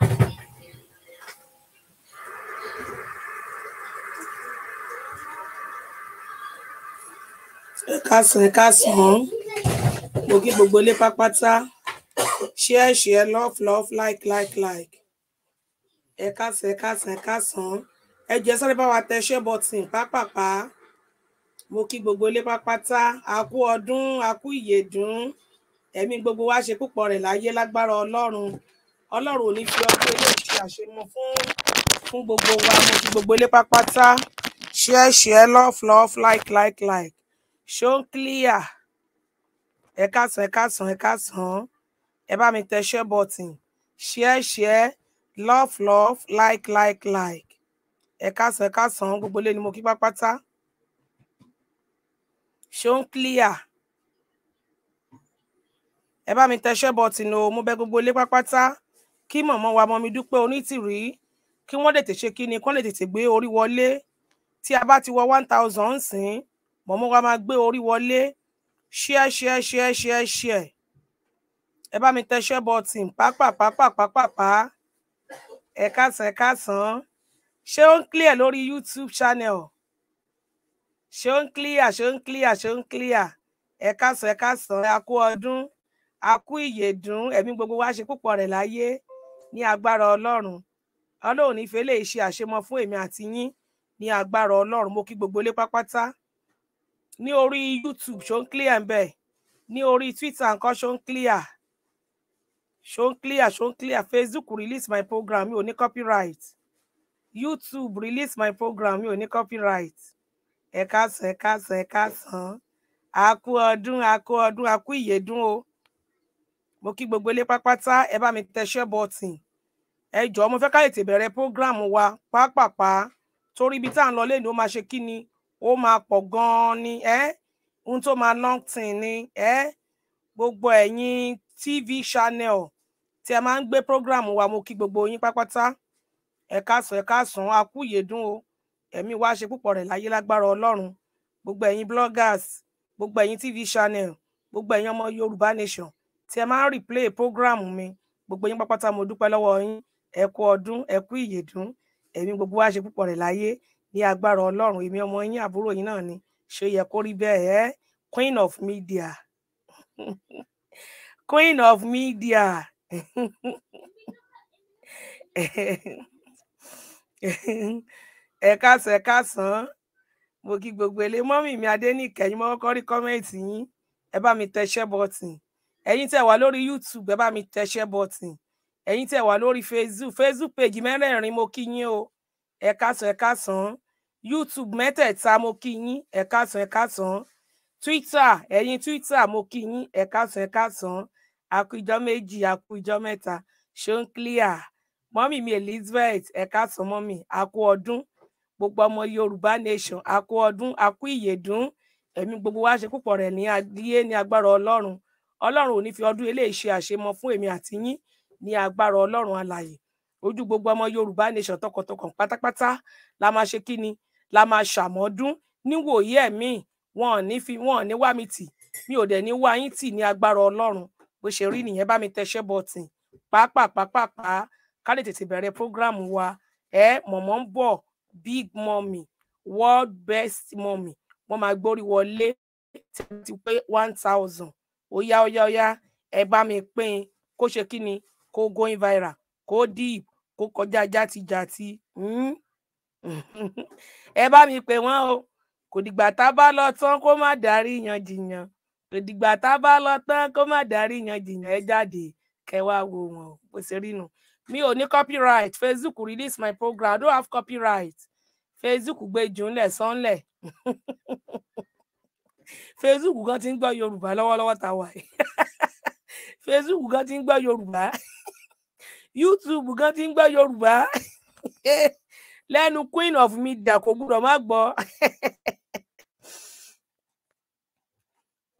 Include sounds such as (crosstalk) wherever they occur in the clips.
kásán kásán gbòógì gbogbo ilé pápátá share share love love like like like ẹ kásán kásán kásán ẹ jẹ́ sáré bá wa tẹ share button pápápá mo kí gbogbo ilé pápátá a kú ọdún a kú ìyèdún ẹ̀mí gbogbo wa ṣe púpọ̀ rẹ̀ láyé lágbára Ọlọ́run ọlọ́run ò ní fi ọdún ilé ti àṣemọ fún fún gbogbo wa mo fi gbogbo ilé pápátá share share love love like like like show clear ẹ káàsán ẹ káàsán ẹ káàsán ẹ bá mi tẹ share button share share love love like like like ẹ káàsán ẹ káàsán gbogbo ilé ni mo kí pápátá show clear ẹ bá mi tẹ share button o mo bẹ̀ gbogbo ilé pápátá kí mọ̀mọ́ wa mọ́mi dúpẹ́ onítìrí kí wọ́n lè tètè kí ni kí wọ́n lè tètè gbé orí wọlé tí a bá ti wọ one thousand sìn mọ̀mọ́ wa máa gbé orí wọlé ṣíẹ́ ṣíẹ́ ṣíẹ́ ṣíẹ́ ṣíẹ́ ẹ bá mi tẹṣẹ́ bọ́tìn pápápápápápá ẹ káàsán ẹ káàsán ṣé ó ń clear lórí YouTube channel ṣé ó ń clear ṣé ó ń clear ṣé ó ń clear ẹ káàsán ẹ káàsán a kú ọdún a kú ìyèdún ẹ̀mí gbogbo wa ṣe púpọ̀ rẹ̀ láyé ní agbára ọlọ́run ọlọ́run nífẹ̀ẹ́ lè ṣe àṣemọ fún èmi àti yín ní agbára ọlọ́run mo kí gbogbo ilé pápátá ní orí youtube ṣó ń clear ń bẹ ní orí twitter nǹkan ṣó ń clear ṣó ń clear ṣó ń clear facebook release my program mi ò ní copyright youtube release my program mi ò ní copyright ẹ̀ka sàn ẹ̀ka sàn ẹ̀ka sàn á kú ọdún á kú ọdún á kú ìyèdún o mo kí gbogbo ilé pápátá ẹ bá mi tẹ share button ẹ jọ̀ọ́ mo fẹ́ ká ètè bẹ̀rẹ̀ program wa pápápá torí ibi tá à ń lọ lẹ́nu ó máa ṣe kí ni ó máa pọ̀ gan ni ẹ́ ohun tó máa long tin ni ẹ́ gbogbo ẹ̀yin tv channel tí a máa ń gbé program wa mo kí gbogbo yín pápátá ẹ káàsán ẹ káàsán a kú ìyèdún o ẹ̀mí wa ṣe púpọ̀ rẹ̀ láyé lágbára ọlọ́run gbogbo ẹ̀yin bloggers gbogbo ẹ̀yin tv channel gbogbo ẹ̀yin ọmọ yorùbá nation tí ẹ máa ń replay program mi gbogbo yín pápátá mo dúpẹ́ lọ́wọ́ yín ẹ kú ọdún ẹ kú ìyèdún ẹ̀mí gbogbo wa ṣe púpọ̀ rẹ̀ láyé ní agbára Ọlọ́run èmi ọmọ yín àbúrò yín náà ni ṣé yẹ kó rí bẹ́ẹ̀ ẹ́ queen of media (laughs) queen of media (laughs) ẹ káàsán ẹ káàsán mo kí gbogbo ilé mi adé ní ìkẹyìn mọ́kọ́ rí kọ́mẹ́ǹtì yín ẹ bá mi tẹ ṣẹ́ bọ́tìn ẹ̀yin tẹ́ wà lórí youtube ẹ bá mi tẹ share button ẹ̀yin tẹ́ wà lórí facebook facebook page mẹ́rẹ̀ẹ̀rin mo kí yín o ẹ káàsán ẹ káàsán youtube mẹ́tẹ̀ẹ̀ta mo kí yín ẹ káàsán ẹ káàsán twitter ẹ̀yin twitter mo kí yín ẹ káàsán ẹ káàsán àkùjọ méjì àkùjọ mẹ́ta ṣeun clear mọ́mì mi elizabeth ẹ káàsán mọ́mì àkú ọdún gbogbo ọmọ yorùbá nation àkú ọdún àkú ìyèdún ẹ̀mí gbogbo wa ṣe púpọ̀ rẹ̀ ní adíyé ní agbára ọlọ́run ọlọ́run ò ní fi ọdún eléyìí ṣe àṣemọ fún èmi àti yín ní agbára ọlọ́run alàyè ojú gbogbo ọmọ yorùbá nation tọkàntọkàn pátápátá la máa ṣe kí ni la máa ṣàmọ́dún níwòye ẹ̀mí wọn ò ní fi wọn ò ní wá mi tì mi ò dẹ̀ ní wá yín tì ní agbára ọlọ́run bó ṣe rí nìyẹn bá mi tẹṣẹ́ bọ̀tìn pàápàápàápàá ká lè tètè bẹ̀rẹ̀ prógráàmù wa ẹ mọ̀mọ́ ń bọ̀ big mommy world best mommy wọ́n máa gbórí wọlé tí pé one thousand Oya oya oya, yá ó yá ẹ bá mi pín in kó ṣe kí ni kó going viral kó deep kó kọjá játijàti hmm? (laughs) ẹ bá mi pè wọ́n o kò dìgbà tá a bá lọ tán kó má darí yan jiyàn kò dìgbà tá a bá lọ tán kó má darí yan ẹ jáde kẹwàá wo wọn o bó ṣe rí nu mi ò ní copyright facebook release my program i don't have copyright facebook gbé jùúnlẹ̀ sánlẹ̀ (laughs) facebook gan ti ń gbọ́ yorùbá lọ́wọ́lọ́wọ́ ta wà (laughs) facebook gan ti ń gbọ́ yorùbá youtube gan ti ń gbọ́ yorùbá (laughs) lẹ́nu queen of media kò gbúdọ̀ má gbọ́ (laughs)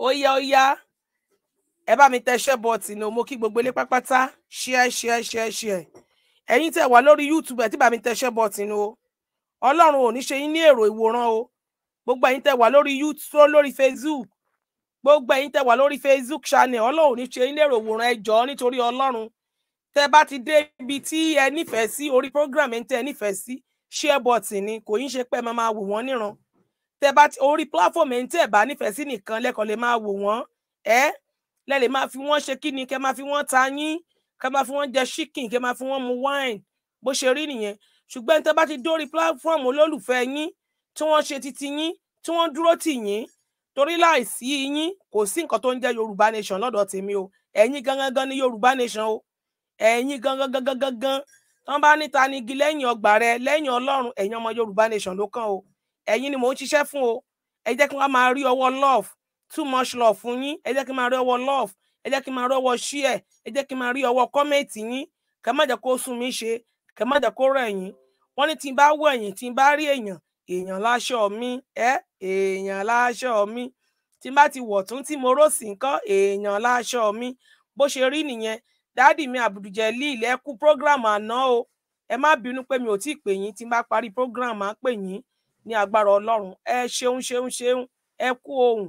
oya. yá ó yá ẹ bá mi tẹ share button mo kí gbogbo ilé pápátá share share share share ẹ̀yin tẹ́ wà lórí youtube ẹ ti bá mi tẹ share button o Ọlọ́run ò ní ṣe yín ní èrò ìwòran o gbogbo ẹ̀yin tẹ́ wà lórí youtube lórí facebook gbogbo ẹ̀yin tẹ́ wà lórí facebook channel ọlọ́run ní ṣe ilé ìròwòrán ẹjọ́ nítorí ọlọ́run tẹ́ bá ti dé ibi tí ẹ nífẹ̀ẹ́ sí orí program ẹ̀ ń ẹ nífẹ̀ẹ́ sí share button ni kò yín ṣe pé ẹ máa máa wò wọ́n níran tẹ́ bá ti orí platform ẹ̀ ń tẹ́ ẹ bá nífẹ̀ẹ́ sí nìkan lẹ́kọ̀ọ́ lè máa wò wọ́n ẹ́ lẹ́ lè máa fi wọ́n ṣe kí ni kẹ́ máa fi wọ́n ta yín kẹ́ máa fi wọ́n jẹ chicken kẹ́ máa fi wọ́n mu wine bó ṣe rí nìyẹn ṣùgbọ́n tẹ́ bá ti dórí platform olólùfẹ́ yín tí wọ́n ṣe titi yín tí wọ́n dúró tì yín torí láìsí yín kò sí nǹkan tó ń jẹ́ yorùbá nation lọ́dọ̀ tèmi o ẹ̀yin gangan gan ni yorùbá nation o ẹ̀yin gangan gangan gangan tán bá níta nígi lẹ́yìn ọgbà rẹ lẹ́yìn ọlọ́run ẹ̀yin ọmọ yorùbá nation ló kàn o ẹ̀yin ni mò ń ṣiṣẹ́ fún o ẹ jẹ́ kí wọ́n máa rí ọwọ́ love too much love fún yín ẹ jẹ́ kí máa rí ọwọ́ love ẹ jẹ́ kí máa rí ọwọ́ share ẹ jẹ́ kí máa rí ọwọ́ comment yín kẹ́ má jẹ́ kó sún mi ṣe kẹ́ má jẹ́ kó rẹ̀ yín wọ́n ní tí n bá wọ ẹ̀yìn tí n bá rí èèyàn èèyàn láṣọ mi ẹ èèyàn láṣọ mi tí n bá ti wọ̀ tún tí mo rò sí nǹkan èèyàn láṣọ mi bó ṣe rí nìyẹn dáàdì mi àbùdùjẹlì ilẹ̀kùn program àná o ẹ má bínú pé mi ò tí ì pè yín tí n bá parí program máa pè yín ní agbára Ọlọ́run ẹ ṣeun ṣeun ṣeun ẹ kú ohun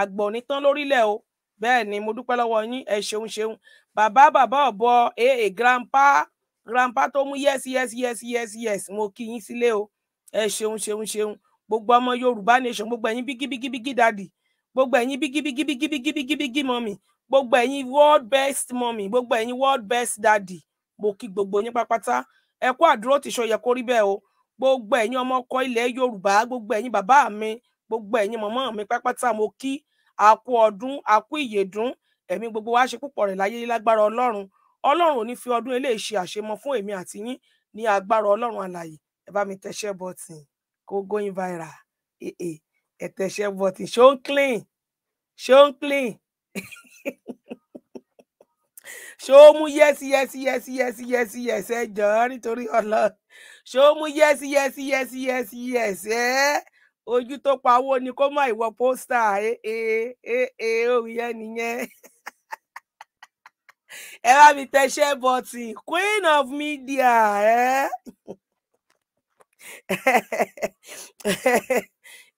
àgbọ̀n nítán lórílẹ̀ o bẹ́ẹ̀ ni mo dúpẹ́ lọ́wọ́ yín ẹ ṣeun ṣeun bàbá bàbá ọ̀bọ ee eh, eh, grandpa grandpa tó mú yes yes yes yes yes mo kí yín sílé o ẹ ṣeun ṣeun ṣeun gbogbo ọmọ yorùbá nation gbogbo ẹ̀yin bígíbígíbígí dadi gbogbo ẹ̀yin bígíbígíbígíbígíbígí mọmi gbogbo ẹ̀yin world best mọmi gbogbo ẹ̀yin world best dadi mo kí gbogbo yín pápátá ẹ kú àdúró tìṣọ yẹ kó rí bẹ́ẹ̀ o gbogbo ẹ̀yin ọmọ ọkọ ilẹ̀ yorùbá gbogbo ẹ̀yin bàbá mi gbogbo ẹ̀yin mọmọ mi pápátá mo kí àkú ọdún àkú ìyèdún ẹ̀mí gbogbo wa ṣe púpọ̀ rẹ̀ láyé lágbára ọlọ́run ọlọ́run ò ní fi ọdún eléyìí ṣe àṣemọ fún èmi àti yín ní agbára ọlọ́run alààyè ẹ bá mi tẹṣẹ button kó going viral èè ẹ tẹṣẹ button ṣó ń clean ṣó ń clean (laughs) ṣó mú yẹsí yẹsí yẹsí yẹsí yẹsí yẹsẹ jọ̀ọ́ nítorí ọlọ ṣó mú yẹsí yẹsí yẹsí yẹsí yẹsẹ ojú tó pawó ni kó má ìwọ pósítà ee ee òun yẹn nìyẹn (laughs) ẹ bá mi tẹṣẹ bọtì queen of media Eh?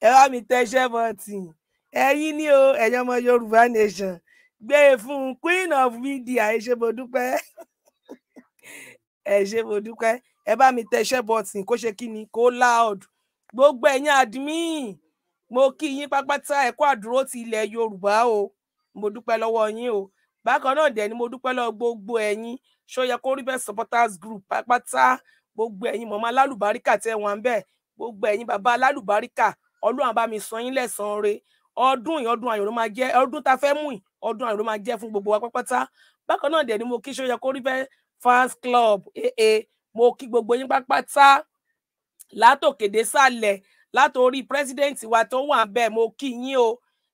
ẹ bá mi tẹṣẹ bọtì ẹ̀yin ni o ẹ̀yin ọmọ yorùbá nation gbé e fún queen of media ẹ ṣé mo dúpẹ́ ẹ ṣé mo dúpẹ́ ẹ bá mi tẹṣẹ bọtì kó ṣe kí ni kó loud gbogbo ẹ̀yin admin mo kí yín pápátá ẹ kú àdúró ti ilẹ̀ yorùbá o mo dúpẹ́ lọ́wọ́ yín o bákan náà dẹ̀ ni mo dúpẹ́ lọ́wọ́ gbogbo ẹ̀yin ṣó yẹ kó rí bẹ́ẹ̀ supporters group pápátá gbogbo ẹ̀yin mọ̀mọ́ alálùbáríkà tẹ́ wọn bẹ́ẹ̀ gbogbo ẹ̀yin bàbá alálùbáríkà ọlọ́run á bá mi san yín lẹ́san re ọdún yìí ọdún ayọ̀ ló máa jẹ́ ọdún tá a fẹ́ mú yìí ọdún ayọ̀ ló máa jẹ́ fún gbogbo wa pátápátá bákan náà dẹ̀ ni mo kí sọ́yà kórìfẹ́ fans club aa mo kí gbogbo yín pátápátá látòkèdè sálẹ̀ látòrí president wa tó wà bẹ́ẹ̀ mo kí yín o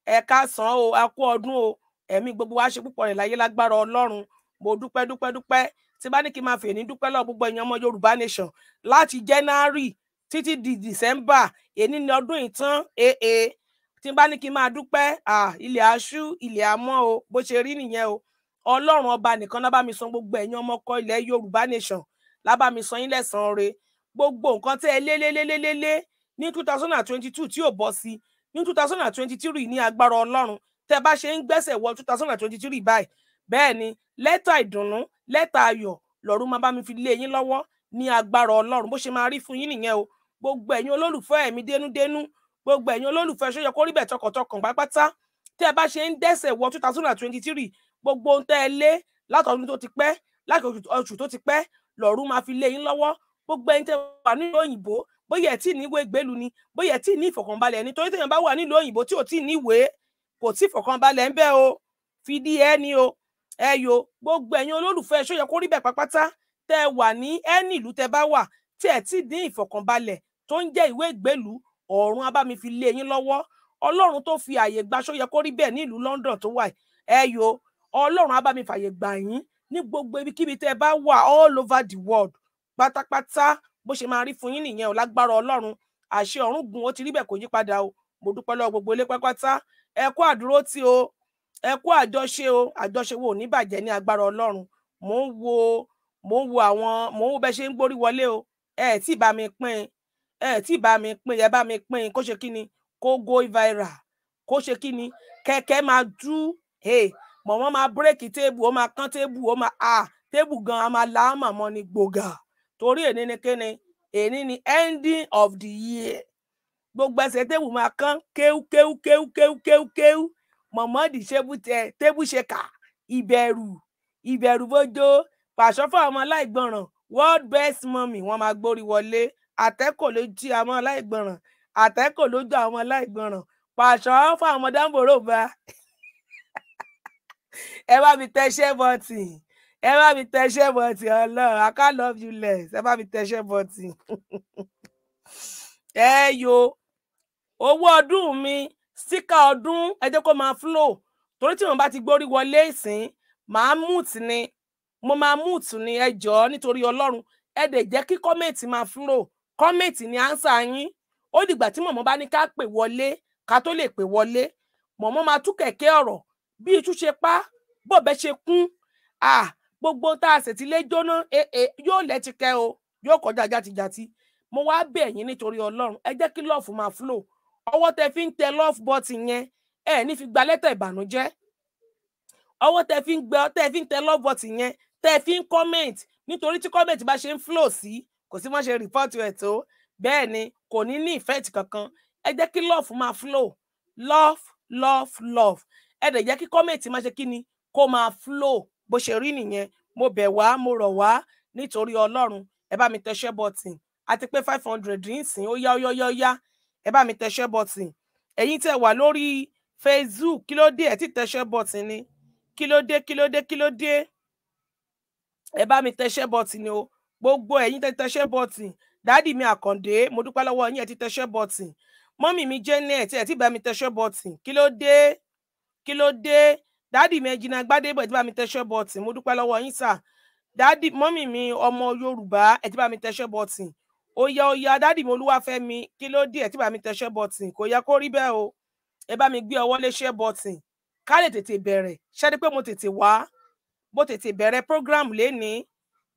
ẹ káàsán o a kú ọdún o ẹ̀mí gbogbo wa ṣe púpọ̀ rẹ̀ láyé lágbára ọlọ́run mo dúpẹ́ dúpẹ́ dúpẹ́ tí bá ní kí n máa fèé ní dúpẹ́ lọ́wọ́ gbogbo èèyàn ọmọ Yorùbá nation láti January títí di December èyí ni ọdún ìtàn aa tí bá ní kí n máa dúpẹ́ ilẹ̀ aṣú ilẹ̀ amọ́ o bó ṣe rí nìyẹn o Ọlọ́run ọba nìkan lábá mi san gbogbo èèyàn ọmọkọ ilẹ̀ Yorùbá nation lábá mi san yín lẹ́san re gbogbo nǹkan tẹ́ ẹ lélélélélélé ní two thousand and twenty two tí ò bọ́ sí ní two thousand and twenty three ní agbára Ọlọ́run tẹ́ bá ṣe ń gbẹ́sẹ̀ wọ two thousand and twenty three báyìí bẹ́ẹ̀ ni lẹ́tà ìdùnnú lẹ́tà ayọ̀ lọ́run máa bá mi fi lé yín lọ́wọ́ ní agbára ọlọ́run bó ṣe máa rí fún yín nìyẹn o gbogbo ẹ̀yin olólùfẹ́ ẹ̀mí dénúdénú gbogbo ẹ̀yin olólùfẹ́ ṣọ́yọ kó rí bẹ̀ tọkàntọkàn pápátá tí ẹ bá ṣe ń dẹ́sẹ̀ wọ two thousand and twenty three gbogbo ohun tẹ́ ẹ lé látọdún tó ti pẹ́ láti oṣù tó ti pẹ́ lọ́run máa fi lé yín lọ́wọ́ gbogbo ẹ̀yin tẹ́ wà nílùú òyìnbó bóyá ẹ tí ní ìwé ìgbélu ni bóyá ẹ tí ní ìfọ̀kànbalẹ̀ ni torí tẹ́yàn bá wà nílùú òyìnbó tí ò tí ní ìwé kò tí ìfọ̀kànbalẹ̀ ń bẹ o fìdí ẹ ni o ẹ yo gbogbo ẹ̀yin olólùfẹ́ ṣó yẹ kó rí bẹ́ẹ̀ pápátá tẹ́ ẹ wà ní ẹni ìlú tẹ́ bá wà tí ẹ ti dín ìfọ̀kànbalẹ̀ tó ń jẹ́ ìwé ìgbélú ọ̀run abámifin lé yín lọ́wọ́ ọlọ́run tó fi àyè gba ṣó yẹ kó rí bẹ́ẹ̀ ní London tó wà ẹ yo abámifàyè gbà yín ní gbogbo ibikíbi tẹ́ bá wà all over the world pátápátá bó ṣe máa rí fún yín nìyẹn ò lágbára ọlọ́run àṣẹ ọ̀run gùn ó ti rí bẹ́ẹ̀ kò yí padà o mo dúpẹ́ lọ́wọ́ gbogbo ilé pátápátá ẹ kú àdúró tí o ẹ kú àjọṣe o àjọṣe wo ní bàjẹ́ ní agbára ọlọ́run mò ń wo mò ń wo àwọn mò ń wo bẹ́ ṣe ń gbórí wọlé o ẹ tí bá mi pín ẹ tí bá mi pín ẹ bá mi pín kó ṣe kí ni kó go viral kó ṣe kí ni kẹ̀kẹ́ máa dú mọ̀mọ́ máa bírèkì téèbù ó máa kán téèbù ó máa à ah, téèbù gan a máa la màmọ́ ni gbòógà torí èní ni kíni èní ni ending of the year gbogbo ẹsẹ̀ téèbù máa kán kéwú kéwú kéwú kéwú kéwú kéwú di Muhammad Tébúṣekà ìbẹ̀rù ìbẹ̀rù bójó pàṣọ fún àwọn aláìgbọràn world best mummy wọn máa gbórí wọlé àtẹ́kọ̀ lójú àwọn aláìgbọràn àtẹ́kọ̀ lójú àwọn aláìgbọràn pàṣọ fún àwọn dáńbòrò bá ẹ bá mi tẹṣẹ́ bọ́tì ẹ bá mi tẹṣẹ́ bọ́tì ọlọ́run I can love you less ẹ bá mi tẹṣẹ́ bọ́tì (laughs) ẹ yo owó ọdún mi síkà ọdún ẹ jẹ́ kó máa flow torí tí mo bá ti gbórí wọlé ìsìn màá mute ni mo máa mute ni ẹ jọ̀ọ́ nítorí Ọlọ́run ẹ dẹ̀ jẹ́ kí kọ́mẹ̀tì máa flow kọ́mẹ̀tì ni ánsà yín ó dìgbà tí mọ̀mọ́ bá ní ká pè wọlé ká tó lè pè wọlé mọ̀mọ́ máa tú kẹ̀kẹ́ ọ̀rọ̀ bí iṣu ṣe pa bọ̀bẹ ṣe kún à gbogbo tá a sì ti lé jóná èè eh, eh, yóò lẹ́tìkẹ́ o yóò kọjá játijáti mo wá bẹ̀ yín nítorí Ọlọ́run ẹ jẹ́ kí lọ́ọ̀fù máa flow ọwọ́ tẹ fi ń tẹ love button yẹn ẹ ní fi gba lẹ́tà ìbànújẹ́ ọwọ́ tẹ fi ń gbẹ tẹ fi ń tẹ love button yẹn tẹ fi ń comment nítorí tí comment bá ṣe ń flow sí kò sí wọ́n ṣe report ẹ̀ tó bẹ́ẹ̀ ni kò ní ní effect kankan ẹ jẹ́ kí love máa flow love love love ẹ dẹ̀ jẹ́ kí comment máa ṣe kí ni kó máa flow bó ṣe rí nìyẹn mo bẹ̀ wá mo rọ̀ wá nítorí ọlọ́run ẹ bá mi tẹ share button àti pé five hundred ń sìn ó yá ó yá ó yá ó yá ẹ bá mi tẹṣẹ bọtìn ẹ̀yin tẹ́ wà lórí facebook kí ló dé ẹ ti tẹṣẹ bọtìn ni kí ló dé kí ló dé kí ló dé ẹ bá mi tẹṣẹ bọtìn ni o gbogbo ẹ̀yin tẹ́ tẹṣẹ bọtìn dáàdì mi àkàndé mo dúpẹ́ lọ́wọ́ yín ẹ ti tẹṣẹ bọtìn mọ́mì mi janet ẹ ti bá mi tẹṣẹ bọtìn kí ló dé kí ló dé dáàdì mi ẹjìnà gbádébọ̀ ẹ ti bá mi tẹṣẹ bọtìn mo dúpẹ́ lọ́wọ́ yín sà dáàdì mọ́mì mi ọmọ yorùbá ẹ ti bá mi tẹṣẹ bọtìn ó yá ó yá dádì mi olúwàfẹ́mi kí ló dé ẹ tí bá mi tẹ share button kò yẹ kó rí bẹ́ẹ̀ o ẹ bá mi gbé ọwọ́ lé share button ká lè tètè bẹ̀rẹ̀ ṣẹdí pé mo tètè wá mo tètè bẹ̀rẹ̀ program lénìí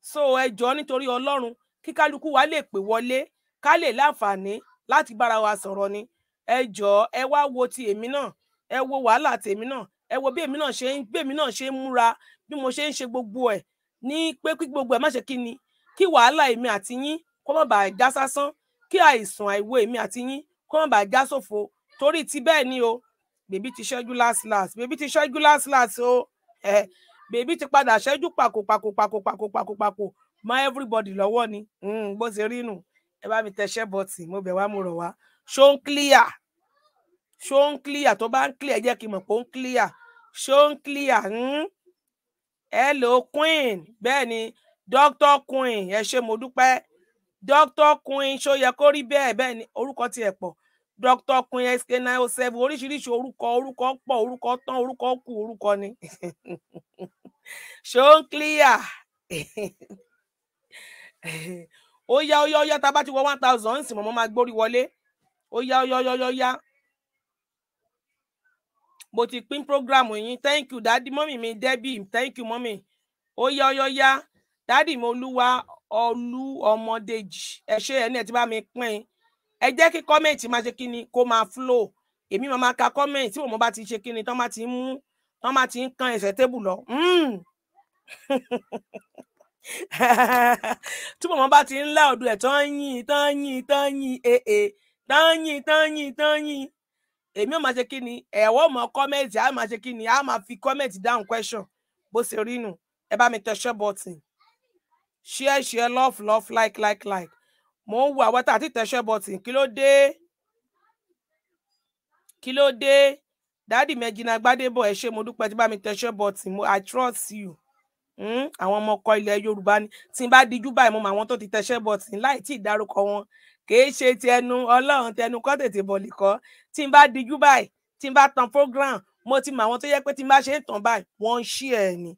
so ẹ jọ̀ọ́ nítorí Ọlọ́run kí kálukú wa lè pè wọlé ká lè láǹfààní láti bára wa sọ̀rọ̀ ni ẹ jọ̀ọ́ ẹ wá wo ti èmi náà ẹ wo wàhálà tèmi náà ẹ wo bí èmi náà ṣe ń gbèmí náà ṣe ń múra bí mo ṣe ń ṣe gbogbo ẹ ní pé kí gbogbo ẹ má ṣe kí ni kí wàhálà èmi àti yín kó má bàa já sásán kí àìsàn àìwo èmi àti yín kó má bàa já sòfò torí ti bẹ́ẹ̀ ni o bèbí ti ṣẹ́jú last last bèbí ti ṣẹ́jú last o ẹ bèbí ti padà ṣẹ́jú pàkó pàkó pàkó pàkó pàkó pàkó mọ everybody lọ́wọ́ ni hmm, bó ṣe rí nù ẹ bá mi tẹṣẹ́ bọ́tì mo bẹ̀ wá mo rọ̀ wá ṣó ń clear ṣó ń clear tó bá ń clear jẹ́ kí n mọ̀ pé ó ń clear ṣó ń clear hmm? hello queen bẹ́ẹ̀ ni doctor queen ẹ ṣé mo dúpẹ́ dr queen ṣoyẹkórí bẹ́ẹ̀ bẹ́ẹ̀ ni orúkọ tiẹ̀ pọ̀ dr queen sk nine oh seven oríṣiríṣi orúkọ orúkọ pọ̀ orúkọ tán orúkọ kù orúkọ ni (laughs) ṣóun clear (laughs) ó yá ó yá ó yá tá a bá ti wọ one thousand ń sìn mọ́ máa gbórí wọlé ó yá ó yá ó yá ó yá mo ti pín programu yín thank you dadi mọ́mì mi debbie thank you mọ́mì ó yá ó yá ó yá dadi mi olúwa olú ọmọdéjì ẹ ṣe ẹni ẹ ti bá mi pín ẹ jẹ́ kí kọ́mẹ̀ntì máa ṣe kíni kó máa flow èmi máa máa ka kọ́mẹ̀ntì tí mo bá ti ṣe kíni tán bá ti mú tán bá ti ń kan ẹsẹ̀ tébù lọ hmm. (laughs) tí mo bá ti ń lá ọdún ẹ tán yìn tán yìn tán yìn ee eh, eh. tán yìn tán yìn tán yìn èmi ò máa ṣe kíni ẹ̀wọ́ mọ kọ́mẹ̀ntì á máa ṣe kíni á máa fi kọ́mẹ̀ntì dáhùn question bó ṣe rí nù ẹ bá mi tẹ ṣẹ́ bọ́tìn share share love love like like like mo ń wo àwọn tá a ti tẹ̀sẹ̀ bọ̀tì kí ló dé kí ló dé dáàdì mẹ́jìnà gbádébọ̀ ẹ ṣé mo dúpẹ́ tí bá mi tẹ̀sẹ̀ bọ̀tì i trust you hmm? àwọn ọmọ ọkọ ilẹ̀ yorùbá ni tí n bá dijú báyìí mo mọ àwọn tó ti tẹ̀sẹ̀ bọ̀tì láì tí ì dárúkọ wọn kìí ṣe ti ẹnu ọlọ́run tẹnu kọ́ tètè bọ̀ nìkọ́ tí n bá dijú báyìí tí n bá tan program mo ti mọ àwọn tó yẹ pé tí n bá ṣe ń tàn báyìí wọ́n ń ṣí ẹ̀ ni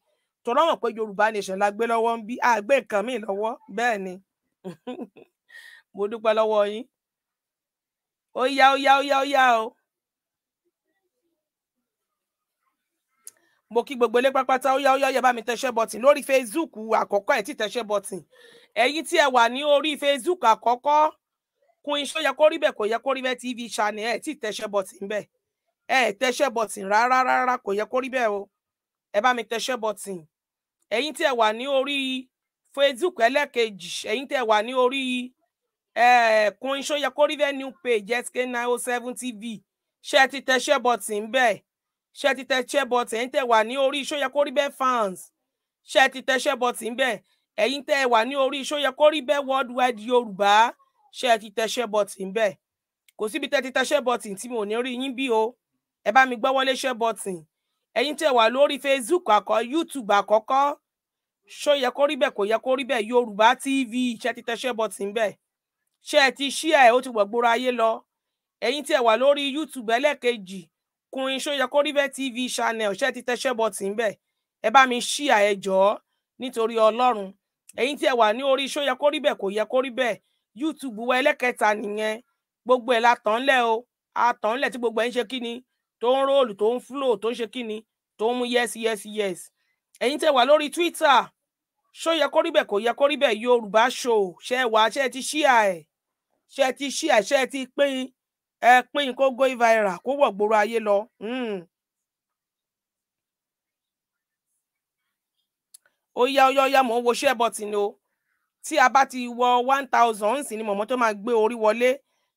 tọ́lọ́mọ̀ pé yorùbá nation la gbé lọ́wọ́ ń bí àgbẹ̀ nǹkan míì lọ́wọ́ bẹ́ẹ̀ ni (laughs) mo dúpẹ́ lọ́wọ́ yín ó yá ó yá ó yá ó yá o. mo kí gbogbo ilé pápátá ó yá ó yá ó yá bá mi tẹṣẹ́ bọ̀tìn lórí facebook àkọ́kọ́ ẹ̀ tí tẹṣẹ́ bọ̀tìn ẹ̀yin tí ẹ wà ní orí facebook àkọ́kọ́ kun iṣẹ́ yẹ kó rí bẹ́ẹ̀ kò yẹ kó rí bẹ́ẹ̀ tv channel ẹ̀ ti tẹṣẹ́ bọ̀tìn bẹ́ẹ̀ ẹ̀ tẹṣẹ́ bọ̀tìn rárá rárá kò yẹ kó rí bẹ́ẹ̀ o ẹ bá mi tẹṣẹ́ bọ̀tìn ẹ̀yin tẹ́ wà ní orí facebook ẹlẹ́kejì ẹ̀yin tẹ́ wà ní orí Queen Soyekorive new page SK907 TV ṣé ti tẹ share button ń bẹ̀ ṣé ti tẹ share button ẹ̀yin tẹ́ wà ní orí Soyekorive fans ṣé ti tẹ share button ń bẹ̀ ẹ̀yin tẹ́ wà ní orí Soyekorive worldwide yorùbá ṣé ti tẹ share button ń bẹ̀ kò síbi tẹ́ ti tẹ share button tí mi ní rí yín bí o ẹ bá mi gbọ́ wọlé share button ẹ̀yin tẹ́ wà lórí facebook àkọ́ youtube àkọ́kọ́ ṣó yẹ kó rí bẹ́ẹ̀ kó yẹ kó rí bẹ́ẹ̀ yorùbá tv ṣe ti tẹ ṣẹ́ bọ́tì ńbẹ̀ ṣe ẹ ti ṣí ẹ ó ti wọ̀ gbòòrò ayé lọ ẹ̀yin tí ẹ wà lórí youtube ẹlẹ́ẹ̀kejì kùnrin ṣó yẹ kó rí bẹ́ẹ̀ tv channel ṣe ti tẹ ṣẹ́ bọ́tì ńbẹ̀ ẹ bá mi ṣí ẹ jọ̀ọ́ nítorí ọlọ́run ẹ̀yin tí ẹ wà ní orí ṣó yẹ kó rí bẹ́ẹ̀ kó yẹ kó rí bẹ́ẹ̀ youtube wa ẹlẹ́kẹta nìyẹn gbogbo ẹ̀ la tàn lẹ̀ o a tàn lẹ̀ tí gbogbo ẹ̀ ń ṣe kíni tó ń róòlù tó ń fúlò tó ń ṣe kíni tó ń mú yes yes yes ẹ̀yin tẹ́ wà lórí Twitter ṣó yẹ kó rí bẹ́ẹ̀ kó yẹ kó rí bẹ́ẹ̀ Yorùbá show ṣe wà ṣe ti ṣíà ẹ̀ ṣe ti ṣíà ṣe ti pín ẹ pín kó go viral kó wọ̀ gbòòrò ayé lọ. Hmm. ó yá ó mo ó ń wo share button ni o tí a bá ti wọ one thousand sì ni mọ̀mọ́ tó máa gbé orí wọlé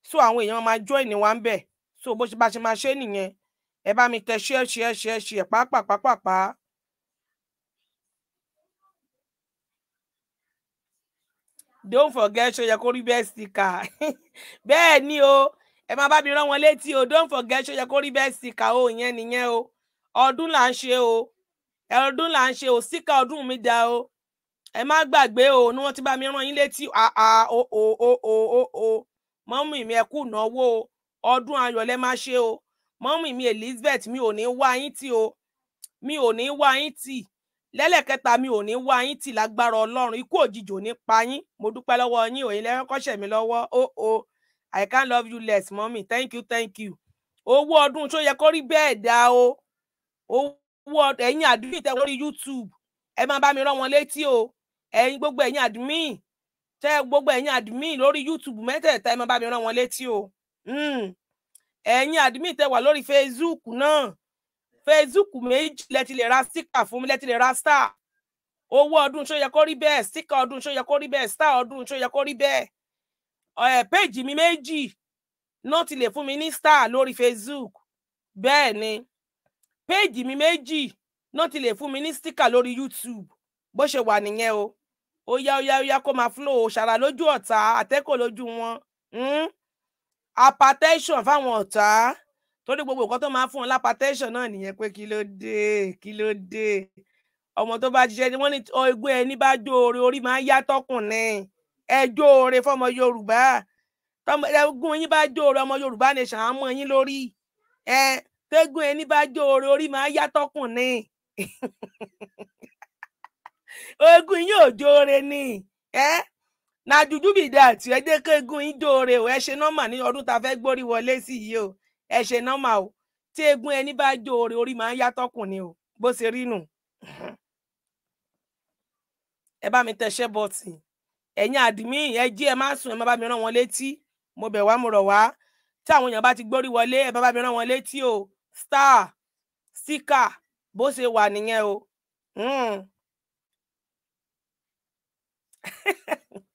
so àwọn èèyàn máa join wa ń bẹ̀ so bó ṣe bá ṣe máa ṣe nìyẹn ẹ bá mi tẹ share share share share pàápàá pàápàá pàápàá. don't forget show your rí bẹ́ẹ̀ síkà (laughs) bẹ́ẹ̀ ni o ẹ máa bá mi rán wọn létí o don't forget show your rí bẹ́ẹ̀ síkà o ìyẹn nìyẹn o ọdún là ń ṣe o ọdún là ń ṣe o síkà ọdún mi dá o ẹ má gbàgbé o ni wọ́n ti bá mi rán yín létí o o o o o o mọ́mì mi ẹ kú náwó o ọdún ayọ̀ lẹ máa ṣe o mọ́mì mi Elizabeth mi ò ní wá yín tì o mi ò ní wá yín tì lẹ́lẹ́kẹta mi ò ní wá yín tì lágbára ọlọ́run ikú òjijì ò ní pa yín mo dúpẹ́ lọ́wọ́ yín òyìn lẹ́yìn mi lọ́wọ́ o i can't love you less mọ́mì thank you thank you owó ọdún tó yẹ kó rí bẹ́ẹ̀ dá o owó ẹ̀yin àdúgbò tẹ lórí youtube ẹ máa bá mi rán wọn létí o ẹ̀yin gbogbo ẹ̀yin admin tẹ gbogbo ẹ̀yin admin lórí youtube mẹ́tẹ̀ẹ̀ta ẹ máa bá mi rán wọn létí o hmm. ẹ̀yin admin tẹ wà lórí facebook náà facebook méjì lẹ́ti lè ra sticker fún mi lẹ́ti lè ra star owó ọdún ṣó yẹ kó rí bẹ́ẹ̀ sticker ọdún ṣó yẹ kó rí bẹ́ẹ̀ star ọdún ṣó yẹ kó rí bẹ́ẹ̀ ẹ̀ péjì mi méjì náà ti lè fún mi ní star lórí facebook bẹ́ẹ̀ ni péjì mi méjì náà ti lè fún mi ní sticker lórí youtube bó ṣe wà nìyẹn o ó yá ó yá ó yá kó máa flow ṣàrà lójú ọ̀tá àtẹ́kọ̀ lójú wọn hmm? hypertension fáwọn ọ̀tá torí gbogbo nǹkan tó máa fún ọ lápàtẹ́sọ̀ náà nìyẹn pé kí ló dé kí ló dé ọmọ tó bá ṣiṣẹ́ ni wọ́n ní ogún ẹni bá jó oore orí máa ń yá tọkùnrin ẹ jó oore fọmọ yorùbá tọmọdégún yín bá jó oore ọmọ yorùbá nation á mọ yín lórí ẹ tẹgún ẹni bá jó oore orí máa yá tọkùnrin ogún (laughs) yín ò ni ẹ na jùjú bìdá àti ẹdẹkẹgún yín jó oore ò ẹ ṣe nọ́mbà ní ọdún tá a fẹ́ gbórí wọlé sí yìí o ẹ ṣe nọ́mà o tí eegun ẹni bá jó orí orí máa ń yàtọ̀ kùn ni o bó ṣe rí nù ẹ bá mi tẹṣẹ bọtì ẹ̀yin àdìmí ẹ jí ẹ má sùn ẹ má bá mi rán wọn létí mo bẹ̀ wá mo rọ̀ wá tí àwọn èèyàn bá ti gbórí wọlé ẹ bá bá mi rán wọn létí o star sika bó ṣe wà nìyẹn o. Hmm. (laughs)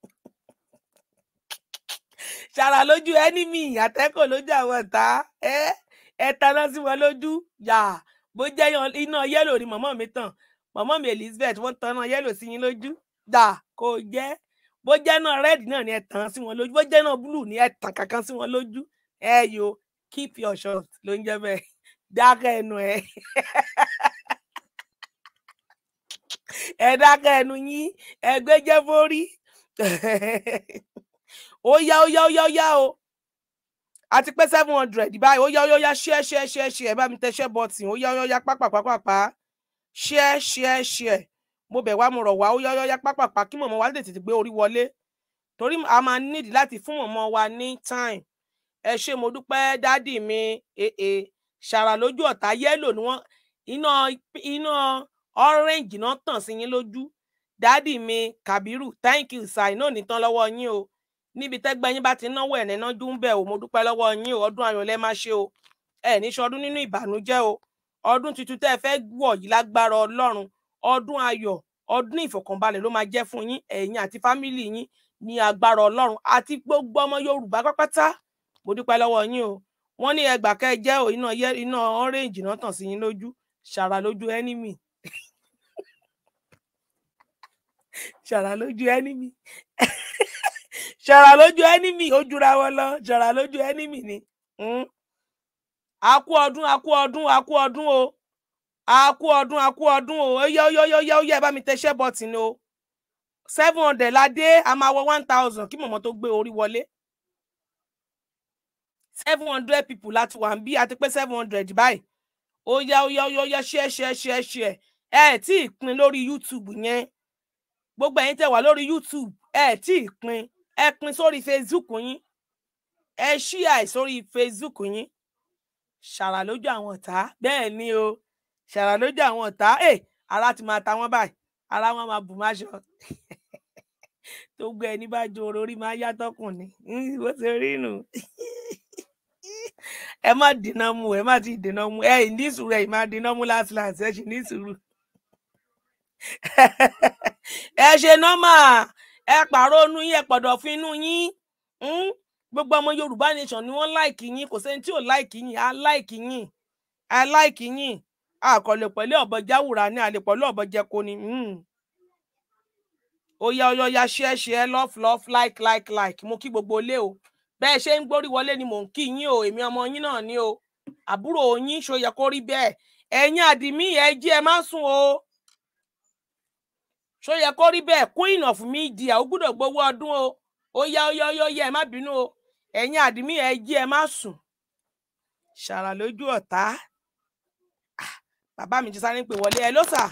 ṣàrà lójú ẹnìmí àtẹkọ lójú àwọn ọ̀tá ẹ ẹ taná sí wọn lójú yà bó jẹ́ iná yẹlò ni mọmọ mi tàn mọmọ mi Elizabeth wọ́n taná yẹlò sí yín lójú dà kò jẹ́ bó jẹ́ náà red náà ni ẹ sí wọn lójú bó jẹ́ náà blue ni ẹ tàn kankan sí wọn lójú ẹ yo keep your shot ló ń jẹ́ bẹ́ẹ̀ dákẹ́ ẹnu ẹ (laughs) ẹ dákẹ́ ẹnu yín ẹ gbé jẹ fórí (laughs) ó yá ó yá ó yá ó yá o àti pé seven hundred báyìí ó yá ó yá ó yá share share share share bá mi tẹ share button ó yá ó yá ó yá pápápápápá share share share mo bẹ̀ wá mo rọ̀ wá ó yá ó yá ó yá pápápá kí mọ̀mọ́ wa lè tètè gbé orí wọlé torí a máa nídìí láti fún mọ̀mọ́ wa ní time ẹ ṣé mo dúpẹ́ dádì mi èè ṣàrà lójú ọ̀tá yẹ́lò ni wọ́n iná iná orange náà tàn sí yín lójú dádì mi Kàbírù thank you sir iná ò ní tán lọ́wọ́ yín o níbi tẹ́gbẹ́ yín bá ti náwó ẹ̀ nínú dún bẹ́ẹ̀ o mo dúpẹ́ lọ́wọ́ yín o ọdún ayọ̀ lẹ́ máa ṣe o ẹ̀ ní ṣọdún nínú ìbànújẹ́ o ọdún tuntun tẹ́ ẹ fẹ́ wọ̀ yìí lágbára ọlọ́run ọdún ayọ̀ ọdún ìfọ̀kànbalẹ̀ ló máa jẹ́ fún yín ẹ̀yin àti fámìlì yín ní agbára ọlọ́run àti gbogbo ọmọ yorùbá pápátá mo dúpẹ́ lọ́wọ́ yín o wọ́n ní ẹgbà kẹ́ ẹ o iná iná orange náà tàn sí yín lójú ṣàrà lójú enemy (laughs) ṣàrà lójú enemy ṣàrà lójú ẹnìmì ó jura wọn lọ ṣàrà lójú ẹnìmì ni hmm? akú ọdún akú ọdún akú ọdún o akú ọdún akú ọdún o ó yẹ ó yẹ ó yẹ ó yẹ bá mi tẹṣẹ bọtì ni o seven hundred la a máa wọ one thousand kí mọ̀mọ́ tó gbé orí wọlé seven hundred people láti wà ń bí àti pé seven hundred báyìí ó yá ó yá ó yá ó yá ṣíẹ ṣíẹ ṣíẹ ṣíẹ ẹ ẹ tí ì pin lórí YouTube yẹn gbogbo ẹ̀yin tẹ́ wà lórí YouTube ẹ ẹ tí ì pin ẹ pin sórí facebook yín ẹ ṣíà ẹ sórí facebook yín ṣàrà lójú àwọn ọ̀tá bẹ́ẹ̀ ni o ṣàrà lójú àwọn ọ̀tá ẹ ara ti máa ta wọn báyìí ara wọn máa bù máṣọ (laughs) tó gbé ẹni bá jó orí máa yàtọkùn ni bó ṣe rí nù (laughs) ẹ má dènà mu ẹ má ti dènà mu ẹ ní sùúrù ẹ má dènà mu láti láti ẹ ṣì ní sùúrù (laughs) ẹ ṣe nọ́mà ẹ pààrọ̀ inú yín ẹ pọ̀dọ̀ fún inú yín hmm? gbogbo ọmọ Yorùbá nation ni wọn láìkì yín kò sẹ́ni tí ò láìkì yín á láìkì yín á láìkì yín àkọlẹ̀ pẹ̀lú ọ̀bọ jáwùrà ní àlè pẹ̀lú ọ̀bọ jẹko ni ó yá ó yá share share love love like like like mo kí gbogbo ilé o bẹ́ẹ̀ ṣe ń gbórí wọlé ni mò ń kí yín o èmi ọmọ yín náà ni o àbúrò yín ṣó yẹ kó rí bẹ́ẹ̀ ẹ̀yin àdìmí ẹ jí ẹ má sùn o ṣó yẹ kó rí bẹ́ẹ̀ queen of media ó gbúdọ̀ gbowó ọdún o ó yá ó yá ó yá ẹ má bínú o ẹ̀yin àdìmí ẹ jí ẹ má sùn ṣàrà lójú ọ̀tá ah, bàbá mi ti sáré pè wọlé ẹ ló sà.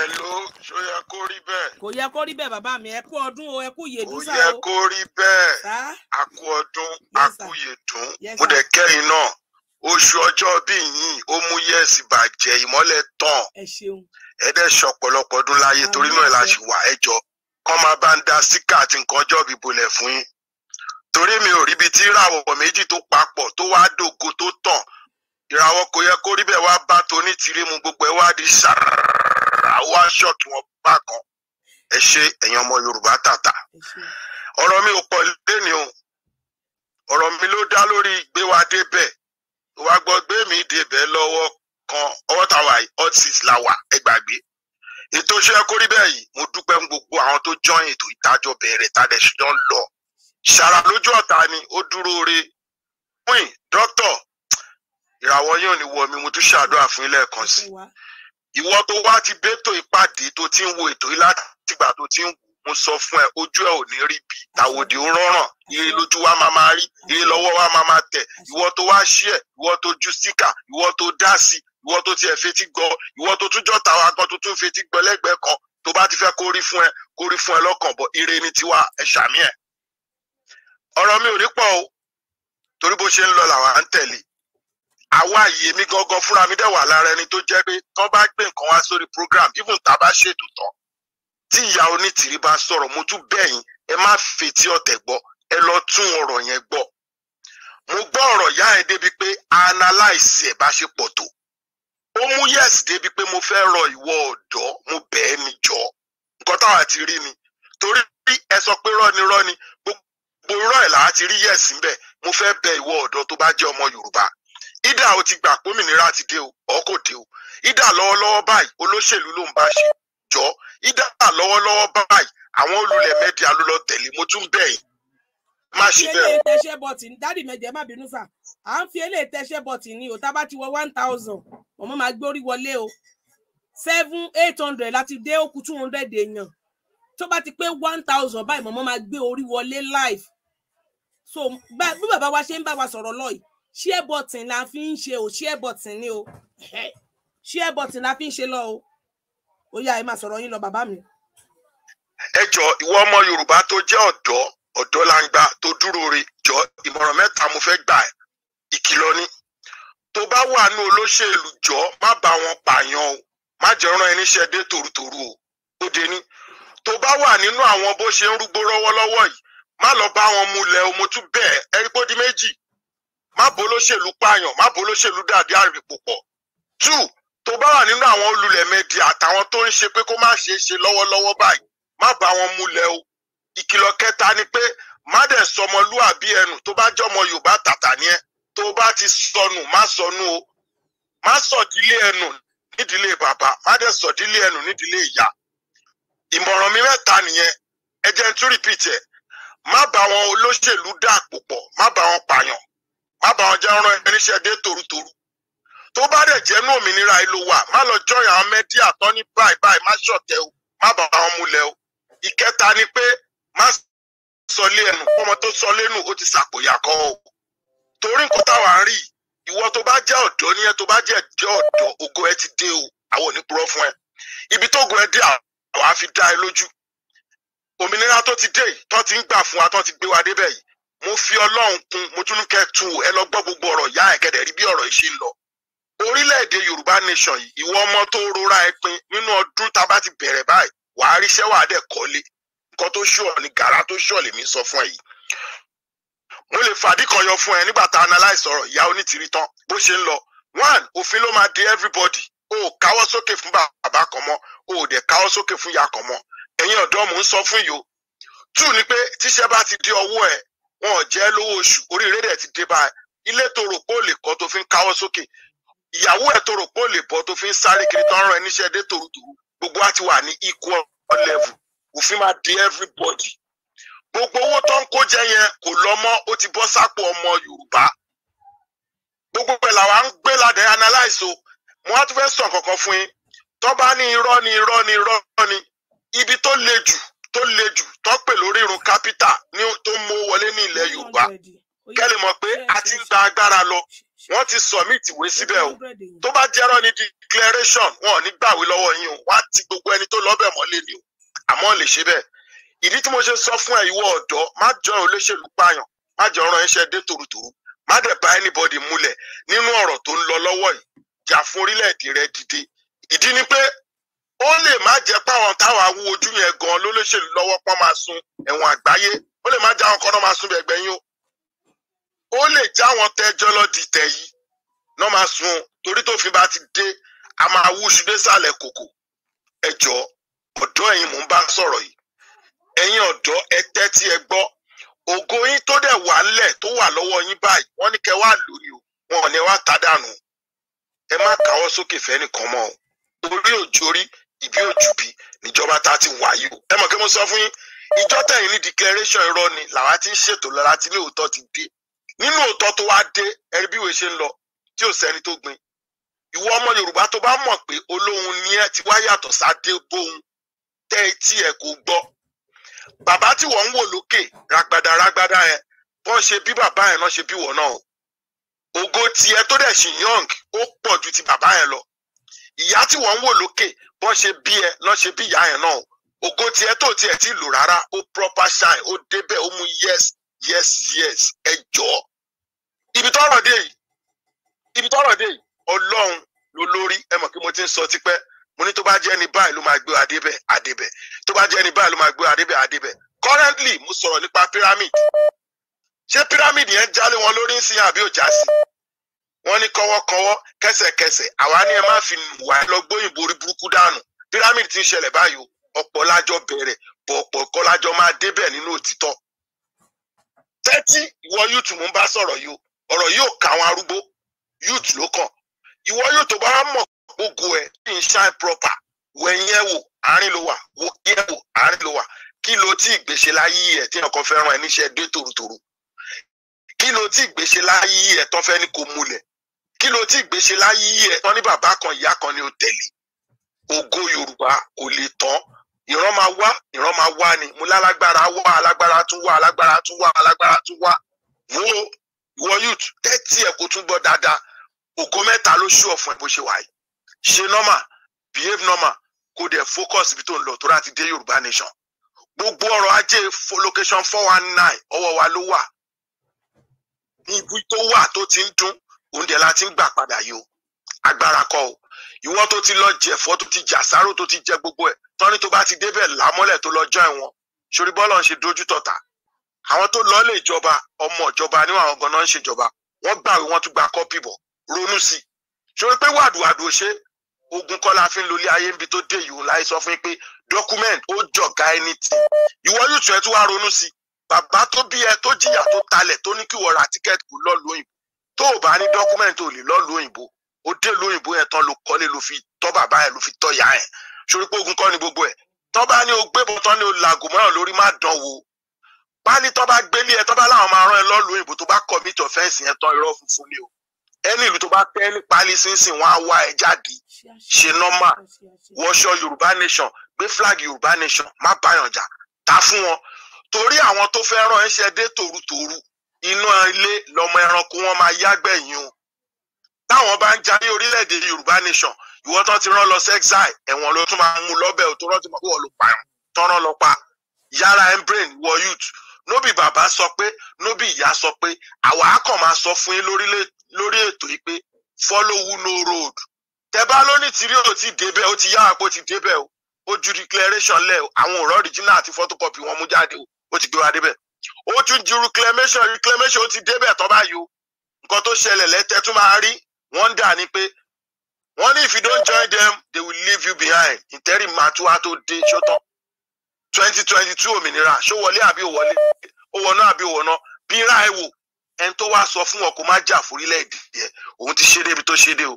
ẹ ló ṣó yẹ kó rí bẹ́ẹ̀. kò yẹ kó rí bẹ́ẹ̀ bàbá mi ẹ kú ọdún o ẹ kú yèdún sá o. kò yẹ kó rí bẹ́ẹ̀ a kú ọdún a kú yèdún mo dẹ̀ kẹ́yìn náà oṣù ọjọ́ bíi ó mú yẹ́sì bàjẹ́ ìmọ́lẹ̀ tán. ẹ ṣeun ẹdẹ ṣe ọ̀pọ̀lọpọ̀ ọdún láyé torí náà la ṣì wà ẹjọ kán máa bá ń da síkà àti nǹkan jọ̀bì bolẹ̀ fún yín torí mi ò ríbi tí ìràwọ̀ méjì tó papọ̀ tó wá dògo tó tàn ìràwọ̀ kò yẹ kó rí bẹ́ẹ̀ wá bá toní tìrí mu gbogbo ẹ̀ wá di ṣàrà wá ṣọ́ọ̀kì wọn bá kan ẹ ṣe ẹ̀yin ọmọ Yorùbá tàtà ọ̀rọ̀ mi ò pọ̀ lẹ́ni o ọ̀rọ̀ mi ló dá lórí ìgbéwádé bẹ́ẹ̀ ìwà gbọ́gbé mi débẹ̀ lọ́wọ́ kan ọwọ́ táwa all six la wà ẹ gbàgbé ètò iṣẹ́ kórí bẹ́ẹ̀ yìí mo dúpẹ́ fún gbogbo àwọn tó join ètò ìdájọ́ bẹ̀rẹ̀ tàdé ṣùgbọ́n lọ ṣàrà lójú ọ̀tá ni ó dúró re queen doctor ìràwọ̀ yóò ní wọ mi mo tún ṣàdúrà fún ilé ẹ̀kan sí ìwọ tó wá ti bẹ́tò ìpàdé tó ti ń wo ètò yìí látìgbà tó ti ń wò mo sọ fún ẹ ojú ẹ ò ní rí bi tàwòdì ó rọràn ire lójú wa máa máa rí ire lọ́wọ́ wa máa máa tẹ̀ ìwọ tó wá ṣí ẹ ìwọ tó ju síkà ìwọ tó dá sí ìwọ tó tiẹ̀ fetí gbọ́ ìwọ tó tún jọ́ta wa gan tó tún fetí gbọ́ lẹ́gbẹ̀ẹ́ kan tó bá ti fẹ́ kó rí fún ẹ kó rí fún ẹ lọ́kàn bọ̀ ire ni tiwa ẹ ṣàmì ẹ̀. ọ̀rọ̀ mi ò ní pọ̀ o torí bó ṣe ń lọ làwa ń tẹ̀lé àwa yìí mi gangan fúnra mi dẹ̀ wà lára ẹni tó jẹ́ pé tán bá gbé nǹkan wá sórí program even tá a bá ṣètò tán tí ìyá onítìrí bá sọ̀rọ̀ mo tún bẹ̀ yín ẹ má fetí ọ̀tẹ̀ gbọ́ ẹ lọ tún ọ̀rọ̀ yẹn gbọ́ mo gbọ́ ọ̀rọ̀ yá ẹ débi pé analyse ẹ̀ bá ṣe pọ̀ tó ó mú yes débi pé mo fẹ́ rọ ìwọ ọ̀dọ́ mo bẹ̀ ẹ́ mi jọ nǹkan táwa ti rí ni torí ẹ sọ pé rọ́ni rọ́ni gbogbo rọ́ ẹ̀ làá ti rí yes ńbẹ̀ mo fẹ́ bẹ̀ ìwọ ọ̀dọ́ tó bá jẹ́ ọmọ Yorùbá ìdá o ti gbà pómìnira ti dé o ọ̀ kò dé o ìdá lọ́wọ́lọ́wọ́ báyìí olóṣèlú ló ń bá ṣe jọ ìdá lọ́wọ́lọ́wọ́ báyìí àwọn olùlẹ̀ mẹ́díà ló lọ tẹ̀lé mo tún bẹ̀ má ṣe bẹ́ẹ̀. eléyìí tẹ́ṣẹ́ bọ̀tì dádì mẹ́jẹ má bínú sà à ń fi eléyìí tẹ́ṣẹ́ bọ̀tì ni òtá bá ti wọ one thousand ọmọ máa gbórí wọlé o seven eight hundred láti dé ó two hundred èèyàn tó bá ti pé one thousand báyìí mọ̀mọ́ máa gbé orí wọlé live so bí bàbá wa ṣe ń bá wa sọ̀rọ̀ lọ́yìí share button la fi ń ṣe o share button ni o share button la fi ń ṣe lọ o ó yá ẹ máa sọ̀rọ̀ yín lọ bàbá mi. ẹ jọ ìwọ ọmọ Yorùbá tó jẹ́ ọ̀dọ́ ọ̀dọ́langba tó dúró re jọ ìmọ̀ràn mẹ́ta mo fẹ́ gbà ẹ́ ìkìlọ̀ ni tó bá wà ní olóṣèlú jọ má bá wọn pààyàn o má jẹ́ rán ẹni ṣe dé tòrútòrú o ó dé ní tó bá wà nínú àwọn bó ṣe ń rúgbó lọ́wọ́lọ́wọ́ yìí má lọ bá wọn mulẹ̀ o mo tún bẹ́ẹ̀ ẹrígbódì méjì má bo olóṣèlú pààyàn má bo olóṣèlú dàdí àrìpò pọ̀ two tó bá wà nínú àwọn olùlẹ̀ àtàwọn tó ń ṣe pé kó má ṣeé ṣe lọ́wọ́lọ́wọ́ báyìí má bá wọn mulẹ̀ o ìkìlọ̀ kẹta ni pé má dẹ̀ sọmọlúàbí ẹnu tó bá jọmọ Yorùbá tàtà ni ẹ tó bá ti sọnù má sọnù o má sọdílé ẹnu nídìílé bàbá má dẹ̀ sọdílé ẹnu nídìílé ìyá ìmọ̀ràn mi mẹ́ta nìyẹn ẹ jẹ́ n tún repeat ẹ̀ má bá wọn olóṣèlú dàpò pọ̀ má bá wọn pààyàn má bá wọn jẹ́ ọ̀ràn ẹniṣẹ́ dé torutoru tó bá dẹ̀ jẹ́ inú òmìnira ìlú wa má lọ jọyàn àwọn tán ní báyìí báyìí má ṣọ̀tẹ̀ o má bá wọn múlẹ̀ o ìkẹta ni pé má sọlé ẹnu ọmọ tó sọlé nù ó ti sàpòyàkọ o torí nǹkan táwa ń rí ìwọ tó bá jẹ́ ọ̀dọ́ níyẹn tó bá jẹ́ jẹ́ ọ̀dọ́ ògo ẹ ti dé o àwọn ò ní purọ́ fún ẹ ibi tó gun ẹ dé àwọn á fi dá ẹ lójú òmìnira tó ti dé tó ti ń gbà fún wa tó ti gbé wa débẹ̀ yìí mo fi Ọlọ́run kún mo tún kẹ́ tu ẹ lọ gbọ́ gbogbo ọ̀rọ̀ ìyá ẹ̀kẹ́dẹ̀ rí bí ọ̀rọ̀ yìí ṣe ń lọ orílẹ̀-èdè Yorùbá nation yìí ìwọ ọmọ tó rora ẹ pin nínú ọdún tá a bá ti bẹ̀rẹ̀ báyìí wàá ríṣẹ́ wàá dẹ̀ kọ́lé nǹkan tó ṣọ̀ ní gàrà tó ṣọ̀ lèmi sọ fún ẹ yìí mo lè fàdí kan yọ fún ẹ nígbà tá a analyse ọ̀rọ̀ ìyá onítìrí tán bó ṣe ń lọ one òfin ló máa de everybody o ò káwọ́ sókè fún bàbá kan mọ́ o ò dẹ̀ káwọ́ sókè fún ìyá kan mọ́ ẹ̀yin ọ̀dọ́ mò ń sọ fún yìí o two ni pé tíṣẹ́ bá ti dé ọwọ́ ẹ̀ wọn ò jẹ́ lówó oṣù oríire rẹ̀ ti dé bá ẹ ilé tó rò pé ó lè kọ́ tó fi ń káwọ́ sókè ìyàwó ẹ̀ tó rò pé ó lè bọ́ tó fi ń sáré kiri tó ń ẹ níṣẹ́ dé tòrútòrú gbogbo wa ti wà ní equal level òfin máa di everybody gbogbo owó tó ń kó jẹ yẹn kò lọ mọ́ ó ti bọ́ sápò ọmọ Yorùbá gbogbo ẹ̀ làwa ń gbé ládẹ analyse o mo wá tún fẹ́ sọ kankan fún yín tó bá ní ni irọ́ ni irọ́ ni ibi tó le jù tó le jù tó lórí irun kápítà tó mú wọlé ní ilẹ̀ Yorùbá kẹ́lì mọ̀ pé a ti ń gba agbára lọ wọ́n ti submit ìwé síbẹ̀ o tó bá jẹ́rọ́ ní declaration wọn ò ní gbàwé lọ́wọ́ yín o wọ́n á ti gbogbo ẹni tó lọ́bẹ̀ mọ́lé ni o àmọ́ lè ṣe bẹ́ẹ̀ ìdí tí mo ṣe sọ fún ẹ ìwọ ọ̀dọ́ má jọ olóṣèlú pààyàn má jọ ọ̀ràn iṣẹ́ dé tòrutòru má dẹ̀ bá anybody múlẹ̀ nínú ọ̀rọ̀ tó ń lọ lọ́wọ́ yìí jà fún orílẹ̀-èdè rẹ dìde ìdí ni pé ó lè má jẹ́ páwọn táwọn awú ojú yẹn gan lólóṣèlú lọ́wọ́ pọ́n máa sun ẹ̀wọ̀n àgbáyé ó lè má já wọn kọ́nà máa sun bẹ̀gbẹ́ yín o ó lè já wọn tẹ́jọ́ lọ dìtẹ̀ yìí náà máa sun torí tó bá ti dé a máa wú ṣùgbẹ́sàlẹ̀ kòkò ẹ̀jọ̀ ọ̀dọ́ ẹ̀yin mò ń bá sọ̀rọ̀ yìí ẹ̀yin ọ̀dọ́ ẹ tẹ́tí ẹ gbọ́ ògo yín tó dẹ̀ wà lẹ̀ tó wà lọ́wọ́ yín báyìí wọ́n ní kẹ́ wá lò o wọn ò ní wá ta dànù ẹ má káwọ́ sókè fẹ́ nìkan mọ́ o orí òjòrí ìbí òjùbí níjọba tá a ti wà yìí o ẹ mọ̀ kí mo sọ fún yín ìjọ tẹ̀yìn ní declaration irọ́ ni làwa ti ń ṣètò lọ́la tí ní òótọ́ ti dé nínú òótọ́ tó wá dé ẹ̀rí bí ìwé ṣe ń lọ tí ò sẹ́ni tó gbin ìwọ ọmọ Yorùbá tó bá mọ̀ pé olóhun ni ẹ ti wá yàtọ̀ sáà dé bóhun tẹ́ etí ẹ̀ kò gbọ́ bàbá tí wọ́n ń wò lókè ragbada ragbada yẹn bọ́n ṣe bí bàbá yẹn náà ṣe bí wọ́n náà ògo tiẹ̀ tó dẹ̀ ṣì young ó pọ̀ ju ti bàbá yẹn lọ ìyá tí wọ́n ń wò lókè bọ́n ṣe bí ẹ náà ṣe bí ìyá yẹn náà ògo tiẹ̀ tó tiẹ̀ ti lò rárá ó proper shine ó débẹ̀ ó mú yes yes yes ẹ jọ ibi tọ́rọ̀ dé yìí ibi tọ́rọ̀ dé yìí Ọlọ́run ló lórí ẹ mọ̀ kí mo ti ń sọ tipẹ́ mo ní tó bá jẹ́ ẹni báyìí ló máa gbé adébẹ̀ adébẹ̀ tó bá jẹ́ ẹni báyìí ló máa gbé adébẹ̀ adébẹ̀ currently mo sọ̀rọ̀ nípa pyramid ṣé pyramid yẹn jálé wọn lórí ń sin àbí òjá sí wọn ní kọ́wọ́kọ́wọ́ kẹsẹ̀kẹsẹ̀ àwa ni ẹ má fi wà lọ gbóyìnbó orí burúkú dànù pyramid ti ń ṣẹlẹ̀ báyìí o ọ̀pọ̀ lájọ bẹ̀rẹ̀ bọ̀ kọ́ lájọ máa débẹ̀ nínú òtítọ́ tẹ́tí ìwọ yúùtù mú bá sọ̀rọ̀ yìí ọ̀rọ̀ yìí ò ká àwọn arúgbó yúùtù ló kàn ìwọ yóò tó bá mọ̀ gbogbo ẹ̀ tí ń ṣáì proper wẹ̀yìn ẹ̀ wò àárín ló wà wò kí ẹ̀ wò àárín ló wà kí ló tí ìgbésẹ̀ láyé ẹ̀ tí ọkàn fẹ́ràn ẹ̀ níṣẹ́ dé tòrótòró kí ló tí ìgbésẹ̀ láyé ẹ̀ tán fẹ́ ní kò múlẹ̀ kí ló tí ìgbésẹ̀ láyé ẹ̀ tán ní bàbá kan ìyá kan ni ó tẹ̀lé ògo Yorùbá kò lè tán ìran máa wá ìran máa wá ni mo lálágbára wá alágbára tún wá alágbára tún wá alágbára tún wá wo ìwọ youth tẹ́tí ẹ̀ kó tún gbọ́ dáadáa ògo mẹ́ta ló ṣú ọ̀fun ẹ̀ bó ṣe wà ṣe normal behave normal kó dẹ̀ focus ibi tó ń lọ tó láti dé yorùbá nation gbogbo ọrọ̀ ajé location four one nine ọwọ́ wa ló wà ibi tó wà tó ti ń dún oúnjẹ la ti ń gbà padà yìí o agbára kọ́ o ìwọ́n tó ti lọ jẹ̀fọ́ tó ti jàsáró tó ti jẹ gbogbo ẹ̀ tọ́ni tó bá ti débẹ̀ lámọ́lẹ̀ tó lọ jọ́ ẹ̀wọ̀n sori bọ́ọ̀lù ń ṣe dojú tọ̀tà àwọn tó lọ lè jọba ọmọ ìjọba níwọ̀n àwọn gan-an ń ṣèjọba wọ́n gbàwé wọ́n tún gba kọ́pì bọ̀ ronú sí i sori pé wàdùwàdù ṣe ogun kọ́ la fi ń lolé ayé níbi tó dé yìí o láì sọ fún yín pé document ó jọ̀gá ẹni tì ìwọ yóò tún ẹ tún wá ronú sí i bàbá tó bí ẹ tó jìyà tó talẹ̀ tó ní kí wọ́n ra tíkẹ́ẹ̀tì kò lọ́ọ̀lù òyìnbó tó o bá ní document ò lè lọ́ọ̀lù òyìnbó o dé lóyìnbó yẹn tán ló kọ́lé ló fi tọ́ bàbá yẹn ló fi tọ́ ìyá yẹn sórí pé ogun kọ́ ni gbogbo ẹ̀ tọ́ bá ní o gbébọn tán ní o làgò mọ́ràn lórí má dán wo bá ní tọ́ bá gbélé ẹ tọ́ bá láwọn máa rán ẹ lọ́ọ̀lù òyìnbó tó bá commit offence yẹn tán irọ́ funfun ni o ẹni ìlú tó bá tẹ́ ní pálí sínsìn wọn á wá ẹ jáde ṣe nọ́mà wọṣọ yorùbá nation gbé flag yorùbá nation má báyàn jà ta fún wọn torí àwọn tó fẹ́ rán ẹṣẹ́ dé tòrutòru iná ilé lọmọ ẹranko wọn máa yágbẹ̀yìn o táwọn bá ń jayé orílẹ̀-èdè yorùbá nation ìwọ́n tán ti rán lọ sí exile ẹ̀wọ̀n ló tún máa mú lọ́bẹ̀ ò tó rántí mọ́ wọ́n ló pa ẹ̀wọ̀n tán rán lọ pa yàrá embrain wọ youth nóbì bàbá sọ pé nóbì ìyá sọ pé àwa á sọ fún yín lórí ètò yìí pé follow no road tẹ́bá lónìí tí rí o ti débẹ̀ o ti yá àpò ti débẹ̀ o ó ju declaration lẹ̀ àwọn ọ̀rọ̀ original àti photocopy wọn mú jáde o ó ti gbé wa débẹ̀ ó tún ju reclamation reclamation ó ti débẹ̀ tó bá yọ nǹkan tó ṣẹlẹ̀ lẹ́tẹ̀ tún máa rí wọ́n dà ní pé wọ́n ní if you don't join them they will leave you behind ìtẹ́rì màtúwá tó dé ṣótọ́ twenty òmìnira ṣó wọlé àbí òwọlé òwọ̀nà àbí òwọ̀nà bíra ẹ wò ẹni tó wá sọ fún ọ kó má jà forílẹ̀-èdè yẹ òun ti ṣe débi tó ṣe dé o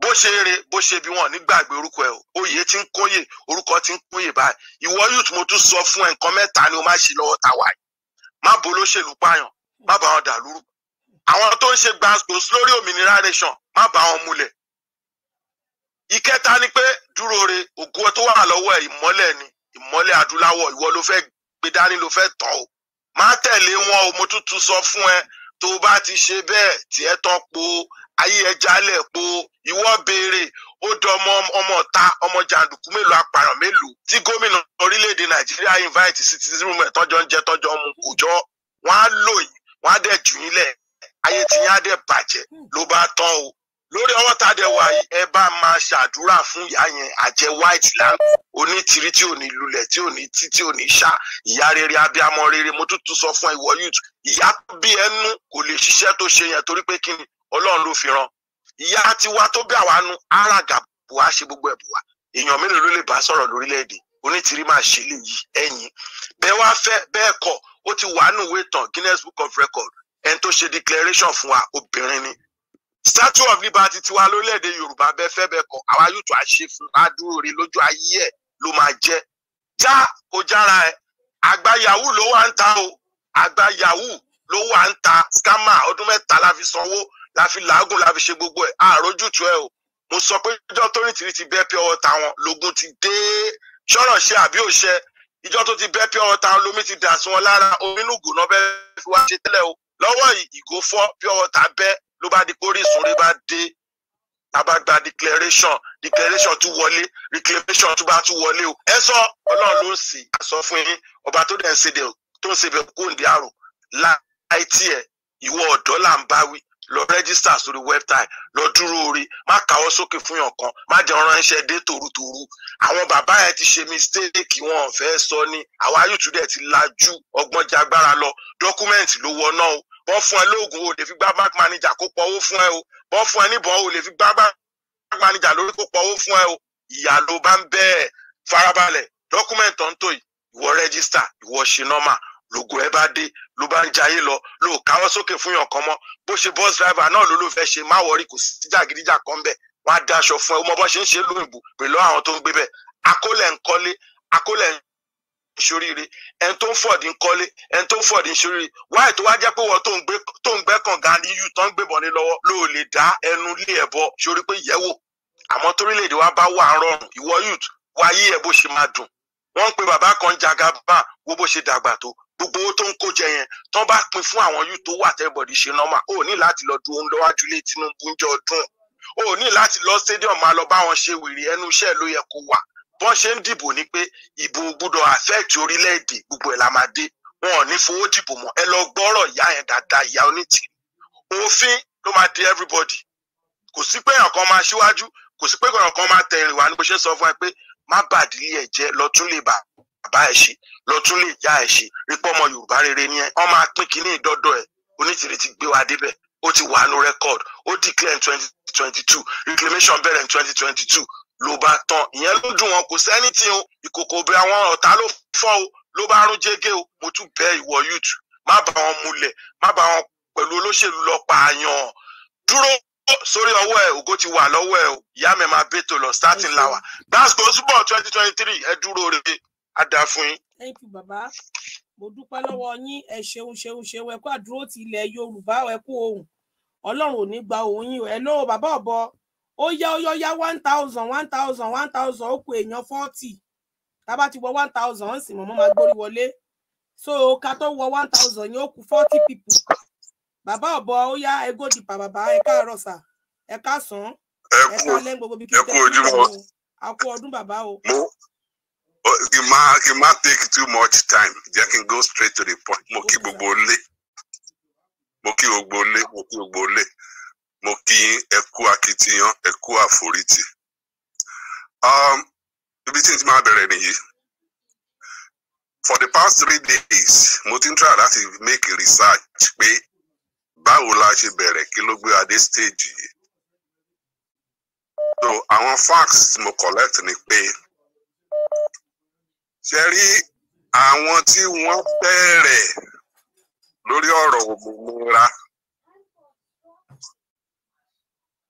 bó ṣe eré bó ṣe bí wọn nígbàgbé orúkọ ẹ oyè tí ń kóyè orúkọ tí ń kóyè báyìí ìwọ youth mo tún sọ fún ẹ nǹkan mẹ́ta ni o má ṣe lọ́wọ́ tàwa yìí má bo olóṣèlú pààyàn má bá wọn dà lúrú àwọn tó ń ṣe gbàǹsó lórí òmìnira nation má bá wọn múlẹ̀ ìkẹta ni pé dúró re ògùn tó wà lọ́wọ́ ẹ ìmọ́lẹ̀ ni ìmọ́lẹ̀ adúláwọ̀ ìwọ ló fẹ́ gbé dání ló fẹ́ tọ́ o má tẹ̀lé wọn o mo tútù sọ fún ẹ tó o bá ti ṣe bẹ́ẹ̀ tí ẹ tán po ayé ẹ jálẹ̀ po ìwọ béèrè ó dọmọ ọmọ ọ̀tá ọmọ jàǹdùkú mélòó apààyàn mélòó tí gómìnà orílẹ̀-èdè nàìjíríà invite citizen room ẹ̀ tọ́jọ́ ń jẹ tọ́jọ́ mu kò jọ á lò yín á dẹ̀ jù yín lẹ̀ ayé tí yín á dẹ̀ bàjẹ́ ló bá tán o lórí ọwọ́ tá a dẹ̀ wà yìí ẹ bá máa ṣàdúrà fún ìyá yẹn àjẹ white land onítìrí tí ò ní lulẹ̀ tí ò ní tí tí ò ní ṣá ìyá rere abiyamọ rere mo tútù sọ fún ìwọ youth ìyá bí ẹnu kò lè ṣiṣẹ́ tó ṣe yẹn torí pé kí ni ọlọ́run ló fi rán ìyá tiwa tó bí àwa nu aràgà buwa ṣe gbogbo ẹ̀ èèyàn mélòó ló lè bá sọ̀rọ̀ lórílẹ̀‐èdè onítìrí máa ṣe lè yí ẹ̀yìn bẹ́ẹ̀ wá fẹ́ bẹ́ẹ̀ kọ́ ó ti wà nù tán Guinness Book of Record ẹni tó ṣe declaration fún wa obìnrin ni statue of liberty tiwa lórílẹ̀‐èdè yorùbá bẹ́ẹ̀ fẹ́ bẹ́ẹ̀ kọ́ àwa yóò tún àṣe fún adúró rẹ lójú ayé ẹ̀ ló máa jẹ́ já kó jára ẹ̀ àgbà yahoo ló wà ń ta o àgbà yahoo ló wà ń ta scammer ọdún mẹ́ta la fi sanwó la fi làágùn la fi ṣe gbogbo ẹ̀ àròjùtù ẹ̀ o mo sọ pé ìjọ tó rìn tìrì ti bẹ́ẹ̀ pé ọwọ́ ta wọn lógun ti dé ṣọ́rọ̀ ṣe àbí òṣẹ ìjọ tó ti bẹ́ẹ̀ pé ọwọ́ ta wọn ti dà sí wọn lára omi nùgùn náà bẹ́ẹ̀ fi wá ṣe tẹ́lẹ̀ o lọ́wọ́ ìgò fọ́ pé ọwọ́ ta bẹ́ẹ̀ ló bá di pórísun rẹ bá dé tàbá gba declaration declaration tún wọlé declaration tún bá tún wọlé o ẹ sọ ọlọ́run ló ń sì sọ fún yín ọba tó dẹ̀ ń ṣe dẹ̀ tó ń ṣe bẹ̀ kó ń di àrùn láì tiẹ̀ ìwọ ọ̀dọ́ là ń bá wí lọ rẹ́gísítà sórí wẹ́btáì lọ dúró orí má kàwọ́ sókè fún yàn kan má jẹ́ ránṣẹ́ dé tòrutòru àwọn bàbá yẹn ti ṣe mistake wọn ò fẹ́ sọ ni àwa yóò tún dẹ̀ ti lajú ọgbọ́n jagbára lọ dọ́kúmẹ́ǹtì ló wọ náà o bọ́ fún ẹ lóògùn o lè fi gbá bank manager kó pọ̀ owó fún ẹ o bọ́ fún ẹ níbọn o lè fi gbá bank manager lórí kó pọ̀ owó fún ẹ o ìyá ló bá ń bẹ́ẹ̀ farabalẹ̀ document tó ń tò yìí ìwọ register ìwọ ṣe normal lògùn ẹ bá dé ló bá ń jayé lọ ló káwọ́ sókè fún yàn kan mọ́ bó ṣe bus driver náà ló ló fẹ́ ṣe má wọrí kò sí jàgídíjà kan bẹ́ẹ̀ wọ́n á daṣọ fún ẹ o mọ bọ́ ṣe ń ṣe lóyìnbó pẹ̀lú àwọn tó ń gbé bẹ́ẹ̀ akólẹ̀ ń kọ́lé akólẹ̀ ń ṣoríire ẹni tó ń fọ̀dí ń kọ́lé ẹni tó ń fọ̀dí ń ṣoríire wáyé tó wá jẹ́ pé wọ́n tó ń gbé tó ń gbẹ́ kànga ní yù tó ń gbébọn ní lọ́wọ́ ló lè dá ẹnu lé ẹ̀bọ ṣorí pé yẹ̀wò àmọ́ torílẹ̀-èdè wa bá wà rọrùn ìwọ youth wáyé ẹ̀ bó ṣe máa dùn wọ́n ń pe bàbá kan jagaba wo bó ṣe dàgbà tó gbogbo owó tó ń kó jẹ yẹn tó bá pín fún àwọn youth tó wà tẹ́bọ̀dì ṣe nọ́mà ó ní láti lọ dúró lọ́wájú lé Tinubu ń jọ ọdún ó ní láti lọ stadium máa lọ bá wọn ṣe wèrè ẹnu iṣẹ́ bọ́n ṣe ń dìbò ni pé ìbò gbúdọ̀ affect orílẹ̀-èdè gbogbo ẹ̀ la máa dé wọn ò ní fowó dìbò mọ́ ẹ lọ gbọ́rọ̀ ìyá yẹn dáadáa ìyá onítìrì òfin ló máa di everybody kò sí pé ọ̀kan máa ṣíwájú kò sí pé ọ̀kan máa tẹ̀rìn wá ní bó ṣe sọ fún ẹ pé má bàdílé ẹ jẹ́ lọ tún lè bàbá ẹ ṣe lọ tún lè yá ẹ ṣe rí pọ́ ọmọ Yorùbá rere ni ẹ wọ́n máa pín kínní ìdọ́dọ̀ ẹ onítìrì ti gbé wa débẹ̀ ó ti wà á lo record ó declare in twenty twenty two reclamation bẹ̀rẹ̀ in twenty twenty two ló bá tán ìyẹn ló dùn wọn kò sẹ́ni tí o ìkòkò bí àwọn ọ̀tá ló fọ́ o ló bá rún jẹ́gẹ́ o mo tún bẹ ìwọ youth má bá wọn múlẹ̀ má bá wọn pẹ̀lú olóṣèlú lọ pààyàn dúró sórí ọwọ́ ẹ̀ ògo ti wà lọ́wọ́ ẹ̀ o ìyá mi máa bètò lọ starting lawa glasgow super twenty twenty three ẹ dúró rere á fún yín. thank you baba mo dúpẹ́ lọ́wọ́ yín ẹ ṣeun ṣeun ṣeun ẹ kú àdúró ti ilẹ̀ yorùbá ẹ kú ohùn ọlọ́run ò ní gba ohùn yín ẹ lọ́wọ́ bàbá ọ̀bọ ó yá ó yọ yá one thousand one thousand one thousand ó kù èèyàn forty tábà ti wọ one thousand ó sì mọ̀mọ́ máa gbórí wọlé so ká tó wọ one thousand yẹn ó kù forty people bàbá ọ̀bọ ó yá egó dìpà bàbá ẹ káàárọ̀ sà ẹ káàsán ẹ káàlẹ́ gbogbo bíi kíkẹ́ ẹ kú ọdún bàbá o. It might, it might take too much time. Jẹ́ can go straight to the point. Mo kí gbogbo ilé. Mo kí gbogbo Mo kí gbogbo mo kí yín ẹ kú akitiyan ẹ kú àforítì um, ibi tí n ti máa bẹ̀rẹ̀ nìyí for the past three days mo ti ń try láti make research pé báwo la ṣe bẹ̀rẹ̀ kí ló gbé adé stage yìí so àwọn facts tí mo collect ni pé ṣe rí àwọn tí wọ́n bẹ̀rẹ̀ lórí ọ̀rọ̀ òmìnira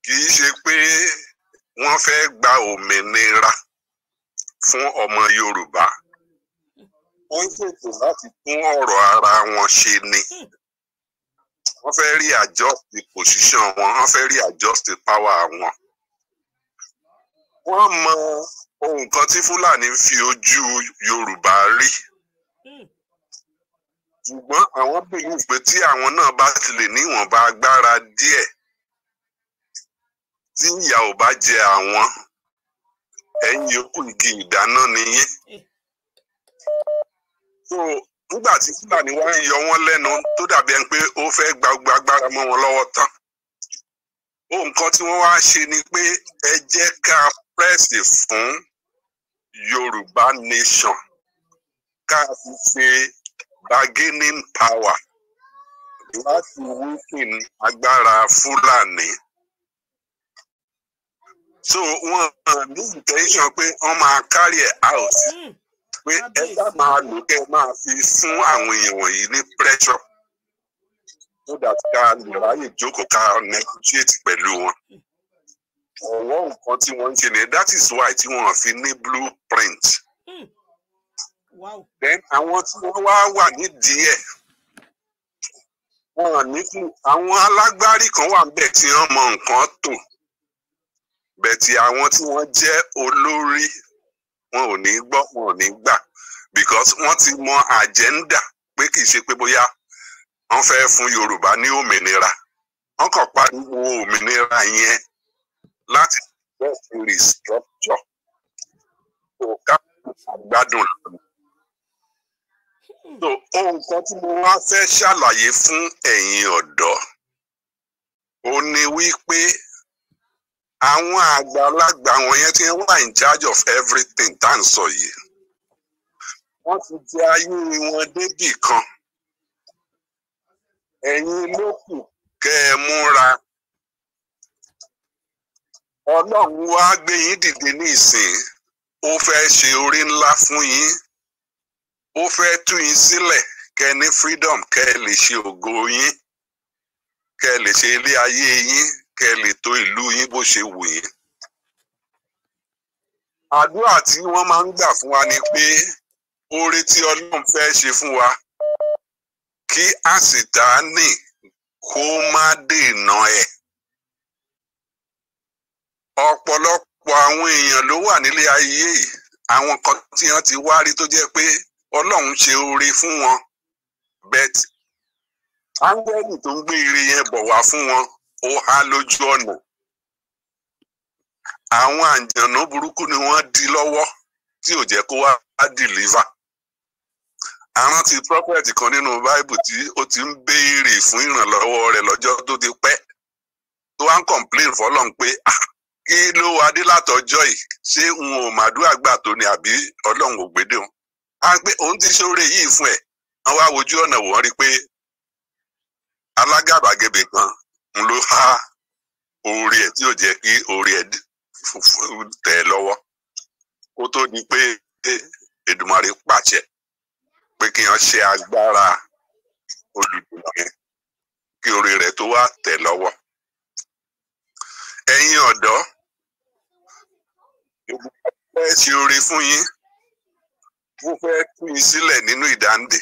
kì í ṣe pé wọ́n fẹ́ gba òmìnira fún ọmọ Yorùbá wọ́n ṣètò láti tún ọ̀rọ̀ ara wọn ṣe ni wọ́n fẹ́ rí adjust the position wọn wọ́n fẹ́ rí adjust the power wọn. wọ́n mọ ohun kan tí Fúlàní ń fi ojú Yorùbá rí hmm. ṣùgbọ́n àwọn bìlú pé tí àwọn náà bá ti lè ní ìwọ̀nba agbára díẹ̀ tí ìyà ò bá jẹ àwọn ẹ̀yin yòókù igi ìdáná nìyẹn so nígbà tí fúlàní wá ń yọ wọ́n lẹ́nu tó dàbí ẹni pé ó fẹ́ gba agbára mọ́ wọn lọ́wọ́ tán ó nǹkan tí wọ́n wá ṣe ni pé ẹ jẹ́ ká pẹ́sì fún yorùbá nation ká fi ṣe bargaining power láti wípé agbára fúlàní so wọn ní intention pé wọn máa carry it out hmm. pé ẹ bá máa lò kẹ máa fi fún àwọn èèyàn wọ̀nyí ní pressure so that ká lè ráyè jókòó ká negotiate pẹ̀lú wọn ọwọ́ nǹkan tí wọ́n ń ṣe nìyẹn that is why tí wọ́n fi ní blueprint. Mm. Wow. then àwọn tí wọ́n wá wà nídìí ẹ̀ wọn ní kú àwọn alágbárí kan wà níbẹ̀ tí wọ́n mọ nǹkan tó bẹ̀tì àwọn tí wọ́n jẹ́ olórí wọn ò ní gbọ́ wọn ò ní gbà because wọ́n ti mọ àjẹ́ńdà pé kì í ṣe pé bóyá wọ́n fẹ́ fún Yorùbá ní òmìnira wọ́n kàn pariwo òmìnira yẹn láti bẹ́ẹ̀ fi restructure tó ká gbádùn lónìí. so ohun kan tí mo wá fẹ́ ṣàlàyé fún ẹ̀yin ọ̀dọ́ ó ní wípé àwọn àgbàlagbà wọ̀nyẹn ti wà in charge of everything tá à ń sọ yìí wọ́n ti di ayé wọn débì kan ẹ̀yin ló kù kẹ́ ẹ múra ọlọ́run wá gbé yín dìde ní ìsìn ó fẹ́ ṣe orí ńlá fún yín ó fẹ́ tú yín sílẹ̀ kẹ́ ní freedom kẹ́ ẹ lè ṣe ògo yín kẹ́ lè ṣe ilé ayé yín kẹ́ ẹ lè tó ìlú yín bó ṣe wù yín. àdúrà tí wọ́n máa ń gbà fún wa ni pé oore tí Ọlọ́run fẹ́ ṣe fún wa kí àsìtáàní kó má dènà ẹ̀. ọ̀pọ̀lọpọ̀ àwọn èèyàn ló wà nílé ayé yìí àwọn kan tí wọ́n ti wá rí tó jẹ́ pé Ọlọ́run ṣe oore fún wọn bẹ́ẹ̀ áńgẹ́lì tó ń gbé ire yẹn bọ̀ wá fún wọn ó há lójú ọ̀nà àwọn àjànà burúkú ni wọ́n di lọ́wọ́ tí ò jẹ́ kó wá dìlíva àwọn ti prophet kan nínú bible tí ó ti ń béèrè fún ìrànlọ́wọ́ rẹ̀ lọ́jọ́ tó ti pẹ́ tó wá ń complain fọlọ́n pé ah, kí ló wá dé látọjọ́ yìí ṣé n ò màdúrà gbà tó ni àbí ọlọ́run ò gbé déun á pé òun ti ṣoore yìí fún ẹ̀ wọ́n wá wojú ọ̀nà wọ́n rí i pé alágàbàgebè kan n ló há orí ẹ̀ tí ò jẹ́ kí orí ẹ̀ tẹ̀ lọ́wọ́ kó tó di pé Èdùmàrè pàṣẹ pé kí wọ́n ṣe agbára olùdìbò yẹn kí orí rẹ̀ tó wá tẹ̀ lọ́wọ́ ẹ̀yin ọ̀dọ́ fẹ́ ṣe oore fún yín wọ́n fẹ́ tú yín sílẹ̀ nínú ìdáǹdè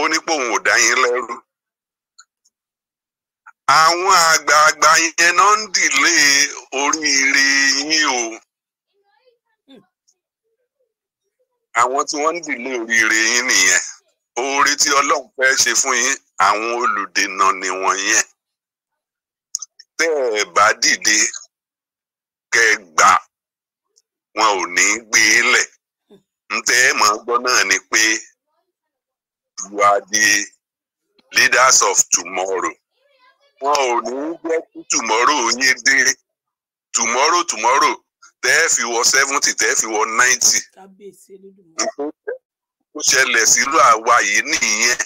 ó ní pé ò dá yín lẹ́rú àwọn àgbààgbà yẹn náà ń dìlé oríire yín o àwọn tí wọ́n ń dìlé oríire yín nìyẹn oore tí Ọlọ́run fẹ́ ṣe fún yín àwọn olùdènà ni wọ́n yẹn tẹ́ ẹ bá dìde kẹgba wọn ò ní gbé e lẹ̀ ntẹ́ ẹ mọ̀ gbọ́ náà ni pé you are the leaders of tomorrow. wọn ò ní jẹ́ kí tomorrow yín dé tomorrow tomorrow tẹ́ẹ̀ fi wọ seventy tẹ́ẹ̀ fi wọ ninety ó ṣẹlẹ̀ sílùú àwa yìí nìyẹn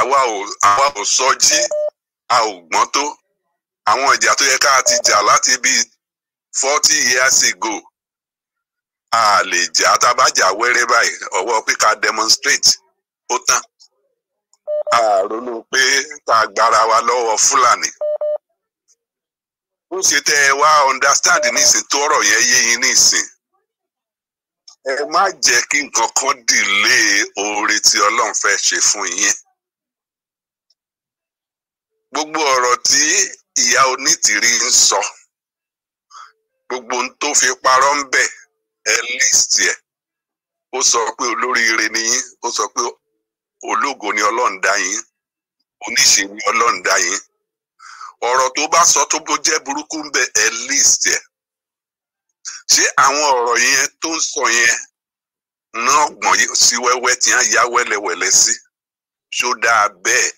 àwa ò àwa ò sọjí a ò gbọ́n tó àwọn ìjà tó yẹ ká ti jà láti bíi forty years ago a lè jà tá a bá jà wẹ́rẹ́ báyìí ọwọ́ pé demonstrate ó tán àrònú pé tá a gbára wa lọ́wọ́ fúlàní bó ṣe tẹ ẹ wá understand nísìn tó ọ̀rọ̀ yẹn yé yín nísìn ẹ má jẹ́ kí nǹkan kan dìlé oore tí Ọlọ́run fẹ́ ṣe fún yín gbogbo ọ̀rọ̀ tí ìyá onítìrí ń sọ gbogbo ohun tó fi parọ́ ń bẹ̀ ẹ list ẹ̀ ó sọ pé olóríire ni yín ó sọ pé ológo ni ọlọ́run dá yín oníṣe ni ọlọ́run dá yín ọ̀rọ̀ tó bá sọ tó bó jẹ́ burúkú ń bẹ ẹ̀ list ẹ̀ ṣé àwọn ọ̀rọ̀ yẹn tó ń sọ yẹn náà gbọ̀n sí wẹ́wẹ́ tí wọ́n ya wẹ́lẹ́wẹ́lẹ́ sí ṣó dáa bẹ́ẹ̀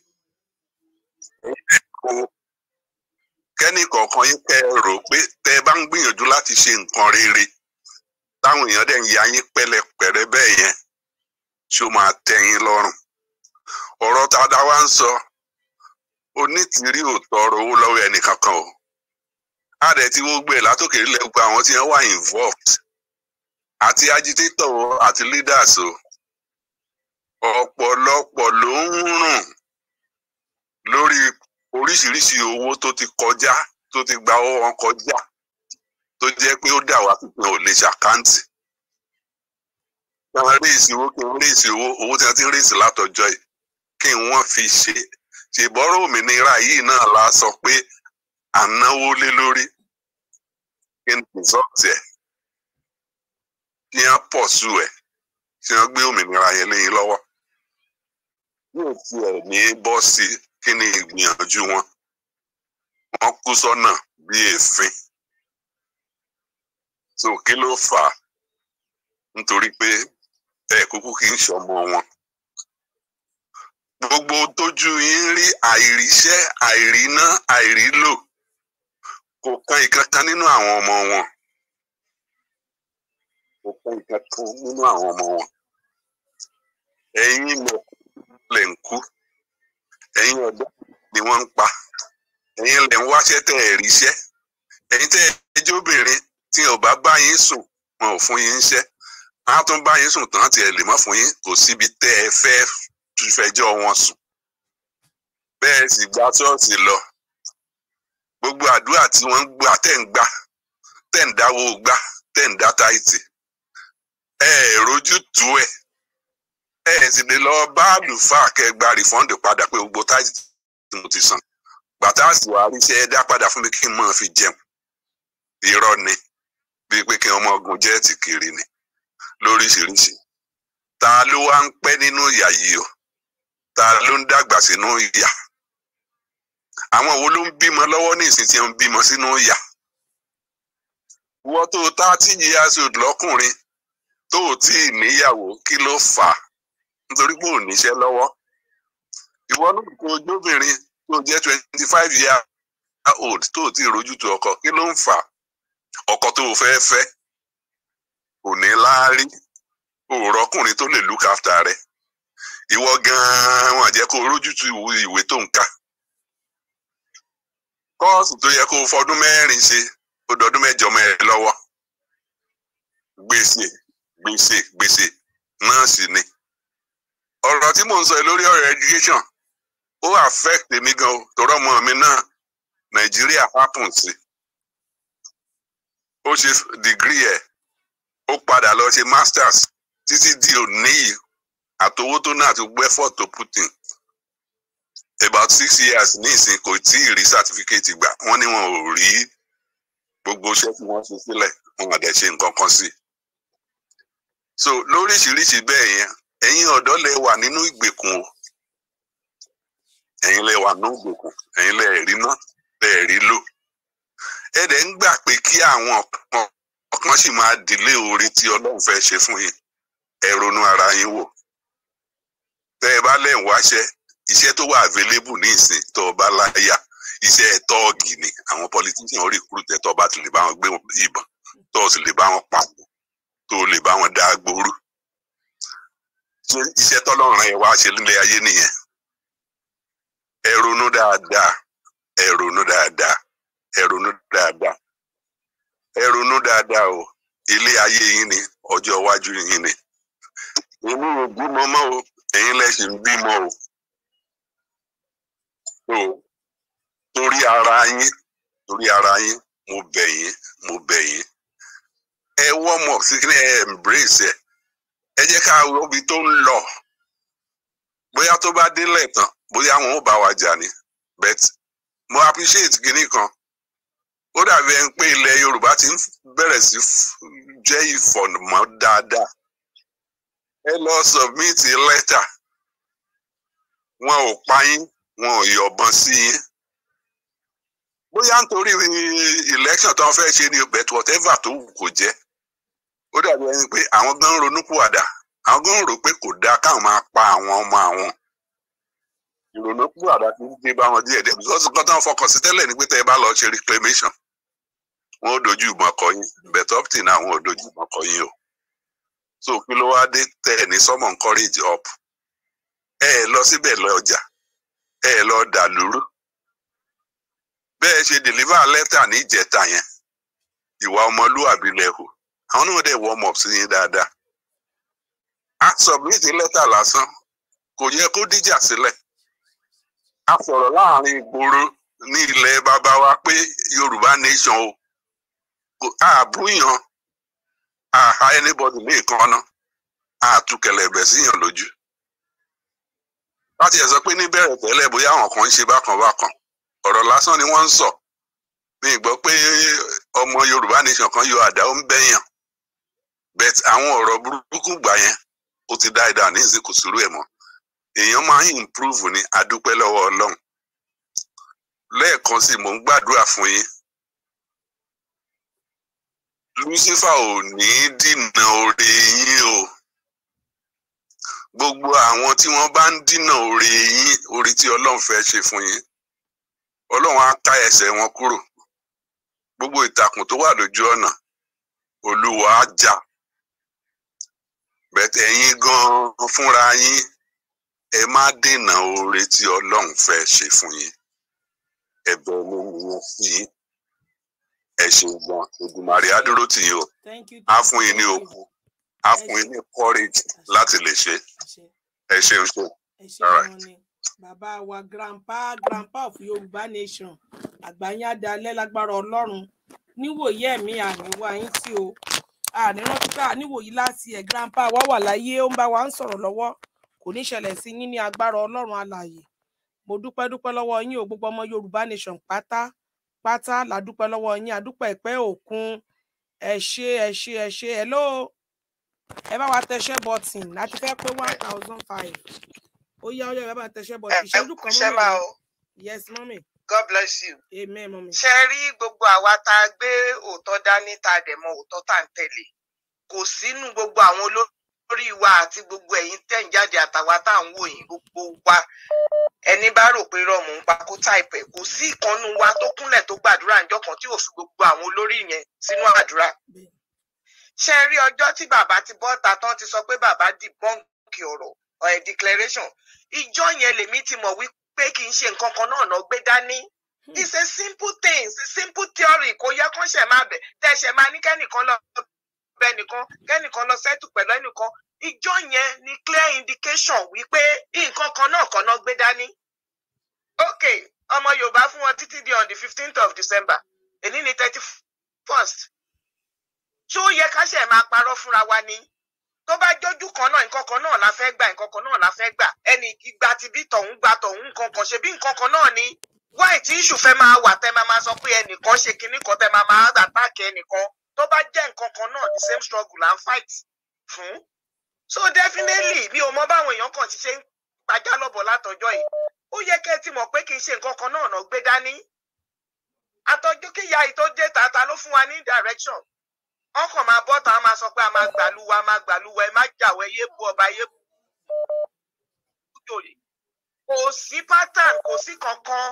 kẹ́nì kọ̀ọ̀kan yín kẹ́ ẹ rò pé tẹ́ ẹ bá ń gbìyànjú láti ṣe nǹkan rere táwọn èèyàn dẹ̀ ń ya yín pẹ́lẹ́pẹ̀rẹ́ bẹ́ẹ̀ yẹn ṣó máa tẹ́ yín lọ́rùn ọ̀rọ̀ tá a dá wa ń sọ onítìrí ò tọrọ owó lọ́wọ́ ẹnìkankan o a dẹ̀ ti wọ́n gbé látòkè ilẹ̀ gba àwọn tí wọ́n wà involved àti agitator àti leaders o ọ̀pọ̀lọpọ̀ ló ń rùn lórí oríṣiríṣi owó tó ti kọjá tó ti gba owó wọn kọjá tó jẹ́ pé ó dà wá pípín ò lè ṣàkáǹtì. kí wọ́n rí ìsìn owó kí wọ́n rí ìsìn owó owó tí wọ́n ti ń rí ìsìn látọjọ́ yìí kí wọ́n fi ṣe ṣèbọ́rọ̀ òmìnira yìí náà la sọ pé à náwó lé lórí kí n kò sọ́ọ̀tì ẹ̀ kí wọ́n pọ̀ sú ẹ̀ kí wọ́n gbé òmìnira yẹn léyìn lọ́wọ́ yóò fi ẹ̀ ní bọ́ sí kí ni ìgbìyànjú wọn wọ́n kú sọ́nà bí èéfín so kí ló fà á nítorí pé ẹ kúkú kì í ṣọmọ wọn. gbogbo tójú yín rí àìríṣẹ́ àìríná àìrílò kò kan ìkankan nínú àwọn ọmọ wọn kò kan ìkankan nínú àwọn ọmọ wọn ẹ̀yin mọ̀ lẹ ń kú ẹ̀yin ọ̀dọ́ ni wọ́n ń pa ẹ̀yin lẹ ń wáṣẹ́ tẹ ẹ ríṣẹ́ ẹ̀yin tẹ ẹjọ obìnrin tí ò bá bá yín sùn wọn ò fún yín ṣẹ́ wọn tún bá yín sùn tán tiẹ̀ lè má fún yín kò síbi tẹ ẹ fẹ́ fẹjọ́ wọn sùn bẹ́ẹ̀ sì gba ṣọ́ọ̀ṣì lọ gbogbo àdúrà tí wọ́n ń gbà tẹ̀ ń gbà tẹ̀ ń dáwó gbà tẹ̀ ń dá táìtì ẹ ẹ̀ rojú tú ẹ̀ ẹ ẹ̀ sì lè lọ bá àlùfáà kẹgbà rìfọ́ǹdì padà pé gbogbo táìtì tí mo ti san bàtà àsìwò àríṣẹ́ ẹ dá padà fún mi kí n máa fi jẹun irọ́ ni bíi pé kí ọmọ ogun jẹ́ẹ̀tì kiri ni lóríṣiríṣi ta ló wá ń pẹ́ nínú ìyà o ta ló ń dàgbà sínú ìyà àwọn wo ló ń bímọ lọ́wọ́ ní ìsìn tí wọ́n bímọ sínú ìyà wọ́n tó thirty years old lọ́kùnrin tó tí ì níyàwó kí ló fà á nítorí pé ò níṣẹ́ lọ́wọ́ ìwọ náà kó ojóbìnrin tó jẹ́ twenty five year old tó ò tí ì rojútu ọkọ kí ló ń fà á ọkọ tó o fẹ́ fẹ́ ò ní láárí òòrọ́kùnrin tó lè look after rẹ̀ ìwọ gan-an wọn àjẹ́ kó rójútu ìwé tó ń ka kọ́ọ̀sì tó yẹ kó fọdún mẹ́rin ṣe ó dọdún mẹ́jọ mẹ́rin lọ́wọ́ gbèsè gbèsè gbèsè náà ni ọ̀rọ̀ tí mò ń sọ lórí ọ̀rọ̀ education ó affect mi gan o tọ̀rọ̀ ọmọ mi náà nàìjíríà happen sí ó ṣe degree ẹ̀ ó padà lọ ṣe masters títí di òní yìí àtowó tó náà àti wẹ́fọ̀ tó Putin about six years ní ìsìn kò tí ì rí certificate gbà wọ́n ní wọn ò rí gbogbo iṣẹ́ tí wọ́n ṣe sílẹ̀ wọn àdẹ̀ ṣe nǹkan kan sí i so lóríṣiríṣi bẹ́ẹ̀ yẹn ẹ̀yin ọ̀dọ́ lè wà nínú ìgbèkùn o ẹ̀yin lè wà nínú ìgbèkùn ẹ̀yin lè rí ná lè rí lò ẹ dẹ̀ ń gbà pé kí àwọn kan sì máa dìlé orí tí Ọlọ́run fẹ́ ṣe fún yín ẹ ronú ara yín wò tẹ́ ẹ bá lẹ́yìn wáṣẹ́ iṣẹ́ tó wà available ní ìsìn tó o bá láyà iṣẹ́ tọ́ọ̀gì ni àwọn politician orí recruit ẹ̀ tó o bá ti lè bá wọn gbé ìbọn tó o sì lè bá wọn pàwọ́ tó o lè bá wọn dá agbóró iṣẹ́ tọ́lọ́run ẹ̀ wá ṣe nílé ayé nìyẹn ẹ ronú dáadáa ẹ ronú dáadáa ẹ ronú dáadáa ẹ ronú dáadáa o ilé ayé yín ni ọjọ́ iwájú yín ni inú ògùn mọ́mọ́ o ẹ̀yin lẹ bímọ o so torí ara yín torí ara yín mo bẹ̀ yín mo bẹ̀ yín ẹ warm up sí kí ni ẹ embrace ẹ ẹ jẹ́ ká obi tó ń lọ bóyá tó bá délẹ̀ tán bóyá wọn ò bá wa jà ni but mo appreciate kinní kan ó dàbí ẹni pé ilẹ̀ Yorùbá ti ń bẹ̀rẹ̀ sí jẹ́ ìfọ̀nmọ́ dáadáa ẹ lọ submit lẹ́tà wọn ò pa yín wọn ò yọ̀bọ̀n sí yín bóyá nítorí election tó ń fẹ́ ṣe ni bet whatever tó wù kó jẹ́ ó dàbí ẹni pé àwọn gan ronúpìwàdà àwọn gan rò pé kò dáa káwọn máa pa àwọn ọmọ àwọn ìrònúpìwàdà kì í dé bá wọn díẹ̀ díẹ̀ because nǹkan tó ń fọkàn sí tẹ́lẹ̀ ni pé tẹ́ ẹ bá lọ ṣe reclamation wọn ò dojú ìmọ̀ kọ yín bet optin àwọn ò dojú ìmọ̀ kọ o so kí ló wá dé tẹ ẹ ní sọmọ encourage up ẹ ẹ lọ síbẹ̀ lọ ọjà ẹ ẹ lọ dà lúrú ṣe deliver letter ní ìjẹta yẹn ìwà ọmọlúwàbí lẹ́hù àwọn náà dẹ̀ warm up sí yín dáadáa a submit letter lásán kò yẹ kó díjà sílẹ̀ a sọ̀rọ̀ láàrin ìgboro ní ilẹ̀ bàbá wa pé Yorùbá nation o àbúyàn àhá ah, ah, anybody ní ìkànnà àtúkẹlẹ̀bẹ̀ síyàn lójú láti ẹ̀ sọ pé níbẹ̀rẹ̀ tẹ́lẹ̀ bóyá àwọn kan ń ṣe bákan bákan ọ̀rọ̀ lásán ni wọ́n ń sọ mi gbọ́ pé ọmọ Yorùbá nation kan yọ àdá ó ń bẹ̀yàn bẹ́ẹ̀ àwọn ọ̀rọ̀ burúkú gbà yẹn ó ti dá ìdá ní ìsìnkú sùúrù ẹ̀ mọ́ èèyàn máa ń improve ni adúpẹ́ lọ́wọ́ Ọlọ́run lẹ́ẹ̀kan sí mò ń gbàdúrà fún yín lucifer ò ní dìnà oore yín o gbogbo àwọn tí wọ́n bá ń dìnà oore yín oore tí Ọlọ́run fẹ́ ṣe fún yín Ọlọ́run á ká ẹsẹ̀ wọn kúrò gbogbo ìtàkùn tó wà lójú ọ̀nà Olúwa á jà bẹ̀tẹ̀ yín gan-an fúnra yín ẹ má dènà oore tí Ọlọ́run fẹ́ ṣe fún yín ẹ̀bẹ̀ ló ń wọ́n sí yín ẹ ṣeun gan Èdùmàrè á dúró tì yín o á fún yín ní okun á fún yín ní courage láti lè ṣe ẹ ṣeun ṣe bàbá wa grandpa grandpa of Yorùbá nation àgbáyé adalẹ́ lágbára Ọlọ́run níwòye ẹ̀mí àníwá yín tí o àníràn pípẹ́ àníwòye láti ẹ̀ grandpa wa wà láyé ó ń bá wa ń sọ̀rọ̀ lọ́wọ́ kò ní ṣẹlẹ̀ sí yín ní agbára Ọlọ́run alààyè mo dúpẹ́ dúpẹ́ lọ́wọ́ yín o gbogbo ọmọ Yorùbá nation pátá pátá ládúpẹ́ lọ́wọ́ yín àdúpẹ́ ìpẹ́ òkun ẹ ṣé ẹ ṣé ẹ ṣé ẹ ló ẹ bá wa tẹṣẹ bọtìn láti fẹ́ pé one thousand five ó yá ó ẹ bá wa tẹṣẹ bọtìn ìṣẹ́jú kan mọ́mì yes mọ́mì. God bless you. amen mommy. ṣe rí gbogbo àwa tá a gbé òótọ́ dání tá a dẹ̀ mọ òótọ́ tá à ń tẹ̀lé kò sínú gbogbo àwọn olórí lórí wa àti gbogbo ẹ̀yin tẹ̀ ń jáde àtàwa tá à ń wò yín gbogbo wa ẹni bá rò pé rọmù ń pa kó táìpẹ̀ kò sí ìkànnù wa tó kúnlẹ̀ tó gbàdúrà níjọ́ kan tí ò fi gbogbo àwọn olórí yẹn sínú àdúrà. ṣé ẹ rí ọjọ́ tí bàbá ti bọ́ta tán ti sọ pé bàbá di bọ́ǹkì ọ̀rọ̀ ẹ̀ declaration ìjọ́ yẹn lèmi ti mọ̀ wípé kì í ṣe nǹkan kan náà náà gbé dání it's a simple thing it's a simple theory kò yẹ kán ṣẹ̀ máa bẹ̀ tẹ̀ bẹnìkan kẹ́nìkan lọ sẹ́tù pẹ̀lú ẹnìkan ìjọ yẹn ni clear indication wípé nǹkan kan náà kan náà gbé dání. ok ọmọ yorùbá fún wọn títí di on the fifteenth of december èní ni thirty first tí ó yẹ ká ṣe máa parọ́ fúnra wa ni tó bá jójú kan náà nǹkan kan náà la fẹ́ gbà nǹkan kan náà la fẹ́ gbà ẹnì ìgbà tí bí tọ̀hún gba tọ̀hún nǹkan kan ṣe bí nǹkan kan náà ni wáì tí ìṣù fẹ́ máa wà tẹ́ máa máa sọ pé ẹnìkan ṣe kinní kan tẹ́ máa máa àtàkì ẹnìkan tó bá jẹ́ nǹkan kan náà the same struggle and fight fún so definitely bí o mọ báwọn èèyàn kan ti ṣe ń pàjá lọ́bọ̀ látọjọ́ yìí ó yẹ kẹ́ ẹ ti mọ̀ pé kì í ṣe nǹkan kan náà náà gbé dání àtọjú kíyà ìtọ́jẹ́ tata ló fún wa ní direction wọn máa bọ́ tá máa sọ pé a máa gbàlúwa máa gbàlúwa ẹ má jàwọ́ ẹ yé bu ọba yé bu kò sí pattern kò sí kankan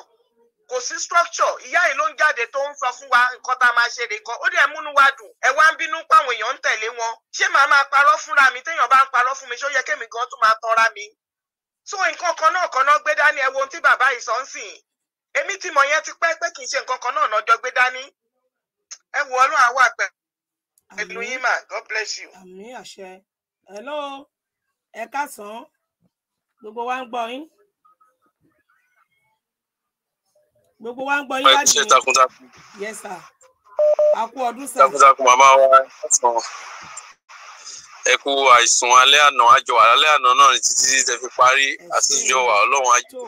kò sí structure ìyá yìí ló ń jáde tó ń sọ fún wa nǹkan tá a máa ṣe nìkan ó dẹ̀ múnú wa dùn ẹ wá ń bínú páwọn èèyàn ń tẹ̀lé wọn ṣé màá máa parọ́ fúnra mi téèyàn bá ń parọ́ fún mi ṣó yẹ kémi gan tún máa tanra mi. so nǹkan kan náà kan náà gbé dání ẹ wo ohun tí bàbá yìí sọ ń sìn èmi ti mọ̀ yẹn ti pẹ́ pé kì í ṣe nǹkan kan náà lọ́jọ́ gbé dání ẹ wo ọlọ́run àwọ̀ àpẹ ẹ̀lú yín mà God bless you. àmín àṣẹ hello ẹ káàsán gbogbo wa ń gbọ́ yín. gbogbo wa ń gbọ́ yín láti. ṣe takuntakun. yes sir. a kú ọdún sẹ́yìn. takuntakun màmá wa ẹ kú àìsùn alẹ́ àná àjọ alẹ́ àná náà ní títí tẹ fi parí àtijọ́ wa ọlọ́run àjọ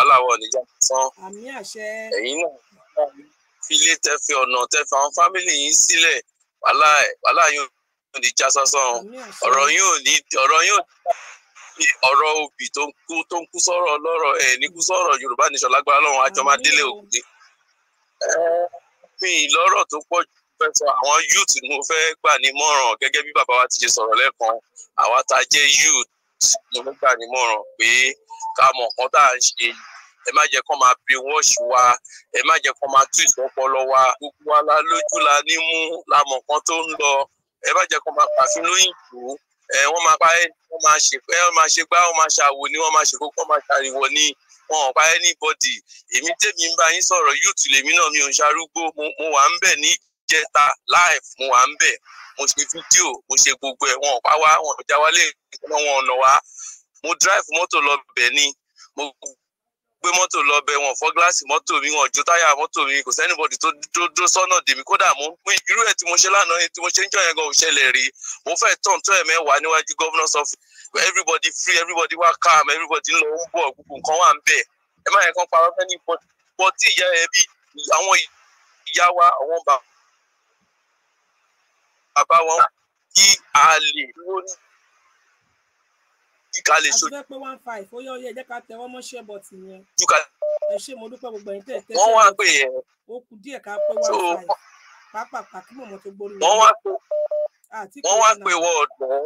aláwọ̀ níjà tán ẹ̀yin náà filé tẹ fi ọ̀nà tẹ fi àwọn fámìlì yín sílẹ̀ wàhálà yóò ní já sásán ọ̀rọ̀ yóò ní ọ̀rọ̀ yóò ní ní ọ̀rọ̀ obì tó ń kú tó ń kú sọ̀rọ̀ lọ́rọ̀ ẹ̀ ní kú sọ̀rọ̀ yorùbá ní ṣọlágbára lọ́wọ́ àjọmọdélé òkúté mi lọ́rọ̀ tó pọ̀ jù fẹ́ sọ àwọn youth ni mo fẹ́ gbà nímọ̀ràn gẹ́gẹ́ bí bàbá wa ti ṣe sọ̀rọ̀ lẹ́ẹ̀kan àwa tá a jẹ́ youth ni mo gbà nímọ̀ràn pé ká mọ̀ nǹkan tá à ń ṣe ẹ má jẹ́ kó máa brainwash wa ẹ má jẹ́ kó máa twist ọpọlọ wa gbogbo wa la lójú la nímú la mọ̀ nǹkan tó ń lọ ẹ má jẹ́ kó máa pàfin lóyìnbó Eh, wọ́n máa parẹ́ wọ́n máa ṣe fẹ́ eh, wọ́n máa ṣe gbá wọ́n máa ṣàwò ni wọ́n máa ṣe kókó wọ́n máa ṣàríwọ̀ ni wọn ò parẹ́ ní bọ́dì èmi tèmi ń bá yín sọ̀rọ̀ yúùtù lèmi náà mi ò ń ṣarúgbó mo wà ń bẹ̀ ní ìjẹta live mo wà ń bẹ̀ mo ṣe fídíò mo ṣe gbogbo ẹ̀ wọn ò pa wá wọn ò já wá lè wọn ọ̀nà wá mo drive mọ́tò lọ bẹ̀ ni mo gbé mọ́tò lọ bẹ wọn fọ́ gíláàsì mọ́tò mi wọn jó táyà mọ́tò mi kò sẹ́nibọ̀dì tó dúró sọ́nà dèmi kódà mú irú ẹ̀ tí mo ṣe lánàá tí mo ṣe ń jọ yẹn gan ò ṣẹlẹ̀ rí mo fẹ́ tàn tó ẹ̀ mẹ́wàá níwájú governor's office everybody free everybody wá calm everybody ń lọ ń bọ̀ gbogbo nǹkan wà ń bẹ̀ ẹ má yẹn kán parọ́ fẹ́ ní pọ̀ tí ìyá ẹ bí àwọn ìyá wa àwọn bàbá wọn kí a lè dúró you lè ṣojú. àti pé one five ó yẹ ó ká tẹ wọ́n mọ́ ṣẹ́ yẹn. you ẹ ṣe mo dúpẹ́ gbogbo ẹ̀yin tẹ̀ tẹ́. wọ́n wá pè é. ó kù díẹ̀ ká pé one five pápápá kí mọ̀mọ́ tó gbórí. wọ́n wá pé wọ́n wá pé wọ́n ọ̀dọ́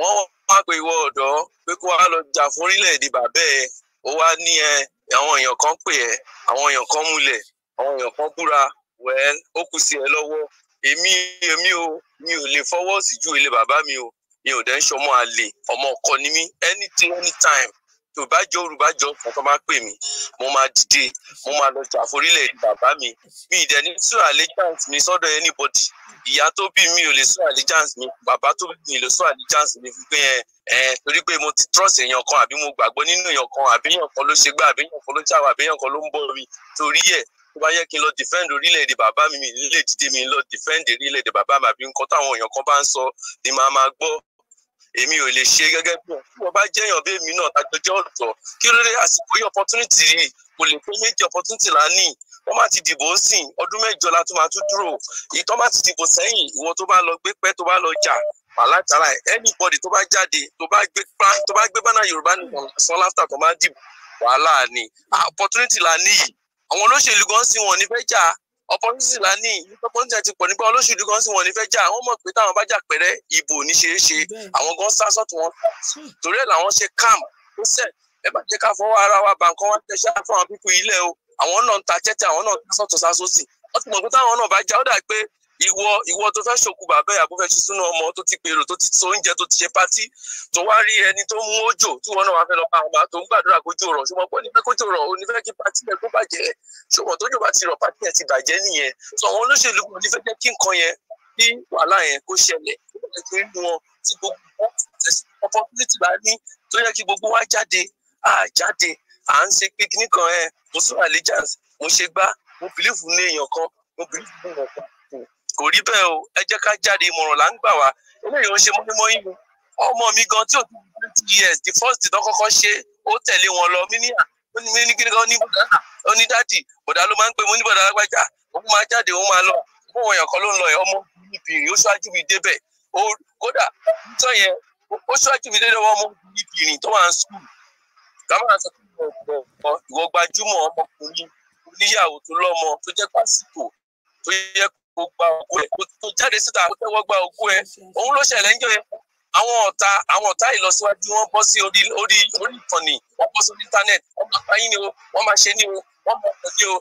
wọ́n wá pé wọ́n ọ̀dọ́ pé kó wá lọ jà fún orílẹ̀-èdè bàbá ẹ̀ ó wá ní ẹ àwọn èèyàn kan pè ẹ́ àwọn èèyàn kan múlẹ̀ àwọn èèyàn kan búra wẹ́ẹ́ ó kù sí ẹ lọ́wọ́ èmi èmi o mi ò lè fọwọ́ sí ju ilé bàbá mi o mi ò dẹ̀ ń ṣọmọ àlè ọmọ ọkọ ni mí anything anytime tó bá jọ Yorùbá jọ fún tó máa pè mí mo máa dìde mo máa lọ jà forílẹ̀ bàbá mi mi ìdẹ̀ ní sọ allegiance mi sọ́dọ̀ anybody ìyá tó bí mi ò lè sọ allegiance mi bàbá tó bí mi ò lè sọ allegiance mi fún pé ẹ ẹ torí pé mo ti trust èèyàn kan àbí mo gbàgbọ́ nínú èèyàn kan àbí èèyàn kan ló ṣe gbá àbí èèyàn kan ló jáwọ́ àbí èèyàn kan ló ń bọ̀ rí torí ẹ̀ tó bá yẹ kí n lọ defend orílẹ̀-èdè bàbá mi mi nílé dídé mi lọ defend orílẹ̀-èdè bàbá mi àbí nǹkan táwọn èèyàn kan bá ń sọ ni màá máa gbọ́ èmi ò lè ṣe gẹ́gẹ́ bí wọn tí wọn bá jẹyàn bí èmi náà àjọjẹ ọ̀dọ́ kí ló dé àsìkò yìí opportunity yìí kò lè pé méjì opportunity là ń máa ti dìbò sìn ọdún mẹ́jọ la tún máa tún dúró ìtọ́ máa ti dìbò sẹ́yìn ìwọ tó bá lọ gbé pẹ́ tó bá lọ jà pàlátàlá ẹ anybody tó bá jáde tó bá gbé tó bá gbé bánà Yorùbá nìkan sàn láfta tó máa dìbò wàhálà ni ah, opportunity là ń ní yìí àwọn olóṣèlú gan sí wọn ní fẹ́ opposition la ní opposition ti pọ̀ nípa olóṣèlú kan sí wọn ní fẹ́ jà àwọn mọ̀ pé táwọn bá jà pẹ̀rẹ́ ìbò ní ṣeé ṣe àwọn gan sá sọ́tún wọn torí ẹ̀ làwọn ṣe calm ó sẹ̀ ẹ bá jẹ́ ká fọwọ́ ara wa bá nǹkan wá tẹ̀sẹ̀ fún àwọn pípọ̀ ilẹ̀ o àwọn náà ń ta tẹ́tẹ́ àwọn náà ń sọ̀tún sásòsì wọ́n ti mọ̀ pé táwọn náà bá jà ó dà pé ìwọ ìwọ tó fẹ́ ṣòkú bàbá ẹ̀ àbúfẹ́ ṣe súnú ọmọ tó ti pèrò tó ti so oúnjẹ tó ti ṣe pátí tó wá rí ẹni tó mú òjò tí wọn náà wá fẹ́ lọ bá ọmọ tó ń gbàdúrà kójò rọ̀ ṣùgbọ́n pọ̀ nífẹ̀ẹ́ kójò rọ̀ onífẹ́ kí pátí yẹn kó bàjẹ́ ṣùgbọ́n tójò bá ti rọ̀ pátí yẹn ti bàjẹ́ nìyẹn tó àwọn olóṣèlú kan nífẹ̀ẹ́ jẹ́ kí nǹkan yẹn kí wàhálà yẹn kó ṣẹlẹ̀ tí gbogbo opportunity bá ní tó yẹ kí gbogbo wa jáde à jáde à ń ṣe picnic kan ẹ mo sún allegiance mo ṣe gbá mo bìlífù ní èèyàn kan mo bìlífù ní èèyàn kan kò rí bẹ́ẹ̀ o ẹ jẹ́ ká jáde ìmọ̀ràn là ń gbà wá eléyìí ó ṣe mọ́ínmọ́ín mi ọmọ mi gan tí ò ti twenty years the first tó kọ́kọ́ ṣe ó tẹ̀lé wọn lọ mí níyà ó ní ní kíni kan ní bọ̀dá ó ní dáàdì bọ̀dá ló máa ń pè mí ó ní bọ̀dá lágbájá òun máa jáde òun máa lọ fún àwọn èèyàn kan ló ń lọ yẹn ọmọ ìbìrì ó ṣáájú mi débẹ̀ kódà tó yẹn ó ṣáájú mi débẹ̀ ọmọ ìbìrì tó wà ń sùn kàmá sọ pé ìwọ gbajúmọ̀ ọmọkùnrin oníyàwó tó lọ́mọ tó jẹ́ pásítọ̀ tó yẹ kó gba ògo ẹ kó jáde síta kó tẹ́wọ́ gba ògo ẹ òun ló ṣẹlẹ̀ ń jẹ àwọn ọ̀tá àwọn ọ̀tá ìlọsíwájú wọn bọ́ sí orí orí orí ìkànnì wọn bọ́ sí orí íńtánẹ́ẹ̀tì wọn máa pààyàn ni o wọn máa ṣe ni o wọn máa tẹ̀lé o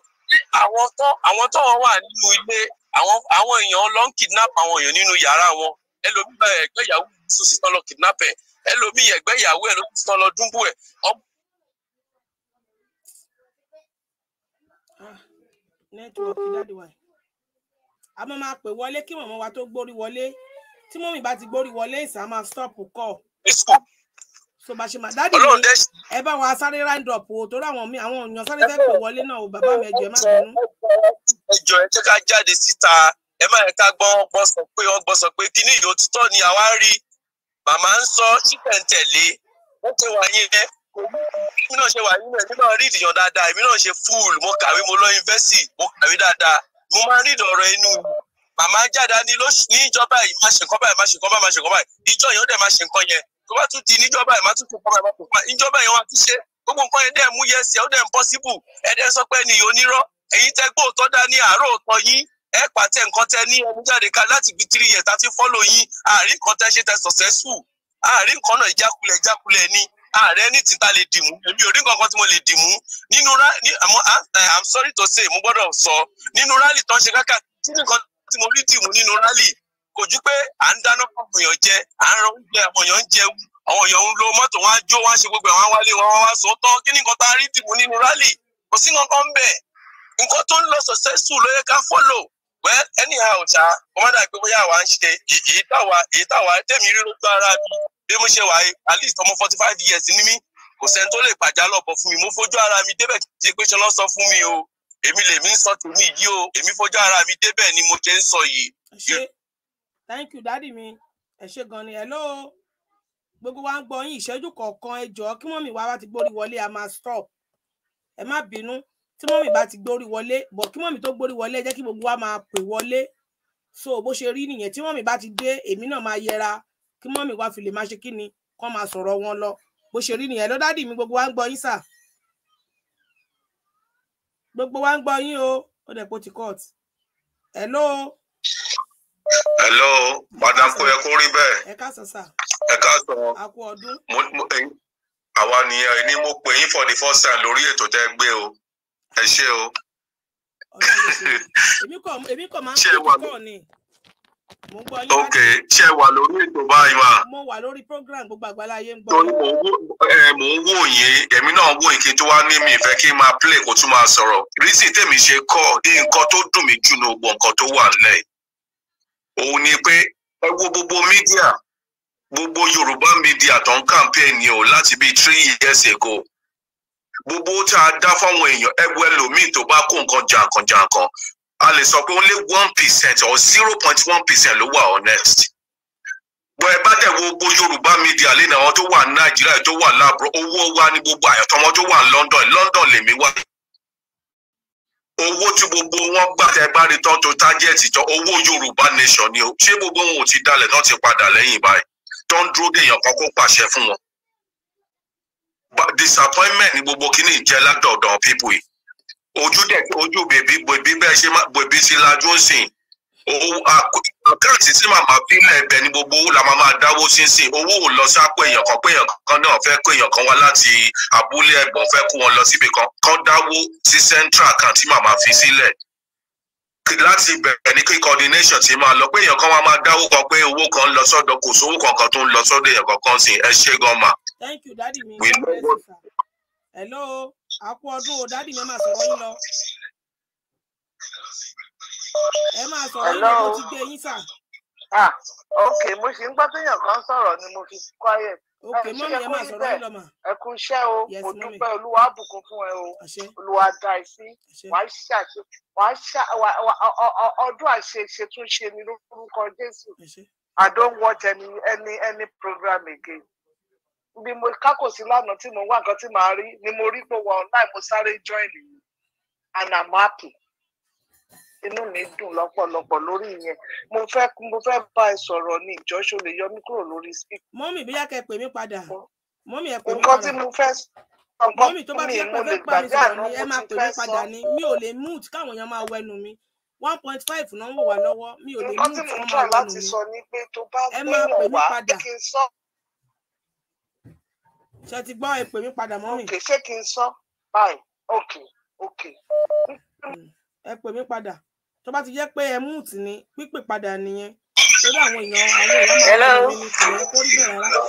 àwọn tó àwọn tó wà nínú ilé àwọn àwọn èèyàn lọ ń kidnap àwọn èèyàn nínú yàrá wọn ẹlòmíì bá ẹgbẹ́ ìyàwó sùn sí lọ kidnap ẹ ẹlòmíì ẹgbẹ́ ìyàwó ẹ ló sì tán lọ dúnbù ẹ. Ah, network dáadé wáyé a máa máa pè wọlé kí mọ̀mọ́ wa tó gbórí wọlé tí mọ̀mí bá ti gbórí wọlé ìsà máa stop call. so bá ṣe máa dáàdì mi ẹ bá wa sáré round up o torí àwọn mi àwọn èèyàn sáré fẹ́ pè wọlé náà o bàbá mi ẹ jọ̀ọ́ má bínú. ẹ ẹ jẹ́ ká jáde síta ẹ má yẹ ká gbọ́ ọgbọ́n sọ pé ọgbọ́n sọ pé kíní ìyó títọ́ ni àwa rí màmá ń sọ ṣípẹ̀ ń tẹ̀lé ó ṣe wà yín ẹ èmi náà ṣe wà yín ẹ èmi náà rí ìdìyàn dáadáa èmi náà ṣe fúùlù mo kàwé mo lọ yunifásitì mo kàwé dáadáa mo máa rí ìdọ̀rọ̀ inú màmá jáde ní ìjọba yìí má ṣe nǹkan báyìí má ṣe nǹkan báyìí má ṣe nǹkan báyìí ìjọ yẹn ó dẹ̀ má ṣe nǹkan yẹn tó bá tún di níjọba yìí má tún tún kọ́ba ìbá ìjọba yẹn wá tún ṣe gbogbo nǹkan yẹn dẹ̀ mú yẹ sí ẹ ó dẹ̀ ń pọ́síbù ẹ dẹ̀ sọ pé ènìyàn onírọ́ èyí tẹ́ gbó tó dá ní àárọ̀ òtọ́ yín ẹ pàtẹ nǹkan tẹ ní ẹni jáde ká láti bí three years tá ti fọ́lọ̀ yín àárín nǹkan tẹ ṣe tẹ successful àárín nǹkan náà ìjákulẹ̀ ìjákulẹ̀ ni ààrẹ ní tìta lè dìmú èmi ò rí nǹkan tí mo lè dìmú nínú rálì àmọ́ ah, eh, i'm sorry to say mo gbọ́dọ̀ sọ nínú rálì tó ń ṣe káàkiri tí nǹkan tí mo rí dìmú nínú rálì kò ju pé à ń dáná fún èèyàn jẹ à ń ran oúnjẹ àwọn èèyàn ń jẹ àwọn èèyàn ń lo mọ́tò wọn á jó wọn á ṣe gbogbo àwọn wálé wọn wá sọ tán kí nǹkan tá a rí dìmú nínú rálì kò sí nǹkan kan bẹ́ẹ̀ nǹkan tó ń lọ successful ló yẹ ká follow well anyhow ṣá kọ́mọ́dà pé bóyá àwa ń ṣe èyí táwa èyí táwa tẹ̀mí rí lójú ara mi bí mo ṣe wà yìí at least ọmọ forty five years ni mí kò sẹ́ni tó lè gbàjà lọ́bọ̀ fún mi mo fojú ara mi débẹ̀ kì pé ṣe lọ́ sọ fún mi o èmi lèmi ń sọ tèmi yìí o èmi fojú ara mi débẹ̀ ni mo ṣe ń sọ yìí. ẹ ṣe thank you dádì mi ẹ ṣe gan ni hello gbogbo wa ń gbọ́ yín ìṣẹ́jú kọ̀ọ̀kan ẹ jọ̀ọ́ kí mọ́mì wa bá ti gbórí wọlé a máa stop ẹ má bínú tí mọ́mì bá ti gbórí wọlé bọ̀ kí mọ́mì tó gbórí wọlé jẹ́ kí gbogbo wa máa pè wọlé so bó ṣe rí nìyẹn tí mọ́mì bá ti dé èmi náà máa yẹra kí mọ́mì wa fi lè máa ṣe kí ni kọ́ máa sọ̀rọ̀ wọn lọ bó ṣe rí nìyẹn ló dádì mi gbogbo wa ń gbọ́ yín sà gbogbo wa ń gbọ́ yín o ó dẹ̀ kó ti court hello. hello madam kò yẹ kó rí bẹ́ẹ̀. ẹ ká sọ sà. ẹ ká a kú ọdún. àwa nìyẹn ẹni mo pè yín for the first time lórí ètò tẹ́ gbé o ẹ ṣé o. èmi kò máa ń pè é ni ok ṣe wà lórí ètò báyìí wa. mo wà lórí program gbogbo àgbáláyé ń gbọ́. torí mò ń wò yín èmi náà wò yín kí n tó wá ní mi ìfẹ́ kí n máa play kó tún máa sọ̀rọ̀ rísì tèmi ṣe kọ́ nǹkan tó dùn mí jù ní gbogbo nǹkan tó wà nílẹ̀ òun ni pé ẹ wo gbogbo mídíà gbogbo Yorùbá mídíà tó ń kàmpẹ́ẹ̀nì o láti bíi three years ago gbogbo tá a dá fáwọn èèyàn ẹgbẹ́ lomiin tó bá kó nǹkan jàǹkànjàǹkàn a lè sọ pé only one percent or zero point one percent ló wà honest bọ ẹ bá dẹ̀ wo gbogbo yorùbá media lẹ́nu àwọn tó wà ní nàìjíríà tó wà láàbúrò owó wa ní gbogbo àyàtọ̀mọ́ tó wà london london lèmi wà owó tí gbogbo wọn gbà tẹ bá rí tán tó tájẹ́ẹ̀tì tán owó yorùbá nation ni o ṣé gbogbo wọn ò ti dalẹ̀ náà ti padà lẹ́yìn báyìí tó ń dúró déèyàn kan kó pàṣẹ fún wọn disappointment ni gbogbo kíní jẹ́ látọ̀dọ̀ people yìí ojú dẹ̀ ojú bèbí bèbí bẹ́ẹ̀ ṣe máa bèbí sí lajú sìn àkáǹtì tí màmá fi lẹ̀ ẹ̀bẹ̀ gbogbo owó la máa máa dáwó sínsìn owó ò lọ sápò èèyàn kan pé èèyàn kan náà fẹ́ kó èèyàn kan wá láti abúlé ẹ̀gbọ́n fẹ́ kó wọn lọ síbi kan kán dáwó sí central account tí màmá fi sílẹ̀ láti bẹ̀rẹ̀ ní kí coordination ti máa lọ pé èèyàn kan wá máa dáwó kan pé owó kan lọ sọ́dọ̀ kò sówó kankan tó ń lọ sọ́dọ̀ èèyàn kankan sìn ẹ ṣé gan ma. Thank you, Daddy mi. Hello. àpò ọdụ ò dádì lọ. ẹ máa sọ̀rọ̀ ah ok mo si ń yàn kan sọrọ ni mo fi quiet. ok mọ́mí ẹ máa sọ̀rọ̀ o mo olúwa fún o olúwa ọdún ni lórúkọ i don't watch any any program again. bí mo kákò sí lánàá tí mo wá nǹkan tí màá rí ni mo rí pé wà online mo sáré join yìí and I'm happy inú mi dùn lọ́pọ̀lọpọ̀ lórí ìyẹn mo fẹ́ mo fẹ́ bá ẹ sọ̀rọ̀ ní ìjọ́sọ lè yọ mí kúrò lórí speak. mọ́mì bí yákẹ́ pè mí padà mọ́mì ẹ̀ pè mí padà nǹkan tí mo fẹ́ ọgbọ́n mi mo lè gbàgbé àná mo fẹ́ sọ. mọ́mì tó bá ẹ máa pè mí padà ni mi ò lè mute káwọn èèyàn máa wẹnu mi one point five náà wò wá lọ́wọ́ mi ò lè mute káwọn máa wẹnu mi. nǹkan tí mo ń tọ́ ṣe ti gbọ́ èpè mi padà mọ́ mi. ok ṣé kí n sọ báyìí ok ok. ẹ pè mí padà tó bá ti jẹ́ pé ẹ mút ni pípè padà nìyẹn lórí àwọn èèyàn àwọn èèyàn máa ń bẹ̀rẹ̀ ní kò yẹ kó rí bẹ́ẹ̀ rárá.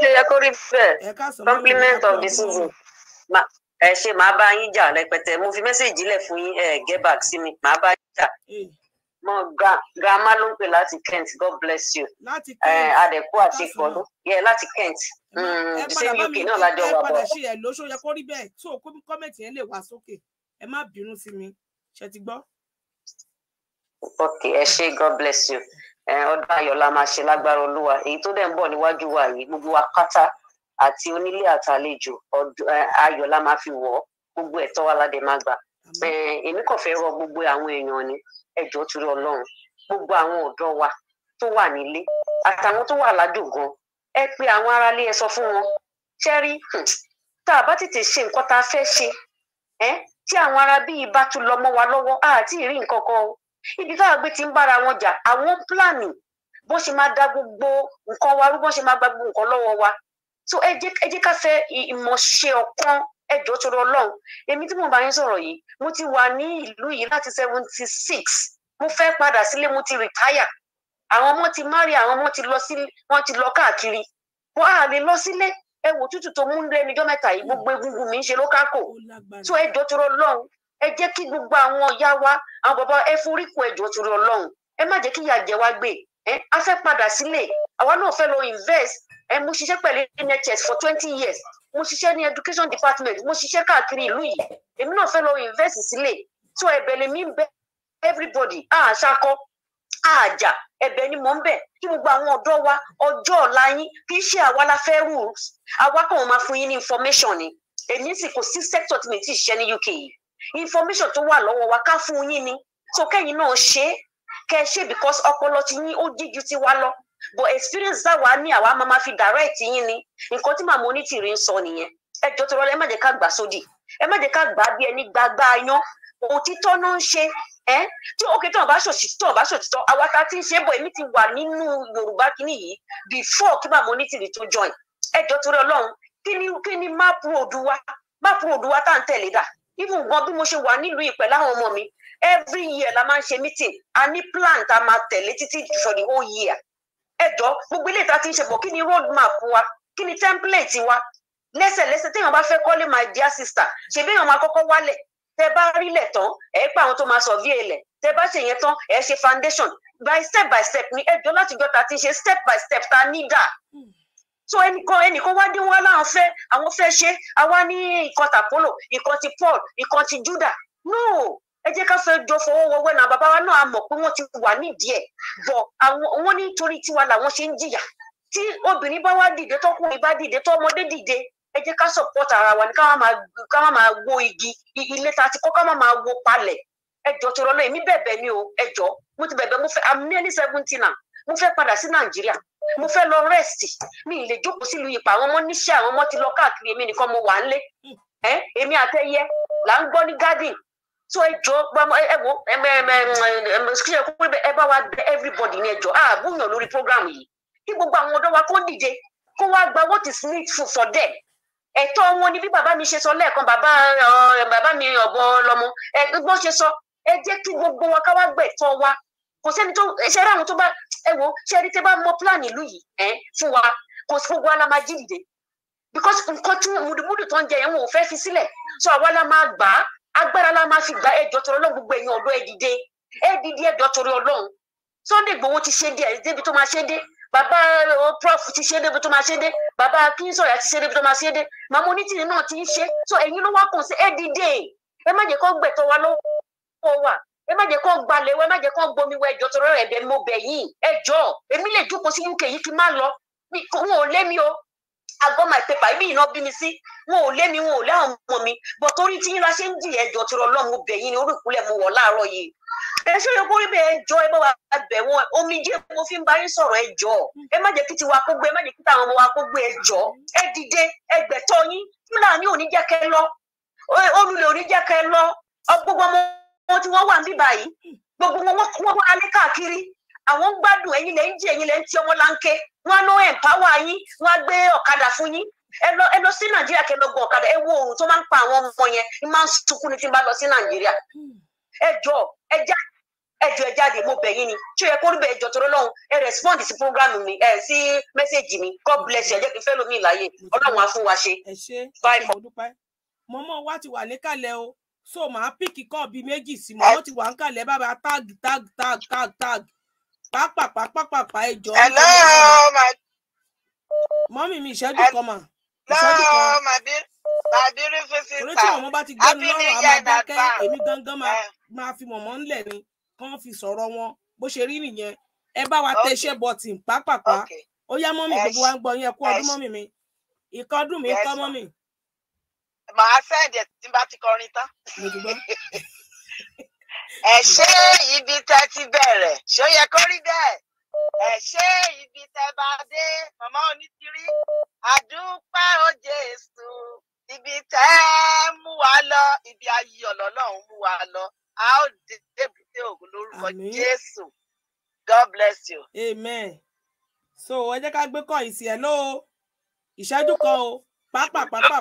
ṣé yẹ kó rí bẹ́ẹ̀ compliment of the season ẹ ṣe máa bá yín jà rẹpẹtẹ mo fi mẹ́sẹ̀jì lẹ̀ fún yín ẹ get sí mi máa bá yín jà mo ga grandma ló ń pè láti Kent God bless you adẹ̀kú àti ìpọ̀lú yẹ láti Kent ṣé mm, UK náà lájọ wà bọ̀. ẹ padà sí ẹ lóṣù yẹ kó rí bẹ́ẹ̀ tó o kọmẹtì yẹn lè wá sókè ẹ má bínú sí mi ṣe ti gbọ́. ok ẹ ṣé God bless you ọdún ayọ̀ la máa ṣe lágbára olúwa èyí tó dẹ̀ ń bọ̀ níwájú wa yìí gbogbo wa pátá àti onílé àtàlejò ayọ̀ máa fi wọ̀ ọ́ gbogbo ẹ̀tọ́ wa la máa gbà èmi kàn fẹ́ rọ gbogbo àwọn èèyàn ni ẹjọ́ torí ọlọ́run gbogbo àwọn ọ̀dọ́ wa tó wà nílé àtàwọn tó wà ládùúgbò ẹ pé àwọn aráalé ẹ sọ fún wọn ṣẹ́rí hmm. tá a bá tètè ṣe nǹkan tá a fẹ́ ṣe tí àwọn ará bíi bá tún lọ mọ́ wa lọ́wọ́ àti ìrí nǹkan kan o ibi táwọn gbé ti ń bára wọn jà àwọn ń pílànì bó ṣe máa da gbogbo nǹkan wa rú bó ṣe máa gba gbogbo nǹkan lọ́wọ́ wa so ẹ jẹ́ ká fẹ́ ìmọ̀ṣe ọ̀kan ẹjọ́ tó lọ lọ́hùn èmi tí mo bá yín sọ̀rọ̀ yìí mo ti wà ní ìlú yìí láti seventy six mo fẹ́ padà sílé mo ti retire àwọn ọmọ ti marry àwọn ọmọ ti lọ sí wọn ti lọ káàkiri wọn á lè lọ sílé ẹ wò tútù tó mú lẹ́nu ọjọ́ mẹ́ta yìí gbogbo egungun mi ń ṣe ló kákò tó ẹjọ́ tó lọ lọ́hùn ẹ jẹ́ kí gbogbo àwọn ìyá wa àwọn bàbá ẹ forí kó ẹjọ́ tó lọ lọ́hùn ẹ má jẹ́ kí ìyà jẹ wá gbé ẹ a fẹ́ padà sílé àwa náà fẹ́ lọ invest ẹ mo ṣiṣẹ́ pẹ̀lú NHS for twenty years mo ṣiṣẹ́ ní education department mo ṣiṣẹ́ káàkiri ìlú yìí èmi náà fẹ́ lọ invest sílẹ̀ so ẹ̀bẹ̀ lèmi ń bẹ everybody àṣàkọ àjà ẹ̀bẹ̀ ni mò ń bẹ̀ kí gbogbo àwọn ọ̀dọ́ wa ọjọ́ ọ̀la yín kì í ṣe àwa la fẹ́ rules àwa kàn máa fún yín ní information ni èmi sì kò sí sector tí mi ti ṣiṣẹ́ ní UK yìí information tó wà lọ́wọ́ wa ká fún yín ni so kẹ́yìn náà ṣe é kẹ́ ẹ ṣe because ọpọlọ ti yín ó jíjú tiwa lọ but experience that ní àwa máa ma fi direct yín ni nǹkan tí màmá onítìrí ń sọ nìyẹn ẹ jọ tó rọlẹ ẹ má jẹ ká gbà sódì ẹ má jẹ ká gbà bí ẹni gbàgbà yan òtítọ́ náà ń ṣe ẹ tí òkè tí wọn bá ṣòtítọ́ tí wọn bá ṣòtítọ́ àwa ta ti ń ṣe bọ̀ èmi ti wà nínú yorùbá kínní yìí before kí màmá onítìrí tó join ẹ jọ tó rẹ ọlọ́run kí ni kí ni máàpù òdùwà máàpù òdùwà tá à ń tẹ̀lé even gan bí mo ṣe wà nílùú ìpẹ́ láwọn ọmọ mi every year la máa ń ṣe meeting a ní plan tá a máa tẹ̀lé for the whole year ẹjọ́ gbogbo ilé ìta ti ń ṣe pọ̀ kí ni road map wa kí ni template wa lẹ́sẹ̀lẹ́sẹ̀ téèyàn bá fẹ́ kọ́lé my dear sister ṣe béèyàn máa kọ́kọ́ wálẹ̀ tẹ bá rílẹ̀ tán ẹ pa àwọn tó máa survey ilẹ̀ tẹ bá ṣe yẹn tán ẹ ṣe foundation by step by step ni ẹjọ́ láti jọ ta ti ṣe step by step ta ní dà hmm. so ẹnìkan ẹnìkan wá dé wọn láwọn fẹ́ àwọn fẹ́ ṣe àwa ní ìkan tàpólò ìkan ti Paul ìkan ti Judah no ẹ jẹ́ ká fẹjọ́ fọwọ́ wọn náà bàbá wa náà mọ̀ pé wọ́n ti wà nídìí ẹ̀ bọ̀ àwọn wọn nítorí tiwa làwọn ṣe ń jìyà tí obìnrin bá wá dìde tọkùnrin bá dìde tọmọdé dìde ẹ ká support ara wo igi ilé ta ti ká wo tó èmi ni o mo ti mo mo ọmọ àwọn ọmọ ti lọ káàkiri èmi nìkan mo wà ń lé èmi àtẹyẹ garden so ẹ jọ ẹ wo ẹ ẹ ẹ ṣe kó ẹ bá wa bẹ everybody ní ẹ Ah, ah gúnyàn lórí program yìí kí gbogbo àwọn ọ̀dọ́ wa kó dìde kó wá gba what is needful for them ẹ̀tọ́ wọn ni bí bàbá mi ṣe sọ lẹ́ẹ̀kan bàbá bàbá mi ọbọ lọmọ ẹ gbọ́n ṣe sọ ẹ jẹ́ kí gbogbo wa ká wá gbẹ̀tọ́ wa kò sẹ́ni tó ṣe rí àwọn tó bá ẹ wo ṣe rí tẹ bá mọ plan ìlú yìí ẹ fún wa kò sí gbogbo ala máa jí dìde because nǹkan tí mùdùmùdù tó ń jẹ yẹn wọn ò fẹ́ fi sílẹ̀ so àwa la máa gbà á agbára la máa fi gba ẹjọ torí ọlọ́run gbogbo èèyàn ọ̀dọ́ ẹ dìde ẹ dìde ẹjọ́ torí Sunday gbowó ti ṣe díẹ̀ débi tó máa ṣe dé bàbá prof ti ṣe débi tó máa ṣe dé bàbá Kínsọ̀yà ti ṣe débi tó máa ṣe dé màmá onítìrì náà ti ń ṣe so ẹ̀yin ló wá kùn sí ẹ dìde ẹ má jẹ́ kó gbẹ̀tọ̀ wa lọ́wọ́ wa ẹ má jẹ́ kó gbalẹ̀ wa ẹ má jẹ́ kó gbomi wa ẹjọ́ torí ọ̀rọ̀ ẹ̀bẹ̀ mo bẹ̀ yín ẹjọ́ èmi lè jókòó sí UK yìí kí n má lọ wọn ò lé mi o I got my paper I ìran bí mi sí wọn ò lé mi wọn ò lé àwọn ọmọ mi bọ̀ torí tí yín la ṣe ń jìyà ẹjọ́ tí ọlọ́run mo bẹ̀ yín ni orí ìkúlẹ̀ mo wọ̀ láàárọ̀ yìí ẹ ṣe yẹ kó rí bẹ́ẹ̀ jọ ẹ bá wa bẹ̀ wọ́n omijé mo fi ń bá yín sọ̀rọ̀ ẹ jọ ẹ má jẹ́ kí tiwa kó gbé ẹ má jẹ́ kí táwọn ọmọ wa kó gbé ẹ jọ ẹ dìde ẹ gbẹ̀tọ́ yín fúlàní ò ní jẹ́ kẹ́ lọ olùlẹ̀ ò ní jẹ́ kẹ́ lọ gbogbo ọmọ wọn tí wọ́n wà ń bíbá yìí gbogbo wọn wọ́n àwọn ń gbádùn ẹ̀yin lẹ ń jí ẹ̀yin lẹ ń ti ọmọ láńké wọn ló ẹ̀mpáwá yín wọn á gbé ọ̀kadà fún yín ẹ lọ ẹ lọ sí nàìjíríà kẹ lọ gun ọ̀kadà ẹ wo oòrùn tó máa ń pa àwọn ọmọ yẹn ń máa ń sunkún ní tí n bá lọ sí nàìjíríà ẹ jọ ẹ já ẹ jọ ẹ jáde mo bẹ̀ yín ni tí ó yẹ kó rí bẹ ẹjọ ẹ respond sí programu mi ẹ sí mẹsẹgì mi god bless you ẹ jẹ́ kí n fẹ́ lómi ìláyè ọlọ́run á fún wa ṣe. ẹ ṣe mo dúpẹ́ mọ́mọ́ wa ti wà níkàlẹ̀ o so màá píkì kọ́ọ̀bì méjì sí mọ́ ó ti wà níkàlẹ̀ bàbá tag tag tag tag tag pápápápápápá ẹjọ. hello my. mọ́mí mi ìṣẹ́jú kan mà. hello my dear my beautiful sister. torí tí àwọn ọmọ bá ti gbẹ́nu lọ́rùn àbádákẹ́ èmi gangan máa fi mọ̀mọ́ ńlẹ̀ ni kán fi sọ̀rọ̀ wọn bó ṣe rí nìyẹn ẹ bá wa tẹṣẹ́ bọ̀tìn pápápá ó yá mọ́mí gbogbo wa ń gbọ́ yín kú ọdún mọ́mí mi ìkan dùn mí kọ́ mọ́mì. màá sẹ́ẹ̀dì ẹ̀ tí n bá ti kọrin tán. (laughs) ẹ ṣe ibi tẹ ti bẹ̀rẹ̀ ṣó yẹ kó rí bẹ́ẹ̀ ẹ ṣe ibi tẹ bá dé màmá onítìrí àdúpẹ́ o Jésù ibi tẹ mú wa lọ ibi ayọ̀ lọ́lọ́run mú wa lọ a ó débùté ògùn lórúkọ Jésù God bless you. amen so ẹ jẹ́ ká gbé kọ́ ìsì ẹ̀ lóo ìṣẹ́jú kan o pápá pápá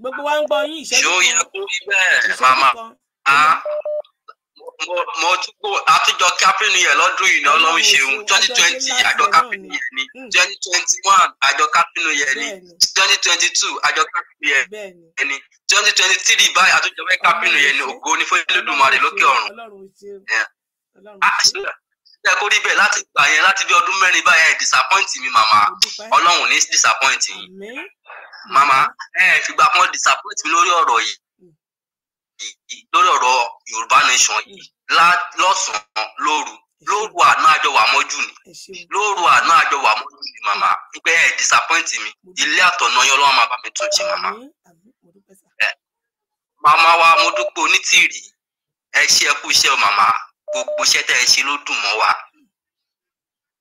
gbogbo wa ń gbọ́ yín ìṣẹ́jú kan ìṣẹ́jú kan mo tún kó àtúnjọ kápẹ́nù yẹn lọ́dún yìí náà lọ́wọ́ ìṣeun twenty twenty àjọ kápẹ́nù hmm. yẹn ni twenty twenty one àjọ kápẹ́nù yẹn ni twenty twenty two àjọ kápẹ́nù yẹn ni twenty twenty three báyìí àtúnjọ bẹ́ẹ̀ kápẹ́nù yẹn ni ògo ní fẹ́lẹ́dùmarè lókè ọ̀run. Ah, ṣé kó rí bẹ́ẹ̀ láti gbà yẹn láti bí ọdún mẹ́rin báyìí ẹ̀ disappoint mi màmá ọlọ́run ní disappoint yín màmá ẹ̀ fìgbà kan disappoint mi lórí ọ̀rọ̀ yìí lórí ọ̀rọ̀ Yorùbá nation yìí lọ́sàn-án lóru lóru àná àjọ wà mọ́jú ni lóru àná àjọ wà mọ́jú ni màmá pé ẹ disappoint mi ilé àtọ̀nà yẹn ọlọ́run máa bà mí tún jí màmá. màmá wa mo dúpẹ́ onítìrì ẹ ṣe ẹ kú iṣẹ́ o màmá gbogbo iṣẹ́ tẹ́ ẹ ṣe ló dùn mọ́ wa.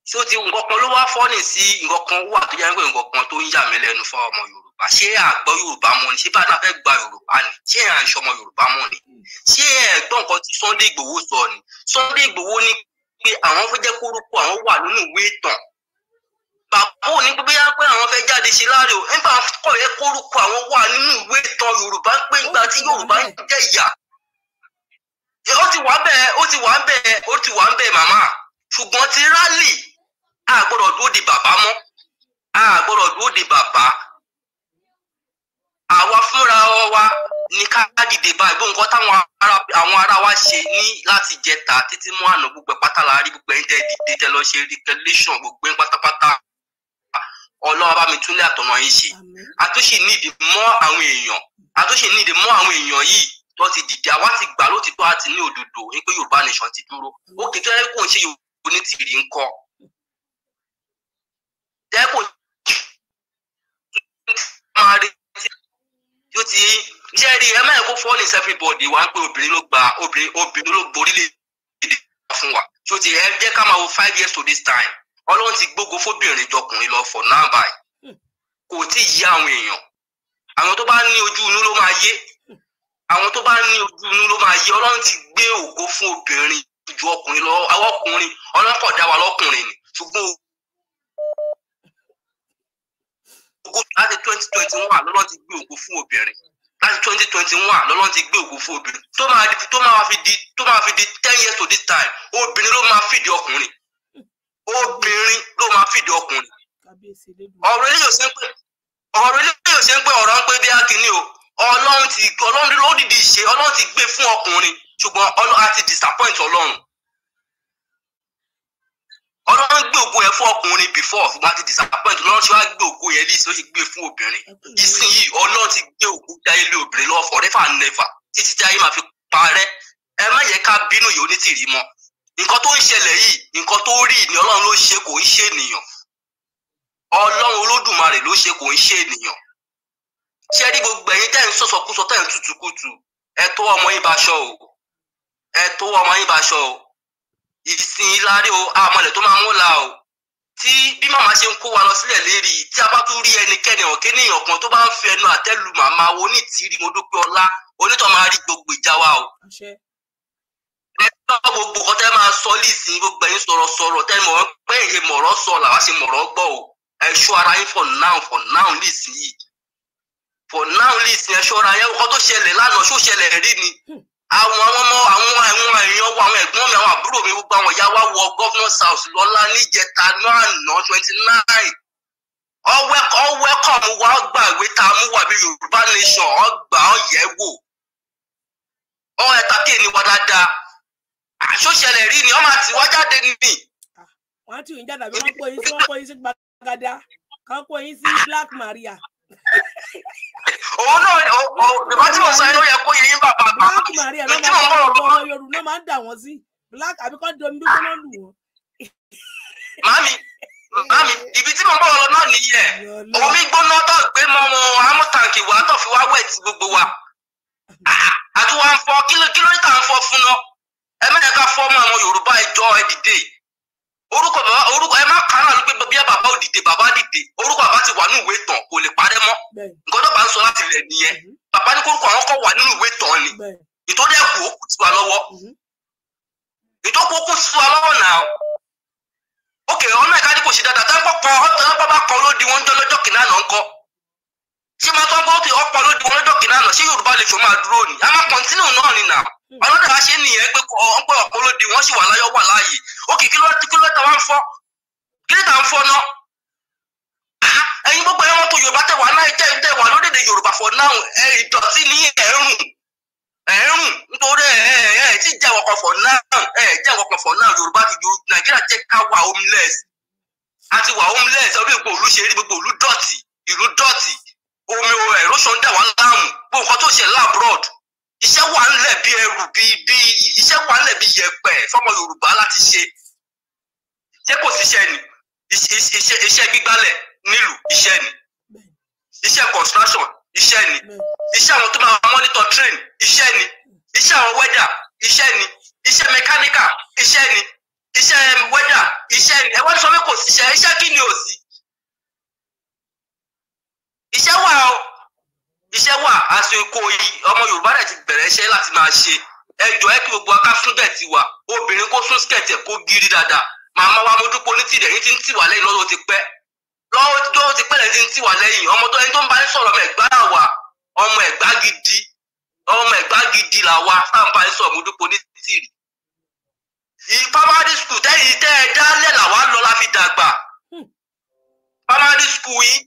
ṣé o ti nǹkan kan ló wá fọ́ọ̀nì sí nǹkan kan wà tó yẹ kó nǹkan kan tó ń yà mí lẹ́nu fún ọmọ Yorùbá yorùbá ṣé à ń gbọ́ yorùbá mọ́ ni ṣé bá a fẹ́ gba yorùbá ni ṣé à ń ṣọmọ yorùbá mọ́ ni hmm. ṣé ẹ̀gbọ́n kan tí Sunday Igboho sọ ni Sunday Igboho ní pé àwọn fẹ́ jẹ́ kórúkọ àwọn wà nínú ìwé ìtàn bàbá ò ní pé bóyá pé àwọn fẹ́ jáde ṣe láre o nígbà kọ̀ yẹ kórúkọ àwọn wà nínú ìwé ìtàn yorùbá pé ìgbà tí yorùbá ń jẹ́ ìyà ó ti wà bẹ́ẹ̀ ó ti wà bẹ́ẹ̀ ó ti wà bẹ́ẹ̀ màmá ṣùgbọ́n ti rálì a dúró de bàbá mọ́ a gbọ́dọ̀ dúró de bàbá àwa fúnra wa ní ká dìde báyìí bó nǹkan táwọn ará wa ṣe ní láti jẹta títí mú àná gbogbo pátá la rí gbogbo ẹ̀ńtẹ́ dìde tẹ lọ ṣe regulation gbogbo ẹ̀ pátápátá ọlọ́wọ́ bá mi túnlẹ̀ àtọ̀nà yìí ṣe àtúnṣe nídìí mọ́ àwọn èèyàn àtúnṣe nídìí mọ́ àwọn èèyàn yìí tó ti dìde àwa ti gbà lótìtọ́ àti ní òdodo wípé Yorùbá nation ti dúró ó kékeré kò ń ṣe Yorùbá ní tìrì ń kọ́ tẹ́kọ̀ọ́ máa rí yóò ti jẹ́ rí ẹ máa kó fọ́ọ̀lì sẹ́fì bọ̀dì wá pé obìnrin ló gba obìnrin obìnrin ló borí lè dé fún wa tí ó ti ẹ jẹ́ ká máa wo five years to this time ọlọ́run ti gbógo fóbìnrin jọkùnrin lọ fọ̀ náà báyìí kò tí ì yé àwọn èèyàn àwọn tó bá ní ojú inú ló máa yé àwọn tó bá ní ojú inú ló máa yé ọlọ́run ti gbé ògo fún obìnrin ju ọkùnrin lọ àwọn ọkùnrin ọlọ́kọ̀dá wa lọ́kùnrin ni ṣùgbọ́n láti twenty twenty one lọ́lọ́ ti gbé ògo fún obìnrin láti twenty twenty one lọ́lọ́ ti gbé ògo fún obìnrin tó máa di tó máa fi di tó máa fi di ten years to this time obìnrin ló máa fìdí ọkùnrin obìnrin ló máa fìdí ọkùnrin ọ̀rọ̀ eléyìí ṣe ń pè ọ̀rọ̀ eléyìí ṣe ń pè ọ̀rọ̀ ń pè bí akínní o ọlọ́run ti ọlọ́run ló dìdí ṣe ọlọ́run ti gbé fún ọkùnrin ṣùgbọ́n ọlọ́run á ti disappoint ọlọ́run ọlọ́run gbé ògo yẹn fún ọkùnrin before ṣùgbọ́n ti disappoint lọ́run ṣe wá gbé ògo yẹn lì sóṣì gbé fún obìnrin ìsinyìí ọlọ́run ti gbé ògo jáyé lé obìnrin lọ́wọ́ forever and never títí jáyé máa fi parẹ́ ẹ má yẹ ká bínú yìí onítìrí mọ́ nǹkan tó ń ṣẹlẹ̀ yìí nǹkan tó rí ni ọlọ́run ló ṣe kò ń ṣe ènìyàn ọlọ́run olódùmarè ló ṣe kò ń ṣe ènìyàn ṣé rí gbogbo ẹ̀yin tẹ́ ń sọ̀sọ̀kúsọ tẹ́ ń ìsìn ìlarí o àmọ̀lẹ̀ tó máa mú la o tí bí màmá ṣe ń kó wa lọ sílẹ̀ lérí tí a bá tún rí ẹnikẹ́ni ọ̀kẹ́ ní ìyànkan tó bá ń fi ẹnu àtẹ́lu màmá onítìrí mo dúpẹ́ ọlá onítọ̀ máa rí gbogbo ìjà wa o. ẹ bá gbogbo ọtẹ máa sọ lísìn gbogbo ẹ̀yin sọ̀rọ̀ sọ̀rọ̀ tẹ́ mọ̀ pé èyí mọ̀rọ̀ sọ làwa ṣe mọ̀rọ̀ gbọ́ o ẹ ṣọ́ ara yín for now for now lísìn yìí for now lísìn ẹ ṣọ́ ara yẹn ọkọ tó ṣẹlẹ̀ lánàá ṣó ṣẹlẹ̀ rí ni. Hmm àwọn ọmọ àwọn àwọn èèyàn wa àwọn ẹ̀gbọ́n mi àwọn àbúrò mi gbogbo àwọn ìyá wa wọ governor's house lọ́la níjẹta náà nà twenty nine ọwẹ́kọ̀ ọwẹ́kọ̀ mu wa gbà ìwé tá mú wà bí Yorùbá nation ọgbà ọ̀yẹ́ wò ọ ẹ̀ta kí ni wà dáadáa àṣọṣẹlẹ̀ rí ni ọmọ àti wá jáde nìyí. wọ́n á ti yìn jáde àbí wọ́n kó yín sí wọ́n kó yín sí gbàgádá kán kó yín sí Black Maria. (laughs) òun náà ìgbà tí mo sọ ẹ ló yẹ kó yẹ yín bàbá bàbá tí mo mọ̀ ọ́ ọmọ yorùbá máa ń dà wọ́n sí black àbí kọ́ domi ló kọ́ lù wọ́n. màmí màmí ibi tí mo bọ̀ lọ náà nìyí ẹ̀ omi gbóná tó gbé mọ́ wọn amútàǹkì wà tó fi wá wẹ̀ tí gbogbo wa àti wọn fọ kí ló ń tà ń fọ fún náà ẹ mẹ́ta fọ́ ọmọ àwọn yorùbá ẹjọ́ ẹ dìde yìí. orúkọ bàbá orúkọ ẹ má kàrà bí a bàbá òdìdè bàbá dìde orúkọ bàbá ti wà ní ìwé tàn kò lè parẹ́ mọ́ nǹkan tó bá ń sọ láti ilẹ̀ nìyẹn mhm. bàbá ní kórúkọ àwọn kọ wà nínú ìwé ni ìtọ́jú lọ́wọ́ mhm. lọ́wọ́ náà ẹ̀ka kò ṣe dáadáa bàbá ló di ọlọ́dà ṣe nìyẹn pé ọ̀hún pé ọ̀pọ̀ lóde wọ́n sì wà láyọ̀ wà láàyè òkè kí ló kí ló tà wá ń fọ́ kí ló tà ń fọ́ náà ẹ̀yin gbogbo ẹ̀wọ̀n tó Yorùbá tẹ̀wá náà jẹ́ tẹ̀wá lórílẹ̀ Yorùbá for now ẹ̀ ìdọ̀tí ní ẹ̀rùn ẹ̀rùn nítorí ẹ̀ ẹ̀ ti jẹ́ ọkọ̀ for now ẹ̀ jẹ́ ọkọ̀ for now Yorùbá ti Yorùbá Nàìjíríà jẹ́ ká wà homeless àti wà homeless ọdún ìgbò òlu ṣe rí gbogbo òlu dọ̀tí ìlú dọ̀tí omi ẹ̀rọ ṣọ́ndà wà láàmú gbogbo nǹkan tó ṣe láàbùrọ̀dù iṣẹ́ wà ńlẹ̀ bí ẹrù bí bí iṣẹ́ wà ńlẹ̀ bí yẹ̀pẹ̀ fọ́mọ Yorùbá láti ṣe ṣé kò síṣẹ́ ni iṣẹ́ iṣẹ́ gbígbálẹ̀ nílùú iṣẹ́ ni iṣẹ́ construction iṣẹ́ ni iṣẹ́ àwọn tó máa monitor train iṣẹ́ ni iṣẹ́ àwọn weather iṣẹ́ ni iṣẹ́ mechanical iṣẹ́ ni iṣẹ́ um, weather iṣẹ́ ni ẹ wá sọ pé kò síṣẹ́ iṣẹ́ kí ni ò sí iṣẹ́ wà o iṣẹ́ wà àsìkò ọmọ yorùbá rẹ̀ ti bẹ̀rẹ̀ iṣẹ́ láti máa ṣe ẹjọ́ ẹ kí gbogbo aká sún bẹ̀tì wa obìnrin kó sún skẹ̀tì ẹ̀ kó giri dáadáa màmá wa mojúpo ní tìrẹ̀ yín ti ń tì wá lẹ́yìn lọ́wọ́ ti pẹ́ lọ́wọ́ ti pẹ́ lẹ́yìn ti ń tì wá lẹ́yìn ọmọ tó ẹni tó ń bá ń sọ̀rọ̀ ọmọ ẹ̀gbá wa ọmọ ẹ̀gbá gidi ọmọ ẹ̀gbá gidi là wa tá à ń bá ń sọ̀rọ̀ mojúpo ní tìrì. primary school tẹ́yìn tẹ́ ẹ dálẹ̀ làwa lọ la fi dàgbà hmm. primary school yìí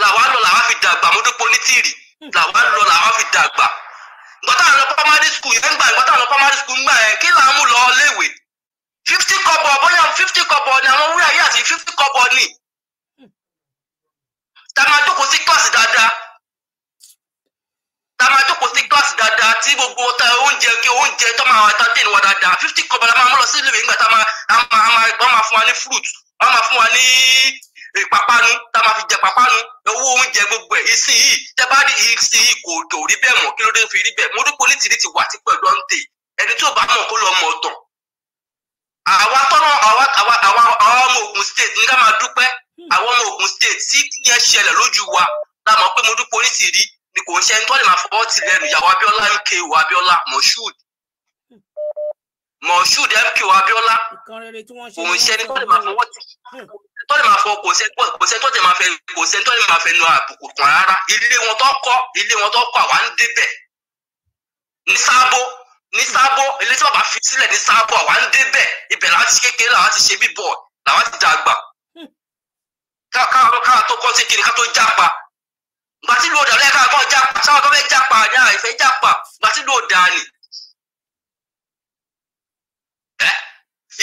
làwa lọ làwa fi dàgbà mo dúpọ̀ ní tìrì làwa lọ làwa fi dàgbà gbọ́dọ̀ àwọn primary school yẹn gbà gbọ́dọ̀ àwọn primary school gbà yẹn kí là ń mú lọ léwe fifty kọ́bọ̀ bóyá fifty kọ́bọ̀ ni àwọn wúrà yìí àti fifty kọ́bọ̀ ni tá a máa jókòó sí kíláàsì dáadáa tá a máa jókòó sí kíláàsì dáadáa tí gbogbo ọ̀tá oúnjẹ kí oúnjẹ tó máa wà tán tẹ̀lé wa dáadáa fifty kọ́bọ̀ la máa mú lọ sí ilé ìwé nígbà tá a máa wọ́n máa fún wa ní fruit wọ́n máa fún wa ní ìpapánu tá a máa fi jẹ papánu owó oúnjẹ gbogbo ẹ̀ ìsìn yìí tẹ́ bá rí ìsìn yìí kò tó rí bẹ́ẹ̀ mọ́ kí ló dé fi rí bẹ́ẹ̀ mo dúpọ̀ ní tìrìtì wà tí pẹ̀lú ọ̀ǹtè ẹni tó bá mọ̀ kó lọ mọ̀ ọ̀tàn àwa tọ́nà àwa àwa àwa ọmọ Ògùn state ní ká máa dúpẹ́ àwọn ọmọ Ògùn state tí yẹn ṣẹlẹ̀ lójú wa la mọ̀ pé mo dúpọ̀ ní tìrì ni kò ń ṣe ẹni tó lè máa fọwọ́ ti lẹ́nu ìyàwó Abíọ́lá MKO Abíọ́lá Moshood Moshood MKO Abíọ́lá kò ń ṣe ẹni tó máa fọwọ́ ti lẹ́nu hmm tó lè máa fọ kò sẹ́ni tó lè máa fẹ́ kò sẹ́ni tó lè máa fẹ́ nu àbùkù kan rárá ilé wọn tó kọ́ ilé wọn tó kọ́ àwa ń débẹ̀ ní sábó ní sábó ilé tí bàbá fi sílẹ̀ ní sábó àwa ń débẹ̀ ibẹ̀ láti kékeré làwa ti ṣe bíbọ̀ làwa ti dàgbà káàkó káà tó kọ́ sí kiri ká tó jápa gbàtí ló dà lẹ́ka kan jápa sáwọn kan fẹ́ jápa ní àìfẹ́ jápa gbàtí ló dà ní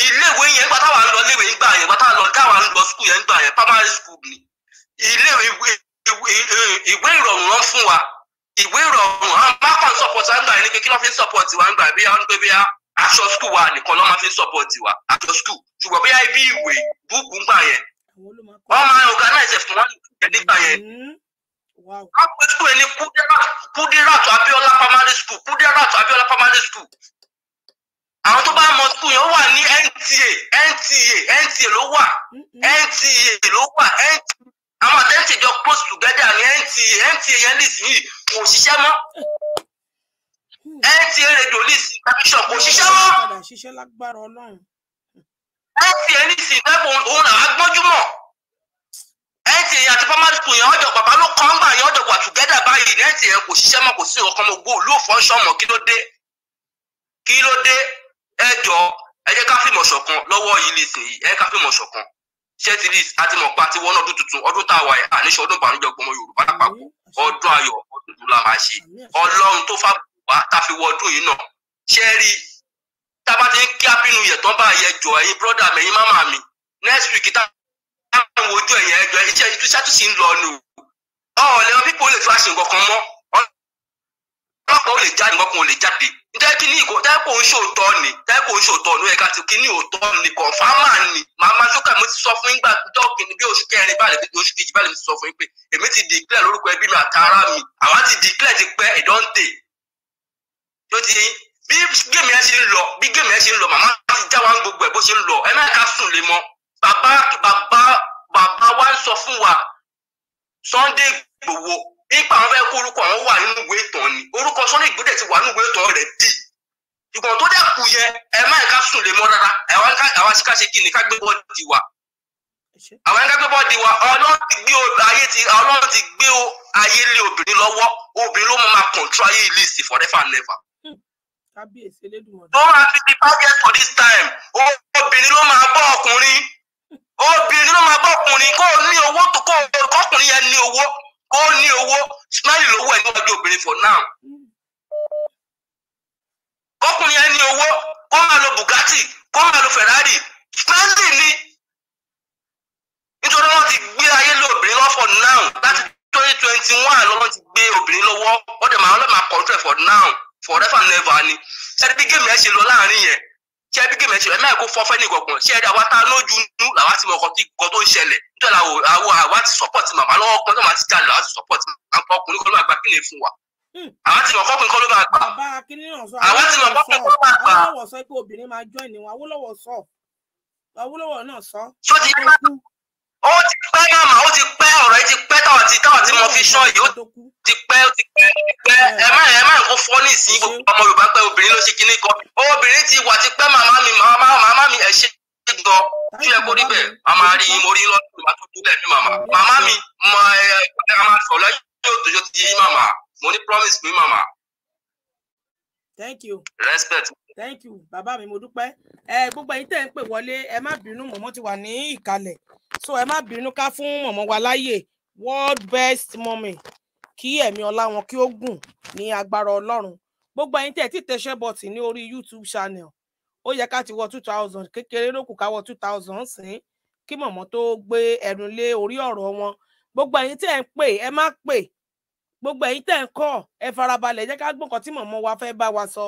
iléèwé yẹn gba táwa ń lọ iléèwé gbà yẹn gba táwa lọ dáwa ń lọ skul yẹn gbà yẹn primary school ni iléèwé ìwé ìrọ̀rùn rán fún wa ìwé ìrọ̀rùn a máa kàn support wa ń gbà yẹn ni pé kí ló fi ń support wa ń gbà bí wọ́n ń gbé bí a aṣọ skul wa nìkan ló máa fi ń support wa aṣọ skul ṣùgbọ́n bí ibi ìwé búùkù ń gbà yẹn wọ́n máa organize fún wọn nígbà yẹn hmm. wọ́n pe skul yẹn ní kúdíràtù abíọ́lá primary school kúdíràtù abíọ́lá primary school àwọn tó bá mọ skul yẹn wà ní NTA NTA NTA ló wà NTA ló wà àwọn àtẹ́ǹtì jọ close together ní NTA NTA yẹn lè sí kò ṣiṣẹ́ mọ́ NTA radio lè sí kábíṣọ̀ kò ṣiṣẹ́ mọ́ NTA lè sí ìfẹ́bù òun àwọn agbọ́njúmọ̀ NTA àti primary school yẹn ọjọ́ bàbá ló kọ́ gbà yẹn ọjọ́ wà together báyìí NTA kò ṣiṣẹ́ mọ́ kò sí ọkọ̀ ọmọ ògbó olú òfò ọ̀ṣọ́ ọmọ kí ló dé kí ló dé ẹ jọ ẹ jẹ́ ká fìmọ̀ ṣọ̀kan lọ́wọ́ yìí nísìnyí ẹ ká fìmọ̀ ṣọ̀kan ṣé ti rí àtìmọ̀pá ti wọ́n ọdún tuntun ọdún tá a wà yìí àníṣe ọdún ìbànújẹ́ gbọmọ Yorùbá lápapọ̀ ọdún ayọ̀ ọdún tó la máa ṣe Ọlọ́run tó fà wá tá a fi wọ ọdún yìí náà ṣé rí tá a bá ti ń kí abínú yẹ̀ tán bá yẹ jọ ẹ̀yin brọ́dà mẹ́yìn mámà mi next week tá a ń wojú ẹ̀yìn ẹ̀jọ̀ iṣẹ́ ìtúṣàtúnṣe ń lọ ni o ọ̀ọ́lẹ́wọ̀n pípọ̀ lè fi àṣìǹkan kan mọ́ ọlọ́pàá ò lè jáde nǹkan ò lè jáde ǹjẹ́ kí ní ìkó jẹ́ kó ń ṣòótọ́ ni jẹ́ kó ń ṣòótọ́ ni ó yẹ kí ní òótọ́ ni kọ̀ǹfàmà ni màmá sókà mo ti sọ fún yín gbàgbọ́ kìíní bí oṣù kẹrin báyìí bí oṣù kejì báyìí mo ti sọ fún yín pé èmi ti dìklẹ̀ lórúkọ ẹbí mi àtàrà mi àwa ti dìklẹ̀ ti pẹ́ ìdọ́ǹtè tó ti yín bí géèmì ẹ ṣe ń lọ bí géèmì ẹ ṣe ń lọ màmá ti já wa ń gbogbo ẹ bó ṣe ń lọ ẹ má ká sùn lé mọ bàbá bàbá bàbá wa ń sọ fún wa Sunday Igboho ipa àwọn fẹ́ kó orúkọ àwọn wà nínú ìwé ìtàn ni orúkọ Sunny Igboho ti wà nínú ìwé ìtàn rẹ̀ dì ìgbọ̀n tó dẹ̀ kù yẹ ẹ má ká sùn lè mọ́ rárá àwọn àṣìká ṣe kí ni ká gbé bọ́ọ̀dì wa àwọn ẹgbẹ́ gbé bọ́ọ̀dì wa ọlọ́run ti gbé ayé lé obìnrin lọ́wọ́ obìnrin ló máa control ayé ilé forever and ever kábíyèsí máa fi di target for this time obìnrin ló máa bọ́ ọkùnrin obìnrin ló máa bọ́ ọkùnrin kó o ní owó tó kó o kọ́kùnrin yẹn ní owó ó ní owó smiley lówó ẹ̀ níwájú obìnrin for now kọkùnrin ẹ ní owó kó máa lo Bugatti kó máa lo Ferrari smiley ni nítorí wọ́n ti gbé ayé lé obìnrin lọ for now láti twenty twenty one lọ́wọ́ ti gbé obìnrin lọ́wọ́ ó dẹ̀ máa ọlọ́mà control for now forever never ever ni ẹni bí géèmì ẹ ṣe lọ láàrin yẹn ṣé bí gèmẹ ṣe ẹ náà kó fọfẹ ní ìkọkùn ṣé ẹ dá wa ta lójú nú làwa ti mọ ọkọ tí nǹkan tó ń ṣẹlẹ̀ nítorí àwọn àwọn àwa ti support màmá lọ́wọ́ kan tó máa ti jalè àwa ti support màmá ọkùnrin kan ló máa gbà kí lè fún wa hmm. àwa ti mọ ọkùnrin ló máa gbà àwa ti mọ ọkùnrin ló máa gbà ó ti pẹ́ màmá ó ti pẹ́ ọ̀rọ̀ ti pẹ́ táwọn ti táwọn ti mọ fi ṣán yìí ó ti pẹ́ ó ti pẹ́ ó ti pẹ́ ẹ má ẹ má kó fọ́ ní ìsìn gbogbo ọmọ Yorùbá pé obìnrin ló ṣe kinní kan obìnrin ti wà ti pẹ́ màmá mi màmá màmá mi ẹ̀ ṣe é gan tí ẹ kó níbẹ̀ màmá rí i mo rí lọ́dún màá tó dúlẹ̀ bí màmá màmá mi mọ ẹ ẹ ẹ máa sọ lẹ́yìn yóò tó ti yí màmá mo ní promise pé màmá. thank you. respect thank you bàbá mi mo dúpẹ́ ẹ gbogbo ẹ̀yin tẹ́ ń pè wọlé ẹ má bínú mọ́ mo ti wà ní ìkàlẹ̀ so ẹ má bínú ká fún mọ̀mọ́ wa láyè world best mummy kí ẹ̀mí ọlá wọn kí ó gùn ní agbára ọlọ́run gbogbo ẹ̀yin tẹ̀ tí tẹ̀ṣẹ́ bọ̀tì ní orí youtube channel ó yẹ ká ti wọ two thousand kékeré ló kù ká wọ two thousand sìn kí mọ̀mọ́ tó gbé ẹnu lé orí ọ̀rọ̀ wọn gbogbo ẹ̀yin tẹ̀ ń pè ẹ má pè gbogbo ẹ̀yin tẹ̀ ń kọ́ ẹ farabalẹ̀ jẹ́ ká gbọ́n tí mọ̀mọ́ wa fẹ́ bá wa sọ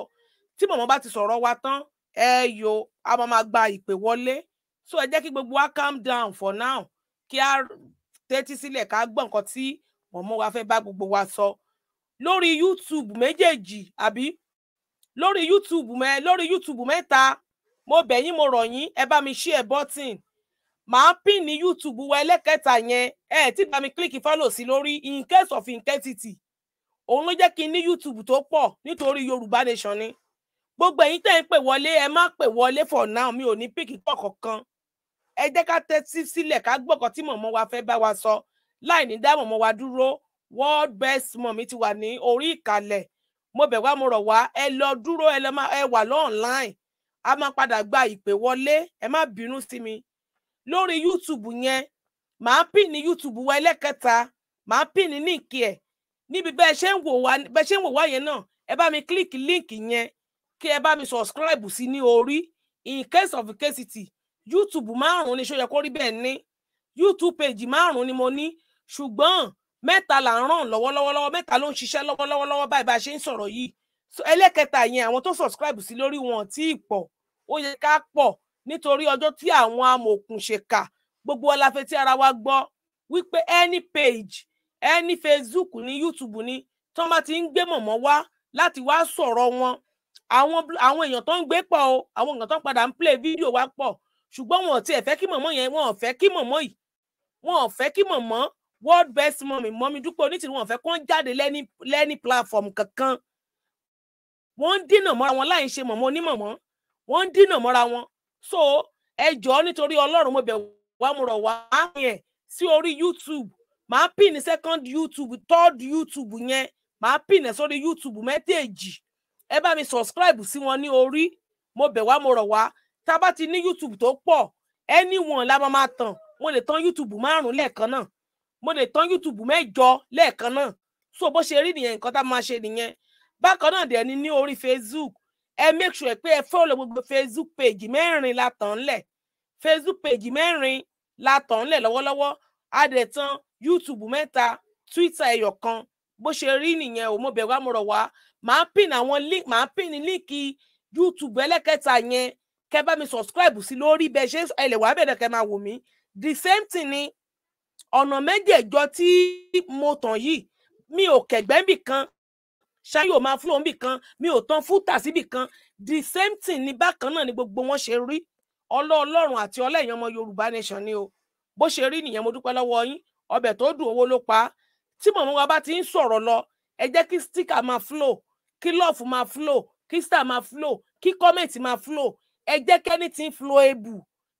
tí mọ̀mọ́ bá ti sọ̀rọ̀ wa tán ẹ yo a máa máa gba ìpè wọlé so ẹ jẹ́ kí gbogbo wa calm down for now kí a tẹ́tí sílẹ̀ ká gbọ́ nǹkan tí mọ̀mọ́ wa fẹ́ bá gbogbo wa sọ lórí youtube méjèèjì àbí lórí youtube mẹ lórí youtube mẹ́ta mo bẹ̀ yín mo rọ̀ yín ẹ bá mi share button màá pín ní youtube wa ẹlẹ́kẹta yẹn ẹ tí bá mi click follow sí lórí in case of intensity òun ló jẹ́ kí n ní youtube tó pọ̀ nítorí yorùbá nation ni gbogbo ẹ̀yin tẹ́ ń pè wọlé ẹ má pè wọlé for now mi ò ní píkì kọ̀ọ̀kan ẹ jẹ́ ká tẹ́tí sílẹ̀ ká gbọ́kàn tí mọ̀mọ́ wa fẹ́ bá wa sọ láì ní dá mọ̀mọ́ wa dúró world best mọ̀mí ti wà ní orí ìkàlẹ̀ mo bẹ̀ wá mo rọ̀ wá ẹ lọ dúró ẹ lọ ẹ wà lọ́ọ̀nláìn a máa padà gba ìpè wọlé ẹ má bínú sí mi lórí YouTube yẹn màá pín ní YouTube wa ẹlẹ́kẹta màá pín ní níkì ẹ̀ níbi bẹ́ẹ̀ ṣe ń wò wá bẹ́ẹ̀ ṣe ń wò wá yẹn náà ẹ bá mi kílíkì líǹkì yẹn kí ẹ bá mi subscribe sí ní orí in case of scarcity youtube márùn ni ṣó yẹ kó rí bẹ́ẹ̀ ní youtube page márùn ni mo ní ṣùgbọ́n mẹ́ta là ń ràn lọ́wọ́lọ́wọ́ mẹ́ta ló ń ṣiṣẹ́ lọ́wọ́lọ́wọ́ báyìí bá a ṣe ń sọ̀rọ̀ yìí ẹlẹ́kẹta yẹn àwọn tó subscribe sí lórí wọn tí ì pọ̀ ó yẹ ká pọ̀ nítorí ọjọ́ tí àwọn amòòkùnṣèkà gbogbo ọláfẹ́ tí ara wa gbọ́ wípé any page any facebook ní youtube ní tí wọ́n bá ti ń gbé mọ̀mọ́ wá láti wá sọ̀rọ̀ wọn àwọn èèyàn tó ń gbé pọ̀ o àwọn èèyàn tó ń padà ń play video wá pọ̀ ṣùgbọ́n wọn ò tiẹ̀ fẹ́ kí mọ̀mọ́ yẹn wọn ò fẹ́ kí mọ̀mọ́ yìí wọn ò fẹ́ kí mọ̀mọ́ world best mummy mọ́mí dúpẹ́ onítìrí wọn ò fẹ́ kó ń jáde lẹ́ni lẹ́ni platform kankan wọ́n ń dínà mọ́ra wọn láì ṣe mọ̀mọ́ onímọ̀mọ́ wọ́n ń dínà mọ́ra wọn so ẹ jọ̀ọ́ nítorí ọlọ́run mo bẹ̀ wá mo rọ̀ wá yẹn sí orí youtube màá pin second youtube third youtube yẹn màá pin ní sórí youtube mẹ́tẹ̀ẹ̀jì ẹ bá mi subscribe sí wọn ní orí mo bẹ̀ wá mo rọ̀ wá tá a bá ti ní YouTube tó pọ̀ anyone la máa tàn mo lè tán YouTube márùn lẹ́ẹ̀kan náà mo lè tán YouTube mẹ́jọ lẹ́ẹ̀kan náà so bó ṣe rí nìyẹn nǹkan tá a máa ṣe nìyẹn bákan náà dẹ̀ ni ní orí Facebook ẹ make sure pé ẹ follow gbogbo Facebook page mẹ́rin la tàn lẹ̀ Facebook page mẹ́rin la tàn lẹ̀ lọ́wọ́lọ́wọ́ a dẹ̀ tán YouTube mẹ́ta Twitter ẹyọ kan bó ṣe rí nìyẹn o mo bẹ̀rù àmọ̀rọ̀ wá màá pin àwọn link màá pin ní líǹkì YouTube ẹlẹ́kẹta yẹn kẹ bá mi subscribe sí lórí bẹ ṣe ẹ lè wá bẹ̀rẹ̀ kẹ máa wò mí the same thing ni ọ̀nà méjèèjọ tí mo tàn yìí mi ò kẹ̀gbẹ́ bì kan ṣáyò máa fún òun bì kan mi ò tán fúta síbì kan the same thing ni bákan náà ni gbogbo wọn ṣe rí ọlọ́ ọlọ́run àti ọlẹ́yìn ọmọ yorùbá nation ni o bó ṣe rí nìyẹn mo dúpẹ́ lọ́wọ́ yín ọbẹ̀ tó dùn owó ló pa á tí mọ̀mọ́ wa bá ti ń sọ̀rọ̀ lọ ẹ jẹ́ kí stika máa flow kí lọ́ọ̀fù máa flow kí star máa flow kí comment máa flow ẹ jẹ́ kẹ́ni tí ń flo ebu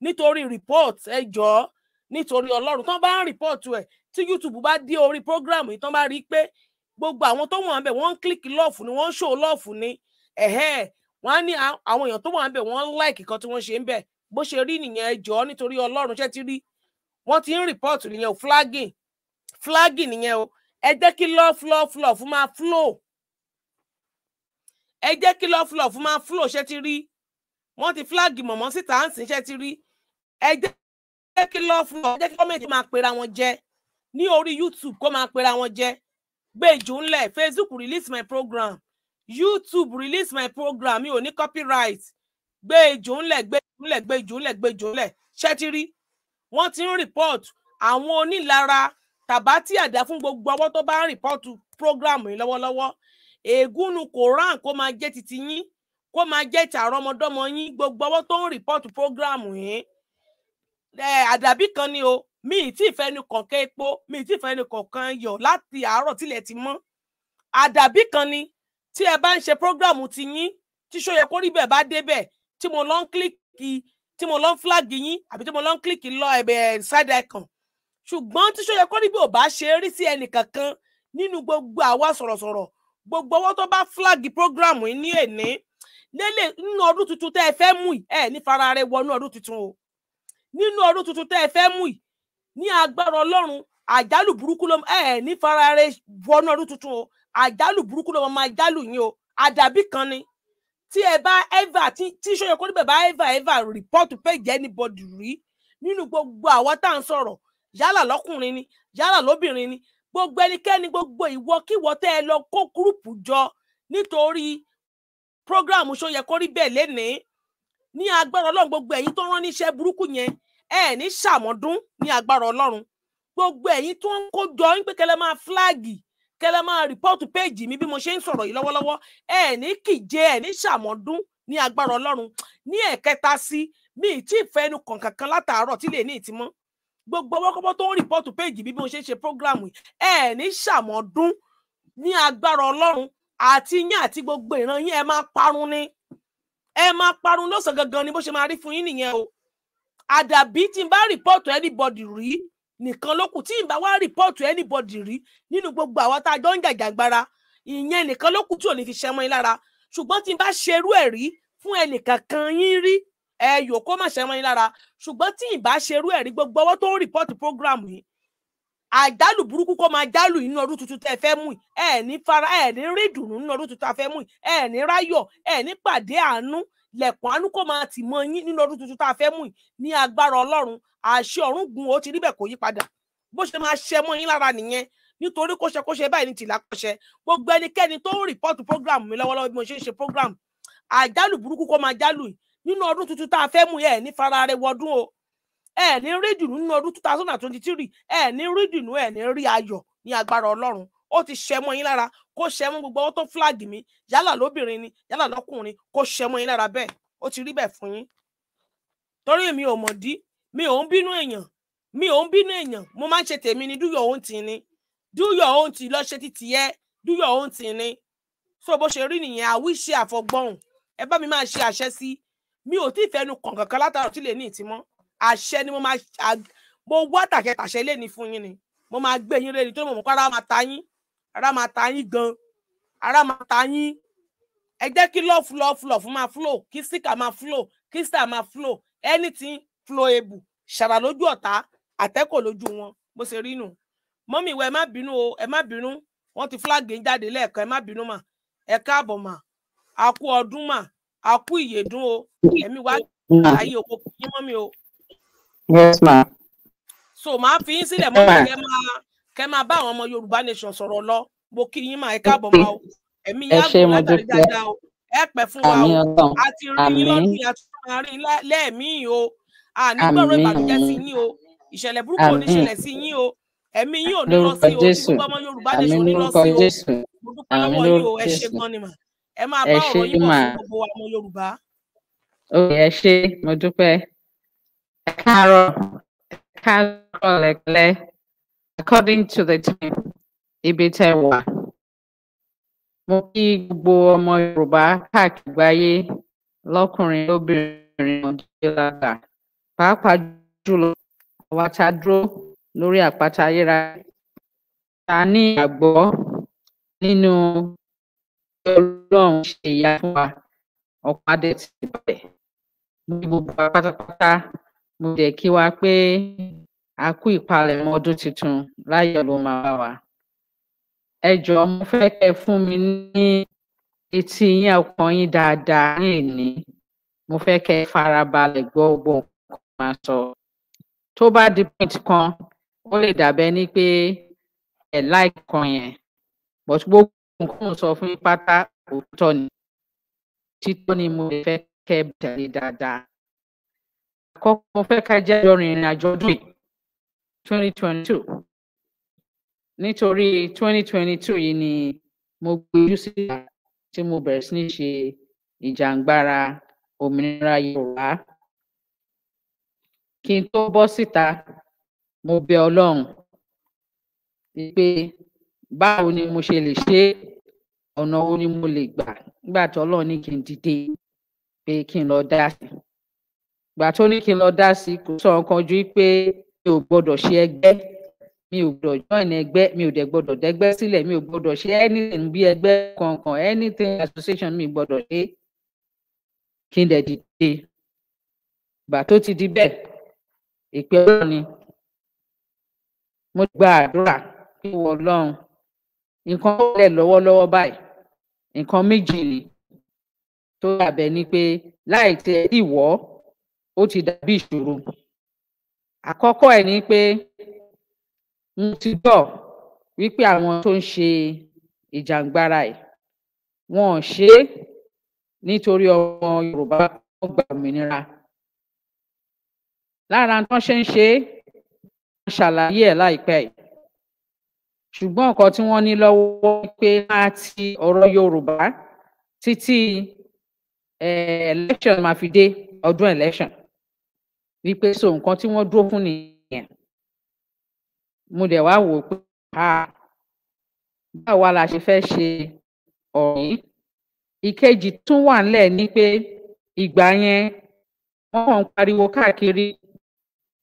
nítorí report ẹ jọ̀ọ́ nítorí ọlọ́run tán bá ń report ẹ̀ tí youtube bá dé orí program yìí tán bá rí i pé gbogbo àwọn tó wà níbẹ̀ wọ́n ń click lọ́ọ̀fù ni wọ́n ń show lọ́ọ̀fù ni ẹ̀hẹ́ wọ́n á ní àwọn èèyàn tó wà níbẹ̀ wọ́n like nǹkan tí wọ́n ṣe ń bẹ̀ bó ṣe rí nìyẹn ẹ jọ̀ọ́ nítorí ọlọ́run ṣẹ́ ti rí wọ́n ti ń report nìyẹn o flagging flagging nìyẹn o ẹ jẹ́ kí love love love máa flow ẹ jẹ́ kí love love máa flow ṣe ti rí wọ́n ti fúláàgì mọ̀mọ́ síta à ń sìn iṣẹ́ ti rí ẹ jẹ́ kí lọ́ fún ọ ẹ jẹ́ kí gọ́ọ̀mẹ̀ntì máa pera wọn jẹ ní orí YouTube kó máa pera wọn jẹ gbèjò ńlẹ̀ Facebook release my program YouTube release my program mi ò ní copyright gbèjò ńlẹ̀ gbèjò ńlẹ̀ gbèjò ńlẹ̀ gbèjò ńlẹ̀ ṣẹ́ ti rí wọ́n ti ń report àwọn onílara tàbátì àdá fún gbogbo ọwọ́ tó bá ń report program yìí lọ́wọ́lọ́wọ́ ègúnnu koran kó máa jẹ́ titi yín kó máa jẹ́ ti àrọ́mọdọ́mọ yín gbogbo ọwọ́ tó ń rìpọ́ọ̀tù prógráàmù yín àdàbí kan ni o mi ì tí ì fẹnu kọ̀ọ̀kan epo mi ì tí ì fẹnu kọ̀ọ̀kan yọ̀ láti àárọ̀ tilẹ̀ ti mọ́ àdàbí kan ni tí ẹ bá ń ṣe prógráàmù ti yín tí ṣóyẹ kó rí bẹ́ẹ̀ bá débẹ̀ tí mo lọ ń kílíkì tí mo lọ ń flag yín àbí tí mo lọ ń kílíkì lọ ẹ̀bẹ̀ side icon ṣùgbọ́n tí ṣóyẹ kó rí bí ò bá ṣe rí sí ẹnìkankan nínú gbogbo àwa sọ̀rọ̀sọ̀rọ̀ gbogbo ọwọ́ tó bá flag prógráàmù yín ní èní lélẹ̀ nínú ọdún tuntun tẹ́ ẹ fẹ́ mú yìí ẹ ní fara rẹ wọnú ọdún tuntun o nínú ọdún tuntun tẹ́ ẹ fẹ́ mú yìí ní agbára ọlọ́run àjálù burúkú ló ẹ ní fara rẹ wọnú ọdún tuntun o àjálù burúkú ló máa jálù yín o àdàbí kan ni tí ẹ bá ever tí tí sọyọ kó níbẹ̀ bá ever ever report page anybody rí nínú gbogbo àwọn tá à ń sọ̀rọ̀ yálà lọ́kùnrin ni yálà lóbìnrin ni gbogbo ẹnikẹ́ni gbogbo ìwọ kíwọ tẹ́ ẹ lọ kó gúrùpù jọ nítorí program ṣó yẹ kó rí bẹ́ẹ̀ lénìí ní agbára ọlọ́run gbogbo ẹ̀yin tó rán níṣẹ́ burúkú yẹn ẹ ní ṣàmọ́dún ní agbára ọlọ́run gbogbo ẹ̀yin tó ń kó jọ ń pé kẹlẹ́ máa fúláàgì kẹlẹ́ máa rìpọ́ọ̀tù péèjì mi bí mo ṣe ń sọ̀rọ̀ yìí lọ́wọ́lọ́wọ́ ẹ ní kìje ẹ ní ṣàmọ́dún ní agbára ọlọ́run ní ẹ̀kẹta sí mi tí ìfẹ́ ẹnu kọ̀ọ̀kan kan látàárọ̀ tí lè ní ìtìmọ́ gbogbo ọwọ́kọ́bọ́ tó ń rìpọ́ọ̀tù péèjì mi bí mo ṣe ń ṣe prógráàmù ẹ ní ṣàmọ́dún ní agbára ọlọ́run àti yín àti gbogbo ìran yín ẹ máa parun ni ẹ máa parun lọ́sàn gangan ni bó ṣe máa rí fún yín nìyẹn o àdàbí tí n bá rìpọ́ọ̀tù anybody rí nìkan ló kù tí n bá wá rìpọ́ọ̀tù anybody rí nínú gbogbo àwa tá a jọ ń jàjàgbara ìyẹn nìkan ló kù tí ò ní fi ṣẹmọ yín lára ṣùgbọ́n tí n bá ṣerú ẹ̀ rí fún ẹnìkankan yín rí ẹ yòókó má ṣẹmọ yín lára ṣùgbọ́n tí n bá ṣerú ẹ̀ rí gbogbo ọwọ́ tó ń rìpọ́ọ̀tù program yìí àjálù burúkú kó máa jálù nínú ọdún tuntun tẹ́ fẹ́ mú ẹ ní fara ẹ ní rí ìdùnnú nínú ọdún tuntun tẹ́ fẹ́ mú ẹ ní ráyọ̀ ẹ ní pàdé àánú lẹ̀kùn àánú kó máa tì mọ́ yín nínú ọdún tuntun tá a fẹ́ mú yìí ní agbára Ọlọ́run àṣẹ ọ̀run gun ó ti rí bẹ́ẹ̀ kó yí padà bó ṣe máa ṣe mọ́ yín lára nìyẹn nítorí kóṣekóṣe báyìí ní tìlá kọṣẹ gbogbo ẹnikẹ́ni tó ń rìpọ́ọ̀tù program mi lọ́wọ́lọ́wọ́ bí mo ṣe ń ṣe program àjálù burúkú kó máa jálù yìí nínú ọdún tuntun tá ẹ ní rí ìdùnnú nínú ọdún two thousand and twenty three ẹ ní rí ìdùnnú ẹ ní rí ayọ̀ ní agbára Ọlọ́run ó ti ṣẹ mọ́ yín lára kó ṣẹ mọ́ gbogbo ọwọ́ tó flag mi yálà lóbìnrin ni yálà lọ́kùnrin kó ṣẹ mọ́ yín lára bẹ́ẹ̀ ó ti rí bẹ́ẹ̀ fún yín torí mi ò mọ̀ dí mi ò ń bínú èèyàn mi ò ń bínú èèyàn mo máa ń ṣe tèmi ni do your own thing ni do your own thing lọ ṣe ti tiẹ̀ do your own thing ni so bó ṣe rí nìyẹn àwí ṣe àfọgbọ́n ẹ bá mi máa ṣe àṣẹ sí mi ò tí ì fẹnu kàn kankan látàrọ tí lè ní ìtìmọ́ àṣẹ ni mo máa mo wá tàkẹ́tà àṣẹ lé ní fún yín ni mo máa gbé yín lé ní tó mọ̀ mọ́ kó ara máa ta yín ara máa ta yín gan ara máa ta yín ẹ jẹ́ kí lọ́ọ̀fù lọ́ọ̀fù lọ́ọ̀fù máa flow kí síkà máa flow kí sà máa flow anything flowable ṣàrà lójú ọ̀tá àtẹ́kọ̀ lójú wọn bó ṣe rí nù mọ́mì ìwọ ẹ má bínú o ẹ má bínú wọ́n ti fúláàgì ń jáde lẹ́ẹ̀kan ẹ má bínú mà ẹ káàbọ̀ mà a kú ọdún mà a kú ìyèdún o ẹ̀mí wá ayé òkú yín mọ́mì o yes ma. so màá fi yín sílẹ̀ mọ́ kẹ́ máa kẹ́ máa bá àwọn ọmọ yorùbá nation sọ̀rọ̀ lọ mo kí yín máa ẹ káàbọ̀ máa o ẹ̀mí yá gùn látàrí dáadáa o ẹ pẹ́ fún wa o a ti rí yín lọ́dún yìí a ti máa rí lẹ́ẹ̀míì o a ní gbọ́rọ̀ ìbànújẹ́ sí yín o ìṣẹ̀lẹ̀ burúkú ò ní ṣẹlẹ̀ sí yín o ẹ̀mí yín ò ní lọ sí o gbogbo ọmọ yorùbá nation ní lọ sí o mo dúpẹ́ lọ́wọ́ yín o ẹ ṣe gan ni mà ẹ máa bá ọ̀rọ̀ yín bọ̀ fún gbogbo ọmọ yorùbá. ó yẹ ṣe mo dúpẹ́ according to the time ibi tẹ́ wà mo kí gbogbo ọmọ yorùbá káàkiri gbáyé lọ́kùnrin lóbìnrin ọdún lágbà pàápàá jùlọ àwa tá a dúró lórí àpáta ayéra ta ní àgbọ́ nínú ọlọ́run ṣe ìyá fún wa ọ̀pá ti bẹ̀rẹ̀ ní gbogbo pátápátá mo dẹ̀ kí wa pé a kú ìpalẹ̀mọ́ ọdún tuntun láyọ̀ ló máa bá wa. ẹ jọ̀ọ́ mo fẹ́ kẹ́ ẹ fún mi ní etí yín ọkàn yín dáadáa ní èní mo fẹ́ kẹ́ ẹ farabalẹ̀ gbọ́ gbogbo nǹkan máa sọ. tó bá di point kan ó lè dàbẹ́ ní pé ẹ̀ láìkan yẹn but gbogbo nǹkan sọ fún pátá òótọ́ ni títọ́ ni mo fẹ́ kẹ́ ẹ tẹ̀lé dáadáa àkọ́kọ́ mo fẹ́ ká jẹ́ jọ rìnrìn àjò ọdún yìí twenty twenty two nítorí twenty twenty two yìí ni mo gbójú síta tí mo bẹ̀rẹ̀ sí ní ṣe ìjàǹgbara òmìnira Yorùbá kí n tó bọ́ síta mo bẹ Ọlọ́run pé báwo ni mo ṣe lè ṣe ọ̀nà wo ni mo lè gbà nígbà tí Ọlọ́run ní kí n dìde pé kí n lọ dá sí i ìgbà tó ní kí n lọ dá sí kò sọ nǹkan ju pé mi ò gbọdọ̀ ṣe ẹgbẹ́ mi ò gbọdọ̀ join ẹgbẹ́ mi ò dẹ̀ gbọdọ̀ dẹ́gbẹ́ sílẹ̀ mi ò gbọdọ̀ ṣe anything bí ẹgbẹ́ kankan anything association mi gbọdọ̀ ṣe kí n dẹ̀ dìde ìgbà tó ti di bẹ́ẹ̀ ìpè ọlọ́run ni mo gba àdúrà kí wọ́n lọ́run nǹkan ó lẹ̀ lọ́wọ́lọ́wọ́ báyìí nǹkan méjì tó dàbẹ̀ ni pé láì tẹ ìwọ́ ó ti dàbí ìṣòro àkọ́kọ́ ẹ̀ ni pé mo ti gbọ́ wípé àwọn tó ń ṣe ìjàngbara ẹ̀ wọn ò ṣe é nítorí ọmọ Yorùbá kò gba òmìnira lára tó ṣe ń ṣe é wọ́n ṣàlàyé ẹ̀ láìpẹ́ yìí ṣùgbọ́n nǹkan tí wọ́n ní lọ́wọ́ pé láti ọ̀rọ̀ Yorùbá títí eh, election máa fi dé ọdún election wípé so nǹkan tí wọ́n dúró fún nìyẹn mo dẹ̀ wá wò ó pé ha báwa la ṣe fẹ́ ṣe ọ̀rọ̀ yìí ìkejì tún wà ńlẹ̀ ni pé ìgbà yẹn wọ́n kàn ń pariwo káàkiri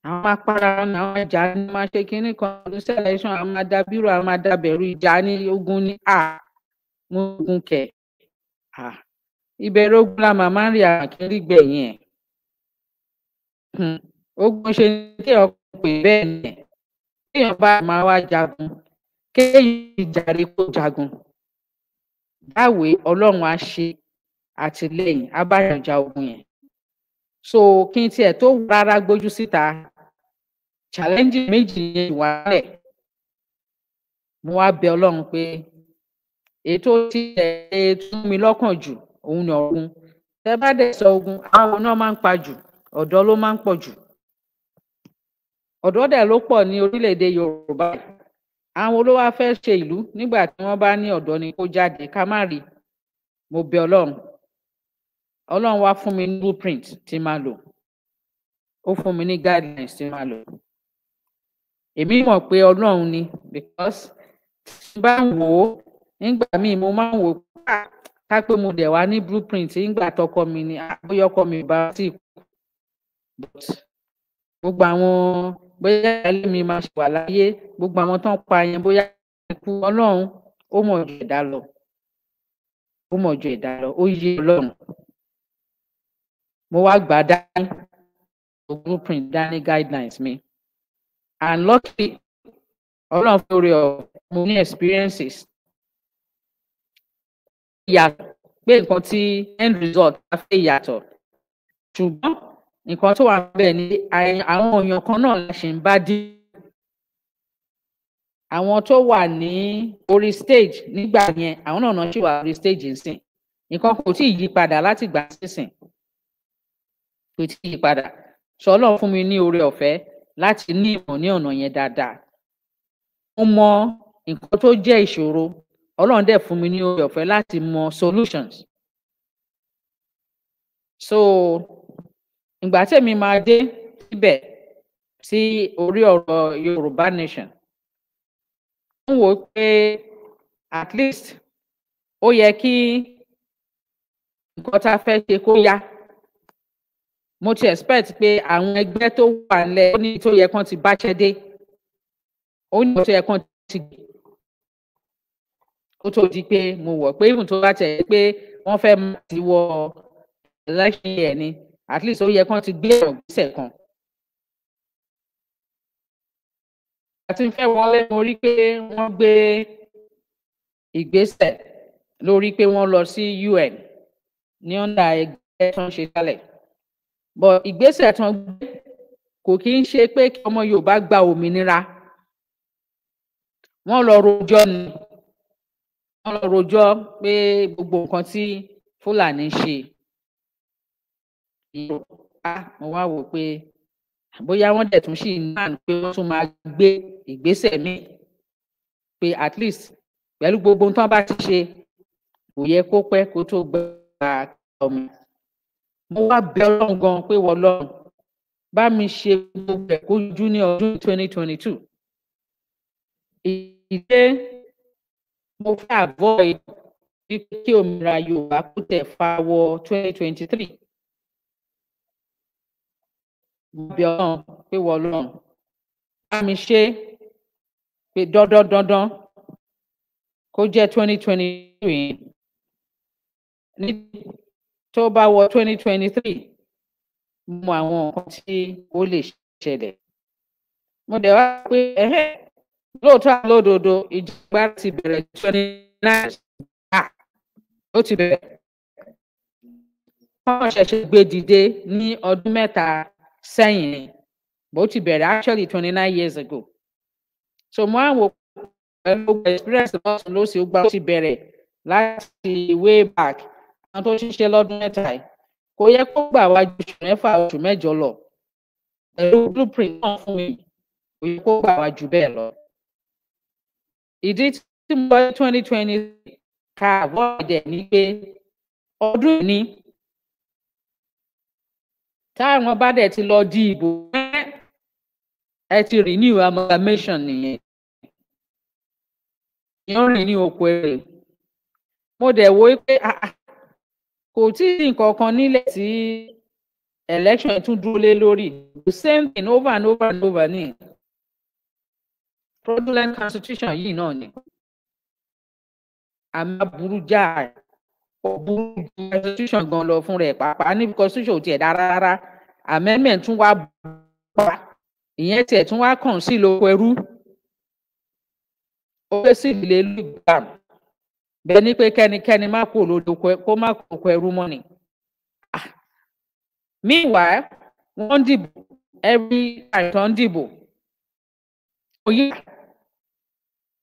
àwọn máa para ọ̀nà àwọn ìjà ni máa ṣe kínní kan ọdún selection àwọn máa àwọn máa ìjà ní ogun ní à mo gun kẹ̀ ibẹ̀rù ogun la màmá ń rí àkírí gbẹ̀yìn ẹ̀. Hmm. ogun ṣe ni kéèyàn pè bẹ́ẹ̀ ni kéèyàn bá máa wá jagun kéèyàn jàre kó jagun báwèé ọlọ́run á ṣe àtìlẹ́yìn abáyànjá ogun yẹn so kí n tiẹ̀ tó rárá gbójú síta challenge méjì yẹn wà lẹ̀ mo wá bẹ ọlọ́run pé ètò tí ẹ tún mi lọ́kàn jù òun ni ọ̀gun tẹ bá dẹ̀ sọ ogun àwọn náà máa ń pa jù ọ̀dọ́ ló máa ń pọ̀ jù ọ̀dọ́ dẹ̀ ló pọ̀ ní orílẹ̀-èdè yorùbá àwọn olówó fẹ́ ṣe ìlú nígbà tí wọ́n bá ní ọ̀dọ́ ni kó jáde ká má rí mo bẹ̀ ọlọ́run ọlọ́run wá fún mi ní blueprint tí máa lò ó fún mi ní guidelines tí máa lò èmi mọ̀ pé ọlọ́run ni because tí bá ń wò ó nígbà míì mo máa ń wò ó ah, ká pé mo dẹ̀ wá ní blueprint nígbà tọkọ mi ni àbóyọkọ ah, mi bá sì but gbogbo àwọn bóyá ìyáálé mi máa ṣe wà láyé gbogbo àwọn tó ń pa yẹn bóyá ikú ọlọ́run ó mọ̀ ju ẹ̀dá lọ ó mọ̀ ju ẹ̀dá lọ ó yé ọlọ́run mo wá gbà dání blueprint dání guidelines mi and luckily ọlọ́run fún orí ọ̀ mo ní experiences ìyàtọ̀ pé nǹkan tí end result á fẹ́ yàtọ̀ ṣùgbọ́n nǹkan tó wà bẹ́ẹ̀ ni àwọn èèyàn kan náà la ṣì ń bá dín àwọn tó wà ní orí stage nígbà yẹn àwọn náà náà ṣì wà orí stage nsìn nǹkan kò tí ì yí padà láti gbà sísìn kò tí ì yí padà sọlọ fún mi ní oore ọ̀fẹ́ láti ní ìmọ̀ ní ọ̀nà yẹn dáadáa mo mọ nǹkan tó jẹ́ ìṣòro Ọlọ́run dẹ̀ fún mi ní oore ọ̀fẹ́ láti mọ solutions so ìgbà tẹ̀mí máa dé síbẹ̀ sí orí ọ̀rọ̀ Yorùbá nation ń wò pé at least ó yẹ kí nǹkan tá a fẹ́ ṣe kó yá mo ti expect pé àwọn ẹgbẹ́ tó wà nílẹ̀ ó ní tó yẹ kán ti báṣẹ́ dé ó ní tó yẹ kán ti gbé ó tó di pé mo wọ̀ pé even tó bá tẹ̀ pé wọ́n fẹ́ máa ti wọ election year ni at least ó yẹ kán ti gbé ọ̀rọ̀ gbèsè kan. àti fẹ́ wọlé mo rí pé wọ́n gbé ìgbésẹ̀ lórí pé wọ́n lọ sí UN ní ọ̀nà ẹgbẹ́ tó ń ṣe sálẹ̀ bọ̀ ìgbésẹ̀ tán gbé kò kí ń ṣe pé kí ọmọ Yorùbá gba òmìnira wọ́n lọ rojọ́ ni wọ́n lọ rojọ́ pé gbogbo nǹkan tí Fúlàní ń ṣe mo wá wò pé bóyá wọ́n dẹ̀ tún sì ń plan pé wọ́n tún máa gbé ìgbésẹ̀ míì pé at least pẹ̀lú gbogbo ohun tí wọ́n bá ti ṣe kò yẹ kó pẹ́ kó tó gba ọmọ mo wá bẹ ọlọ́run gan pé wọ́n lọ́run bá mi ṣe gbogbo ẹ̀ kó ní ọdún twenty ìdílé mo fẹ́ avoid kí òmìnira yorùbá kó tẹ̀ fa wọ twenty bí Ọlọ́run pé wọ Ọlọ́run bá mi ṣe pé dandan dandan kó jẹ́ twenty twenty three ní tó bá wọ twenty twenty three mọ àwọn nǹkan tí ó lè ṣẹlẹ̀ mo dẹ̀ wá pé ẹ̀hẹ́ lóòótọ́ lódodo ìjọba ti bẹ̀rẹ̀ twenty nine ó ti bẹ̀rẹ̀ wọ́n ṣẹ̀ṣẹ̀ gbé dìde ní ọdún mẹ́ta sẹ́yìn bó ti bẹ̀rẹ̀ actually twenty nine years ago so mo á wò pẹ̀lú experience lọ́sùn lọ́sì ó gba ó ti bẹ̀rẹ̀ láti way back àwọn tó ṣiṣẹ́ lọ́dún mẹ́ta yìí kò yẹ kó gbà wá ju oṣù mẹ́fà oṣù mẹ́jọ lọ pẹ̀lú blueprint náà fún mi kò yẹ kó gbà wá ju lọ. ìdí tí mo lọ twenty twenty ká àbọ̀ ẹ̀dẹ̀ ni pé ọdún ní táwọn bá dẹ̀ ti lọ di ìbò ẹ ti renew amalgamation nìyẹn èèyàn rìn ní oko èrè mo dẹ̀ wo pé kò tí ì nǹkan kan nílẹ̀ tí election tún dúró lé lórí the same thing over and over and over ní fraudulent constitution yìí náà ni àmì aburú jáà burú constitution gan lọ fún rẹ̀ pàápàá níbi constitution ò tiẹ̀ dára rárá amendment tún wá bá ìyẹn tiẹ̀ tún wá kàn sí lóko ẹrú ó fẹ́ sì lè lù gbàm bẹ́ẹ̀ ni pé kẹ́nikẹ́ni má kó lóko kó má kó lóko ẹrú mọ́ ni. Ah! meanwhile wọ́n dìbò every time tó ń dìbò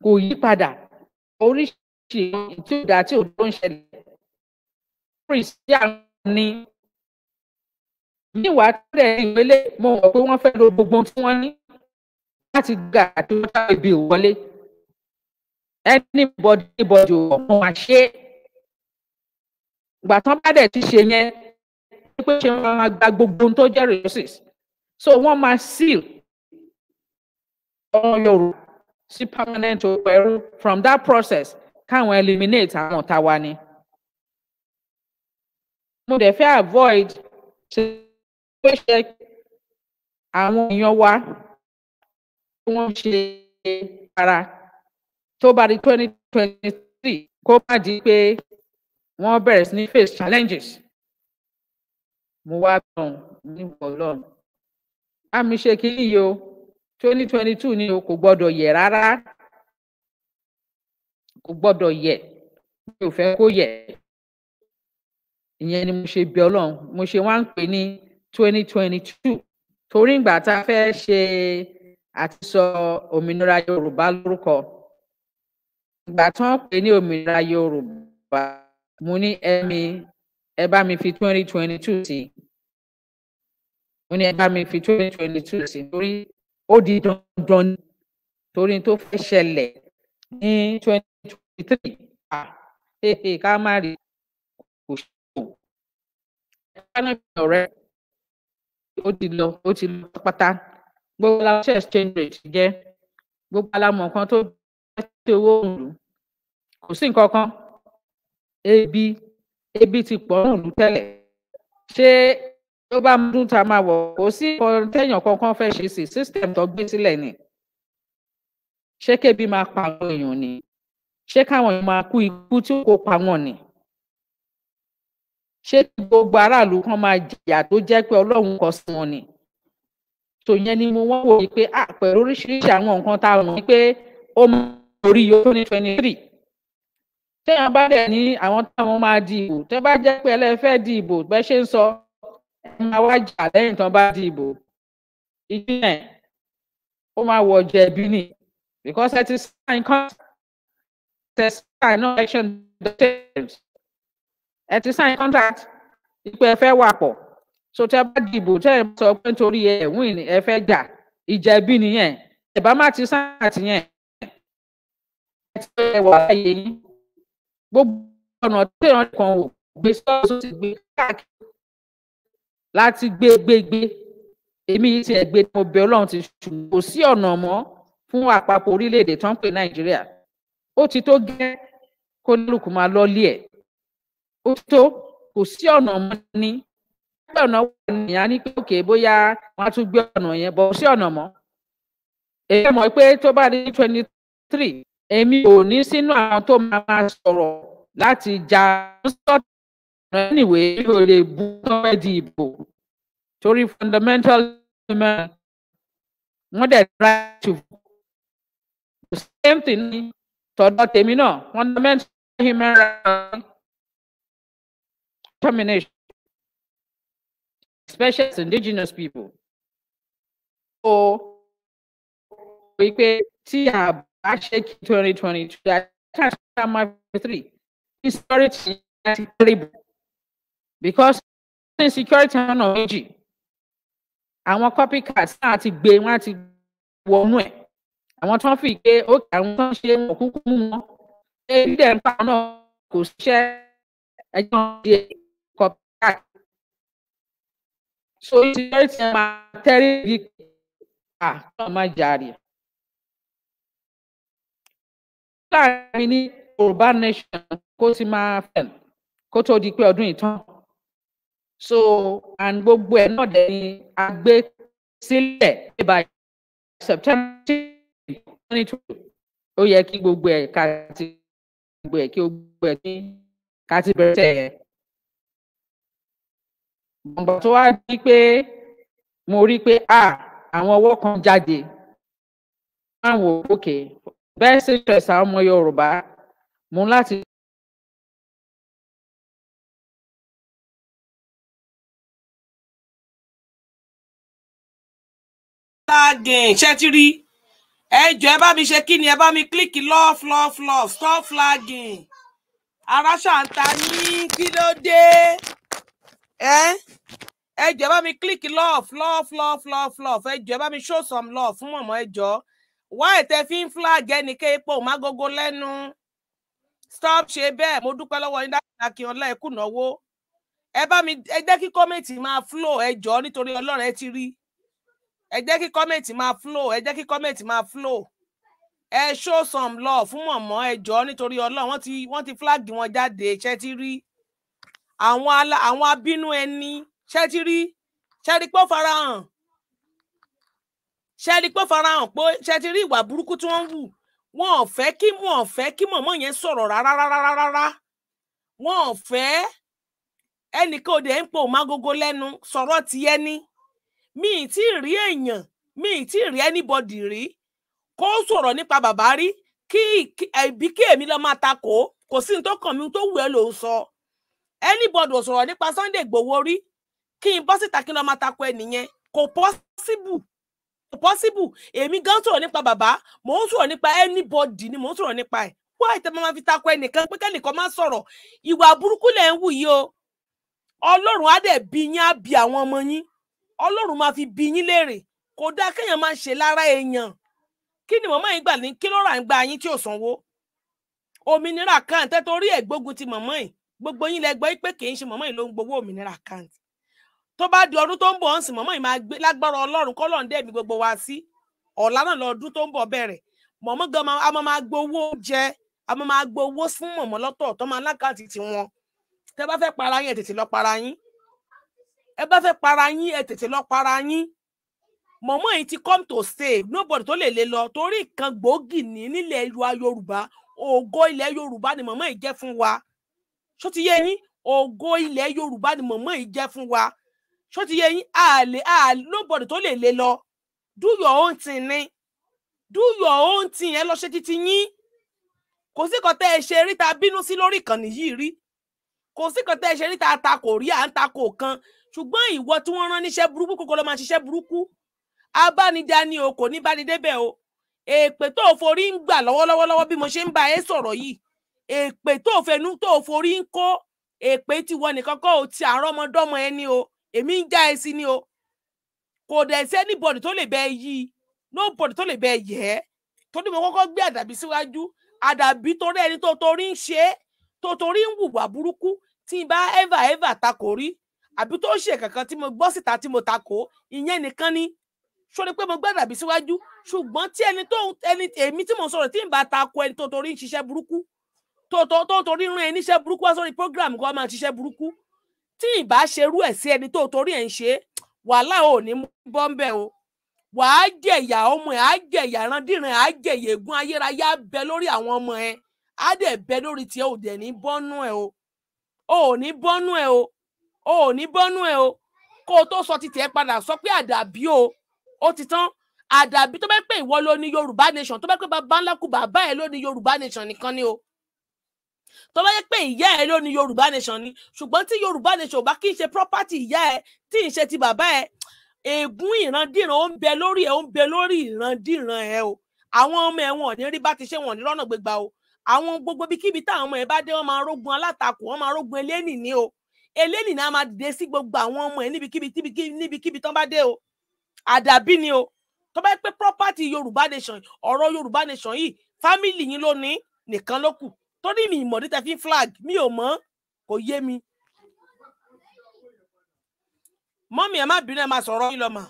kò yí padà oríṣiríṣi tí ó tí ò ń ṣẹlẹ̀ christian ni tẹ́lẹ̀ ìwélé mo mọ̀ pé wọ́n fẹ́ lo gbogbo tí wọ́n ní láti gbà tó dáwọ́ ibi ìwọlé anybody body, ò mọ̀ wá ṣe é ìgbà tán bá dẹ̀ ti ṣe yẹn pé ṣe máa gba gbogbo tó jẹ́ resources so wọ́n máa seal ọ̀rọ̀ yorùbá sí permanent oko from that process káwọn eliminate àwọn ọ̀tá ni mo dẹ̀ fẹ́ avoid ṣe pé ṣe àwọn èèyàn wa tí wọ́n ṣe ara tó bá di twenty twenty three kó má di pé wọ́n bẹ̀rẹ̀ sí ní face challenges mo wá bẹ̀rùn níwọ̀ ọlọ́run bá mi ṣe kínní yìí o twenty twenty two ni o kò gbọ́dọ̀ yẹ̀ rárá kò gbọ́dọ̀ yẹ̀ mi ò fẹ́ kó yẹ̀ ìyẹn ni mo ṣe bí Ọlọ́run mo ṣe wá ń pè ní twenty twenty two torí ìgbà tá a fẹ́ ṣe àti sọ òmìnira Yorùbá lórúkọ ìgbà tí wọ́n pè ní òmìnira Yorùbá mo ní ẹmi ẹ bá mi fi twenty twenty two sí mo ní ẹ bá mi fi twenty twenty two sí torí ó di dandan torí tó fẹ́ ṣẹlẹ̀ ní twenty twenty three ká má rí náà ọ̀rẹ́ ó ti lọ ó ti lọ pátá gbogbo la ṣe exchange rate jẹ́ gbogbo alamọ̀ kan tó jẹ́ owó òǹlù kò sí nǹkan kan ebi ebi ti pọ̀ òǹlù tẹ́lẹ̀ ṣé tó bá dún ta máa wọ̀ kò sí nǹkan tẹ̀yàn kankan fẹ́ ṣe sí system tó gbé sílẹ̀ ni ṣé kébi máa pa àwọn èèyàn ni ṣé káwọn èèyàn máa kú ikú tí kò pa wọn ni ṣé gbogbo aráàlú kan máa jìyà tó jẹ́ pé ọlọ́run kọ sí wọn ni tò yẹn ni mo wọ́n wò yí pé pẹ̀lú oríṣiríṣi àwọn nǹkan tá a mọ̀ pé ó máa orí yóò tó ní twenty three téèyàn bá dẹ̀ ní àwọn táwọn máa di ìbò tẹ́ bá jẹ́ pé ẹlẹ́fẹ́ di ìbò bẹ́ ṣe ń sọ ẹ máa wá jà lẹ́yìn tán bá di ìbò ìpínlẹ̀ ó máa wọ jẹ̀bi ni because ẹ ti sign contract ẹ sign election documents ẹ ti sign contract ìpè ẹ fẹ́ wà pọ̀ so tẹ bá dìbò tẹ ẹ sọ pé nítorí ẹ win ẹ fẹ́ jà ìjà ẹbí nìyẹn ẹ bá má ti sign àti yẹn ẹ ti fẹ́ wà láyé yín gbogbo ọ̀nà tí èèyàn kan wò gbé sọ́ọ́ tó ti gbé káàkiri láti gbé gbé gbé èmi yìí ti ẹgbẹ́ mo bẹ̀ Ọlọ́run ti ṣùgbọ́n kò sí ọ̀nà mọ́ fún àpapọ̀ orílẹ̀-èdè tó ń pè Nàìjíríà ó ti tó gẹ́ kó lùkù máa lọ́ọ́lé ẹ̀ ó tó kò sí ọ̀nà mọ́ ni pé ọ̀nà wà nìyà ní pé òkè bóyá wọ́n á tún gbé ọ̀nà yẹn bọ̀ sí ọ̀nà mọ́ èyí mọ̀ pé tó bá di twenty three èmi ò ní sínú àwọn tó máa máa sọ̀rọ̀ láti ja sọ̀tọ̀ anyway mi ò lè bu ọ̀rẹ́ di ìbò torí fundamental human wọ́n dẹ̀ right to vote the same thing tọ̀dọ̀ tèmi náà fundamental human right. determination, especially as indigenous people. So we can see how actually 2022 that my three insecurity because insecurity technology àwọn copycats náà ti gbé to ti wọnú tó ń fi I want tó ń ṣe òkúkú mú wọn èyí so security ẹ máa tẹ́rí bí à kọ́ máa jàre. láàrin mi ní Yorùbá nation kó ti máa fẹ̀ kó tó di pé ọdún ìtàn so and gbogbo ẹ̀ náà dẹ̀ ni a gbé sílẹ̀ nígbà September twenty two ó yẹ kí gbogbo ẹ̀ ká ti gbogbo ẹ̀ kí gbogbo ẹ̀ ká ti bẹ̀rẹ̀ sẹ́yìn gbọ̀ngbọ̀n tó wá di pé mo rí pé a àwọn ọwọ́ kan jáde àwọn òkè bẹ́ẹ̀ ṣe stress àwọn ọmọ Yorùbá mo láti. flagging ṣe ti rí ẹ jọ ẹ bá mi ṣe kí ni ẹ bá mi kílíkì love love love stop flagging aráṣà ń ta ní kí ló dé ẹ ẹ jẹ́ bá mi click love love love love love ẹ jẹ́ bá mi show some love fún mọ̀mọ́ ẹ jọ wá ètè fi ń flag ẹnìké epo mágogo lẹ́nu stop ṣe bẹ́ẹ̀ mo dúpẹ́ lọ́wọ́ yín dáadáa kí ọlá ẹ kùnáwó ẹ bá mi ẹ jẹ́ kí kọ́mẹ̀tì máa flow ẹ jọ nítorí ọlọ́run ẹ ti rí ẹ jẹ́ kí kọ́mẹ̀tì máa flow ẹ jẹ́ kí kọ́mẹ̀tì máa flow ẹ show some love fún mọ̀mọ́ ẹ jọ nítorí ọlọ́run wọ́n ti wọ́n ti flag wọn jáde ṣẹ́ ti rí àwọn ala àwọn abínú ẹni ṣẹ́tírí ṣẹ́rí pé ó farahàn ṣẹ́rí pé ó farahàn pé ṣẹ́tírí ìwà burúkú tí wọ́n ń wù wọn ò fẹ́ kí wọn ò fẹ́ kí mọ̀mọ́ yẹn sọ̀rọ̀ rárá rárá rárá wọn ò fẹ́ ẹnìkan òde ń pò mágogo lẹ́nu sọ̀rọ̀ ti ẹni mi ì tí ì rí èèyàn mi ì tí ì rí anybody rí kó sọ̀rọ̀ nípa bàbá rí kí ẹ̀bí kí èmi lọ́ọ́ máa ta kó kò sí ní tó kàn mí tó wù ẹ́ lòún sọ. So anybody was running, nípa Sunday Igboho worry. kí n bọ́ síta kí n lọ́ọ́ máa takò ẹnìyẹn kò possible kò possible èmi gan sọ̀rọ̀ nípa bàbá mò ń sọ̀rọ̀ anybody ni mò ń sọ̀rọ̀ nípa Why wá Mama máa fi takò ẹnìkan pé kẹ́nìkan máa sọ̀rọ̀ ìwà burúkú lẹ̀ ń wù yìí o ọlọ́run á dẹ̀ bí yín á bí àwọn ọmọ yín ọlọ́run máa fi bí yín léèrè kò dáa kéèyàn máa ṣe lára èèyàn kí ni màmá yín gbà ní kí ló rà ń gba yín tí ò kan àtẹ́torí ẹ̀ gbógun ti màmá yìí gbogbo yín lẹ gbọ́ pé kì í ṣe mọ̀mọ́ yìí ló ń gbowó òmìnira àkáǹtì tó bá di ọdún tó ń bọ̀ ọ̀hún sì mọ̀mọ́ yìí máa gbé lágbára ọlọ́run kọ́ lọ́n dẹ̀bi gbogbo wa sí ọ̀la náà lọ́dún tó ń bọ̀ bẹ̀rẹ̀ mọ̀mọ́ gan a máa máa gbowó jẹ a máa máa gbowó fún mọ̀mọ́ lọ́tọ̀ tó máa lákàtì ti wọn tẹ bá fẹ́ para yín ẹ tètè lọ para yín ẹ bá fẹ́ para yín ẹ tètè lọ para yín mọ̀mọ́ yìí ti come to stay nobody tó lè lè lọ torí nǹkan gbòógì ní nílẹ̀ Yorùbá ògo ilẹ̀ Yorùbá ni mọ̀mọ́ yìí jẹ́ fún wa ṣó ti yé yín ògo ilẹ̀ yorùbá ni mọ̀mọ́ yìí jẹ́ fún wa ṣó ti yé yín àlè àlè nobody tó lè lè lọ do your own thing ni do your own thing ẹ lọ ṣe títí yín kò sí kan tẹ́ ẹ ṣe rí ta bínú sí lórí ìkànnì yìí rí kò sí kan tẹ́ ẹ ṣe rí ta takò rí à ń takò kan ṣùgbọ́n ìwọ tí wọ́n rán níṣẹ́ burúkú kókó ló máa ṣiṣẹ́ burúkú abánidání o kò ní bá ní débẹ̀ o èpè tó o forí ń gbà lọ́wọ́lọ́wọ́ bí mo ṣe ń bá ẹ sọ̀rọ̀ yìí èpè tó fẹnu tó forí ń kó èpè tí wọ́n nìkan kọ́ ò ti àárọ̀ ọmọdọ́mọ ẹni o èmi ń já ẹ sí ni o kò dẹ̀ sí anybody tó lè bẹ́ẹ̀ yí nobody tó lè bẹ́ẹ̀ yẹ ẹ́ tó ní mo kọ́kọ́ gbé àdàbí síwájú àdàbí torí ẹni tó torí ń ṣe é tó torí ń wùwà burúkú tí n bá ẹ́và ẹ́và takò rí àbí tó ṣe kankan tí mo gbọ́ síta tí mo takò ìyẹn nìkan ni sórí pé mo gbé àdàbí síwájú ṣùgbọ́n tí ẹni tó ẹni èmi tí mo sọ̀rọ̀ tí n bá takò ẹni tó torí ń ṣiṣẹ́ burúkú tó tó tó torí rán ẹ níṣẹ́ burúkú wá sórí program kó wá máa ṣiṣẹ́ burúkú tí ìbá ṣerú ẹ̀ sí ẹni tó torí ẹ̀ ń ṣe wàhálà ò ní bọ́ńbẹ́ o wàá jẹ̀yà ọmọ ẹ̀ á jẹ̀yà randíran á jẹ̀yà ègún ayérayé á bẹ lórí àwọn ọmọ ẹ̀ á dẹ̀ bẹ lórí tiẹ̀ ò dẹ̀ ní bọ́nú ẹ̀ o ò ní bọ́nú ẹ̀ o ò ní bọ́nú ẹ̀ o kó o tó sọ ti tiẹ̀ padà sọ pé àdàbí o ó ti tán àdàbí tó bẹ́ẹ̀ pé ìwọ ló ní yorùbá nation tó bẹ́ẹ̀ pé bàbá ńlá kù bàbá ẹ̀ ló ní yorùbá nation nìkan ni o tó bá yẹ pé ìyá ẹ ló ní yorùbá nation ni ṣùgbọ́n tí yorùbá nation bá kí n ṣe property ìyá ẹ tí n ṣe ti bàbá ẹ ègún ìrandíran ó ń bẹ lórí ẹ ó ń bẹ lórí ìrandíran ẹ o àwọn ọmọ ẹ wọn ò ní rí bá ti ṣe wọn ní lọ́nà gbégbá o àwọn gbogbo bí kíbi táwọn ọmọ ẹ bá dé wọn máa rógun alátakò wọn máa rógun eléni ní o eléni náà máa dìde sí gbogbo àwọn ọmọ ẹ níbikíbi níbikíbi tán bá dé o àdàbí ni o tó bá yẹ pé property yorùbá nation ọ̀rọ̀ yorùbá nation yìí family yín ló ní nìkan ló kù torí mi ìmọ̀ níta fi flag mi ò mọ̀ kò yé mi. mọ́mí ẹ̀ má bínú ẹ̀ má sọ̀rọ̀ yín lọ́mọ.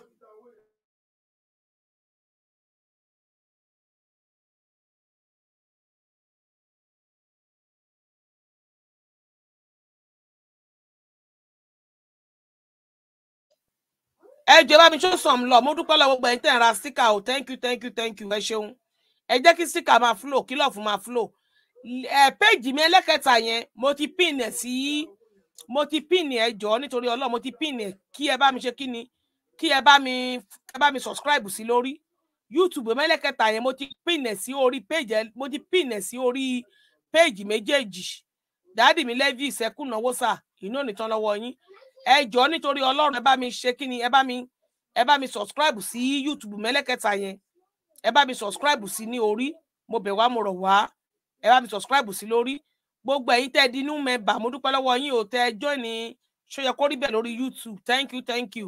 ẹ jẹ́ bá mi show some love mo dúpẹ́ lọ́wọ́ gbogbo ẹ̀yin tẹ́ ń ra sticker o thank you thank you thank you ẹ ṣeun ẹ jẹ́ kí sticker máa flow kí lọ́ọ̀fù máa flow ẹ eh, péjì mi ẹlẹ́kẹta yẹn mo ti pin ẹ̀ sí mo ti pin ẹ̀ jọ nítorí ọlọ́run mo ti pin ẹ̀ kí ẹ bá mi ṣe kí ni kí ẹ bá mi ẹ bá mi subscribe sí lórí youtube mẹ́lẹ́kẹta yẹn mo ti pin ẹ̀ sí orí péjì mo ti pin ẹ̀ sí orí péjì méjèèjì dáàdì mi lẹ́jì ìṣẹ́kùnáwó sà inú ònìtàn lọ́wọ́ yín ẹ jọ nítorí ọlọ́run ẹ bá mi ṣe kí ni ẹ bá mi ẹ bá mi subscribe sí youtube mẹ́lẹ́kẹta yẹn ẹ bá mi subscribe sí ní orí mo bẹ̀ wá mo rọ̀ wá ẹ bá mi subscribe sí lórí gbogbo ẹ̀yin tẹ́ di inú mẹ́bà mo dúpẹ́ lọ́wọ́ yín ò tẹ́ ẹ join ṣó yẹ kó lórí youtube thank you thank you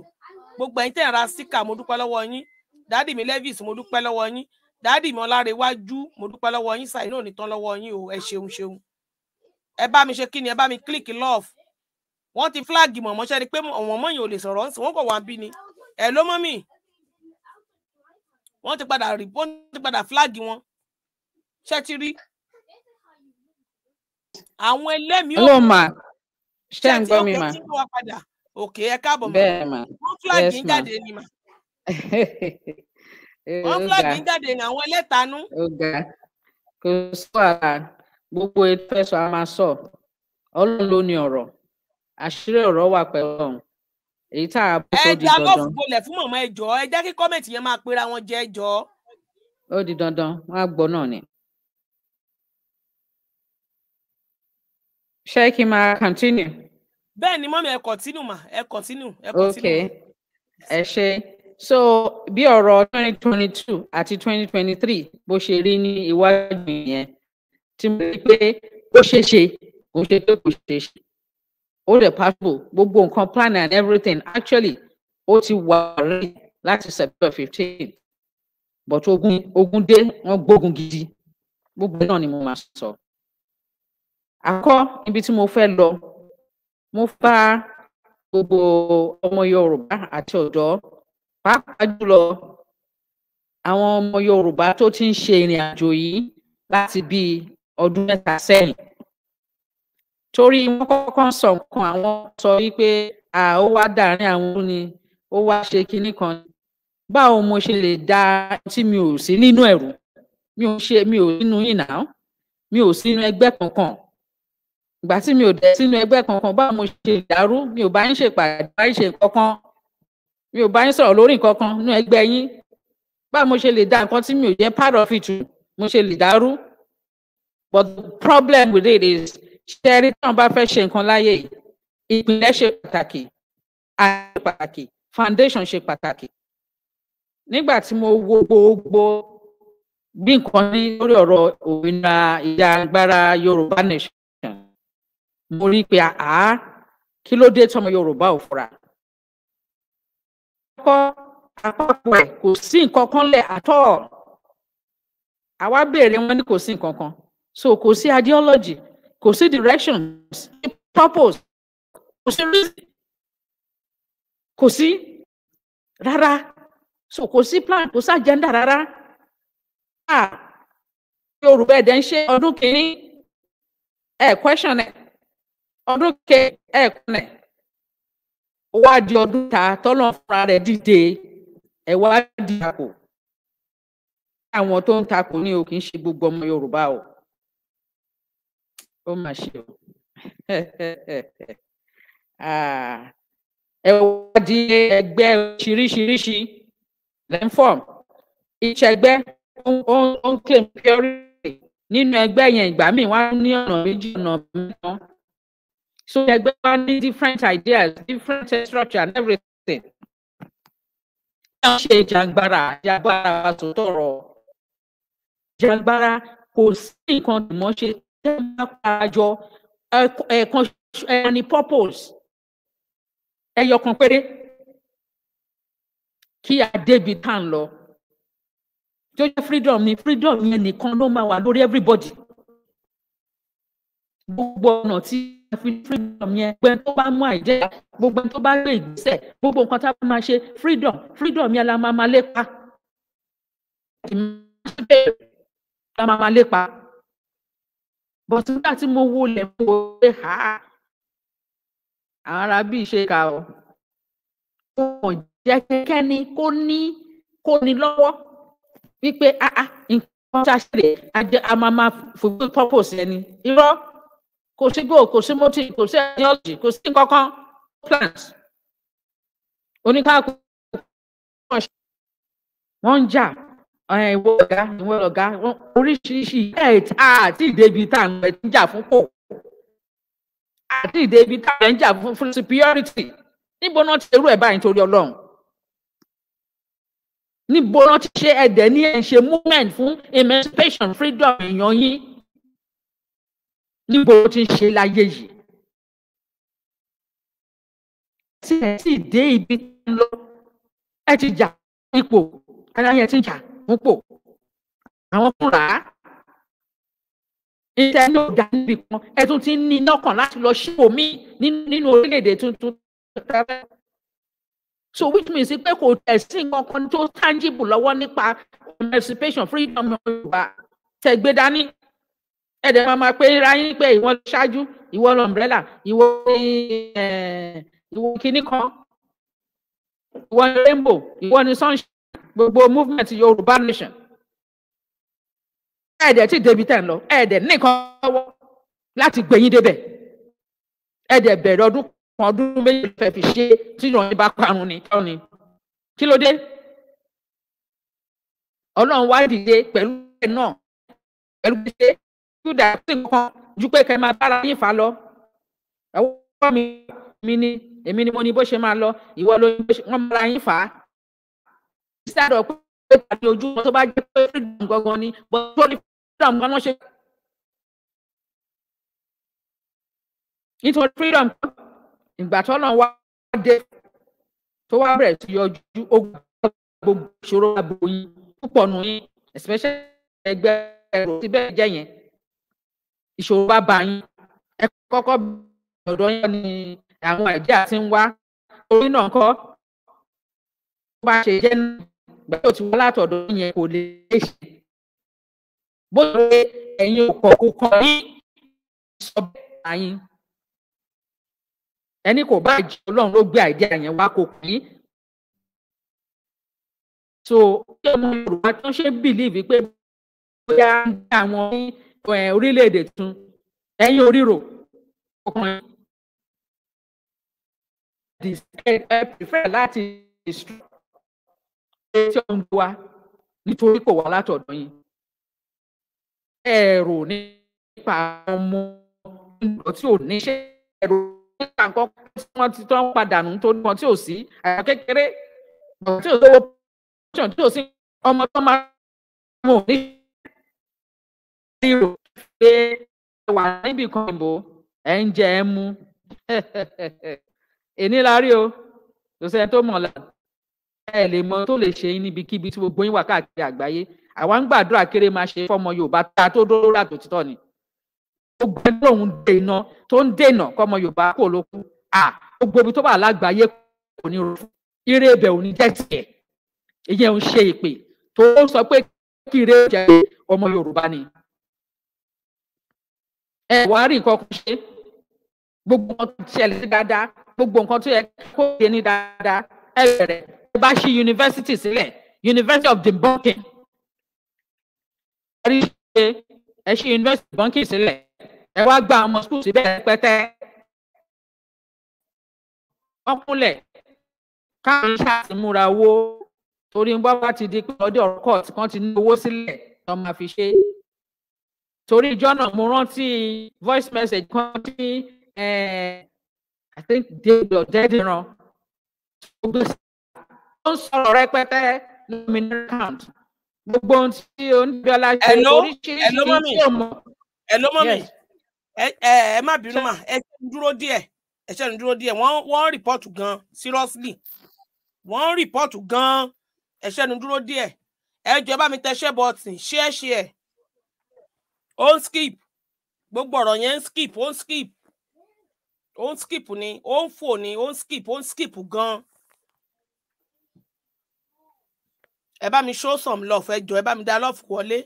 gbogbo ẹ̀yin tẹ́ ẹ ra síkà mo dúpẹ́ lọ́wọ́ yín dáàdì mi levis mo dúpẹ́ lọ́wọ́ yín dáàdì mi ọlárẹ̀wájú mo dúpẹ́ lọ́wọ́ yín sàyìn náà nìtàn lọ́wọ́ yín o ẹ ṣeun ṣeun ẹ bá mi ṣe kí ni ẹ bá mi click love wọ́n ti flag mọ̀mọ́ ṣe ni pé mọ̀mọ́ yìí ò lè sọ̀rọ̀ ńsìn wọ́n kò wá bí ni ẹ ló mọ́ mi wọ́n ti padà rí wọ́n ti padà flag wọn ṣẹ́ ti rí àwọn ẹlẹ́mìí òkú ṣe ń gbọ́ mi mà òkè ẹ káàbọ̀ mà wọ́n fúlàgì jáde ni mà (laughs) wọ́n fúlàgì jáde ni àwọn ẹlẹ́tanú. kò sọ àrà gbogbo ètò ẹ̀sọ́ a máa sọ ọlọ́run ló ní ọ̀rọ̀ àṣírí ọ̀rọ̀ wà pẹ̀lú ọ̀hún èyí tá a bó di dandan. ẹ jẹ́ agọ́fù bolẹ̀ fún mọ̀mọ́ ẹjọ́ ẹ jẹ́ kí kọ́mẹ̀tì yẹn máa pera wọn jẹ́ ẹjọ́. ó di dandan wọn á gbọ́ náà ni. ṣé kí n máa continue. bẹ́ẹ̀ ni mọ́mí ẹ continue Ma, ẹ continue ẹ continue. ok ẹ ṣe so bí ọ̀rọ̀ twenty twenty two àti twenty twenty three bó ṣe rí ní iwájú yẹn tí mo rí pé ó ṣeé ṣe kò ṣe pé kò ṣeé ṣe ó rẹ̀ pàṣẹ gbogbo nǹkan plan and everything actually ó ti wà rí láti September fifteen but ogun ogun dé wọ́n gbógun gidi gbogbo náà ni mo máa sọ. So àkọ́ ibi tí mo fẹ́ lọ mo fa gbogbo ọmọ yorùbá àti ọ̀dọ́ pàápàá jùlọ àwọn ọmọ yorùbá tó ti ń ṣe ìrìn àjò yìí láti bíi ọdún mẹ́ta sẹ́yìn torí wọ́n kọ́kọ́ sọ nǹkan àwọn sọ wípé à ó wá dàárín àwọn ọdún ni ó wá ṣe kinní kan báwo mo ṣe lè da tí mi ò sí nínú ẹ̀rù mi ò ṣe mi ò nínú yìí mi ò sí nínú ẹgbẹ́ kankan ìgbà tí mi ò dé sínú ẹgbẹ́ kankan báwo mo ṣe dàrú mi ò bá yín ṣèpàdé bá yín ṣe nǹkan mi ò bá yín sọ̀rọ̀ lórí nǹkan kan ẹgbẹ́ yín báwo mo ṣe lè dá nǹkan tí mi ò jẹ́ part of it mo ṣe lè dàrú but the problem with it is ṣe rí tí wọn bá fẹ́ ṣe nǹkan láyé yìí ìpìlẹ̀ ṣe pàtàkì àyè pàtàkì foundation ṣe pàtàkì nígbà tí mo wo gbogbo bí nǹkan ní lórí ọ̀rọ̀ òmìnira ìjà agbára Yorùbá nation mo rí i pé àá kí ló dé tọmọ yorùbá ò fura kọ́ àpapọ̀ ẹ̀ kò sí nǹkan kan lẹ̀ àtọ́ àwa béèrè wọn ní kò sí nǹkan kan so kò sí ideology kò sí direction kò sí purpose kò sí reason kò sí rárá so kò sí plan kò sí agenda rárá ah yorùbá ẹ̀dẹ̀ ń ṣe ọdún kìíní ẹ̀ question ẹ̀ ọdún ke ẹ̀kúnlẹ̀ ó wá di ọdún ta tọ́lọ́ fúnra rẹ̀ dìde ẹ̀ wá di àpò àwọn tó ń takò ní o kì í ṣe gbogbo ọmọ Yorùbá o ó mà ṣe o (laughs) ah, ẹ wá di ẹgbẹ́ oríṣiríṣi lenform ìṣẹ̀gbẹ́ ó ń claim purity nínú ẹgbẹ́ yẹn ìgbà míì wọ́n á ní ọ̀nà méjì ọ̀nà mẹ́ta So they're going to different ideas, different structure, and everything. jàǹgbára jàǹgbára jàǹgbára purpose ẹyọkan péré kí a débi tá ń lọ freedom ni freedom yẹn nìkan ló máa wà lórí everybody gbogbo tí fi freedom yẹn gbogbo ẹni tó bá mú àìjẹ́ gbogbo ẹni tó bá gbé ìgbésẹ̀ gbogbo nǹkan tá a máa ṣe freedom freedom yẹn la máa máa lépa la máa máa lépa bọ̀tú nígbà tí mo wo lẹ̀ mo wò pé ha àwọn ará ṣe kà ọ́ wọn jẹ́ kẹ́ni kó ní kó ní lọ́wọ́ wípé ah ah nǹkan tá a ṣe lè a máa máa fògbé purpose ẹni irọ́ kò sí goal kò sí motive kò sí ideology kò sí kankan plans oníkàkùn wọn ń jà ìwọ ọ̀gá ìwọ ọ̀gá oríṣiríṣi ẹ àti ìdèbí tá à ń lọ ń jà fún pò àti ìdèbí tá à ń jà fún fún superiority níbo náà ti rú ẹ báyìí nítorí Ọlọ́run níbo náà ti ṣe ẹdẹ ní ẹ ṣe movement fún emancipation freedom èèyàn yín níbo ló ti ń ṣe láyé yìí tí ẹ sì dé ibi tó ń lọ ẹ ti jà ipò ara yẹn ti jà nípò àwọn fúnra iṣẹ́ ní ọjà níbi kan ẹ tún ti ní iná kan láti lọ ṣípò míì nínú orílẹ̀-èdè tuntun so which means pé kò tẹ̀sí nǹkan tó tangible lọ́wọ́ nípa emancipation freedom Yorùbá tẹ̀gbẹ́dání ẹ̀dẹ̀ máa ma pé ráyín pé ìwọ ṣáájú ìwọ lọ́mbrẹ́là ìwọ eh, ìwọ kìíní kan ìwọ rainbow ìwọ ni sunshine gbogbo movement yorùbá nation ẹ̀dẹ̀ tí débi tẹ̀ ń lọ ẹ̀dẹ̀ nìkan lọ́wọ́ láti gbẹ̀yìn débẹ̀ ẹ̀dẹ̀ bẹ̀rẹ̀ ọdún kan ọdún méjì fẹ́ fi ṣe tí ìrànlẹ́ bá parun ni tọ́ni kí ló dé ọlọ́run wá dìde pẹ̀lú ẹ̀ náà pẹ̀lú pé júdà sí nǹkan ju pé kẹ́ máa bára yín fà lọ ọwọ́ mi mi ni èmi ni mo ní bó ṣe máa lọ ìwọ ló ní wọ́n bára yín fà á. sísàdọ̀ pé tàbí ojú wọn tó bá jẹ́ pé freedom gangan ni but tó ní freedom gan wọ́n ṣe. nítorí freedom ìgbà tó náà wá dé tó wá bẹ̀rẹ̀ sí yọjú ogun gbogbo ìṣòro àbòyìn púpọ̀ nù yín especially ẹgbẹ́ ẹ̀rọ síbẹ̀ jẹ́ yẹn ìṣòro bá bá yín ẹ kọ́kọ́ ọ̀dọ̀ yín ni àwọn àìdíà ti ń wá torí náà kọ́ bó bá ṣe jẹ́ ìgbà tó ti wá látọ̀dọ̀ yẹn kò lè ṣe bó ṣe pé ẹ̀yin òkò kò kọ́ yín sọ bẹ́ẹ̀ láyín ẹni kò bá jẹ́ ọlọ́run ló gbé àìdíà yẹn wá kò kù yín so ṣé ọmọ Yorùbá tó ṣe bìlíìfì pé bóyá àwọn ní orílẹ̀-èdè tún ẹ̀yin oríro ọkùnrin ẹ prefer láti tí ó ń wá nítorí kò wá látọ̀dọ̀ yín ẹ̀rù nípa àwọn ọmọ ìlú tí ò níṣẹ́ ẹ̀rù nípa nǹkan tí wọ́n ti tán padà nù nítorí wọn tí ò sí àyà kékeré ọ̀rọ̀ tí ò sí ọmọ tó máa ń mú ní rò pé ẹ wà níbi kan ìbò ẹ ń jẹ ẹ mú (laughs) èní la o kò sẹ́ni tó mọ̀ la ẹ lè mọ tó lè ṣe níbikíbi tí gbogbo yín wà káàkiri àgbáyé àwa ń gbàdúrà kéré máa ṣe fọmọ Yorùbá tá a tó dúró ràtò títọ́ ni gbogbo ẹni lòun dènà tó ń dènà kọmọ Yorùbá kò ló kú à gbogbo ibi tó wà lágbàáyé kò ní rú ire ibẹ̀ ò ní jẹ́ tiẹ̀ ìyẹn ń ṣe ìpè tó sọ pé kí ire jẹ́ ọmọ Yorùbá ni ẹ wá rí ìkọkọ ṣe gbogbo nǹkan tó ṣẹlẹ̀ sí dáadáa gbogbo nǹkan tó yẹ kó ṣe ní dáadáa ẹ bẹ̀rẹ̀ ẹ bá ṣí yunifásitì sílẹ̀ University of Debonkin ẹ rí ṣe ẹ ṣí University of Debonkin sílẹ̀ ẹ wá gba ọmọ skul síbẹ̀ pẹ́tẹ́ ọkùnlẹ̀ káàrin ṣàtìmúra owó torí ń bọ́ bá ti di pé ọdẹ ọ̀rọ̀ court kan ti ní owó sílẹ̀ tó máa fi ṣe torí jọ́nà mo rántí voice message kan tí i think david ọ̀dẹ́dìran tó gbé sí ó ń sọ̀rọ̀ rẹpẹtẹ nominal count gbogbo ohun tí oníbíọ́lá ṣe oríṣiríṣi tí ó mọ̀. ẹ ló mọ̀ mi ẹ má bínú mà ẹ ṣe ń dúró díẹ̀ ẹ ṣe ń dúró díẹ̀ wọ́n wọ́n rìpọ́ọ̀tù gan seriously wọ́n rìpọ́ọ̀tù gan ẹ ṣe ń dúró díẹ̀ ẹ jọ bá mi tẹ ṣẹ́ bọ́ọ̀tì ṣé ẹ ṣe ẹ̀ ó ń skip gbogbo ọ̀rọ̀ yẹn ń skip ó ń skip ó ń skip ni ó ń fò ni ó ń skip ó ń skip gan. ẹ bá mi show some love ẹ jọ ẹ bá mi dá love wọlé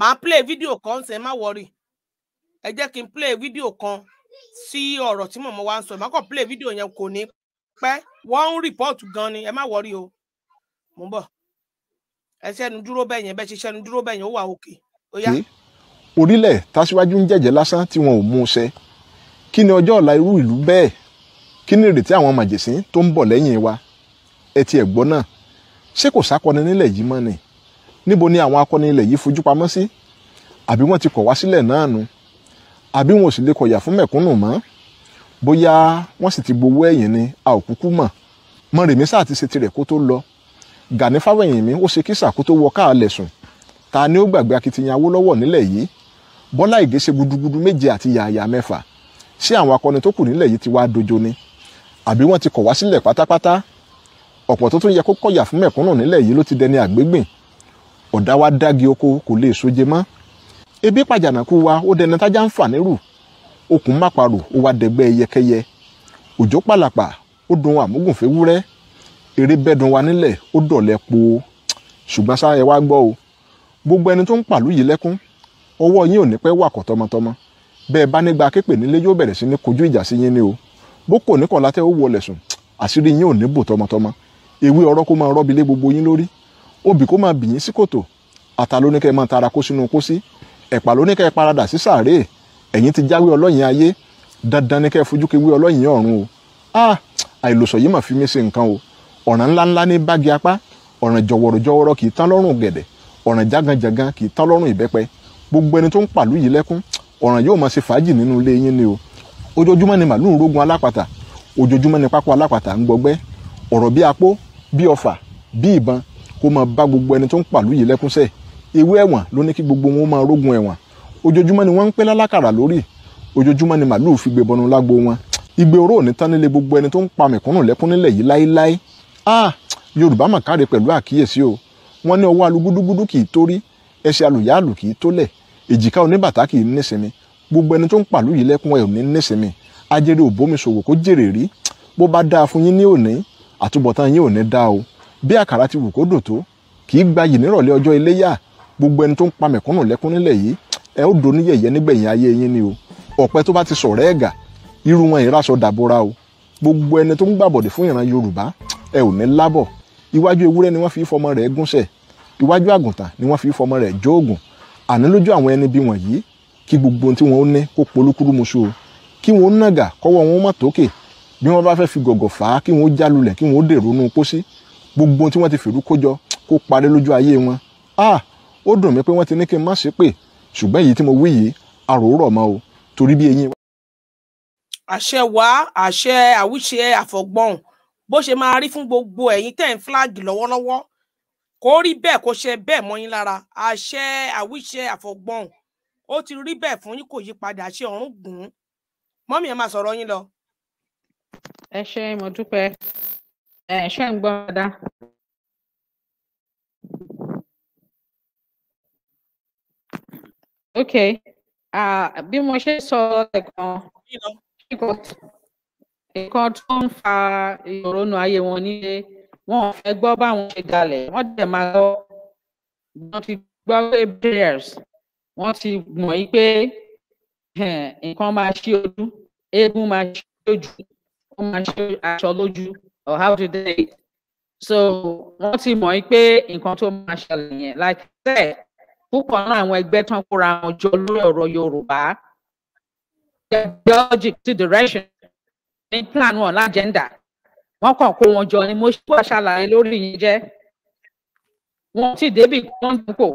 màá play video kan ṣe má worry ẹ jẹ́ kí n play video kan sí ọ̀rọ̀ tí mọ̀mọ́ wa ń sọ màá kàn play video yẹn kò ní pẹ́ wọ́n ń report gan ni ẹ má worry o mo ń bọ̀ ẹ ṣẹ́nu dúró bẹ́ẹ̀ yẹn bẹ́ẹ̀ ṣe ṣẹ́nu dúró bẹ́ẹ̀ yẹn ó wà òkè ó yá. Mm -hmm orílẹ̀ tásíwájú ń jẹ̀jẹ̀ lásán tí wọn ò mú un ṣẹ kí ni ọjọ́ ọ̀la irú ìlú bẹ́ẹ̀ kí ni ìrètí àwọn màjèsín tó ń bọ̀ lẹ́yìn wa ẹ tiẹ̀ náà ṣé kò sákọni nílẹ̀ yìí mọ́ ni níbo ni àwọn akọni ilẹ̀ yìí fojú pamọ́ sí àbí wọ́n ti kọ̀ wá sílẹ̀ náà nu àbí wọn ò sì lè kọ̀yà fún mẹ̀kúnnù mọ́ bóyá wọ́n sì ti gbowó ẹ̀yìn ni a ò kúkú mọ̀ Mọ́remí sáà ti ṣe tirẹ̀ kó tó lọ Gani Fáwẹ̀hìnmí ó ṣe kísà kó tó wọ káàlẹ̀ sùn ta ni ó gbàgbé akitiyan Awólọ́wọ̀ nílẹ̀ yìí Bọ́lá Ìgè ṣe gudugudu méje àti yàyà mẹ́fà ṣé àwọn akọni tó kù nílẹ̀ yìí ti wá dojo ni àbí wọ́n ti kọ̀ wá sílẹ̀ pátápátá ọ̀pọ̀ tó tún yẹ kó kọ̀yà fún mẹ̀kúnnù nílẹ̀ yìí ló ti dẹni àgbégbìn ọ̀dá wa dági oko kò lè soje mọ́ ebi pàjànàkú wa ó dẹni tájà ń fà nírù okùn máparò ó wá dẹgbẹ́ ẹyẹkẹyẹ òjò pàlàpà ó dun àmúgùnfẹ́wúrẹ́ eré bẹ́dùn wa nílẹ̀ ó dọ̀lẹ́ po ṣùgbọ́n sáà ẹ gbọ́ o gbogbo ẹni tó ń pàlú yìí lẹ́kún ọwọ́ yín ò ní pẹ́ wà kọ́ tọmọtọmọ bẹ́ẹ̀ bá nígbà képè nílé yóò bẹ̀rẹ̀ sí ní kojú ìjà sí yín ni o bó kò ní kàn látẹ́ ó wọlé sùn àṣírí yín ò ní bò tọmọtọmọ ewé ọ̀rọ̀ kó máa rọ́bi lé gbogbo yín lórí obì kó máa bì yín sí kòtò ata lóníkẹ́ máa tara kó sínú kó sí ẹ̀pà lóníkẹ́ paradà sí sàárè ẹ̀yin ti jáwé ọlọ́yin ayé dandan ní kẹ́ fojú kewé ọlọ́yin ọ̀run o ah àìlòsọ yìí mà fi mí ṣe nǹkan o ọ̀ràn ńláńlá ní bági apá ọ̀ràn jọ̀wọ̀rọ̀ jọ̀wọ̀rọ̀ kì í tán lọ́rùn gẹ̀dẹ̀ gbogbo ẹni tó ń pàlú yìí lẹ́kún ọ̀ràn yóò máa ṣe fàájì nínú ilé yín ni o ojoojúmọ́ ni màlúù ń rógun alápàtà ojoojúmọ́ ni pákó alápàtà ń gbọgbẹ́ ọ̀rọ̀ bí apó bí ọfà bí ìbọn kó máa bá gbogbo ẹni tó ń pàlú yìí lẹ́kún sẹ́ ewé ẹ̀wọ̀n ló ní kí gbogbo wọn máa rógun ẹ̀wọ̀n ojoojúmọ́ ni wọ́n ń pẹ́ lálákàrà lórí ojoojúmọ́ ni màlúù fi gbé bọnu lágbo wọn igbe oró òní tán nílé gbogbo ẹni tó ń pa mẹ̀kúnnù lẹ́kún nílẹ̀ yìí láéláé ah yorùbá mà káre pẹ̀lú àkíyèsí o wọ́n ní ọwọ́ alùgúdúgúdú kì í torí ẹsẹ̀ alùyáàlù kì í tólẹ̀ èjìká oníbàtà kì í nísinmi gbogbo ẹni tó ń pàlú yìí lẹ́kún ẹ̀ ò ní nísinmi ajẹ́rẹ́ òbómiṣòwò kó jèrè rí bó bá dáa fún yín ní òní àtúbọ̀tán yín ò ní o bí àkàrà ti wù kó dò tó kì í gbayì nírọ̀lẹ́ ọjọ́ iléyà gbogbo ẹni tó ń pa mẹ̀kúnnù lẹ́kún nílẹ̀ yìí ẹ ó dò níyẹ̀yẹ́ nígbẹ̀yìn ayé yín ni o ọ̀pẹ tó bá ti sọ̀rẹ́ ẹ̀gà irú wọn ìraṣọ dàbora o gbogbo ẹni tó ń gbàbọ̀dẹ̀ fún ìran yorùbá ẹ ò ní lábọ̀ iwájú ewúrẹ́ ni wọ́n fi fọmọ rẹ̀ gúnṣẹ̀ iwájú àgùntàn ni wọ́n fi fọmọ rẹ̀ jóògùn àní lójú àwọn ẹni bí wọ̀nyí kí gbogbo ohun tí wọ́n ní kó polúkúrúmuṣu kí wọ́n nàgà kọ́wọ́ wọn má tókè bí wọ́n bá fẹ́ fi gọ̀gọ̀ fà á kí wọ́n já kí wọ́n dèrò nù pósí gbogbo tí wọ́n ti fèrú kójọ kó parí lójú ayé wọn ah ó dùn mí pé wọ́n ti ní kí n má ṣe pé ṣùgbọ́n èyí tí mo wí yìí àròórọ̀ mọ́ o torí bí eyín. àṣẹ wá àṣẹ àwíṣe àfọ̀gbọ́n bó ṣe máa rí fún gbogbo ẹ̀yin tẹ́ ń fúláàgì lọ́wọ́lọ́wọ́ kó rí bẹ́ẹ̀ kó ṣe bẹ́ẹ̀ mọ́ yín lára àṣẹ àwíṣẹ àfọgbọ́n ó ti rí bẹ́ẹ̀ fún yín kò yí padà àṣẹ ọ̀run gùn ún mọ́mí ẹ máa sọ̀rọ̀ yín lọ. ẹ ṣe mo dúpẹ́ ẹ ṣe ń gbọ́ ọ̀dà. ok bí mo ṣe sọ ẹ̀kan nǹkan tó ń fa ìrònú ayé wọn nílé wọn ò fẹ́ gbọ́ báwọn ṣe dalẹ̀ wọ́n dẹ̀ máa lọ wọ́n ti gbọ́ pé prayers wọ́n ti mọ̀ yí pé nǹkan máa ṣí ojú eégún máa ṣí ojú ó máa ṣí aṣọ lójú or how to do it so wọ́n ti mọ̀ yí pé nǹkan tó máa ṣẹlẹ̀ yẹn like I said púpọ̀ náà àwọn ẹgbẹ́ tán kóra wọn jọ lórí ọ̀rọ̀ Yorùbá The logic to direction ní plan one agenda wọ́n kàn kó wọn jọ ni mo ṣe wá ṣàlàyé lórí yín jẹ́ wọn ti débì kan dúpọ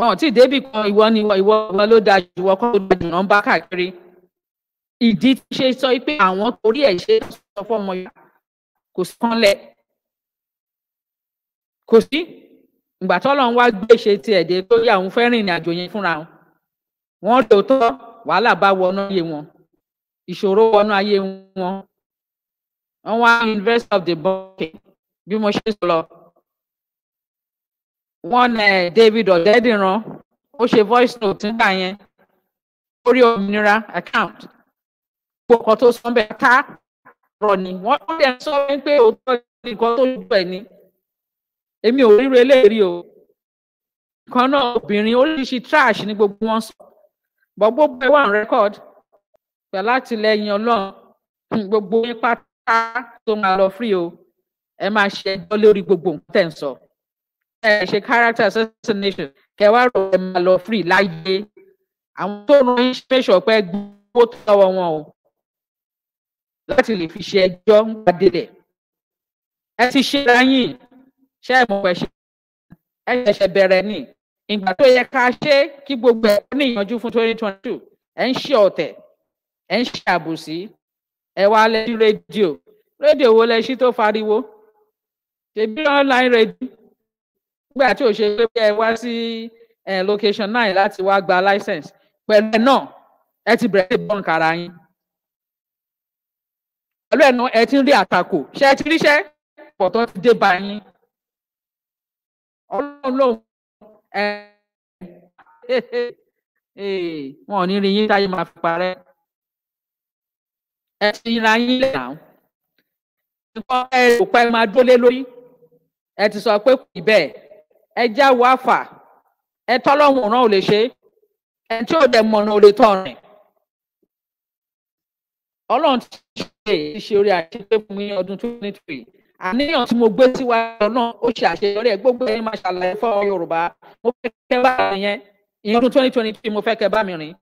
wọn ti débì kan ìwọ ni ìwọ ìwọ ló da jù ìwọ kan ló da jù náà ń bá káàkiri ìdí tí ṣe sọ pé àwọn torí ẹ̀ ṣe sọ fọmọ yà kò sí kánlẹ̀ kò sí ìgbà tọ́lọ́run wá gbé ṣe tiẹ̀ dé tó yà òun fẹ́ rìnrìn àjò yẹn fúnra wọn wọn lò tọ́ wàhálà bá wọnú ayé wọn ìṣòro wọnú ayé wọn wọn wá university of the bank, bí mo ṣe sọ lọ wọn David Ọ̀dẹ́dìran ó ṣe voice note nígbà yẹn lórí òmìnira account gbogbo kan tó sọ bẹ ká rọ ni wọn lè sọ pé òótọ́ nǹkan tó jù ẹ ni èmi ò ríro eléyìí o kan náà obìnrin oríṣi trash ni gbogbo wọn sọ gbogbo ẹ wà on record pẹ̀lú àtìlẹ́yìn Ọlọ́run gbogbo yín pátá ká tó máa lọ free o ẹ máa ṣe ẹjọ́ lórí gbogbo nǹkan tẹ̀ ń sọ ẹ ṣe character assassination kẹ wá ẹ máa lọ free láyé àwọn tó ń rán iṣẹ́ mẹ́sọ̀ pé gbogbo tó lọ́wọ́ wọn o láti lè fi ṣe ẹjọ́ ń gbàdélẹ̀ ẹ ti ṣe láyìn ṣe é mọ̀ pé ṣe ẹ ṣẹ̀ṣẹ̀ bẹ̀rẹ̀ ni ìgbà tó yẹ ká ṣe kí gbogbo ẹ̀ ní ìyanjú fún twenty twenty two ẹ̀ ń ṣe ọ̀tẹ̀ ẹ̀ ń ṣe àbòsí ẹ wá lẹ sí rédíò rédíò wo lẹ sí tó fariwo ṣèbí online rédíò nígbà tí ò ṣe pé ẹ wá sí location nine láti wá gba license pẹ̀lú ẹ náà ẹ ti bẹ̀rẹ̀ ìbọn kàrà yín pẹ̀lú ẹ̀nu ẹ ti ń rí àtakò ṣe ẹ ti ríṣẹ́ pọ̀ tó ti dé bá yín ọlọ́run ló ẹ (laughs) wọn ò ní rí yín táyé máa fi parẹ́ ẹ ti ra yín lẹ́nà nǹkan ẹ rò pé máa dúró lé lórí ẹ ti sọ pé kò rí bẹ́ẹ̀ ẹ jáwọ́ àfà ẹ tọ́lọ́hún ọ̀ràn ò lè ṣe ẹ tí ò dẹ̀ mọ̀ràn ò lè tọ̀rìn ọlọ́run ti ṣe ti ṣe orí àṣepé fún mi ọdún twenty three àníyàn tí mo gbé síwájú náà ó ṣe àṣeyọrí ẹ gbogbo ẹni máa ṣàlàyé fọ yorùbá mo fẹ́ kẹ́ bá mi yẹn ìyẹn ọdún twenty twenty three mo fẹ́ kẹ́ bá mi rìn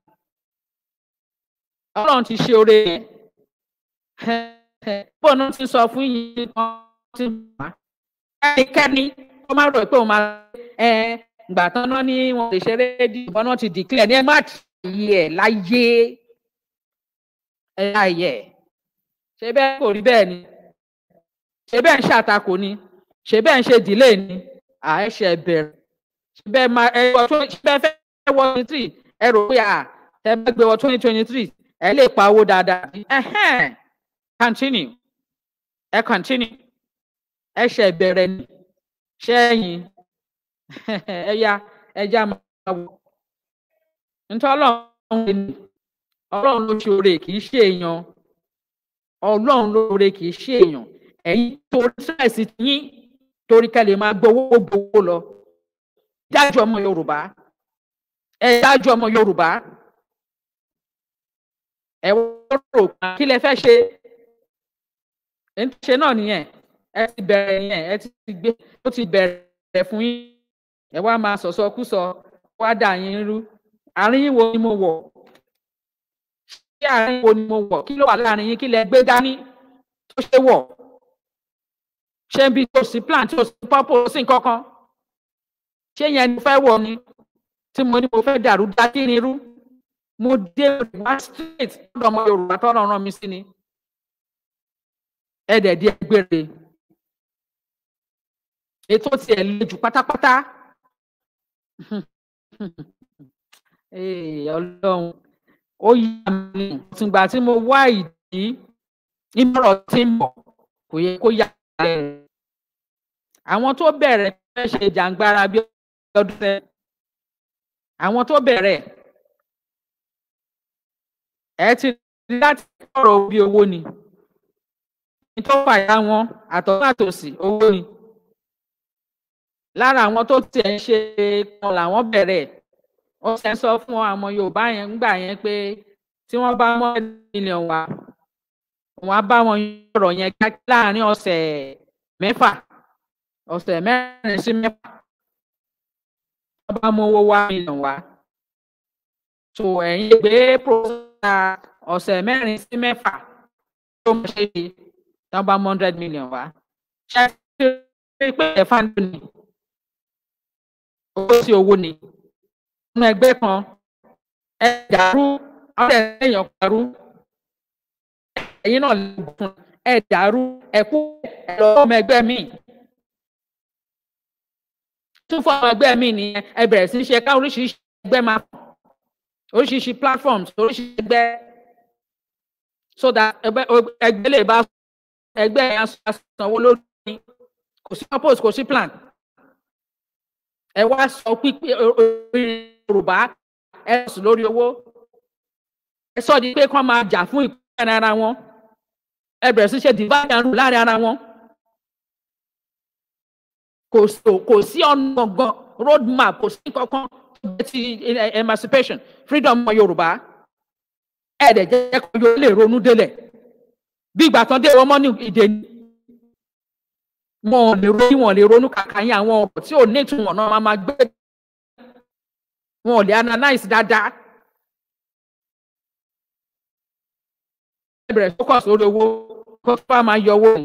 ọlọ́run ti ṣe orí yẹn bọ́ọ̀ náà ti sọ fún yìí kan ti wà ẹnikẹ́ni kó má rò pé òun máa ẹ gbà tán náà ni wọn lè ṣeré di ìbọn náà ti dìklẹ̀ ní ẹ má tì í ẹ̀ láyé ẹ̀ láyé ṣé bẹ́ẹ̀ kò rí bẹ́ẹ̀ ni ṣé bẹ́ẹ̀ ń ṣàtakò ni ṣé bẹ́ẹ̀ ń ṣe delay ni àẹ́ṣẹ̀ bẹ̀rẹ̀ ṣé bẹ́ẹ̀ máa ẹ wọ ṣé bẹ́ẹ̀ fẹ́ wọ twenty three ẹ rò pé à ẹ bá gbé wọ twenty twenty three ẹ lè pa owó dáadáa continue ẹ continue ẹ ni ya (laughs) ọlọ́run ní ló ṣe oore kì ṣe èèyàn ọlọ́run torí sẹ́ẹ̀sì yín torí kẹ́lẹ̀ máa gbowó lọ dájọ́ ọmọ yorùbá ọmọ yorùbá ẹ ẹ̀ ń ṣe náà nìyẹn ẹ ti bẹ̀rẹ̀ yẹn ẹ ti gbé ó ti bẹ̀rẹ̀ fún yín ẹ wá máa sọ̀sọ̀ kú sọ wá dà yín rú àárín yín wo ni mo wọ̀ ṣé àárín yín wo ni mo wọ̀ kí ló wà láàrin yín kí lẹ gbé dání tó ṣe wọ̀ ṣé ń bi tó sí plan tó sí pọ́pọ́ sí kankan ṣé yẹn ni mo fẹ́ wọ̀ ni tí mo ní mo fẹ́ dàrú dá kí ni rú mo dé wá straight lọ́dọ̀ ọmọ Yorùbá tọ́nà rán mi sí ni ẹ̀dẹ̀ di ẹgbẹ́rẹ́ ètò tiẹ̀ le jù pátápátá (laughs) ọlọ́run ó yá mi tìgbà tí mo wá ìdí ìmọ̀ràn tí ń bọ̀ kò yẹ kó yá rẹ̀ àwọn tó bẹ̀rẹ̀ fẹ́ ṣe jàǹgbára bí ọdún rẹ̀ àwọn tó bẹ̀rẹ̀ ẹ ti láti ọ̀rọ̀ bí owó ni ìtọ́fà ìyá wọn àtọ̀tún àtòsí owó ni lára àwọn tó tiẹ̀ ń ṣe kan làwọn bẹ̀rẹ̀ ó ṣe ń sọ fún àwọn Yorùbá yẹn ńgbà yẹn pé tí wọ́n bá mọ́ mílíọ̀n wá wọ́n á bá wọn yọ̀rọ̀ yẹn kíákí láàrin ọ̀sẹ̀ mẹ́fà ọ̀sẹ̀ mẹ́rin sí mẹ́fà wọ́n bá mú owó wá mílíọ̀n wá tó ẹ̀yìn gbé pòsíta ọ̀sẹ̀ mẹ́rin sí mẹ́fà tó mọ̀ ṣe yìí tí bá mú hundred million wá ṣàfihàn pé ẹ̀fà ló ní owó sí owó ni nínú ẹgbẹ́ kan ẹ dàrú àwọn èèyàn parú ẹ̀yin náà lè fún ẹ dàrú ẹ kú ẹ lọ ọmọ ẹgbẹ́ míì tún fún ọmọ ẹgbẹ́ míì nìyẹn ẹ bẹ̀rẹ̀ sí í ṣe ká oríṣiríṣi ẹgbẹ́ máa oríṣiríṣi platforms oríṣiríṣi ẹgbẹ́ so that ẹgbẹ́ lè bá ẹgbẹ́ yẹn sanwó lórí kò sí purpose kò sí plan ẹ wá sọ pípé orí yorùbá ẹ sùn lórí owó ẹ sọ di pé kán máa jà fún ìpínlẹ̀ ara wọn ẹ bẹ̀rẹ̀ sí ṣe divide and rule láàrin ara wọn kò kò sí ọ̀nà gan road map kò sí kankan ti emancipation freedom ọmọ yorùbá ẹ dẹ̀ jẹ́ kó yọ lè ronú délẹ̀ bí ìgbà tán dé ọmọ ní ìdè ni wọn ò lè ronú wọn lè ronú kàkà yín àwọn ọ̀rọ̀ tí ò ní ìtumọ̀ náà máa máa gbé wọn ò lè analyse dáadáa. lẹ́bẹ̀rẹ̀ focus lórí owó kó tó bá máa yọ owó òun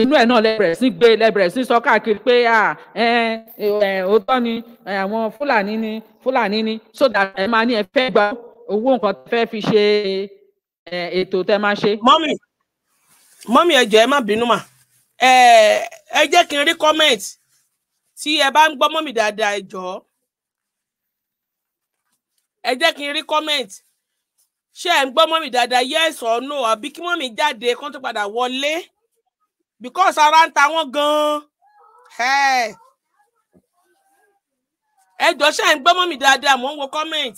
inú ẹ̀ náà lẹ́bẹ̀rẹ̀ sí gbé lẹ́bẹ̀rẹ̀ sí sọ káàkiri pé òótọ́ ni àwọn Fúlàní ni Fúlàní ni so that ẹ máa ní ẹ fẹ́ gba owó nǹkan tẹ́ fẹ́ fi ṣe é ètò tẹ máa ṣe. mọ́mì mọ́mì ẹ jọ̀ọ́ ẹ má bínú mà ẹ jẹ́ kí n rí comment tí ẹ bá ń gbọ́ mọ́mì dáadáa ẹ jọ̀ọ́ ẹ jẹ́ kí n rí comment ṣé ẹ ń gbọ́ mọ́mì dáadáa yes or no àbí kí mọ́mì jáde kán tó padà wọlé because ara ń ta wọ́n gan-an ẹ jọ̀ọ́ ṣé ẹ ń gbọ́ mọ́mì dáadáa mò ń wo comment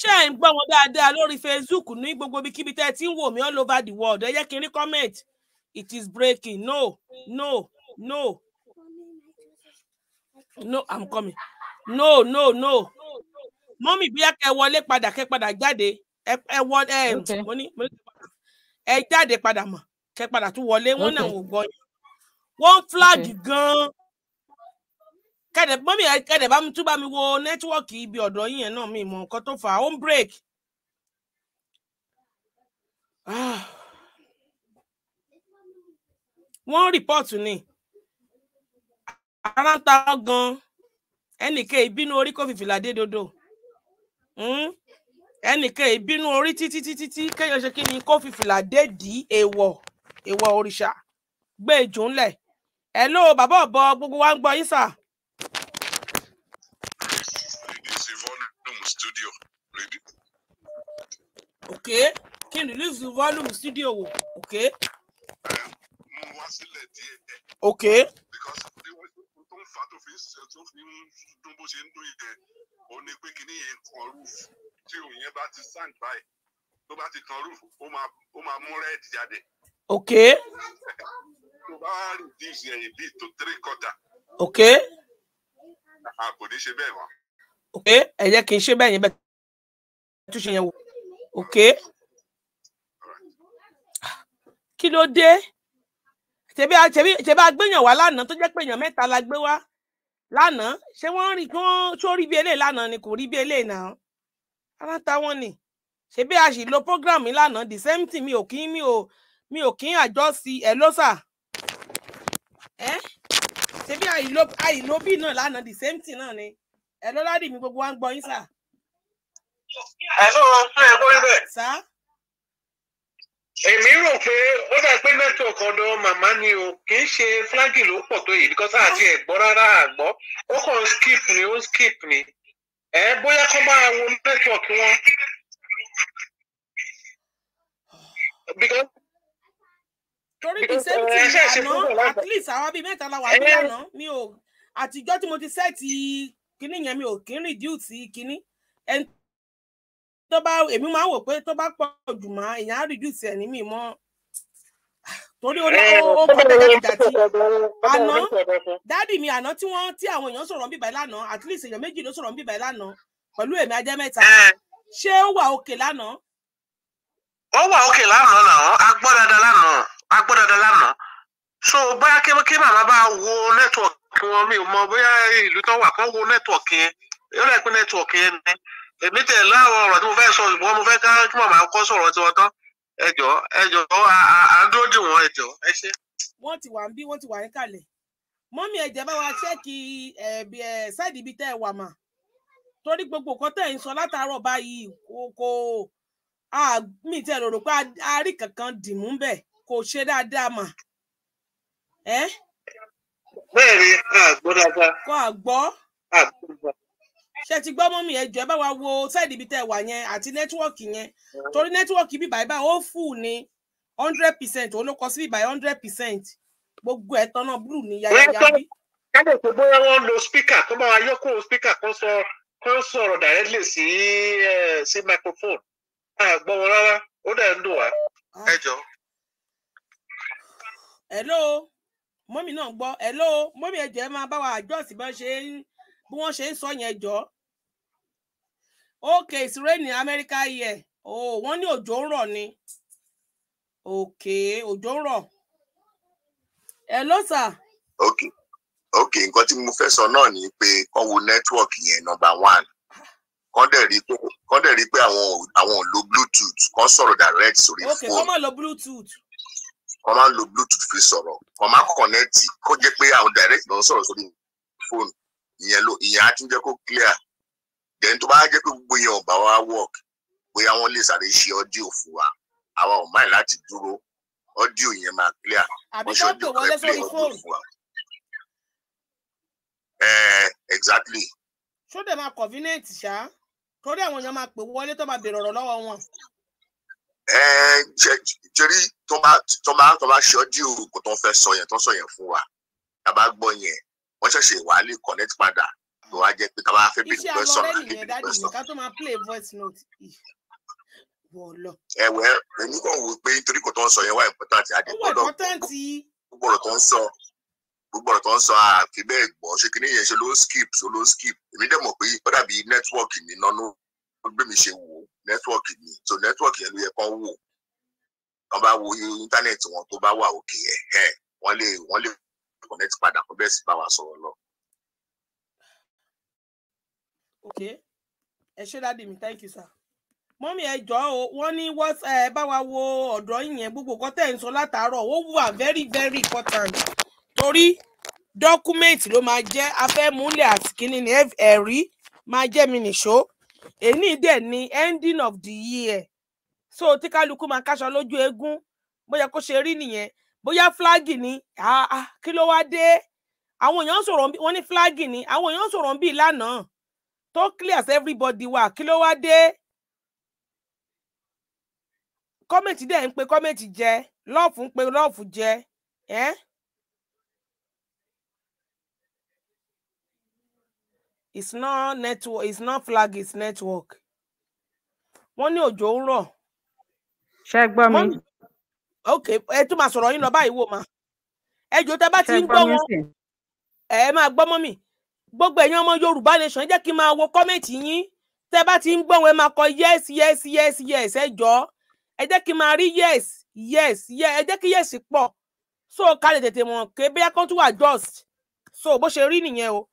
ṣé ẹ̀ ń gbọ́ wọn dáadáa lórí Facebook ní gbogbo ibikíbi tẹ́ ẹ ti ń wò mí all over the world ẹ jẹ́ kí n rí comment it is breaking no no no no i'm coming no no no mọ́mì bóyá kẹ́ wọlé padà kẹ́ padà jáde ẹ wọ ẹ mo ní mo ní ẹ jáde padà mọ̀ kẹ́ padà tún wọlé wọn náà wò gbọ́ yẹn wọ́n flag gan-an kẹ̀dẹ̀ mọ́mí kẹ̀dẹ̀ bá mi tún bá mi wo nẹ́tíwọ́ọ̀kì ibi ọ̀dọ̀ yín yẹn náà mi mọ̀ nǹkan tó fà á home break. Ah. wọ́n rìpọ́ọ̀tù ni ara ń ta ọ́ gan-an ẹnìkan ìbínú orí kò fìfìlà dé dodo hmm? ẹnìkan ìbínú orí títí títí tí kéèyàn ṣe kí ni kó fìfìlà dé di èèwọ̀ èèwọ̀ òrìṣà gbé ìjò ńlẹ̀ ẹ̀ ló bàbá ọ̀bọ gbogbo wa ń gbọ́ yín sáà. okay kí n the volume studio wò okay. mo wá sílẹ̀ díẹ̀. okay. because tó ń fa tó fi tó fi dún bó ṣe ń dún yẹn ó ní pé kíní yẹn kan roof tí òun yẹn bá ti sand báyìí tó bá ti kan roof ó máa ó máa mú red jáde. ok. tó bá reduce ẹ̀yìn bíi tó three quarter. ok. a ah, kò ní ṣe bẹ́ẹ̀ wá. ok ẹ jẹ́ kí n ṣe bẹ́ẹ̀ yẹn bẹ́ẹ̀ tún ṣe yẹn wò okay kí ló dé ṣebí ṣebí ṣebí agbéyàn wá lánàá tó jẹ́ pé èèyàn mẹ́ta la gbé wá lánàá ṣé wọ́n rí wọ́n tó rí bí eléyìí lánàá ni kò rí bí eléyìí náà ara táwọn ni ṣebí a sì lo program mi lánàá the same thing mi ò kí mi ò mi ò kí àjọ sí ẹ ló sà ẹ ṣebí àìló àìló bí náà lánàá the same thing náà ni ẹ ló ládìí mi gbogbo wa ń gbọ́ yín sà àlọ́ fún ẹ̀kọ́ rẹ̀. èmi rò pé ó dà pé nẹ́tíwọ̀kì ọ̀dọ̀ màmá ni o kì í ṣe fúlágì ló pọ̀ tó yìí bíkọ́sá àti ẹ̀gbọ́ rárá àgbọ́ ó kàn skip ni ó skip ni ẹ bóyá kọ́ máa wo nẹ́tíwọ̀kì wọn. torí the same thing àná at least àwọn bíi mẹ́ta la wà ní eh. àná mi ò àtijọ́ tí mo ti sẹ́ẹ̀tì kínní yẹn mi ò kí ń reduce kínní ẹni tó bá èmi máa wò pé tó bá pọ̀ jù mọ́ èèyàn á reduce ẹ̀ ní mi mọ́ torí ó kọ́ jàdíjàdí eh, àná dáàdì mi àná tí wọ́n tí àwọn èèyàn sọ̀rọ̀ ń bíbáyìí lánàá at least èèyàn méjì ló sọ̀rọ̀ ń bíbáyìí lánàá pẹ̀lú èmi ajẹ́ mẹ́ta ah. ṣé ó wà òkè lánàá. ó wà òkè lánàá náà a gbọ́ dáadáa lánàá a gbọ́ dáadáa lánàá so bóyá kí màmá bá wo nẹ́tíwọ̀kì wọn mi ò mọ bóyá ìlú tó wà kán wo nẹ́tíwọ̀kì yẹn ó lè nẹ́tíwọ̀kì yẹn ní èmi tẹ̀ láwọn ọ̀rọ̀ tí mo fẹ́ sọ ṣùgbọ́n mo fẹ́ ká kí màmá kọ́ sọ̀rọ̀ tí wọ́n tán ẹjọ́ jọ̀ọ́ ẹ jọ̀ọ́ à ń dúró dì wọ́n ẹ ẹ ṣe. wọ́n ti wà ń bí wọ́n ti wà ń kalẹ̀ mọ́mí ẹ̀jẹ̀ bá wa ṣẹ́ẹ̀kì ṣáìdì ibi tẹ́ ẹ wà mà torí gbogbo nǹkan tẹ̀ ń sọ látàárọ̀ báyìí kò mí tẹ̀ rò rò pé kankan dìmú bẹ́ẹ̀ kò ṣe dáadáa mà. bẹ́ẹ̀ ni a gbọ́ dáadáa. àgbọ́. àgbọ́ ṣe ti gbọ́ mọ́mì ẹ jọ̀ọ́ ẹ bá wa wo sẹ́ẹ̀dì ibi tẹ́ ẹ wà yẹn àti nẹ́tíwọ́ọ̀kì yẹn torí nẹ́tíwọ́ọ̀kì bíbá ẹ bá ó fù ní hundred percent òun ló kọ sí bíbá ẹ hundred percent gbogbo ẹ tán náà blue ní yáyáyábí. káde tó bóyá wọn lo spíkà tó bá wa yọ kó spíkà kan sọ kan sọ̀rọ̀ directly sí sí microphone a gbọ́ wọn rárá ó dẹ̀ ń dùn wá ah. ẹ jọ. hello mọ́mì náà gbọ́ hello mọ́mì ẹ jọ̀ọ́ ẹ máa bá wa àjọ́sí bá ṣe ń bí wọ́n ṣe ń sọ yẹn jọ ok it's raining America here oh wọ́n ní òjò ń rọ̀ ni ok òjò ń rọ̀ hello sir. ok ok nǹkan tí mo fẹ́ sọ náà ni pé kán wo network yẹn number one kán dẹ̀ rí pé kán dẹ̀ rí pé àwọn àwọn ò lo bluetooth kán sọ̀rọ̀ direct sórí phone. ok kán má lo bluetooth wọ́n máa ń lo bluetooth fi sọ̀rọ̀ wọ́n máa connect? kó jẹ́ pé àwọn direct ló ń sọ̀rọ̀ sórí fóònù ìyẹn ló ìyẹn á tún jẹ́ kó clear then tó bá jẹ́ pé gbogbo yẹn ò wa work bóyá wọ́n lè sáré ṣe ọ́díò fún wa àwa ò máì láti dúró ọ́díò yẹn máa clear wọ́n ṣe ọ́díò kan play ọ́díò fún wa. Eh, exactly. ṣó dẹ̀ máa convenient ṣá torí àwọn èèyàn máa pè wọlé tó máa béèrè ọ̀rọ̀ lọ́wọ́ wọn. jẹ́rí eh, tó bá tó bá ṣe ọ́díò kò tó ń fẹ́ sọ yẹn tó sọ yẹn fún wa tá a bá gbọ́ yẹn wọ́n ṣẹ̀ṣẹ̀ wà á lè connect padà tó wá jẹ́ pé táwa fẹ́ bèrè question náà lè bèrè question. ká tó máa play voice note ẹ̀wẹ̀ èmi kàn wò pé nítorí kò tó ń sọ yẹn wá important àdé gbọ́dọ̀ gbogbo ọ̀rọ̀ tó ń sọ gbogbo ọ̀rọ̀ tó ń sọ àfi bẹ́ẹ̀ gbọ́ ṣé kíní yẹn ṣe ló ń skip ṣe ló ń skip èmi dẹ̀ mọ̀ pé ó dàbí nẹ́tíwọ́ọ̀kì mi nánú ó gbé mi ṣe wò nẹ́tíwọ́ọ̀kì mi so nẹ́tíwọ́ọ̀kì yẹn ló yẹ kán wò wọ́n bá wo íńtánẹ́ẹ̀tì wọn tó bá wà òkè ẹ̀ wọ́n lè wọ́n lè connect padà kó bẹ́ẹ̀ sì bá wa sọ̀rọ̀ lọ. ok ẹ ṣé dáàdi mi thank you sir mọ́mí ẹ jọ̀ọ́ o wọ́n ní wọ́n bá wa wo ọ̀dọ́ ìyẹn gbogbo nǹkan ń sọ látàárọ̀ ó wà very very important torí dọ́kúmẹ̀ntì ló máa jẹ́ afẹ́múlẹ̀ àti kínní ni ẹ̀rí máa jẹ́ mi nìṣó èyí dẹ̀ ni ending of the year so tí kálukú máa káṣọ lójú eégún bóyá kó ṣe rí nìyẹn bóyá fúlágì ni ah, ah, kí ló wá dé àwọn èèyàn sọ̀rọ̀ wọ́n ní fúlágì ni àwọn èèyàn sọ̀rọ̀ bíi lánàá tó clear as everybody wa. kí ló wá dé kọ́mẹ̀tì dẹ̀ ń pe kọ́mẹ̀tì jẹ lọ́ọ̀fù ń pe lọ́ọ̀fù jẹ it's not network it's not flag it's network wọ́n ní òjò ń rọ̀. ṣé gbọ́ mi ok ẹ tún máa sọ̀rọ̀ yín lọ báyìí wò má ẹ jò tẹ bá ti ń gbọ́ wọn ẹ máa gbọ́ mọ́ mi gbogbo ẹ̀yin ọmọ Yorùbá nation jẹ́ kí n máa wo kọ́mẹ̀ntì yín tẹ bá ti ń gbọ́ wọn ẹ máa kọ yes yes yes yes ẹ jọ ẹ jẹ́ kí n máa rí yes yes yes ẹ jẹ́ kí yes pọ̀ so ká lè tètè mọ̀ pé bóyá kan tún wà just so bó ṣe rí nìyẹn o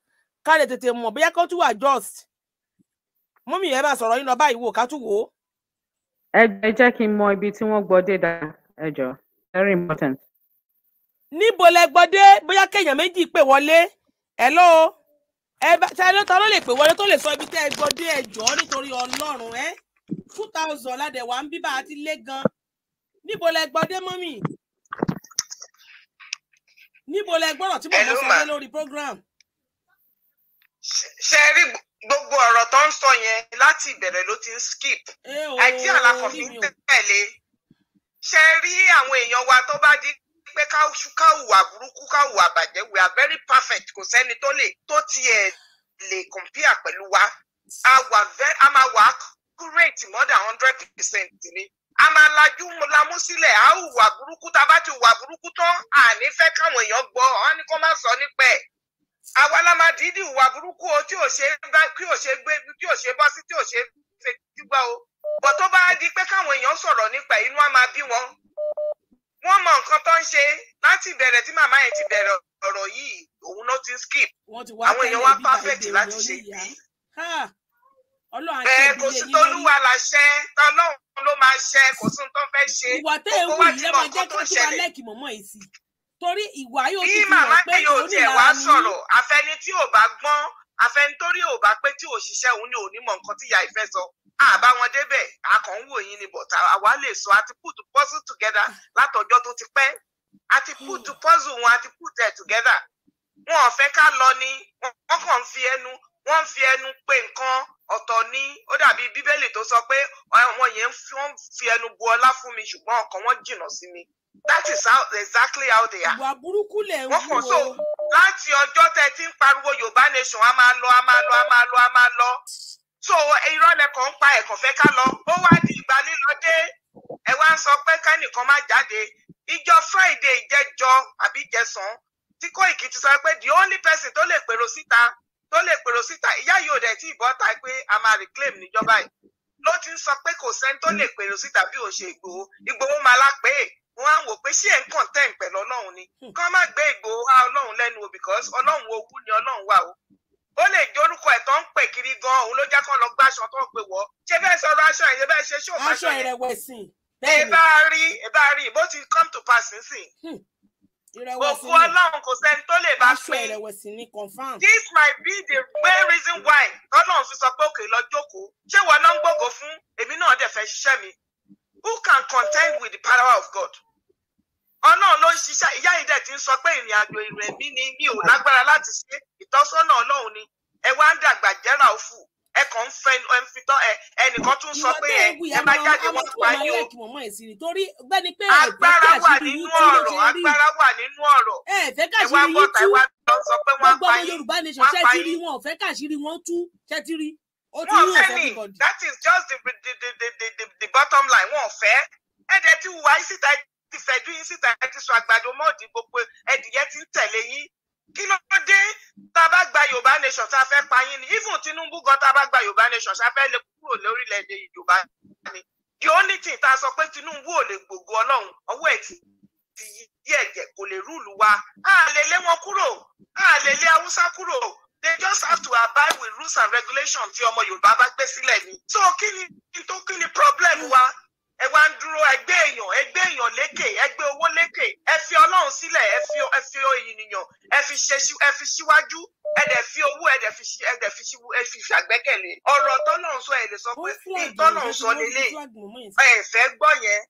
ká lè tètè mọ̀ bóyá kan tún wà just mọ́mì ẹ bá sọ̀rọ̀ yín lọ báyìí wò ká tún wò ó. ẹ jẹ́ kí n mọ ibi tí wọ́n gbọ́ dé dáadáa ẹ very important. níbo lẹ gbọ́ dé bóyá kéèyàn méjì pè wọlé ẹ lọ ẹ bá ta ló ta ló lè pè wọlé tó lè sọ ibi tẹ ẹ gbọ́ dé ẹ nítorí Ọlọ́run ẹ two thousand ládẹwà ń bíbá àti lé gan níbo lẹ gbọ́ dé mọ́mì níbo lẹ gbọ́rọ̀ tí mo mọ̀ sọ́dẹ́ lórí program. ṣe rí gbogbo ọ̀rọ̀ tó ń sọ yẹn láti ìbẹ̀rẹ̀ ló ti ń skip àìdí eh, àlàkọ̀ fi oh, ń tẹ̀lé ṣe rí àwọn èèyàn wa tó bá di pé ká hùwà burúkú ká hùwà bàjẹ́ we are very perfect kò sẹ́ni tó lè tó tiẹ̀ lè compare pẹ̀lú wa a wà very a máa wà accurate more than hundred percent ni a máa lajú lamú sílẹ̀ a hùwà burúkú tá a bá ti hùwà burúkú tán àní fẹ́ káwọn èèyàn gbọ́ ọ́n ní kó má sọ nípa ẹ̀ àwa la máa dídì hùwà burúkú o tí ò ṣe bá kí ò ṣe gbé tí ò ṣe bọ́ sí tí ò ṣe fetí gbọ́ o bó tó bá di pé káwọn èèyàn sọ̀rọ̀ nípa inú á máa bí wọn wọ́n mọ nǹkan tó ń ṣe láti bẹ̀rẹ̀ tí màmá yẹn ti bẹ̀rẹ̀ ọ̀rọ̀ yìí òun ló ti skip àwọn èèyàn wá perfect láti ṣe ìbí bẹ́ẹ̀ kò sí tolúwa láṣẹ tọlọ́run ló máa ṣe kò sí tó fẹ́ ṣe kókó wá ti mọ nǹkan tó ń ṣẹlẹ̀ torí ìwà yóò ti fi hàn pé òun ní ìlànà afẹni tí ò bá gbọ́n afẹni torí ò bá pé tí ò ṣiṣẹ́ òun ni ò ní mọ nǹkan tí ìyá ìfẹ́ sọ àbá wọn débẹ̀ akàn wò yín ni bọ̀tà àwa lè sọ àti put puzzle together látọjọ́ tó ti pẹ́ àti put puzzle wọn àti put ẹ̀ together wọn ò fẹ́ ká lọ ni wọ́n kàn fi ẹnu wọ́n fi ẹnu pé nǹkan ọ̀tọ̀ ni ó dàbí bíbélì tó sọ pé àwọn yẹn ń fi ẹnu bu ọlá fún mi ṣùgbọ́n ọkàn wọn jìnnà sí mi that is how exactly how they are. wà burúkú lẹ̀ ń wò. wọ́n kàn so láti ọjọ́ tẹ́ ń pariwo yorùbá nation a máa lọ a máa lọ a máa lọ a máa lọ so irọ́ lẹ́kọ̀ọ́ ń pa ẹ̀kọ́ fẹ́ ká lọ ó wá di ìgbà lílọ dé ẹ wá ń sọ pé kẹ́nìkan má jáde ìjọ friday ìjẹjọ àbí ìjẹsàn tí Koiki ti sọ pé the only person tó lè pèrò síta tó lè pèrò síta ìyá yìí ò dẹ̀ tí ìbọn ta pé a máa reclaim níjọba yìí ló ti ń sọ pé kò sẹ́ni tó lè pèrò síta bí òun ṣe Ìgbòho Ìgbòho máa lá pé wọn á wò pé ṣé ẹ̀ ń content pẹ̀lú Ọlọ́run ni kọ́ má gbé Ìgbòho á Ọlọ́run lẹ́nu o because Ọlọ́run owú ni Ọlọ́run wà o ó lè jẹ́ orúkọ ẹ̀ tó ń pè kiri gan òun ló jẹ́ kó lọ gbàṣọ tó ń pè wọ́ ṣé bẹ́ẹ̀ sọ̀rọ̀ aṣọ ẹ̀ ṣé ṣe ṣó máa ṣọ ìrẹ̀wẹ̀sì bẹ́ẹ̀ rí ẹ rí bó ti come to pass nsìn gbogbo hmm. ọlọ́run kò sẹ́ni tó lè bá pé this might be the main reason why ọlọ́run fi sọ pé òkè lọ jókòó ṣé wọn náà ń gbógo fún èmi náà dẹ̀ fẹ́ ṣiṣẹ́ mi who can contend with the power of God? ọlọ́run ló ń ṣiṣẹ́ ìyá yìí dẹ̀ ti ń sọ pé ìrìn àjò ìrìn ẹ̀mí ni mi ò lágbára láti ṣe ìtọ́sọ́nà ọlọ́run ni ẹ wá ń dàgbà jẹ́ra òfù ẹ kàn ń fẹ́ ẹ ń fi tọ́ ẹ ẹnìkan tún sọ pé ẹ ẹ má jáde wọ́n pa ní o. agbára wà nínú ọ̀rọ̀ agbára wà nínú ọ̀rọ̀ ẹ wá bọ́ta ẹ wá sọ pé wọ́n pa yín wọ́n pa yín. wọn ò ní that is just the the the the the, bottom line wọn ò fẹ́ ẹ̀ dẹ̀ ti wà á síta ti ṣẹ́jú yín síta ẹ ti sọ àgbàdo mọ́ọ̀dì gbogbo ẹdìyẹ ti ń tẹ̀lé yín kí ló dé tá a bá gba yorùbá nation tá a fẹ́ pa yín ni even tinubu gan tá a bá gba yorùbá nation tá fẹ́ lè kúrò lórílẹ̀‐èdè yorùbá ni the only thing tá a sọ pé tinubu ò lè gbògo ọlọ́run ọwọ́ ẹ̀ ti yí ẹ̀jẹ̀ kò lè rúùlù wa a lè lé wọn kúrò a lè lé haúsá kúrò they just have to abide with rules and regulations tí ọmọ yorùbá bá gbé sílẹ̀ ni so kí ni kí ni problem wa ẹ wá ń dúró ẹgbẹ́ èèyàn ẹgbẹ́ èèyàn lékè ẹgbẹ́ owó lékè ẹ fi ọlọ́run sílẹ̀ ẹ fi ẹ fi ènìyàn ẹ fi ṣe ẹ fi síwájú ẹ dẹ̀ fi owó ẹ dẹ̀ fi ẹ dẹ̀ fi ẹ fi ṣàgbẹ́kẹ̀lé ọ̀rọ̀ tọ́lọ́run sọ ẹ lè sọ pé tọ́lọ́run sọ lélẹ̀ ẹ fẹ́ gbọ́ yẹn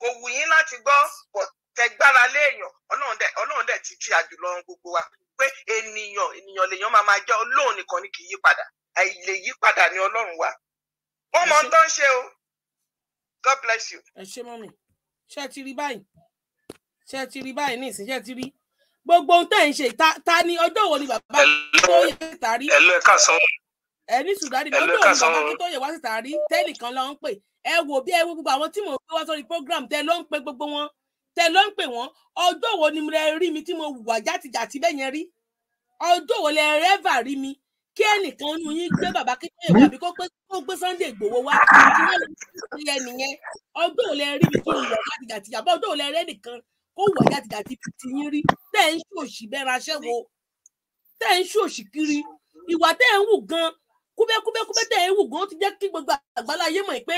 kò wù yín láti gbọ́ pọ̀ tẹgbára lé èèyàn ọlọ́run dẹ̀ ọlọ́run dẹ̀ ti fi àjùlọ gbogbo wa pé ènìyàn ènìyàn lèèyàn máa máa jẹ́ olóòrùn nìkan ni kì í yí padà àìlè yí padà ní ọlọ́run wa wọ́n mọ ń tán ṣe o. God bless you. ẹ ṣe mọ́mì ṣé ti rí báyìí ṣé ti rí báyìí ní ìsìn ṣé ti rí gbogbo ohun tẹ̀ ń ṣe ta ni ọjọ́ wo ni bàbá tó yẹ síta rí ẹni sùdárì ní ọjọ́ wo ni bàbá tó yẹ wá síta rí tẹ́lì kan ló ń pè ẹ wò bí ẹ wo gbogbo àwọn tí mò ń gbé wá sórí program tẹ ló ń pe gbogbo wọn tẹ ló ń pè wọn ọjọ́ wo ni mo rí mi tí mo wà játijàti bẹ́ẹ̀ yẹn rí ọjọ́ wo lẹ rẹ́fà rí mi kí ẹnìkan nu yín gbé bàbá kékeré hmm? àbí kó gbé Sunday Igboho wá kí wọ́n lè fi ẹnìyẹn ọdún ò lè rí ibi tó ń wọ̀ gàdìgàdì àbọ̀ ọdún ò lè rí ẹnìkan kó wọ̀ gàdìgàdì ti yín rí tẹ́ ń ṣòṣì bẹ́ẹ̀ raṣẹ́ wo tẹ́ ń ṣòṣì kiri ìwà tẹ́ ń wù gan kúbẹ́kúbẹ́kúbẹ́ tẹ́ ń wù gan ó ti jẹ́ kí gbogbo àgbáláyé mọ̀ pé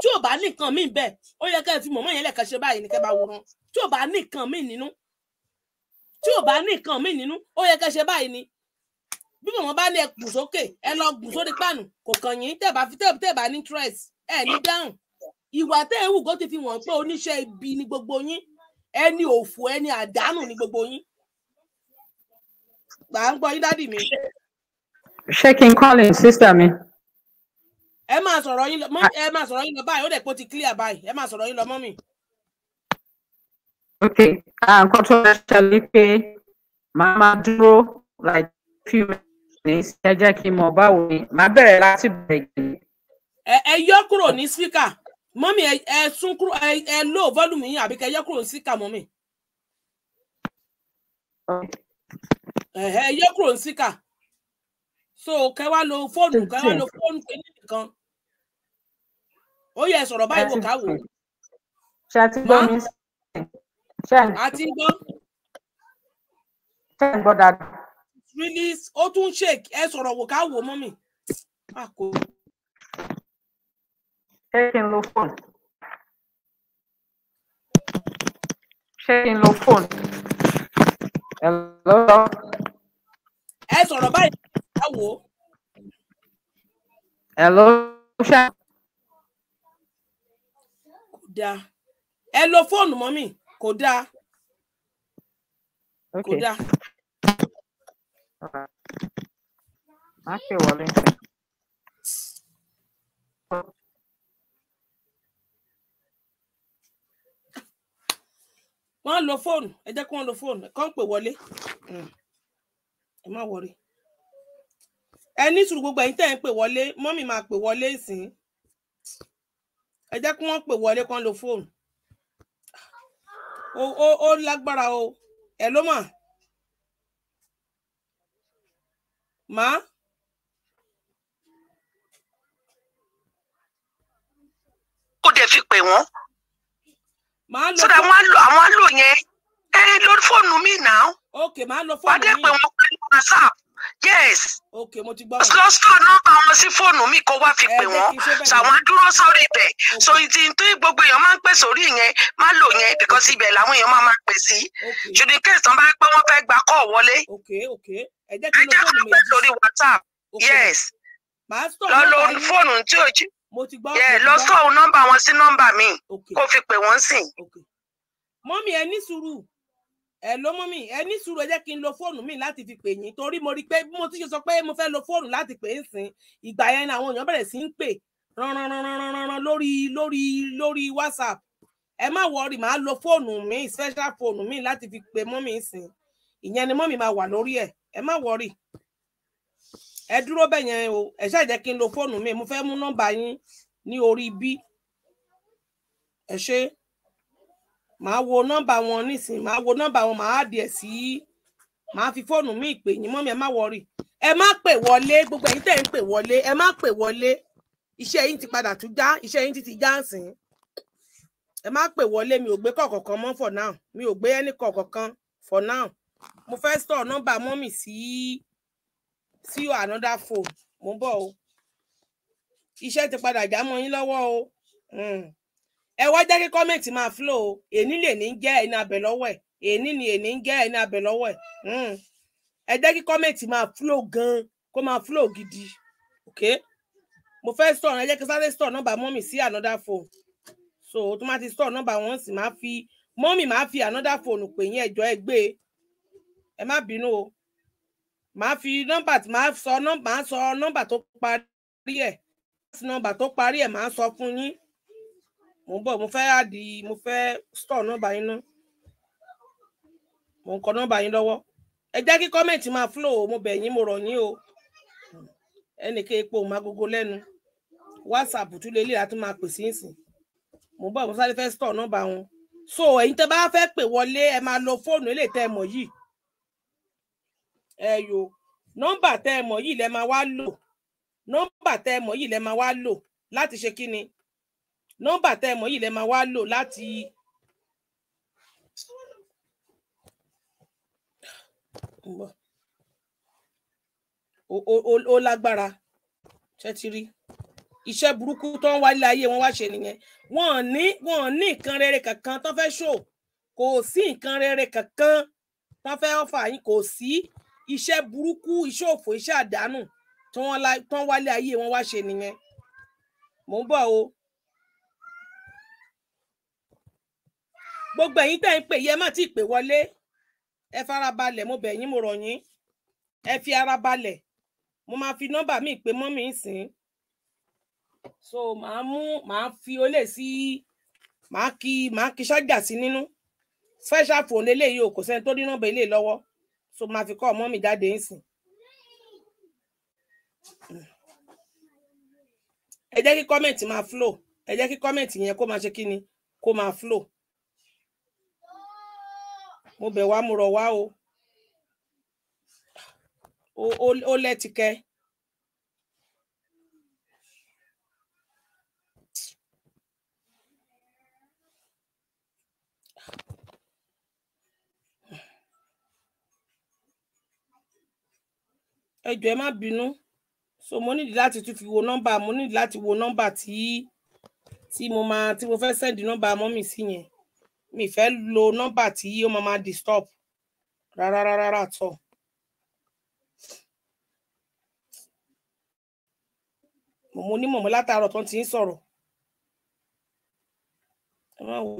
tí ò bá nìkan míì bẹ́ẹ̀ ó yẹ kẹ́ ẹ fi mọ̀mọ́ yẹn lẹ́ẹ̀kan ṣe báyìí ní kẹ́ bá wòran tí ò bá nìkan míì nínú tí ò bá nìkan míì nínú ó yẹ kẹ́ ṣe báyìí ni bí màmá bá ní ẹ kù sókè ẹ lọ gùn sórí pàánù kò kàn yín tẹ̀bà fi tẹ̀bà ní tress ẹ ní dáhùn ìwà tẹ́ kó ti fi wọ́n pé oníṣẹ́ ibi ni gbogbo yín ẹni òfò ẹni àdánù ni gbogbo yín gbà ń gbọ́ yín dádì mi. ṣé kí n call in sísá mi. ẹ máa sọ̀rọ̀ yín lọ ẹ máa sọ̀rọ̀ yín lọ báyìí ó dẹ̀ pé ti clear báyìí ẹ máa sọ̀rọ̀ yín lọ mọ́ mi. ok ah, nǹkan tó ń ṣẹlẹ̀ pé màá máa dúró like few minutes ní ẹ jẹ́ kí n mọ̀ báwo ni màá bẹ̀rẹ̀ láti bẹ̀rẹ̀ gẹ̀ẹ́. ẹ ẹ yọ kúrò ní síkà mọ́mí ẹ sún kúrò ẹ ẹ lò volume yín àbí kẹ yọ kúrò ní síkà mọ́mí. ẹ ẹ yọ kúrò ní síkà so kẹ wá lo fóònù kẹ wá lo fóònù kìíní nìkan ó yẹ sọ̀rọ̀ báyìí kò káwò. ṣé a ti gbọ́ mi? ṣé a ti gbọ́? ṣé a ti gbọ́ dáadáa? really ó tún shake ẹ sọ̀rọ̀ wò ká wò mọ́ mi. ṣé kí n lo fóònù? ṣé kí n lo fóònù? ẹ sọ̀rọ̀ báyìí ká wò ó. Hello, ṣá. Kò dáa. Ẹ lo fóònù mọ́mì, kò dáa. Kò dáa. Má pè wọlé ń sìn. wọ́n lo fóònù ẹ jẹ́ kí wọ́n lo fóònù kàn pè wọlé hmm. ẹ má wọrí ẹ ní sùúrù gbogbo ẹ̀yin tẹ́ ẹ ń pè wọlé mọ́mì máa pè wọlé ìsìn ẹ jẹ́ kí wọ́n pè wọlé kàn lo fóònù ó lágbára o ẹ ló mọ̀. Ma, kó dẹ̀ fi pè wọ́n sọ́dọ̀ àwọn àlò àwọn àlò yẹn ẹ lórí fóònù mi náà. ok màá lọ fóònù mi. wàá dẹ̀ pè wọ́n pẹ̀lú whatsapp yes. ok mo ti gbọ́. lọ sọ nọ́mbà wọn sí fóònù mi kó wá fi pè wọ́n ṣàwọn dúró sórí ibẹ̀ so ti tó gbogbo èèyàn máa ń pè sórí yẹn má lò yẹn because ibẹ̀ làwọn èèyàn máa máa pè sí ṣùgbọ́n kẹ́sì tán bá pẹ́ wọ́n fẹ́ gba kọ́ wọlé. ok ok ẹ jẹ́ kí ló fóònù méjì ẹ jẹ́ kí ló pè sórí whatsapp yes lọ lo fóònù tí o jí lọ sọ nọ́mbà wọn sí nọ́mbà mi kó fi pè wọ́n sìn. mọ́mí ẹ ní sùúrù ẹ ló mọ mi ẹ ní sùúrù ẹ jẹ́ kí n lo fóònù mi láti fi pè yín torí mo rí i pé bí mo ti ṣe sọ pé mo fẹ́ lo fóònù láti pè é sìn ìgbà yẹn ni àwọn èèyàn bẹ̀rẹ̀ sí ń pè ránranranranran lórí lórí lórí whatsapp ẹ má wọrí màá lo fóònù mi special fóònù mi láti fi pè mọ́ mi sìn ìyẹn ni mọ́ mi máa wà lórí ẹ̀ ẹ má wọrí ẹ dúró bẹ́ẹ̀ yẹn o ẹ ṣáà jẹ́ kí n lo fóònù mi mo fẹ́ mú nọ́mbà yín ní orí bí ẹ ṣe màá wo nọ́mbà wọn nísìn màá wo nọ́mbà wọn màá adìẹ sí màá fi fóònù mi ìpè yín mọ́mí ẹ má wọrí ẹ má pè wọlé gbogbo ẹ̀yin tẹ̀ ń pè wọlé ẹ má pè wọlé iṣẹ́ yín ti padà tún já iṣẹ́ yín ti ti já sìn ẹ má pè wọlé mi ò gbé kọ̀ọ̀kan mọ́ for now mi ò gbé ẹnì kọ̀ọ̀kan for now mo fẹ́ sọ nọ́mbà mọ́mì sí sí another phone mo bọ̀ o iṣẹ́ ti padà já mọ́ yín lọ́wọ́ o. Mm ẹ wá jẹ́ kí kọ́mẹ̀ntì máa flow o èní lè ní jẹ́ ẹni abẹ lọ́wọ́ ẹ̀ èní ni èní ń jẹ́ ẹni abẹ lọ́wọ́ ẹ̀ hmm. ẹ jẹ́ kí kọ́mẹ̀ntì máa flow gan-an kó máa flow gidi ok mo fẹ́ store ẹ jẹ́ kí sáré store nọ́mbà mọ́mì sí another phone so tó má ti store nọ́mbà wọn sì máa fi mọ́mì máa fi another phone pè yín ẹjọ́ ẹ gbé e. ẹ má bínú o màá fi nọ́mbà màá sọ nọ́mbà tó parí ẹ̀ nọ́mbà tó parí ẹ̀ màá sọ fún yín mo ń bọ̀ mo fẹ́ àdì mo fẹ́ store nọ́mbà yín ná mo ń kọ nọ́mbà yín lọ́wọ́ ẹ jẹ́ kí kọ́mẹ̀ntì máa flow mo bẹ̀ yín mo rọ̀ yín o ẹnìkan epo ò máa gogo lẹ́nu whatsapp tún lè léra tó máa pè sí ìsìn mo ń bọ̀ mo sáré fẹ́ store nọ́mbà wọn so ẹ̀yin tẹ́ bá fẹ́ pè wọlé ẹ máa lo fóònù eléyìí tẹ́ ẹ mọ̀ yìí ẹ yo nọ́mbà tẹ́ ẹ mọ̀ yìí lẹ máa wá lò nọ́mbà tẹ́ ẹ mọ̀ yìí lẹ máa wá lò láti ṣe kí ni nọ́mbà tẹ́ ẹ mọ̀ yìí lẹ máa wá lò láti. ó lágbára ṣe ti rí iṣẹ́ burúkú tó ń wáyé ayé wọn wá ṣe nìyẹn wọn ní wọn ní nǹkan rere kankan tó fẹ́ ṣò kò sí nǹkan rere kankan tó fẹ́ ọ̀fà yín kò sí iṣẹ́ burúkú iṣẹ́ òfò iṣẹ́ àdánù tó ń wáyé ayé wọn wá ṣe nìyẹn mò ń bọ̀ o. gbogbo ẹ̀yin tẹ́ ń pè yẹ má ti pè wọlé ẹ fara balẹ̀ mo bẹ̀ yín mo rọ̀ yín ẹ fi ara balẹ̀ mo máa fi nọ́mbà mi pè mọ́ mi sìn so màá mú màá fi olè sí màá kí màá kí ṣájà sí nínú special phone eléyìí o kò sẹ́ni tó ní nọ́mbà eléyìí lọ́wọ́ so màá fi kọ́ ọmọ mi jáde ń sìn. ẹ jẹ́ kí kọ́mẹ̀ntì máa flow ẹ jẹ́ kí kọ́mẹ̀ntì yẹn kó máa ṣe kí ni kó máa flow mo bẹ̀ wá mo rọ̀ wá o ó lẹ́tìkẹ́. ẹ jọ̀ọ́ ẹ má bínú so mo nídìí láti tún fi wo nọ́mbà mo nídìí láti wo nọ́mbà tí tí mo máa tí mo fẹ́ sẹ́ndì nọ́mbà mọ́mì sí yẹn mi fẹ́ lo nọ́mbà tí ó máa máa disturb rárá rárá rárá tọ. mo ní mọ̀mọ́ látàárọ̀ tó ti ń sọ̀rọ̀ ẹ má wo.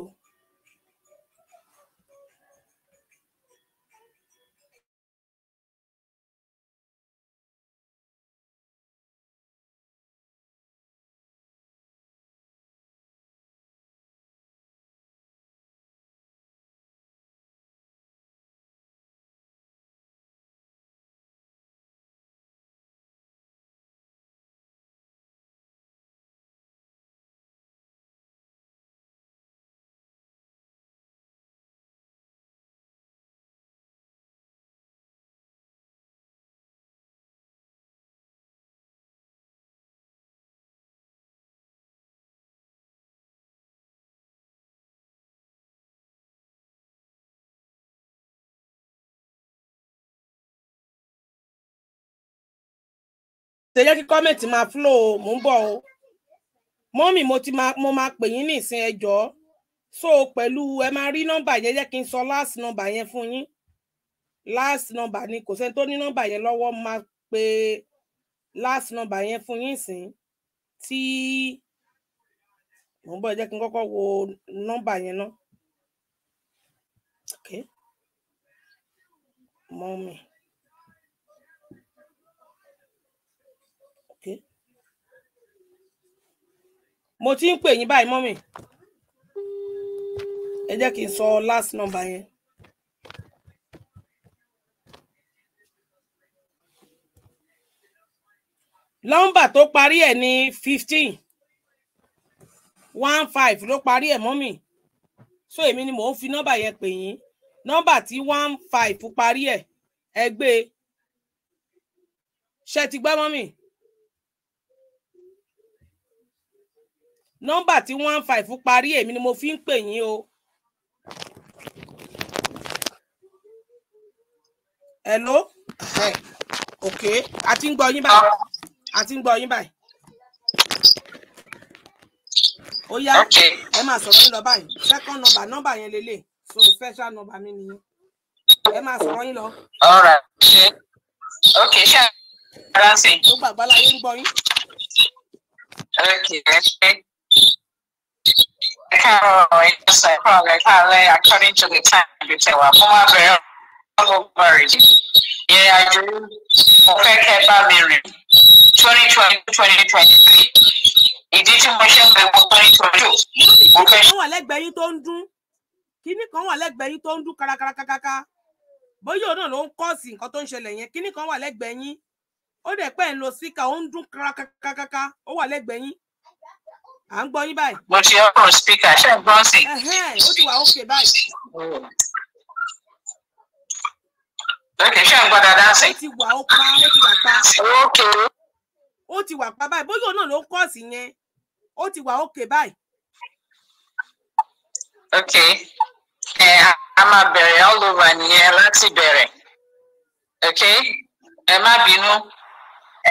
tẹ̀lé kí kọ́mẹ̀ntì máa flow o mò ń bọ̀ o mọ́mì mo ti máa mo máa pè yín ní ìsìn ẹjọ́ so pẹ̀lú ẹ máa rí nọ́mbà yẹn jẹ́ kí n sọ last Number yẹn fún yín last number. ni kò sẹ́ni tó ní nọ́mbà yẹn lọ́wọ́ máa pe last number. yẹn fún yín sìn tí mò ń bọ̀ jẹ́ kí n kọ́kọ́ wo nọ́mbà yẹn ná. Okay. Mọ́mì. mo ti ń pè yín báyìí mọ́mì ẹ jẹ́ kí n sọ last number yẹn. nọ́mbà tó parí ẹ̀ ní fifteen one five ló parí ẹ̀ mọ́mì so èmi ni mò ń fi nọ́mbà yẹn pè yín nọ́mbà tí one five parí ẹ̀ ẹ gbé e ṣe ti gbọ́ mọ́mì. nọ́mbà tí one five parí èmi ni mo fi ń pè yín o. hello hey. ok a ti ń gbọ́ yín báyìí a ti ń gbọ́ yín báyìí. ó yá ẹ máa sọ̀rọ̀ yín lọ báyìí second number number yẹn lélẹ̀ so special number mi nìyẹn ẹ máa sọ̀rọ̀ yín lọ. ọ̀rọ̀ ṣe ok ṣe ara ṣe. ó gbàgbọ́ láyé ń gbọ́ yín. ok ẹ ṣe káàárọ̀ ìjọsìn ẹ̀kọ́ rẹ̀ káàárẹ̀ according to the time you tell wa mo máa bẹ̀rẹ̀ ọlọ́gbọ̀n rẹ̀ ìrìn àjò mo twenty twenty twenty twenty three ìdí tí mo ṣe twenty twenty two mo fẹ́. kínní kan wà lẹ́gbẹ̀ẹ́ yín tó ń dún kínní kan wà lẹ́gbẹ̀ẹ́ yín tó ń dún kárakárakáká bóyá òun náà ló ń kọ́ sí nǹkan tó ń ṣẹlẹ̀ yẹn kínní kan wà lẹ́gbẹ̀ẹ́ yín ó dẹ̀ pẹ́ ń lo síkà ó ń dún kárakárakáká ó wà lẹ́gbẹ̀ẹ́ yín à ń gbọ́ yín báyìí. mo ṣe ọkọ spíkà ṣe ń gbọ́ sí. ó ti wà ókè báyìí. ókè ṣe ń gbọ́ dáadáa sí. ó ti wà ó pa ó ti wà pa. ókè. ó ti wà pa báyìí bóyá náà ló ń kọ́ọ̀sì yẹn ó ti wà ókè báyìí. ókè ẹ a máa bẹ̀rẹ̀ all over nìyẹn láti bẹ̀rẹ̀ ókè ẹ má bínú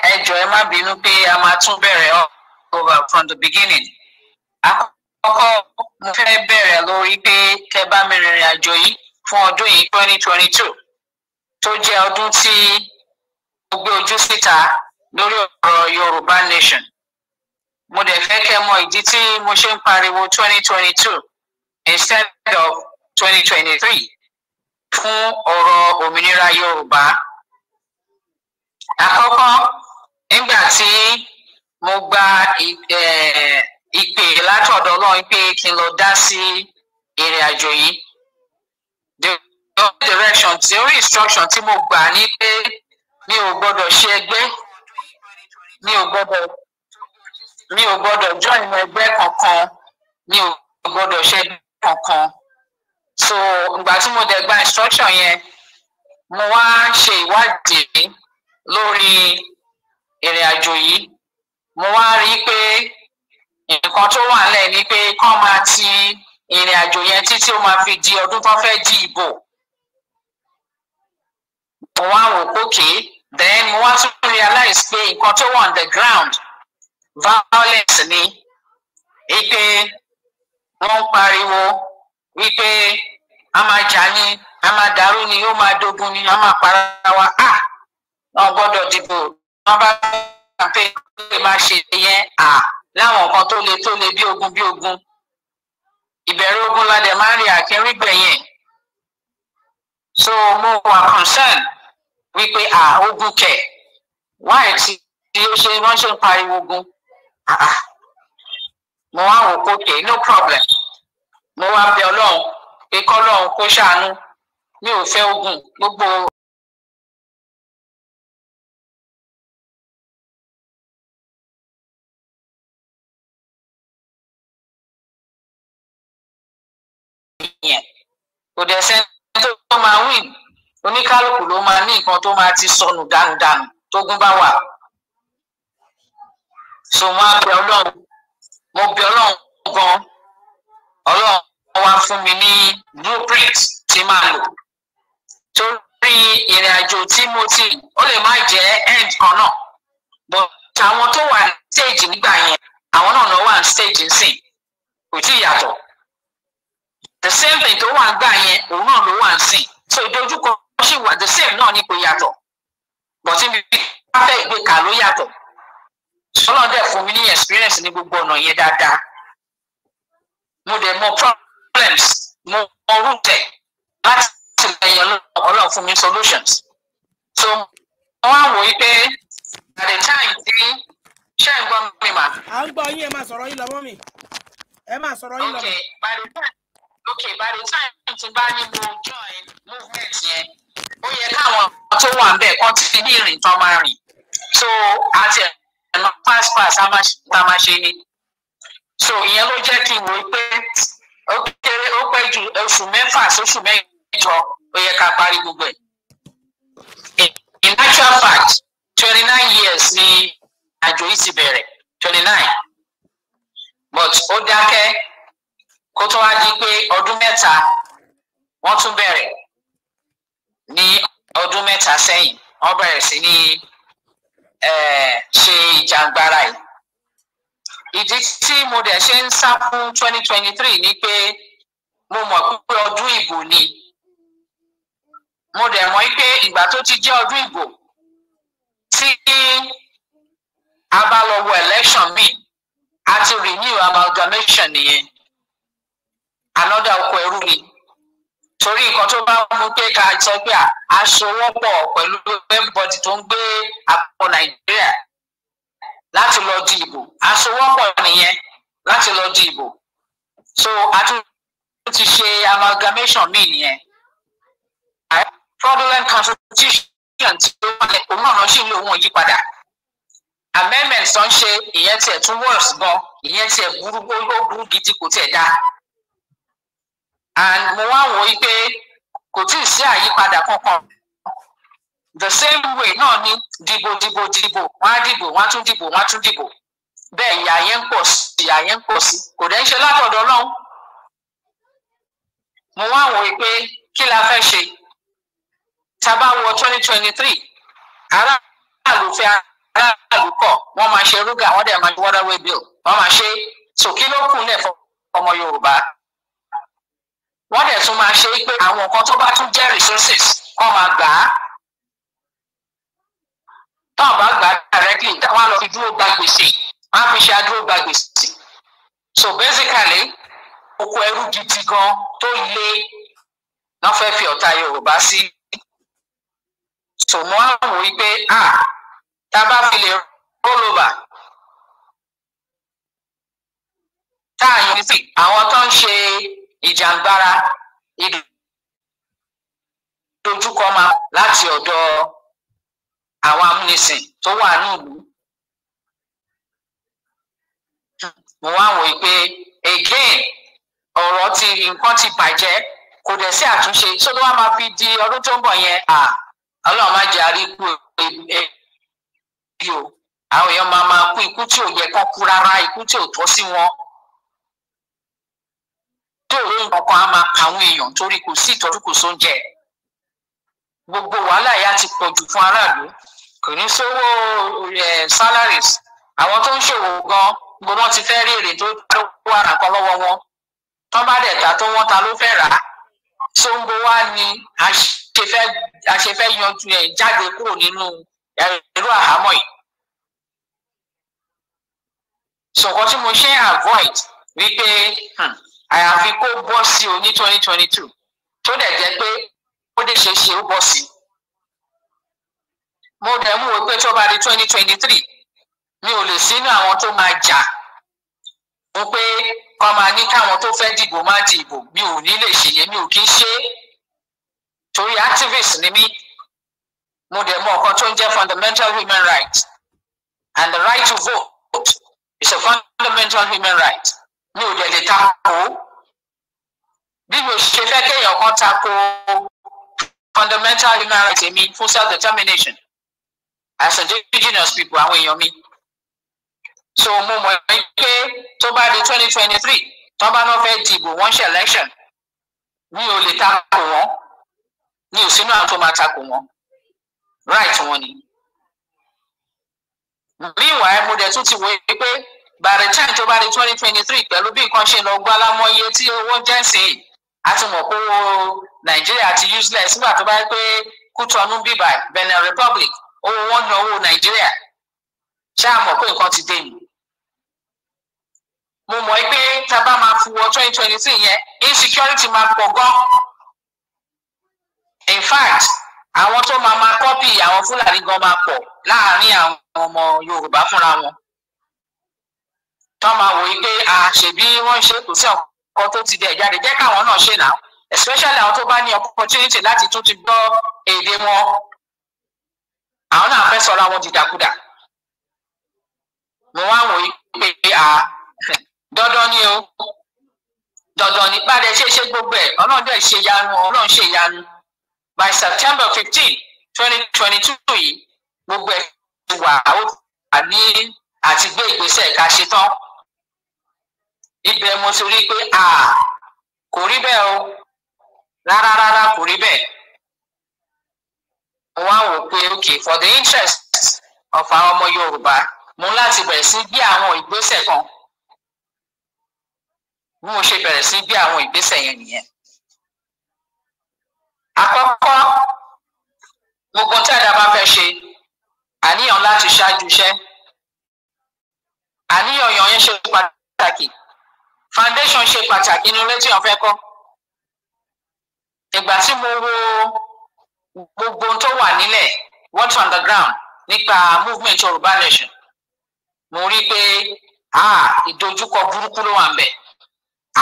ẹ jọ̀ọ́ ẹ má bínú pé a máa tún bẹ̀rẹ̀ all over from the beginning. àkọ́kọ́ mo fẹ́ bẹ̀rẹ̀ lórí pé tẹ bá mi rìnrìn àjò yìí fún ọdún yìí twenty twenty two tó jẹ́ ọdún tí mo gbé ojú síta lórí ọ̀rọ̀ Yorùbá nation. mo dẹ̀ fẹ́ kẹ́ mọ ìdí tí mo ṣe ń pariwo twenty twenty two instead of twenty twenty three fún ọ̀rọ̀ òmìnira Yorùbá. àkọ́kọ́ nígbà tí mo gba ìpè látọ̀dọ̀ ọlọ́run pé kí n lọ dá sí ìrìn àjò yìí the direction tí orí instruction tí mo gbà ni pé mi ò gbọ́dọ̀ ṣe ẹgbẹ́ mi ò gbọ́dọ̀ mi ò gbọ́dọ̀ join ẹgbẹ́ kankan mi ò gbọ́dọ̀ ṣe ẹgbẹ́ kankan so ìgbà tí mo dẹ̀ gba instruction yẹn mo wá ṣe ìwádìí lórí ìrìn àjò yìí mo wá rí i pé nǹkan tó wà nílẹ̀ ni pé kán máa ti ìrìn àjò yẹn títí ó máa fi di ọdún tó fẹ́ di ìbò mo wá wò pókè then mo wá tún realize pé nǹkan tó wà on the ground violence ni wípé wọ́n ń pariwo wípé a máa jà ni a máa dàrú ni ó máa dogun ni a máa para wa ah wọ́n gbọ́dọ̀ dìbò wọ́n bá pé pé má ṣe yẹn à láwọn nǹkan tó le tó le bí ogun bí ogun ìbẹ̀rù ogun la máa ń rí àkínrí gbẹ̀yìn so mo wà concern wípé à ogun kẹ̀ wáyé tí tí ó ṣe wọ́n ṣe ń pariwo ogun mo wá wò kó kè no problem mo wá bẹ̀ Ọlọ́run pé kọ́lọ́run kó ṣàánú mi ò fẹ́ ogun gbogbo kò dẹ̀ sẹ́ni tó máa win oníkálukú ló máa ní nǹkan tó máa ti sọnù dànùdànù tógun bá wà so mo abẹ Ọlọ́run mo bẹ Ọlọ́run gan Ọlọ́run wá fún mi ní blueprint tí màá lò torí ìrìn àjò tí mo ti ó lè má jẹ́ end kan náà but àwọn tó wà ní stage nígbà yẹn àwọn náà náà wà ní stage nsìn kò tí ì yàtọ̀ the same thing tó wà ń gbà yẹn òun náà ló wà ń sìn so ìdojúkọ sì wà the same náà ni kò yàtọ̀ bọ̀ síbi pápẹ́ ìgbéka ló yàtọ̀ ọlọ́run dẹ̀ fún mi ní experience ní gbogbo ọ̀nà yẹn dáadáa mo dẹ̀ mọ problems mo mọ route láti lẹ́yìn ọlọ́run fún mi solutions so wọ́n á wòye pé at the time tí ṣé ń gbọ́ mi mà. à ń gbọ́ yín ẹ máa sọ̀rọ̀ yín lọ́wọ́ mi ẹ máa sọ̀rọ̀ yín lọ́wọ́ mi okay by the time tí bá ní mo join movement yẹn ó yẹ káwọn tó wà ń bẹ̀ kán ti ní ìrìn tán máa rìn so àti ẹ̀nà pass pass a máa ṣe ni so ìyẹn ló jẹ́ kí n wò pé ó kéré ó pẹ́ ju oṣù mẹ́fà sóṣù mẹ́jọ ó yẹ ká parí gbogbo ẹ̀ in actual fact twenty nine years ni àjò yìí ti bẹ̀rẹ̀ twenty nine but ó dákẹ́ kó tó wá di pé ọdún mẹ́ta wọ́n tún bẹ̀rẹ̀ ní ọdún mẹ́ta sẹ́yìn wọ́n bẹ̀rẹ̀ sí ní ṣe ìjàngbara yìí. ìdí tí mo dẹ̀ ṣe ń sá fún twenty twenty three ni pé mo mọ̀ pé ọdún ìbò ni mo dẹ̀ mọ̀ pé ìgbà tó ti jẹ́ ọdún ìbò tí a bá lọ wọ election mi àti renew amalgamation nìyẹn Anoda oko ẹrú ni torí nǹkan tó bá mú pé ká sọ pé aṣọwọ́pọ̀ pẹ̀lú everybody tó ń gbé àpò nàìjíríà láti lọ di ìbò aṣọwọ́pọ̀ nìyẹn láti lọ di ìbò so àtúntò ti ṣe amalgamation míì nìyẹn fraudulent constitution tí ó wà lẹ́kọ̀ọ́ náà ṣì ń lo òun yípadà amendment tó ń ṣe ìyẹn tiẹ̀ tún worse gan ìyẹn tiẹ̀ burú ó gidi kò tiẹ̀ dáa and mo wá wò ó pé kò tí ì sí àyípadà kankan the same way náà ni dìbò dìbò dìbò wọn á dìbò wọn á tún dìbò wọn á tún dìbò bẹ́ẹ̀ ìyà yẹn ń pọ̀ sí ìyà yẹn ń pọ̀ sí kò dẹ́ ń ṣe látọ̀dọ̀ náà mo wá wò ó pé kí la fẹ́ ṣe tá wọ twenty twenty three aráàlú fẹ́ aráàlú kọ̀ wọ́n máa ṣe rúgà wọ́n dẹ̀ máa ṣe waterway bill wọ́n máa ṣe so kí ló kù lẹ̀ fọ́ ọmọ Yorùbá wọ́n dẹ̀ tún máa ṣe é pé àwọn nǹkan tó bá tún jẹ́ resources kọ́ máa gbà á táwọn bá gbà á directly táwọn á lọ fi dúró gba gbèsè wọ́n á fi ṣe adúró gba gbèsè so basically oko ẹrú gidi gan tó le wọ́n fẹ́ fi ọ̀tá Yorùbá sí so mo á wò pé ah tá a bá fi lè roll over tá a yẹn àwọn tó ń ṣe ìjàngbara ìdojúkọ máa láti ọ̀dọ̀ àwọn amúnisìn tó wà nílùú mo wá wòye pé again ọ̀rọ̀ ti nǹkan ti bàjẹ́ kò dẹ̀ sí àtúnṣe sódò wá máa fi di ọdún tó ń bọ̀ yẹn à ọlọ́run má jẹ́ àrí ikú ebi e, e, o àwọn èèyàn máa máa kú ikú tí ò yẹ kán kú rárá ikú tí ò tọ́ sí wọn dèrò nǹkan á máa pa àwọn èèyàn torí kò sí ìtọ́jú kò sóúnjẹ gbogbo wàhálà yá ti pọ̀ jù fún aráàlú kò ní sówó salaries àwọn tó ń ṣòwò gan gbogbo wọn ti fẹ́ rí èrè tó wà nǹkan lọ́wọ́ wọn tán bá dẹ̀ ta tó wọ́n ta ló fẹ́ rà á tó ń bo wá ni a ṣe fẹ́ yanjú ẹ̀ jáde kúrò nínú ẹ̀rọ àhámọ́ yìí so nǹkan tí mo ṣe avoid wípé. Hmm, àyàfi kó bọ́ sí o ní twenty twenty two tó dẹ̀ jẹ́ pé ó dé ṣe ṣe ó bọ́ sí. mo dẹ̀ mú wo pé tó bá di twenty twenty three mi ò lè sínú àwọn tó máa jà mo pé wọn máa ní káwọn tó fẹ́ dìbò má dìbò mi ò ní lè ṣe yẹn mi ò kí ń ṣe é torí activist ni mí mo dẹ̀ mọ ọ̀kan tó ń jẹ́ fundamental human rights, and the right to vote is a fundamental human right mi ò dẹ̀ lè takò bí mi ò ṣe fẹ́ kéèyàn kan takò fundamental human rights èmi fún self determination as indigenous people àwọn èèyàn mi so mo mọ̀ pé tó bá di twenty twenty three tó bá náà fẹ́ dìbò wọ́n ṣe election mi ò lè takò wọ́n mi ò sínú àwọn tó máa takò wọ́n right wọn ni. meanwhile mo dẹ̀ tún ti wọ pé bàrẹ̀ chá ìjọba di twenty twenty three pẹ̀lú bí nǹkan ṣe lọ gbọ́ alámọ́yé tí owó ń jẹ́sìn yìí a ti mọ̀ pé owó nàìjíríà ti useless nígbà tó bá yẹ pé kútọ́nù bíbà Benin Republic owó wọn ná owó nàìjíríà ṣáà mọ̀ pé nǹkan ti dé mi mo mọ̀ pé tá a bá máa fi wọ twenty twenty three yẹn insecurity máa pọ̀ gan in fact àwọn tó máa máa kọ́pì àwọn fúlàní gan máa pọ̀ láàárín àwọn ọmọ yorùbá fúnra wọn tán máa wòye pé a ṣèbí wọ́n ṣe kò sí ọkọ tó ti dẹ̀ jáde jẹ́ káwọn náà ṣe náà especially àwọn tó bá ní opportunity láti tún ti gbọ́ èdè wọn àwọn náà fẹ́ sọ̀rọ̀ àwọn dìdàkudà mo wá wòye pé a dandan ni o dandan ni bá a dẹ̀ ṣe ṣe gbogbo ẹ̀ ọlọ́run dẹ̀ ṣe yanu ọlọ́run ṣe yanu by September fifteen twenty twenty two yìí gbogbo ẹ̀ ti wà ó wà ní àti gbé ìgbésẹ̀ ká ṣe tán ibẹ̀ mo ti rí i pé à kò rí bẹ́ẹ̀ o rárá rárá kò rí bẹ́ẹ̀ mo wá wò pé ok for the interest of our ọmọ Yorùbá mo ń láti bẹ̀rẹ̀ sí gbé àwọn ìgbésẹ̀ kan bí mo ṣe bẹ̀rẹ̀ sí gbé àwọn ìgbésẹ̀ yẹn nìyẹn àkọ́kọ́ gbogbo tí àdá bá fẹ́ ṣe àníyàn láti ṣáájú iṣẹ́ àníyàn yẹn ṣe pàtàkì foundation ṣe pàtàkì inú ilé tí wọn fẹ́ kọ́ ìgbà tí mo wo gbogbo tó wà nílẹ̀ what's on the ground nípa movement Yorùbá nation mo rí i pé ìdojúkọ burúkú ló wà ń bẹ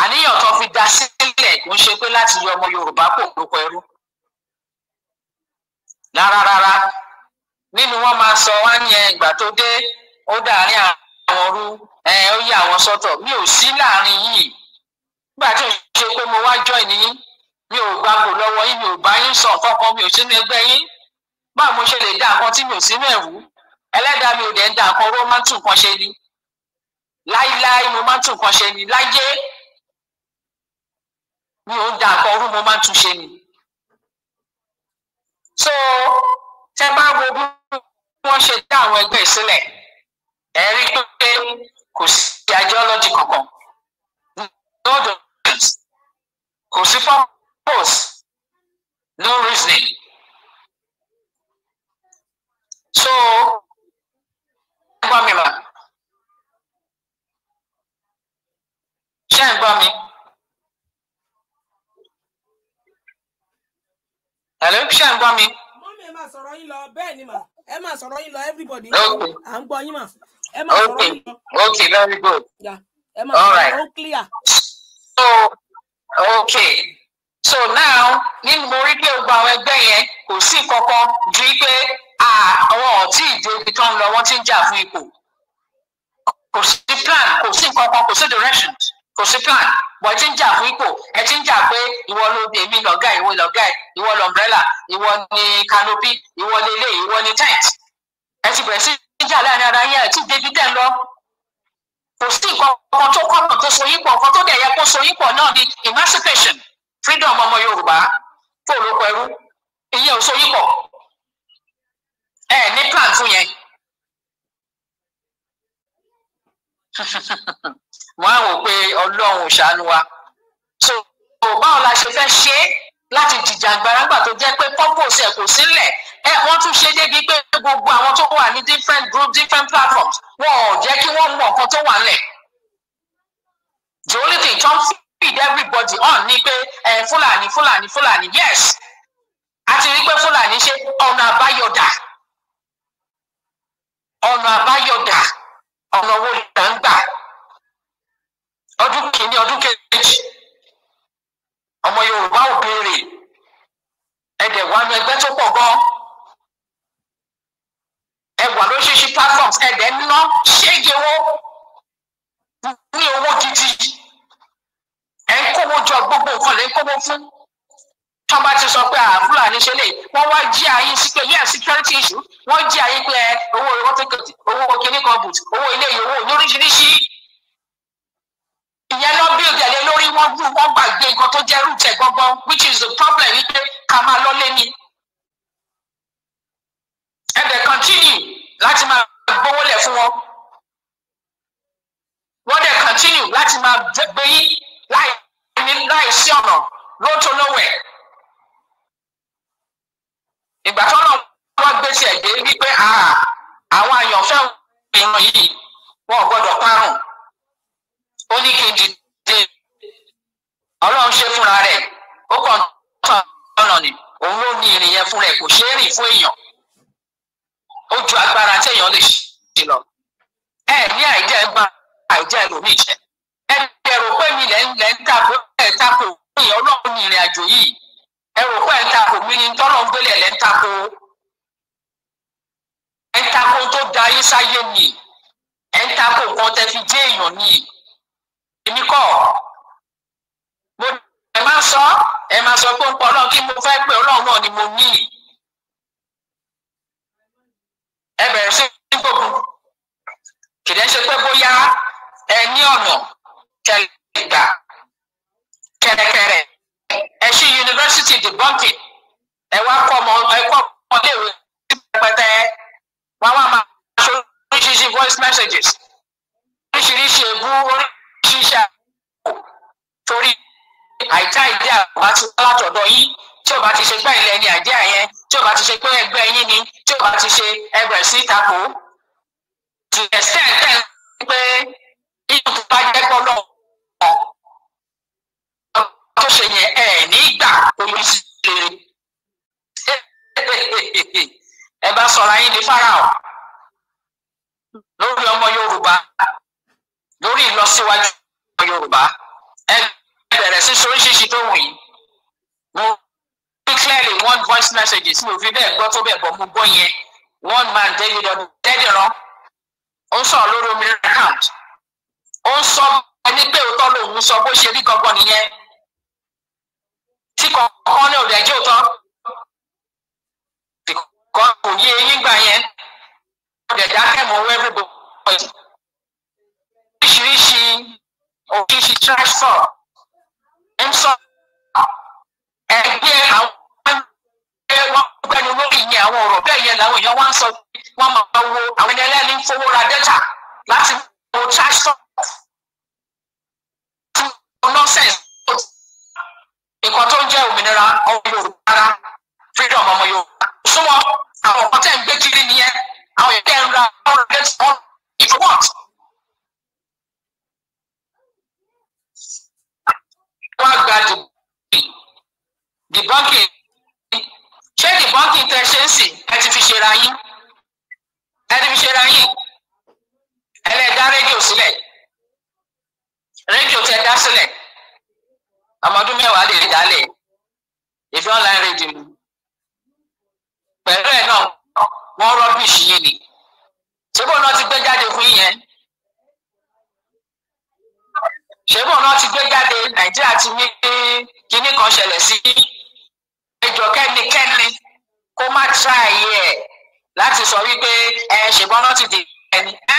àníyàn tó fi dá sílẹ̀ kò ń ṣe pé láti yọ ọmọ Yorùbá kò lóko ẹrú rárárárá nínú wọn máa sọ wá yẹn ìgbà tó dé ó dàárín àwọn ọrú ẹ ó yà àwọn sọ́tọ̀ mi ò sí láàrin yìí nígbà tí ò ṣe pé mo wá jọ ìníyín mi ò gbà kò lọ́wọ́ yín mi ò bá yín sọ kankan mi ò sínú ẹgbẹ́ yín báwo mo ṣe lè dá nǹkan tí mi ò sí mẹ́rù ẹlẹ́dàá mi ò dẹ̀ ń dá nǹkan ró máa ń tún nǹkan ṣe ni láíláí mo máa ń tún nǹkan ṣe ni láyé mi ò ń dá nǹkan ró mo máa ń tún ṣe ni. so tẹ bá wo bí wọ́n ṣe dá àwọn ẹgbẹ́ sílẹ̀ ẹ rí pé kò sí ideology kankan no doctrines kò sí purpose no reasoning so gbọ́ mi mà ṣé ń gbọ́ mi. Hello, ṣé ń gbọ́ mi. mọ́mí ẹ máa sọ̀rọ̀ yín lọ bẹ́ẹ̀ ni mà ẹ máa sọ̀rọ̀ yín lọ everybody à ń gbọ́ yín mà ẹ máa okay very good. ẹ All right. All clear. so okay so now nínú mo rí pé gbogbo àwọn ẹgbẹ́ yẹn kò sí kankan ju pé àwọn ọ̀tí ìdóbi tó ń lọ wọ́n ti ń jà fún ipò kò sí plan kò sí kankan kò sí directions kò sí plan bọ̀ ẹ ti ń jà fún ipò ẹ ti ń jà pé ìwọ ló bí èmi lọ́gà ìwọ lọ́gà ìwọ lọ́mbrẹ́là ìwọ ni canopy ìwọ lélẹ̀ ìwọ ni tent ẹ ti bẹ̀rẹ̀ sí jà láàrin ara yẹn àti débi tẹ́ lọ kò sí nǹkan tó kọ́nà tó so nǹkan tó dẹ̀ yẹ kó so náà ni emancipation freedom ọmọ Yorùbá tó ló pẹ̀rú ìyẹn ò so ẹ ní plan fún yẹn. (laughs) wọ́n á wò pé Ọlọ́run ṣàánú wa so báwo la ṣe fẹ́ ṣe láti jìjàgbara nígbà tó jẹ́ pé purpose ẹ̀ kò sílẹ̀ ẹ wọ́n tún ṣe débi pé gbogbo àwọn tó wà ní different group different platforms wọn ò jẹ́ kí wọ́n mọ nǹkan tó wà nílẹ̀ the only thing tó ń feed everybody on ni pé ẹ fúlàní fúlàní fúlàní yes àti rí pé fúlàní ṣe ọ̀nà àbáyọ̀dà ọ̀nà àbáyọ̀dà ọ̀nà owó ìgbà ń gbà ọdún kìíní ọdún kejì ọmọ Yorùbá ò béèrè ẹ̀dẹ̀ wà nù ẹgbẹ́ tó pọ̀ gan-an wà lóṣìṣì platforms ẹ̀dẹ̀ ńná ṣége ní owó gidi ẹ̀ ń kówó jọ gbogbo nǹkan lè ń kówó fún tán ti sọ pé fúlàní ṣe lè wọ́n wá jí ayé sí pé yes security issue wọ́n jí ayé pé owó owó owó kíní kan bùt owó ilé ìyówó lóríṣiríṣi ìyẹn lọ bí òdẹ̀lẹ̀ lórí wọ́n gbú wọ́n gbàgbé nǹkan tó jẹ́ rúùtẹ̀ gbọ́ngbọ́n which is the problem wípé ká máa lọ lé ni. ẹ̀bẹ̀ continue láti máa gbówó lẹ̀ fún wọn wọ́n dẹ̀ kọ́ntínú láti máa gbé yín láì sí ọ̀nà lóòótọ́ lọ́wẹ̀ ìgbà tó náà wọ́n gbé tiẹ̀ dé wípé àwọn àyànfẹ́ ìran yìí wọn ò gbọ́dọ̀ parun ó ní kí n dìde ọlọ́run ṣe fúnra rẹ̀ ó kàn tán ọ̀nà ni òun ló ní ìrìn yẹn fúnra ẹ̀ kò ṣeé rìn fún èèyàn ó ju agbára téèyàn lè ṣe lọ ẹ ní àìjẹ gba àìjẹ ẹlòmíì jẹ ẹ ẹrù pé mi lẹ ń lẹ ń tako ẹ tako ìyẹn Ọlọ́run ní ìrìn àjò yìí ẹrù pé ẹ tako mi ní tọlọ ń gbélé ẹ lẹ ń tako ẹ ń tako tó da yín sáyé mi ẹ ń tako nǹkan tẹ fi jẹ èèyàn ni èmi kọ́ mo ẹ máa sọ ẹ máa sọ pé ń pọ Ọlọ́run kí mo fẹ́ pé Ọlọ́run náà ni mo ní ẹ bẹ̀rẹ̀ sí í gbòòrò kìdẹ́ ṣe pé bóyá ẹ ní ọ̀nà tẹ̀lẹ̀gbà kẹ̀rẹ̀kẹ̀rẹ̀ ẹ ṣí yunifásitì debunking ẹ wá kọ́ ọmọ ẹ kọ́ ọmọ léèrè sí pẹpẹtẹ wá máa ṣe oríṣiríṣi voice messages oríṣiríṣi ebú oríṣiríṣi àgbò torí àìtá ìdí àgbà ti wá látọ̀dọ̀ yìí tí ò bá ti ṣe gbẹ́ ilẹ̀ ni àjẹ́ àyẹn tí ò bá ti ṣe pé ẹgbẹ́ yín ni tí o bá ti ṣe ẹgbẹ́ sí ìtako to the extent tẹ̀ ń pé inú tó bá jẹ́ gbọ́dọ̀ ọ̀ tó ṣe yẹn ẹ̀ nígbà omi sí rere (laughs) ẹ bá sọ̀rọ̀ ayé di Fáráò lórí ọmọ Yorùbá lórí ìlọsíwájú ọmọ Yorùbá ẹ bẹ̀rẹ̀ sí sóríṣiríṣi tó wù yìí clearly one voice messages mi ò fi bẹ́ẹ̀ gbọ́ tó bẹ́ẹ̀ bọ́ mo gbọ́ yẹn one man David Adediran ó ń sọ̀rọ̀ lórí omi account ó ń sọ ẹni pé òótọ́ lòun sọ bó ṣe rí gangan nìyẹn tí kọ̀ọ̀kan ní òde ẹjẹ́ òótọ́ kọ́ kò yé eyín gbà yẹn òde ẹ̀dá kẹ́mọ̀ owó everybody oríṣiríṣi oríṣiríṣi transfer ń sọ ẹgbẹ́ àwọn gbẹ́ni lórí yẹn àwọn ọ̀rọ̀ bẹ́ẹ̀ yẹn làwọn èèyàn wá ń sọ wọ́n máa wo àwọn ẹni ẹlẹ́ni ń fowó ra dẹ́tà láti wo trash talk fún nonsense nǹkan tó ń jẹ́ òmìnira ọmọ Yorùbá rárá freedom ọmọ Yorùbá súnmọ́ àwọn ọ̀pọ̀ tẹ̀ ń gbé kiri nìyẹn àwọn èdè ń ra ọ̀rọ̀ dẹ́tà wọn if what. wọ́n á gba dìbọ́nkì ṣé dìbọ́ǹkì tẹ ṣe ń sìn ẹ ti fi ṣera yín ẹ ti fi ṣera yín ẹ lè dá rédíò sílẹ̀ rédíò tẹ dá sílẹ̀ ọmọdún mẹ́wàá lè dálẹ̀ ìfẹ́ online rédíò pẹ̀lú ẹ̀ náà wọ́n rọ́bìṣì yìí ni ṣébò náà ti gbé jáde fún yẹn ṣébò náà ti gbé jáde nàìjíríà ti ní kíní kan ṣẹlẹ̀ sí i jọ kẹ́nikẹ́ni kó má tíráyé ẹ̀ láti sọ wípé ẹ ṣègbọ́n náà ti dè ẹni ẹ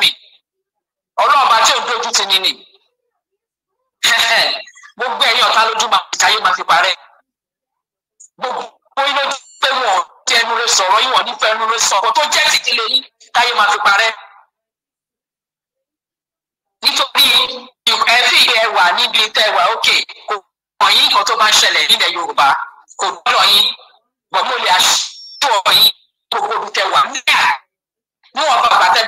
mi ọlọ́ọ̀bá tí ò ń dojú ti ni nì (laughs) gbogbo ẹ̀yin ọ̀tá lójú máa fi káyé máa fi parẹ́ gbogbo yín lójú pé wọn ò ti ẹnu rẹ sọ̀rọ̀ yín wọn nífẹ̀ẹ́ ẹnu rẹ sọ̀rọ̀ tó jẹ́ tìkìlẹ̀ yín káyé máa fi parẹ́ nítorí ẹ̀fí ẹ wà níbi tẹ́ wà òkè kò wọ̀n yín nǹkan tó máa ń ṣẹlẹ̀ nílẹ̀ Yorùbá kò dọ́lọ̀ yín bọ̀ mo lè aṣọ yín gbogbo ibi tẹ́ wà nígbà níwọ̀n bàbá tẹ́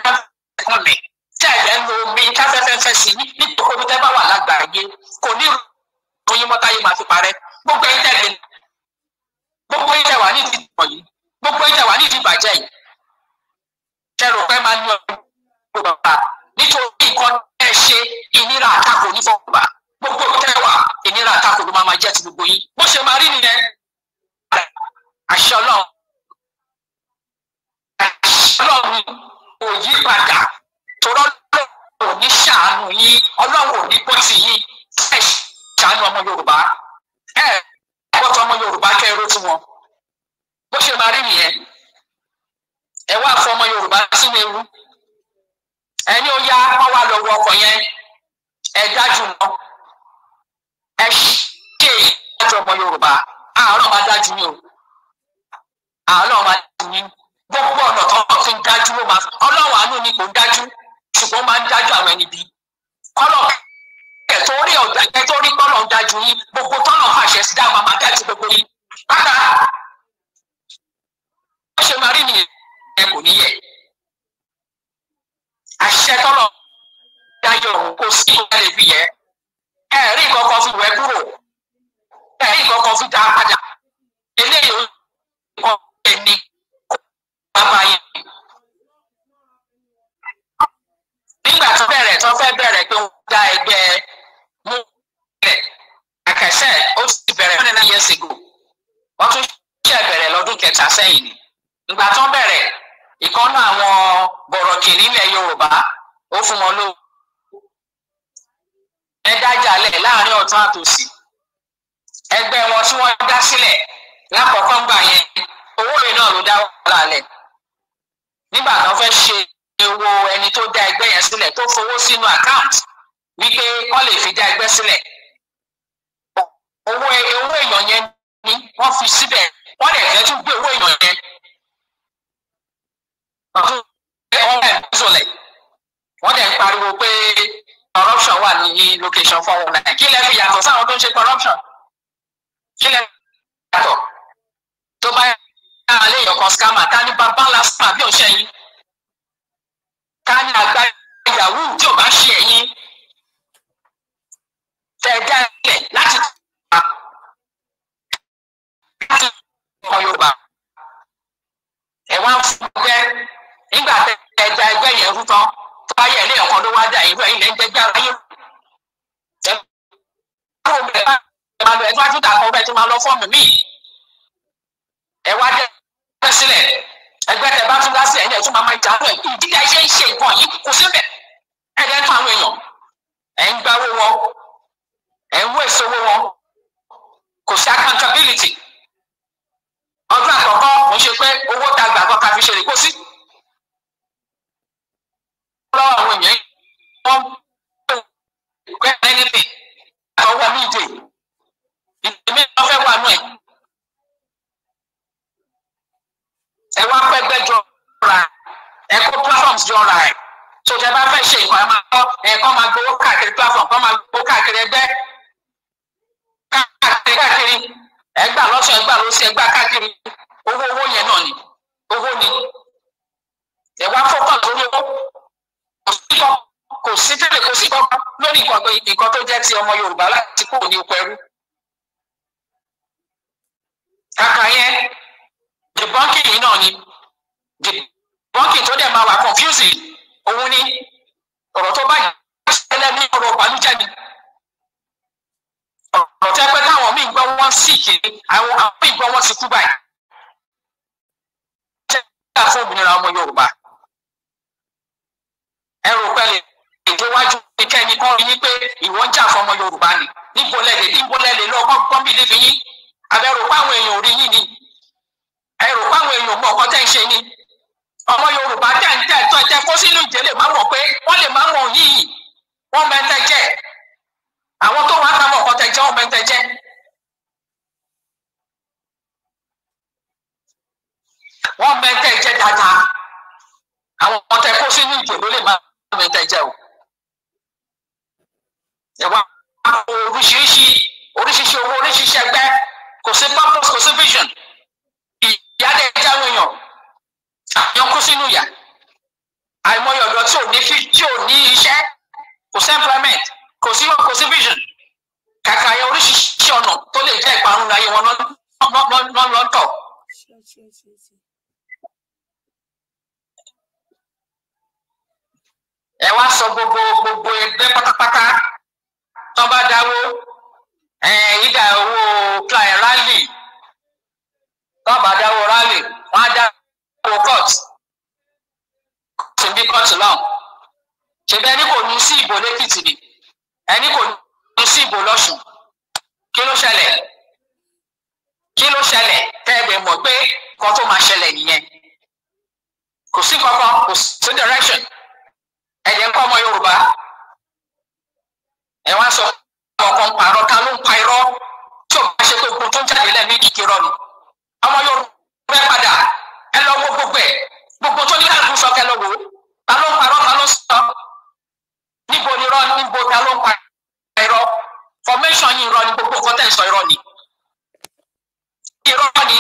kàn mí tí àyẹ̀ ń lo omi káfẹ́fẹ́fẹ́ sí i nítorí tẹ́ bá wà lágbàáyé kò ní ìròyìn mọ́táyé máa fi parẹ́ gbogbo ẹ̀yin tẹ̀lé gbogbo ẹ̀yin tẹ̀wà ní ìdí ìtàn yìí gbogbo ẹ̀yin tẹ̀wà ní ìdí ìbàjẹ́ yìí ṣẹ̀rù pé máa ní ọdún bàbá nítorí nǹkan ẹ ṣe ìnira àtakò ní fọ́ọ̀bà gbogbo tẹ́wà ìnira àtakò ló máa máa jẹ́ ti gbogbo yìí bó ṣe máa rí nìyẹn àṣẹ ọlọ́run àṣẹ ọlọ́run kò yí torọ́ ní ṣàánú yín ọlọ́wọ́ ní kó yín ẹ ṣàánú ọmọ yorùbá ẹ kọ́tọ̀ ọmọ yorùbá kẹ́rọ tí wọn bó ṣe máa rí nìyẹn ẹ wá fọ ọmọ yorùbá sínú ewu ẹni ó yá wọn wá lọ ọkọ̀ yẹn ẹ dájú mọ ẹ ṣe ìdájọ́ ọmọ yorùbá àárọ̀ máa dájú ni o àárọ̀ máa dájú ni gbogbo ọ̀nà tó ń dájú ló máa ni kò ń dájú ṣùgbọ́n máa ń dájú àwọn ẹni bí kọ́lọ̀ kẹ̀tọ́ rí ọ̀dà kẹtọ́ rí kọ́lọ̀ ń dájú yín gbogbo tọ́lọ̀ àṣẹ sí dáhùn àmà dájú gbogbo yín bàtà wọ́n ṣe máa rí nìyẹn ẹ kò níyẹ àṣẹ tọ́lọ̀ dájọ́ kò sí ìwé lè fi yẹ ẹ rí kọ́kọ́ fi wẹ́ kúrò ẹ rí kọ́kọ́ fi dá padà eléyìí ó ń kọ́ ẹni kó bàbá yẹn. nígbà tó bẹ̀rẹ̀ tó fẹ́ bẹ̀rẹ̀ pé wọ́n dá ẹgbẹ́ mú bẹ̀rẹ̀ àkàṣẹ́ ó ti bẹ̀rẹ̀ years ago wọ́n tún ṣe bẹ̀rẹ̀ lọ́dún kẹta sẹ́yìn ni tó bẹ̀rẹ̀ àwọn Yorùbá ó fún wọn ẹ láàrin ọ̀tún àtòsí ẹgbẹ́ wọn tí wọ́n dá sílẹ̀ lákọ̀ọ́kọ́ gbà yẹn owó náà ló dá wo ẹni tó dá ẹgbẹ́ yẹn sílẹ̀ tó fowó sínú àkáǹtì wípé kọ́ lè fi dá ẹgbẹ́ sílẹ̀ owó owó èèyàn yẹn ni wọ́n fi síbẹ̀ wọ́n lè fẹ́ tún gbé owó èèyàn yẹn wọ́n lè sọlẹ̀ wọ́n lè pariwo pé corruption wà ní location four one nine kí lè fi yàtọ̀ sáwọn tó ń ṣe corruption kí lè fi yàtọ̀ tó bá yàtọ̀ àléèyàn kan scammer ta ni babalá sábà bí òṣèyìn ta ni àgbà ìyàwó tí ò bá ṣe ẹ̀yìn tẹ̀ ilẹ̀ láti tó wà láti ọmọ Yorùbá ẹ̀ wá ń fún nígbà tẹ̀ ẹgbẹ́ yẹn rú tán tó bá yẹ ilé ẹ̀kan ló wá dà irú ẹ̀yìn lẹ́yìn jẹ́jẹ́ aráyé ẹ̀ tó dà kọ́ bẹ́ẹ̀ tó máa lọ fọ́ọ̀mù míì ẹ̀ wá dẹ́ sílẹ̀ ẹgbẹ́ tẹ bá tún dá sí ẹ̀yìn ẹ̀ tún máa máa jáwọ́ ẹ̀ ìdílé ayé ń nǹkan yìí kò sí ẹ̀dẹ̀ tún àwọn èèyàn ẹ̀ ń gbáwó wọn ẹ̀ ń wọ ìṣòwò wọn kò sí accountability ọdún àkọ́kọ́ mo ṣe pé owó ta gbà kan ká fi ṣe lè kó sí. lọ́wọ́ àwọn èèyàn wọ́n ń gbé ẹni pé àwọn ọmọ mi dé ìdílé mi wọ́n fẹ́ wà nù ẹ̀. ẹ wá pẹ́ gbẹ́jọ́ ra ẹ kó platforms jọ ra ẹ̀ tó jẹ bá fẹ́ ṣe nǹkan ẹ máa kọ́ ẹ kọ́ máa gbowó káàkiri platform kọ́ máa gbowó káàkiri ẹgbẹ́ káàkiri káàkiri ẹgbà lọ́sọ̀ ẹgbà lọ́sí ẹgbà káàkiri owó owó yẹn náà ni owó ni ẹ wá fọ́kàn lórí owó kò sí tẹ́lẹ̀ kò sí kọ́kọ́ lórí nǹkan tó jẹ́ ti ọmọ Yorùbá láti kúrò ní oko ẹrú kàkà yẹn debunking yìí náà ni debunking tó dẹ̀ máa wà confusing òun ni ọ̀rọ̀ tó bá ṣẹlẹ̀ ní ọ̀rọ̀ ìbànújẹ́ ni ọ̀rọ̀ tẹ́ pé táwọn míì gbọ́ wọ́n sì kí àwọn àwọn míì gbọ́ wọ́n ti kú báyìí. ṣé ìgbà fún òmìnira ọmọ Yorùbá ẹ rò pẹ́lẹ́ ìdíwájú kẹ́ni kan rí pé ìwọ́n jà fún ọmọ Yorùbá ni níbo lẹ́lẹ̀ níbo lẹ́lẹ̀ lọ́kọ́ kọ́ńbì lè fi yín abẹ́rò pàwọn èèyàn ò rí yín ni ẹ rò èèyàn mọ ọkọ tẹ́ ń ṣe ni ọmọ yorùbá tẹ́ ń tẹ́ tọ́ tẹ́ kó sínú ìjẹ́ lè má pé wọ́n lè má mọ̀ yìí wọ́n mẹ́ tẹ́ jẹ́ àwọn tó wà ká mọ̀ ọkọ tẹ́ jẹ́ wọ́n mẹ́ tẹ́ jẹ́. wọ́n mẹ́ tẹ́ jẹ́ dáadáa àwọn ọmọ tẹ́ kó sínú ìjẹ́ ló lè má mẹ́ tẹ́ jẹ́ o. ẹ̀wá oríṣiríṣi oríṣiríṣi owó oríṣiríṣi ẹgbẹ́ kò sí purpose kò sí vision ìyá dẹ̀ jáwé yàn àyàn kú sínú ìyà àìmọye ọ̀dọ́ tí ò ní fi tí ò ní iṣẹ́ kò sí employment kò sí wọn kò sí vision kàkà yẹn oríṣiríṣi ọ̀nà tó lè jẹ́ ìparun láyé wọn lọ́tọ̀. ẹ wá sọ gbogbo gbogbo ẹgbẹ́ pátápátá tó bá dáwó ìdá owó client rally tábà dáwọ́ rálì wọ́n á dáwọ́ court ṣùgbọ́n court náà ṣèbí ẹni kò ní sí ìbò lẹ́kìtì ni ẹni kò ní sí ìbò lọ́sùn kí ló ṣẹlẹ̀ kí ló ṣẹlẹ̀ tẹ́ẹ̀dẹ̀ mọ̀ pé kan tó máa ṣẹlẹ̀ nìyẹn kò sí kankan kò sí direction ẹ̀jẹ̀ ń kọ́ ọmọ Yorùbá ẹ̀ wá sọ ọkàn parọ́ ta ló ń pa irọ́ tí ò bá ṣe pé ogun tó ń jáde lẹ́nu ìkíkí rọ́ ọmọ Yorùbá ẹ padà ẹ lọ wo gbogbo ẹ gbogbo tó ní láàbù sọ kẹ lọ wò ó ta ló ń parọ́ ta ló ń sọ níbo ni irọ́ níbo ta ló ń pa irọ́ formation yìí irọ́ ni gbogbo nǹkan tẹ̀ ń sọ irọ́ ni irọ́ ni.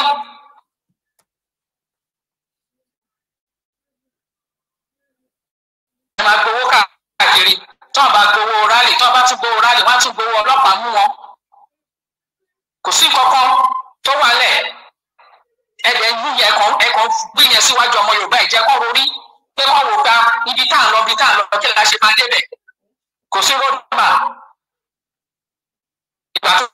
ẹ máa gbowó káàkiri tó ń bá gbowó rálì tó ń bá tún gbowó rálì wọ́n á tún gbowó ọlọ́pàá mú wọn kò sí nǹkan tó wà lẹ̀ ẹ̀dẹ̀ ń yíyẹ ẹ̀kọ́ ẹ̀kọ́ gbìyànjú síwájú ọmọ Yorùbá ìjẹ́ kọ́ rorí pé wọ́n wò gba ibi tá à ń lọ ibi tá à ń lọ kí la ṣe máa débẹ̀ kò sí road map ìgbà tó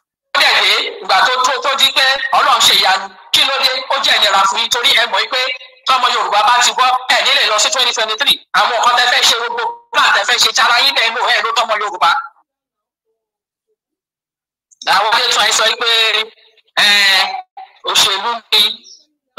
dẹ̀ dé ìgbà tó tó tó di pé Ọlọ́run ṣe ìyanu kí ló dé ó jẹ́ ìnira fún yín torí ẹ mọ̀ pé tọmọ Yorùbá bá ti gbọ́ ẹ nílẹ̀ lọ sí twenty twenty three àwọn nǹkan tẹ fẹ́ ṣe gbogbo plan tẹ fẹ́ ṣe tara yín lẹ́nu ẹ ló tọmọ Yorùbá àwọn elétò ẹ sọ pé òṣèlú ni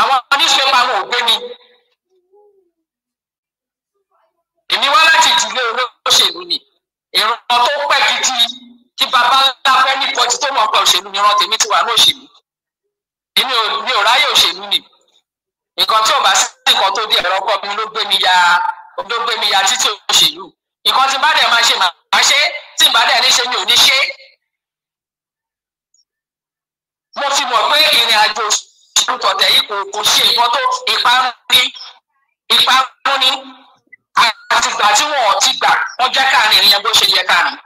àwọn oníṣẹ́pá wọn ò gbé mi èmi wá láti ìdílé olóṣèlú ni ìran tó pẹ́ gidi tí bàbá ńlá fẹ́ ní pọ́tì tó mọ̀ pé òṣèlú ni ìran tèmi ti wà ní òṣèlú èmi ò mi ò ráyè òṣèlú ni nǹkan tí ò bá sí nǹkan tó di ẹ̀rọ ọkọ mi ló gbé mi ya ló gbé mi ya títí òṣèlú nǹkan tí bá dẹ̀ máa ṣe màá ṣe tí bá dẹ̀ ní ṣe mi ò ní ṣe mo ti mọ̀ pé ìrìn àjò òṣèlú ìlú tọ̀tẹ̀ yìí kò kò ṣe nǹkan tó ìparun ní ìparun ní àtìgbà tí wọn ti gbà wọn jẹ́ káàrin ìyẹn bó ṣe yẹ káàrin.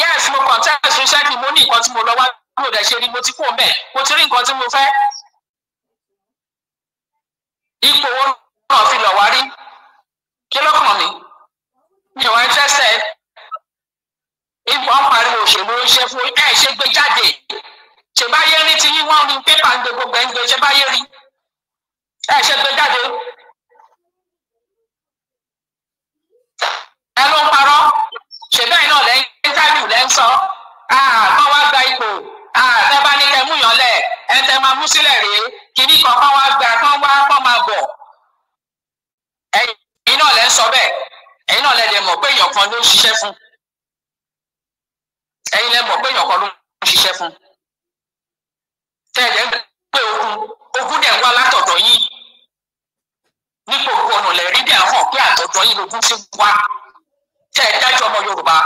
yes mo kàn tẹ́sí ṣẹ́kì mo ní nǹkan tí mo lọ wá lò dẹ̀ ṣe ni mo ti kú mbẹ̀ mo ti rí nǹkan tí mo fẹ́. ipò wo náà fi lọ̀ wá rí kí ló kàn mí mi ò ń tẹ́sẹ̀ ipò ọ̀pariwo òṣèlú ṣe fún ẹ̀ ṣe gbé jáde ṣèbáyé rí ti yín wọ́n rí pépà ń gbé gbogbo ẹ̀ ń gbé ṣèbáyé rí ẹ̀ ṣe gbé jáde ẹ ló ń parọ́ ṣèbẹ́yìn náà lẹ́yìn íńtánìtì lẹ́ ń sọ kọ́ wá gba ipò tẹ́ bá ní kẹ́ mú yàn máa mú sílẹ̀ rèé kìíní kan wá gba kọ́ wá kọ́ máa bọ̀ ẹ̀yin náà lẹ́ ń sọ bẹ́ẹ̀ ẹ̀yin náà lẹ́ dẹ̀ mọ̀ pé èèyàn kan ló ń ṣiṣẹ́ fún ẹ̀yin lẹ́ mọ̀ pé èèyàn kan ló ń ṣiṣẹ́ fún tẹ̀lé ń pé ogun ogun dẹ̀ ń wá látọ̀dọ̀ yín ní gbogbo ọ̀nà lẹ́rí dẹ̀ hàn pé àtọ̀dọ̀ yín lógún ti wá tẹ̀ ọmọ Yorùbá.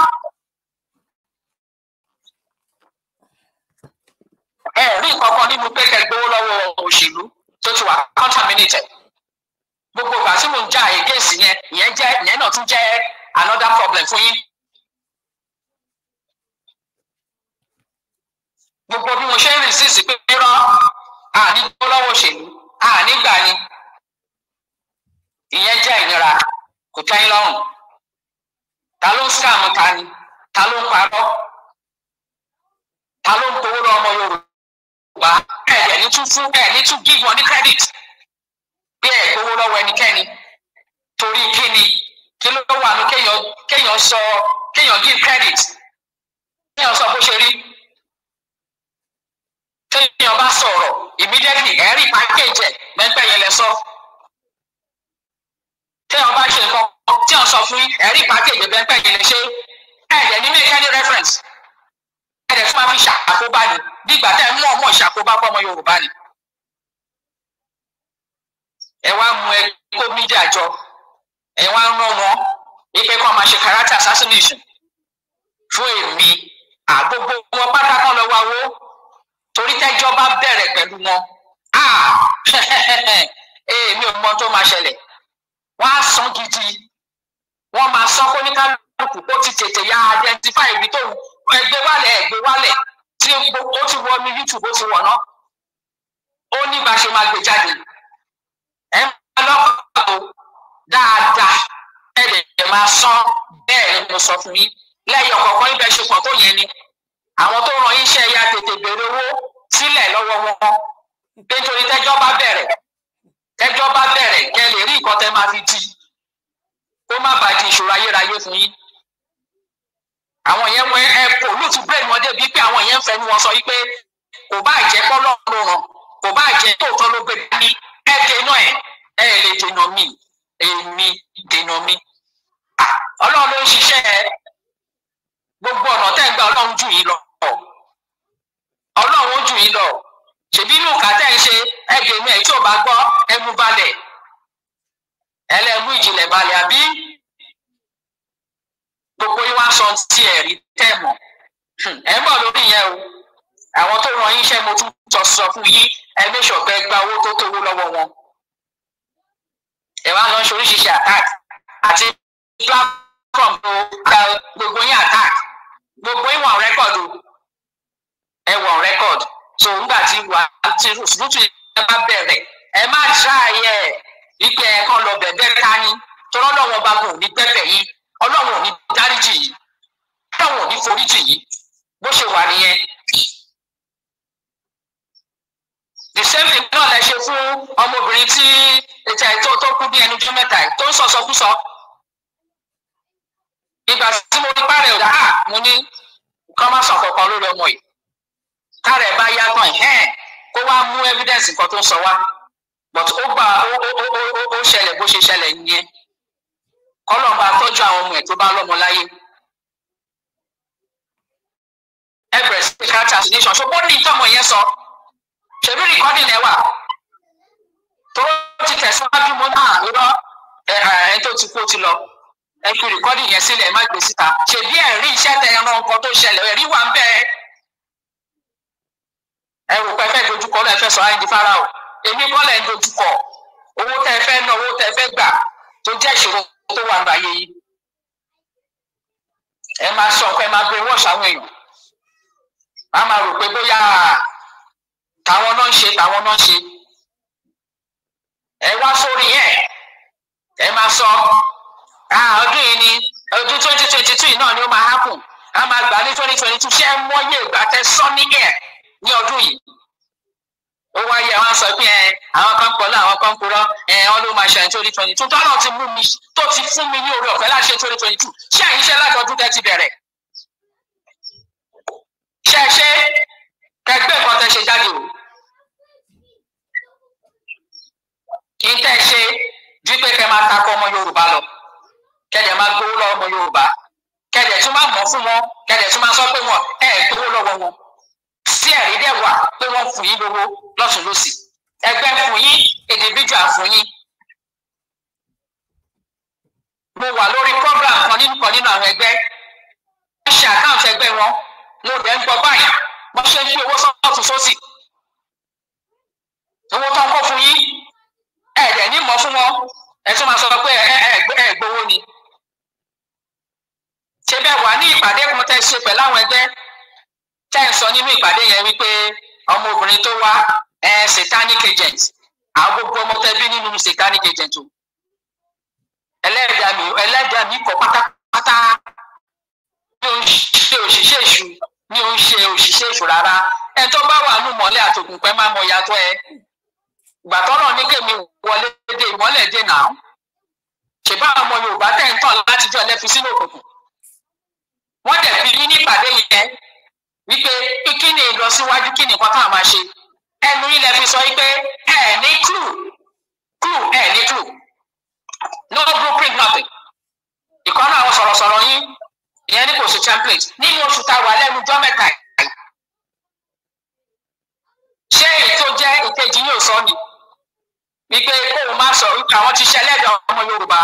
ẹ rí kankan nínú pé kẹgbẹ́ lọ́wọ́ òṣèlú tó ti wà contaminated gbogbo ìgbà tí mò ń jà against yẹn ìyẹn jẹ́ ìyẹn náà tún jẹ́ another problem fún yín. gbogbo bí mo ṣe ń rìn sí ìsìnkú rírọ àní gbọ́ lọ́wọ́ òṣèlú àní gbà ni ìyẹn jẹ́ ìnira kò tẹ́ yín lọ́rùn ta ló ń sàmù ta ni ta ló ń parọ́ ta ló ń powó lọ ọmọ Yorùbá ẹ̀ ní tún fún ẹ̀ ní tún give wọn ní credit bí ẹ̀ gbowó lọ́wọ́ ẹnikẹ́ni torí kí ni kí ló wà ní kéèyàn kéèyàn sọ kéèyàn give credit kéèyàn sọ bó ṣe rí tẹ́lẹ̀ ọba sọ̀rọ̀ immediately ẹ̀rí package ẹ̀ lẹ́gbẹ́ yẹn lẹ sọ. tẹ́lẹ̀ ọba ṣe nǹkan tí wọ́n sọ fún ẹ̀rí package lẹ́gbẹ́ yẹn lẹ ṣe ẹ̀ẹ́dẹ̀ ní make any reference ẹ̀ẹ́dẹ̀ fún wa fi ṣàkóbá ni bí ìgbà tẹ́ ẹ mú ọmọ ìṣàkóbá fọmọ Yorùbá ni. ẹ wá mú ẹ kó mídíà jọ ẹ wá ń rán wọn ipe kọ́ máa ṣe character assassination fún èmi àgbogbo wọn pátákọ́ lọ́wọ́ awó torí tẹ́jọ́ bá bẹ̀rẹ̀ pẹ̀lú wọn èmi ah! (laughs) eh, ò mọ tó máa ṣẹlẹ̀ wọ́n á san gidi wọ́n máa san kó ní kálukú kó ti tètè ya identify ibi tó ẹgbẹ́ wálẹ̀ ẹgbẹ́ wálẹ̀ tí ó ti wọ ní youtube ó ti wọ̀ náà ó ní bá ṣe máa gbé jáde ẹ máa lọ́kọ̀ọ́ tó dáadáa ẹ lè máa san bẹ́ẹ̀ ni mo sọ fún yín lẹ́yìn ọ̀kọ̀ọ̀kan ibẹ̀ ṣe pọ̀ tó yẹn ni àwọn tó ràn iṣẹ́ ya tètè béèrè owó sílẹ̀ lọ́wọ́ wọn nítorí tẹ́jọ́ bá bẹ̀rẹ̀ tẹ́jọ́ bá bẹ̀rẹ̀ kẹ́ lè rí nǹkan tẹ́ máa fi di kó má bàa di ìṣòro ayérayé fún yín àwọn yẹn wọn ẹ kò lùtù bẹ́ẹ̀ wọn débi pé àwọn yẹn ń fẹnu wọn sọ wípé kò bá jẹ́ kọlọ ló ràn kò bá jẹ́ tóòtọ́ ló gbé dání ẹ dènà ẹ ẹ lè dènà mí èmi dènà mí Ọlọ́run ló ń ṣiṣẹ́ gbogbo ọ̀nà tẹ́ ń gba Ọlọ́run jù yín lọ lọ ọlọ́run ó jù lọ ṣèbí inú kàtẹ́ ń ṣe ẹgbẹ̀mí ẹ̀ tí ò bá gbọ́ ẹmu balẹ̀ ẹlẹ́mú ìjìnlẹ̀ balẹ̀ àbí gbogbo yín wá sọ tí ẹ̀ rí tẹ̀ ẹ̀ ń bọ̀ lórí yẹn o àwọn tó ràn yín iṣẹ́ mo tún jọ sọ fún yín ẹ méṣọ̀ pé gba owó tó tówó lọ́wọ́ wọn ẹ wá lọ ṣe oríṣiríṣi attack àti platform gbogbo yín attack gbogbo yín wà rẹ́kọ̀dù ẹ wọ rẹkọd so ńgbà tí wà á ti rúfin ẹ bá bẹ̀rẹ̀ ẹ má ṣàyẹ ike ẹ kàn lọ bẹ̀bẹ̀ ká ní torí Ọlọ́run ọba kò ní gbẹ̀bẹ̀ yìí Ọlọ́run ò ní dáríjì yìí Ọlọ́run ò ní foríjì yìí bó ṣe wà nìyẹn the same thing náà lẹ ṣe fún ọmọbìnrin tí ètò àìtó tó kú ní ẹnu jọ mẹ́ta tó ń sọsọkúsọ ìgbà tí mo rí pàrẹ ọdà á ah, mo ní kọ́ má lórí ọmọ yìí tára ẹ̀ bá yá tán ẹ̀hẹ́n kó wá mú evidence nǹkan tó ń sọ wá but ó gbà ó ó ṣẹlẹ̀ bó ṣe ṣẹlẹ̀ yẹn kọ́lọ́n bá tọ́jú àwọn ọmọ ẹ̀ tó bá lọ́mọ láyé ẹgbẹ̀rẹ̀ sí character assassination ṣùgbọ́n ní ìtọ́mọ yẹn sọ ṣèbí recording ẹ wà tó ti tẹ̀síwájú mọ́ náà irọ́ ẹ tó ti kó ti lọ ẹ fi recording yẹn sílẹ̀ ẹ má gbé síta ṣèbí ẹ̀rí iṣẹ́ tẹ ẹran nǹkan tó ṣẹlẹ̀ ẹ̀rí wà ń bẹ́ẹ̀ ẹ wò pé fẹ́ dojúkọ lẹ fẹ́ sọ ayélujára fara o èmi kọ́ lẹ ń dojúkọ owó tẹ fẹ́ ná owó tẹ fẹ́ gbà tó jẹ́ ìṣòro tó wà láyé yìí ẹ máa sọ pé ẹ máa brain wash àwọn èèyàn a máa rò pé bóyá táwọn náà ń ṣe táwọn náà ń ṣe ẹ wá sórí yẹn ẹ máa sọ ọdún yìí ni ọdún twenty twenty two náà ni ó máa hápùn a máa gbà ní twenty twenty two ṣé ẹ mọ ìgbà tẹ sọ nìyẹn ní ọdún yìí ó wáyé àwọn sọ pé ẹ àwọn kan pọ̀ láwọn kan purọ́ ẹ wọn ló máa ṣe àìtórí twenty two tọ́lọ́ ti mú mi tó ti fún mi ní orí ọ̀fẹ́ láti ṣe tórí twenty two ṣé ẹ̀yin ṣe láti ọdún tẹ́tí bẹ̀rẹ̀ ṣe ṣe kẹgbẹ́ nǹkan tẹ́ ṣe jáde o kí n tẹ́ ṣe ju pé kẹ́ máa takọ ọmọ Yorùbá lọ kẹ́dẹ̀ máa gbowó lọ ọmọ Yorùbá kẹ́dẹ̀ tún máa mọ̀ fún wọn kẹ́dẹ̀ tún máa sọ pé wọn ẹ̀ gbowó lọ́wọ́ wọn tí ẹ̀rí dẹ̀ wà pé wọ́n fún yín lówó lọ́tún lọ́sì ẹgbẹ́ fún yín individual fún yín. mo wà lórí program kan nínú kan nínú àwọn ẹgbẹ́ wọ́n ṣe àkáǹtì ẹgbẹ́ wọn mo dẹ̀ ń gbọ́ báyìí wọ́n ṣe ń gbé owó sọ́tún sósì owó tó ń kó fún yín ẹ̀ẹ́dẹ̀ ní mọ̀ fún wọn ẹ tún máa sọ pé ẹ gbowó ni ṣé bẹ́ẹ̀ wà ní ìpàdé kan tẹ́ ṣe pẹ̀lú àwọn ẹgbẹ́ tẹ́ ń sọ nínú ìpàdé yẹn wípé ọmọbìnrin tó wá ẹ satanic agent àwọn gbogbo ọmọ tẹ́ bí nínú satanic agent o ẹlẹ́dàá mi ẹlẹ́dàá mi kọ pátápátá ní òun ṣe òṣìṣẹ́ èṣù ní òun ṣe òṣìṣẹ́ èṣù rárá ẹ tó bá wà nù mọ́lẹ̀ àtòkùnpẹ́ máa mọ ìyàtọ̀ ẹ gbàtọ́rọ̀ ní kèmí wọlé dé ìmọ́lẹ̀ dé nà án ṣèbá ọmọ Yorùbá tẹ̀ ń tàn látijọ́ ẹlẹ́fi sínú òkùnkùn wọ́n dẹ̀ fi ní nípàdé yẹn wípé kíni ìlọsíwájú kíni nǹkan tá a máa ṣe ẹnu yìí fi sọ wípé ẹ ní ẹ ní no blueprint nothing ìkọ́nà àwọn sọ̀rọ̀sọ̀rọ̀ yín ìyẹn ní kò sí template nínú oṣù tá a wà lẹ́nu jọ́ mẹ́ta yìí ṣé sọ ni wípé kóun má sọ wípé àwọn ti ṣẹlẹ́dọ̀ ọmọ Yorùbá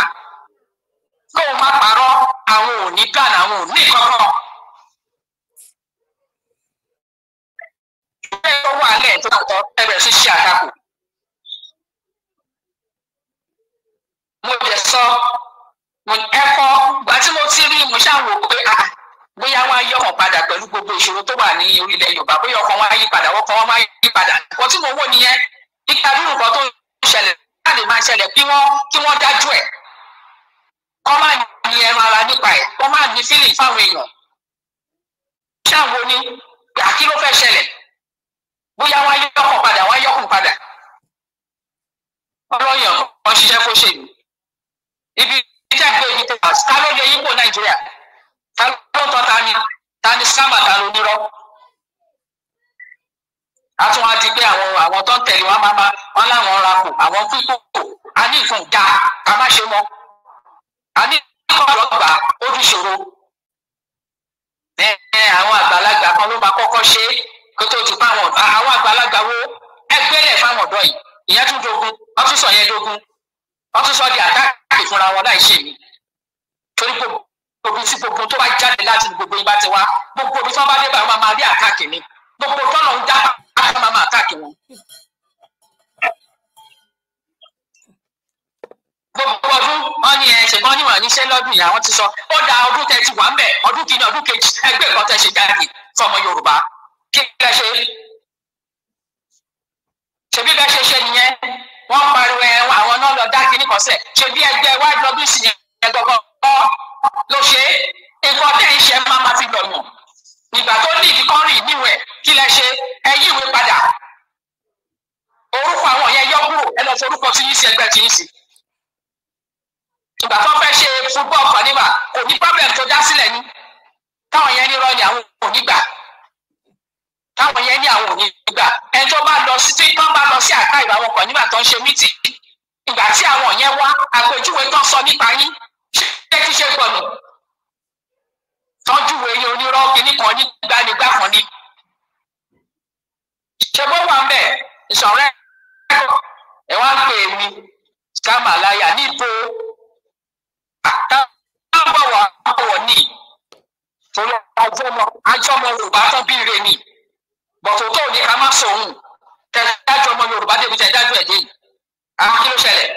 kóun má parọ́ àwọn ò ní àwọn bẹ́ẹ̀ tó wà lẹ́yìn tó tọ́ ẹbẹ̀ sí ṣe àtakò. mo jẹ sọ mo ẹkọ gba tí mo ti rí mo ṣàwò pé a bóyá wọn á yí ọkàn padà pẹ̀lú gbogbo ìṣòro tó wà ní orílẹ̀ Yorùbá bóyá ọkàn wọn á yí padà ọkàn wọn á yí padà wọn tí mo wò nìyẹn ipa dúró nǹkan tó ń ṣẹlẹ̀ láti máa ṣẹlẹ̀ kí wọ́n kí wọ́n dájú ẹ̀ kọ́ máa ní ẹran ara nípa ẹ̀ kọ́ máa ní fílì fáwọn èèyàn ṣáà wo ni àkí fẹ́ ṣẹlẹ̀ bóyá wọn yọkùn padà wọn yọkùn padà ọlọyàn kan ṣiṣẹ́ kó ṣe ibi tẹ gbé ibi tẹ ká ló lè yípo nàìjíríà ta ló tọ́ ta ni ta ni sábà ta ló nírọ́ a tún wá di pé àwọn àwọn tó ń tẹ̀lé wọn máa máa wọn láwọn ra kù àwọn fífò a ní ìfún ga ká má ṣe mọ́ a ní ìkọ̀rọ̀ gbà ó fi ṣòro ẹ ẹ àwọn àgbàlagbà kan ló máa kọ́kọ́ ṣe é kó tó ti pa àwọn àgbàlagbà wo ẹgbẹ́lẹ̀ fáwọn ọ̀dọ́ yìí ìyẹn tún dogun wọ́n tún sọ yẹn dogun wọ́n tún sọ di àtàkì fúnra wọn láì ṣe mí torí gbogbo tí gbogbo tó bá jáde láti gbogbo yín bá gbogbo tí wọ́n bá dé báyìí máa rí àtàkì mi gbogbo tọ́nà ń dá àwọn máa àtàkì wọn. gbogbo ọdún wọn ní ẹ ṣùgbọ́n níwọ̀n níṣẹ́ lọ́dún yìí àwọn ti sọ ó da ọdún tẹ ti wà ń bẹ̀ ọdún kìíní ọdún kejì ẹgbẹ́ ìkọ́tẹ́ ṣe jáde fọmọ Yorùbá kí lẹ ṣe ṣebí bẹ ṣe ṣe nìyẹn wọ́n pariwo ẹ àwọn náà lọ dá kínní kan sẹ ṣebí ẹgbẹ́ wáyé lọ bí ìsìn yẹn gbọgbọ ló ṣe nǹkan tẹ ń ṣe máa ma fi lọnà ìgbà tó ní ìdíkọrì níwẹ̀ kí lẹ ṣe ẹ yí ìwé padà orúkọ àwọn yẹn yọ kúrò ẹ lọ forúkọ tí yín sí ẹgbẹ́ tí yín sí ìgbà tó fẹ́ ṣe fútbọ́ọ̀lù kan nígbà kò ní pọ́bẹ̀mù tó dá sílẹ̀ ní táwọn yẹn ní rọ́ọ̀nì àwọn ò ní gbà táwọn yẹn ní àwọn òní gbà ẹni tó bá lọ sí tí wọ́n bá lọ sí àká ìràwọ̀ kan nígbà tó ń ṣe mítì ìgbà tí àwọn yẹn wá àpèjúwe tán sọ nípa yín ṣé kí ṣe gbọnù tọ́jú eyín onírọ́ kìíní kan ní gbanigba kan ní. ṣé bó wà ń bẹ̀ ìṣọ̀rẹ́ ẹ wá ń pè mí sàmàláyà níbo àtàwọn ọ̀wọ̀ àbọ̀wọ̀ ní torí ajọ́mọ ajọ́mọ Yorùbá tán bí ire ni bọ̀tòtò ní ká má sòun tẹ̀dájú ọmọ Yorùbá débi tẹ̀dájú ẹ̀ dé àwọn kí ló ṣẹlẹ̀.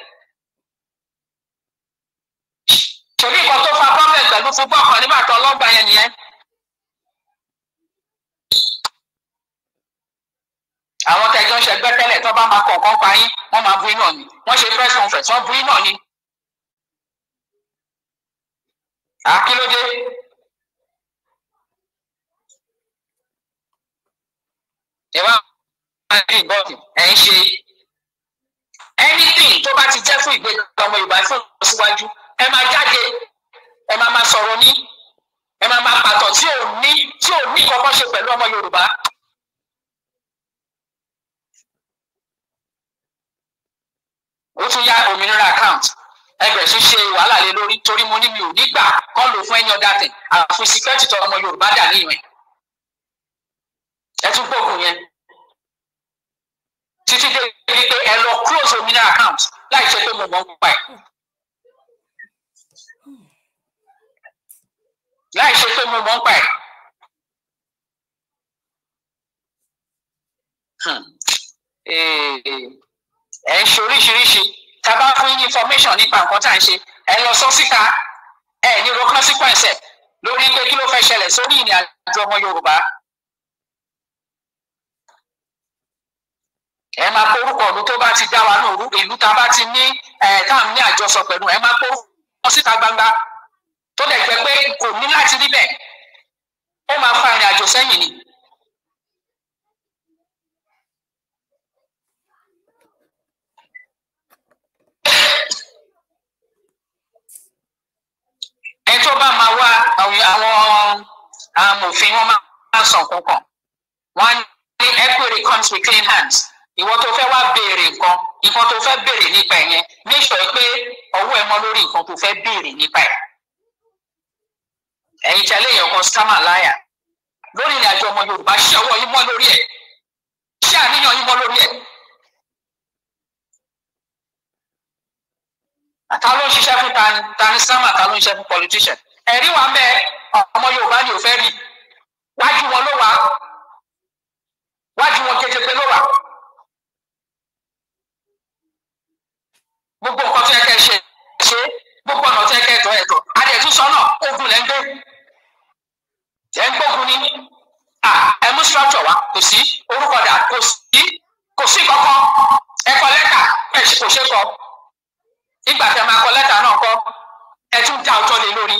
ṣèlú nǹkan tó fa prọfẹ̀t pẹ̀lú fún bọ́ọ̀kan nígbà tó ọlọ́gbà yẹn nìyẹn. àwọn tẹjọ ń ṣẹgbẹ́ tẹ́lẹ̀ tó bá máa kọ̀ọ̀kan pa yín wọ́n máa bú iná ni wọ́n ṣe press conference wọ́n bú iná ni. àkílódé ẹ wá green button ẹ ń ṣe anything tó bá ti jẹ́ fún ìgbéga ọmọ Yorùbá fún ìlọsíwájú ẹ máa jáde ẹ máa máa sọ̀rọ̀ ní ẹ máa máa pàtọ́ tí ò ní tí ò ní kọ́kọ́ ṣe pẹ̀lú ọmọ Yorùbá. ó tún yá òmìnira account ẹgbẹ́ tún ṣe wàhálà lé lórí torí mo ní mi ò nígbà kọ́ lò fún ẹni ọ̀dà tẹ̀ àfin síkẹ́ẹ̀tì tó ọmọ Yorùbá dà níyẹn ẹ tún gbógun yẹn títí dé ibi pé ẹ lọ close omina account láì ṣe pé mo mọ̀ ń pa ẹ̀. láì ṣe pé mo mọ̀ ń pa ẹ̀. Hmm. ẹ ń ṣe oríṣiríṣi tá a bá fún yín information nípa nǹkan tá à ń ṣe ẹ lọ sọ síta ẹ ní ro consequence lórí pé kí ló fẹ́ ṣẹlẹ̀ sórí ìrìn àjò ọmọ Yorùbá. ẹ máa korúkọ ìlú tó bá ti dá wa náà ìlú tá bá ti ní táwọn ní àjọsọ pẹ̀lú ẹ máa korúkọ síta gbangba tó dẹ̀ jẹ́ pé kò ní láti rí bẹ́ẹ̀ ó máa fa ìrìn àjò sẹ́yìn ni. ẹ tó bá máa wá àwọn amòfin wọn máa sàn kankan wọn á ní clean hands. ìwọ tó fẹ́ wá béèrè nǹkan nǹkan tó fẹ́ béèrè nípa ẹ̀ yẹn make sure pé ọwọ́ ẹ mọ́ lórí nǹkan tó fẹ́ béèrè nípa ẹ̀ ẹ̀yin tí alẹ́ yẹn kan sámà láyà lórí ìrìn àjò ọmọ Yorùbá ṣé ọwọ́ yín mọ́ lórí ẹ̀ ṣé àníyàn yín mọ́ lórí ẹ̀ ta ló ń ṣiṣẹ́ fún tani tani sámà ta ló ń ṣiṣẹ́ fún politician ẹ̀rí wa ń bẹ ọmọ Yorùbá ni ò fẹ́ rí wájú wọn ló wà wájú wọn kékeré ló wà. gbogbo nǹkan tó yẹ kẹ́ ṣe ṣe gbogbo ọ̀nà tó yẹ kẹ́ tọ́ ẹ̀tọ́ adẹ̀túnṣọ náà ogun lẹ́ ń gbé ẹ̀ ń gbógun ni ẹ mú structure wá kò sí orúkọ dà kò sí kò sí kọ́kọ́ ẹ kọ lẹ́tà ẹ kò ṣe kọ nígbà tẹ máa kọ lẹ́tà náà kọ ẹ tún dá ọjọ́ lé lórí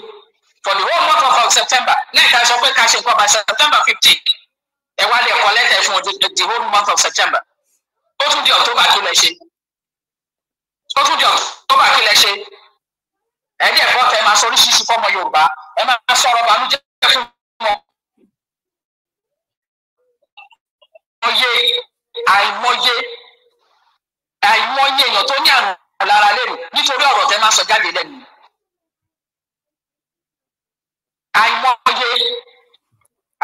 for the whole month of September lẹ́ẹ̀ta sọ pé ká ṣe nǹkan by September fifteen ẹ wá lè kọ lẹ́tà ẹ fún the whole month of September ó tún di October tó lẹ ṣe tó tún jọ tó bá kílẹ̀ ṣe ẹ̀ẹ́dẹ̀ bọ́ tẹ máa sọ oríṣiríṣi fọ́mọ Yorùbá ẹ máa sọ̀rọ̀ bànújẹ́ fún wọn. àìmọye àìmọye àìmọye èèyàn tó ní àrùn lára lẹ́nu nítorí ọ̀rọ̀ tẹ máa sọ jáde lẹ́nu. àìmọye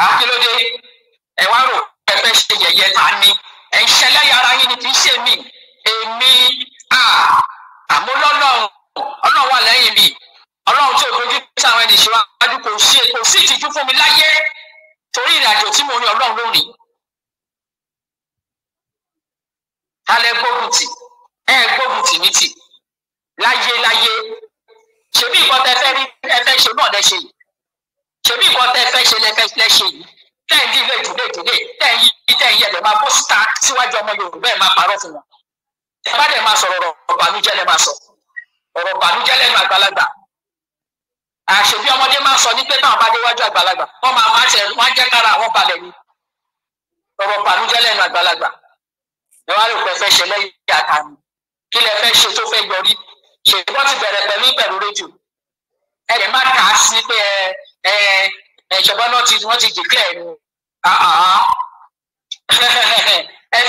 àkìlódé ẹ wá rò pẹpẹ ṣe yẹ̀yẹ́ ta ni ẹ ń ṣẹlẹ̀ yàrá yín ni kì í ṣe mí èmi àmọ́ lọ́lọ́run ọlọ́run wà lẹ́yìn mi ọlọ́run tí òkúrú kíkí àwọn ẹni ìṣèwádìí kò sí kò sí ìtìjú fún mi láyé torí ìrìnàjò tí mo rìn ọlọ́run lónìí. alẹ́ gbógun tì ẹ gbógun tì mí tì láyé láyé ṣèbí nǹkan tẹ fẹ́ rí ẹ fẹ́ ṣe náà lẹ ṣe yìí ṣèbí nǹkan tẹ fẹ́ ṣe lẹ fẹ́ lẹ ṣe yìí tẹ́ ń dílé ìdílé ìdílé tẹ́ ń yí tẹ́ ń yẹ lẹ́ máa bó síta síwájú ọmọ Yorùbá ẹ̀ máa parọ́ fún wọn ẹ bá dẹ̀ máa sọ̀rọ̀ ọ̀rọ̀ bànújẹ́ lẹ máa sọ ọ̀rọ̀ bànújẹ́ lẹ́nu àgbàlagbà àṣẹ bí ọmọdé máa sọ ní pé náà bá déwájú àgbàlagbà wọ́n máa máa tẹ̀ wọ́n á jẹ́ kára àwọn balẹ̀ ni ọ̀rọ̀ bànújẹ́ lẹ́nu àgbàlagbà ẹ wá rò pé fẹ́ ṣe lẹ́yìn àtàmì kí lẹ fẹ́ ṣe tó fẹ́ yọrí ṣe wọ́n ti bẹ̀rẹ̀ pẹ̀lú ìbẹ̀rù rédíò ẹ lè má kà á sí pé ẹ ẹ ṣọgbọ́n náà ti ah, ah, ah. (laughs)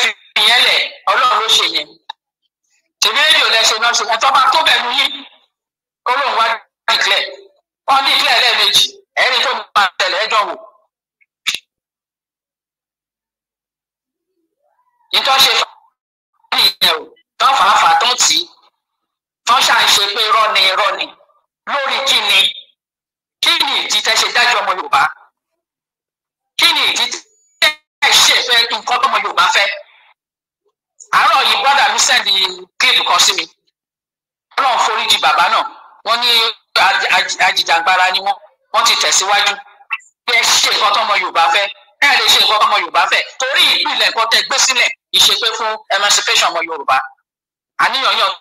fi ìyẹn lẹ̀ ọlọ́run ló ṣe yẹn tèmi rédíò lẹ́sẹ̀ náà ṣùgbọ́n tó bá tó bẹ̀rù yín olóhùn wá dìklẹ̀ wọ́n dìklẹ̀ lẹ́ẹ̀mejì ẹ̀rí tó máa tẹ̀lé ẹjọ́ wò. ìtọ́ṣe fáwọn ènìyàn ò tán fàáfàá tán tì í tán ṣàǹṣe pé irọ́ ni lórí kí ni kí ni ìdí tẹ́ ṣe dájọ́ ọmọ Yorùbá kí ni ìdí tẹ́ ṣe fẹ́ nǹkan tó ọmọ Yorùbá fẹ́ àárọ̀ yìí brọ́dà mi sẹ́ndì kílípù kan sí mi ọlọ́run foríjì bàbá náà wọ́n ní ajìjàgbara ni wọ́n wọ́n ti tẹ̀síwájú bí ẹ ṣe nǹkan tọ́mọ Yorùbá fẹ́ ẹ lè ṣe nǹkan tọ́mọ Yorùbá fẹ́ torí ìpìlẹ̀ nǹkan tẹ gbé sílẹ̀ ìṣepé fún emancipation ọmọ Yorùbá àníyàn yàn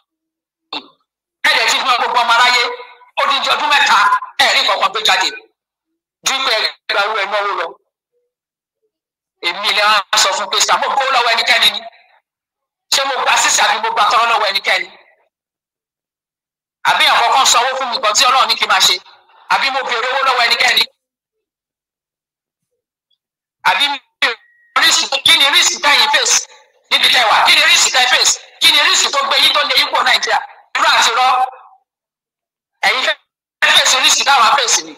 ẹ lè fi fún gbogbo ọmọ aráyé ó dín di ọdún mẹ́ta ẹ rí nǹkan kan gbé jáde ju pé ẹgbẹ́ ẹgbẹ́ owó ẹ náwó lọ èmi ilẹ̀ wọn sọ fún pé sàmó gbówó lọ́wọ́ ẹnikẹ́ni ni ṣé mo gba sísè àbí mo gba tọrọ lọ́wọ́ ẹnikẹ́ni àbí àkọ́kọ́ sanwó fún mi kan tí Ọlọ́run ní kí n máa ṣe àbí mo béèrè owó lọ́wọ́ ẹnikẹ́ni àbí mi ò rísì kí ni rísì tẹ̀yìn fèsì níbi tẹwàá kí ni rísì tẹ̀yìn fèsì kí ni rísì tó gbé yín tó lé yípo Nàìjíríà irú àti rọ ẹ̀yin fẹ́ fèsì rísì táwọn fèsì ni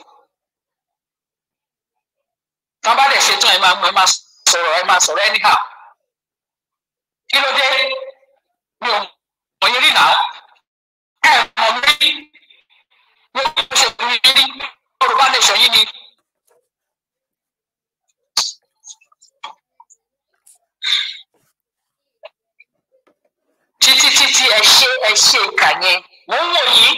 tán bá dẹ̀ ṣetán ẹ máa sọ̀rọ̀ ẹ máa sọ̀rọ̀ anyhow kí ló dé mi ò mọ̀ yẹn rí náà ẹ mọ̀ mi rí mi ò mọ̀ ṣe kúrú yẹn rí Yorùbá nation yìí ni. títí títí ẹ ṣe ẹ ṣe ìkà yẹn mò ń wò yìí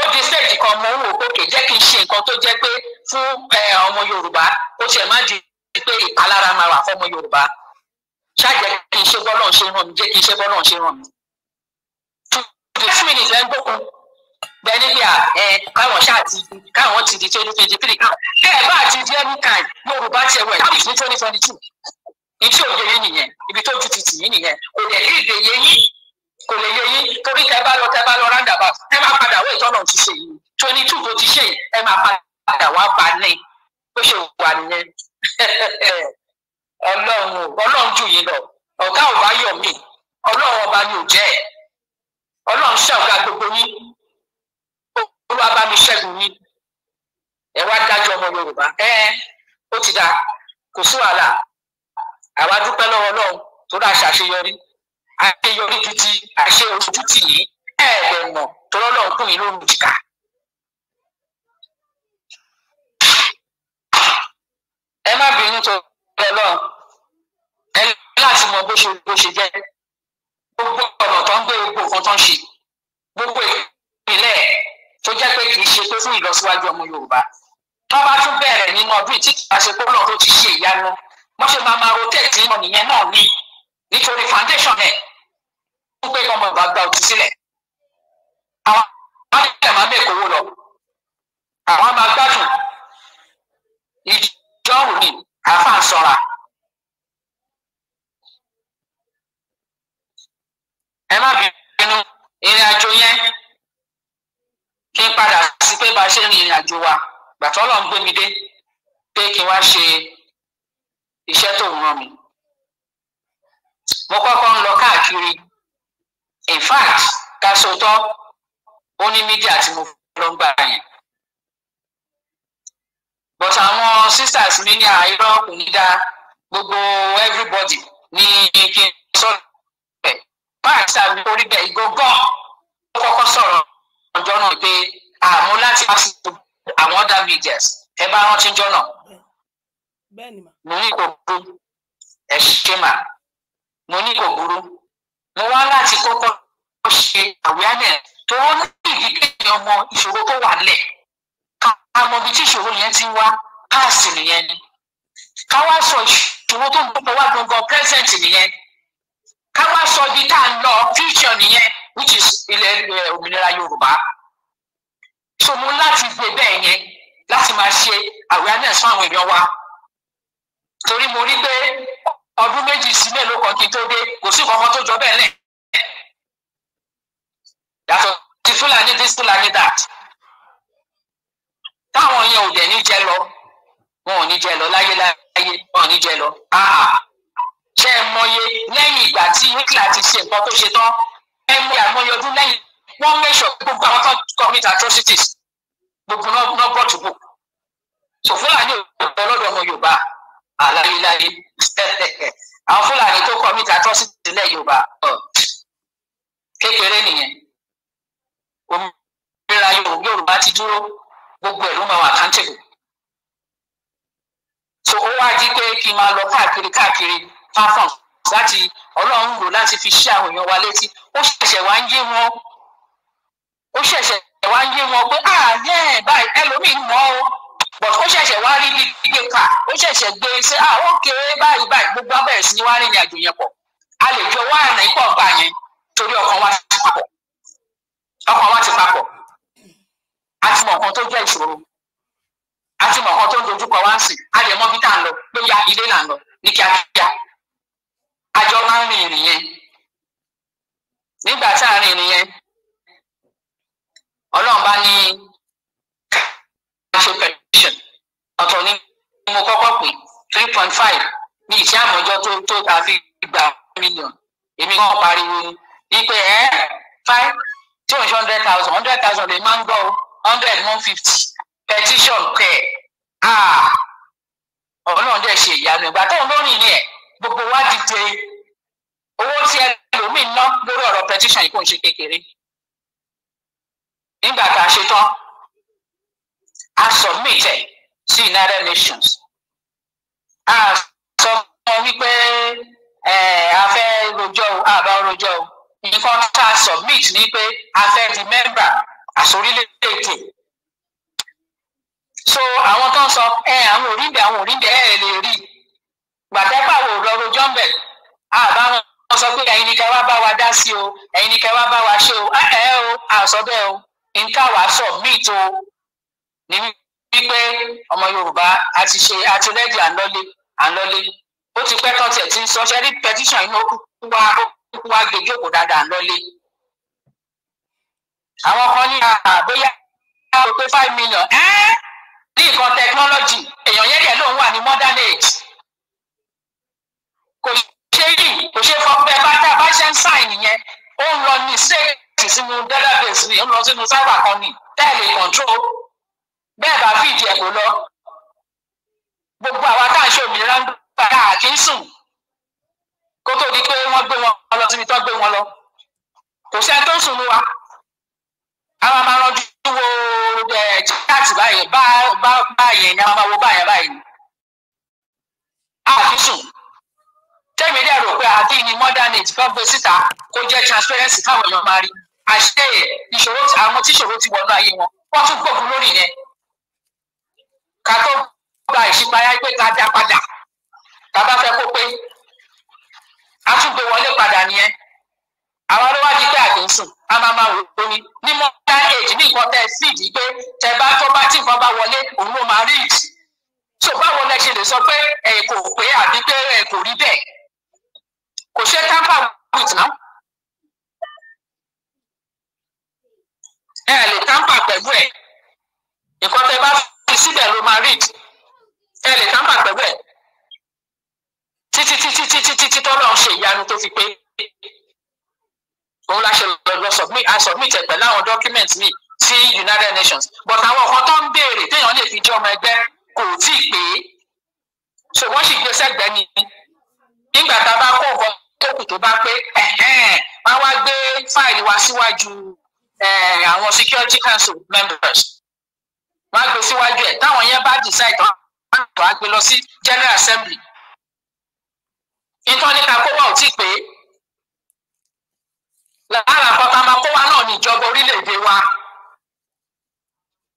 ó di stage kan mò ń wò kókè jẹ́ kí n ṣe nǹkan tó jẹ́ pé fún ọmọ Yorùbá ó tiẹ̀ má di pé ìpalára máa wà fọmọ Yorùbá ṣáàjẹ́ kí n ṣe bọ́lọ̀ ṣe hàn mí jẹ́ kí n ṣe bọ́lọ̀ ṣe hàn mí. fifty two minutes ẹ̀ ń gbókun bẹ́ẹ̀ni bí ẹ káwọn ṣáà ti di káwọn ti di twenty twenty three kan ẹ bá ti di any kind yorùbá tiẹ̀ wẹ̀ kábíyì ní twenty twenty two ìtí òye yín nìyẹn ibi tó ju ti tì yín nìyẹn kò dẹ̀ kí ìdè yé yín kò lè yé yín torí tẹ bá lọ tẹ bá lọ round about ẹ máa padà wọ ìtọ́nà ti ṣe yìí twenty two tó ti ṣe yìí ẹ máa padà wá bá ní bó ṣe wà nìyẹn. (laughs) ọlọ́run ọlọ́run jù yín lọ ọ̀gá ọba yọ̀ mí ọlọ́run ọba ni ò jẹ́ ọlọ́run ṣàgbà gbogbo yín olúwa bá mi ṣẹ́gun yín ẹ wá dájú ọmọ yorùbá ẹ ó ti dáa kò sí wàhálà àwa dúpẹ́ lọ́wọ́ ọlọ́run tó dá ṣàṣeyọrí àṣeyọrí gidi àṣe ojútì yìí ẹ̀ẹ́dẹ̀mọ̀ tó lọ́lọ́run kùn yín lóhùn jìkà. ẹ má bínú tó bẹ̀rẹ̀ ẹ láti mọ bó ṣe bó ṣe jẹ́ gbogbo ọ̀nà tó ń gbé gbogbo nǹkan tó ń ṣe gbogbo ìpínlẹ̀ tó jẹ́ pé kì í ṣe pé fún ìlọsíwájú ọmọ Yorùbá tó bá tún bẹ̀rẹ̀ nínú ọdún tí kì í bá tó ti ṣe ìyanu wọ́n ṣe máa máa rotate nínú nìyẹn náà ní nítorí foundation ẹ̀ ń pé ọmọ ìgbà gba òtún sílẹ̀ àwọn àgbẹ̀ máa mẹ́kọ̀ owó lọ àwọn máa gbádùn ìjọ́rùn ni àáfà ṣọ́ra. ẹ má bínú ìrìn àjò yẹn kí n padà sí pé bá a ṣe rin ìrìn àjò wa gbàtọ́ lọ́n gbé mi dé pé kí n wá ṣe iṣẹ́ tó ń ràn mí. mo kọ́kọ́ ń lọ káàkiri in fact ká sọ tọ́ ó ní mídíà tí mo fi lọ ń gbà yẹn but àwọn sisters mi ní àìrọ́ ah, kò ní dá gbogbo everybody ní kí n sọ̀rọ̀ bẹ́ẹ̀ báyìí sàbí orí bẹ́ẹ̀ ìgbógán ló kọ́kọ́ sọ̀rọ̀ ọjọ́ náà pé àmú ah, láti àwọn other media ẹ bá rántí jọ náà mo ní kò burú ẹ ṣe mà mo ní kò burú mo wá láti kọ́kọ́ ṣe awareness tó wọ́n ní ìdíkẹ́ ọmọ ìṣòro tó wà nílẹ̀ àmọ̀bí tí ìṣòro yẹn ti wá past nìyẹn ni ká wá sọ ìṣòro tó ń gbọ́ wá gangan present nìyẹn ká wá sọ ibi tá à ń lọ future nìyẹn which is ilẹ̀ òmìnira Yorùbá so mo láti gbé bẹ́ẹ̀ yẹn láti máa ṣe awareness fún àwọn èèyàn wa torí mo rí pé ọdún méjì sí mélòó kan kí n tó dé kò sí kankan tó jọ bẹ́ẹ̀ lẹ̀ yàtọ̀ ti Fúlàní this Fúlàní that táwọn yẹn ò dẹ̀ ní jẹ lọ wọn ò ní jẹ lọ láyé wọn ò ní jẹ lọ. Ah! ṣé ẹ mọye lẹ́yìn ìgbà tí Hitler ti ṣe nǹkan tó ṣe tán ẹ mọ àmọye ọdún lẹ́yìn wọ́n mẹ́sọ̀ gbogbo àwọn tó commit atrocities gbogbo náà bọ̀ tó bò. sọ Fúlàní òkú ọlọ́dọ̀ ọmọ Yorùbá àlàyé (laughs) àwọn Fúlàní tó commit atrocities lẹ́ Yorùbá kékeré nìyẹn òmìnira Yorùbá ti dúró gbogbo ẹ̀ ló máa wà accountable so ó wá jí pé kí n máa lọ káàkiri káàkiri platform láti ọlọ́run lò láti fi ṣe àwọn èèyàn wa létí ó ṣẹ̀ṣẹ̀ wá ń yé wọn ó ṣẹ̀ṣẹ̀ wá ń yé wọn pé ah yẹ́n báyìí ẹlòmíín mọ́ o but ó ṣẹ̀ṣẹ̀ wá rí gbígbé kà ó ṣẹ̀ṣẹ̀ gbé e ṣe ah ok báyìí báyìí gbogbo abẹ́rẹ́ sí ni wá rìnrìn àjò yẹn pọ̀ a lè jọ wá àrùn ìpọ̀ ọ̀gbà yẹn torí ọkàn wa ti papọ̀ ọkàn wa ti papọ̀ a ti mọ nǹkan tó jẹ́ ìṣòro a ti mọ nǹkan tó ń dojúkọ wá sí a lè mọ bí tá à ń lọ pé ya ilé là ń lọ ní kíákíá àjọ máa ń rìn ìrìn yẹn nígbà tá à ń rìn ìrìn yẹn ọlọ́run bá ní ṣe petition ọ̀tọ̀ ni mo kọ́kọ́ pè three point five ní ìṣe àmọ́jọ́ tó tó ta fi gba million èmi kan pariwo ni pé ẹ́ five two hundred thousand hundred thousand lè máa ń gbọ́ o hundred one fifty petition pẹ ọlọ́run dẹ̀ ṣe ìyanu ìgbà tóun lórí ni ẹ̀ gbogbo wa dìde owó tí ẹlòmíín ná lórí ọ̀rọ̀ petition yìí kò ń ṣe kékeré nígbà tá a ṣe tán a submit ẹ̀ sí United Nations a sọ fún wípé a fẹ́ rojọ́ o àbá rojọ́ o nǹkan tá a submit ni pé a fẹ́ di member àsorílẹ̀ èdè so àwọn tó ń sọ ẹ àwọn òrìǹdẹ àwọn òrìǹdẹ ẹ lè rí gbàtẹ́pà wò lọ́rọ̀ jọ́ǹbẹ̀ àbá wọn sọ pé ẹ̀yin ni kẹ́ wá bá wa dá sí o ẹ̀yin ni kẹ́ wá bá wa ṣe o ẹ ẹ o àsọ bẹ́ẹ̀ o nǹkan wàá sọ míì tó ní wípé ọmọ Yorùbá a ti ṣe àtìlẹ́dì ànlọ́lé ànlọ́lé ó ti pẹ́ tọ́tẹ̀ tí ń sọ ṣẹ́rí pẹtíṣàn inú ó wá ó wá gbẹjọ́ dáadáa ànlọ́lé àwọn kan ní àbóyá ó pé five million ẹ́ ní nǹkan technology èèyàn yẹn dẹ̀ lòun wà ní modern age kò ṣe rí kò ṣe fọpẹ́ bá tá a bá ṣe ń sign yẹn ó ń lọ ní straight sínú database ni ó ń lọ sínú server kan ni tẹ́ẹ̀ lè control bẹ́ẹ̀ bá fìdí ẹ̀ kò lọ gbogbo àwa tá à ń ṣe òmìnira ń gbà ká kí ń sùn kó tó di pé wọ́n gbé wọn lọ síbi tó gbé wọn lọ kò sẹ́ni tó ń sùn ní wa a máa máa rọjú wo chaati báyìí bá báyìí ni a máa wo báyìí báyìí ni a fi sùn tẹ́mi dẹ̀ rò pé àfi ni modern age kan gbé síta kó jẹ́ transparency káwọn èèyàn máa rí àṣẹ ìṣòro àwọn tíṣòro ti wọnú ayé wọn wọ́n tún gbógun lórí yẹn ká tó gba ìṣípayá pé ká dá padà bàbá fẹ́ kó pé a tún gbé wọlé padà nìyẹn àwọn ló wá di pé àgbẹ̀ ń sùn a máa máa wò ó ní ní modern age ní nǹkan tẹ́ ẹ sì di pé tẹ bá tó bá tí nǹkan bá wọlé òun ló máa rí ìdí so báwo lẹ ṣe lè sọ pé ẹ kò pé àbí pé ẹ kò rí bẹ́ẹ̀ kò ṣe tamper with náà ẹ lè tamper pẹ̀lú ẹ̀ nǹkan tẹ bá fi síbẹ̀ ló máa rí ìdí ẹ lè tamper pẹ̀lú ẹ̀ títí títí títí títí tọ́lọ́ ṣe ìyanu tó fi pé òun la ṣe lọ submit I submit ẹ̀ pẹ̀lú àwọn document mi sí United Nations but àwọn ọ̀kan tó ń béèrè téèyàn lè fi jẹ́ ọmọ ẹgbẹ́ kò tí ì pé so wọ́n sì gbé sẹ́gbẹ́ ni nígbà tá a bá kó nǹkan tó kù tó bá pé wọ́n wá gbé fáìlì wa síwájú àwọn Security Council members wọ́n á gbé síwájú ẹ̀ táwọn yẹn bá decide wọ́n á gbé lọ sí General Assembly nítorí ká kó wà ó tí ì pé lára àpọ̀tà máa kó wa náà ní orílẹ̀-èdè wa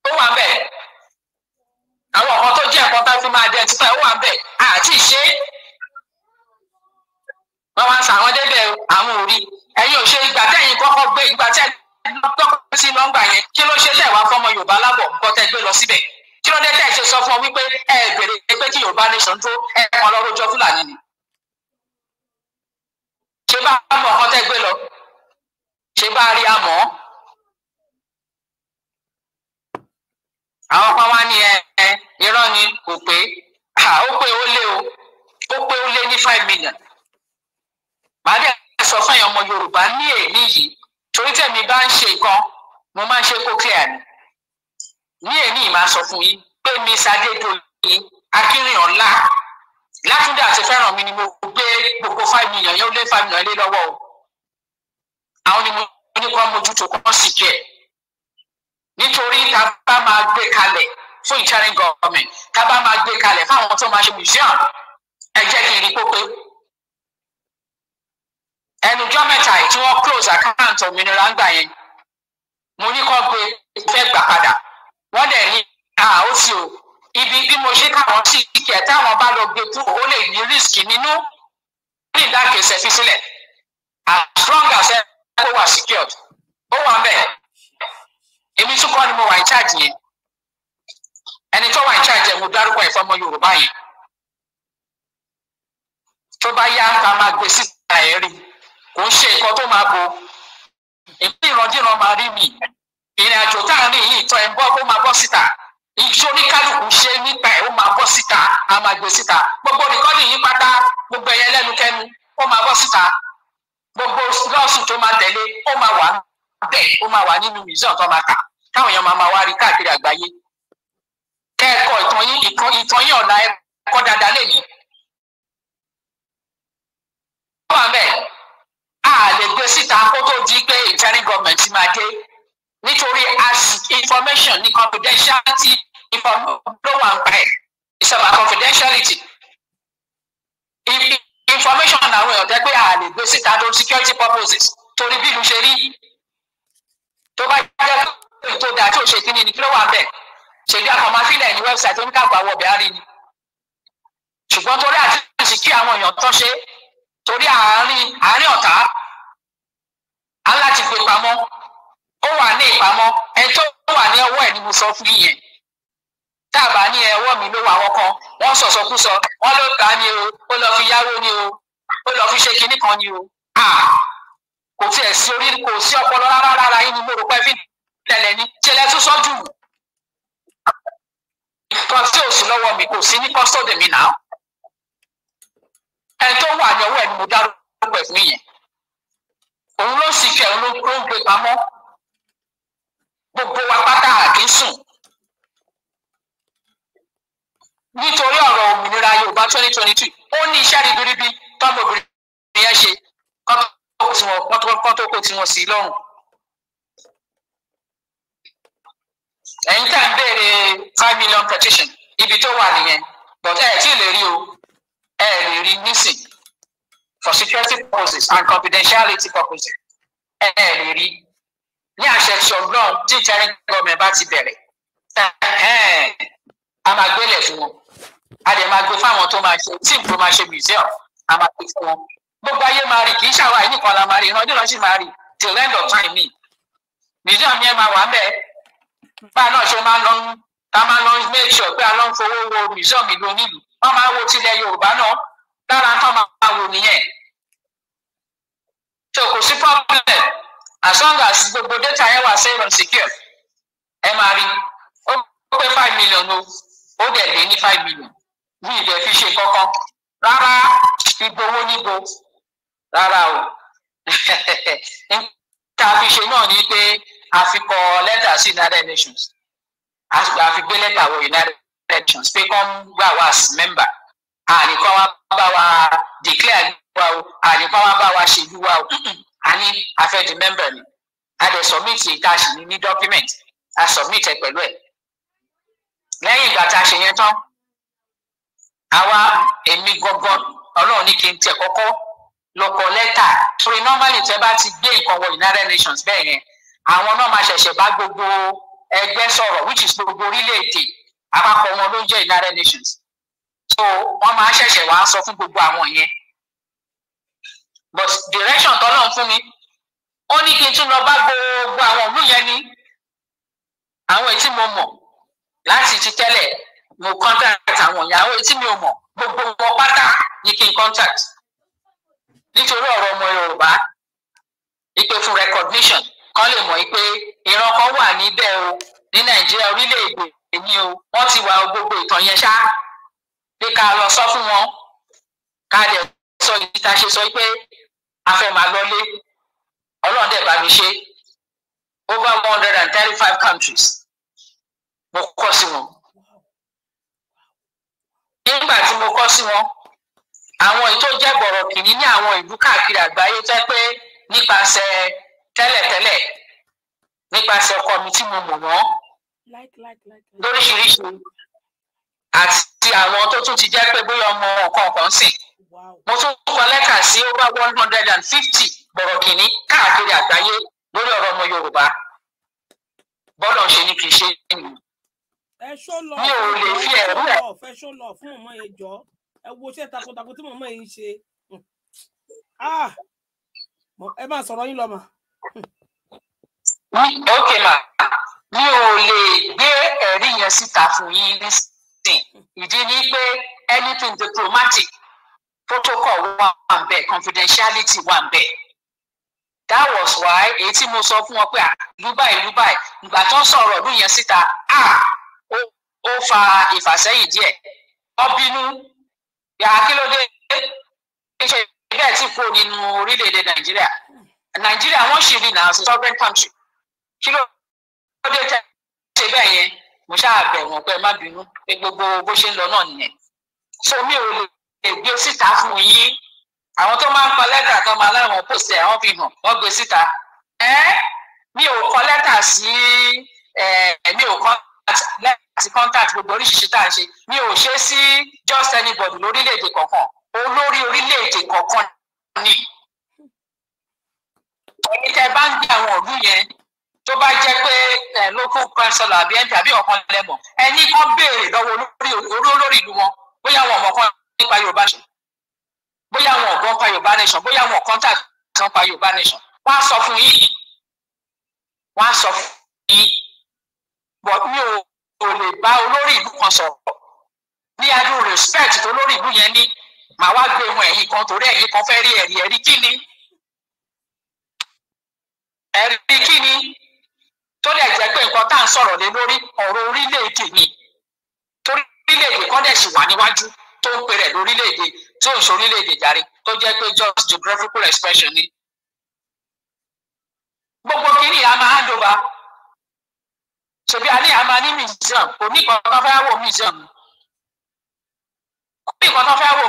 ó wà bẹ́ẹ̀ àwọn ọ̀kan tó jẹ́ ẹ̀kọ́ tá fi máa dẹ títà ó wà bẹ́ẹ̀ àti ìṣe wọ́n wá sàwọn débẹ̀ àwọn òrí ẹ̀yin ò ṣe ìgbà tẹ̀yìn kọ́kọ́ gbé ìgbà tẹ̀ lọ́kọ́ sí nọ́mbà yẹn kí ló ṣe tẹ̀wá fọmọ Yorùbá lábọ̀ nǹkan tẹ́ gbé lọ síbẹ̀ kí ló dé tẹ̀ ṣe sọ fún ọ wípé ẹ bèrè pé kí Yorùbá nation tó ẹ kàn lọ́rọ́ jọ Fúlàní ni ṣé bá mọ̀ ọ̀kan tẹ́ gbé lọ ṣé bá a rí àmọ́ àwọn kan wá ní ẹ ẹ irọ́ ni kò pé ó pé ó lé o ó pé ó lé ní five million màdé sọ fún ẹ̀yàn ọmọ Yorùbá ní èmi yìí torí tẹ̀mí bá ń ṣe nǹkan mo máa ń ṣe kó clear ni ní èmi yìí máa sọ fún yín pé mi Ṣadédoyin akínrin ọ̀la Látúndé àti fẹ́ràn mi ni mo gbé gbogbo five million yẹn ó lé five million lé lọ́wọ́ o àwọn ni mo ní kó mójútó kó wọ́n sì kẹ́ nítorí tá a bá máa gbé kalẹ̀ fún ìtẹ́rìn gọ́ọ̀mẹ̀ tá a bá máa gbé kalẹ̀ fáwọn tó máa ṣe museum ẹ jẹ́ kí rí pópé ẹnujọ́ mẹ́ta yìí tí wọ́n close account òmìnira ń gbà yẹn mo ní kó gbé fẹ́ gbà padà wọ́n dẹ̀ ní àwọn sì o ibi bí mo ṣe káwọn sì kẹ táwọn bá lọ gbé kú ó lè ní risk nínú ní ìdákẹ́sẹ̀ fi sílẹ̀ as strong as ever kó wà secured ó wà bẹ́ẹ̀ èmi tún kọ́ ni mo wà in charge yẹn ẹni tó wà in charge yẹn mo dárúkọ ẹ̀ fọmọ Yorùbá yẹn tó bá yá ká máa gbé síta ẹ̀ rí kò ń ṣe nǹkan tó máa bo èmi ìrandíran máa rí mi ìrìn àjò tá à ń rìn yìí tọ́ ẹ̀ ń bọ́ kó máa bọ́ síta iṣẹ́ oníkálukú ṣe nípa ẹ̀ ó máa bọ́ síta a máa gbé síta gbogbo nìkan nìyí pátá gbogbo ẹ̀yẹ lẹ́nu kẹ́nu ó máa bọ́ síta gbogbo lọ́sùn tó máa tẹ̀lé ó máa wà bẹ́ẹ̀ ó máa wà nínú museum tó máa kà káwọn èèyàn máa máa wá rí káàkiri àgbáyé kẹ́ẹ̀kọ́ ìtàn yín ìtàn ìtàn yín ọ̀la ẹ̀kọ́ dáadáa lè ní. ó wà bẹ́ẹ̀ a lè gbé síta kó tó di pé ìtẹ́rí gọ́ọ̀mẹ̀ntì máa dé nítorí as information ní confidentiality information ló wà ń pa ẹ̀ confidentiality information àwọn èèyàn tẹ́ pé a lè gbé síta lórí security purposes torí bí ìlú ṣe rí tó bá jẹ́ pé tó dáa tí ò ṣe kíní ni kí ló wà bẹ́ẹ̀ ṣèlú àkànmáfílẹ̀ ní wẹ́bsáìtì oníkàkọ́ àwọn ọ̀bẹ̀ àárín ni ṣùgbọ́n torí àti ìsìnkí àwọn èèyàn tán ṣe torí àárín àárín ọ̀tá aláti gbé pamọ́ ó wà ní ìpamọ́ ẹ tó wà ní ọwọ́ ẹ̀ ni mo sọ fún yìnyẹn tábà ní ẹwọ́ mi ló wà ọkàn wọ́n sọ̀sọ̀kúsọ wọ́n ló ta ni o ó lọ fi yáwó ni o ó lọ fi ṣe kinní kan ni o kò tiẹ̀ sí orí kò sí ọpọlọ rárá rárá yín ni mo rò pé fi tẹ̀lẹ̀ ni tẹ̀lẹ̀ tún sọ́jú nǹkan tí ò sí lọ́wọ́ mi kò sí ní kọ́sọ̀dì mi náà ẹni tó wà ní ọwọ́ ẹ̀ ni mo dárúkọ ẹ̀ fún yẹn òun ló sì kẹ́ òun ló gbé pamọ́ gbogbo wa pátá kì í sùn nítorí ọ̀rọ̀ òmìnira yorùbá twenty twenty two ó ní iṣẹ́ ribiribi tọ́mọbìnrin yẹn ṣe kán tó kó tiwọn sí lọ́rùn. ẹ̀yin tá ń béèrè five million petition ibi tó wà nìyẹn but ẹ̀ tí ì lè rí o ẹ̀ lè rí nísìn for security purposes and confidentiality purposes ẹ̀ lè rí ní àṣẹ tí ọgbọ́n tí ìtẹ́rìn gọ́ọ̀mẹ̀ bá ti bẹ̀rẹ̀ a máa gbélé fún wọn a dẹ̀ máa gbé fáwọn tó máa ṣe tíìmù tó máa ṣe museum a máa gbé fún wọn gbogbo ayé máa rí kì í ṣàwárí nìkan la máa rí iná ọdún ọ̀sìn máa rí till end of time mi museum yẹn máa wà mẹ́ẹ̀ bá a náà ṣe máa lọ ta máa lọ make sure pé a lọ ń fowó wo museum ìlú onílù wọ́n máa wo tilẹ̀ Yorùbá náà lára tán máa wò nìyẹn so kò sí problem as long as gbogbo data yẹn wà safe and secure ẹ máa rí ó pé five million o ó dẹ̀ lé ní five million mi ì dẹ̀ fi ṣe kankan rárá ìgbowó níbo rárá o (laughs) tá a fi ṣe náà ni pé a fi kọ lẹ́tà sí United Nations a fi gbé lẹ́tà wọ United Nations pé kán gbà wá as member àní kán wá bá wa declare wa o àní kán wá bá wa ṣèlú wa o àní (clears throat) a fẹ́ di member ni a dẹ̀ submit ìta sì ní ní document a submit ẹ pẹ̀lú ẹ̀ lẹ́yìn ìgbà tá a ṣe yẹn tán àwa èmi gangan ọlọ́run ní kí n tẹ̀ kọ́kọ́ lọ́kọ̀ lẹ́tà torí normally tẹ́ bá ti gbé nǹkan wọ United Nations bẹ́ẹ̀ yẹn àwọn náà máa ṣẹ̀ṣẹ̀ bá gbogbo ẹgbẹ́ sọ̀rọ̀ which is gbogbo orílẹ̀-èdè àpapọ̀ wọn ló ń jẹ́ United Nations so wọ́n máa ṣẹ̀ṣẹ̀ wá sọ fún gbogbo àwọn yẹn but direction tọ́lọ́run fún mi ó ní kí n tún lọ bá gbogbo àwọn òlú yẹn ní àwọn èyí tí mo mọ̀ láti ti tẹ́lẹ̀ mo contact àwọn èèyàn àwọn etí mi ò mọ̀ gbogbo wọn pátá ni kí n contact nítorí ọ̀rọ̀ ọmọ Yorùbá ìpè fún recognition kan lè mọ̀ pé ìran kan wà níbẹ̀ o ní Nàìjíríà orílẹ̀-èdè èmi o wọ́n ti wà gbogbo ìtàn yẹn ṣá pé ká lọ sọ fún wọn ká dẹ̀ sọ yìí ta ṣe sọ pé a fẹ́ máa lọlé Ọlọ́run dẹ̀ bá mi ṣe over one hundred and thirty five countries mo kọ́ sí wọn nígbà tí mo kọ́ sí wọn àwọn èyí tó jẹ́ bọ̀rọ̀ kìíní ní àwọn ìlú káàkiri àgbáyé tẹ́ pé nípasẹ̀ tẹ́lẹ̀tẹ́lẹ̀ nípasẹ̀ ọkọ mi tí mo mọ̀ wọ́n lóríṣiríṣi àti àwọn tó tún ti jẹ́ pé bóyá ọmọ ọ̀kọ̀ọ̀kan sìn mo tún kọ lẹ́tà sí over one hundred and fifty bọ̀rọ̀ kìíní káàkiri àgbáyé lórí ọ̀rọ̀ ọmọ Yorùbá bọ́lọ̀ ṣe ní kì í ṣe nìyí ẹ ṣó lọ ẹ ṣó lọ fún mọmọ yẹn jọ ẹ wo iṣẹ́ takuntakun tí mọmọ yẹn ń ṣe ah, ẹ máa sọ̀rọ̀ yín lọ mà. ókè hmm, mà mi ò lè gbé ẹ̀rí yẹn síta fún yín nísìnyí ìdí ni pé anything diplomatic protocol wà ń bẹ confidentiality wà ń bẹ that was why èyí tí mo sọ fún wọn pé àlùbáyé lùbáyé ìgbà tó ń sọ̀rọ̀ ọdún yẹn síta ah ó fa ìfàsẹ́yìn díẹ̀ wọ́n bínú yà kí ló dé iṣẹ́ bẹ́ẹ̀ tí kúrò nínú orílẹ̀-èdè nàìjíríà nàìjíríà wọ́n ṣì rí náà sovereign country kí ló dé tẹ́ ṣe bẹ́ẹ̀ yẹn mo ṣáà bẹ̀ wọ́n pé má bínú pé gbogbo bó ṣe ń lọ náà nìyẹn so mi ò lè gbé síta fún yín àwọn tó máa ń pa lẹ́tà tó máa láwọn pòsè àwọn fi hàn wọ́n gbé síta ẹ́ mi ò kọ lẹ́tà sí ẹ̀ mi ò kọ lẹ́tà àti contact gbogbo oríṣiríṣi tá à ń ṣe mi ò ṣe sí just anybody lórílẹ̀‐èdè kọ̀ọ̀kan olórí orílẹ̀‐èdè kọ̀ọ̀kan ni ẹni tẹ́ bá ń gbé àwọn òlú yẹn tó bá jẹ́ pé local council àbí ẹni tàbí ọ̀kan lẹ́mọ̀ ẹni kan béèrè lọ́wọ́ olórí ìlú wọn bóyá àwọn ọmọ kan nípa Yorùbá ṣe bóyá àwọn ọ̀gbọ́n pa Yorùbá nation bóyá àwọn contact kan pa Yorùbá nation wọ́n á sọ fún yìí wọ́n á sọ fún yìí bọ̀ mi ò ò lè bá olórí ìlú kan sọ̀rọ̀ ní adó respect tó lórí ìlú yẹn ní màá wá gbé wọn ẹ̀yìn kan torí ẹ̀yìn kan fẹ́ rí ẹ̀rí ẹ̀rí kí ni ẹ̀rí kí ni tó lè jẹ́ pé nǹkan tá à ń sọ̀rọ̀ lé lórí ọ̀rọ̀ orílẹ̀-èdè ni torí orílẹ̀-èdè kan dẹ̀ sì wà níwájú tó ń pèrè lórílẹ̀-èdè tó ń sorílẹ̀-èdè jàre tó jẹ́ pé just geographical expression ni gbogbo kìíní a máa ń dọba ṣebí alẹ́ àmà ní museum kò ní ìkọ̀tọ́ fẹ́ wò museum kò ní ìkọ̀tọ́ fẹ́ wò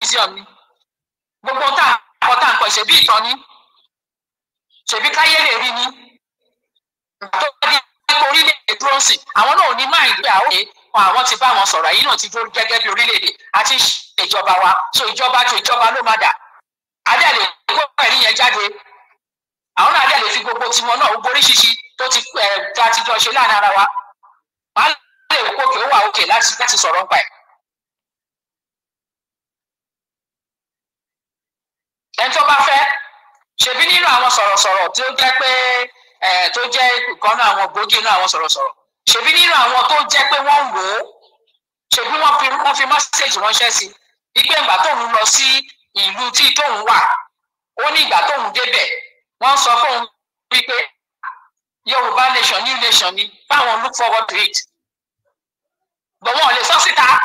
museum ni gbogbo tá a kọ́ tá a kọ́ ṣebí ìtàn ni ṣebí káyé lè rí ni tó bá dé orílẹ̀-èdè dúró sí àwọn náà ní máa ń gbé àwọn òye wọn àwọn ti bá wọn sọ̀rọ̀ àyín náà ti dúró gẹ́gẹ́ bí orílẹ̀-èdè àti ìjọba wa so ìjọba tó ìjọba ló má dà adé lè gbọ́ ẹ̀rí yẹn jáde àwọn náà adé lè fi gbogbo tiwọn náà ó borí ṣíṣí tó ti ẹ tá a ti jọ ṣe láàrin ara wa má lè wò kókè ó wà òkè láti láti sọ̀rọ̀ nípa ẹ̀. ẹni tó bá fẹ́ ṣebí nínú àwọn sọ̀rọ̀sọ̀rọ̀ tí ó jẹ́ pé ẹ tó jẹ́ ìkan náà àwọn gbòógì náà àwọn sọ̀rọ̀sọ̀rọ̀ ṣebí nínú àwọn tó jẹ́ pé wọ́n wò ó ṣebí wọ́n fi wọ́n fi mọ́sẹ̀jì ránṣẹ́ sí ìgbẹ́ ìgbà tóun lọ sí ìlú tí tóun wà ó ní ìgbà tóun débẹ̀ wọ́n sọ fóun wípé yorùbá nation new nation ni báwọn look forward to it but wọn ò lè sọ síta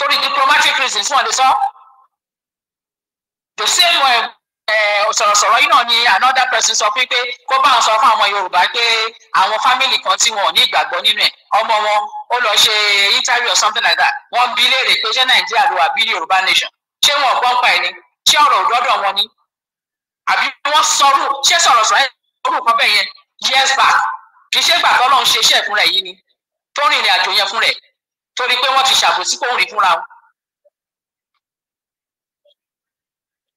torí diplomatic reasons wọn lè sọ the same way eh, sọ̀rọ̀sọ̀rọ̀ yìí náà ni another person sọ fún pé kó bá wọn sọ fún àwọn yorùbá pé àwọn family kan tí wọn ò ní ìgbàgbọ́ nínú ẹ̀ ọmọ wọn ó lọ ṣe interview or something like that wọ́n bi léèrè pé ṣé nàìjíríà ló wà bí yorùbá nation ṣé wọn ò gbọ́n pa ẹ̀ ni ṣé ọ̀rọ̀ òdọ́dọ̀ wọn ni àbí wọ́n sọ̀rọ̀ ṣé sọ̀rọ̀sọ̀rọ̀ orúkọ bẹ́ẹ̀ yẹn years back kì í ṣe gbà tó lọ́n ṣe iṣẹ́ fún rẹ̀ yìí ni tó rìnrìn àjò yẹn fún rẹ̀ torí pé wọ́n ti ṣàbòsí kó ń rí fúnra o.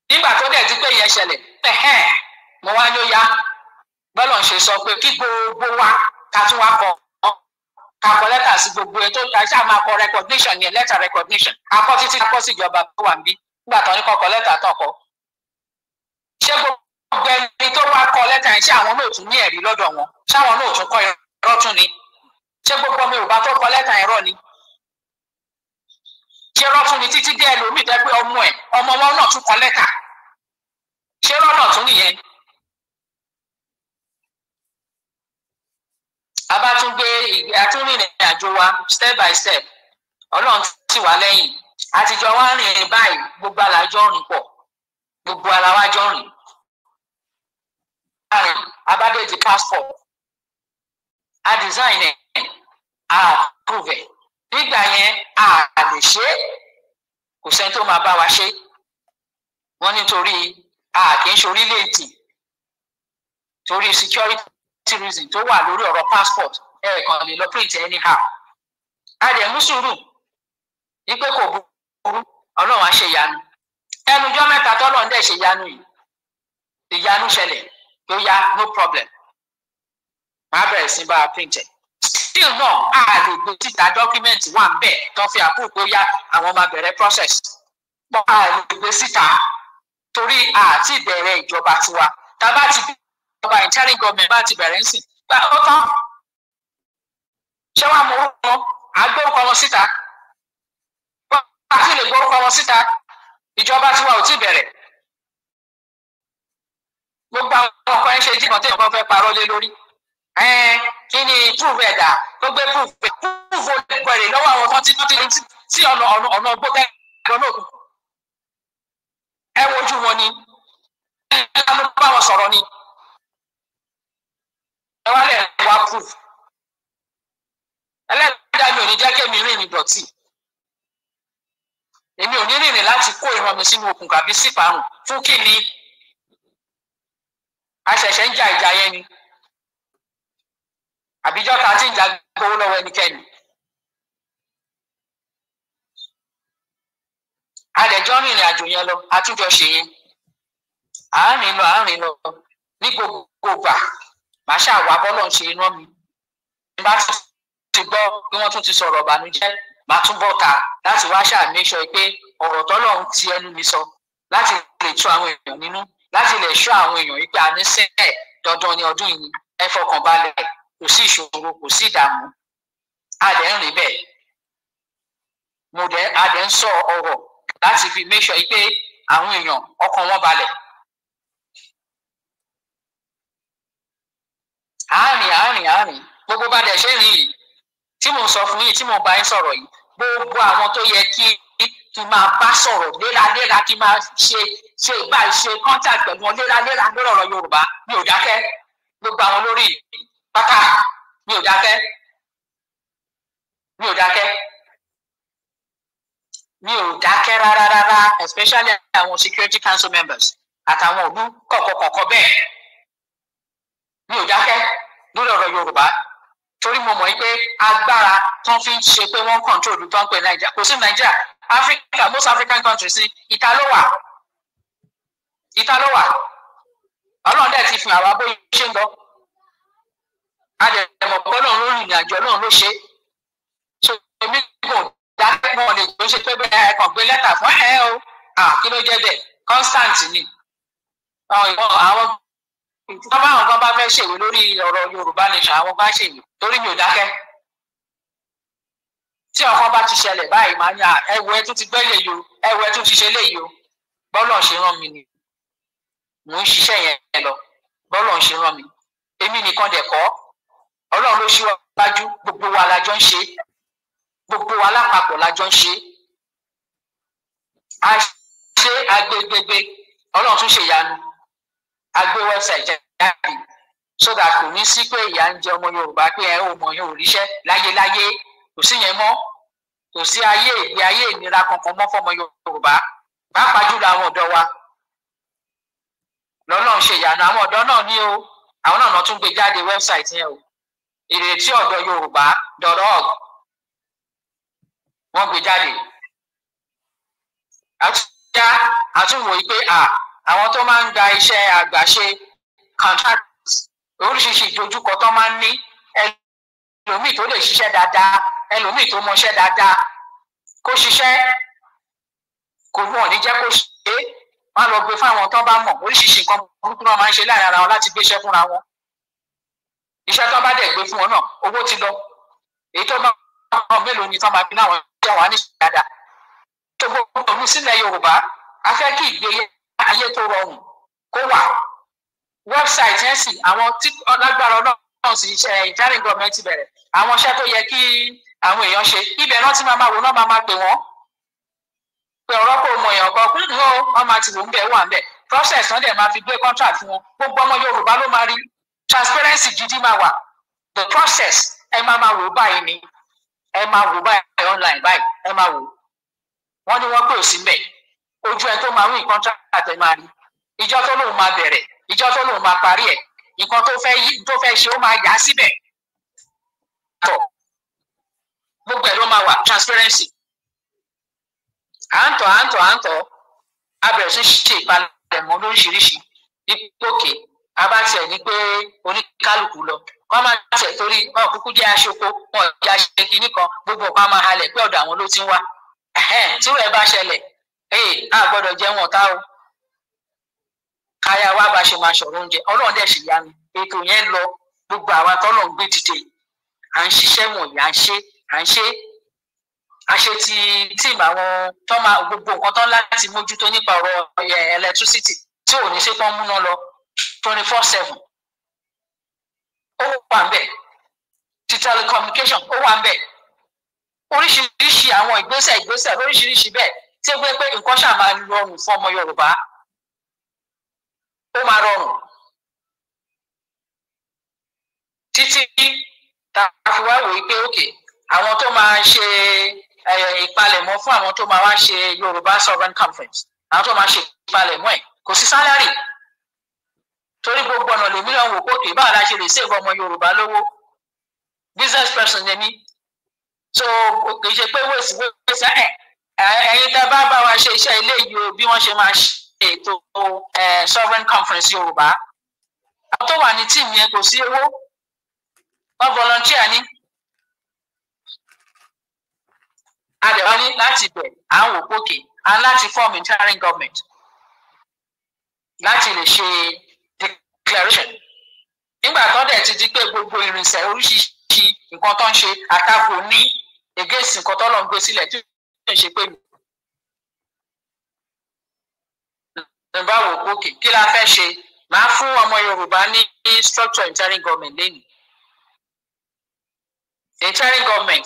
nígbà tó dẹ̀ ti pé yẹn ṣẹlẹ̀ mo wá ló yá bọ́lọ̀ ṣe sọ pé kí gbogbo wa ká tún wá kọ kakọ lẹ́tà sí gbogbo ẹ̀ tó ṣáà máa kọ recognition yẹn lẹ́tà recognition akọ títí akọ sí tó wà níbí nígbà tó ní kọkọ lẹ́tà tó ṣé gbogbo ọ̀gbẹ́ni tó wá kọ lẹ́tà yẹn ṣé àwọn náà tún ní ẹ̀rí lọ́dọ̀ wọn ṣáwọn náà tún kọ irọ́ tún ni ṣé gbogbo ọmọ yorùbá tó kọ lẹ́tà irọ́ ni ṣé irọ́ tún ni títí dé ẹlòmíì jẹ́ ọmọ ẹ̀ ọmọ wọn náà tún kọ lẹ́tà ṣé irọ́ náà tún nìyẹn. a bá tún gbé àtúnrìnrìn àjò wa step by step ọlọ́run ti wà lẹ́yìn àtijọ́ wa rìn báyìí gbogbo àlàjọ rìn pọ̀ gbogbo àlàwájọ rìn design the passport a design ẹ̀ a approve ẹ̀ nígbà yẹn a lè ṣe é kò sẹ́ni tó máa bá wa ṣe wọ́n nítorí a kì í ṣe orílẹ̀-èdè torí security reason tó wà lórí ọ̀rọ̀ passport ẹ̀ẹ̀kan lè lọ print anyhow a dẹ̀ mú sùúrù wípé kò burú ọlọ́run á ṣe ìyanu ẹnujọ́ mẹ́ta tọ́lọ́run dẹ̀ ṣe ìyanu yìí ìyanu ṣẹlẹ̀ ló ya, no problem má bẹ̀rẹ̀ sí bá a print still náà a lè gbé síta document wà ń bẹ̀ tó fi àkókò ya. yá àwọn máa bẹ̀rẹ̀ process bọ́ a lè gbé síta torí àti ìbẹ̀rẹ̀ ìjọba tiwa tá a bá ti ìjọba interim government bá ti bẹ̀rẹ̀ ń sìn gba ó tán ṣé wàá mú orúkọ wọn àgbórúkọ wọn síta bọ́ a sì lè gbórúkọ wọn síta ìjọba tiwa ò tí bẹ̀rẹ̀ gbogbo àwọn kan ń ṣe jíkan tí nǹkan fẹ́ parọ́ lé lórí kí ni proof ẹ̀ dà tó gbé proof ẹ̀ proof olùkọ́ rẹ̀ lọ́wọ́ àwọn kan tí wọ́n ti sí ọ̀nà ọ̀nà ọ̀nà gbọ́dọ̀ lọ́nà òkú ẹ wojú wọn ni ẹ lọ́nà bá wọn sọ̀rọ̀ ni ẹ wá lẹ̀ wá proof ẹlẹ́dàá mi ò ní jẹ́ kémi rìn ní dọ̀tí èmi ò ní rìnrìn láti kó ìran mi sínú okùn tàbí síparun fún kí ni àṣẹ̀ṣẹ̀ ń jà ìjà yẹn ni àbíjọ́ ta ti ń jà gbowó lọ́wọ́ ẹnikẹ́ni. àdẹ̀jọ́ rìnrìn àjò yẹn lọ àtúnjọ ṣe yẹn àárín lọ àárín lọ ní gbogbo gbà màá ṣàwà bọ́lọ̀ ń ṣe iná mi bá tún ti gbọ́ bí wọ́n tún ti sọ̀rọ̀ ìbànújẹ́ màá tún bọ̀ ta láti wá ṣàmì sọ pé ọ̀rọ̀ tọ́lọ̀ ń ti ẹnu mi sọ láti lè tú àwọn èèyàn nínú láti lè ṣọ́ àwọn èèyàn yìí pé a ní sẹ́ẹ̀ dandan ní ọdún yìí ẹ fọkàn balẹ̀ kò sí ìṣòro kò sí ìdààmú a dẹ̀ ń rìn bẹ́ẹ̀ mo dẹ̀ a dẹ̀ ń sọ ọ̀rọ̀ láti fi make sure pé àwọn èèyàn ọkàn wọn balẹ̀. àárín àárín àárín gbogbo bá dẹ̀ ṣe ń rìn yìí tí mo sọ fún yín tí mo bá yín sọ̀rọ̀ yìí gbogbo àwọn tó yẹ kí kí n máa bá sọ̀rọ̀ léraléra kí n máa ṣe ṣe ìgbà ìṣe contact pẹ̀lú wọn léraléra lórí ọ̀rọ̀ Yorùbá mi ò dákẹ́ gbogbo àwọn lórí pátá mi ò dákẹ́ mi ò dákẹ́ mi ò dákẹ́ rárá especially àwọn security council members àtàwọn òlú kọ̀kọ̀kọ̀kọ̀ bẹ́ẹ̀ mi ò dákẹ́ lórí ọ̀rọ̀ Yorùbá torí mo mọ̀ pé agbára tán fi ń ṣe pé wọ́n control ìlú tó Nàìjíríà kò sí Nàìjíríà Africa most African countries Italoa, Italoa. wà ìta ló wà ọlọ́run dẹ̀ ti fi àwa bó ṣe ń lọ adẹ̀mọ̀ ọlọ́run ló rìnrìn àjò ọlọ́run ló ṣe so èmi kò dákẹ́ wọn lè tó ṣe pé bẹ́ẹ̀ kàn gbé lẹ́tà fún ẹ o kí ló jẹ́ bẹ́ẹ̀ constant ni àwọn ìjọba àwọn kan bá fẹ́ ṣèwé lórí ọ̀rọ̀ Yorùbá nation àwọn bá ṣèwé torí mi ò dákẹ́ tí ọkọ bá ti ṣẹlẹ̀ báyìí máa ń yà ẹwọ ẹ tún ti gbẹ́lẹ̀ yìí o ẹwọ ẹ tún ti ṣe léyìí o bọ́lọ̀ ṣe rán mi ni mò ń ṣiṣẹ́ yẹn lọ bọ́lọ̀ ṣe rán mi èmi nìkan dẹ̀ kọ́ ọlọ́run ló ṣíwájú gbogbo wa la jọ ń ṣe gbogbo wa lápapọ̀ la jọ ń ṣe a ṣe agbègbègbè ọlọ́run tún ṣe ìyanu agbé website jáde so that kò ní sí pé ìyà ń jẹ ọmọ yorùbá pé ẹ ò mọ̀ yẹn ò ríṣẹ́ láyéláyé kò sí yẹn mọ́ kò sí ayé ìgbé ayé ìnira kankan mọ́ fọmọ yorùbá pàápàá jùlọ àwọn ọ̀dọ́ wa lọ́lọ́run ṣe ìyànà àwọn ọ̀dọ́ náà ní o àwọn náà tún gbé jáde wẹ́bsáìtì yẹn o ìrètí ọ̀dọ́ yorùbá dọ̀rọ̀ọ̀gù wọ́n gbé jáde àtúnyá àtúnwòye pé àwọn tó máa ń gba iṣẹ́ àgbàṣe contract oríṣiríṣi ìdojúkọ tó máa ń ní ẹlòmíì tó lè ṣiṣẹ́ dáadáa ẹlòmíì tó mọṣẹ́ dáadáa kó ṣiṣẹ́ kò wọ́n ní jẹ́ kó ṣe é wọ́n lọ gbé fáwọn tó bá mọ̀ oríṣiríṣi nǹkan burúkú náà máa ń ṣe láàrin ara wọn láti gbéṣẹ́ fúnra wọn iṣẹ́ tó bá dẹ̀ gbé fún wọn náà owó ti lọ èyí tó bá wọn mélòó ni tó máa fi láwọn ṣe àwọn àníṣe dáadáa tó gbogbo ọdún sílẹ̀ Yorùbá a fẹ́ kí ìgbéyé ayé tó rọrùn kó wà wẹ́bsáìtì ẹ̀sìn àwọn tí lágbára ọlọ́run sì ṣe ìjárin gọ́ọ̀mẹ́ntì bẹ̀rẹ̀ àwọn iṣẹ́ tó yẹ kí àwọn èèyàn ṣe ibẹ̀ náà ti máa máa wò náà máa máa pè wọ́n pé ọ̀rọ̀ kò mọ èèyàn kan kúndùn ó wọ́n máa ti bẹ̀ wà ń bẹ̀ process náà dẹ̀ máa fi gbé contract fún wọn gbogbo ọmọ Yorùbá ló máa rí transparency gidi máa wà the process ẹ máa máa wò báyìí ni ẹ máa wò báyìí online báyìí ẹ máa wò wọ́n ní wọ́n pè ó sí mẹ́ ojú ẹ tó máa wí contract ẹ máa rí ìjọ tó lóun máa bẹ̀rẹ̀ ìjọ tó lóun máa parí ẹ̀ nǹkan tó fẹ́ ṣe ó máa yà síbẹ̀ transparency à ń tọ̀ à ń tọ̀ à ń tọ̀ a bẹ̀rẹ̀ sí ṣe ìpalẹ̀mọ́ lóríṣiríṣi nípòkè a bá tiẹ̀ ní pé oníkálukú lọ kọ́ máa tẹ̀ torí wọn kúkú jẹ́ aṣoko wọn jẹ́ aṣẹ kínní kan gbogbo ọ̀pá máa halẹ̀ pé ọ̀dọ̀ àwọn ló ti ń wá tí wẹ́ẹ̀ bá ṣẹlẹ̀ eh, a gbọ́dọ̀ jẹ́ wọn ọ̀tá o káyà wa bá ṣe máa ṣọ̀rọ̀ oúnjẹ ọlọ́run dẹ̀ sì yá mi ètò yẹn lọ gbogbo àwa tọ́lọ̀ ń gbé dìde à ń ṣiṣẹ́ wọ̀nyí à ń ṣe à ń ṣe àṣẹ ti tíìmù àwọn tó máa gbogbo nǹkan tó ń láti mójútó nípa ọ̀rọ̀ electricity tí ò ní ṣe pọ́n múná lọ twenty four seven ó wà ń bẹ̀ ti telecommunication ó wà ń bẹ̀ oríṣiríṣi àwọn ìgbésẹ̀ ìgbésẹ̀ lóríṣiríṣi bẹ́ẹ̀ tí ó gbé pé nǹkan ṣáà máa rọrùn fún ọmọ Yorùbá ó máa rọrùn títí tá a fi wá wòye pé òkè àwọn tó máa ṣe ìpalẹ̀mọ́ fún àwọn tó máa wá ṣe Yorùbá Sovereign Conference àwọn tó máa ṣe ìpalẹ̀mọ́ ẹ̀ kò sí sálárì torí gbogbo ọ̀nà lèmi náà wò kókè báwo la ṣe lè save ọmọ Yorùbá lówó business person ni mí so kì í ṣe pé wèsì wèsì ẹ ẹ̀yin tẹ́ bá bá wa ṣe iṣẹ́ ilé yìí o bí wọ́n ṣe máa ṣe ètò Sovereign Conference Yorùbá àwọn tó wà ní tíìmù yẹn kò sí owó wọ́n volunteer ni. àdẹ̀wá ní láti bẹ̀ à ń wò pókè à ń láti form interim government láti lè ṣe declaration nígbà tó dẹ̀ ti di pé gbogbo ìrìnsẹ̀ oríṣiríṣi nǹkan tó ń ṣe àtakò ní against nǹkan tó lọ ń gbé sílẹ̀ tí ó ń ṣe pé mi. nígbà wò pókè kí la fẹ́ ṣe máa fún ọmọ Yorùbá ní structure interim government lẹ́nu interim government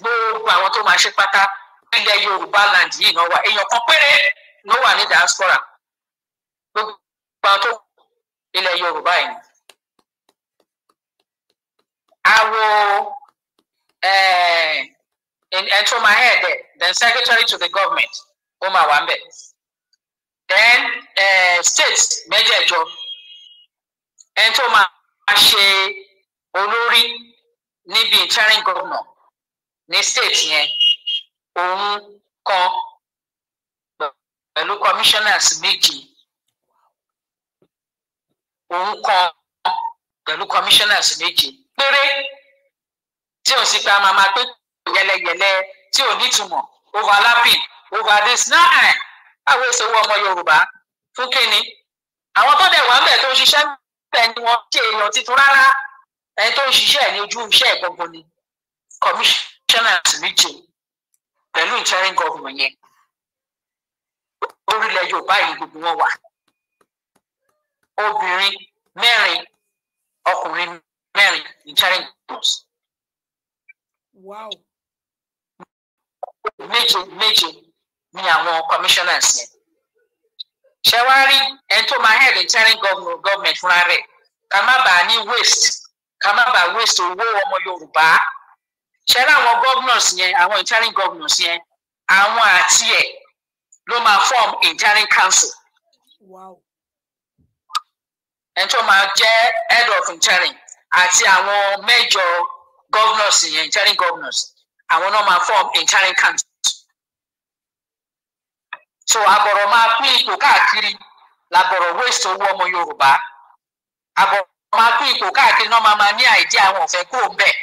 gbogbo àwọn tó máa ṣe pátá ilẹ̀ yorùbá land yìí náà wà èèyàn kan péré ló wà ní diaspora gbogbo àwọn tó ilẹ̀ yorùbá yìí. àwo eh, ẹ̀ máa head ẹ̀ then secretary to the government ó máa wà ń bẹ̀ then uh, states mẹ́jẹ̀ẹ̀jọ ẹ̀ tó máa ṣe olórí níbi interim governor ní state yẹn òun kan pẹ̀lú commissioners méjì òun kan pẹ̀lú commissioners méjì péré tí o sì pa màmá pé yẹlẹyẹlẹ tí o nítumọ̀ overlapping over this nine àwọn èso wọ ọmọ Yorùbá fún kínní àwọn tó dẹ̀ wà ń bẹ̀ tó ń ṣiṣẹ́ bẹ́ẹ̀ ni wọ́n ṣe èèyàn titun rárá ẹni tó ń ṣiṣẹ́ ní ojú iṣẹ́ gbọ̀ngàn ni commission channels méje pẹ̀lú interim government yẹn orílẹ̀ yorùbá yìí gbogbo wọn wà obìnrin mẹ́rin ọkùnrin mẹ́rin interim government. Wow. méje méje ni àwọn commissioners yẹn ṣe wá rí ẹni tó máa head interim government fúnra rẹ̀ ká má bàa ní waste ká má bàa waste owó ọmọ yorùbá ṣe láwọn governors yẹn àwọn interim governors yẹn àwọn àti ẹ̀ ló máa form interim council. Wow. ẹni tó máa jẹ́ head of interim àti àwọn major governors yẹn interim governors àwọn náà máa form interim council. so àbọ̀rọ̀ máa pín ipò káàkiri làbọ̀rọ̀ waste owó ọmọ Yorùbá àbọ̀rọ̀ máa pín ipò káàkiri náà máa máa ní àìdí àwọn ọ̀fẹ́ kúrò ń bẹ̀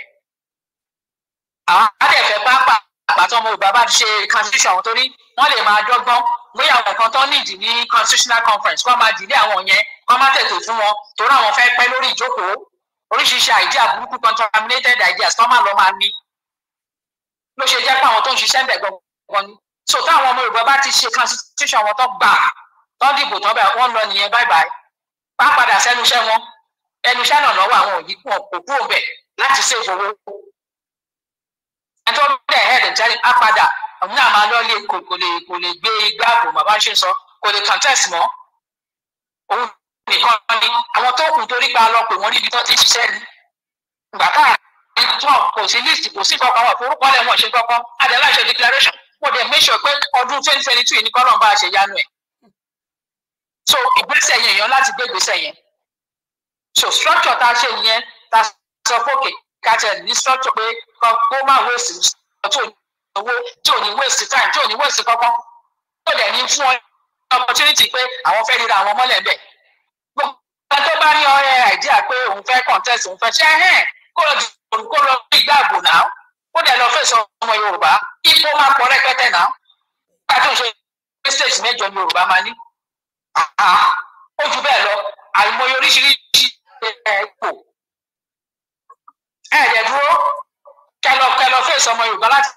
àwọn àdẹ̀fẹ́ pápá àpàtàn ọmọ yorùbá bá ti ṣe constitution àwọn torí wọ́n lè máa dọ́gbọ́n bóyá àwọn kan tó nídìí ní constitutional conference kó máa dìde àwọn yẹn kó máa tètè fún wọn torí àwọn fẹ́ pẹ́ lórí ìjókòó oríṣiríṣi idea burúkú contaminated ideas tó máa lọ máa ní ló ṣe jẹ́ pé àwọn tó ń ṣiṣẹ́ ń bẹ̀ gbọ̀ngàn ni so táwọn ọmọ yorùbá bá ti ṣe constitution wọn tó gbà tó dìbò tó bẹ̀ wọ́n lọ nìyẹn bye bye bá padà sẹ́nu iṣẹ́ wọn ẹnu iṣẹ́ náà lọ́wọ́ àwọn òyìnbó kò kúrò bẹ̀ láti ṣèjọwọ́ ẹtọ́ bẹ́ẹ̀ head and telling apadà òun náà máa lọ́ọ́ lé kò lè kò lè gbé igbá àbò bàbá ṣe sọ kò lè contest mọ́ òun nìkan ni àwọn tó kù torí pa lọ pé wọ́n níbi tó ti ṣiṣẹ́ ni ìgbà káàkiri tó kò sí list kò sí kankan wà forúkọ lẹ̀ wọ́n ṣe kankan adela declaration mo dẹ̀ make sure pé ọdún twenty twenty two ní kọ́lọ́n bá a ṣe yánu ẹ̀ so ìgbésẹ̀ yẹn yẹn láti gbé ìgbésẹ̀ yẹn so structure tá a ṣe yẹn tá a sọ fókè kájẹ ní structure pé kó má waste tí owó tí ní waste time tí ní waste kankan tó dẹ̀ ní fún ọ opportunity pé àwọn fẹ́ ríra àwọn mọ́lẹ̀ bẹ̀. gbogbo ẹni tó bá ní ọ̀rẹ́ àìdíà pé òun fẹ́ contest òun fẹ́ ṣe ẹ̀hẹ́n kó lọ dìbò kó lọ bí ìgbàgbọ́ náà ó dẹ̀ lọ fèsì ọmọ Yorùbá ipò máa pọ̀ rẹpẹtẹ náà nígbà tó ẹ jẹ dúró kẹlọ kẹlọ fèsì ọmọ yorùbá láti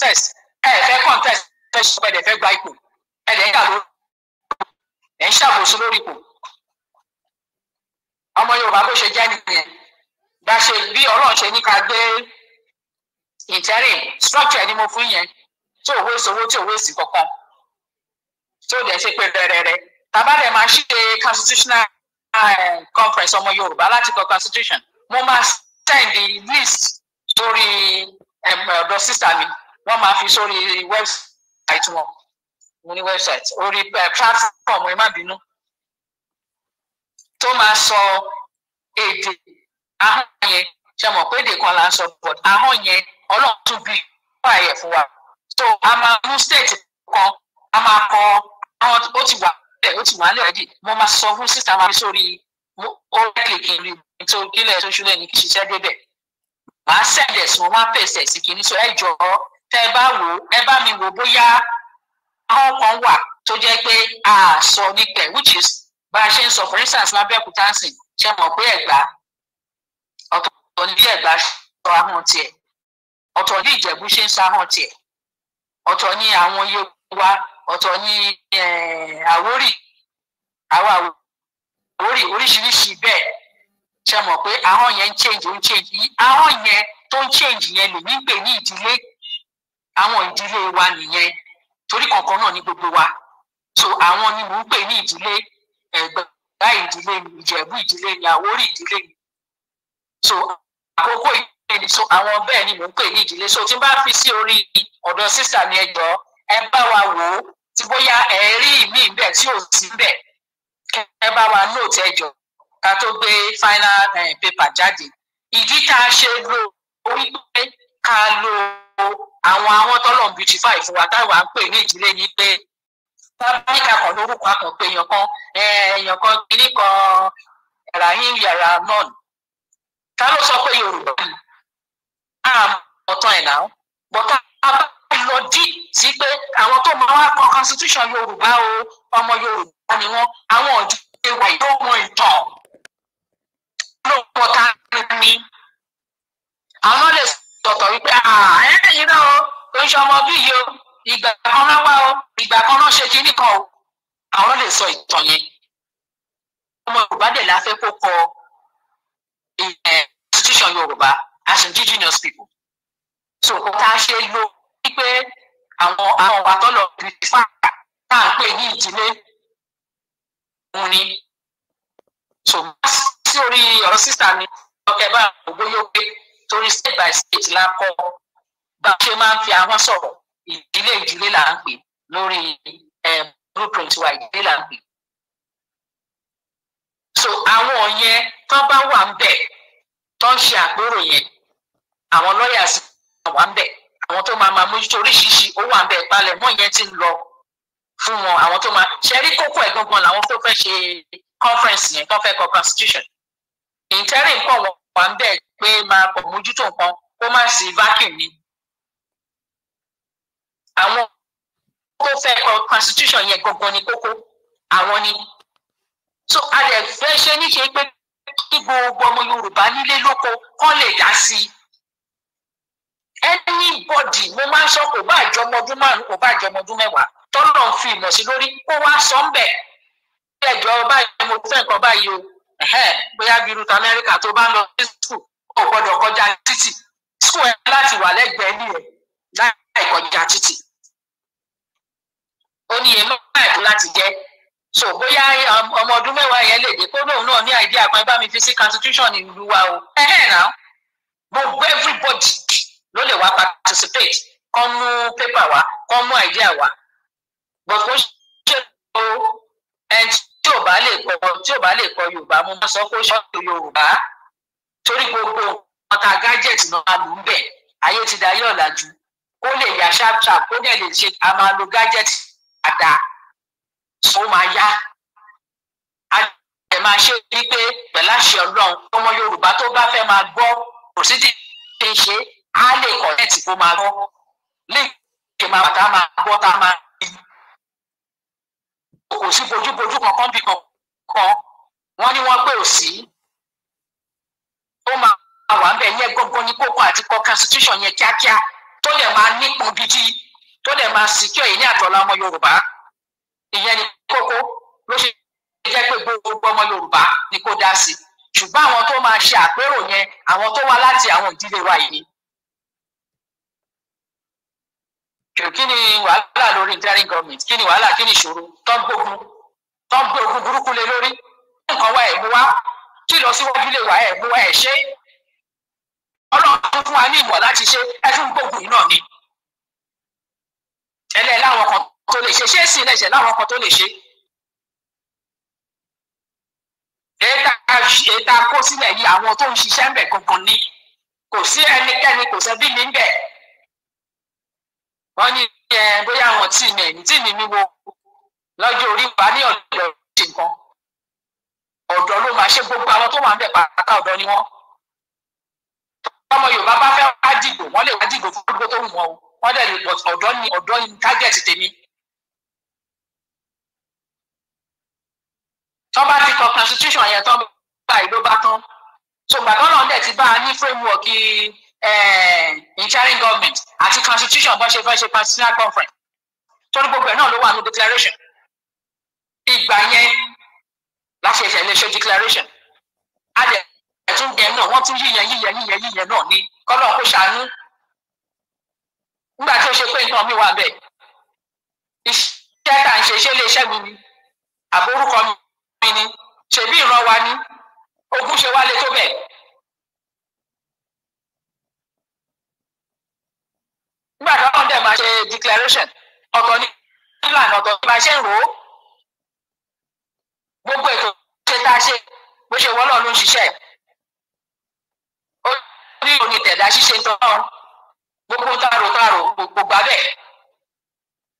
test ẹ fẹ́ contest fẹ́ sọpẹ ẹ fẹ́ gba ipò ẹ dẹ ń yà lórí ẹ ń ṣàbòsí lórí ipò ọmọ yorùbá bó ṣe jẹ́ nìyẹn bá ṣe bí ọlọ́run ṣe ní ká gbé interim structure ni mo fún yẹn tí òwe sowó tí òwe sì kankan tí ó dẹ̀ ṣe pé rẹ́rẹ́rẹ́ tàbá máa ṣe constitutional eh, conference ọmọ yorùbá láti kọ constitution mo máa send list sórí ọ̀dọ̀ sísá mi wọ́n máa fi sórí website wọn mo ní website orí eh, platform ẹ má bínú tó máa sọ èdè ahọ́n yẹn ṣe mọ̀ pé èdè kan là ń sọ but ahọ́n yẹn ọlọ́run tún bí wọ́n àyè fún wa so a máa mú state kan a máa kọ àwọn ó ti wà ó ti wà nílẹ̀ yìí mo máa sọ fún sísá máa fi sórí ó rẹ́ẹ̀lì kí n rí tó kílẹ̀ tó ṣúlẹ̀ ní kí ṣiṣẹ́ débẹ̀ màá ṣẹ̀dẹ̀ sí wọn wá pèsè sí kìíní sọ ẹ jọ tẹ ẹ bá wò ó ẹ bá mi wò bóyá àwọn kan wà tó jẹ́ pé a sọ nípa which is bá a ṣe ń sọ for instance lábẹ́òkúta sìn ṣe mọ̀ pé ẹ̀gbá ọ̀tọ̀ ní bí ẹ̀gbá sọ ahọ́n tiẹ̀ ọ̀tọ̀ ní ìjẹ̀bú ṣe ń sọ ahọ́n tiẹ̀ ọ̀tọ̀ ní àwọn Yorùbá ọ̀tọ̀ ní eh, Àwórì àwọn Àwórì oríṣiríṣi bẹ́ẹ̀ ṣe mọ̀ pé ahọ́n yẹn ń change ń change ahọ́n yẹn tó ń change yẹn lèmi ń gbè ní ìdílé àwọn ìdílé wa nìyẹn torí kankan náà ní gbogbo wa so àwọn ni mò ń pè ní ìdílé ẹ̀gbá ìdílé ni ìjẹ̀bú ìdílé ni àwórì ìdílé ni so àkókò ìdílé so àwọn bẹ́ẹ̀ ni mò ń pè ní ìdílé so tí n bá fi sí orí ọ̀dọ̀ sísà ni ẹ jọ ẹ bá wa wò ó tí bóyá ẹ rí mi bẹ́ẹ̀ tí ò sí bẹ́ẹ̀ ẹ bá wa nóòtù ẹ jọ ká tó gbé final eh, paper jáde ìdí tá a ṣe lò wípé ká lo àwọn àwọn tọ́lọ̀ beautify fún wa táwa ń pè ní ìdílé yìí pé tábàáníkà kan lórúkọ àkànpé èèyàn kan eh, èèyàn kan kìíní kan rahim yàrá nọ́ọ̀nù ta ló sọ pé yorùbá ni a ọ̀tán ẹ̀ náà bọ́tà bá lọ dí sí pé àwọn tó máa wá kọ constitution yorùbá o ọmọ yorùbá ni wọ́n àwọn ọ̀dọ́ ìwà ìdó wọn ìtàn lóko tá a ní àwọn lè sọ̀tọ̀ wípé ẹ̀ẹ́dẹ̀yìn náà o ó ń ṣe ọmọ bí yìí o ìgbà kan náà wá o ìgbà kan náà ṣe kinní kan o àwọn lè sọ ìtàn yẹn ọmọ Yorùbá dẹ̀ la fẹ́ kó kọ institution Yorùbá as indigenous people so kò tá a ṣe lo wípé àwọn àwọn wa tọ́lọ̀ bí fáà tá à ń pè ní ìdílé òun ni so mass sí orí ọ̀rọ̀ sísà mi ọkẹ́ bá ògbóyógbé torí state by state la kọ́ bá a ṣe máa ń fi àwọn sọ̀rọ̀ ìdílé ìdílé là ń pè lórí eh, blueprint wa ìdílé là ń pè. so àwọn yẹn tán bá wà ń bẹ̀ tó ń ṣe àpérò yẹn àwọn lọ́ọ̀yà sì wà ń bẹ̀ àwọn tó máa máa mójútó oríṣiríṣi ó wà ń bẹ̀ palẹ̀mọ́ yẹn ti ń lọ fún wọn àwọn tó máa ṣe rí kókó ẹ̀ gangan làwọn tó fẹ́ ṣe conference yẹn tó fẹ́ kọ constitution ìtẹ́rìn pọ̀ wà ń bẹ̀ pé máa pọ̀ mójútó nǹkan kó má sí vacuum ni. àwọn tó fẹ́ kọ constitution yẹn gangan ni kókó àwọn ni. so a lè fẹ́ ṣe níṣe pé kí gbogbo ọmọ Yorùbá nílé lóko kán lè dá sí i. anybody mo máa ń sọ kò bá àjọmọ ọdún márùn kò bá àjọmọ ọdún mẹ́wàá tọ́lọ̀ ń fi ìmọ̀ sí lórí kó wá sọ ń bẹ̀. báyìí mo fẹ́ nǹkan báyìí o bóyá bíi ruth amẹ́ríkà tó bá ń lọ sí skul ó gbọ́dọ̀ kọjá títì skul ẹ láti wà lẹ́gbẹ̀ẹ́ ní ẹ láì kọjá títì ó ní èèmọ láìpẹ́ láti jẹ so bóyá um, ọmọ ọdún mẹ́wàá yẹn lè dé kó lóun náà ní àìdí àpọn ẹ mi fi sí constitution ìlú wa o ẹ gbogbo everybody ló lè wá participate kọ́ mú pépà wá kọ́ mú àìdíà wá but kó ṣe o ẹni ò bá lè kọ tí ò bá lè kọ yorùbá mo máa sọ pé ṣọ́ọ̀tì yorùbá torí gbogbo wọn ta gájẹ̀tì náà ló ń bẹ̀ ayé ti dayé ọ̀làjú ó lè yá ṣáàpṣáà ó dẹ̀ lè ṣe a máa lo gájẹ̀tì àdá tó máa yá a lè máa ṣe wípé pẹ̀láṣẹ ọlọ́run ọmọ yorùbá tó bá fẹ́ máa gbọ́ kò sí ti ṣe ń ṣe á lè kọ̀nẹ́ẹ̀tì kó máa gbọ́ lè ṣe máa bàtà máa gbọ́ tá a máa kò sí bójúbójú kankan bí kankan wọ́n ní wọ́n pé ò sí ó máa wà ń bẹ yẹn ní kókó àti kọ constitution yẹn kíákíá tó dẹ̀ máa nípọn gidi tó dẹ̀ máa secure yìí ní àtọ̀lá ọmọ Yorùbá ìyẹn ni kókó ló ṣe jẹ́ pé gbogbo ọmọ Yorùbá ni kó dá sí ṣùgbọ́n àwọn tó máa ṣe àpérò yẹn àwọn tó wá láti àwọn ìdílé wa yìí kí ni wàhálà lórí interim government kí ni wàhálà kí ni ìṣòro tó ń gbógun tó ń gbógun burúkú lé lórí nǹkan wa ẹ̀ mú wá kí lọ síwájú lè wá ẹ̀ mú wá ẹ̀ ṣe ọlọ́run fún wa ní ìmọ̀ láti ṣe ẹ tún gbógun iná ni ẹlẹ́ láwọn kan tó lè ṣe ṣé sì lẹ́sẹ̀ láwọn kan tó lè ṣe ètà kó sílẹ̀ yìí àwọn tó ń ṣiṣẹ́ ń bẹ̀ gangan ni kò sí ẹnikẹ́ni kò sẹ́bí mi ń wọ́n ní ẹ bóyá àwọn tí mi ẹ̀mí tí mi mi wo lọ́jọ́ orí wa ní ọ̀dọ́ ṣe nǹkan ọ̀dọ́ ló máa ṣe gbogbo àwọn tó wà ń bẹ̀ pàtàkì ọ̀dọ́ ni wọ́n. ọmọ Yorùbá bá fẹ́ wá dìgbò wọ́n lè wá dìgbò fún gbogbo tó wù wọ́n o wọ́n dẹ̀ lè pọ̀ ni ọ̀dọ́ ni tágẹ̀tì tèmi. tọ́ ti kọ constitution yẹn tọ́ bá ìlú bá tán. sògbà tọ́lọ́ Eh, interim government àti constitution bó ṣe fẹ́ ṣe constitutional conference torí gbogbo ẹ̀ náà ló wà ní declaration ìgbà yẹn láti ẹsẹ̀ lè ṣe declaration adẹ̀ ẹ̀tún yẹn náà wọ́n tún yíyẹn yíyẹn yíyẹn yíyẹn náà ní kọ́lọ́ kó ṣàánú nígbà tó ṣe pé nǹkan mi wà bẹ́ẹ̀ iṣẹ́ tá à ń ṣe ṣé lè ṣẹ́ mi ni àbórúkọ mi ni ṣèbí ìran wa ni ogún ṣe wá lé tó bẹ́ẹ̀. nígbà táwọn dẹ̀ máa ṣe declaration ọ̀tọ̀ ní ìlànà ọ̀tọ̀ ní bá ṣe ń rò ó gbogbo ètò ṣe tá a ṣe bó ṣe wọ́lọ́ ló ń ṣiṣẹ́ ó ní òní tẹ̀dá ṣíṣe tán gbogbo tààrò tààrò gbogbo gbà bẹ́ẹ̀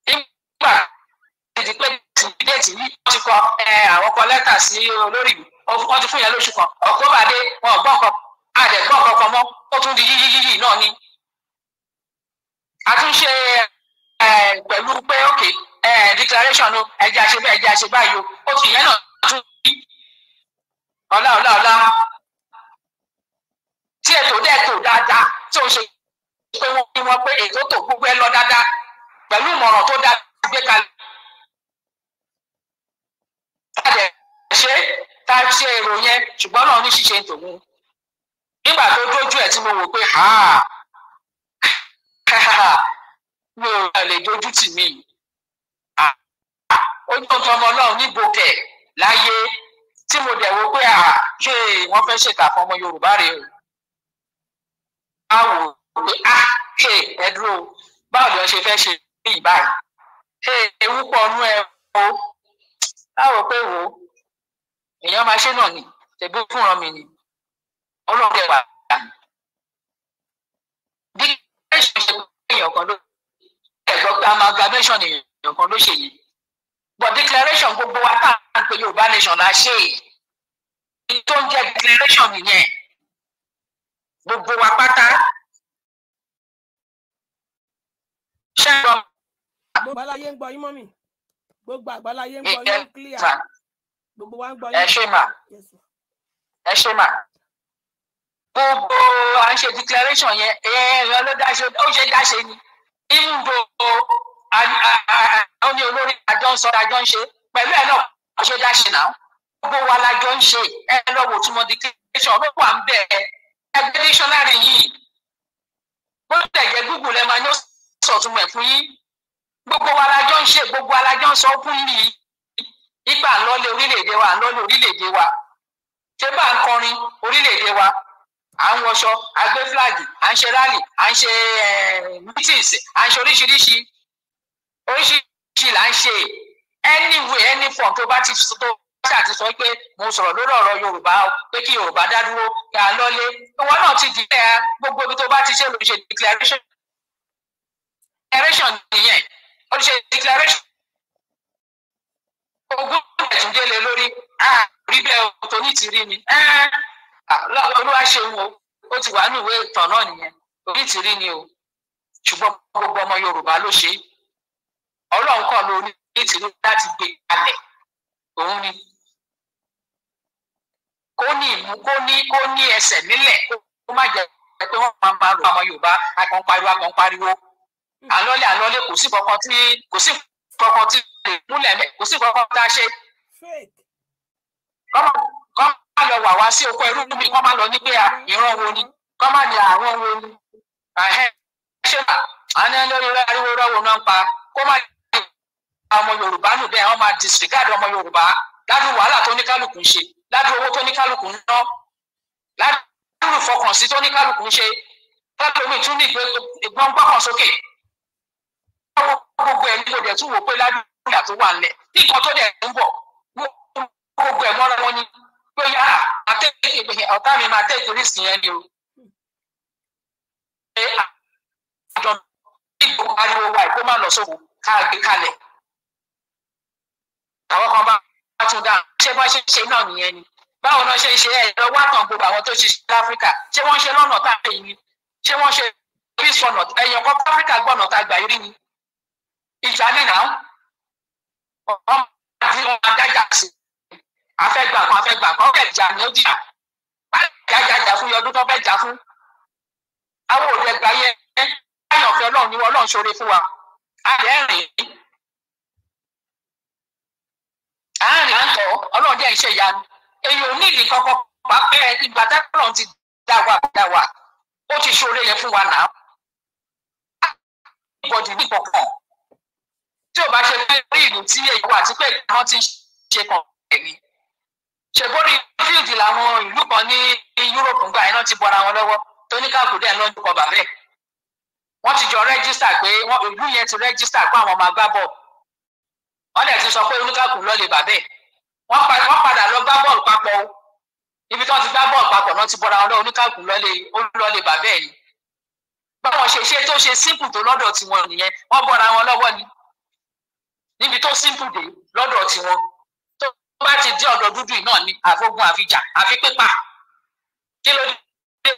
nígbà títí pé déètì yìí wọ́n ti kọ àwọn kọ lẹ́tà sí olórí wọ́n ti fún yẹn lóṣù kan ọ̀kọ́ bàdé wọn ò gbọ́ nǹkan àdẹ̀gbọ́ nǹkan kan mọ́ ó tún di yíyí yíyí náà ni àtúnṣe pẹ̀lú pé òkè declaration o ẹ̀jẹ̀ àṣebá ẹ̀jẹ̀ àṣebá yìí o ó fi ìyẹn náà tún bí ọ̀la ọ̀la ọ̀la tí ètò dẹ̀ tò dáadáa tí ó ṣe pé wọ́n fi wọ́n pé ètò tó gbogbo ẹ lọ dáadáa pẹ̀lú ìmọ̀ràn tó dáa gbé kalẹ̀ ṣe tá a ṣe èrò yẹn ṣùgbọ́n náà ní ṣíṣe tòun nígbà tó dójú ẹ̀ tí mo wò pé háà. (laughs) mi ò rà lè dojú tì mí ó ní ọjọ́ ọmọ náà níbo kẹ̀ láyé tí mo dẹ̀ wo pé ṣé wọ́n fẹ́ ṣèkà fún ọmọ Yorùbá rèé o a wò ó pé a ṣe ẹ dúró báwo ni wọ́n ṣe fẹ́ ṣe ní ìbáyìí ṣe ewu pọ̀ nú ẹ o báwo pé wò ó èèyàn máa ṣe náà ni tẹ̀gbẹ́ fúnra mi ni ọlọ́run ẹ̀ èèyàn kan ló ẹ̀gbọ́ pé amalgamation èèyàn kan ló ṣe yìí but declaration gbogbo wa tá à ń pe Yorùbá nation la ṣe èyí tó ń jẹ́ declaration nìyẹn gbogbo wa pátá ṣẹ́gun. gbogbo àgbáláyé ń gbọ́ yín mọ́mì gbogbo àgbáláyé ń gbọ́ yín clear gbogbo wa ń gbọ́ yín. ẹ ṣe mà ẹ ṣe mà gbogbo à ń ṣe declaration yẹn èèyàn ló dáṣe ó ṣe dáṣe ni inú gbogbo àwọn ní olórí àjọ ń sọ àjọ ń ṣe pẹ̀lú ẹ̀ náà kò ṣe dáṣe náà gbogbo wa lájọ ń ṣe ẹ lọ́wọ́ túmọ̀ declaration ló wà ń bẹ̀ ẹgbẹ́ dictionary yìí bó tẹ̀ jẹ́ google ẹ̀ máa ní ó sọ̀túnmọ̀ ẹ̀ fún yín gbogbo wa lájọ ń ṣe gbogbo wa lájọ ń sọ fún mi ìgbà ńlọ́lé orílẹ̀-èdè wa ńlọ́lé orílẹ̀-èdè wa ṣé bá ń kọrin orílẹ̀-èdè wa à ń wọṣọ à ń gbé fúlàgì à ń ṣe rálì à ń ṣe eh, meetings à ń ṣe oríṣiríṣi oríṣiríṣi là ń ṣe anyway any form tó bá ti tó ṣáàtì sọ pé mo sọ̀rọ̀ lórí ọ̀rọ̀ yorùbá pé kí yorùbá dá dúró kí a lọ́lé ìwọ náà ti dìbẹ́ gbogbo ibi tó bá ti ṣe lóṣè declaration declaration nìyẹn olùṣe declaration ogún ẹ̀túndé lé lórí àárí bẹ́ẹ̀ tó ní ti rí ni. Ah, olúwa ṣe wo ó ti wà ní ìwé ìtàn náà nìyẹn orí ìtìrí ni o ṣùgbọ́n gbogbo ọmọ yorùbá ló ṣe ọlọ́run kọ́ ló ní ìtìrí láti gbé kalẹ̀ òun ni kó ní ìmú kó ní kó ní ẹsẹ̀ nílẹ̀ kó má jẹ́ pé wọ́n máa máa lo ọmọ yorùbá akọ̀ ń pariwo akọ̀ kò sí kankan tí kò sí kankan tí kò sí kankan tá a ṣe. kọ́mọ má lọ wà wá sí oko ẹrú mi kọ́ má lọ ní pé ìran wo ni kọ́ má ní àrùn wo ni ṣé àná lórí ariwo rọ́wọ́ náà ń pa kó má lè ọmọ Yorùbá nù bẹ́ẹ̀ wọ́n disregard ọmọ Yorùbá ládùn wàhálà tó ní kálukú ń ṣe ládùn owó tó ní kálukú ń ná ládùn ìfọkànsí tó ní kálukú ń ṣe ládùn tún ní ìgbọ́n gbọ́kàn sókè gbogbo ẹ̀ ní kò dẹ̀ tún wò pé ládùn ìyà tó wà ń lẹ̀ nǹkan tó dẹ̀ ń bọ̀ gbogbo ẹ̀ mọ́ra wọn ni pé yá àtẹ̀kẹ̀ ọ̀tá mi máa tẹ̀kẹ̀ rísì yẹn ni o. pé àjọ ìgbò ariwo wa ìkó má lọ sóko ká gbé kalẹ̀. àwọn kan bá tún dá ṣé wọ́n ṣe ń ṣe náà nìyẹn ni báwo náà ṣe ń ṣe ẹ̀rọ wá kàn gbogbo àwọn tó ṣiṣẹ́ láfíríkà ṣé wọ́n ṣe lọ́nà tá a lè yin ṣé wọ́n ṣe bí sọnà ẹ̀yàn kan áfíríkà gbọ́nà tá a gbà yín ni ìjà nínà ọmọ àti ọmọ adájà sí i afẹ́gbà kan afẹ́gbà kan ọ̀rẹ́ ìjà ni ó dìjà báyìí ajájà fún yọdún tó fẹ́ jà fún àwọn òde ẹgbà yẹn báyìí ọ̀fẹ́ ọlọ́run ni wọ́n ọlọ́run ṣoore fún wa àdẹ́rìn àárín àǹtọ̀ ọlọ́run dẹ̀ ń ìyanu èyí ò ní ìlì kankan pàápẹ́ ìgbà tẹ́kọ̀ọ́ ti dá wa dá wa ó ti ṣoore yẹn fún wa náà ìbọ̀dì ní kankan tí ò bá ṣe pé ìlú tí èyí wà tí pé ìdáná ti ṣe kankan ẹ̀mí ṣègbórí field làwọn ìlú kan ní Europe ńgbà iná ti bọra wọn lọ́wọ́ tó ní káàkó dẹ lọ lórúkọ bàbẹ wọ́n ti jọ rẹ́gísítà pé wọn ìlú yẹn ti rẹ́gísítà pé àwọn máa gbá bọ́ọ̀lù wọ́n dẹ̀ ti sọ pé oníkàkùn lọlẹ bàbẹ wọ́n padà lọ gbá bọ́ọ̀lù papọ̀ o ibi tí wọ́n ti gbá bọ́ọ̀lù papọ̀ náà ti bọra wọn lọ oníkàkùn lọlẹ olùlọlẹ bàbẹ ni báwọn ṣe ṣe tó ṣe simple tó lọ́dọ̀ tiwọn nìyẹn wọ́n bọra wọn lọ́wọ́ ni níbi tó simple dé lọ́dọ̀ tiwọn bá ti dé ọ̀dọ̀ dúdú náà ni àfogun àfijà àfi pípa kí ló dé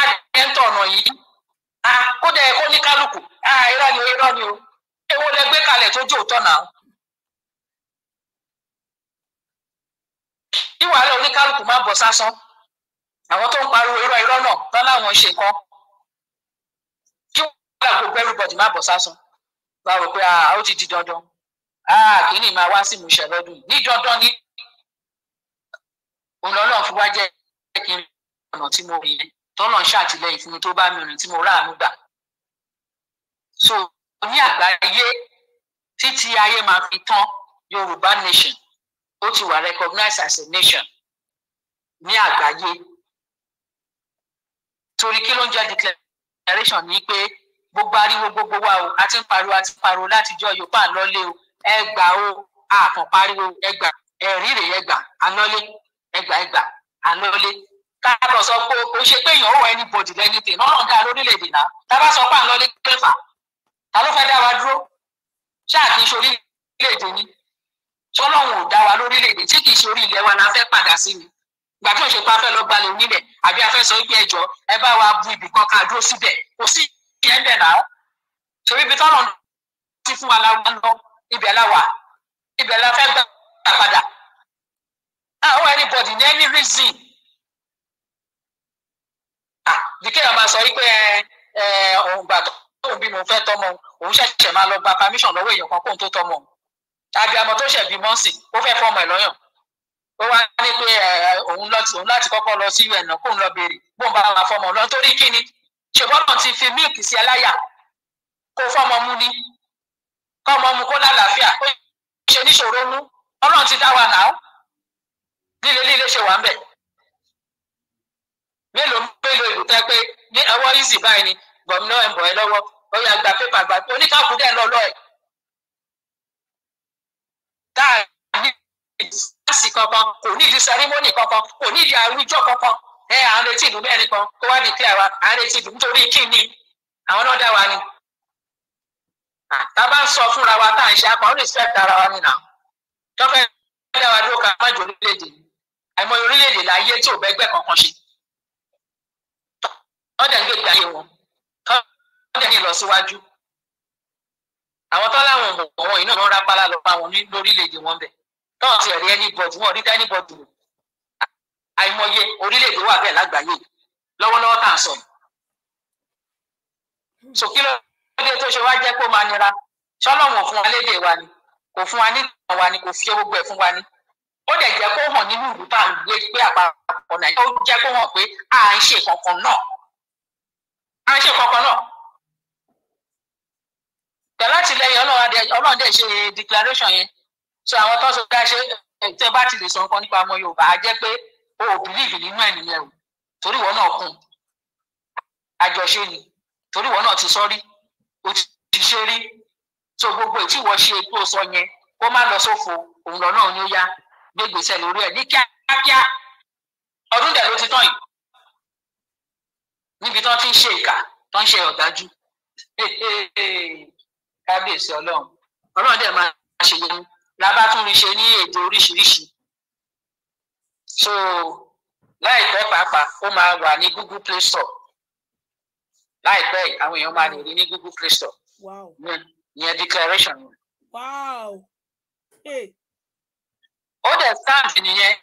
àjẹntọ̀ ọ̀nà yìí kódà ẹ̀kọ́ ní kálukú irọ́ ni o irọ́ ni o èwo lẹ gbé kalẹ̀ tó jẹ́ òótọ́ náà. ìwàlẹ̀ oníkálukú máa bọ̀ sásán àwọn tó ń pariwo irọ́ irọ́ náà tán láwọn ṣe nǹkan kí wọ́n gbàgbọ́ gbẹ́rù bọ̀dì má bọ̀ sásán báwo pé ó ti di dandan kìíní máa wá sí ìmúṣẹ lọ́dún yìí ní dandan ni òun lọ́lọ́run fi jẹ́ kí n ọ̀nà tí mo rí tọ́lọ̀ ń ṣàtìlẹ́yìn fún mi tó bá mi rìn tí mo ráàánú gbà so ní àgbáyé títí ayé máa fi tán Yorùbá nation ó ti wà recognized as a nation ní àgbáyé torí kí ló ń jẹ́ declaration ní pé gbogbo ariwo gbogbo wa o a ń pariwo a ń pariwo látijọ́ Yorùbá lọ́lé o ẹgbà o àfọ̀pariwo ẹgbà ẹ̀rí rèé ẹgbà anọ́lé ẹgbà ẹgbà anọ́lé káàbọ̀ sọ pé o ṣe pé èèyàn ó wọ anybody lẹ́nìtì lọ́nà dá lórílẹ̀‐èdè náà tábà sọ pé àná lè kẹfà ta ló fẹ́ dá wa dúró ṣáà kì í ṣe orílẹ̀‐èdè ni ṣọlọ́run ò dá wa lórílẹ̀‐èdè tí kì í ṣe orí ilẹ̀ wa la fẹ́ padà sí ni ìgbà tí òṣèpá fẹ́ lọ gbalẹ̀ onílẹ̀ àbí afẹ́ sọ pé ẹjọ́ ẹ bá wa bu ibì kan ká dúró síbẹ̀ kò sí ìyẹn bẹ̀ náà torí ibi tọ́lọ̀ ti fún wa láwọn ibẹ̀ la wà ibẹ̀ la fẹ́ gbà padà àwọn anybody ní any reason dìkẹ́ ọ̀ máa sọ wípé òun gbà tóun bí mo fẹ́ tọ́mọ òun ṣẹ̀ṣẹ̀ máa lọ gba permission lọ́wọ́ èèyàn kan kóun tó tọ́mọ abiamọ tó ṣẹ̀ bí mọ́sì ó fẹ́ fọmọ ẹ̀ lọ́yàn ó wá ní pé òun láti kọ́kọ́ lọ sí un kóun lọ béèrè bóun bá wà fọmọ lọ torí kí ni ṣèbọ́nà ti fi mílìkì sí ẹ láyà kó fọmọ mú ni ọmọ mu kó lálàáfíà ó ṣe níṣòro nú ọlọ́run ti dá wa nà ó líle líle ṣe wà ń bẹ̀ mélòó mélòó ìlú tẹ́ pé ní ọwọ́ yìí báyìí ni gómìnà ẹ̀ ń bọ̀ ẹ́ lọ́wọ́ ó yà gba pépà gba oníkàkùn dẹ̀ lọ lọ́ọ̀ ẹ̀ tá a ní ìdísí kankan kò ní ìdí sẹrímónì kankan kò ní ìdí àrùjọ kankan ẹ à ń retí ìlú mẹ́rin kan kó wá di clear wa à ń retí ìlú nítorí kí ni àwọn náà dá wa ni tá a bá ń sọ fúnra wa tá à ń ṣe apá ó lè sẹ́ẹ̀tì ara wa nínà tọ́fẹ́ ẹ̀dá wa dúró ká mọ́jọ orílẹ̀-èdè àìmọye orílẹ̀-èdè láyé tí ò bẹ́ gbẹ́ kankan ṣe wọ́n dẹ̀ ń gbé ìgbà ayé wọn wọ́n dẹ̀ ní ìlọsíwájú àwọn tó láwọn ọmọ wọn iná ló ń rápálá lọ bá wọn ní lórílẹ̀-èdè wọn bẹ̀ tọ́wọ́n ti rí ẹni bọ̀dù wọn rí tẹ́ni bọ̀dù àìmọye orílẹ̀-èdè wà bẹ́ẹ̀ lágbàáyé lọ́wọ́lọ́wọ́ tá à ń sọ yìí. so kí ló dé tó ṣe wá jẹ́ kó máa nira ṣọlọ́run ò fún wa lédè wa ni kò fún wa ní ìtàn wa ni kò fi gbogbo ẹ̀ fún wa ni ó dẹ̀ jẹ́ kó hàn nínú ìlú tá à ń gbé pé àpapọ̀ nàìjíríà ó jẹ́ kó hàn pé à ń ṣe kankan náà à ń ṣe kankan náà pẹ̀lú àtìlẹyìn ọlọ́run dẹ̀ ṣe declaration yẹn so àwọn tó ń sọ dá ṣe tẹ bá ti lè sọ nǹkan nípa ọmọ yorùbá á jẹ́ pé o ò bìlíìfì nínú ẹ̀ nìyẹn o torí ìwọ náà kùn àjọṣe ni torí ìwọ náà ti sọ rí o rí so gbogbo ètí ìwọ ṣe tó sọ yẹn kó má lọ sófo òun lọ náà ni gbé gbèsè lórí ẹ ní kíákíá ọdún dẹ̀ ló ti tán yìí níbi tán ti ń ṣe ìkà tán ń ṣe ọ̀dájú kábíyèsí ọlọ́run ọlọ́run dẹ̀ máa ṣe yẹn lábá tún rí ṣe ní èdè oríṣiríṣi so láìpẹ́ pàápàá ó máa wà ní Google Play Store láìpẹ́ yìí àwọn èèyàn máa lè rí ní google play store ìyẹn declaration yẹn. ó dẹ̀ stamp nìyẹn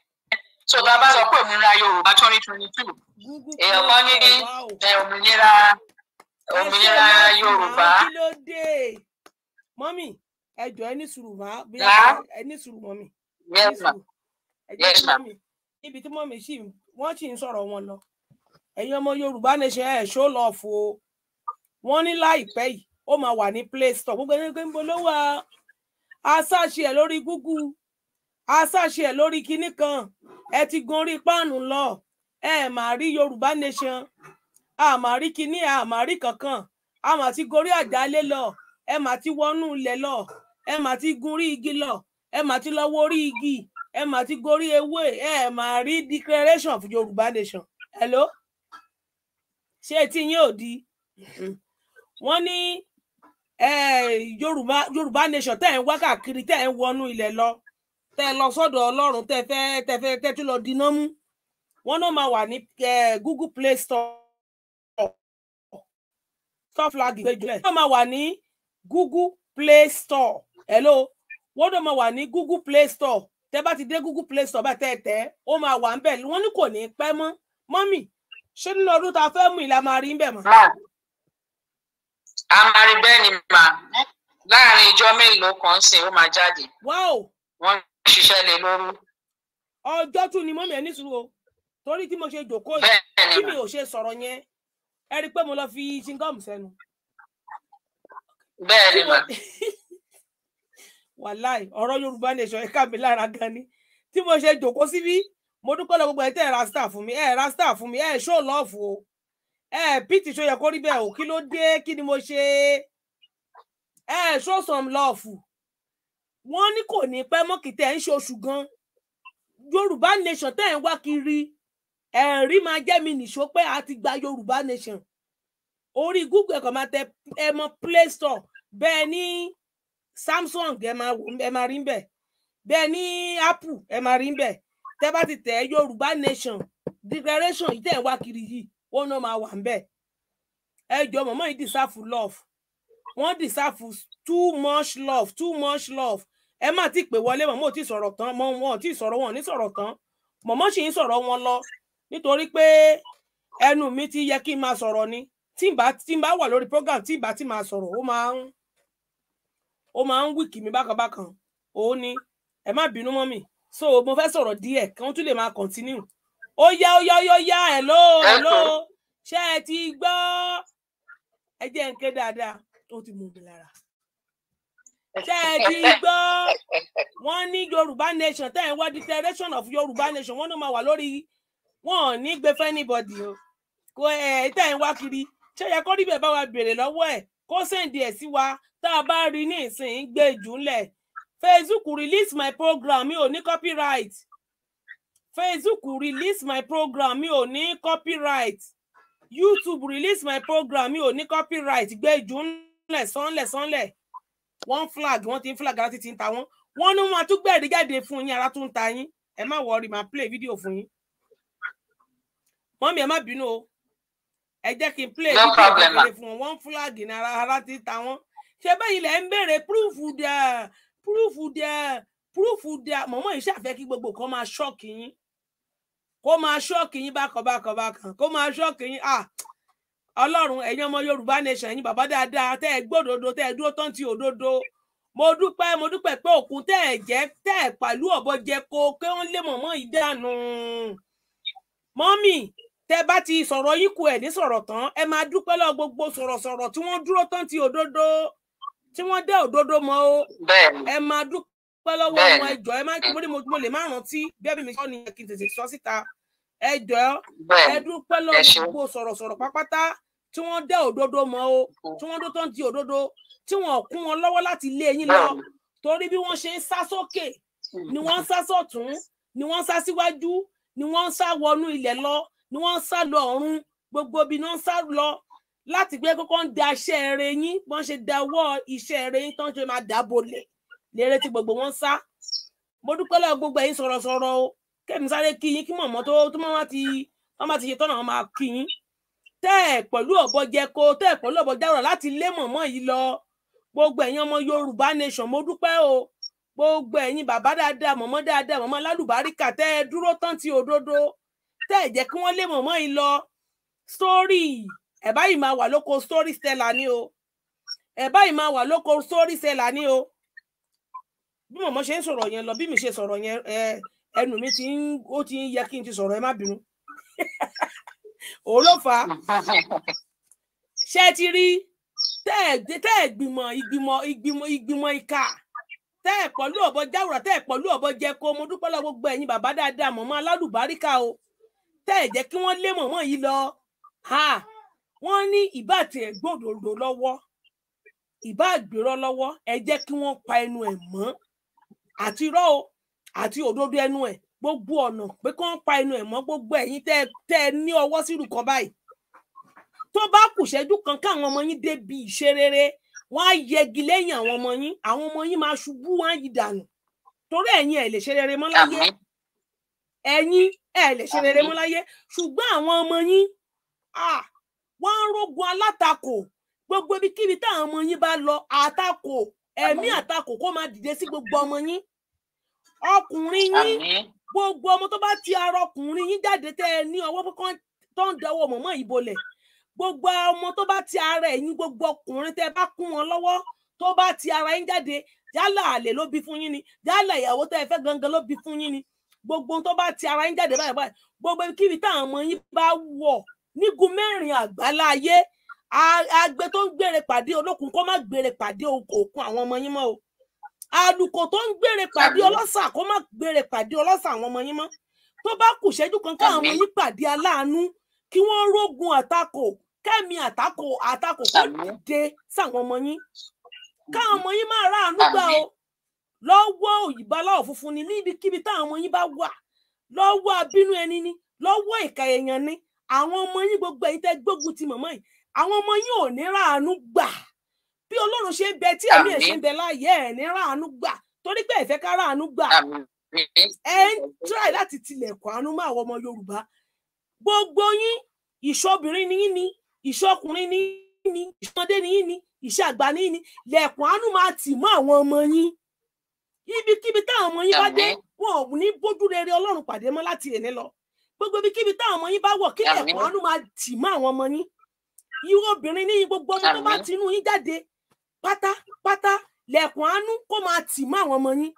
so tá a bá sọ pé òmìnira yorùbá twenty twenty two èèyàn kan ní òmìnira òmìnira yorùbá. kí ló dé mọ́mì ẹ jọ ẹ ní sùúrù má bí ẹ ní sùúrù mọ́mì ẹ ní sùúrù ẹ jẹ́ kí mọ́mì níbi tí mọ́mì sì wọ́n sì ń sọ̀rọ̀ wọn lọ ẹ̀yin ọmọ yorùbá nation ẹ̀ ṣó lọ fò ó wọ́n ní láìpẹ́ yìí ó máa wà ní play store gbogbo ẹni pé ń bolówó a ṣàṣì ẹ̀ lórí google a ṣàṣì ẹ̀ lórí kinní kan ẹ ti gun orí páànù lọ ẹ máa rí yorùbá nation a máa rí kinní a máa rí kankan a máa ti gorí àjálé lọ ẹ máa ti wọnú ilẹ̀ lọ ẹ máa ti gun orí igi lọ ẹ máa ti lọ wọ orí igi ẹ máa ti gorí ewé ẹ máa rí declaration of yorùbá nation hello ṣé tí yín ò di wọ́n ní yorùbá yorùbá nation tẹ́ ẹ̀ ń wá káàkiri tẹ́ ẹ̀ ń wọnú ilẹ̀ lọ tẹ́ ẹ lọ sọ́dọ̀ ọlọ́run tẹ́ fẹ́ tẹ́ fẹ́ tẹ́ tún lọ dínà mú wọ́n náà máa wà ní google play store store flag ìgbẹ́jọ́ wọ́n máa wà ní google play store hello wọ́n náà máa wà ní google play store tẹ́ bá ti dé google play store bá tẹ́ tẹ́ ó máa wà ń bẹ̀ wọ́n ní kò ní pẹ́ mọ́ mọ́mì ṣé nínú ọdún tá a fẹ́ mú ìlà máa rí bẹ̀ mọ́. Ah. a máa rí bẹ́ẹ̀ ni mà láàrin ìjọ mélòó kan sìn ó máa jáde. wọ́n ṣiṣẹ́ lé lóru. ọjọ́ tún ni mọ́mí ẹ̀ nísìrò o torí tí mo ṣe jòkó yìí tí mi ò ṣe sọ̀rọ̀ yẹn ẹ rí i pé mo lọ fi chingom sẹ́nu. bẹ́ẹ̀ ni mà. (laughs) wàláì ọ̀rọ̀ Yorùbá nation ẹ̀ka mi lára gan ni tí mo ṣe jòkó síbí. Si mo dúpẹ́ lọ gbogbo ẹ̀ tẹ́ ẹ̀ ra star fún mi ẹ̀ ra star fún mi ẹ̀ ṣó lọ́ọ̀fù o ẹ̀ pìtì ṣó yẹ kó rí bẹ́ẹ̀ o kí ló dé kí ni mo ṣe ẹ̀ ṣó some lọ́ọ̀fù wọ́n ní kò ní pẹ́ mọ́kì tẹ́ ń ṣe oṣù gan yorùbá nation tẹ́ ń wá kiri ẹ̀rí máa jẹ́ mi nìṣó pé a ti gba yorùbá nation orí google ẹ̀kọ́ máa tẹ ẹ mọ play store bẹ́ẹ̀ ní samsung ẹ máa rí ń bẹ̀ bẹ́ẹ̀ ní apple ẹ máa rí ń bẹ̀ tẹ́ bá ti tẹ̀ yorùbá nation declaration yìí tẹ̀ ń wá kiri yìí ó náà máa wà ń bẹ̀ ẹ jọ mọ̀mọ́ yìí deserve love wọ́n deserve too much love too much love ẹ má ti pè wọlé mọ̀mọ́ ò tí sọ̀rọ̀ tán mọ́ wọn ò tí sọ̀rọ̀ wọn ò ní sọ̀rọ̀ tán mọ̀mọ́ sì ń sọ̀rọ̀ wọn lọ nítorí pé ẹnu mi ti yẹ kí n máa sọ̀rọ̀ ni tí n bá tí n bá wà lórí program tí n bá ti máa sọ̀rọ̀ ó máa ń ó máa ń wíkì mi bákanbákan òun ni ẹ má bínú mọ́ mi so mo fẹ́ sọ̀rọ̀ díẹ̀ kí wọ́n tún lè máa continue ó yá ó yá ó yá hello hello ṣé ẹ ti gbọ́ ẹ jẹ́ ń ké dáadáa ó ti mú mi lára ṣé ẹ ti gbọ́ wọ́n ní yorùbá nation tẹ́ ẹ̀ ń wá declaration of yorùbá nation wọ́n ló máa wà lórí wọn ò ní gbé fẹ́ anybody o kò ẹ̀ tẹ́ ẹ̀ ń wá kiri ṣé ẹ kọ́ níbẹ̀ bá wa béèrè lọ́wọ́ ẹ̀ kó sẹ́ǹdì ẹ̀ sí wa tá a bá rí ní ìsìn gbé jù ńlẹ̀ facebook release my program mi ò ní copyright facebook release my program mi ò ní copyright youtube release my program mi ò ní copyright gbé ìjú ńlẹ̀ sánlẹ̀ sánlẹ̀ wọ́n flag wọ́n ti ń flag láti ti ń ta wọ́n wọ́n ní wọ́n tún gbẹ̀rí jáde fún yín ara tún ń ta yín ẹ má wọrí màá play video fún yín mọ́mí ẹ má bínú o ẹ jẹ́ kí n play no video fún wọn wọ́n flag ní ara ara ti ń ta wọ́n ṣe bẹ́ẹ̀ ilẹ̀ ń béèrè proof púrúfù dẹ púrúfù dẹ mọ̀mọ́ yìí ṣàfẹ́ kí gbogbo kan máa ṣọ́ọ̀kì yín kó máa ṣọ́ọ̀kì yín bákan bákan bákan kó máa ṣọ́ọ̀kì yín ah ọlọ́run ẹ̀yin ọmọ yorùbá nation yín bàbá dáadáa tẹ́ ẹ gbódodo tẹ́ ẹ dúró tán ti òdodo mo dúpẹ́ mo dúpẹ́ pé òkun tẹ́ ẹ jẹ́ tẹ́ ẹ pàlú ọ̀bọ jẹ ko pé wọ́n lé mọ̀mọ́ yìí dànù mọ́mì tẹ́ bá ti sọ̀rọ̀ yín kù ẹ̀ ní sọ̀rọ̀ tán ẹ máa dúpẹ́ lọ gbogbo sọ̀rọ̀sọ̀rọ̀ tí wọ́n dúró tán ti òdodo tí wọ́n dé òdodo mọ́ o ẹ máa dúpẹ́ lọ́wọ́ wọn ẹjọ́ ẹ máa mo ní mo lè má rántí bí ẹbí mi sọ ni kí n tètè sọ síta ẹjọ́ ẹ dúpẹ́ lọ́wọ́ gbogbo sọ̀rọ̀sọ̀rọ̀ pápátá tí wọ́n dé òdodo mọ́ o tí wọ́n dó tó ń di òdodo tí wọ́n kún wọn lọ́wọ́ láti lé yín lọ torí bí wọ́n ṣe ń sá sókè hmm. ni wọ́n ń sá sọ̀tún ni wọ́n ń sá síwájú ni wọ́n ń sá wọnú ilẹ̀ lọ ni wọ́n ń sá lọ ọ̀run gbogbo ibi náà ń sá lọ láti gbé kókó ń da iṣẹ́ eré yín bọ́n ṣe dáwọ́ iṣẹ́ eré yín tán ṣe máa dáàbò lè lérè tí gbogbo wọn sá mo dúpẹ́ lọ́wọ́ gbogbo ẹ̀yin sọ̀rọ̀sọ̀rọ̀ o kẹ́mi sáré kí yín kí mọ̀mọ́ tó tó máa ti wọ́n máa ti ṣe tọ́nà wọn máa kí yín tẹ́ ẹ̀ pẹ̀lú ọ̀bọ jẹko tẹ́ ẹ̀ pẹ̀lú ọ̀bọ dáwọ̀rọ̀ láti lé mọ̀mọ́ yìí lọ gbogbo ẹ̀yin ọmọ Yorùbá nation mo dúpẹ́ o gbogbo ẹ̀yin bàbá dáadáa mọ̀mọ́ dáadáa mọ̀mọ́ lálùbáríkà tẹ́ ẹ dúró tán ti òdodo tẹ́ ẹ̀ jẹ́ kí wọ́n lé mọ̀mọ́ yìí lọ sórí ẹ báyìí máa wà lóko story seller ni o ẹ báyìí máa wà lóko story seller ni o bí mọ̀mọ́ ṣe ń sọ̀rọ̀ yẹn lọ bí mi ṣe sọ̀rọ̀ yẹn ẹnu mi ti ń ó ti ń yẹ kí n ti sọ̀rọ̀ ẹ má bínú (laughs) òun ló fà á ṣé ti rí tẹ́ ẹ̀ gbìmọ̀ ìgbìmọ̀ ìgbìmọ̀ ìgbìmọ̀ ìka tẹ́ pọ̀lú ọ̀bọ jáwùrà tẹ́ pọ̀lú ọ̀bọ jẹ kó mo dúpẹ́ lọ gbogbo ẹ̀yin bàbá dáadáa mọ̀mọ́ alálùbáríkà o tẹ́ ẹ̀ jẹ́ kí wọ́n lé mọ̀mọ́ yìí lọ wọ́n ní ìbá àti ẹ̀gbọ́dọ̀dọ̀ lọ́wọ́ ìbá àgbèrọ lọ́wọ́ ẹ jẹ́ kí wọ́n pa ẹnu ẹ̀ mọ́ àti irọ́ o àti òdodo ẹnu ẹ̀ gbogbo ọ̀nà pé kí wọ́n pa ẹnu ẹ̀ mọ́ gbogbo ẹ̀yin tẹ́ ẹ ní ọwọ́ sírù kan báyìí tó bá kù ṣẹ́jú kan káwọn ọmọ yín débi ìṣerere wọ́n á yẹgi lẹ́yìn àwọn ọmọ yín àwọn ọmọ yín máa ṣubú wọ́n á yí dànù torí ẹ̀yin ẹ̀ lè ṣe rere mọ́ láyé ẹ̀yin ẹ̀ lè ṣe rere mọ́ láyé ṣùgbọ́n àwọn ọmọ yín ah wọ́n ń rógun alátakò gbogbo ibikíbi táwọn ọmọ yín bá lọ àtakò ẹ̀mí àtakò kó máa dìde sí gbogbo ọmọ yín ọkùnrin yín gbogbo ọmọ tó bá ti ara ọkùnrin yín jáde tẹ ẹ ní ọwọ́ pípọ́n tó ń dẹwọ́ mọ̀mọ́ ìbolẹ̀ gbogbo ọmọ tó bá ti ara ẹ̀yìn gbogbo ọkùnrin tẹ bá kún wọn lọ́wọ́ tó bá ti ara yín jáde yálà àlè ló bí fún yín ni yálà ìyàwó tẹ ẹ fẹ́ gangan ló bí fún yín ni gbogbo tó bá ti ara yín jáde báyìí báyìí gbogbo kíbi táwọn ọmọ yín bá wọ̀ nígun mẹ́rin àgbálá ayé agbe tó ń gbére pàdé olókun kó má gbére pàdé òkun àwọn ọmọ yín mọ́ o àlùkò tó ń gbére pàdé ọlọ́sà kó má gbére pàdé ọlọ́sà àwọn ọmọ yín mọ́ tó bá kù ṣẹ́jú kan káwọn ọmọ yín pàdé aláàánú kí wọ́n rógun àtakò kẹ́mi àtakò àtakò kó dé sáwọn ọmọ yín káwọn ọmọ yín máa ráàánú gbà o lọ́wọ́ òyìnbó aláwọ̀ funfun ni níbikíbi táwọn ọmọ yín bá wà lọ́wọ́ abínú ẹni ni lọ́wọ́ ìka èèyàn ni àwọn ọmọ yín gbogbo ẹ̀yin tẹ́ gbógun ti màmá yìí àwọn ọmọ yín ò ní ráàánú gbà bí Ọlọ́run ṣe ń bẹ tí ẹ̀mí ẹ̀ ṣe ń bẹ láàyè ẹ̀ ní ráàánú gbà torí pé ẹ ká ráàánú gbà ẹ ń try láti tilẹ̀kùn àánú mọ́ àwọn ọmọ Yorùbá gbogbo yín ìṣọ́bìnrin ni yín ni ìṣọ́kùnrin ni yín ni ìṣọ́mọdé ni yín ni iṣẹ́ àgbà ní ní lẹ̀kùn àánú máa tì mọ́ àwọn ọmọ yín ibikíbi táwọn ọmọ yín bá dé wọn ò ní bójú rere Ọlọ́run pàdé mọ́ láti èní lọ gbogbo ibi kíbi táwọn ọmọ yín bá wọ̀ kílẹ̀ ẹ̀kọ́ ọ̀nù máa tì mọ́ àwọn ọmọ yín irú obìnrin ní gbogbo ọmọ tó bá ti inú yín jáde pátápátá lẹ̀kùn àánú kó máa tì mọ́ àwọn ọmọ yín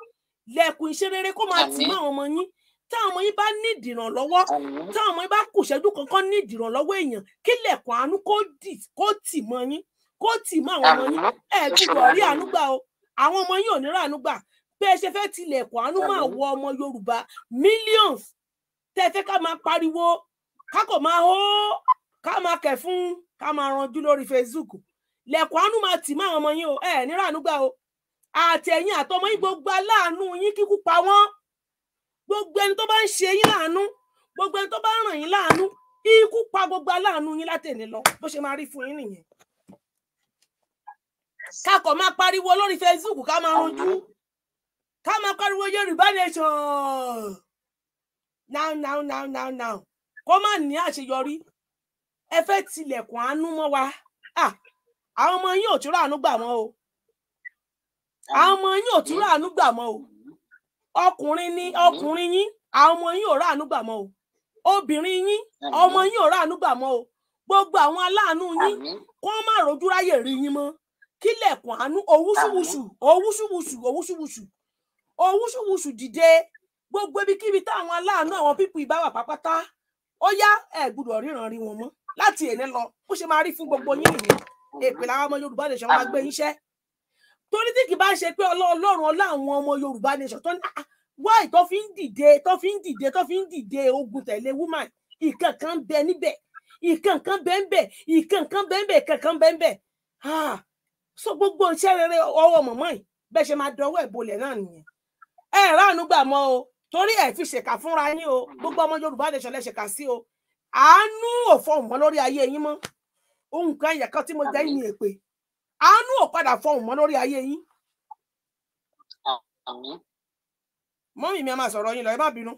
lẹ̀kùn ìṣerere kó máa tì mọ́ àwọn ọmọ yín táwọn ọmọ yín bá ní ìdìrànlọ́wọ́ táwọn ọmọ yín bá kù ṣẹ́jú kankan ní ìdìrànlọ́wọ́ èèyàn kí lẹ̀kùn àánú kó tì mọ́ yín kó tì mọ́ àwọn ọmọ yín ẹ̀ gbúdọ̀ rí àánú o àwọn ọmọ yín ò ní rà àánú bẹ́ẹ̀ ṣe fẹ́ tilẹ̀kùn àánú máa wọ ọmọ Yorùbá millions tẹ́fẹ́ ká máa pariwo ká kò máa hó ká máa kẹ̀ fún ká máa ranjú lórí Facebook lẹ̀kọ́ àánú máa tì máa ọmọ yín o ẹ̀ nírànú gbà o àtẹ̀yìn àtọmọ yín gbogbo aláàánú yín kíkú pa wọ́n gbogbo ẹni tó bá ń ṣe yín láàánú gbogbo ẹni tó bá ń ràn yín láàánú ikú pa gbogbo aláàánú yín látẹ̀lé lọ bó ṣe máa rí fún yín nìyẹn ká kọ̀ máa pariwo lórí Facebook ká máa ranjú ká máa pariwo Yorùbá nation now now now now now kó má ní àṣeyọrí ẹ fẹ́ tilẹ̀kùn àánú mọ́ wa àwọn ọmọ yín ò tún ràánú gbà mọ́ o àwọn ọmọ yín ò tún ràánú gbà mọ́ o ọkùnrin ni ọkùnrin yín àwọn ọmọ yín ò ràánú gbà mọ́ o obìnrin yín ọmọ yín ò ràánú gbà mọ́ o gbogbo àwọn aláàánú yín kó má rojú ráyè rí yín mọ́ kílẹ̀kùn àánú owúsùwùsù owúsùwùsù owúsùwùsù owúsùwùsù dìde gbogbo ibikíbi táwọn aláàánú àwọn pípù ìbá wà ó yá ẹ gbúdọ̀ ríran rí wọn mọ́ láti èní lọ bó ṣe máa rí fún gbogbo yín nìyẹn èpè làwọn ọmọ yorùbá nation máa gbé iṣẹ́ torí tí kì bá ṣe pé ọlọ́run ọlá ọmọ yorùbá nation tó ní ah, wáì tó fi ń dìde tó fi ń dìde tó fi ń dìde ogun tẹ̀lé woman ìkan bẹ níbẹ̀ ìkan bẹ ń bẹ ìkan bẹ ń bẹ ìkan bẹ ń bẹ ah, so gbogbo iṣẹ́ rere ọwọ́ mọ̀mọ́ yìí bẹ́ẹ̀ ṣe máa dọwọ́ ìbolẹ̀ náà nìyẹn ẹ ráàánú gbà mọ́ o torí ẹ fi ṣèkà fúnra yín o gbogbo ọmọ yorùbá nation lẹ ṣèkà sí o àánú ò fọhùn mọ́ lórí ayé yín mọ́ ohun kan ẹyẹ kan tí mo jẹ ní èpè àánú ò padà fọhùn mọ́ lórí ayé yín. mọ́mì mi a máa sọ̀rọ̀ yín lọ ẹ má bínú.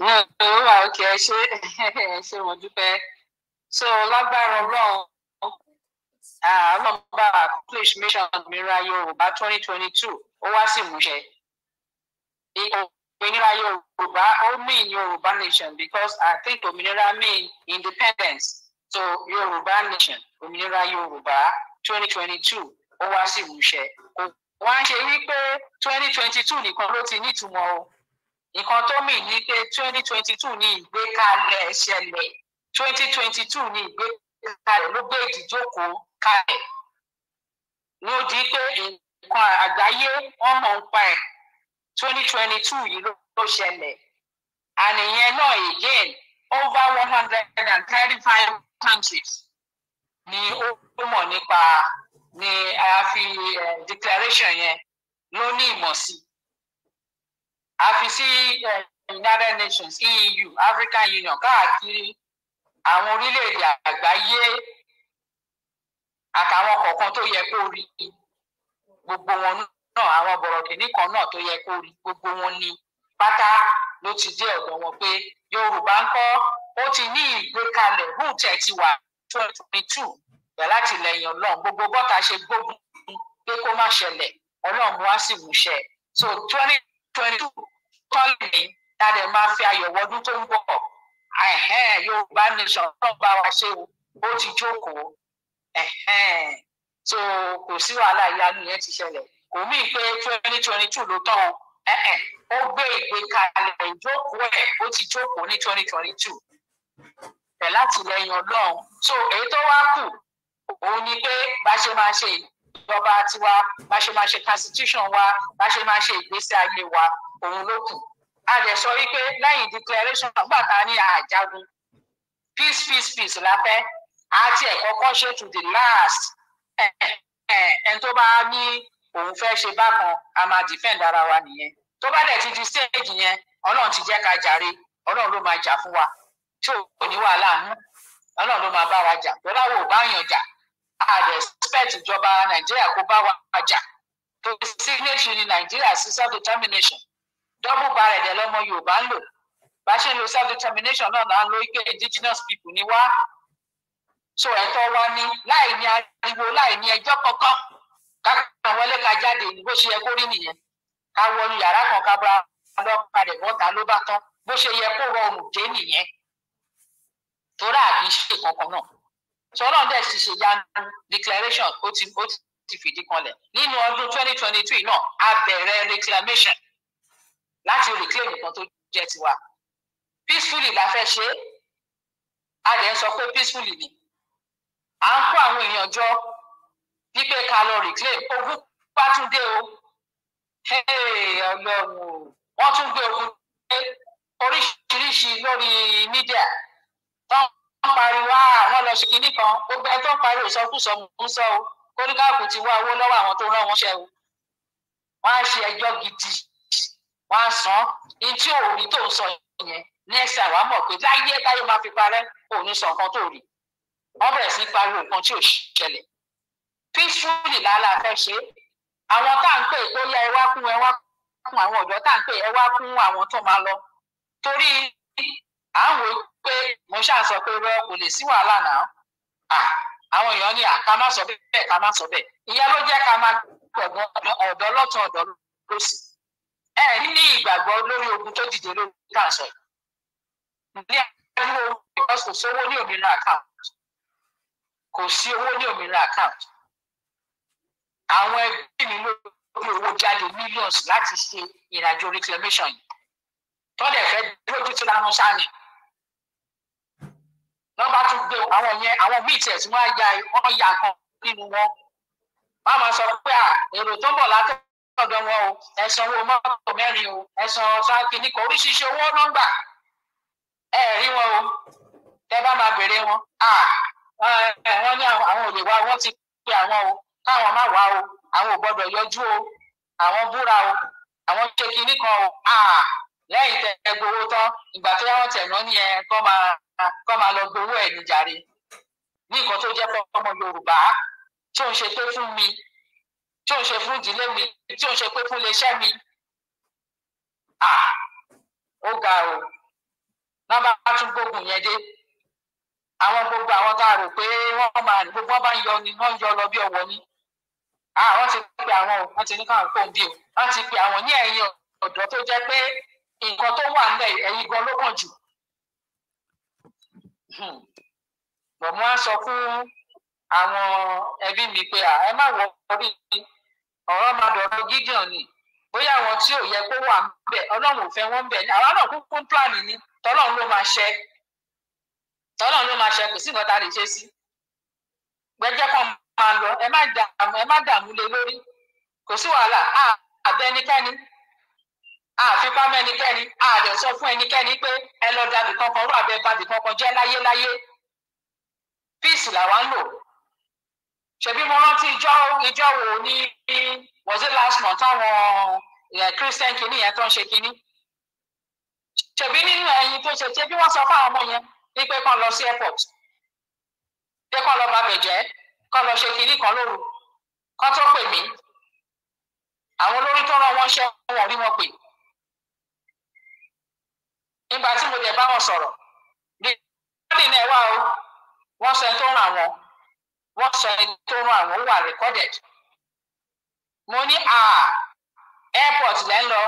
ọ̀rọ̀ ah, òkè ah, ẹ ṣe (laughs) ẹ ṣe mo dúpẹ́ so lágbára ọlọ́run ah, ọlọ́run bá accomplish mission mi ra yorùbá twenty twenty two ó wá sí ìmúṣẹ òmìnira yorùbá ó mean yorùbá nation because i think òmìnira mean independence so yorùbá nation òmìnira yorùbá twenty twenty two ó wá sí ìmúṣẹ kò wá ń ṣe wípé twenty twenty two nìkan ló ti nítumọ̀ o nǹkan tó mì ní pé twenty twenty two ní ìgbékalẹ̀ ṣẹlẹ̀ twenty twenty two ní ìgbékalẹ̀ ló gbé ìdíjókòó di pé nǹkan àgbáyé wọn mọ̀ ń pa ẹ̀ 2022 twenty two yìí ló ṣẹlẹ̀ and náà again over 135 countries ni ó mọ̀ nípa ni a fi eh, declaration yẹn ló ní ìmọ̀ sí a fi sí eh, United Nations EU African Union káàkiri àwọn orílẹ̀-èdè àgbáyé àtàwọn kọ̀ọ̀kan tó yẹ kó rí gbogbo wọn náà àwọn bọ̀rọ̀kìnní kan náà tó yẹ kó rí gbogbo wọn ní pátá ló ti dé ọ̀dọ̀ wọn pé yorùbá ń kọ́ ó ti ní ìgbékalẹ̀ root ẹ̀ ti wà twenty twenty two yà láti lẹ́yìn ọlọ́run gbogbo bọ́ta ṣe gbógun pé kó má ṣẹlẹ̀ ọlọ́run wá sì wúṣẹ́ so twenty twenty two tọ́lẹ̀ ní tàdé máa fi ayọ̀ wọdún tó ń bọ̀ yorùbá nation náà bá wa ṣe o ó ti jókòó so kò sí wàhálà ìyanu yẹn ti ṣẹlẹ̀ kò ní pé twenty twenty two ló tán ó gbé ìgbékalẹ̀ ìjókòó ẹ̀ ó ti jókòó ní twenty twenty two ẹ̀ láti lẹ́yìn ọlọ́run so èyí tó wá kù òun ni pé bá ṣe máa ṣe ìjọba tiwa bá ṣe máa ṣe constitution wa bá ṣe máa ṣe ìgbésí ayé wa òun ló kù a dẹ̀ sọ wípé lẹ́yìn declaration nígbà tá a ní peace peace peace la fẹ́ àti ẹ̀kọ́ kọ́ ṣe to the last ẹ̀ ẹ̀ ẹ̀ tó bá ní òun fẹ́ ṣe bákan a máa defend ara wa nìyẹn tó bá dẹ̀ ti di stage yẹn ọlọ́run ti jẹ́ ká jàre ọlọ́run ló máa jà fún wa tí ò ní wàhálà nù ọlọ́run ló máa bá wa jà bọ́lá wo bá yàn jà a dẹ̀ ìjọba nàìjíríà kó bá wa jà tó signature ní nàìjíríà sí self determination double barrel dẹ̀ yorùbá ń lò bá ṣe ń lo self determination náà là ń lo indigenous people ni wá so ẹ̀tọ́ wa ni láì ní ariwo láì ní ẹjọ́ kankan kákan wọlé ká jáde bó ṣe yẹ kó rí nìyẹn ká wọnú yàrá kan ká bá lọ́ọ̀ka rẹ̀ bọ́ta ló bá tán bó ṣe yẹ kó rọrùn dé nìyẹn torá àbí ṣe kankan náà sọlọ́n dẹ̀ ti ṣe yanu declaration ó ti ó ti fìdí kanlẹ̀ nínú ọdún twenty twenty three náà a bẹ̀rẹ̀ reclamation láti reclaim nǹkan tó jẹ́ tiwa peacefully la fẹ́ ṣe é a dẹ̀ sọ pé peacefully ni à ń kó àwọn èèyàn jọ wípé ká lọ reclaim ogún bá tún dé o ọlọ́run o wọ́n tún gbé ogún dé oríṣiríṣi lórí mídíà tán pariwo àwọn ah, lọ ṣe kinní kan gbogbo ẹ tó ń sọ o kóníkàkùn ti wá owó lọ́wọ́ àwọn tó rán wọn ṣẹ́ o wọ́n á ṣe ẹjọ́ gidi wọ́n á san ní tí ò rí tó ń sọ yẹn nẹ́ẹ̀sì àwa mọ̀ pé láyé táyé máa fi parẹ́ òun sọ nǹkan tó rí wọ́n bẹ̀rẹ̀ sí pariwo nǹkan tí ò ṣẹlẹ̀ peacefully lálá fẹ́ ṣe àwọn tá à ń pè tó yá ẹ kún ẹ kún àwọn ọ̀dọ́ tá à ń pè ẹ kún àwọn tó máa lọ torí à ń wò ó pé mo ṣáà sọ pé rẹ kò lè sí wàhálà náà àwọn èèyàn ní àká má sọ bẹ́ẹ̀ ká má sọ bẹ́ẹ̀ ìyẹn ló jẹ́ ká máa gbọ̀gbọ́n ọ̀dọ́ lọ́tún ọ̀dọ́ lọ́sì ẹ ní ìgbàgbọ́ lórí ogun tó dìde lórí káàsọ̀ ní àdúgbò kò sówó ní òmìnira àkáǹtì kò sí owó ní òmìnira àkáǹtì àwọn ẹbí mi ló gbé owó jáde millions láti ṣe ìrìnàjò reclamation yìí tọ́lẹ̀ fẹ́ dúró tó lánàá sáni lọ́ba tún gbé àwọn yẹn àwọn míì tẹ̀ tí wọ́n á ya wọ́n ya kan nínú wọn wọ́n á máa sọ pé à èrò tó ń bọ̀ látọ̀dọ̀ wọn o ẹ sanwó mọ́tò mẹ́rin o ẹ san ọ̀sán kìnnìkan oríṣiríṣi owó nọ́mbà ẹ rí wọn o tẹ bá máa béèrè wọn à wọ́n ní àwọn olè wa ti pè àwọn o káwọn má wá o àwọn ò gbọ́dọ̀ yọjú o àwọn búra o àwọn ṣe kinní kan o lẹ́yìn tẹ gbowó tán ìgbà tó wọ́n tẹ̀ náà nìyẹn kọ́ máa kọ́ máa lọ gbowó ẹ̀ níjàre ní nǹkan tó jẹ́ fọmọ Yorùbá tí òun ṣe pé fún mi tí òun ṣe fún ìdílé mi tí òun ṣe pé fún iléeṣẹ́ mi ó ga o nọ́mbà tún gbógun yẹn dé àwọn gbogbo àwọn tá a rò pé wọ́n máa gbogbo wọn bá ń yọ ni wọ́n ń yọ lọ bí ọwọ́ ni àwọn ah, ti pe àwọn o wọn ti ní káwọn kó bí o wọn ti pe àwọn ní ẹ̀yìn ọ̀dọ́ tó jẹ́ pé nǹkan tó wà nílẹ̀ ẹ̀yìn gan ló kàn jù hmm. bọ̀mú á sọ fún àwọn ẹbí mi pé ẹ má wọ orí ọ̀rọ̀ máa dọ̀rọ̀ gídíọ̀n ni bóyá àwọn tí ò yẹ kó wà níbẹ̀ ọlọ́run ò fẹ́ wọ́n ni àwa náà kúkú plan ni tọ́lọ́run ló máa ṣe tọ́lọ́run ló máa ṣe kò sí nǹkan tá a lè ṣe sí gbẹ́jẹ́ kan máa lọ ẹ má dààmú ẹ má dààmú lé lórí kò sí wàhálà a àbẹ ẹnikẹ́ni a àfipá mẹ́nikẹ́ni a àdẹ̀ sọ fún ẹnikẹ́ni pé ẹ lọ dàbí kankan rú àbẹ bàbí kankan jẹ́ láyé láyé píìsì làwa ń lò ṣebí mo rántí ìjọ ìjọ wo ní was it last month táwọn christian kìíní yẹn tó ń ṣe kìíní ṣebí nínú ẹyin tó ṣe ṣebí wọ́n sọ fún àwọn ọmọ yẹn wípé kán lọ sí airport pé kán lọ bàbẹ̀ jẹ́ kọ́ lọ ṣe kinní kan lóru kọ́ tó pè mí àwọn olórí tó rán wọn ṣẹ́ wọn rí wọn pè nígbà tí mo dẹ̀ bá wọn sọ̀rọ̀ bí wọ́n ní ẹ̀wá o wọ́n sọ ẹni tó ràn wọ́n wọ́n sọ ẹni tó ràn wọ́n wà recorded mo ní à airport lẹ́ ń lọ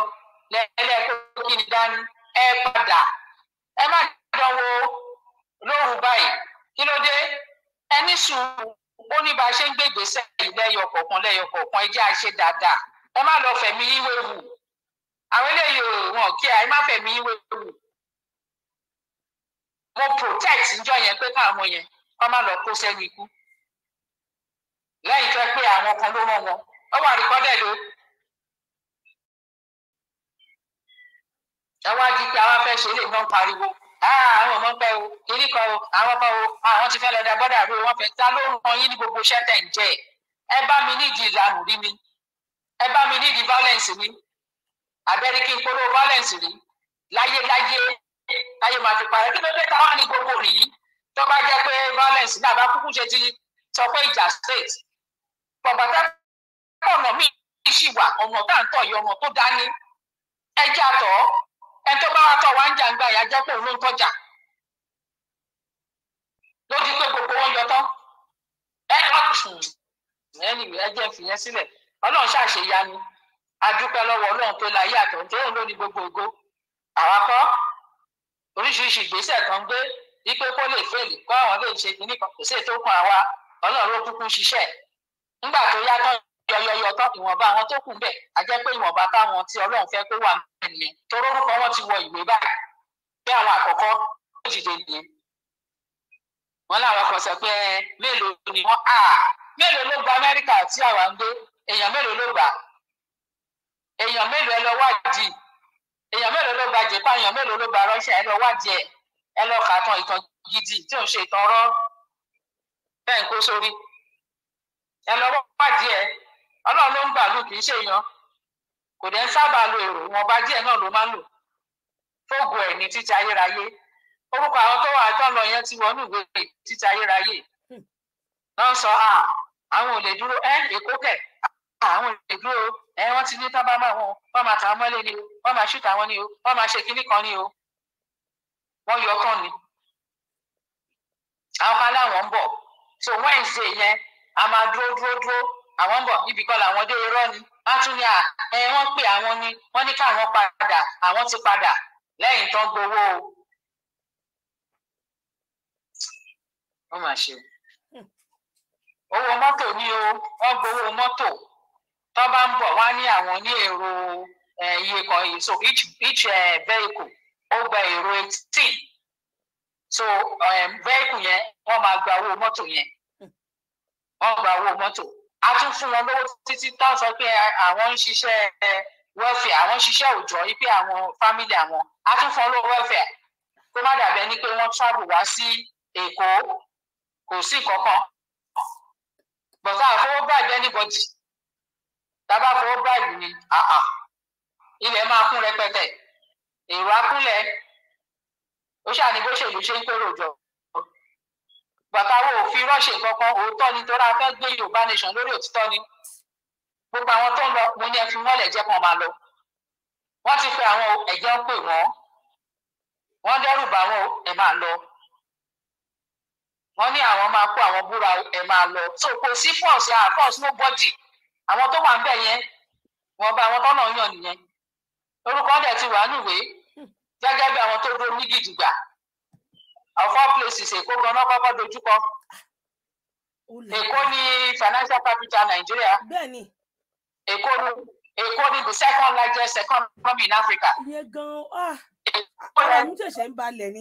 lẹ́lẹ́kọ́ kí ni dání ẹ padà ẹ má dánwò lóru báyìí kí ló dé ẹ ní sùúrù ó ní bá a ṣe ń gbé ìgbésẹ yìí lẹyọ kọ̀ọ̀kan lẹyọ kọ̀ọ̀kan ẹ jẹ́ àṣẹ dáadáa ẹ má lọ fẹ̀mí yín wéwu àwọn eléyìí ò wọn kí ẹ má fẹ̀mí yín wéwu mo protect níjọ́ yẹn pé káwọn yẹn kọ́ má lọ kó sẹ́nu ikú lẹ́yìn tó pé àwọn kan ló rán wọn ó wà rìkọ́dẹ̀dó ẹ wá di pé àwa fẹ́ ṣe lè náà pariwo Ah, àwọn ọmọ pẹ o kiri kan o àwọn ọmọ o àwọn ah, ti fẹ́ lọ da bọdà ro wọn fẹ́ ta ló ń ràn yín ní gbogbo iṣẹ́ tẹ́ ń jẹ ẹ bá mi nídìí ìlànà rí mi ẹ bá mi nídìí violence rí abẹ́rẹ́ kí n polówó violence rí láyé láyé láyé máa fi parẹ́ kí ló dé táwọn ní gbogbo nìyí tó bá jẹ́ pé violence náà bá kúkú ṣe ti sọ pé ìjà state pọ̀gbọ́tà ọ̀nà mi ṣì wà ọ̀nà tá à ń tọ̀ yìí ọ̀nà tó dání ẹ jà tọ̀ ẹ tó bá wa tọ̀ wá ń pé òun ló ń tọ́jà lójú pé gbogbo wọn yọ ẹ ẹ ọlọ́run lọ́wọ́ ọlọ́run tó láyé tó ń gbogbo ògo àwa oríṣiríṣi ìgbésẹ̀ kan gbé wípé kó lè fèlè àwọn lè ṣe kan kò sí àwa ló tó yá tán yọyọyọ tán ìwọ̀nba àwọn tó kù ń bẹ̀ á jẹ́ pé ìwọ̀nba táwọn tí ọlọ́run fẹ́ kó wà níbẹ̀ nìyẹn torí orúkọ wọn ti wọ ìwé báyìí bí àwọn àkọ́kọ́ ó dìde nìyẹn wọn làwọn kan sọ pé mélòó ni wọn à mélòó ló gba Amẹ́ríkà tí àwa ń gbé èèyàn mélòó ló gbà èèyàn mélòó ẹ lọ wádìí èèyàn mélòó ló gba Japan èèyàn mélòó ló gba Russia ẹ lọ wádìí ẹ ẹ lọ kà tán ìtàn gidi tí ò ń ṣe ìtàn rọ bẹ́ẹ̀ ń kó sórí ẹ lọ wádìí ẹ ọlọ́run ló ń gbà lù kì í ṣe yan kò dẹ́ ń sábà lo èrò wọn bá díẹ̀ náà ló máa ń lò fóògùn ẹ̀ ní títa ayérayé orúkọ àwọn tó wà tán lọ yẹn ti wọnú ìwé títa ayérayé náà sọ àwọn ò lè dúró ẹ èkó kẹ àwọn ò lè dúró ẹ wọn ti ní tábà máa wọn wọn máa tà á ni o wọn máa ṣùtà wọn ni o wọn máa ṣe kinní kan ni o wọn yọ kàn ni àwọn kan láwọn ń bọ̀ so Wednesday yẹn a máa dúró dúró dúró àwọn ń bọ̀ ibì kan làwọn dé irọ́ ni wọ́n tún ní à ẹ wọ́n pè àwọn ni wọ́n ní káwọn padà àwọn ti padà lẹ́yìn tán gbowó o. ó mà ṣe owó mọ́tò ni o wọ́n gbowó mọ́tò tó bá ń bọ̀ wá ní àwọn ní èrò iye kan yìí so each each uh, vehicle ó gba èrò eighteen so um, vehicle yẹn wọ́n máa gba owó mọ́tò yẹn wọ́n gba owó mọ́tò a tún fún wọn lówó títí tó sọ pé àwọn ń ṣiṣẹ́ welfare àwọn ń ṣiṣẹ́ òòjọ́ yìí pé àwọn family àwọn a tún fún wọn lówó welfare kó má dàbẹ́ ni pé wọ́n travel wá sí Èkó kò sí kankan bọ̀dá àfọwọ́ bribe anybody tábà fọwọ́ bribe ni ilẹ̀ máa kún rẹpẹtẹ èrò akúnlẹ̀ ó ṣàní bó ṣèlú ṣe ń pèrò jọ bàbá wo ò fi rọ́ọ̀ṣì kankan òótọ́ ni torí a fẹ́ gbé yorùbá nation lórí òtítọ́ ni gbogbo àwọn tó ń lọ mo ní ẹ fi wọ́n lẹ̀ jẹ́ kan máa lọ wọ́n ti fẹ́ àwọn ẹ̀jẹ̀ ń pè wọ́n wọ́n dẹ́rù bá wọn ẹ máa lọ wọ́n ní àwọn máa kó àwọn búra ẹ máa lọ so kò sí force ah force no body àwọn tó wà ń bẹ̀ yẹn wọ́n bá àwọn tọ́nà yàn nìyẹn orúkọ dẹ̀ ti wà níwèé gẹ́gẹ́ bí àwọn tó dúró ní of all places èkó ganan kọ́kọ́ dojúkọ èkó ni financial capital Nigeria èkó ni èkó ni the second largest economy in Africa. ìyẹn gan-an ah, ọ̀rọ̀ ọ̀hún ṣẹ̀ṣẹ̀ ń balẹ̀ ni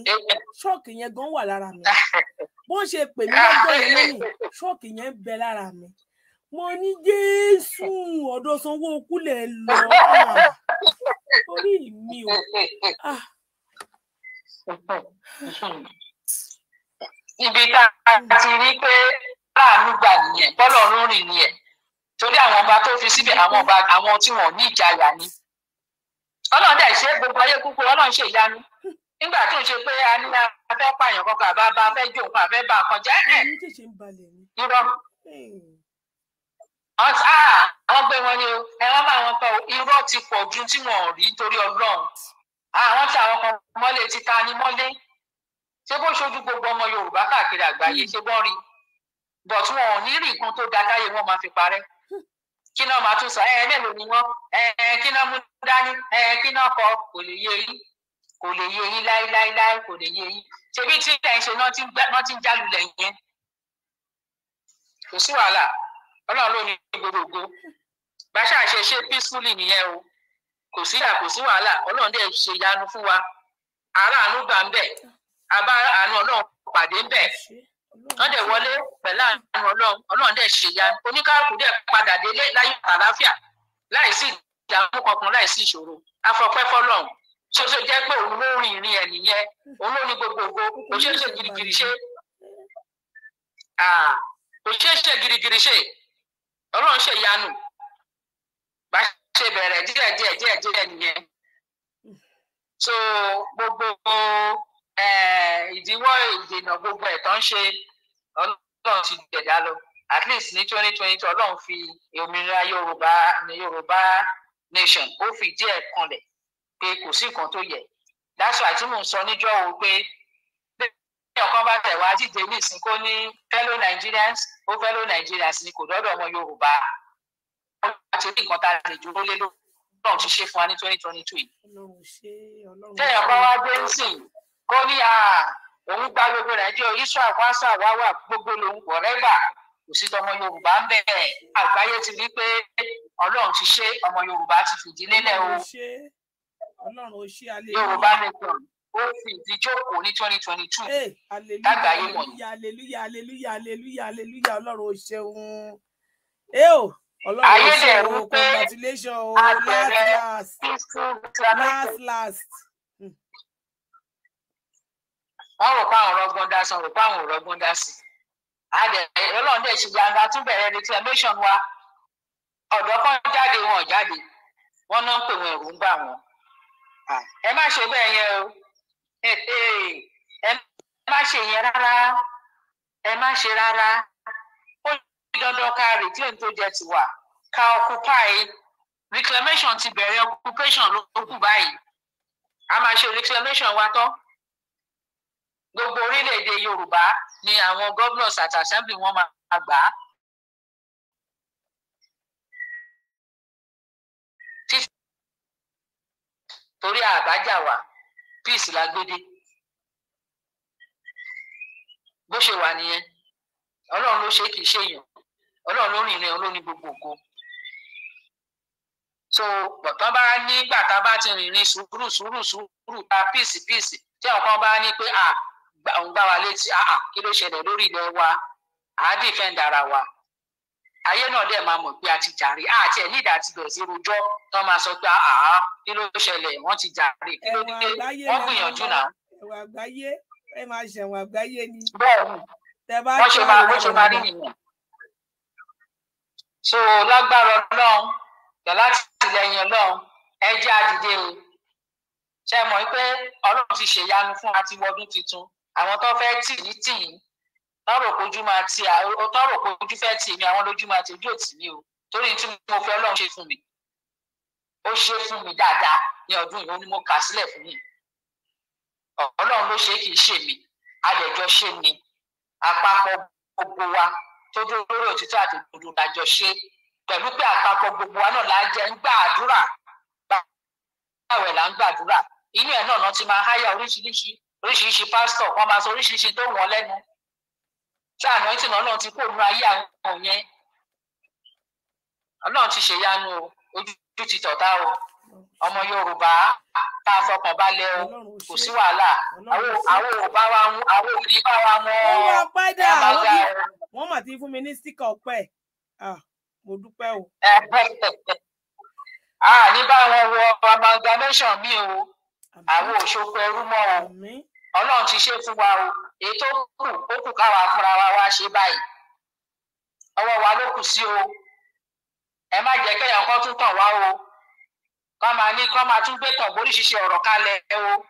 ṣọ́ọ̀kì yẹn gan wà lára mi (laughs) bó ṣe pè mí lọ́jọ́ yẹn ah, lẹ́yìn ṣọ́ọ̀kì yẹn ń bẹ lára mi mo ní jésù ọ̀dọ̀ sanwó-okú lọ ah. orí mi ò. (laughs) ibi tá a ti rí pé láàánú gbà nìyẹn bọ́lọ́run rìn nìyẹn torí àwọn ọba tó fi síbẹ̀ àwọn ọba àwọn tí wọn ní ìjayà ni ọlọ́run dẹ̀ ṣe gbogbo ayé kúkú ọlọ́run ṣe ìyanu nígbà tó ń ṣe pé a ní a fẹ́ pààyàn kankan àbá bá a jó nǹkan àfẹ́ bá a kan jẹ́ ẹ̀ irọ́ àwọn gbé wọn ni o ẹ wọ́n máa wọn tọ́ irọ́ ti pọ̀ ju tí wọ́n rí torí ọlọ́run àwọn tí àwọn kan mọ́lé ti ta ni mọ́lé ṣé bó ṣojú gbogbo ọmọ yorùbá káàkiri àgbáyé hmm. ṣé bọ́n rí but wọn ò ní rí nǹkan tó dáa táyé wọn máa fi parẹ́ hmm. kí náà máa tún sọ ẹ mélòó ni wọn ẹ kí náà mú dání ẹ kí náà kọ kò lè yé yín kò lè yé yín láíláíláí kò lè yé yín ṣebí tí ẹ ń ṣe náà ti ń jálulẹ̀ yẹn kò sí wàhálà ọlọ́run ló ní gbogbogbò bá ṣáà ṣe ṣe peacefully nìyẹn o kò sí ìyà kò sí wàhálà ọlọ́run dẹ̀ ṣe yanu fún wa aráàánú gbà ń bẹ̀ àbá àánú ọlọ́run pàdé ń bẹ̀ wọ́n dẹ̀ wọlé pẹ̀lú àánú ọlọ́run ọlọ́run dẹ̀ ṣe ya oníkálukú dẹ̀ padà délé láyé àlàáfíà láìsí ìdààmú kankan láìsí ìṣòro afọpẹ́ fọlọ́run ṣoṣo jẹ́ pé òun ló rìn ìrìn ẹ̀ nìyẹn òun ló ní gbogbogbò kò ṣeé ṣe girigiri ṣe kò ṣeé ṣe girigiri ṣe ọlọ́run ṣe ìyanu bá ṣe bẹ̀rẹ̀ díẹ̀ díẹ̀ díẹ̀ díẹ̀ nìyẹn so gbogbo ìdíwọ́ ìdènà gbogbo ẹ̀ tó ń ṣe ọlọ́run ti dẹ̀dá lọ at least ní twenty twenty two ọlọ́run fi òmìnira yorùbá ní yorùbá nation ó fi díẹ̀ kanlẹ̀ pé kò sí nǹkan tó yẹ dáṣọ àti mò ń sọ níjọ́ wo pé bẹ́ẹ̀ ọkàn bá tẹ̀ wá díje nísìn kó ní fellow Nigerians ó fellow Nigerians ni kò dọ́dọ̀ ọmọ yorùbá ọlọ́run àti orí nǹkan tá a lè dúró lé lórí ọlọ́run ti ṣe fún wa ní twenty twenty two yìí. bẹ́ẹ̀ ọkàn wá dé nísìnyí kó ní à òun gba gbogbo nàìjíríà iṣu àkọsà wáwà gbogbo lòun pọ̀ rẹ́gbà kò sí tọmọ yorùbá ń bẹ̀rẹ̀ àgbáyé ti rí pé ọlọ́run ti ṣe ọmọ yorùbá ti fìdí lélẹ̀ o yorùbá nation ó fi ìdí jókòó ní twenty twenty two lágbàáyé mọ̀ ní. aleluya aleluya aleluya aleluya ọlọ́run ó ṣeun ẹ o ọlọ́run ó ṣeun congratulations o last last last last wọn rò páwọn rọgbọn dá sí wọn rò páwọn rọgbọn dá sí àdẹ Ọlọ́run dẹ ṣe yanga tún bẹ̀rẹ̀ reclamation wa ọ̀dọ́ kan jáde wọn ò jáde wọn náà ń pè wọn ẹ̀rù ń bà wọn ẹ má ṣe bẹ́ẹ̀ yẹn o ẹ má ṣe yẹn rárá ẹ má ṣe rárá ó ní dandan ká reclaim tó jẹ tiwa ká occupy reclamation ti bẹ̀rẹ̀ occupation ló kù báyìí a máa ṣe reclamation wa tán gbogbo orílẹ̀-èdè yorùbá ni àwọn governors àti assembly wọn máa gbà á. torí àbájá wa peace la gbédé bó ṣe wà nìyẹn ọlọ́run ló ṣe kì í ṣèyàn ọlọ́run ló rìn rìn olóní gbogbo so bọ̀tán bá nígbà tá a bá ti rìn rìn sùúrù sùúrù sùúrù ta peace peace tí àwọn kan bá ní pé ah ń gbá wa létí àà kí ló ṣẹlẹ̀ lórí ilẹ̀ wa à á defend ara wa ayé náà dẹ̀ máa mọ̀ pé a ti jàre àti ẹ̀ nídàá ti bẹ̀rẹ̀ sí rojọ́ tó máa sọ pé àà kí ló ṣẹlẹ̀ wọ́n ti jàre kí ló dé wọ́n gbìyànjú náà. ẹ̀wọ̀n àgbáyé ẹ máa ṣẹ̀wọ̀n àgbáyé ni. bẹ́ẹ̀ni wọ́n ṣe máa wọ́n ṣe máa rí nìyẹn. so lágbára ọlọ́run tẹ̀lá tìlẹ́yìn ọlọ́run ẹ jẹ́ àdìde o ṣe mọ̀ pé ọlọ́run ti ṣèyanu fún àti wọdún tuntun àwọn tó fẹ́ tì ní tì yín tọrọ kojú máa ti tọrọ kojú fẹ́ tì mí àwọn lójú máa ti ojú òtì mí o torí tí mo fẹ́ Ọlọ́run ṣe fún mi ó ṣe fún mi dáadáa ní ọdún yìí ó ní mo kà sílẹ̀ fún mi Ọlọ́run ló ṣe kì í ṣe mi àdẹjọ ṣe mi àpapọ̀ gbogbo wa tó dúró lórí òtítọ́ àti òdodo làjọ ṣe pẹ̀lú pé àpapọ̀ gbogbo wa náà lájẹ ń gbà àdúrà báwẹ̀ là ń gbàdúrà inú ẹ̀ náà ti máa háyà oríṣiríṣi oríṣiríṣi pásítọ̀ wọ́n máa sọ oríṣiríṣi tó wọ́n lẹ́nu sáànà ìtìnà Ọlọ́run ti kó nínú ayé àwọn yẹn Ọlọ́run ti ṣèyanu ojú ti tọ̀tá o ọmọ Yorùbá tá fọkàn balẹ̀ o kò sí wàhálà àwọn ò bá wa wọn àwọn ò bá wa wọn. wọ́n máa pẹ́ dà wọ́n mà ti fún mi ní síkà ọpẹ́ mo dúpẹ́ o. a ní wọ amalgamation mi o àwọn òṣogbo ẹrú mọ́ o. ọlọ́run ti ṣe fún wa o èyí tó kù ó kù káwa fúnra wa wá ṣe báyìí ọwọ́ wa ló kù sí o ẹ má jẹ́ kéèyàn kọ́ tún o kọ́ máa ní kọ́ máa tún gbé tàn ọ̀rọ̀ o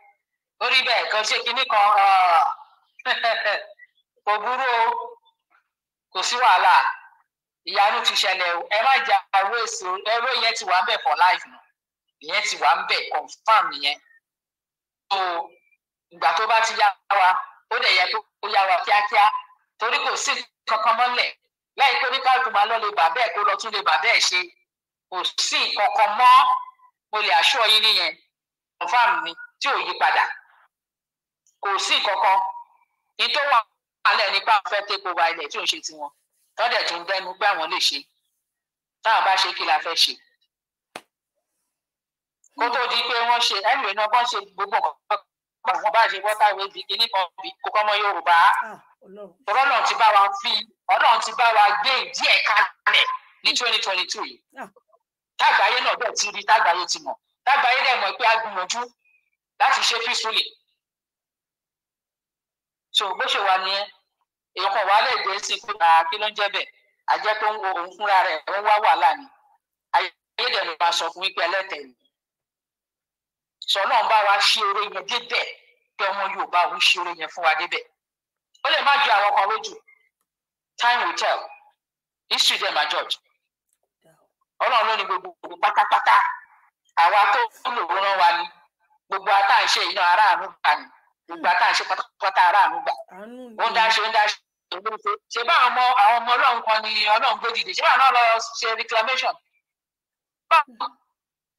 lórí bẹ́ẹ̀ kan ṣe kinní kan (laughs) kò burú o kò sí wàhálà ti ṣẹlẹ̀ o ẹ má jẹ́ èso ti wà ń bẹ̀ ìyẹn ìgbà tó bá ti yá wa ó dẹ̀ yẹ kó yá wa kíákíá torí kò sí kankan mọ́lẹ̀ lẹ́yìn pé oníkálukú máa lọ lè bà bẹ́ẹ̀ kó lọ tún lè bà bẹ́ẹ̀ ṣe kò sí kankan mọ́ mo lè aṣọ yín nìyẹn confam mi tí ò yí padà kò sí kankan ní tó wà alẹ́ nípa fẹ́ take over ilẹ̀ tí ò ń ṣe tiwọn tọ́dẹ̀ tún dẹnu pé àwọn lè ṣe táwọn bá ṣe kí la fẹ́ ṣe kó tó di pé wọ́n ṣe ẹ̀rù iná bọ́n ṣe gbogbo nǹkan àwọn bá ṣe wọ́tàwé bíi kíní kan bíi kókó ọmọ yorùbá ah, tọ́lọ́ náà ti bá wa fi ọ̀dọ́ ti bá wa gbé díẹ̀ kalẹ̀ ní twenty twenty two yìí ah. tágbáyé náà bẹ́ẹ̀ ti rí tágbáyé ti mọ̀ tágbáyé dẹ̀ mọ̀ pé a gbìyànjú láti ṣe peacefully so bó ṣe wà nìyẹn èèyàn kan wà lè dé sí pé kí ló ń jẹ́ bẹ́ẹ̀ àjẹ́ tó ń wo òun fúnra rẹ̀ ó wá wàhálà ni ayédèrú máa sọ fún wípé ẹlẹ́tẹ̀ẹ́ ni sọ̀nà ń bá wa ṣe eré yẹn débẹ̀ kí ọmọ Yorùbá òun ṣe eré yẹn fún wa débẹ̀ ó lè má ju àwọn kan lójú time will tell history dem ma judge ọlọ́run ló ní gbogbo pátápátá àwa tó lò ó rán wa ni gbogbo ata ń ṣe iná aráàánú gbà ni gbogbo ata ń ṣe pátápátá aráàánú gbà ó ń dáṣe ó ń dáṣe olóòfé ṣe bá àwọn ọmọ ọlọ́run kan ni ọlọ́run gbódìdè ṣe bá àwọn ọlọ́run ṣe reclamation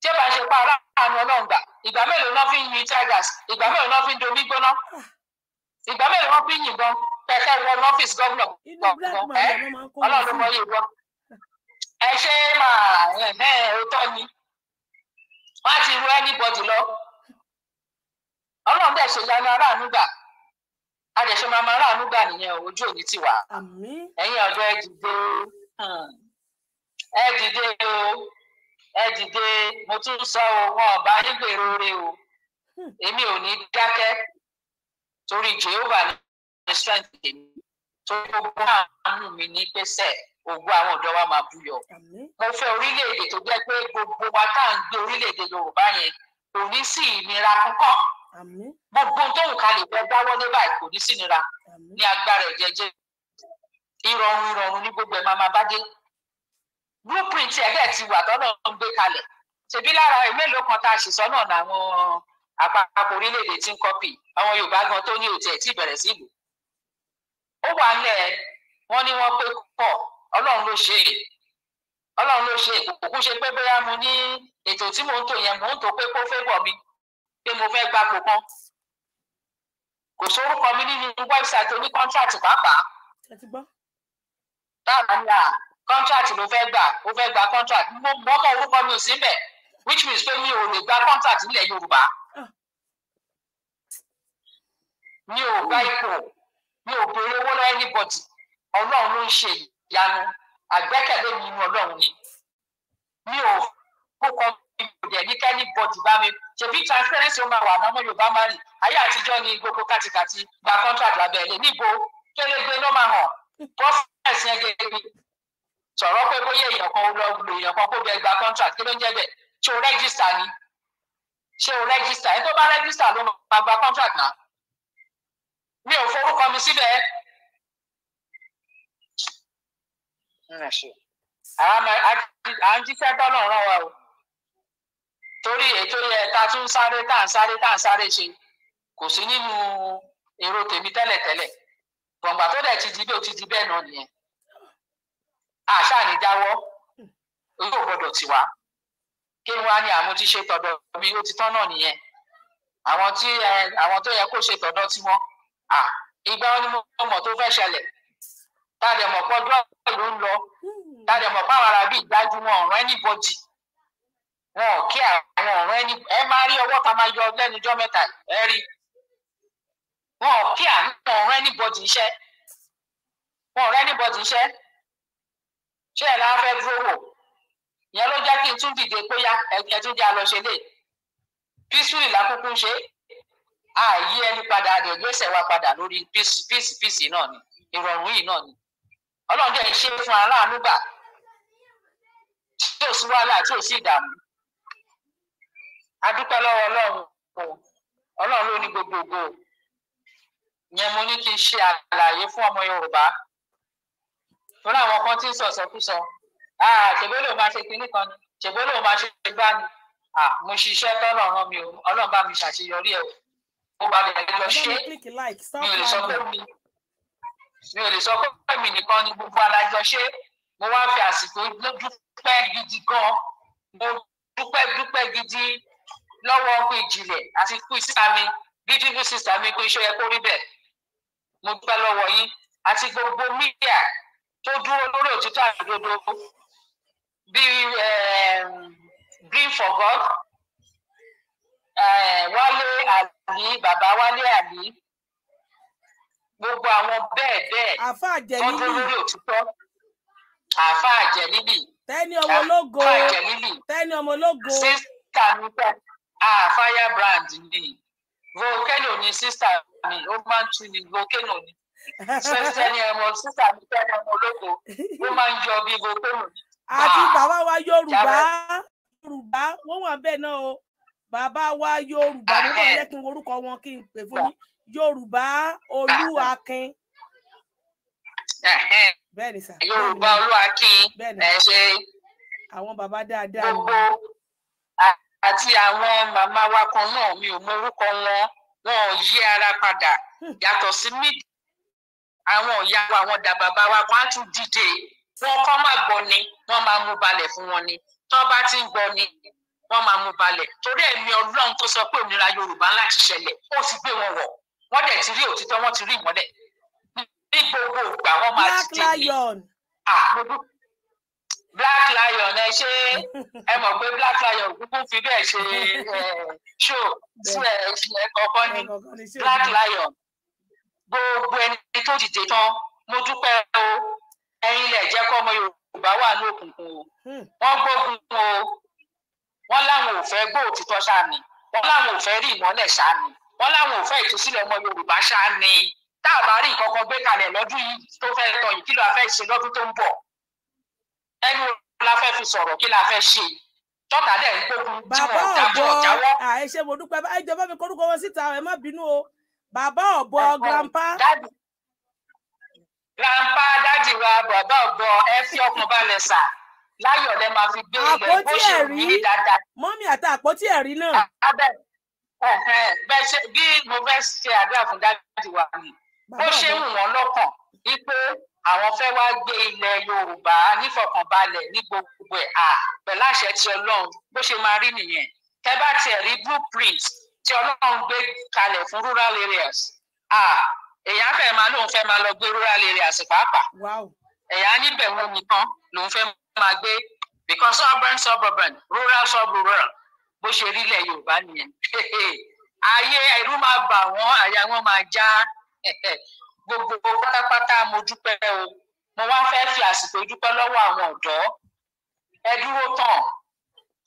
tí ẹ bá ṣe pa aláàánú ọlọ́run gbà ìgbà mélòó náà fi ń yin tigers ìgbà mélòó náà fi ń domi gbóná ìgbà mélòó náà fi ń yìnbọn kẹkẹ wọ lọ́fíìsì gómìnà gbọgbọ ẹ ọlọ́run mọ yìí gbọ́ ẹ ṣe máa ẹ òótọ́ ni wọ́n á ti ru anybody lọ ọlọ́run dẹ̀ ṣe yanu aráàánú gbà adẹ̀ṣe máa máa ráàánú gbà nìyẹn ojú òní ti wà ẹ̀yin ọ̀dọ́ ẹ dìde ẹ dìde o ẹ dìde mo tún sọ o wọn ọba nígbèrò rẹ o èmi ò ní dákẹ́ torí Jehovah ní strength èmi torí gbogbo àánú mi ní pèsè ògùn àwọn ọ̀dọ́ wa máa búyọ. mo fẹ́ orílẹ̀-èdè tó jẹ́ pé gbogbo wa tá à ń gbé orílẹ̀-èdè Yorùbá yẹn kò ní sí ìnira kankan gbogbo tó ń kalẹ̀ fẹ́ dáwọ́ ní báyìí kò ní sí ìnira ní agbára ẹ̀jẹ̀ jẹ́ ìrọ̀rùn ní gbogbo ẹ̀ máa máa bá dé blueprint ẹ̀ dẹ̀ ti wà tọ́nà ń gbé kalẹ̀ ṣebí lára mélòó kan tá a ṣìṣọ́ náà làwọn àpapọ̀ orílẹ̀-èdè tí ń kọ́pì àwọn Yorùbá gan tó ní òtí ẹ̀ tí bẹ̀rẹ̀ sí ìlú ó wà nílẹ̀ wọ́n ní wọ́n pé pọ̀ Ọlọ́run ló ṣe Ọlọ́run ló ṣe kò ṣe pé bóyá mo ní ètò tí mò ń tò yẹn mò ń tò pé kó fẹ́ bọ̀ mi pé mo fẹ́ gbapò kan kò sórúkọ mi nínú wẹ́bsáìtì oní kọ́ńtàtì pàápàá. ní à contract ló fẹ́ gbà ó fẹ́ gba contract mo mọ́mọ́ orúkọ mi ò síbẹ̀ which means pé mi ò lè gba contract nílẹ̀ Yorùbá ah. mi ò gba ipò mi ò béèrè owó lọ́wọ́ anybody Ọlọ́run ló ń ṣe ìyanu àgbẹ́kẹ̀lé mi inú Ọlọ́run ni mi ò kókọ mi ò dẹ̀ ní kẹ́ni bọ́dì bá mi ṣèbí transparency ó máa wà náà ọmọ Yorùbá máa rì ayé àtijọ́ ni gbogbo kàtìkàtì gba contract lábẹ́ ẹ̀ lé níbo kélégbé ló máa hàn bọ́fẹ̀sì yẹn gẹ́gẹ́ bí sọ̀rọ̀ pé bóyá èèyàn kan lọ lo èèyàn kan kó bẹ gba contract kí ló ń jẹ́ bẹ̀ ṣé o rẹ́gísítà ni ṣé o rẹ́gísítà ẹni tó bá rẹ́gísítà ló máa gba contract náà mi ò forúkọ mi síbẹ̀ à ń jíṣẹ́ tọ́lọ̀ ràn wá o torí ètò yẹ ta tún sáré tá à ń sáré tá à ń sáré ṣe kò sí nínú èrò tèmi tẹ́lẹ̀tẹ́lẹ̀ gbọ̀ngbà tó dẹ̀ ti di bí ó ti di bẹ́ẹ̀ náà nìyẹn àṣà ní jáwọ́ yóò gbọ́dọ̀ tiwa kí wọ́n á ní àwọn ṣe tọ̀dọ̀ bí ó ti tán nìyẹn àwọn tí àwọn tó yẹ kó ṣe tọ̀dọ̀ tiwọn ìgbà wọn ni mo mọ̀ tó fẹ́ ṣẹlẹ̀ tá a dẹ̀ mọ̀ ìlú ń lọ tá a dẹ̀ mọ̀ ìdájú wọn ọ̀rọ̀ ẹni bọ́jì wọn ò kí àwọn ọ̀rọ̀ ẹni ẹ máa rí ọwọ́ kan máa yọ lẹ́nujọ́ mẹ́ta ẹ rí wọn ò kí àwọn ọ̀rọ̀ ẹni bọ́jì iṣẹ́ wọn ọ̀rọ̀ ẹni bọ́jì iṣẹ́ ṣé ẹ̀ láwọn fẹ́ dúró wò ìyẹn ló jẹ́ kí n tún dìde pé yá ẹ tún jẹ́ àlọ́ ṣe lè peacefully lákòókò ṣe ààyè ẹni padà àdẹ̀gbẹ́sẹ̀ wa padà lórí peace peace náà ni ìrọ̀rùn yìí náà ni ọlọ́run jẹ́ ṣe fún aráàlú gbà tí ò sí wàhálà tí ò sí ìdààmú adúpẹ́ lọ́wọ́ ọlọ́run ọlọ́run ló ní gbogbogbò yẹn mo ní kí n ṣe àlàyé fún ọmọ yorùbá fún àwọn kan tí ń sọ sọkúsọ ṣèbó ló máa ṣe kinní kan ni ṣèbó ló máa ṣe bá ni mo ṣiṣẹ́ tọ́lọ̀ ràn mí o ọlọ́run bá mi ṣàṣeyọrí ẹ̀ o bá lè lọ ṣe mi ò lè sọ pé mi mi ò lè sọ pé mi nìkan ni gbogbo alájọ ṣe mo wá fi àsìkò dúpẹ́ gidi gan mo dúpẹ́ dúpẹ́ gidi lọ́wọ́ kú ìjìnlẹ̀ àti kú sísá mi beautiful sister mi kú iṣẹ́ yẹ kó rí bẹ́ẹ̀ mo dúpẹ́ lọ́wọ́ yín àti gbogbo mídíà tó dúró lórí òtítọ́ àdodo bíi ehm, green for god eh, wálé àlì bàbá wálé àlì gbogbo àwọn bẹ́ẹ̀ bẹ́ẹ̀ tó dúró lórí òtítọ́ àfa àjẹlílì tẹni ọmọ ológo tẹni ọmọ ológo sísítà mi Ah, àfáyà brand ni volcano ni sísítà mi ó máa ń tún ni volcano ni sẹ́ni ẹ̀mọ́ sísà mi sẹ́ni ẹ̀mọ́ ológo ó máa ń jọ bí gbogbo àti ah. bàbá wa Yorùbá Yorùbá wọ́n wà bẹ́ẹ̀ náà o bàbá wa Yorùbá mo máa yẹ kí n orúkọ wọn kí n pè fún yín Yorùbá Olúakin bẹ́ẹ̀ ni sà Yorùbá Olúakin ẹ̀ ṣe àwọn bàbá dáadáa gbogbo àti àwọn màmá wa kan náà mi ò mọ orúkọ wọn wọn ò yí ara padà hmm. yàtọ̀ sí mídìí àwọn ìyá wa àwọn dàbàbà wa kan á tún dìde wọn kọ́ máa gbọ́ ni wọ́n máa mú balẹ̀ fún wọn ni tó bá ti ń gbọ́ ni wọ́n máa mú balẹ̀ torí ẹ̀mí ọlọ́run tó sọ pé òmìnira yorùbá ńlá ti ṣẹlẹ̀ ó ti gbé wọn wọ̀ wọ́n dẹ̀ ti rí òtítọ́ wọ́n ti rí ìmọ́lẹ̀ ní gbogbo ìgbà wọ́n máa ti dé ní black lion ẹ ṣe ẹ mọ̀ pé black lion kúkú fi bẹ́ẹ̀ ṣe ṣó ẹ kọ̀ọ̀kan ni black lion gbogbo ẹni tó dìde tán mo dúpẹ́ o ẹ̀yin lẹ̀ jẹ́ kọ́ ọmọ Yorùbá wà ní òkùnkùn o hmm. wọ́n gbógun o wọ́n láwọn ò fẹ́ gbọ́ òtítọ́ ṣáàmì wọ́n láwọn ò fẹ́ rí ìmọ́lẹ̀ ṣáàmì wọ́n láwọn ò fẹ́ ìtúsílẹ̀ ọmọ Yorùbá ṣáàmì tá a bá rí nǹkan kan gbé kalẹ̀ lọ́dún yìí tó fẹ́ tọyìn kí la fẹ́ ṣe lọ́dún tó ń bọ̀ ẹnu la fẹ́ fi sọ̀rọ̀ kí la fẹ́ ṣe tọ́ta dẹ̀ ń gbógun tí wọ́n dájọ́ jáwọ́. bàbá ọ̀dọ́ àìṣe mo dúpẹ́ ẹjọ́ bá mi korúkọ wọn síta ẹ má bínú o bàbá ọ̀bọ grandpa. grandpa dádì wa bàbá ọ̀bọ ẹ fi ọkàn balẹ̀ sà láyọ̀ lẹ máa fi gbé ilẹ̀ bó ṣe rí ní dáadáa. mọ́mí àti àpótí ẹ̀rí náà. bẹ́ẹ̀ ṣe bí mo fẹ́ ṣe àdúrà fún dádì wa ni bó ṣe wù wọ́n lọ́kàn wípé àwọn fẹ́ wá gbé ilẹ̀ yorùbá nífọ̀kànbalẹ̀ ní gbogbo ẹ̀ pẹ̀lú àṣẹ ti ọlọ́run bó ṣe máa rí nìyẹn tẹ́ bá tiẹ̀ rí blueprint tí ọlọ́run gbé kalẹ̀ fún rural areas èèyàn fẹ́ máa lóun fẹ́ máa lọ gbé rural areas pàápàá èèyàn níbẹ̀ wọn nìkan lòun fẹ́ máa gbé because urban suburban rural suburban bó ṣe rí ilẹ̀ yorùbá nìyẹn (laughs) ayé ẹ̀rú máa bà wọ́n àyà wọn máa já (laughs) gbogbo pátápátá mo dúpẹ́ o mo wá fẹ́ fi àsìkò dúpẹ́ lọ́wọ́ àwọn ọ̀dọ́ ẹ dúró tán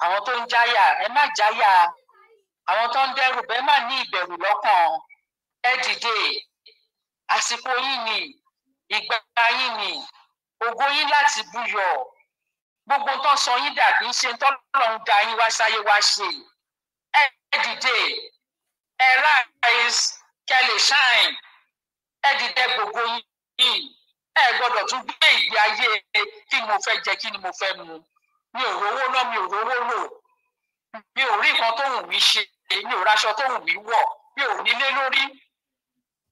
àwọn tó ń jáyà ẹ má jáyà àwọn tó ń dẹrù bẹ́ẹ̀ má ní ìbẹ̀rù lọ́kàn ẹ dìde àsìkò yín ni ìgbà yín ni ògo yín láti búyọ gbogbo tó ń sọ yín dàbí ṣe ń tọ́lọ̀ ń da yín wá sáyé wá ṣe ẹ dìde ẹ rise kẹ́ shine ẹ dìde gbogbo yín ẹ gbọ́dọ̀ tún gbé ìgbé ayé kí ni mo fẹ́ jẹ kí ni mo fẹ́ mu mi ò rówó ná mi ò rówó lò mi ò rí nǹkan tó wù mí ṣe èmi ò raṣọ tó wù mí wọ̀ mi ò nílé lórí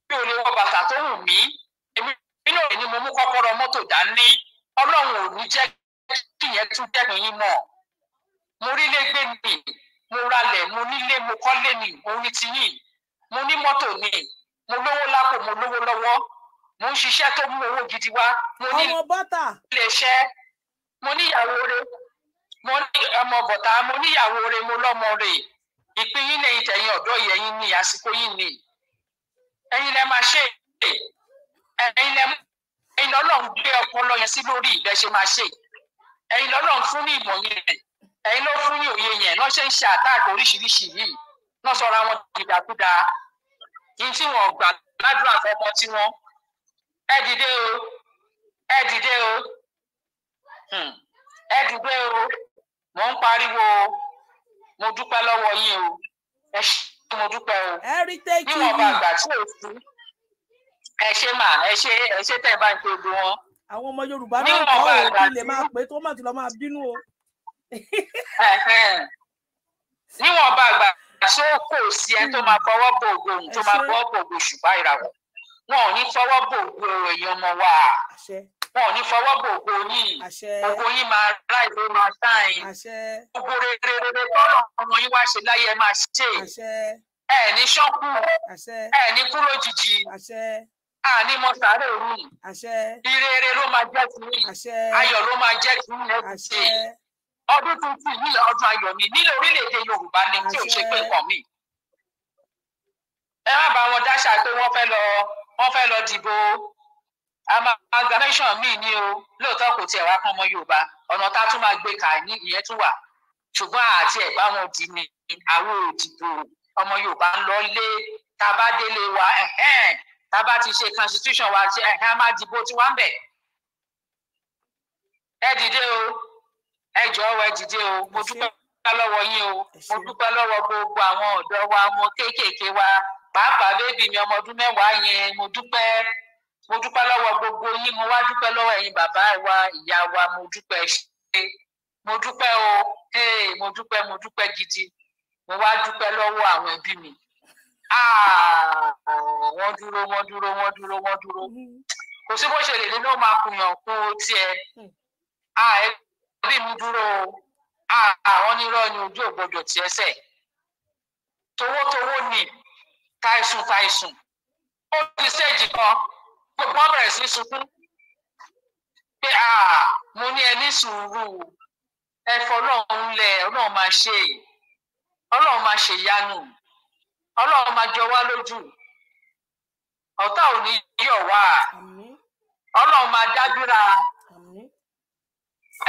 mi ò lè wọ bàtà tó wù mí èmi náà ni mo mú kọ́kọ́rọ́ mọ́tò dání ọlọ́run ò ní jẹ́ kí tún dẹ́nu yín mọ̀ mo rí légbé nì mo ralẹ̀ mo nílé mo kọ́lé nì mo ní tiyín mo ní mọ́tò nì mo lówó lápò mo lówó lọ́wọ́ mo ń ṣiṣẹ́ tó mú owó gidi wá mo ní iléeṣẹ́ mo níyàwó re mo ní ọmọ bọ̀tà mo níyàwó re mo lọ́mọ re ìpín yín lẹ́yìn tẹ̀yìn ọ̀dọ́ yẹn yín ní àsìkò yín ní ẹ̀yin lẹ máa ṣe ẹ̀yin lẹ ẹ̀yin lọ́lọ́run gbé ọpọlọ yẹn sí lórí ìbẹ́ ṣe máa ṣe ẹ̀yin lọ́lọ́run fún ní ìmọ̀ yẹn ẹ̀yin ló fún ní òye yẹn lọ ṣe ń ṣe àtàkì oríṣiríṣi yìí náà sọra wọn dìdàkúdà kí n tí wọn gbà ládùúrà fọmọ tí wọn ẹ dìde o ẹ dìde o hmm. ẹ dìde o mò ń pariwo o mo dúpẹ́ lọ́wọ́ yín o ẹ ṣé mo dúpẹ́ o níwọ̀nba àgbà tí ò sí ẹ ṣé mà ẹ ṣé ẹ ṣé tẹ̀ bá ń pe wọn. àwọn ọmọ Yorùbá náà kọ́ ọ́ kí lè máa pé tó mọ̀ tí lọ máa bínú o. níwọ̀nba àgbà tí ó kò sí ẹ tó máa fọwọ́ bò ògo tó máa fọwọ́ bò ògo ṣùgbọ́n ìràwọ̀ wọn ò ní fọwọ́ bò ògo èèyàn ọmọ wa wọn ò ní fọwọ́ bò ògo yín ògo yín máa rà ìlú máa sáìn gbogbo rere rere tọ́lọ̀ ọmọ yín wá ṣe láyé ẹ máa ṣe ẹ ní ṣọ́kù ẹ ní kú lójijì àní mo sáré òun ìrere ló máa jẹ́ ti yín ayọ̀ ló máa jẹ́ ti yín ẹ ṣe ọdún tuntun yìí ọdún ayọ̀ mi nílẹ̀ orílẹ̀-èdè Yorùbá ni tí ò ṣe pé nǹkan mi ẹ má bá wọn dáṣà pé wọ́n fẹ́ lọ wọ́n fẹ́ lọ dìbò amalgamation míì ni o lóòótọ́ kò tiẹ̀ wá pọ́n ọmọ yorùbá ọ̀nà tá a tún máa gbé kà ní ìyẹn tún wà ṣùgbọ́n àti ẹ̀gbá wọn dì ní àwọn òdìbò ọmọ yorùbá ń lọ lé tá a bá délé wa tá a bá ti ṣe constitution wa ṣe ẹ̀hẹ́n a máa dìbò tí wọ́n ń bẹ̀. ẹ dìde o ẹ jọ̀ọ́ ẹ dìde o mo dúpẹ́ lọ́wọ́ yín o mo dúpẹ́ lọ́wọ́ gbogbo àwọn ọ̀dọ́ wa ọmọ kéékèèké wa pàápàá bébì mi ọmọ ọdún mẹ́wàá yẹn mo dúpẹ́ mo dúpẹ́ lọ́wọ́ gbogbo yín mo wá dúpẹ́ lọ́wọ́ ẹ̀yin bàbá wa ìyá wa mo dúpẹ́ ṣe mo dúpẹ́ o mo dúpẹ́ mo dúpẹ́ gidi mo wá dúpẹ́ lọ́wọ́ àwọn ẹbí mi ah, wọ́n dúró wọ́n dúró wọ́n dúró wọ́n dúró kò sí bó ṣe lè ní ló máa kùyàn tiẹ̀ ah, ẹbí mi dúró àwọn ah, onírọ́ ni ojú ògbọ́dọ̀ tí ẹsẹ̀ towótowó ni táìsùn táìsùn ó ti ṣèjì kan gbogbo wọn bẹ̀rẹ̀ sí sunkún pé mo ní ẹni sùúrù ẹ̀fọ́ ọlọ́run lẹ̀ ọlọ́run máa ṣe ọlọ́run máa ṣe yanu ọlọ́run máa jọ wá lójú ọ̀tá ò ní yọ̀ wá ọlọ́run máa dábìrà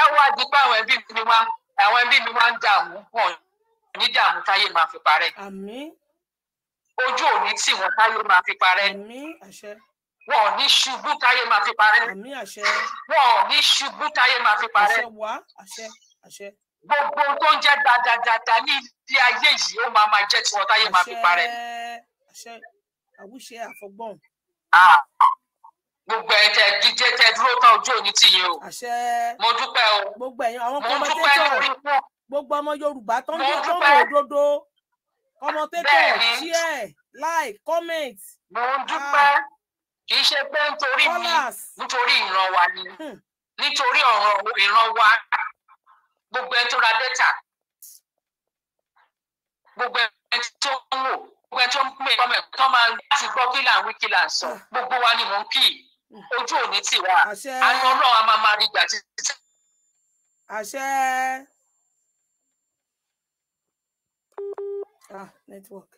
ẹ wá di pé àwọn ẹbí mi wá àwọn ẹbí mi wá ń dààmú wọn ní dààmú táyé máa fi parẹ́ ojú ò tì wọ́n táyé máa fi parẹ́ wọn ò ní ṣubú táyé máa fi parẹ́. àmì àṣẹ. wọn ò ní ṣubú táyé máa fi parẹ́. àṣẹ wá àṣẹ àṣẹ. gbogbo tó ń jẹ́ dáadáa ní ilé ayé yìí ó máa máa jẹ́ tiwọn táyé máa fi parẹ́. àṣẹ àwùṣe àfọgbọ́n. gbogbo ẹ̀ tẹ díje tẹ dúró tán ojú òní tìyẹn o. àṣẹ. mo dúpẹ́ o. gbogbo ẹ̀yin àwọn kọ́mọtẹ́tọ̀ gbogbo ọmọ yorùbá tó ń jẹ́ tó ń wò òdodo kọ́mọtẹ́tọ̀ share like comment. mo ah. dúpẹ́ kì í ṣe pé nítorí mi nítorí ìran wa ni hmm. nítorí ọ̀ràn ìran wa gbogbo ẹni tó ra dẹ́tà gbogbo ẹni tó ń wò gbogbo ẹni tó ń pè ọmọ ẹ̀kọ́ tó máa láti gbọ́ kí là ń wí kí là ń sọ hmm. gbogbo wa ni mò ń kì í hmm. ojú òní tì wá àwọn ọlọ́run a máa máa rí ìgbà títí. àṣẹ. ah network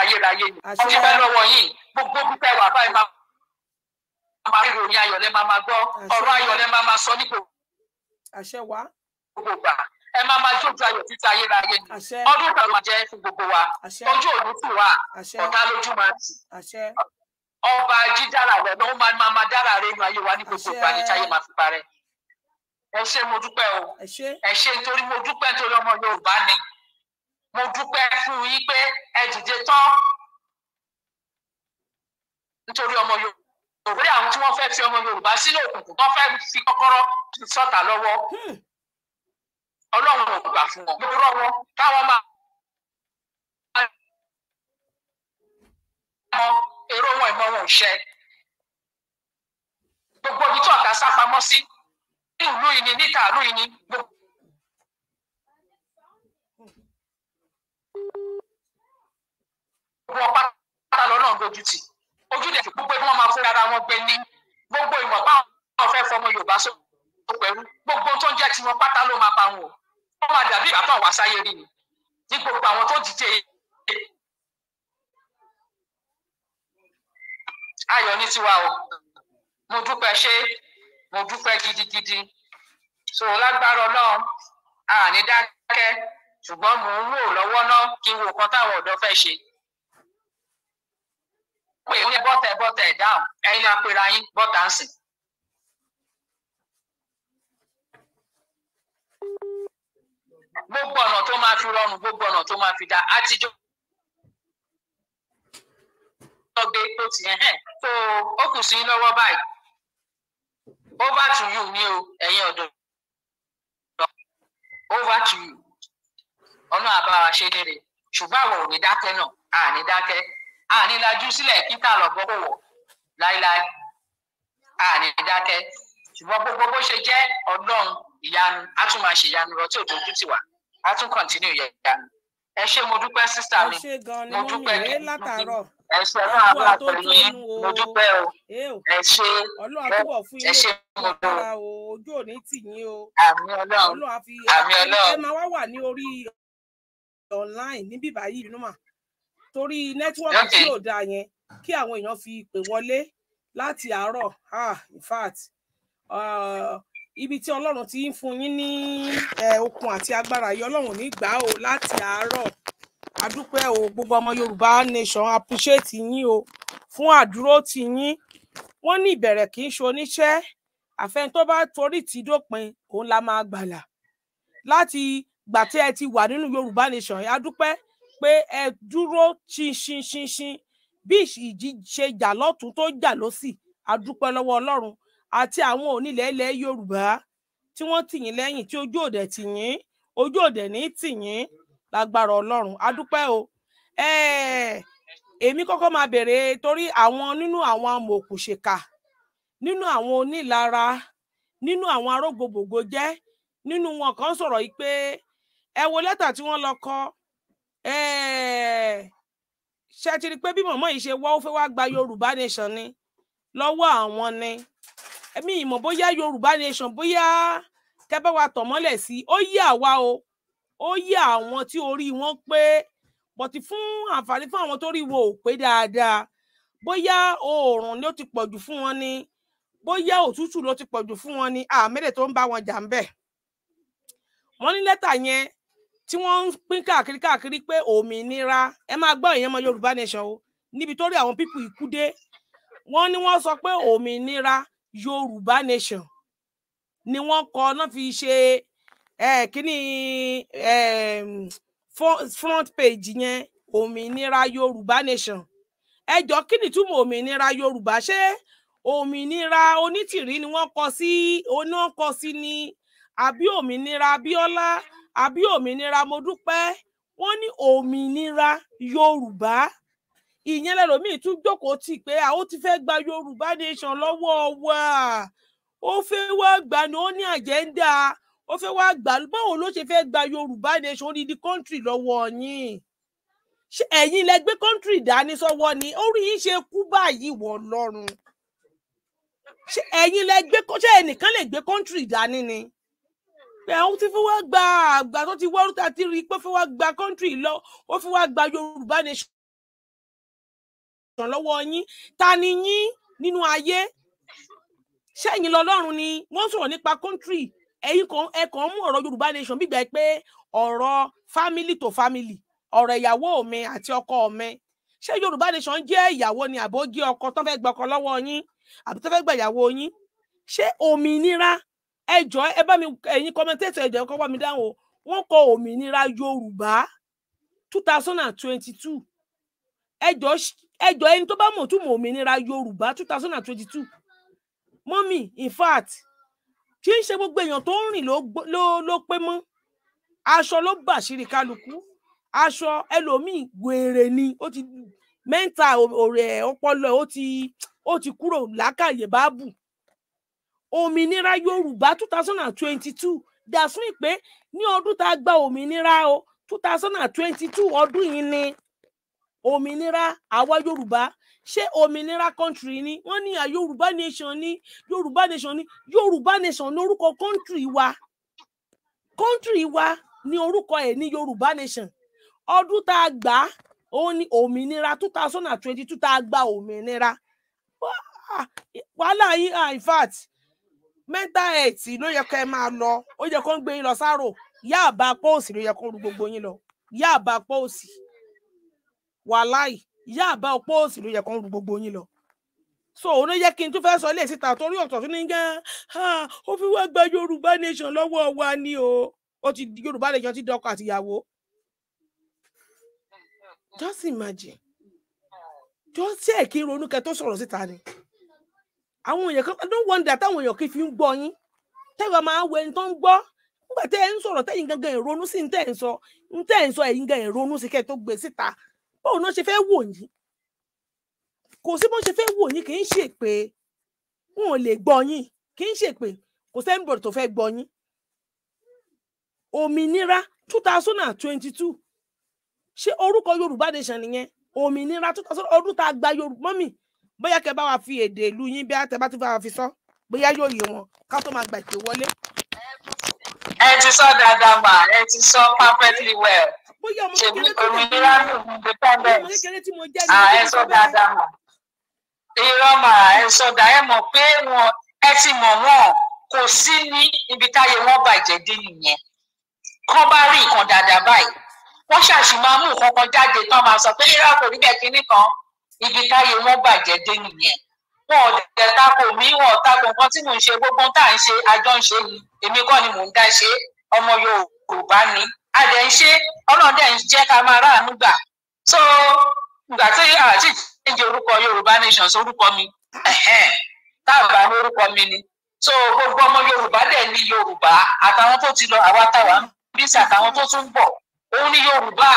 ayérayé ni wọ́n ti fẹ́ lọ́wọ́ yìí gbogbo bí fẹ́ wà báyìí máa máa rí ìròyìn ayọ̀ lẹ́ máa máa gbọ́ ọ̀rọ̀ ayọ̀ lẹ́ máa máa sọ ní gbogbo gbà ẹ máa máa jójú ayọ̀ títa ayérayé ni ọdún kan máa jẹ́ fún gbogbo wa ojú òní tù wá ọ̀tá lójú máa tì ọba jídára rẹ ló máa máa dára rẹ inú ayé wa ní gbogbo ìgbà ní táyé máa fi parẹ́ ẹ ṣé mo dúpẹ́ o ẹ ṣé nítorí mo dúpẹ́ nítorí ọmọ Yorùbá ni mo dúpẹ́ fún yín pé ẹ dìde tán nítorí ọmọ Yorùbá òwe àwọn tí wọ́n fẹ́ fi ọmọ Yorùbá sínú òkùnkùn tó fẹ́ fi kọ́kọ́rọ́ sọ́tà lọ́wọ́ hmm. Ọlọ́run ò gbà fún wọn gbogbo rọwọ táwọn máa mọ èrò wọn ìmọ̀ wọn ò ṣẹ gbogbo ibi tí ọ̀tá sá pamọ́ sí ní ìlú yìí níta ìlú yìí gbogbo. gbogbo ọpá pátá lọ́nà dojú tì ojú tẹ̀sí púpẹ́ tí wọ́n máa fúnra wọn gbé ní gbogbo ìmọ̀ báwọn fẹ́ fọmọ Yorùbá sọ pẹ̀lú gbogbo tó ń jẹ́ tiwọn pátá ló máa pa wọn o máa dàbí ìgbà wá sáyé rí ni ní gbogbo àwọn tó dìde ayọ̀ ní tiwa o mo dúpẹ́ ṣé mo dúpẹ́ gidigidi so lágbára Ọlọ́run àní dákẹ́ ṣùgbọ́n mò ń rò lọ́wọ́ náà kí n wo kan táwọn ọ̀dọ́ fẹ́ ṣe pé ní bọ́tà ẹ bọ́tà ẹ dáhùn ẹ̀yin máa pera yín bọ́tà ń sìn. gbogbo ọ̀nà tó máa fi rọrùn gbogbo ọ̀nà tó máa fi dá àtijọ́ lọ́gbẹ́ tó ti yẹn tó ó kù sí lọ́wọ́ báyìí over to you ni o ẹ̀yin ọ̀dọ́ over to you ọ̀nà àbára ṣe lére ṣùgbọ́n àwọn ò ní dákẹ́ náà à dákẹ́ àní lajú sílẹ̀ kíkà lọ́gbọ́ kò wọ̀ láíláí àní dákẹ́ ṣùgbọ́n gbogbo bó ṣe jẹ́ ọlọ́run ìyanu á tún máa ṣe ìyanu lọ tí ò dojú tì wá á tún kọ̀ntínú ìyanu ẹ ṣé mo dúpẹ́ sísá mi mo dúpẹ́ ní ẹ ṣé ẹ náà bá pẹ̀lú yín mo dúpẹ́ o ẹ ṣé ẹ ṣé mo dúpẹ́ o ojú òní tì yín o àmì ọlọ́run àmì ọlọ́run ẹ máa wá wà ní orí online níbí báyìí nínú mà torí nẹ́tíwọ́ọ̀kì tí ò dáa yẹn kí àwọn èèyàn fi pè wọlé láti àárọ̀ ah in fact uh, ibi tí ọlọ́run ti ń fún yín ní okun àti agbára yìí ọlọ́run ní gbà ó láti àárọ̀ adúpẹ́ o gbogbo ọmọ yorùbá nation appreciate yín o fún àdúró ti yín wọ́n ní ìbẹ̀rẹ̀ kì í ṣe oníṣẹ́ àfẹn tó bá torí ti dópin òun la máa gbàlà láti gbà tí ẹ ti wà nínú yorùbá nation adúpẹ́ pé ẹ dúró ṣinṣinṣinṣin bí ìjì ṣe jà lọ́tún tó jà lọ́sì àdúpẹ́ lọ́wọ́ ọlọ́run àti àwọn onílẹ̀ ilẹ̀ yorùbá tí wọ́n tì yín lẹ́yìn tí ojú òde tì yín ojú òde ní tì yín lágbára ọlọ́run àdúpẹ́ o èmi kọ́kọ́ máa bèrè torí àwọn nínú àwọn amòòkùnṣèkà nínú àwọn onílara nínú àwọn arógbòbògbò jẹ́ nínú wọn kan sọ̀rọ̀ yìí pé ẹ wo lẹ́tà tí wọ́n lọ kọ Eh, ṣe ti rí i pé bí mọ̀mọ́ yìí ṣe wá ó fẹ́ wá gba Yorùbá nation ni lọ́wọ́ àwọn ni èmi ìmọ̀ bóyá Yorùbá nation bóyá kẹ́bẹ́ wa tọ̀ mọ́lẹ̀ sí ó yé àwa o ó yé àwọn tí orí wọn pé bọ̀tí fún àǹfààní fún àwọn tó rí wo ò pé dáadáa bóyá oòrùn ló ti pọ̀jù fún wọn ni bóyá òtútù ló ti pọ̀jù fún wọn ni àmẹ́lẹ̀ tó ń bá wọn jà ń bẹ̀ wọ́n ní lẹ́tà yẹn tí wọ́n ń pín káàkiri káàkiri pé òmìnira ẹ máa gbọ́ ìyẹn mọ Yorùbá nation o níbi tó rí àwọn pípù ikú dé wọ́n ní sọ pé òmìnira Yorùbá nation ni wọ́n kọ náà fi ṣe kíní front page yẹn òmìnira Yorùbá nation ẹjọ́ kí ni túmọ̀ òmìnira Yorùbá ṣé òmìnira onítìrí ni wọ́n kọ sí oní wọ́n kọ sí ni àbí òmìnira Abíọ́lá àbí òmìnira mo dúpẹ́ wọ́n ní òmìnira yorùbá ìyẹn lẹ́lòmíì tún jókòó tì pé àwọn ti fẹ́ gba yorùbá nation lọ́wọ́ wa ó fẹ́ wá gbà ní ó ní àjẹ́ńdà ó fẹ́ wá gbà báwo ló ṣe fẹ́ gba yorùbá nation odidi country lọ́wọ́ yín ṣé ẹ̀yin lẹ country dání sọ́wọ́ ni orí yín ṣe kú báyìí wọ̀ lọ́rùn ṣé ẹ̀yin lẹ gbé ṣé ẹnìkan lè gbé country dání ni àwọn tí fún wa gba àgbà tó ti wọ́rú tá a ti rí i pé fún wa gba kọ́ńtì lọ ó fún wa gba yorùbá nation lọ́wọ́ yín ta ni yín nínú ayé sẹ́yìn lọ́lọ́run ni wọ́n sọ̀rọ̀ nípa kọ́ńtì ẹ̀yin kan ẹ kàn mú ọ̀rọ̀ yorùbá nation bí gbà pé ọ̀rọ̀ family to family ọ̀rọ̀ ìyàwó mi àti ọkọ mi ṣé yorùbá nation jẹ́ ìyàwó ni àbógi ọkọ tó fẹ́ gbọ́kọ lọ́wọ́ yín àbí tó fẹ́ gbà ìyàwó yín ṣé òmìnira ẹ jọ̀ọ́ ẹ bá mi ẹ̀yin kọmẹtẹtọ ẹ jọ̀ọ́ ẹ kọ bá mi dáhùn o wọ́n kọ òmìnira yorùbá two thousand and twenty two ẹ jọ̀ọ́ ẹ jọ̀ọ́ ẹni tó bá mọ̀ tún mọ̀ òmìnira yorùbá two thousand and twenty two mọ́mì in fact kì í ṣe gbogbo èèyàn tó ń rìn ló pé mọ́ aṣọ ló bàṣírí kálukú aṣọ ẹlòmíì wèrè ni ó ti mẹ́ńtà ọ̀rẹ́ ọpọlọ ó ti ó ti kúrò lákàyè báàbù òmìnira yorùbá two thousand and twenty-two dàsún ìpè ní ọdún tá gba òmìnira o two thousand and twenty-two ọdún yìí ni òmìnira àwa yorùbá ṣé òmìnira country ni wọ́n ní yorùbá nation ni yorùbá nation ni yorùbá nation ní orúkọ country wa country wa orúkọ ẹ̀ ní yorùbá nation ọdún tá a gbà ó ní òmìnira two thousand and twenty-two tá a gba òmìnira wàhálà mental health ló yẹ kẹ́ máa lọ ó yẹ kó ń gbé yín lọ sáró yá àbá pọ́ọ̀sì ló yẹ kó ń ru gbogbo yín lọ yá àbá pọ́ọ̀sì wàláì yá àbá pọ́ọ̀sì ló yẹ kó ń ru gbogbo yín lọ so òun ló yẹ kí n tún fẹ́ sọ ilé síta torí ọ̀tọ̀ tún ní gán ó fi wá gba yorùbá nation lọ́wọ́ wa ni o ó ti yorùbá nation ti dọkọ àtìyàwó just imagine just ṣe kí ronú kẹ tó sọ̀rọ̀ síta ni. àwọn èèyàn kan don't wonder táwọn èèyàn kì fi ń gbọ́ yín máa wẹ ní tó ń gbọ́ nígbà ẹ ń sọ̀rọ̀ gangan sí ń sọ tẹ́ ẹ̀ ń sọ gangan sí tó gbé e síta báwo ṣe wò kò sí bó ṣe wò yín pé wọn lè yín kì pé kò tó fẹ́ òmìnira two thousand two ṣé orúkọ Yorùbá nation nìyẹn òmìnira bóyá kẹ bá wa fi èdè ìlú yín bí àtẹ bá tún bá wa fi sọ bóyá yóò yé wọn ká tó máa gbà ìpè wọlé. ẹ ti sọ dáadáa mà ẹ ti sọ perfectly well. bóyá ọmọ kékeré tí mo jẹ́ ní ọmọ kékeré tí mo jẹ́ ní ọmọ ẹ sọ dáadáa mà. irọ́ mà ẹ sọ dà ẹ mọ̀ pé wọn ẹ ti mọ̀ wọn kò sí ní ibi táyé wọn bàjẹ́ dé nìyẹn kọ́ bá rí nǹkan dáadáa báyìí wọ́n ṣàṣì máa mú nǹkan kan jáde tán máa sọ pé irọ́ kò rí bẹ́ẹ̀ kinní kan ibi táyé wọn bàjẹ́ dé nìyẹn wọn ò dẹ̀ tako mi wọn ò tako nǹkan tí mò ń ṣe gbogbo tá à ń ṣe àjọ ń ṣe yìí èmi kọ́ ni mò ń dá ṣe ọmọ Yorùbá ni a dẹ̀ ń ṣe Ọlọ́run dẹ̀ ń jẹ́ ká máa ráàánú gbà so ìgbà tí àti ìjẹ́ orúkọ Yorùbá nation sórúkọ mi táàbà ní orúkọ mi ni so gbogbo ọmọ Yorùbá dẹ̀ ní Yorùbá àtàwọn tó ti lọ àwa táwa ń bí sí tó tún bọ̀ òun ni Yorùbá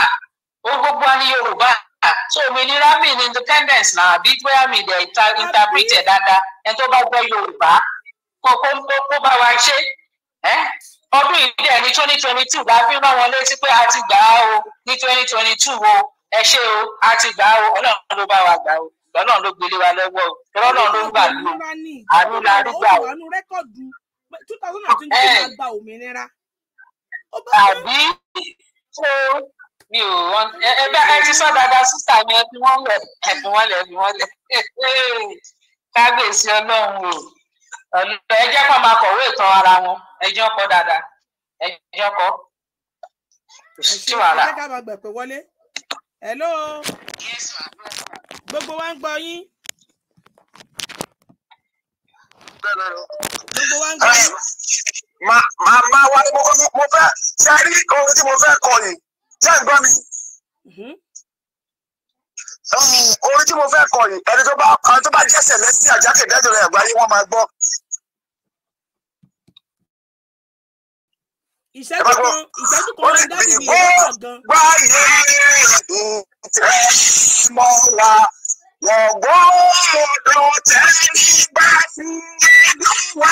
òun gbogbo wa ni Yorùbá Ah, so òmìnira mi ní independence náà àbí bóyá mi dẹ̀ interpret ẹ̀ dáadáa ẹ̀ tó bá gbọ́ yorùbá kó kó bá wa ṣe ọdún yìí dẹ̀ ní twenty twenty two la fi rán wọn létí pé a ti gbà á o ní twenty twenty two o ẹ ṣe o a ti gbà á o ọlọ́run ló bá wa gbà o ọlọ́run ló gbélé wa lọ́wọ́ o ọlọ́run ló ń gbà lù ú àánú la rí gbà o. Eh. two thousand and twenty two àbí so mi ò wọn ẹ bẹ ẹ ti sọ dáadáa sísà mi ẹ fi wọn lẹ ẹ fi wọn lẹ ẹ fi wọn lẹ (laughs) kábíyèsí Ọlọ́run o ẹ jẹ́ kó máa kọ̀wé ìtàn ara wọn ẹ jẹ́ kọ dáadáa ẹ jẹ́ kọ kò tí wàhálà. ẹ ká máa gbà pé wọlé hello gbogbo wa ń gbọ́ yín. màá máa wá mo fẹ́ ṣe ohun tí mo fẹ́ kọ yìí ṣé ẹ gbọ́ mi. Mm-hmm. Um, orin tí mo fẹ́ kọ yìí ẹni tó bá ẹni tó bá jẹ́sẹ̀ lẹ́sìn àjákèjádò rẹ̀ àgbáyé wọ́n máa gbọ́. ìṣẹ́jú kan ìṣẹ́jú kan ló dá mi ní ìlú kan. gbáyé ìtẹ́ mọ́ wa wọ́n gbọ́dọ̀ tẹ́ nígbà tí ẹgbẹ́ wa.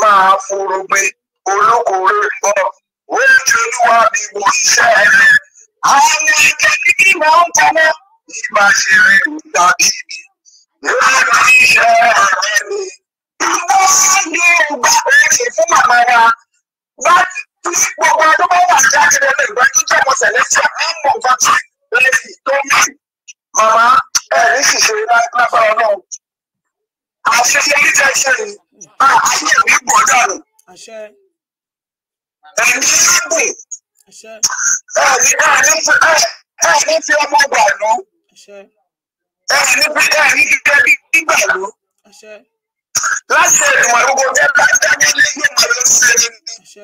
Máa forogbe olókoore ń bọ̀, ojú olúwa mi wò iṣẹ́ rẹ̀. Àwọn ẹgbẹ́ kíkí máa ń tọ́wọ́ ní máa ṣe rẹ̀ tàbí mi. Lára iṣẹ́ rẹ̀ mi, bàbá mi ò gbà pé ṣe fún màmá wa láti gbogbo ọdún bá wà jáde lẹ́nu ìgbà tó jẹ́ ọmọ sẹ̀lẹ́sì àmọ́ nǹkan tí lẹ́yìn tó ń bì. Màmá ẹ̀ ní ṣìṣe lágbára náà. Àṣìṣe yìí tẹ́ ṣe yìí, bá ayé mi gbọ́ dànù. Ẹ̀mí ìbù. Ẹ̀mí ẹ̀mí fi ọmọ gbàlú. Ẹ̀mí fi ẹ̀mí fi ẹbí gbígbàlú. Láti ẹ̀dùn àrùn kò jẹ́ láti ẹ̀mí lé yóò máa lọ sí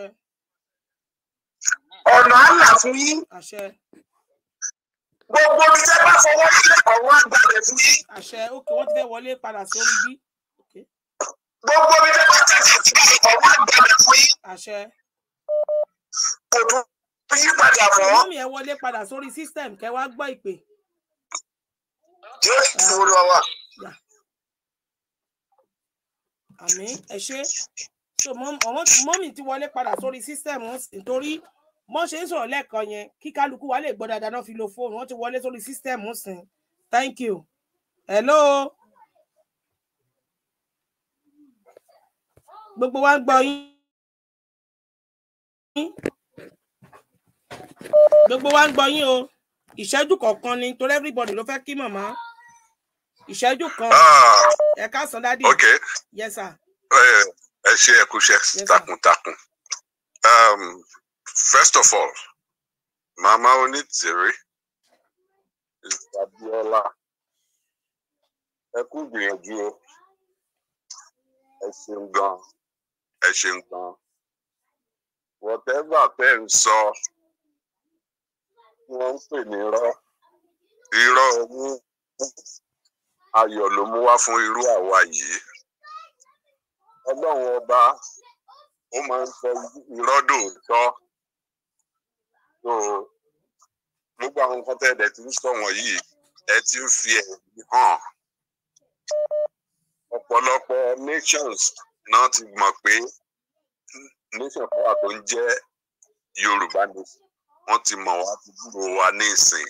ẹni ọ̀nà àlà fún yín gbogbo omi tẹ́ bá fọwọ́ sílẹ̀ ọ̀run àgbàdo fún yín. àṣẹ òkè wọn ti fẹ́ wọlé padà sí orí bí. gbogbo omi tẹ́ bá tẹ̀sẹ̀ sílẹ̀ ọ̀run àgbàdo fún yín. àṣẹ. kò tún yí padà mọ́. ọmọ mi ẹ wọlé padà sórí system kẹ wá gbọ́ ìpè. jésù tó lọ wà. àmín ẹ ṣe so mọ́mì ti wọlé padà sórí system nítorí mọ́ ṣe ń sọ̀rọ̀ lẹ́ẹ̀kan yẹn kí kálukú wa lè gbọ́ dáadáa náà fi lo fóònù wọ́n ti wọlé sórí sísítẹ́ẹ̀mù sìn thank you hello gbogbo wa ń gbọ́ yín gbogbo wa ń gbọ́ yín o ìṣẹ́jú kọ̀ọ̀kan ni torí everybody ló fẹ́ kí màmá ìṣẹ́jú kan ah. ẹ káàsán dádì yes sir. Eh, ẹ ṣe ẹ kú iṣẹ́ Um. First of all, Mama Onitiri is Abiola. Ẹ kú gbìyànjú o. Ẹ ṣeun gan. Ẹ ṣeun Whatever tẹ́ ń sọ, wọ́n ń know ní irọ́. Irọ́ owó ayọ̀ ló mú gbogbo àwọn nǹkan tẹ́ ẹ̀dẹ̀ ti ń sọ wọ̀nyí ẹ ti ń fi ẹ̀yìn hàn ọ̀pọ̀lọpọ̀ nations náà ti mọ̀ pé nation kan wà tó ń jẹ́ Yorùbá ni wọ́n ti mọ̀ wá ti dúró wa ní ìsìn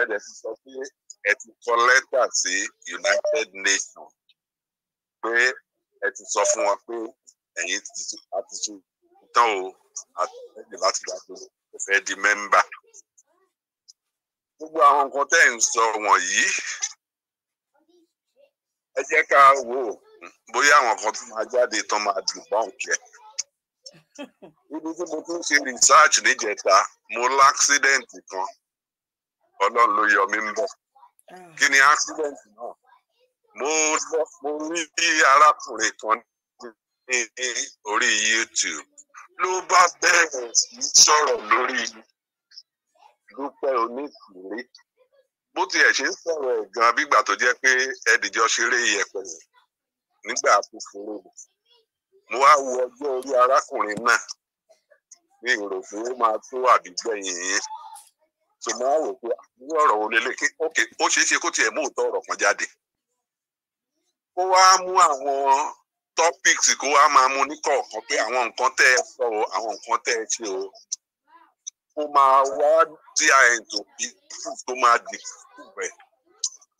ẹ̀dẹ̀ ti sọ pé ẹ ti kọ lẹ́tà sí United Nations pé ẹ ti sọ fún wọn pé ẹ̀yin ti tán o àtẹ̀lẹ́dẹ̀ láti dájú kò fẹ́ di mẹ́mbà. gbogbo àwọn nǹkan tẹ́ ń sọ wọ̀nyí ẹ jẹ́ ká wò ó bóyá àwọn kan tó máa jáde tán máa dùn bá òun jẹ. ibi tí mo tún ṣe research níjẹta mo láksidẹ̀ǹt kan ọlọ́run ló yọ mí ń bọ̀. Ah. kí ni accident náà? mo lọ mo rí bí arákùnrin kan ní orí YouTube ló bá bẹ̀rẹ̀ sí sọ̀rọ̀ lórí dúpẹ́ oníkùúrẹ́ bó tiẹ̀ ṣe ń sọ̀rọ̀ ẹ̀ gan bígbà tó jẹ́ pé ẹ̀dìjọ́ ṣeré ìyẹ̀pẹ̀ nígbà fúfurú mo wá wo ọjọ́ orí arákùnrin náà ní ìrò pé ó máa tó àbígbẹ̀yìn yín tó máa rò pé àbúrò ọ̀rọ̀ wo lélẹ̀ kí ó ṣeé ṣe kó tiẹ̀ mú òótọ́ ọ̀rọ̀ kan jáde kó wá mú àwọn topics kó wá máa mú ní kọ̀ọ̀kan pé àwọn nǹkan tẹ́ ẹ sọ o àwọn nǹkan tẹ́ ẹ ṣe o ó máa wá tí a ẹ̀ tó bí fún tó máa dì fún rẹ̀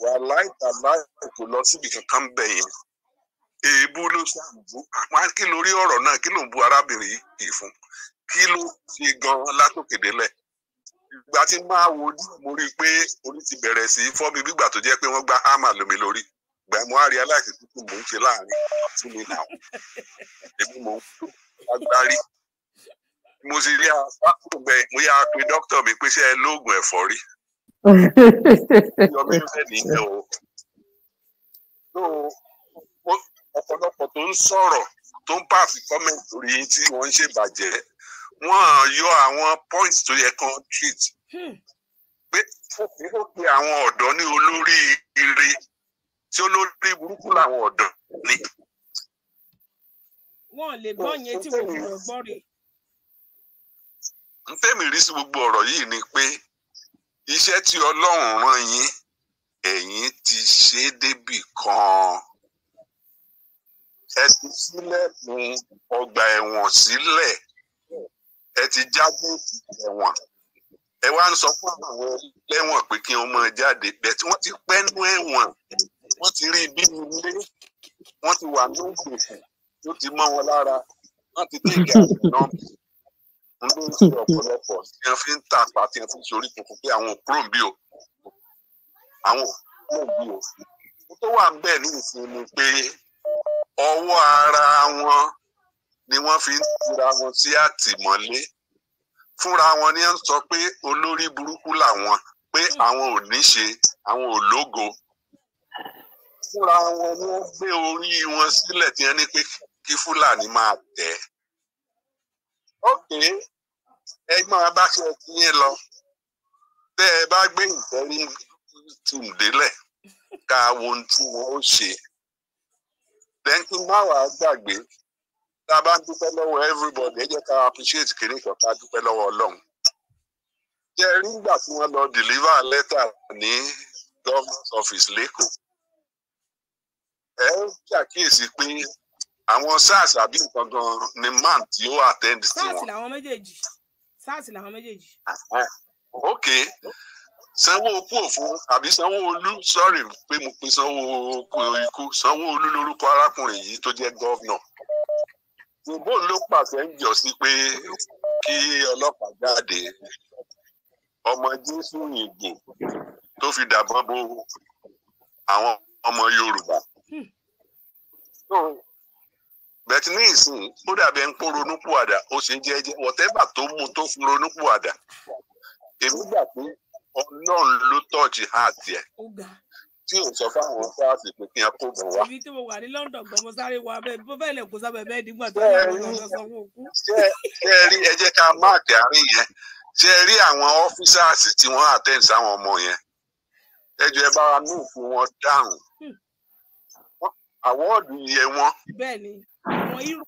wà láìta láì kò lọ síbi kankan bẹ̀ yẹn èébú ló ṣàǹbù àpá kí lórí ọ̀rọ̀ náà kí ló ń bu arábìnrin yìí fún kí ló ṣe gan-an látòkè délẹ̀ ìgbà tí máa wo mo rí i pé orí ti bẹ̀rẹ̀ sí fọ́ mi gbígbà tó jẹ́ pé wọ́n gba hámà lómi lórí gbàmú àríaláìsí kúkú mò ń ṣe láàrin fún mi náà èmi mò ń kú agbárí mo sì rí àgbẹ̀ mo yà á pe dókítà mi pé ṣé ẹ lóògùn ẹ̀fọ́rí yọmí fẹ́ nìyẹn o tó ọ̀pọ̀lọpọ̀ tó ń sọ̀rọ̀ tó ń pàṣẹ kọ́mẹ̀ntì lórí yín tí wọ́n ń ṣèbàjẹ́ wọ́n yọ àwọn points tó yẹ kan treat hmm. pé ó pe àwọn ọ̀dọ́ ní olórí ire tí olórí burúkú làwọn ọ̀dọ́ ni. wọn lè gbọ́ yẹn tí wọn kò gbọ́ rè. n tẹ́mi rí sí gbogbo ọ̀rọ̀ yìí ni pé iṣẹ́ tí ọlọ́run rán yín ẹ̀yin ti ṣe é débì kan ẹ ti sílẹ̀kùn ọgbà ẹ̀wọ̀n sílẹ̀ ẹ ti jágbó ẹ̀wọ̀n ẹ wá ń sọ fún àwọn ẹlẹ́wọ̀n pé kí wọ́n máa jáde bẹ́ẹ̀ tí wọ́n ti pẹ́ nú ẹ̀wọ̀n wọ́n ti rí bí ilé wọ́n ti wà ní òkùnkùn tó ti mọ́ wọn lára wọ́n ti tẹ̀ kí náà ń ló ọ̀pọ̀lọpọ̀ tí wọ́n fi ń tà pa tí wọ́n fi ń ṣe orí pé àwọn òkúrò bí o àwọn òkúrò bí o tó wà ń ní ìsìn pé ọwọ́ ara wọn ni wọ́n fi ń tura wọn sí àtìmọ́lé fúnra wọn ni wọ́n sọ pé olórí burúkú làwọn pé àwọn ò ní ṣe àwọn ò lógo fúnra wọn wọ́n gbé orí wọn sílẹ̀ tí wọ́n ní pé kí fúlàní máa tẹ̀. ok ẹgbọ́n abáṣẹ ti yín lọ tẹ́ ẹ bá gbé ìfẹ́rí tùm ká wo ohun tí wọ́n ó ṣe. lẹ́ńkì máa gbàgbé tá a bá dúpẹ́ lọ́wọ́ everybody ẹ jẹ́ ká appreciate kiri kan ká dúpẹ́ lọ́wọ́ ọlọ́run. jẹ́ rí ìgbà tí wọ́n lọ deliver letter ní government office lẹ́kọ̀ọ́ ẹ ó ṣàkíyèsí pé àwọn sars àbí nǹkan gan ni man tí ó attend sí wọn. sars làwọn méjèèjì sars làwọn méjèèjì. ok sanwó-okú òfin àbí sanwó-olú sọ́ọ̀rì pé mo pin sanwó-okú ikú sanwó-olú lórúkọ arákùnrin yìí tó jẹ́ gọ́vnà. ṣùgbọ́n ló pàṣẹ ń jọ sí pé kí ọlọ́pàá jáde ọmọ jésù yìnbó tó fi dàbọn bo àwọn ọmọ yorùbá. bẹ́ẹ̀ ní ìsìn ó dàbí ẹni pé ronúpìwàdà ó sì tó mú tó fi ronúpìwàdà èmi gbà pé ọlọ́run ló ẹ̀ tí o sọ fáwọn fáàsì pé kí n kó bọ̀ wá. ibi tí mo wà ní London sáré bó lè kó nígbà tó lọ wọn dáhùn. àwọ́ọ̀dù yẹ wọn. bẹ́ẹ̀ni àwọn hero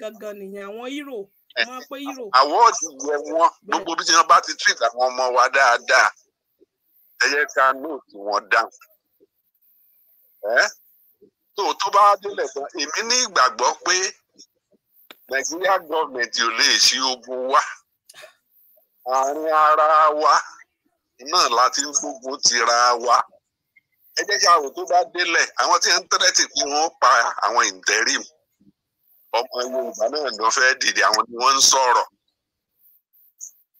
gangan nìyẹn àwọn hero wọn pé hero. àwọ́ọ̀dù yẹ wọn gbogbo bí wọn bá ti treat àwọn ọmọ wa dáadáa ẹ yẹ ká nóòtù wọn dáhùn. ẹ tó tó bá délẹ̀ tán èmi ní ìgbàgbọ́ pé nàìjíríà gọọmenti ò lè ṣe ogun wa àárín ara wa náà láti ń gbógun tira wa ẹ jẹ́ kí àwò tó bá délẹ̀ àwọn tí ń tẹ́rẹ́tì kí wọ́n pa àwọn ìntẹ́rìm ọmọ Yorùbá náà ló fẹ́ dìde àwọn ni wọ́n ń sọ̀rọ̀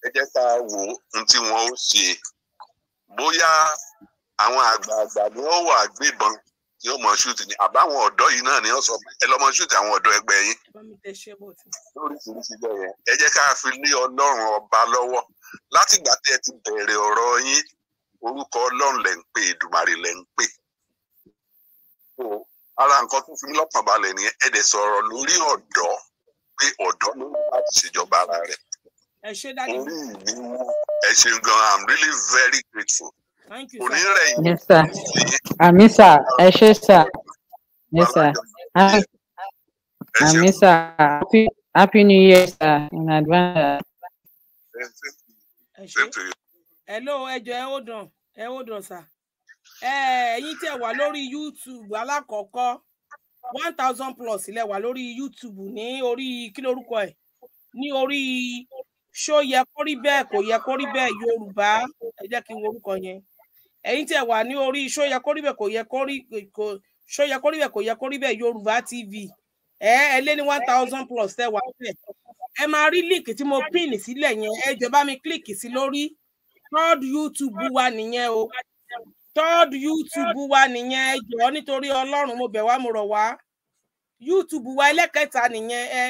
ẹ jẹ́ ká wò ohun tí wọ́n ó ṣe bóyá àwọn àgbààgbà ni wọ́n wà gbébọn ni ó mọ ṣúùtì ni àbáwọn ọ̀dọ́ yìí náà ni wọ́n sọ ẹ lọ́mọ ṣúùtì àwọn ọ̀dọ́ ẹgbẹ́ yín lóríṣiríṣi bẹ́ẹ̀ yẹn ẹ jẹ́ ká fi lé Ọlọ́run ọba lọ́wọ́ látìgbà tí ẹ ti bẹ̀rẹ̀ ọ̀rọ̀ yín orúkọ ọlọ́run lẹ̀ ń pè èdùmàrè lẹ̀ ń pè ara nǹkan tó fi mí lọ́kàn balẹ̀ nìyẹn ẹ dẹ̀ sọ̀rọ̀ lórí ọ̀dọ́ pé ọ̀dọ́ ló ń láti ṣèjọba ara rẹ̀ orí mi wú ẹ ṣeun gan i'm really very grateful onírẹ̀ yìí. yes sir àmì ah, sà ẹ ṣe sà yes sir àmì ah, ah, sà happy new year sir in advance. Same to you hello ẹjọ ẹ hold on ẹ hold on sir ẹ̀yin tẹ́ wà lórí youtube alákọ̀ọ́kọ́ one thousand plus lẹ wà lórí youtube ní orí kí lórúkọ ẹ̀ ní orí ṣó yẹ kó rí bẹ́ẹ̀ kò yẹ kó rí bẹ́ẹ̀ yorùbá ẹ jẹ́ kí n wo orúkọ yẹn ẹ̀yin tẹ́ wà ní orí ṣó yẹ kó rí bẹ́ẹ̀ kò yẹ kó rí kò ṣó yẹ kó rí bẹ́ẹ̀ kò yẹ kó rí bẹ́ẹ̀ yorùbá tv ẹ ẹ lé ní one thousand plus tẹ́ wà bẹ́ẹ̀ ẹ máa rí líǹkì tí mo pín sílẹ̀ yẹn ẹ jọ̀ọ́ mi kílíkì sí lórí third youtube wa nìyẹn o third youtube wa nìyẹn ẹ nítorí Ọlọ́run mo bẹ̀ wá mo youtube wa ẹlẹ́kẹta nìyẹn ẹ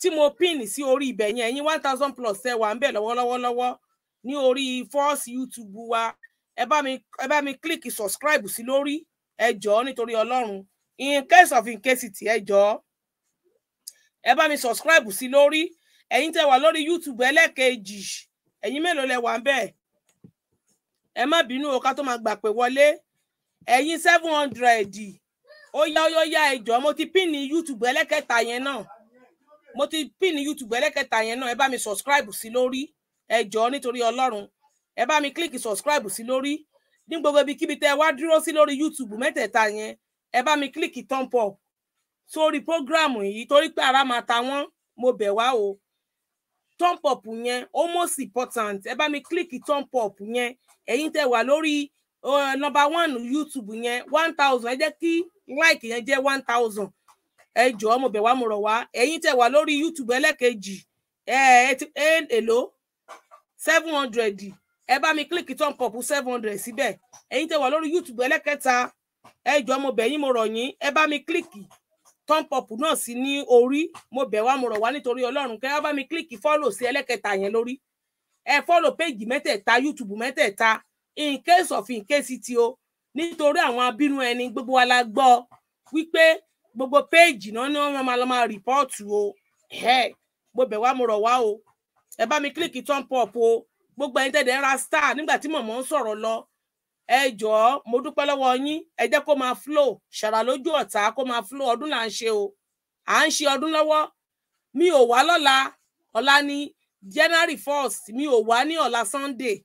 tí mo pin sí orí ibẹ̀ yẹn ẹyin one thousand plus ẹ wà ń bẹ̀ ní orí first youtube wa ẹ bá mi ẹ bá mi click subscribe sí lórí ẹ nítorí in case of incasity ẹ ẹ bá mi subscribe sí lórí wà lórí ẹ má bínú o ká tó máa gbà pé wọlé ẹ̀yin seven hundred ó yá ó yá ẹjọ mo ti pín ní youtube ẹlẹ́kẹta yẹn náà mo ti pín ní youtube ẹlẹ́kẹta yẹn náà ẹ bá mi subscribe sí lórí ẹjọ nítorí Ọlọ́run ẹ bá mi click subscribe sí lórí ní gbogbo ibikíbi tẹ́ wá dúró sí lórí youtube mẹ́tẹ̀ẹ̀ta yẹn ẹ bá mi click thumb up sórí program yìí torí pé ara máa ta wọ́n mo bẹ̀ wá o thumb up yẹn almost important ẹ bá mi click thumb up yẹn ẹ̀yin tẹ́ wà lórí nọ́mbà one youtube yẹn one thousand ẹ jẹ́ kí like yẹn jẹ́ one thousand ẹ jọ̀ọ́ mo bẹ̀ wá mo rọ̀ wá ẹ̀yin tẹ́ wà lórí youtube ẹlẹ́kejì ẹ ẹ èlò seven hundred ẹ bá mi click turn pop seven hundred síbẹ̀ ẹ̀yin tẹ́ wà lórí youtube ẹlẹ́kẹta ẹ jọ̀ọ́ mo bẹ̀ yín mo rọ̀ yín ẹ bá mi click turn pop náà sí ní orí mo bẹ̀ wá mo rọ̀ wá nítorí ọlọ́run kẹ́ ẹ bá mi click follow sí ẹlẹ́kẹta yẹn lórí ẹ fọ́lọ̀ péjì mẹ́tẹ̀ẹ̀ta YouTube mẹ́tẹ̀ẹ̀ta in case of in case ti o nítorí àwọn abínú ẹni gbogbo wa la gbọ́ wípé gbogbo page. náà ni wọ́n máa lọ máa rìpọ́ọ̀tù o mo bẹ̀ wá mo rọ̀ wá o ẹ bá mi kílìkì turn pop o gbogbo ẹni tẹ̀dẹ̀ ra star nígbà tí mọ̀mọ́ ń sọ̀rọ̀ lọ ẹ jọ̀ọ́ mo dúpẹ́ lọ́wọ́ yín ẹ jẹ́ kó máa flow ṣàrà lójú ọ̀tá kó máa flow ọdún là ń ṣe o à ń ṣe ọdún lọ́wọ́ mi ò wá lọ́la ọ̀la ni january first mi ò wá ní ọ̀la sunday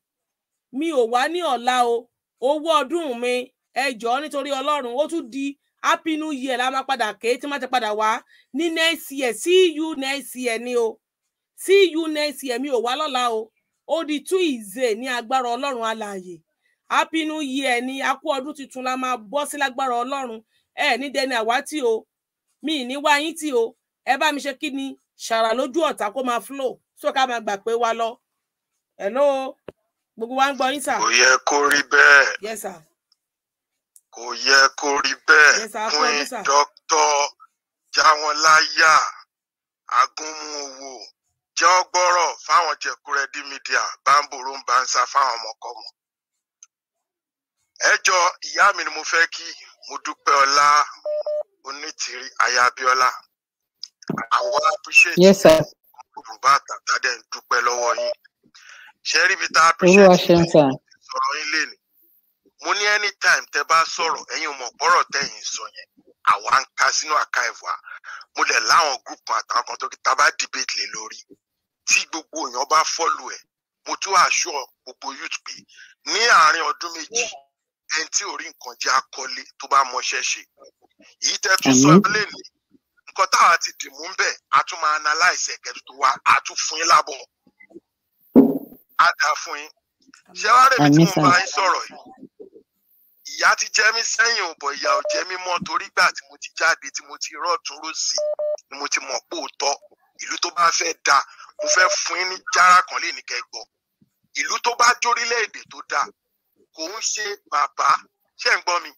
mi ò wá ní ọ̀la o owó ọdún mi ẹ jọ̀ọ́ nítorí ọlọ́run ó tún di happy new year la máa padà ké tí máa ti padà wá ní next year see you next year ni o see you next year mi ò wá lọ́la o ó di two ìzè ní agbára ọlọ́run alààyè happy new year ni a kú ọdún tuntun la máa bọ́ sí lágbára ọlọ́run ẹ ní dẹni àwátì o mi ì ní wá tì o ẹ bá mi ṣe kí ni ṣàrà lójú ọ̀tá kó máa flow so ká máa gbà pé wá lọ hello gbogbo wa ń gbọ́ yín sà. kò yẹ kó rí bẹ́ẹ̀. yes sir. kò yẹ kó rí bẹ́ẹ̀ fún dókítà jáwọ́láyà agúnmọ̀wò jẹ́ ọgbọ́rọ̀ fáwọn jẹ̀kúrẹ́dì mídíà báńbòrò ń bá ń sá fáwọn ọmọkọ́mọ. ẹ jọ ìyá mi ni mo fẹ́ kí mo dúpẹ́ ọlá onítìrí ayabiola àwọn appreciate. yes sir yorùbá àtàtà dẹ̀ ń dúpẹ́ lọ́wọ́ yín ṣe rí ibi tá a pèsè sọ̀rọ̀ yín lè mo ní anytime tẹ bá sọ̀rọ̀ ẹ̀yin mọ̀ bọ́rọ̀ tẹ̀yìn sọ yẹn àwa ń ka sínú archive mo lẹ̀ láwọn group kan àtàwọn kan tó kí tá a bá debate lé lórí tí gbogbo èèyàn bá fọ́lù ẹ̀ mo tún àṣọ gbogbo youth pé ní àárín ọdún méjì ẹni tí ò nǹkan jẹ́ akọ́lé tó bá mọṣẹ́ ṣe èyí tẹ́ tún sọ ẹ́ nǹkan táwa ti dìmú ń bẹ̀ a tún máa analyze ẹ̀kẹ́tù tó wá a tún fún yín lábọ̀ a dà fún yín ṣé wàá rèmi tí mo bá ń sọ̀rọ̀ yìí ìyá ti jẹ́ mí sẹ́yìn òbọ̀ ìyá ò jẹ́ mí mọ́ torí gbà tí mo ti jáde tí mo ti rọ̀tún rọ̀sì ni mo ti mọ̀ pòótọ́ ìlú tó bá fẹ́ da mo fẹ́ fún yín ní jára kan lè ní kẹgbọ́ ìlú tó bá jórílẹ̀-èdè tó da kò ń ṣe bàbá ṣé ń gbọ́ mi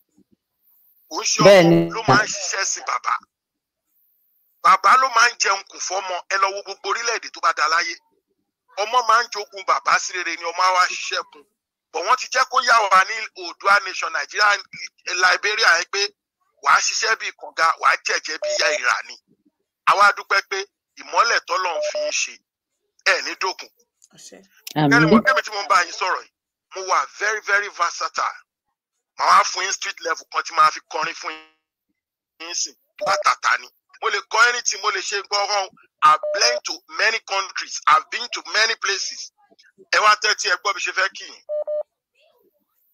kò ń ṣe ọmọ ló máa ń ṣiṣẹ́ sí bàbá bàbá ló máa ń jẹun kù fọmọ ẹ lọ wo gbogbo orílẹ̀ tó bá da láyé ọmọ máa ń jogun bàbá sí rere ni ọmọ àwa ṣiṣẹ́ kun bọ̀ wọ́n ti jẹ́ kó yà wá ní Oòduà nation Nigeria Liberia ẹ pé wàá ṣiṣẹ́ bíi kànga wàá jẹ̀jẹ̀ bíi ya ìrà ni àwa dúpẹ́ pé ìmọ́lẹ̀ tọ́lọ̀ ń fi ń ṣe ẹ̀ ní dòkun. kẹ́lí mo kẹ́mi tí mo ń bá yín sọ̀rọ̀ yìí mo wà very very versatile màá wá fún yín street level kan tí màá fi kọrin fún yín sìn látàtà ni mo lè kọ́ anything mo lè ṣe nǹkan ọ̀hún I've been to many countries I've been to many places ẹ wá tẹ́tí ẹ gbọ́ bí ṣe fẹ́ kì í.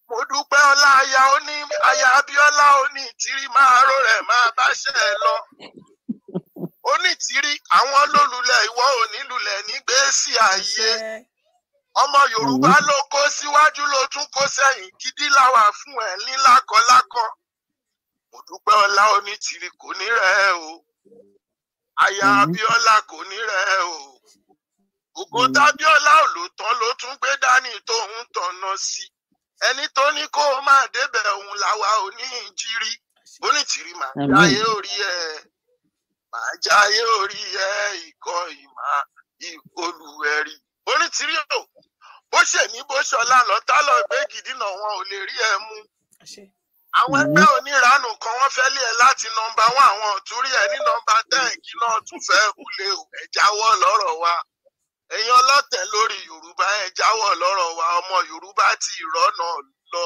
mo dúpẹ́ ọlá aya oní aya Abíọ́lá oní ìtírí máa ró rẹ̀ máa bá ṣe ẹ lọ. onítìrí àwọn lólulẹ̀ ìwọ onílulẹ̀ nígbèésí ayé ọmọ Yorùbá ló kó síwájú ló tún kó sẹ́yìn gidi láwà fún ẹ̀ ní lákọlákọ mo dúpẹ́ ọlá onítìrí kò ní rẹ̀ o aya mm-hmm. Abíọ́lá kò ní rẹ̀ o ògo tábíọ́lá mm-hmm. olùtọ́ ló tún gbé dání tóun tọ̀nà sí ẹni tó ní kó o máa débẹ̀ òun làwa ò ní jírí ó ní tìrí màá jáyé orí ẹ màá jáyé orí ẹ ikọ̀ ìmà olùwẹ̀rí ó o bó ṣèmí bó ṣọlá lọ́tà lọ́ọ́ gbé gidi náà wọn ò lè rí ẹ mú àwọn ẹgbẹ́ oníranù kan wọ́n fẹ́ lé ẹ láti nọmba wọn àwọn òtúrí ẹ ní nọmba ten kí náà tún fẹ́ hulẹ̀ o ẹ jáwọ́ lọ́rọ̀ wa ẹ̀yin ọlọ́tẹ̀ lórí yorùbá ẹ jáwọ́ lọ́rọ̀ wa ọmọ yorùbá ti ìrọ́nà lọ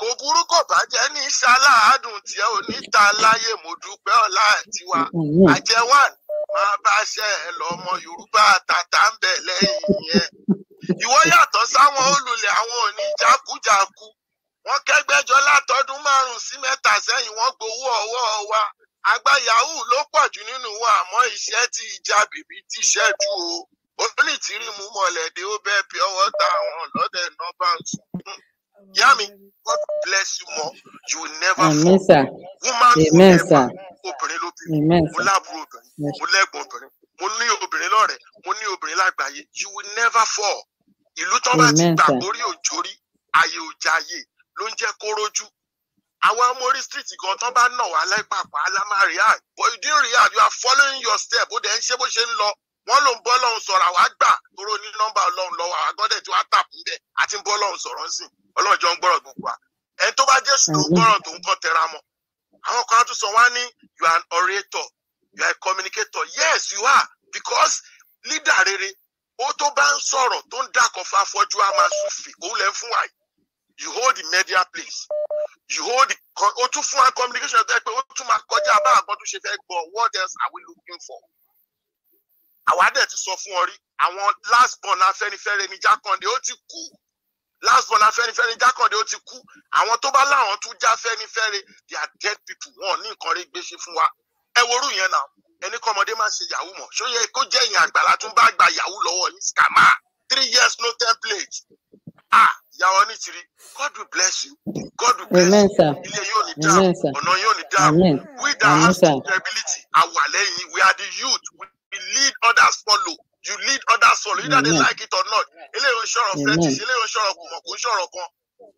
kò burú kò bàjẹ́ ní ṣaláàádùn tiẹ̀ oníta láyé mo dúpẹ́ ọ̀la àtiwá mm-hmm. àjẹwà máa bá ṣe ẹ lọ ọmọ yorùbá tàtà ń bẹ̀ lẹ́yìn yẹn ìwọ yàtọ̀ sáwọn olùlẹ̀ àwọn oníjàkújàkú wọ́n kẹ́gbẹ́jọ látọdún márùn sí mẹ́ta sẹ́yìn wọ́n gbowó ọwọ́ wa àgbà ló pọ̀ jù nínú wa àmọ́ iṣẹ́ tí ìjà bìbí ti ṣẹ́jú o onítìrí mú mọ̀lẹ́dẹ́ ó bẹ́ẹ̀ bí ọwọ́ ta àwọn ọlọ́dẹ náà bá ń sùn. Yami, God bless you more. You will never fall. Amen, sir. Obìnrin lóbìnrin, mo lábúrò obìnrin, mo lẹ́gbọ̀n obìnrin, mo ní obìnrin lọ́rẹ̀ẹ́, mo ní obìnrin lágbàáyé. You will never fall. Ìlú tán bá ti gbàgbórí òjòrí, ayé òjá ayé ló ń jẹ́ kó rojú àwọn amórí street gan tán bá nà wá láìpàpà alámárì à but you didn't react you are following your step ó dẹ̀ ń ṣe bó ṣe ń lọ wọ́n ló ń bọ́ lọ́hùn sọ̀rọ̀ àwa gbà tóró ní nọ́mbà ọlọ́run lọ́wọ́ àwa gọ́dẹ̀ tí wàá tàpù ń àti ń bọ́ lọ́hùn sọ̀rọ̀ ń ọlọ́run jọ ń gbọ́rọ̀ gbogbo wa ẹni tó bá jẹ́ sùn gbọ́rọ̀ tó ń kọ́ tẹra mọ́ àwọn kan á tún sọ wá ní you are an orator you are a communicator yes you are because leader rere ó tó bá ń sọ̀rọ̀ tó ń dàkọ̀ fún afọ́jú á òun lẹ́ fún wáyé you hold the media place you hold the o tún fún wa communication tó yẹ pé o tún máa kọjá bá àgbọn to ṣe fẹ́ gbọ́ what else are we looking for àwa dẹ̀ ti sọ fún ọ rí àwọn last born Afẹ́nifẹ́re ní Jákàndé ó ti kú last born Afẹ́nifẹ́re Jákàndé O ti kú àwọn tó bá láwọn tún já Afẹ́nifẹ́re they are dead people wọn ní nǹkan rí gbéṣe fún wa ẹ worú yẹn náà ẹni kọ́ máa ṣe yahoo mọ̀ ṣó yẹ kó jẹ́ ìyẹn àgbàlá tún bá gba yahoo lọ́wọ́ yín scammer three years no template ah God will bless you God will bless Amen, you Amen, sir. ní dáàbò ọ̀nà we that have stability àwa lẹ́yìn we are the youth we lead others follow you lead others follow either they like it or not eléyìí ń sọ̀rọ̀ fetish eléyìí ń sọ̀rọ̀ kùmọ̀ kò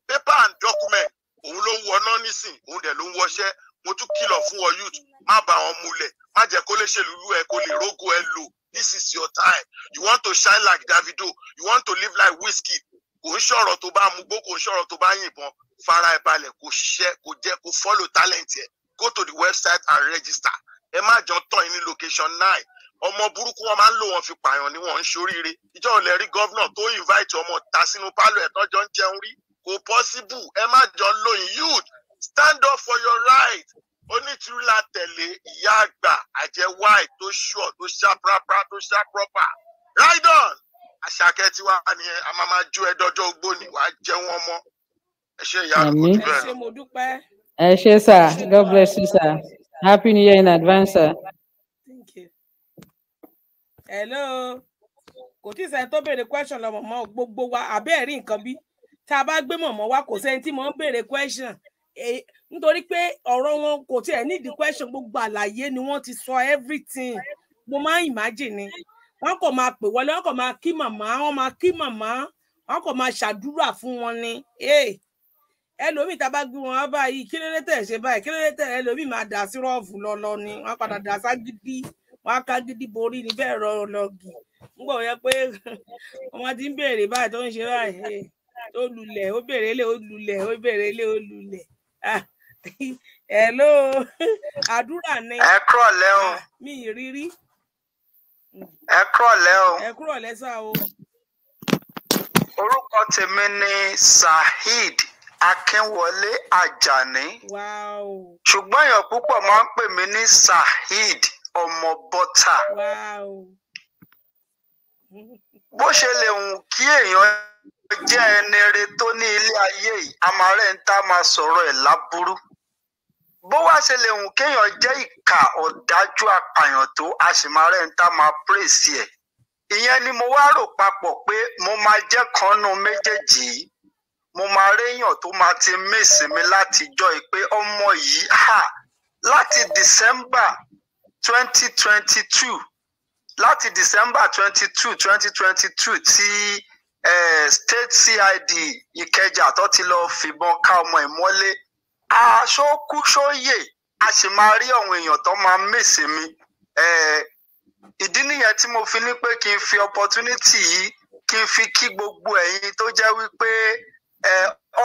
paper and document òun ló ń wọná nísìn òun dẹ̀ ló ń wọṣẹ́ mo tún kìlọ̀ fún ọ youth má bá wọn múlẹ̀ má jẹ́ kó lè ṣèlúlú ẹ kó lè rógó ẹ lò this is your time you want to shine like Davido you want to live like Wizkid kò ń ṣọ̀rọ̀ tó bá mugbó kò ń ṣọ̀rọ̀ tó bá yìnbọn fara ẹ̀ balẹ̀ kò ṣiṣẹ́ kò jẹ́ kò follow talent ẹ̀ go to the website and register ẹ má jọ tán yín ní location nine ọmọ burúkú wọn máa ń lò wọn fi pààyàn ni wọn ń ṣoríire ìjọ ò lè rí gọ́vnà tó invite ọmọ ta sínú pálọ̀ ẹ̀ tán jọ ń jẹun rí kò possible ẹ má jọ lóyún youth stand up for your right onítúrúlà tẹ̀lé ìyá àgbà àjẹwáì tó ṣùọ̀ tó ṣàprápá tó proper. ride on àṣàkẹ́ tí wàá ní ẹ a máa máa jó ẹ ogbó ni wàá jẹun ọmọ ẹ ṣe ìyá àlùkò ẹ ṣe sir god bless you sir happy new year in advance sir. thank you. hello kò tí ì sẹ́ni tó béèrè question lọ mọ̀mọ́ gbogbo wa àbẹ́ ẹ̀rí nǹkan bí tá a bá gbé mọ̀mọ́ wa kò sẹ́ni tí mò ń béèrè question e, nítorí pé ọ̀rọ̀ wọn kò tiẹ̀ ní ìdí question gbogbo àlàyé ni wọ́n ti sọ everything mo máa ń imagine ni. wọn kò máa pè wọlé wọn kò máa kí màmá wọn máa kí màmá wọn kò máa ṣàdúrà fún wọn ni eh, ẹlòmíì tá a bá gbé wọn wá báyìí kí lóde ẹ̀ ṣe báyìí kí lóde tẹ ẹlòmíì máa dà sí rọ́ọ̀fù lọ́lọ́ ni wọn padà dà ságídí wọn ká gidi borí ni bẹ́ẹ̀ rọ lọgì nígbà yẹ pé ọmọ ti ń béèrè báyìí tó ń ṣe báyìí eh, tó lulẹ̀ ó béèrè lé ó lulẹ̀ ó béèrè lé ó lulẹ̀ ah, (laughs) (laughs) àdúrà ni ah, mi ìrírí. ẹ kúrọ̀lẹ́ o. ẹ kúrọ̀lẹ́ sá o. orúkọ tèmi ni saheed akínwọlé ajani ṣùgbọ́n èèyàn púpọ̀ máa ń pè mí ní saheed ọmọ bọ́tà. bó ṣe lè wù kí èèyàn jẹ́ ẹni rẹ tó ní ilé ayé yìí àmàrẹ́ máa sọ̀rọ̀ ẹ̀ láburú bó wá ṣe lè hùn kéèyàn jẹ́ ìkà ọ̀dájú apààyàn tó a sì máa rẹ̀ ń tá máa pírèsì ẹ̀ ìyẹn ni mo wá rò papọ̀ pé mo máa jẹ́ kanú méjèèjì yìí mo máa réyàn tó máa ti mísìn mi látijọ́ yìí pé ọmọ yìí hà láti December twenty twenty two láti December twenty two twenty twenty two tí eh, state CID Ìkẹjà tó ti lọ fìbọn ká ọmọ ẹ̀ E aṣókú ṣóyè a sì máa rí àwọn èèyàn tó máa mèsè mi ìdí nìyẹn tí mo fi ní pé kí n fi opportunity yìí kí n fi kí gbogbo ẹ̀yin tó jẹ́ wípé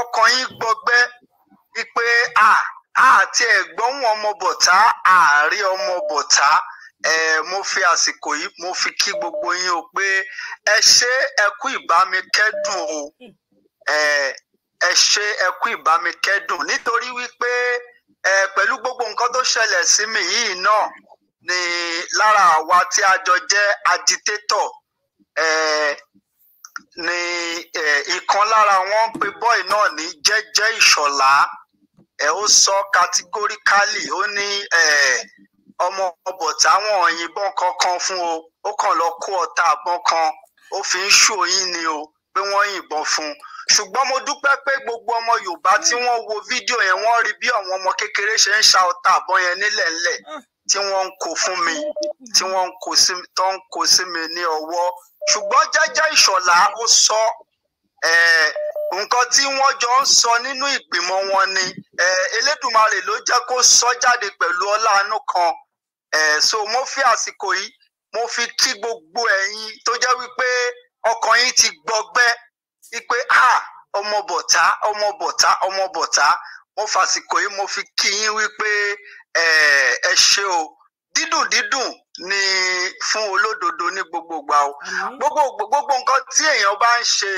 ọkàn yín gbọgbẹ́ wípé àti ẹ̀gbọ́n ọmọ bọ̀tá ààrí ọmọ bọ̀tá mo fi àsìkò yìí mo fi kí gbogbo yín o pé ẹ ṣe ẹ ìbámi kẹ́dùn o ẹ ṣe ẹ kú ìbámi kẹ́dùn nítorí wípé ẹ pẹ̀lú gbogbo nǹkan tó ṣẹlẹ̀ sí mi yìí náà ni lára àwa tí a jọ jẹ́ agitator ẹ ni ìkan lára wọn ń pe bọ́ì náà ní jẹ́jẹ́ ìṣọ̀lá ẹ ó sọ kàtígóríkálì ó ní ọmọ ọbọ̀tà wọn yìnbọn kankan fún o ó kàn lọ kó ọta àbọn kan ó fi ń ṣòyìn ni o pé wọ́n yìnbọn fún un ṣùgbọ́n mo dúpẹ́ pé gbogbo ọmọ Yorùbá tí wọ́n wo fídíò yẹn wọ́n rí bí àwọn ọmọ kékeré ṣe ń ṣa ọta àbọ̀ yẹn nílẹ̀ ńlẹ̀ tí wọ́n ń kó fún mi tí wọ́n ń kó sí tó ń kó sí mi ní ọwọ́ ṣùgbọ́n jẹ́jẹ́ ìṣọ̀lá ó sọ nǹkan tí wọ́n jọ ń sọ nínú ìgbìmọ̀ wọn ni Elédùmarè ló jẹ́ kó sọ jáde pẹ̀lú ọlá àánú kan so mo fi àsìkò yìí mo fi kí gbogbo ẹ̀yin tó jẹ́ wípé ọkàn yín ti gbọgbẹ́ ipe a, ọmọ bọ̀tá ọmọ bọ̀tá ọmọ bọ̀tá mo fàsìkò yìí mo fi kí yín wípé ẹ ṣe o dídùn dídùn ni fún olódodo ní gbogbo ìgbà o gbogbo gbogbo nǹkan tí èèyàn bá ń ṣe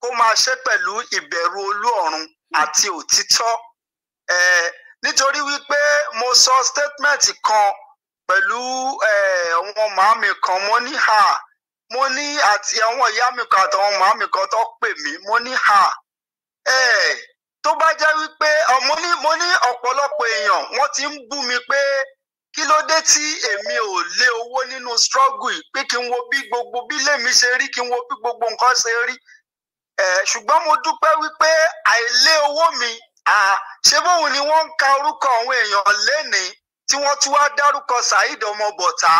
kó máa ṣe pẹ̀lú ìbẹ̀rù olú ọ̀run àti òtítọ́ nítorí wípé mo sọ statement kan pẹ̀lú ọmọ màámi kan mo ní ha mo ní àti àwọn ìyá mi kan àtàwọn màá mi kan tó pè mí mo ní ha ẹ tó bá jẹ́ wípé mo ní mo ní ọ̀pọ̀lọpọ̀ èèyàn wọ́n ti ń bú mi pé kí ló dé tí èmi ò lé owó nínú struggle yìí pé kí n wo bí gbogbo bí lèmi ṣe rí kí n wo bí gbogbo nǹkan ṣe rí ṣùgbọ́n mo dúpẹ́ wípé àìlé owó mi ṣé bóun ni wọ́n ń ka orúkọ àwọn èèyàn lénìí tí wọ́n tún wá dárúkọ Saheed ọmọ bọ̀tá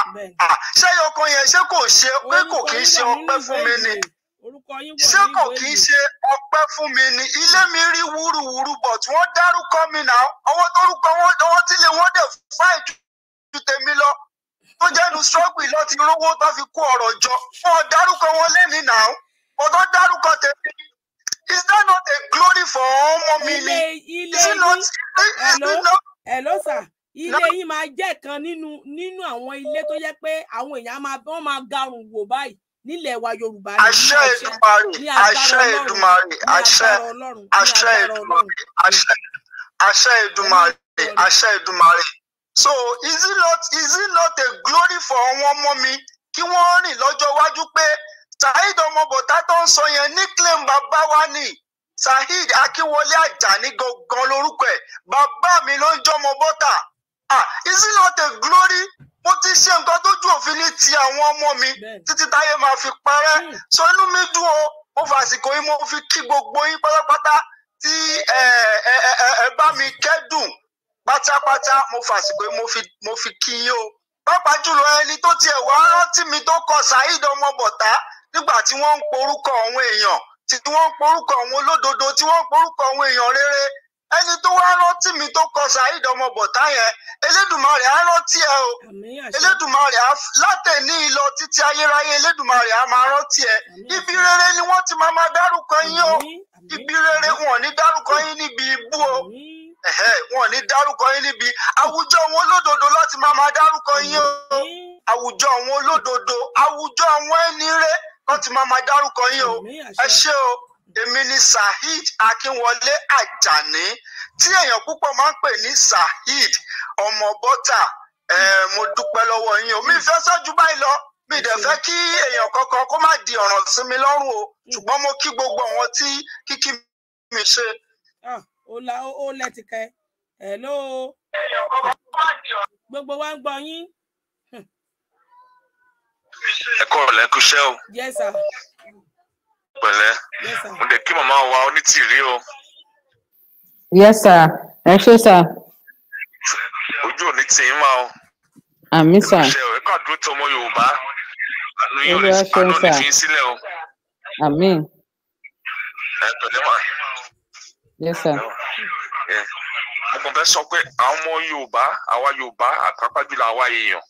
ṣé ọkàn yẹn ṣé kò ṣe pé kò kí ń ṣe ọpẹ́ fún mi ni ṣé kò kí ń ṣe ọpẹ́ fún mi ni ilé mi rí wúruwúru but wọ́n dárúkọ mi náà ọwọ́ tórúkọ wọn ọwọ́ tílé wọn dẹ̀ fáì ju tèmi lọ tó jẹ́nu struggle lọ rówó tó fi kó ọ̀rọ̀ jọ wọn dárúkọ wọn lẹ́ni náà ọ̀tọ́ dárúkọ tèmi is that not a glory for ọmọ mi ni is it not is it not. hello sir ilé yìí máa jẹ́ kan nínú nínú àwọn ilé tó jẹ́ pé àwọn èèyàn máa wọ́n máa garùn wò báyìí nílẹ̀ wa Yorùbá ní àṣẹ ní agbára Ọlọ́run ní agbára Ọlọ́run àṣẹ Èdùmàrè àṣẹ Èdùmàrè so is it not is it not a glory for àwọn ọmọ mi kí wọ́n rìn lọ́jọ́ iwájú pé Saheed Ọmọbọ̀tá tó ń sọ yẹn nickname bàbá wa ni Saheed Akínwọlé Àjàní gangan lórúkọ ẹ̀ bàbá mi ló ń jọmọ bọ́tà. Ah, is it not a glory mo ti ṣe nǹkan tójú òfin ní ti àwọn ọmọ mi títí táyé máa fi parẹ́ hmm. so inú mi dùn o mo fàsìkò yìí mo fi kí gbogbo yín pátápátá tí ẹ ẹ ẹ bá mi kẹ́dùn pátápátá mo fàsìkò yìí mo fi kí yín o pàápàá jùlọ ẹni tó tiẹ̀ wá rántí mi tó kọ Saheed ọmọ Bọ̀tá nígbà tí wọ́n ń porúkọ àwọn èèyàn tí wọ́n ń porúkọ àwọn olódodo tí wọ́n ń porúkọ àwọn èèyàn rere ẹni tó wá rántí mi tó kọ Saheed ọmọ bọ̀tá yẹn Elédùmarè á rántí ẹ o Elédùmarè á látẹ̀ní lọ títí ayérayé Elédùmarè á máa rántí ẹ ibi rere ni wọ́n ti máa máa dárúkọ yín o ibi rere wọn ní dárúkọ yín níbi ibú o wọn ní dárúkọ yín níbi àwùjọ wọn olódodo láti máa máa dárúkọ yín o àwùjọ wọn olódodo àwùjọ wọn ẹni rẹ láti máa máa dárúkọ yín o ẹ ṣé o èmi ni Saheed Akínwọlé Àjàní tí èèyàn púpọ̀ máa ń pè ní Saheed ọmọ bọ́tà mo dúpẹ́ lọ́wọ́ yín o mi fẹ́ sọ́jú báyìí lọ mi dẹ̀ fẹ́ kí èèyàn kankan kó má di ọ̀ràn sí mi lọ́rùn o ṣùgbọ́n mo kí gbogbo àwọn tí kíkí mi ṣe. Ah, ó la ó lẹ́tìkẹ́ ẹ̀ ló gbogbo wa ń gbọ́ yín. ẹ kọ́ ọ̀lẹ́kùṣẹ́ o. yes sir pẹ̀lẹ́ mo dẹ̀ kí màmá wa onítìrí o. yes sir ẹ ṣé sir. ojú òní tì í máa o. àmì sà. ẹ kà dúró ti ọmọ yorùbá àánú yóò lè àánú ní fi sílẹ̀ o. àmì. ẹ pẹ̀lẹ́ mà. yes sir. mo kàn fẹ́ sọ pé àwọn ọmọ yorùbá àwa yorùbá àpapàjùlọ àwa èèyàn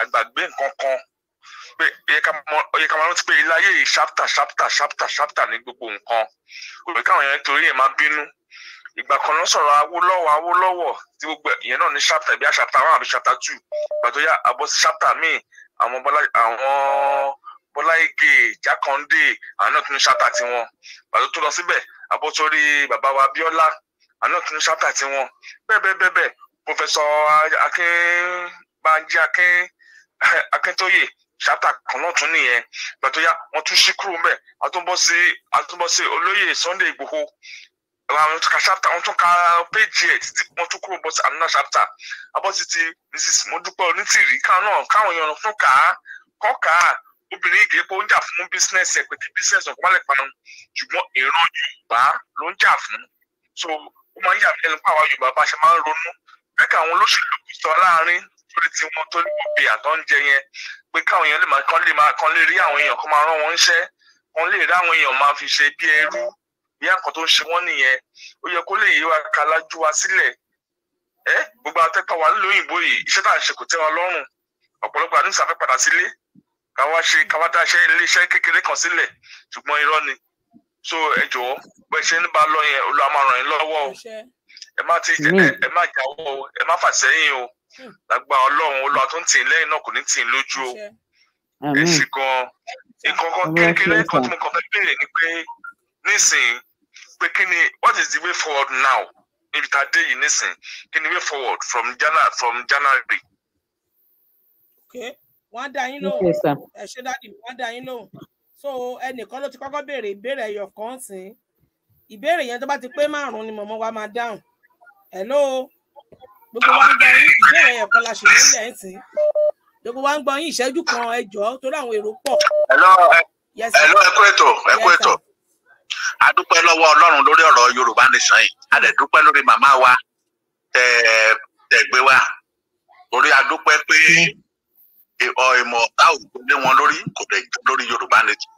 àgbàgbé nǹkan kan pé yẹ ká máa rántí pé ilé ayé yìí ṣáptà ṣáptà ṣáptà ṣáptà ní gbogbo nǹkan òwe káwọn yẹn torí yẹn máa bínú ìgbà kan náà sọ̀rọ̀ Awólọ́wọ̀ Awólọ́wọ̀ tí gbogbo ìyẹn náà ní ṣáptà bí i ṣáptà one àbí ṣáptà two ìgbà tó yá àbọ̀ sí ṣáptà míì àwọn bọ́lá àwọn bọ́lá ige jákàndé àwọn náà tún ní ṣáptà tiwọn ìgbà tó tó lọ síbẹ̀ àbọ̀ sórí bàbá wa Abíọ́lá àwọn náà tún ní ṣáptà tiwọn bẹ́ẹ̀ bẹ́ẹ̀ ṣáta kan náà tún nìyẹn gbàtóyà wọn tún ṣí kúrò mbẹ àtúnbọsí àtúnbọsí olóyè Sunday Igboho wọn tún ka chapter wọn tún ka page ẹ títí wọn tún kúrò bọ sí another chapter abọ́sí ti mrs Modúpẹ́ Onítìrí káwọn náà káwọn èèyàn fún kà á kọ́ kà á obìnrin yìí kò ń jà fún business ẹ pé kí business ọ̀kọ́ wálé panu ṣùgbọ́n ìran Yorùbá ló ń jà fún so ó máa ń yà ẹnu pàwọn Yorùbá bá ṣe máa ń ronú bẹ́ẹ̀ kí àwọn olóṣèlú kù sọ láàrin pé tí wọn tó ní òbí àtọ́njẹ yẹn pé káwọn èèyàn lè máa kán lè máa kán lè rí àwọn èèyàn kó máa rán wọn iṣẹ́ wọn lè rí àwọn èèyàn máa fi ṣe bí ẹrú bí àkàn tó ń ṣe wọn nìyẹn ó yẹ kó lè yí wa kalájú wa sílẹ̀ ẹ gbogbo atẹ́pà wa nílùú òyìnbó yìí iṣẹ́ tá à ń ṣe kò tẹ́ wa lọ́rùn ọ̀pọ̀lọpọ̀ àdúnsà fẹ́ padà sílé káwa ṣe káwa dá iṣẹ́ iléeṣẹ́ kékeré kan sílẹ̀ ṣùgbọ́n irọ́ ni so ẹ jọ̀ọ́ bẹ́ ṣe ń bá lọ yẹn olùwàmọ̀ràn yín lọ́wọ́ o ẹ má ti ẹ má jáwọ́ o ẹ má fà sẹ́yìn o lágbà ọlọ́run olúwa tó ń tì í lẹ́yìn náà kò ní tì í lójú o ẹ ṣe gan nǹkan kékeré kan tí mo kàn fẹ́ béèrè ni pé nísìnyí pé kí ni what is the way forward now níbi tá a dé yìí nísìnyí kí ni way forward from January from January. okay wọ́n á dá yín lóhùn ẹ ṣe dáàdì wọ́n dá yín lóhùn so ẹnìkan ló ti kọ́kọ́ béèrè ìbéèrè ẹyọ kan sí ìbéèrè yẹn tó bá ti pé márùn-ún ni mọ̀mọ́ wa máa dáhùn hello gbogbo wa ń gbọ́ yín ìbéèrè ẹ̀yọ̀ la ṣe nílẹ̀ ẹ̀ tí gbogbo wa ń gbọ́ yín ìṣẹ́jú kan ẹjọ́ torí àwọn èrò pọ̀. ẹ̀lọ́ ẹ̀kú ètò ẹ̀kú ètò a lọ́wọ́ Ọlọ́run lórí ọ̀rọ̀ Yorùbá nation yìí a lórí màmá wa tẹ̀gbẹ́ wa torí a pé ìhọ ìmọ̀ ọ̀tá òkú lé wọn lórí kò dẹ̀ jẹ́ lórí Yorùbá nation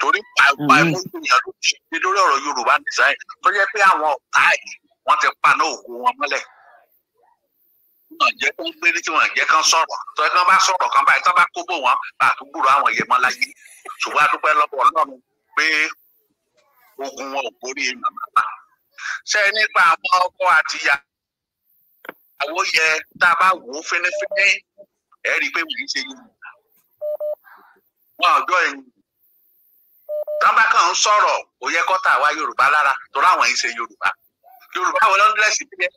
torí pàápàá ẹ̀mú ìyàn ló ti ṣe lórí ọ̀rọ̀ Yorùbá nation tó yẹ pé àwọn ọ̀tá yìí wọ́n ti paná òkú wọn mọ́lẹ̀ náà jẹ́ kó gbé ní tí wọ́n jẹ́ kán sọ̀rọ̀ tó ẹ kán bá sọ̀rọ̀ kán báyìí tó bá kó bò wọ́n bá àtúgbòrò àwọn yẹmọ láyé ṣùgbọ́n a lọ́wọ́ Ọlọ́run pé ogun wọn ò borí màmá ṣe nípa àwọn ọkọ àti ìyàwó yẹ tá a bá wò ó fínífíní ẹ rí i pé wòlíì ṣe yìí wọn ọjọ́ ẹ̀yìn tọ́ba kan ń sọ̀rọ̀ kò kọ́ta àwa Yorùbá lára torí àwọn yìí ṣe Yorùbá Yorùbá wọn ló bí ẹ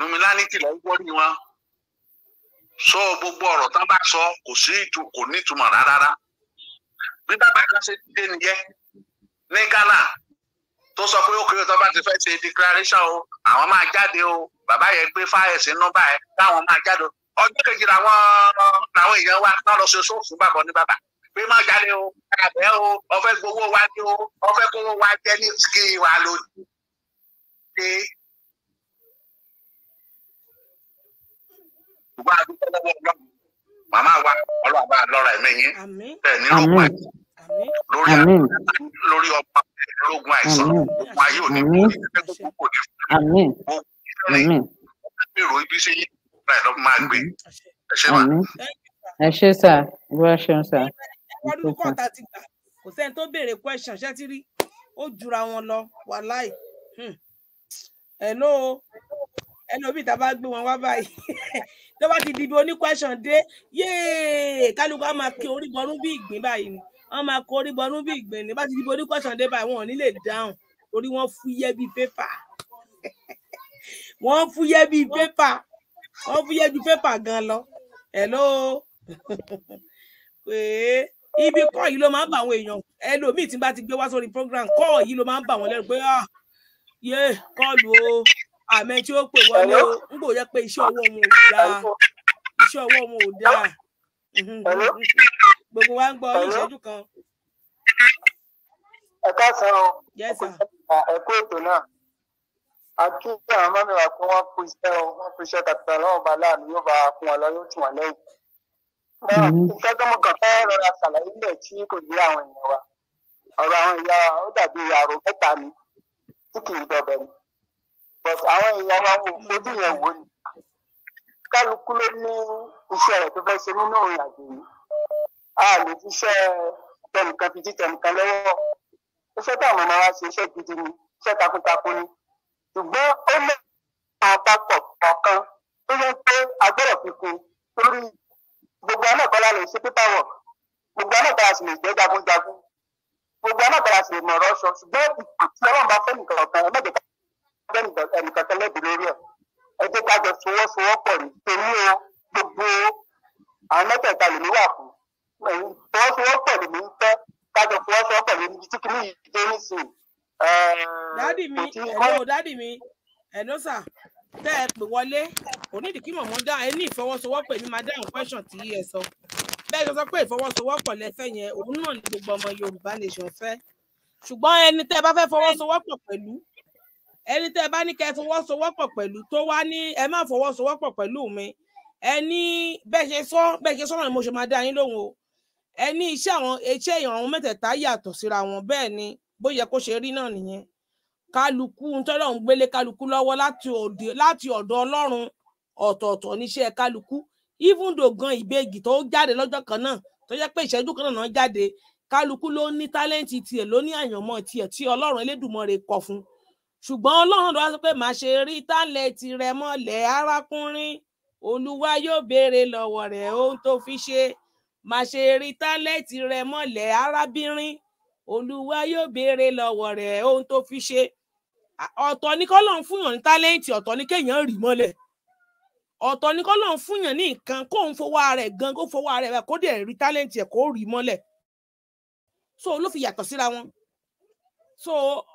nominality lọ ń wọrí wọn sọ gbogbo ọ̀rọ̀ tán bá sọ kò sí ìtú kò nítumọ̀ rárá bí bàbá kan ṣe dé nìyẹn ní Ghana tó sọ pé ókè tó bá ti fẹ́ ṣe declaration o àwọn máa jáde o bàbá yẹn gbé fáyẹ̀ sínú báyẹn táwọn máa jáde o ọjọ́ kejì làwọn làwọn èèyàn wa náà lọ ṣe sóòfù bàbọ̀ ní bàbá pé má jáde o àbẹ̀ o ọ̀fẹ́ gbowó wa o ọ̀fẹ́ kówó wa jẹ́ kí wa ló dé ṣùgbọ́n adúgbò lọ́wọ́ ọlọ́run màmá wa ọlọ́run lọ́ra ẹ̀mí yín bẹ́ẹ̀ ní lóògùn àìsàn lórí ọmọ lóògùn àìsàn ogun ayé òní kò ní fún mi gbèrò ibi ẹ ṣe sá ìwé ṣeun sá. kò sẹ́ni tó béèrè question ṣé ti rí ó jura wọn lọ wàláì. Hmm. hello ẹlòmíì tá a bá gbé wọn wá báyìí (laughs) tó bá ti dìbò oní question dé yéè kálukú á máa kí orí bọnú bí ìgbín báyìí ni wọn máa kó orí bọnú bí ìgbín ni bá ti dìbò oní question dé báyìí wọn ò ní lè dáhùn torí wọn fúyẹ́ bíi pépà (laughs) wọn fúyẹ́ bíi pépà wọn fúyẹ́ ju pépà gan lọ hello pé (laughs) ibi kọ́ yìí ló máa ń bá àwọn èèyàn ẹlòmíì tí bá ti gbé wá sórí program kọ́ yìí ló máa ń bá wọn lẹ́rù pé ah, yé kọ́ọ̀lù o àmẹ tí ó pè wọlé o n kò yẹ pé iṣẹ́ ọwọ́ wọn ò dáa iṣẹ́ ọwọ́ wọn ò dáa (laughs) gbogbo wa ń gbọ́ ìṣẹ́jú kan. ẹ káàsán o ẹ kú ètò náà àti àwọn mọ́mí wa pé wọ́n kú iṣẹ́ o wọ́n kú iṣẹ́ kàtà lọ́wọ́ bá láàánú yóò bá fún wọn lọ yóò tún wọn lẹ́yìn. iṣẹ́ tó mọ̀ kàn fẹ́ rọra ṣàlàyé ilẹ̀ tí kò yé àwọn èèyàn wa ọ̀rọ̀ àwọn ìyá ó dàbí àrò mẹ́ta ni tí kì í dọ̀bẹ̀ ni but àwọn èèyàn wa wò fojú yẹn wò ni kálukú ló ní iṣẹ́ rẹ̀ tó fẹ́ ṣe nínú òun àjò yìí a lè fi iṣẹ́ tẹnìkan fi jí tẹnìkan lọ́wọ́ iṣẹ́ táwọn ọmọ wa ṣe iṣẹ́ gidi ni iṣẹ́ takuntakun ni ṣùgbọ́n ó lè fa àpapọ̀ kọ̀ọ̀kan tó yẹ pé agbọ́dọ̀ fi kún torí gbogbo anákọ́lá lè ṣe pépà wọ̀ gbogbo anákọ́lá sì lè jẹ́ jagunjagun gbogbo anákọ́lá sì lè mọ̀ ọ̀rọ̀ sọ ṣùgbọ́n ìpàtí ọlọ́run bá fẹ́ nìkan ọ̀kan ẹ̀ mẹ́jẹ̀ká ẹnìkan tẹ́lẹ̀dì lórí ẹ̀ ẹ jẹ́ o gbogbo àwọn mẹ́tẹ̀ẹ̀ta lèmi wà fún sowọ́sowọ́pọ̀ lèmi ń fẹ́ ká jọ sowọ́sowọ́pọ̀ lórí ibi tí kìíní yìí dé nísìnyí. dádì mi ẹ̀lọ́ dádì mi ẹ̀lọ́ sà tẹ́ ẹ pè wọlé kò nídìí kí mọ̀mọ́ dá ẹ ní ìfọwọ́sowọ́pọ̀ èmi máa dáhùn question tí ẹ sọ bẹ́ẹ̀ sọ pé ìfọwọ́sowọ́pọ̀ lẹ́fẹ́ yẹn òun náà ni gbogbo ọmọ Yorùbá nation fẹ́ ṣùgbọ́n ẹni tẹ́ ẹ bá fẹ́ fọwọ́sowọ́pọ̀ pẹ̀lú ẹni tẹ́ bá ní kẹ́ fọwọ́sowọ́pọ̀ pẹ̀lú tó wá ní ẹ má fọwọ́sowọ́pọ̀ pẹ̀lú mi ẹ ní bẹ́ẹ̀ ṣe sọ bẹ́ẹ̀ ṣe sọ̀rọ̀ ni mo ṣe máa dá yín lóhùn o ẹ ní iṣẹ́ àwọn iṣẹ́ èèyàn àwọn mẹ́tẹ̀ẹ̀ta yàtọ̀ síra wọn bẹ́ẹ̀ ni bó yẹ kó ṣe rí náà nìyẹn kálukú tọ́lọ̀ ń gbélé kálukú lọ́wọ́ láti ọ̀dọ̀ Ọlọ́run ọ̀tọ̀ọ̀tọ̀ níṣẹ́ kálukú even though gan ìbejì tó jáde lọ́jọ́ kan náà tó jẹ́ pé ìṣẹ́jú kan náà jáde kálukú ló ní tálẹ́ǹtì tiẹ̀ ló ní àyànmọ́ tiẹ̀ tí Ọlọ́run Elédùmarè kọ fún un ṣùgbọ́n ọlọ́run ló wá sọ pé má ṣe rí tálẹ̀ tirẹ̀ mọ́lẹ̀ arákùnrin olúwa yóò béèrè lọ́wọ́ rẹ̀ ohun tó fi ṣe má ṣe rí tálẹ̀ tirẹ̀ mọ́lẹ̀ arábìnrin olúwa yóò béèrè lọ́wọ́ rẹ̀ ohun tó fi ṣe ọ̀tọ̀ ni kọ́lọ́run fúnyàn ní tálẹ́ǹtì ọ̀tọ̀ ni kéèyàn rì mọ́lẹ̀ ọ̀tọ̀ ni kọ́lọ́run fúnyàn ní nǹkan kó ń fowó rẹ̀ gan kó fowó rẹ̀ kó dẹ̀ rí tálẹ́ǹtì ẹ̀ kó rì mọ́lẹ̀ so ló fi yàtọ̀ síra wọn so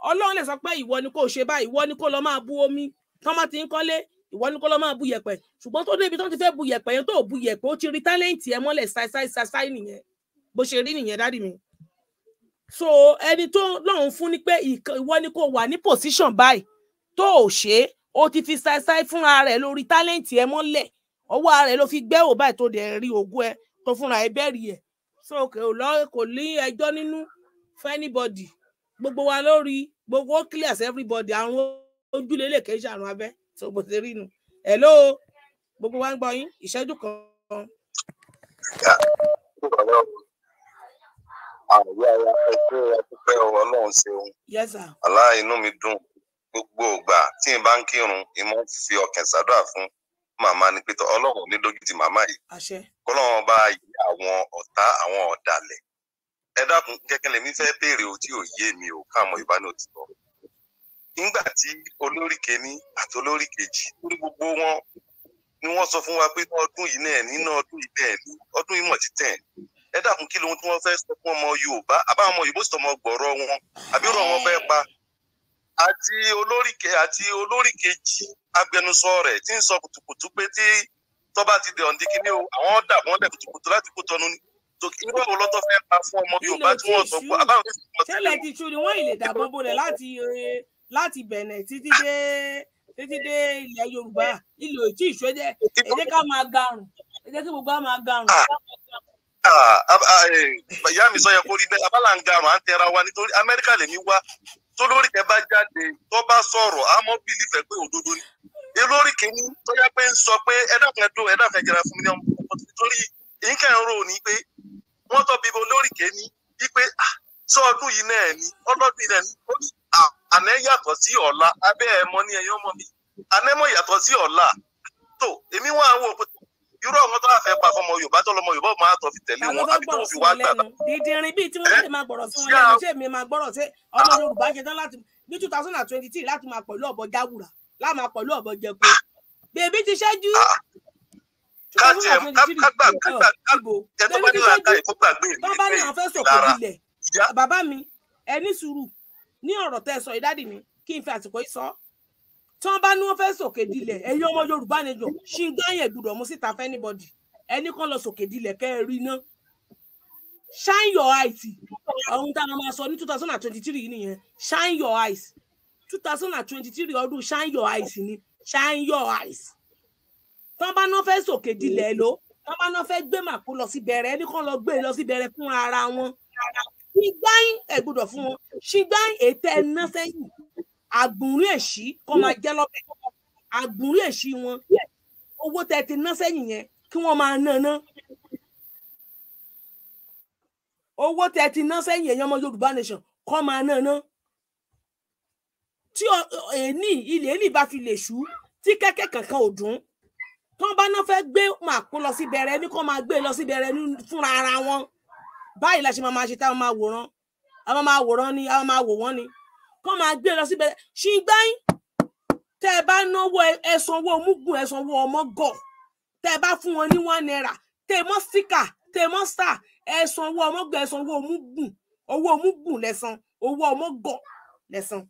ọlọ́run lè sọ pé ìwọ ni kò ṣe báyìí ìwọ ni kò lọ máa bu omi tán bá ti ń kọ́lé ìwọ ni kò lọ máa bu yẹ̀pẹ̀ ṣùgbọ́n tó débi tó ti fẹ́ bu yẹ̀pẹ̀ yẹn tó bu yẹ̀pẹ̀ ó ti rí tálẹ́ǹtì ẹ mọ́lẹ̀ ṣáṣáṣáṣáì nìyẹn bó ṣe rí nìyẹn so ẹni tó lọ́run fún ni pé ìwọ ni kò wà ní pòsíṣàn báyìí tó ò ṣe é ó ti fi ṣáṣáì fúnra rẹ̀ lórí tálẹ́ǹtì ẹ mọ́lẹ̀ ọwọ́ rẹ̀ ló fi gbẹ́ ò báyìí so kò lọ kò ní ẹjọ́ nínú for anybody gbogbo wa lórí gbogbo clear everybody àrùn ojúlé lè kẹ́ ṣàrùn abẹ́ tó bó ṣe rí nu hello gbogbo wa ń gbọ́ yín ìṣẹ́jú kan. àlá inú mi dùn gbogbo ìgbà tí n bá ń kírun ìmọ̀ fi ọkàn ṣàdúrà fún màmá ni pé ọlọ́run ní dójú màmá yìí kọ́lọ́run bá yí àwọn ọ̀tá àwọn ọ̀dàlẹ̀ ẹ dákun kẹ̀kẹ́ lèmi fẹ́ béèrè o tí ò yé mi o káàmọ ìbánòtítọ́ nígbà tí olórí kìíní àti olórí kejì lórí gbogbo wọn ni wọ́n sọ fún wa pé ọdún yìí náà nínú ọdún yìí náà ni ọdún yìí mọ títẹ ẹ dákun kí lóhun tí wọ́n fẹ́ sọ fún ọmọ Yorùbá àbáwọn ọmọ Yorùbá sì tọmọ gbọrọ wọn àbí rọ wọn fẹ́ pa àti olórí ke àti olórí kejì agbẹnusọ rẹ̀ tí ń sọ kùtùkùtù pé tí tọ́ba ti dẹ̀ ọ̀ǹdí o àwọn dà wọ́n lẹ̀ kùtùkùtù láti kú tọ́nu ni irú àwọn ọlọ́tọ́ fẹ́ pa fún ọmọ Yorùbá tí wọ́n sọ pé aláwọ̀ ní ìsìnkú ọ̀sẹ̀. tẹ́lẹ̀ ti ṣu ni wọ́n ìlè dàbọ̀ bolẹ̀ láti láti bẹ̀nẹ̀ títí dé ah ah ah Yorùbá ìlò ìtí ìṣẹ́jẹ́ ẹ jẹ́ ká máa garùn ẹ jẹ́ kí gbogbo á máa garùn. Ah, ah, ah, eh, ìyá mi sọ yẹ kó rí bẹ́ẹ̀ abala ń garùn à ń tẹra wa nítorí Amẹ́ríkà lèmi wá tó lórí kẹ bá jáde tó bá sọ̀rọ̀ àmọ́ bìlì fẹ́ pé òdodo ni. olórí kìíní tó yá pé ń sọ pé ẹ dákun ẹ dó ẹ dákun ẹ jẹra fún mi ní ọmọ nítorí èyí kẹ́ ń rò ní pé wọ́n tọ́ bíbo lóríkè ní wípé sọ ọdún yìí náà ni ọlọ́dún yìí náà ni ó ní àná yàtọ̀ sí ọ̀la abẹ́ ẹ̀ mọ́ ní ẹ̀yọ́ mọ́ mi àná mọ́ yàtọ̀ sí ọ̀la tó èmi wọ́n á wò pé irú àwọn tó àfẹ́ pa fọmọ yorùbá tó lọmọ yorùbá máa tọ́ fi tẹ̀lé wọn àbí tó fi wá gbàgbà. dídìrín bíi tí wọ́n lè máa gbọ́rọ̀ sí wọn ṣé èmi máa gbọ́rọ̀ sí ọmọ yorùbá ṣe tán láti ní two thousand and twenty three láti máa pẹ̀lú ọ̀bọ jáwùrà láti máa pẹ̀lú ọ̀bọ jẹ̀kú káàtì ẹ̀ kágbà kágbà ẹ̀ tó bá ní làákà gbàgbé mi lára bàbá mi sùúrù ní ọ̀rọ̀ tẹ́ sọ ìdádì mi kí n fi àsìkò yìí sọ tí bá ní sòkè ọmọ Yorùbá ni jọ ṣì ń síta ẹni kan lọ sòkè ẹ rí iná shine your eyes máa sọ ní two thousand and twenty three yìí nìyẹn shine your eyes two thousand and twenty three ọdún shine your eyes ni shine your eyes tán bá náà fẹ́ sòkè dilẹ̀ ló tán bá náà fẹ́ gbé màkú lọ sí bẹ̀rẹ̀ ẹni kan lọ gbé lọ sí bẹ̀rẹ̀ fúnra ara wọn ṣìgbáyìn ẹ gbọ́dọ̀ fún wọn ṣìgbáyìn ètò ẹná sẹ́yìn àgbùnrín èṣí kọ́ máa jẹ́ lọ́bẹ̀ àgbùnrín èṣí wọn owó tẹ ti ná sẹ́yìn yẹn kí wọ́n máa ná ná owó tẹ ti ná sẹ́yìn èèyàn ọmọ Yorùbá nation kọ́ máa ná ná tí èní ilé èlì bá fi lè ṣú tí kẹ́kẹ́ kankan ò dùn tán bá náà fẹ́ẹ́ gbé màkó lọ sí bẹ̀rẹ̀ ní kán máa gbé lọ sí bẹ̀rẹ̀ ní fúnra ara wọn báyìí la ṣe máa ṣe táwọn máa wòran àwọn máa wòran ni àwọn ma wò wọn ni kán máa gbé lọ sí bẹ̀rẹ̀ ṣìgbẹ́yìn tẹ́ ẹ bá náwó ẹ̀sán owó mugun ẹ̀sán owó ọmọ gọ̀ tẹ́ ẹ bá fún wọn ní one naira tẹ́ ẹ mọ́ síkà tẹ́ ẹ mọ́ sà ẹ̀sán owó ọmọ gọ̀ ẹ̀sán owó mugun owó mugun lẹ́sàn owó ọmọ gọ̀ lẹ́sàn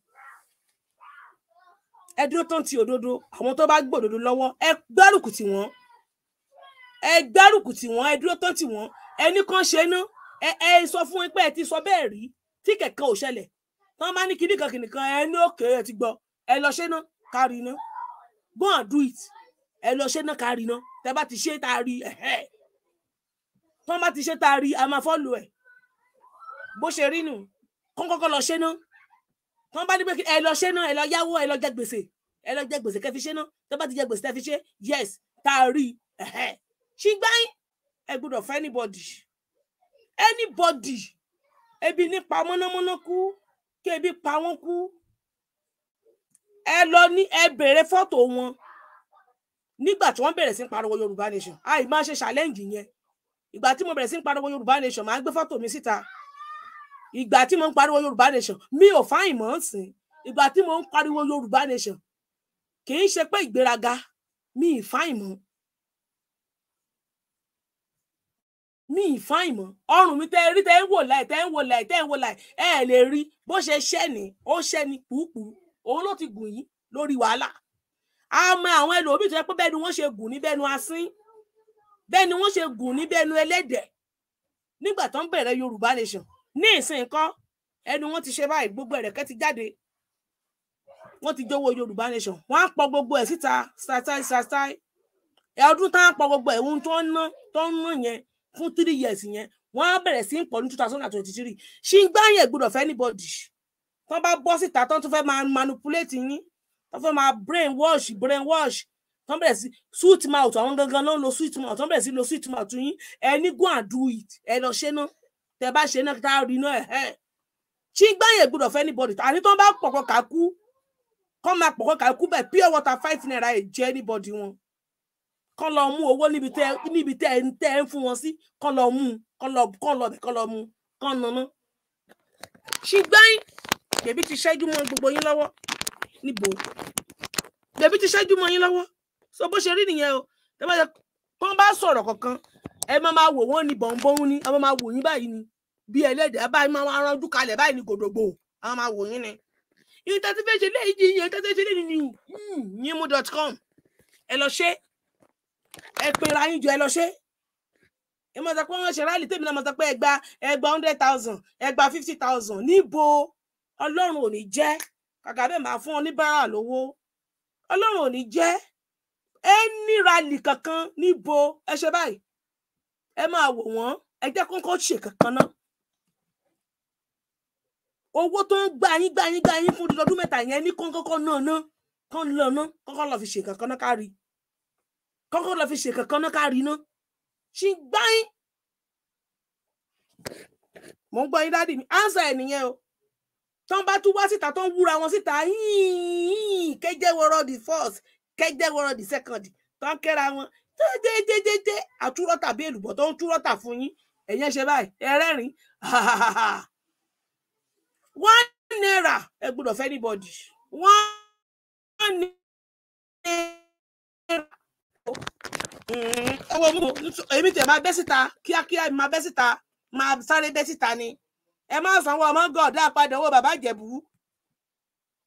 ẹ dúró tán ti òdodo àwọn tó bá gbòdodo lọ́wọ́ ẹ gbárùkù tì wọ́n ẹ gbárùkù tì wọ́n ẹ dúró tán tì wọ́n ẹnì kan ṣe ná ẹ ẹ sọ fún wọn pé ẹ ti sọ bẹ́ẹ̀ rí tí kẹ̀kẹ́ ò ṣẹlẹ̀ tán bá ní kinní kan kinní kan ẹ ní òkè ẹ ti gbọ́ ẹ lọ ṣe ná kárí ná go and do it ẹ lọ ṣe ná kárí ná tẹ bá ti ṣe tá a rí ẹhẹ tán bá ti ṣe tá a rí a máa fọ́ọ̀lù ẹ bó ṣe rí nù kọ́ńkọ́kọ́ lọ ṣe ná tán bá ní pé ẹ lọ ṣe náà ẹ lọ yáwó ẹ lọ jẹ gbèsè ẹ lọ jẹ gbèsè kẹfi ṣe náà tó bá ti jẹ gbèsè tẹfi ṣe yes tá a rí i ṣùgbọ́n ẹ gbọ́dọ̀ fún anybody anybody ebi nípa mọ́nàmọ́ná kú kí ebi pa wọ́n kú ẹ lọ ní ẹ bèrè fọ́tò wọn nígbà tí wọ́n bẹ̀rẹ̀ sí pariwo Yorùbá nation àì máa ṣe challenge yẹn ìgbà tí mo bẹ̀rẹ̀ sí pariwo Yorùbá nation màá gbé fọ́tò mi síta. Si ìgbà tí mo ń pariwo yorùbá nation mi ò fáyìn mọ́ sìn ìgbà tí mo ń pariwo yorùbá nation kì í ṣe pé ìgbéraga mi ì fáyìn mọ́ mi ì fáyìn mọ́ ọrùn mi tẹ́ rí tẹ́ ń wò láì tẹ́ ń wò láì tẹ́ ń wò láì ẹ lè rí bó ṣe ṣẹ́ ni ó ṣẹ́ ni pùpù òun ló ti gùn yìí lórí wàhálà àmọ́ àwọn ẹlòmíì tó yẹ pé bẹ́ẹ̀ ni wọ́n ṣe gùn ní bẹ́ẹ̀ nu asín bẹ́ẹ̀ ni wọ́n ṣe gùn ní bẹ́ẹ̀ nu ẹlẹ́dẹ̀ nígbà tó ń bẹ̀rẹ̀ yorùbá nation ní ìsìn kọ́ ẹnu wọn ti ṣe báyìí gbogbo ẹ̀rẹ̀kẹ́ ti jáde wọn ti jówó yorùbá nation wọn á pọ gbogbo ẹ̀ síta satai satai ẹ ọdún tá à ń pọ gbogbo ẹ̀ ohun tó ń ná tó ń ná yẹn fún three years yẹn wọn á bẹ̀rẹ̀ sí í ní two thousand and twenty three ṣì ń gbá yẹn gbọ́dọ̀ fẹ́ anybody tó bá bọ́ síta tó tún fẹ́ máa manipulate yín tó fẹ́ máa brain wash brain wash tó bẹ̀rẹ̀ sí sweet mouth àwọn gangan ló lo sweet mouth tó bẹ̀rẹ̀ sí lo sweet mouth yín ẹ ní go and do it ẹ lọ ṣe náà tẹ bá ṣe náà tá a rí náà ẹhẹ tí gbẹ̀yìn gbọ́dọ̀ fẹ́ anybody àní tó ń bá pọ̀kọ́ kà kú kọ́ máa pọ̀kọ́ kà kú bẹ́ẹ̀ pure water five naira ẹ̀ jẹ́ anybody wọn kọ́ lọ mú owó níbi tẹ́ níbi tẹ́ ń tẹ́ ń fún wọn sí kọ́ lọ mú kọ́ lọ kọ́ lọ kọ́ lọ mú kọ́ nàná tí gbẹ̀yìn bèbí ti ṣẹ́jú mọ́ gbogbo yín lọ́wọ́ níbo bèbí ti ṣẹ́jú mọ́ yín lọ́wọ́ so bó ṣe rí nìyẹn o tẹ́ bá sọ̀rọ̀ kankan ẹ máa máa wò wọ́n ní bọ̀ǹbọ̀n ni ẹ máa máa wò yín báyìí ni bí ẹlẹ́dẹ̀ báyìí máa máa ránjú kalẹ̀ báyìí ni gòdògbò ẹ máa wò yín ni. ìyẹn tẹ́tí fẹ́ ṣe léyìí ìyẹn tẹ́tí ṣe léyìí ni yímú dot com ẹ lọ ṣe ẹ pera yín jọ ẹ lọ ṣe ẹ máa sọ pé wọ́n ṣe ráàlì tèmi náà máa sọ pé ẹgbà ẹgbà hundred thousand ẹgbà fifty thousand níbo ọlọ́run ò ní jẹ́ kàkà bẹ́ẹ̀ máa fún oníbàárà lówó ọlọ́run ò ní jẹ́ ẹ ní ráàlì kankan níbo ẹ ṣe báyìí ẹ máa wò wọ́n ẹ jẹ́ kó kó ṣe kankan náà owó tó ń gbà yín gbà yín gbà yín fún ọdún mẹ́ta yẹn ní kọ́ńkọ́kọ́ náà ná kán lọ ná kọ́kọ́ lọ fi ṣe kankan náà kárí kọ́kọ́ lọ fi ṣe kankan náà kárí ná ṣì ń gbá yín mò ń gbọ́ yín dádì mi ánsà ẹ̀ nìyẹn o tán bá tún wá síta tán wúra wọn síta yín kéjẹ́ wọ́rọ́ the first kéjẹ́ wọ́rọ́ the second tán kẹ́ra wọn déédéédéédé àtúrọ́tà bí èlùbọ́ tó ń túrọ́tà fún yín ẹ̀yin ṣe báyìí ẹ̀rẹ́rìn (laughs) one naira ẹ gbọ́dọ̀ fẹ́ anybody one naira owó mú èmi tẹ̀ máa bẹ́ síta kíákíá máa bẹ́ síta máa sáré bẹ́ síta ni ẹ má sanwó ọmọ gọ̀ọ́dá padà owó bàbá ìjẹ̀bú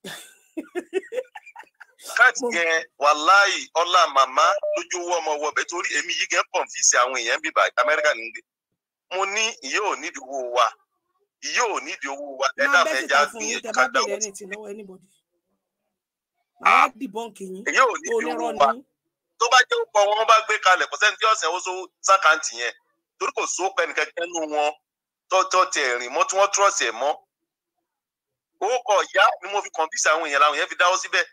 (laughs) káàdì yẹn wàláì ọlá màmá lójú owó ọmọ wọbẹ torí èmi yìí gẹ kọǹfìsì àwọn èèyàn bíbá amẹ́ríkà ní gbé mo ní ìyá ò nídìí owó wa ìyá ò nídìí owó wa ẹ dá fẹ́ já gbìyànjú ká dá owó sí i. Ah! ìyá ò nídìí owó wa tó bá jẹ́ òpó wọn bá gbé kalẹ̀ kò sẹ́ni tí ọ̀sẹ̀ ó so sákàǹtì yẹn torí kò sóòpọ̀ ẹnìkẹ́kẹ́ nù wọn tọ́tọ́ tẹ̀ rìn mọ́ tí wọ́n túrọ̀sì ẹ̀ mọ́ owó kọ̀ ìyá ni mo fi kọ̀ǹfìsì àwọn èèyàn làwọn yẹn fi dáwọ́ síbẹ̀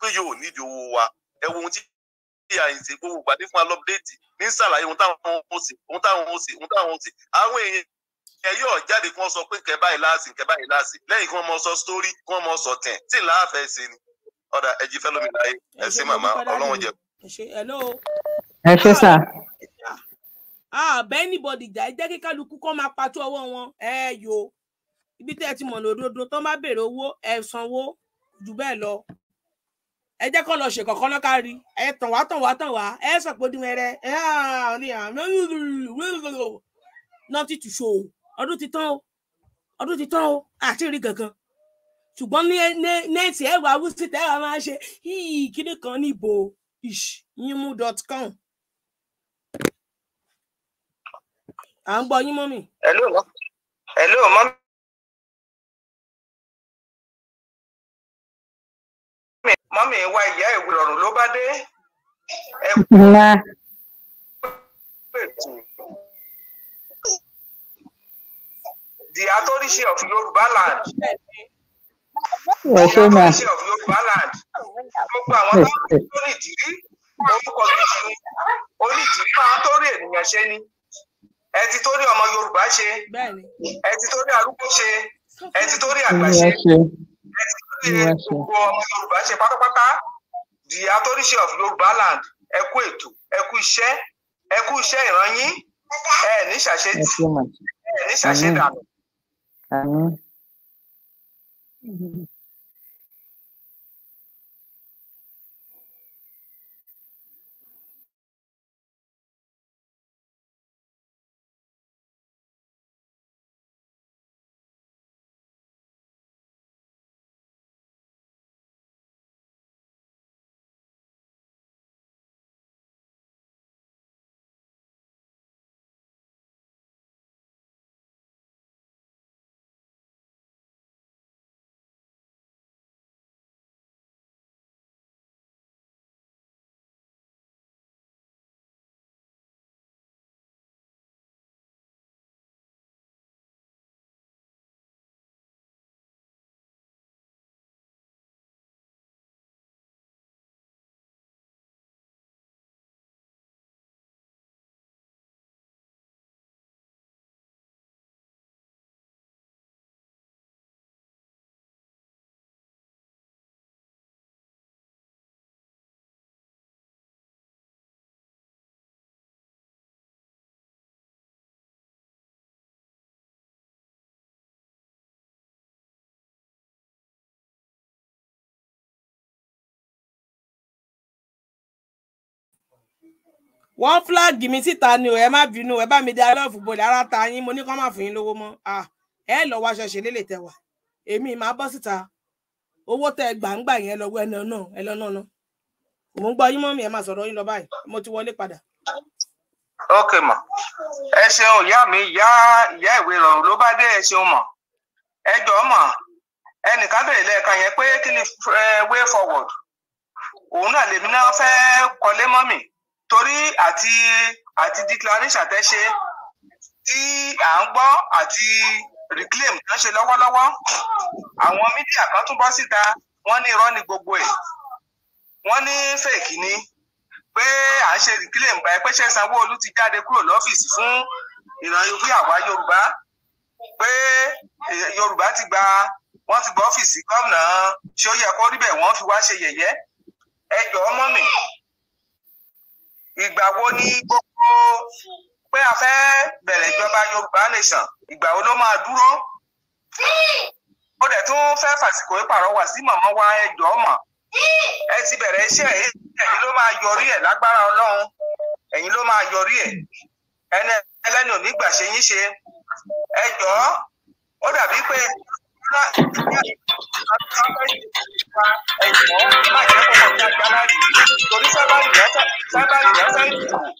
pé yóò nídìí owó wa ẹ wo ohun tí bí àyìn ṣe gbogbo ìgbà ní fún ní ṣàlàyé ohun táwọn ohun ṣe ohun táwọn ohun ṣe ohun táwọn ohun ṣe àwọn èèyàn ẹ yóò jáde kí wọ́n sọ pé nkẹ́ báyìí láàsì nkẹ́ báyìí láàsì lẹ́yìn kí wọ́n mọ sọ sítórì kí wọ́n mọ sọ tẹ̀ tí làáfẹ́ ṣe ni ọ̀dà ẹ̀jí fẹ́lómi láyé ẹ ṣé màmá ọlọ́wọ́n jẹ. ẹ ṣé sà. bẹ́ẹ̀ ni bọ́dì jà ẹ jẹ́ kí kálukú kọ́ máa patú ọwọ́ wọn ẹ yòó ibi tẹ́ ẹ ti mọ̀nà òdodo tó má béèrè owó ẹ sanwó jù bẹ́ẹ̀ lọ ẹ jẹ́ kó lọ ṣe kankan lọ́ka rí ẹ tàn wá tàn wá tàn wá ẹ sọ pé dín wẹrẹ ẹ ní àná náà ti tù ṣòwò ọdún ti tán o ọdún ti tán o àti rí gangan ṣùgbọ́n nẹ́ẹ̀tì ẹ wà wúsí tẹ́ ẹ máa ṣe yíyí kíni kan níbo yímú dot com. à ń gbọ́ yín mọ́mì. hello hello mọ́mì. mọ́mì wa ìyá ìwé ọ̀run ló bá dé. The authority of Yorùbá land. The authority of Yorùbá land. Gbogbo àwọn tó ní ìdílé orúkọ tó ti ní onídìrí máa tó rí ènìyàn ṣe ni. Ẹ ti tó rí ọmọ Yorùbá ṣe. Ẹ ti tó rí arúgbó ṣe. Ẹ ti tó rí àgbà ṣe yẹ gbogbo ọmọ Yorùbá ṣe pátápátá the authority of Yorùbá land ẹ kú ètò ẹ kú iṣẹ́ ẹ kú iṣẹ́ ìranyín ẹ ní ṣàṣe tì ẹ ní ṣàṣe dànù. wọ́n flag mi síta ni o ẹ má bínú ẹ bá mi dá lọ́ọ̀fù bọ̀dẹ̀ ara ta yín mo ní kán má fún yín lówó mọ́ ẹ lọ wá ṣẹṣẹ lélẹ̀ tẹwà èmi máa bọ́ síta owó tẹ gbàǹgbà yẹn lọ wẹ ẹnà náà ẹ lọ́nà náà mò ń gbọ́ yín mọ́ mi ẹ máa sọ̀rọ̀ yín lọ báyìí mo ti wọlé padà. ok mọ ẹ ṣeun ìyá mi ìyá ìyá ìwé ìrọ̀rùn ló bá dé ẹ ṣeun mọ ẹ jọ mọ ẹnìkan bèrè lẹ́ẹ̀kan yẹn pé kí ni eh, way forward òun náà lèmi náà fẹ́ kọ́lé mọ́ mi torí àti àti declaration tẹ́ṣe tí à ń gbọ́ àti reclaim tó ń ṣe lọ́wọ́lọ́wọ́ àwọn mídíà kan tún bọ́ síta wọ́n ní irọ́ ni gbogbo ẹ̀ wọ́n ní fake ni pé à ń ṣe reclaim báyìí pé ṣe Sanwó-Olú ti jáde kúrò lọ́fíìsì fún ìran yorùbá àwa yorùbá pé yorùbá ti gba wọ́n ti gba ọ́fíìsì gómìnà ṣé ó yẹ kó rí bẹ́ẹ̀ wọ́n fi wá ṣe yẹ̀yẹ́ ẹ jọ̀ọ́ mọ́mì ìgbà wo ni gbogbo pé a fẹ́ bẹ̀rẹ̀ ìjọba Yorùbá nation ìgbà wo ló máa dúró ó dẹ̀ tún fẹ́ fàsìkò ìpàrọwà sí màmá wa ẹjọ́ mọ̀ ẹ ti bẹ̀rẹ̀ iṣẹ́ yìí ẹ̀yin ló máa yọrí ẹ̀ lágbára Ọlọ́run ẹ̀yin ló máa yọrí ẹ̀ ẹni ẹlẹ́ni ò ní gbà ṣe yín ṣe ẹjọ́ ó dàbí pé sábàlì nípa ẹ̀yọ́ má jẹ́ kó kọjá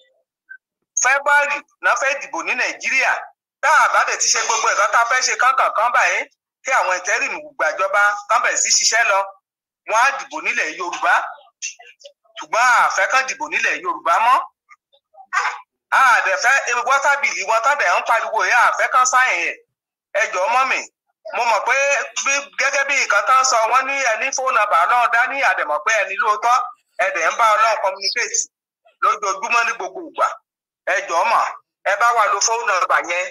fẹ́bárì náà fẹ́ dìbò ní nàìjíríà tá a bá dẹ̀ ti ṣe gbogbo ẹ̀ka tá a fẹ́ ṣe kánkàn kan báyìí kí àwọn ìtẹ́rìm gbàjọba kánbẹ̀ sí ṣiṣẹ́ lọ wọ́n á dìbò nílẹ̀ yorùbá ṣùgbọ́n àfẹ́ kan dìbò nílẹ̀ yorùbá mọ́ àdẹ̀fẹ́ wọ́tàbìlì wọn tàbẹ̀ ń pariwo ẹ̀ àfẹ́ kan sáyẹn ẹ̀ ẹ̀jọ̀ mọ́mì mo mọ̀ pé gẹ́gẹ́ bí nǹkan tán sọ wọ́n ní ẹni fóònù àbá náà dání àdẹ̀mọ̀ pé ẹni lóòótọ́ ẹ̀dẹ̀ ń bá ọlọ́run communicate lójoojúmọ́ ní gbogbo ìgbà ẹ jọ̀ọ́ mà ẹ bá wà lo fóònù àbá yẹn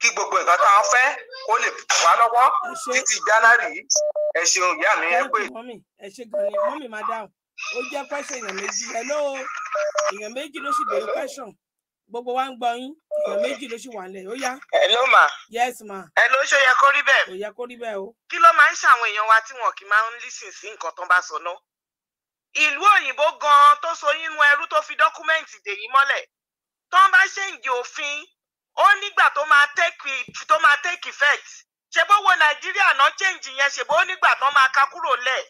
kí gbogbo nǹkan tán fẹ́ kó lè wá lọ́wọ́ títí January ẹ ṣeun ìyá mi ẹ pé. ẹ ṣe gan ni mọ́mì madam ó jẹ́ pẹ́sẹ̀ èèyàn méjì hello èèyàn méjì ló sì bẹ̀rẹ̀ pẹ́sàn gbogbo wa ń gbọ́ yín ìyàn méjì ló sì wà nílẹ̀ ó yá. ẹ ló mà. yes ma. ẹ ló ṣe yẹ kó rí bẹ́ẹ̀. kò yẹ kó rí bẹ́ẹ̀ o. kí ló máa ń ṣàwọn èèyàn wa tí wọn kì í máa ń lísìn sí nǹkan tó bá sọ náà. ìlú òyìnbó gan-an tó so yínú ẹrú tó fi dọ́kúmẹ́ǹtì dè yí mọ́lẹ̀ tó ń bá ṣe ń di òfin ó nígbà tó máa take tó máa take effect ṣebó wo nàìjíríà náà change yẹn ṣebó ó nígbà tó máa ka kúrò lẹ̀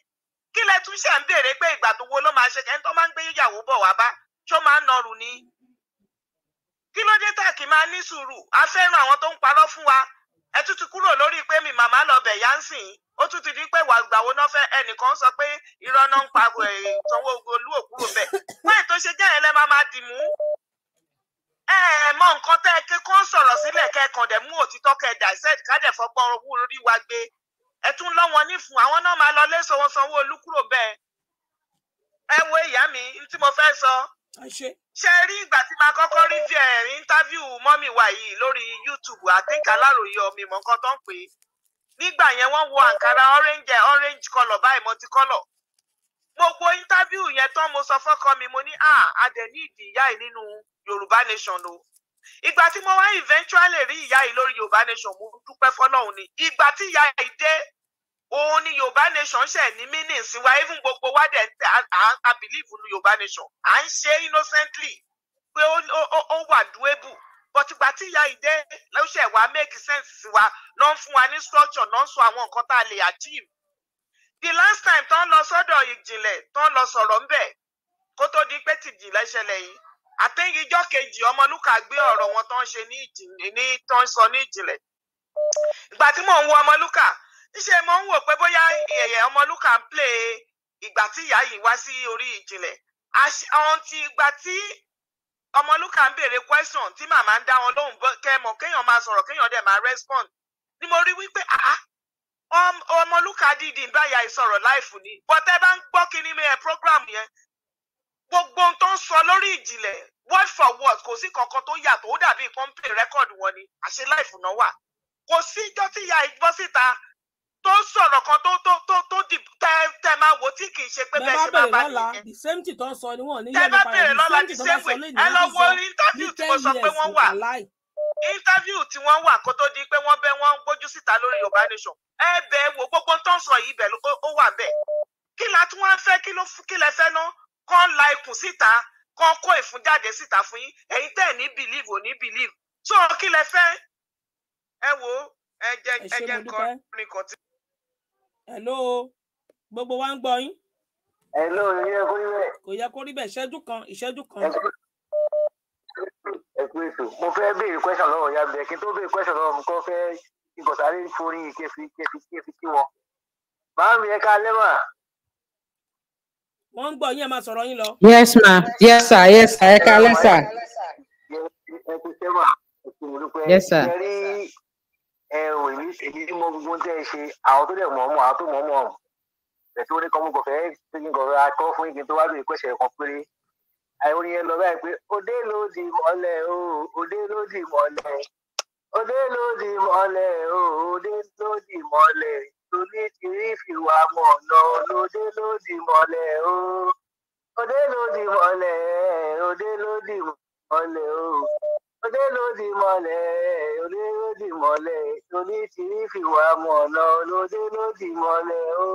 kí lẹ tún ṣe ń béèrè pé ìgbà tó wo ló máa ṣe kẹ́ńtọ́ máa ń gbé yíyàwó bọ̀ wá bá ṣó máa ń nọrùn ni kí ló dé tà kí máa ní sùúrù a fẹ́ràn àwọn tó ń parọ́ fún wa ẹ tún ti kúrò lórí pé mi màmá lọ bẹ̀ yá ń sìn ó tún ti di pé wà gbàwo náà fẹ́ ẹnìkan sọ pé irọ́ náà ń pa ìsanwó eh, olú òkúrò bẹ̀ fún ètò ṣe jẹ́ ẹ̀lẹ́ máa máa dì mú ẹ ẹ mọ nǹkan tẹ́ ẹ ké kó ń sọ̀rọ̀ sílẹ̀ kẹ́ẹ̀kan dẹ̀ mú òtítọ́ kẹ́ ẹ dissect kádẹ̀ fọgbọ́n owó orí wa gbé ẹ tún lọ́ wọn nífun àwọn náà máa lọ lé sanwó sanwó olú kúrò bẹ́ẹ̀ ẹ wo ìyá mi tí mo fẹ́ sọ ṣe rí ìgbà tí màá kọ́kọ́ rí díẹ̀ íńtáfíù mọ́mì wa yìí lórí youtube àtẹ́kẹ́ aláròye ọmọ ìmọ̀ kan tó ń pè é nígbà yẹn wọ́n wo àǹkárá orange orange colour báyìí multicolour gbogbo íńtáfíù yẹn tán mo sọ fọ́kọ mi mo ní à adẹ̀ ní ìdí ìyá yìí nínú yorùbá nation o ìgbà tí mo wá eventually rí ìyá yìí lórí yorùbá nation mo dúpẹ́ fọlọ́run ni ìgbà tí ìyá yìí dé òun ni yorùbá nation ṣe ní meaning sí wa even gbogbo wa dẹ̀ à believe nu yorùbá nation à ń ṣe innocently pé ó wà doable but ìgbà tí ìyá ìdẹ ló ṣe wá make sense sí wa náà ń fún wa ní structure náà ń sọ àwọn nǹkan tá a lè achieve the last time tó ń lọ sọ́dọ̀ ìjìnlẹ̀ tó ń lọ sọ̀rọ̀ ńbẹ̀ kó tó di pé tìjìnlẹ̀ ṣẹlẹ̀ yìí àtẹ̀yìn ijọ́ kejì ọmọlúkà gbé ọ̀rọ̀ wọn tó ń ṣe ní ìjìnlẹ̀ tó ń sọ ní ìjìnlẹ̀ ìgbà tí mò ń wo ọmọlúkà níṣẹ́ mo ń wò pé bóyá ẹ̀yẹ̀ ọmọlúkà ń plé ìgbà tí ìyá yìí wá sí orí ìjìnlẹ̀ àwọn ti ìgbà tí ọmọlúkà ń béèrè question tí màmá ń dá wọn lóhùn kẹmọ kéèyàn máa sọ̀rọ̀ kéèyàn dẹ̀ máa respond ni mo rí wípé ah ọmọlúkà dìdì ń báyà ìsọ̀rọ̀ láìfù ni bọ́tẹ́ bá ń gbọ́ kínní mẹ́ẹ̀ program yẹn gbogbo ohun tó ń sọ lórí ìjìnlẹ̀ word for word kò sí kankan tó yàtọ̀ ó dàbí pọ́ńpì rẹ́kọ̀dù wọn ni àṣẹ láìfù náà wà kò sí ijọ́ tí ìyá ìgbọ́ síta tó sọ̀rọ̀ kan tó tó tó tó di tẹ máa wò tí kì í ṣe pé bẹ́ẹ̀ ṣe máa bá nìyẹn. the same thing tó ń sọ ni wọn ò ní yẹn nípa rẹ̀ the same thing tó bá sọ lónìí ẹ lọ wo interview tí mo sọ pé interview tí wọ́n wà kó tó di pé wọ́n bẹ́ wọ́n gbójú síta lórí Yorùbá nation ẹ bẹ̀ wo gbogbo tó ń sọ yìí bẹ̀ ó wà bẹ́ẹ̀ kí la tún wá fẹ́ kí ló kí lẹ fẹ́ ná kán la ikùn síta kán kó ìfun jáde síta fún yín ẹ̀yin tẹ́ ní believe ò ní believe so kí lẹ fẹ́ ẹ wo ẹ jẹ́ ẹ jẹ́ nǹkan rìn kàn tí hello gbogbo wa ń gbọ́ yín. hello ìyẹn kò rí bẹ́ẹ̀. kò yẹ kó rí bẹ́ẹ̀ ìṣẹ́jú kan ìṣẹ́jú kan. ẹ kú ètò mo fẹ́ béèrè question lọ́wọ́ ya bẹ́ẹ̀ kí n tó béèrè question lọ́wọ́ mi kọ́ fẹ́ ìgọ̀sáré forí kéfi kéfi kéfi kí wọn. màámi ẹ ká lẹ́mà wọ́n ń gbọ́ yín ẹ máa sọ̀rọ̀ yín lọ. yes ma yes sir yes sir ẹ ká lẹ́sà. ẹ kú sẹ́wà ẹ kú mo dúpẹ́. yes sir. ẹ ẹ ò èmi tí mo gbogbo ń tẹ́ ṣe àwọn tó dẹ̀ mọ̀ ọmọ àwọn tó mọ̀ ọmọ ọ̀hún ẹ̀tí ó ní kan mo kò fẹ́ kí gọ̀rọ̀ akọ́ fún ìgbín tó wá lóye pẹ̀sẹ̀ kan péré àìwọ́n yẹn lọ báyìí pé òde ló di mọ́lẹ̀ o òde ló di mọ́lẹ̀ òde ló di mọ́lẹ̀ o òde ló di mọ́lẹ̀ torí kiri fìwà mọ̀ lọ lòde ló di mọ́lẹ̀ o òde ló di mọ́lẹ̀ òde ló di mọ́lẹ̀ o. Òde lòdì mọ́lẹ̀, òde lòdì mọ́lẹ̀, torí tìrí fìwà mọ̀nà lòde lòdì mọ́lẹ̀ o.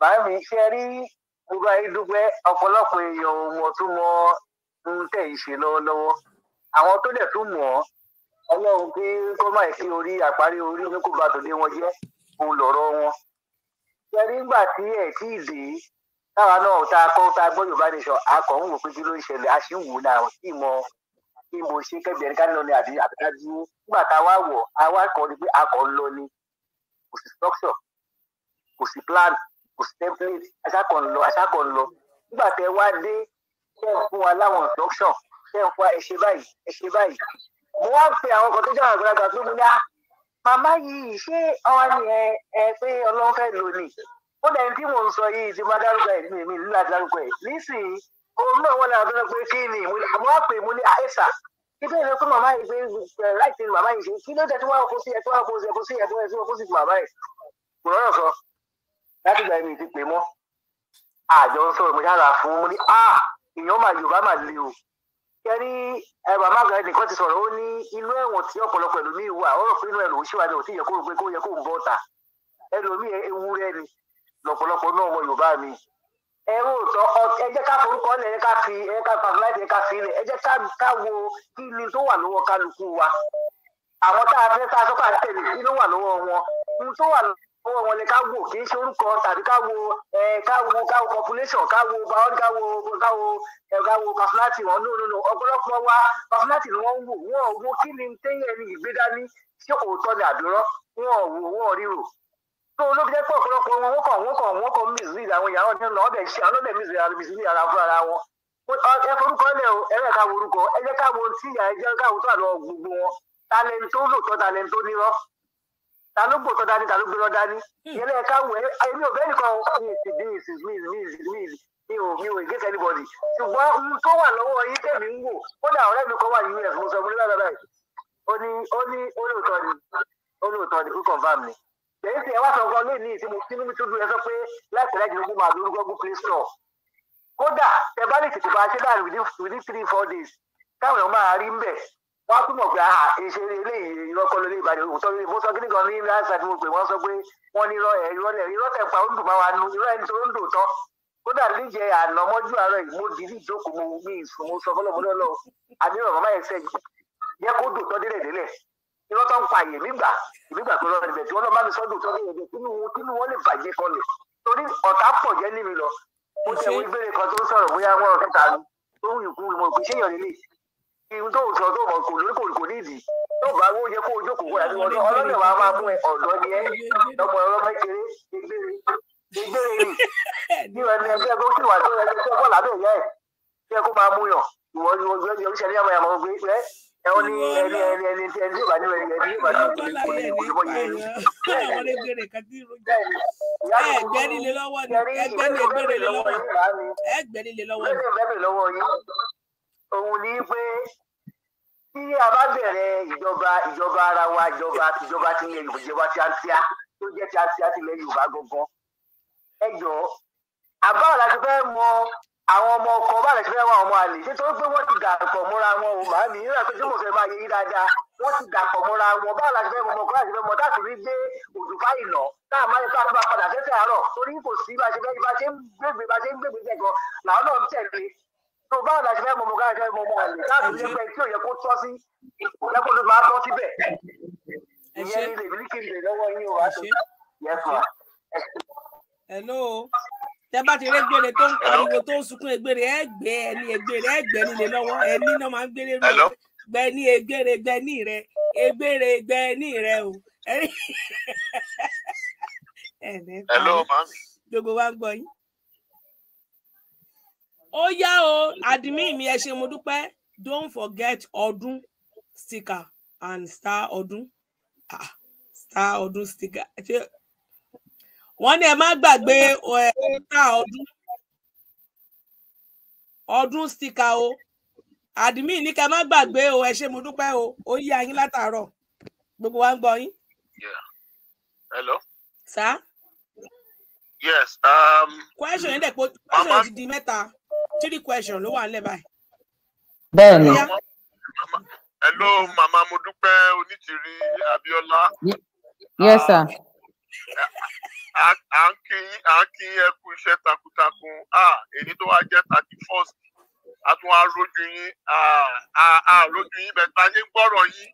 Bàmí ṣe rí mo bá dúpẹ́ ọ̀pọ̀lọpọ̀ èèyàn ò mọ̀ tó mọ ohun tẹ̀ yìí ṣe lọ́wọ́lọ́wọ́. Àwọn tó dẹ̀ tún mọ̀ ọ́, ọlọ́run pé kó má sí orí àparí orí ní kó bá tòde wọn jẹ́ òun lọ̀rọ̀ wọn. Ṣé rí nígbà tí ẹ̀ tí ì dé táwa náà ta kọ́ ta gbọ́ Yorùbá nation akọ̀ ń wò pé kí ló ń ṣẹlẹ̀ a sì ń wò mọ pé mo ṣe kẹ́gbẹ̀ẹ́ ká lọ ni àbí àbíká dúró nígbà tá a wá wọ̀ a wá kọ́ ni pé a kọ́ ń lọ ni kò sí structure kò sí plan kò sí template aṣákọ̀ ń lọ aṣákọ̀ ń lọ nígbà tẹ wá dé ṣe ń fún wa láwọn instruction ṣe ń fún wa ẹ ṣe báyìí ẹ ṣe báyìí mo wá pe àwọn kan tó jẹ́ àwọn àgbàlagbà pé mo ní a ah, màmá yìí ṣé ọwọ́ ni ẹ ẹ pé ọlọ́run fẹ́ ó dẹ̀ ní tí mò ń sọ yìí ti má dárúkọ ẹ̀ ní èmi nílá dárúkọ ẹ̀ nísìnyí òun náà wọn làwọn tó ń pè kí ni àmọ́ àpè mo ní àhẹ́sà kíkẹ́ ìlú pé màmá yìí pé eh, láìpẹ́ ni màmá yìí ṣe kí ló dé tí wọ́n á kó sí ẹ̀ tí wọ́n á kó sí ẹ̀ kó sí ẹ̀ tí wọ́n á kó sí màmá yìí kò rọrùn sọ láti gba ẹni ìdí pé mọ́ àjọ ń sọ̀rọ̀ mo yára fún un mo ní à ah, èèyàn máa Yorùbá máa le o kẹrí ẹ màmá àgbà nìkan ti sọ̀rọ̀ ó ní inú ẹ̀wọ̀n tí ọ̀pọ̀lọpọ̀ ẹlòmíì wà ọ̀rọ̀ fún inú ẹ̀rọ òṣìwájú ò tí yẹ kó rò pé kó yẹ kó ń ewe ụtọ ẹ jẹ́ ká forúkọ lẹ̀ ẹ ká fi ká ká ká wo kí tó wà lọ́wọ́ kálukú wa àwọn tá a fẹ́ tá a sọ pé kí ló wà lọ́wọ́ wọn ohun tó wà lọ́wọ́ wọn ni ká wò kì í ṣe orúkọ tàbí wa ni wo kí ni ìgbéga ní ṣé òótọ́ ni tó olóbi jẹ́ pé wọn wọ́n kàn wọ́n kàn wọ́n kàn mìsílì àwọn ìyàwó ní ọ̀nà ọ̀dẹ̀ ṣe àwọn ọ̀dẹ̀ mìsílì ara fún ara wọn. ẹ forúkọ lẹ o ẹ ká worúkọ ẹ jẹ́ ká wo tí ìyá ẹ jẹ́ ká wo tó àlọ́ gbogbo wọn talento lóòótọ́ talento nírọ́ talógbò tó dání talógbò lọ dání ìyẹn lẹ́yìn ká wo ẹni ò bẹ́ẹ̀ nìkan mi ti bí mi mi mi mi mi ò mi ò gé anybody ṣùgbọ́n tó wà lọ́wọ́ yín tẹ̀mí ń wò kódà ọ̀rẹ́ mi kọ́ wà ní us mo sọ mo ní bàbá báyìí ó ní ó ní ó ni ó ni kó confam ni lẹ́yìn tí ẹ wá sọ̀rọ̀ lónìí tí mo sínú mi tún dùn ẹ sọ pé láti rẹ̀ jìnnà máa lórí Google Play Store kódà ẹ bá lè tètè bá a ṣe láàrin within three four days táwọn èèyàn máa rí ń bẹ̀ wọ́n á túmọ̀ pé àhà ah, ìṣeré eléyìí ìrọ́kọ́ lórí ìbàdàn òótọ́ lórí ìbò sọ kí nìkan ní láti àti mo pè wọ́n sọ pé wọ́n ní irọ́ ẹ̀ irọ́ lẹ̀ irọ́ tẹ̀ pa oúnjẹ máa wà nù irọ́ ẹni tó ń dò tọ́ kódà níjẹ àná mọ́jú àárọ̀ yìí mo dìde ìjókòó mo mi ìsùn mo sọ fọlọ́mọdọ́lọ́ àdéhùn ọ̀rọ̀ máa ẹ̀sẹ̀ jẹ́ kó dò tọ́ délẹ̀ délẹ̀ irọ́ tó ń pa àyè nígbà ìgbà tó lọ́ọ́ níbẹ̀ tí wọ́n lọ́ọ́ bá mi sọ́dún tó lọ́ọ́ níbẹ̀ kínú wọn kínú wọn lè bàjẹ́ kan lè torí ọ̀tá pọ̀ jẹ́ níbi lọ mo tẹ̀ wọ́n ìbéèrè kan tó sọ̀rọ̀ bóyá wọ́n rọ̀ kẹta ni tó ń yìnkú mo pè séyàn nílé ihun tó sọ tó mọ̀ kò lórí kò kò ní ìdí tó bá wọ́n yẹ kó o jókòó wọ́n àti ọ̀dọ́ ọlọ́dẹ̀ wa máa mú ẹ ọ̀dọ́ ni ẹ lọ́mọ ọlọ́mọ ìkéré ìgbére ìgbére ní ẹni ẹgbẹ́ tó kí wà tó ẹgbẹ́ tó bọ́ọ̀lù àbẹ̀ yẹ ẹ kí ẹ kó máa mú yàn ìwọ ni oṣù ẹni ọmọ yàrá mọ̀ gbé rẹ ẹ wọn ní ẹni ẹni ẹni ẹni ẹni yóò bá ní ẹni ẹni yóò bá ní ọkùnrin kò ní olùkọ́ yẹn ní. àwọn ẹgbẹrẹ kan ti rojú ẹgbẹ nílé lọ́wọ́ ni pé tí a bá bẹ̀rẹ̀ ìjọba ìjọba ara wa ìjọba ìjọba ti yẹ ìjọba ti àṣìá tó jẹ́ ti àṣìá ti lẹ Yorùbá gangan ẹ jọ àbáwọ̀ la ti fẹ́ mọ àwọn ọmọ ọkọ bá rẹ̀ ṣe fẹ́ wá ọmọ àlè nítorí pé wọ́n ti dàpọ̀ mọ́ra wọn o màá mi nígbà pé tí mo fẹ́ máa yẹ yí dáadáa wọ́n ti dàpọ̀ mọ́ra wọn báwo la ṣe fẹ́ mọ ọmọ ọkọ láti fẹ́ mọ láti rí gbé òdùfá ìnà tá a máa ń sábà padà sẹ́sẹ̀ àárọ̀ torí kò sí bá ṣe fẹ́ bá ṣe ń gbègbè bá ṣe ń gbègbè jẹ̀gọ́ làwọn náà ń tẹ̀lé tó báwo la ṣe fẹ́ mọ ọmọ ọkọ láti fẹ́ mọ ọmọ àlè láti rí hello tẹ bá ti rẹgbẹrẹ tó ń pariwo tó ń sunkún ẹgbẹrẹ ẹgbẹ ẹni ẹgbẹrẹ ẹgbẹ nílé lọ́wọ́ ẹni náà máa ń gbélé rẹ gbẹ ní ẹgbẹrẹ gbẹ ní rẹ ẹgbẹrẹ gbẹ ní rẹ o. hello mami. gbogbo wa ń gbọ́ yín. ó yá o àdìmí mi ẹ ṣe mo dúpẹ́ don't forget ọdún sticker and star ọdún ah, star ọdún sticker wọ́n ní ẹ má gbàgbé ẹ̀ka eh, ọdún ọdún stika o admin ní ká má gbàgbé o ẹ ṣé mo dúpẹ́ o ó yí ayín látàárọ̀ gbogbo wa ń gbọ́ yín. hello. sá. yes. Um, question yín dẹ̀ pé question ti di mẹ́ta three question ló wà nílẹ̀ báyìí. bẹ́ẹ̀ni. hello mama mo dúpẹ́ onítìrí abiola. yes sir. Um, à ń kí à ń kí ẹ kú iṣẹ́ takuntakun èyí tó wá jẹ́ thirty first a wá rójú yín a rójú yín bẹ́ẹ̀ ta ní gbọ́rọ̀ yín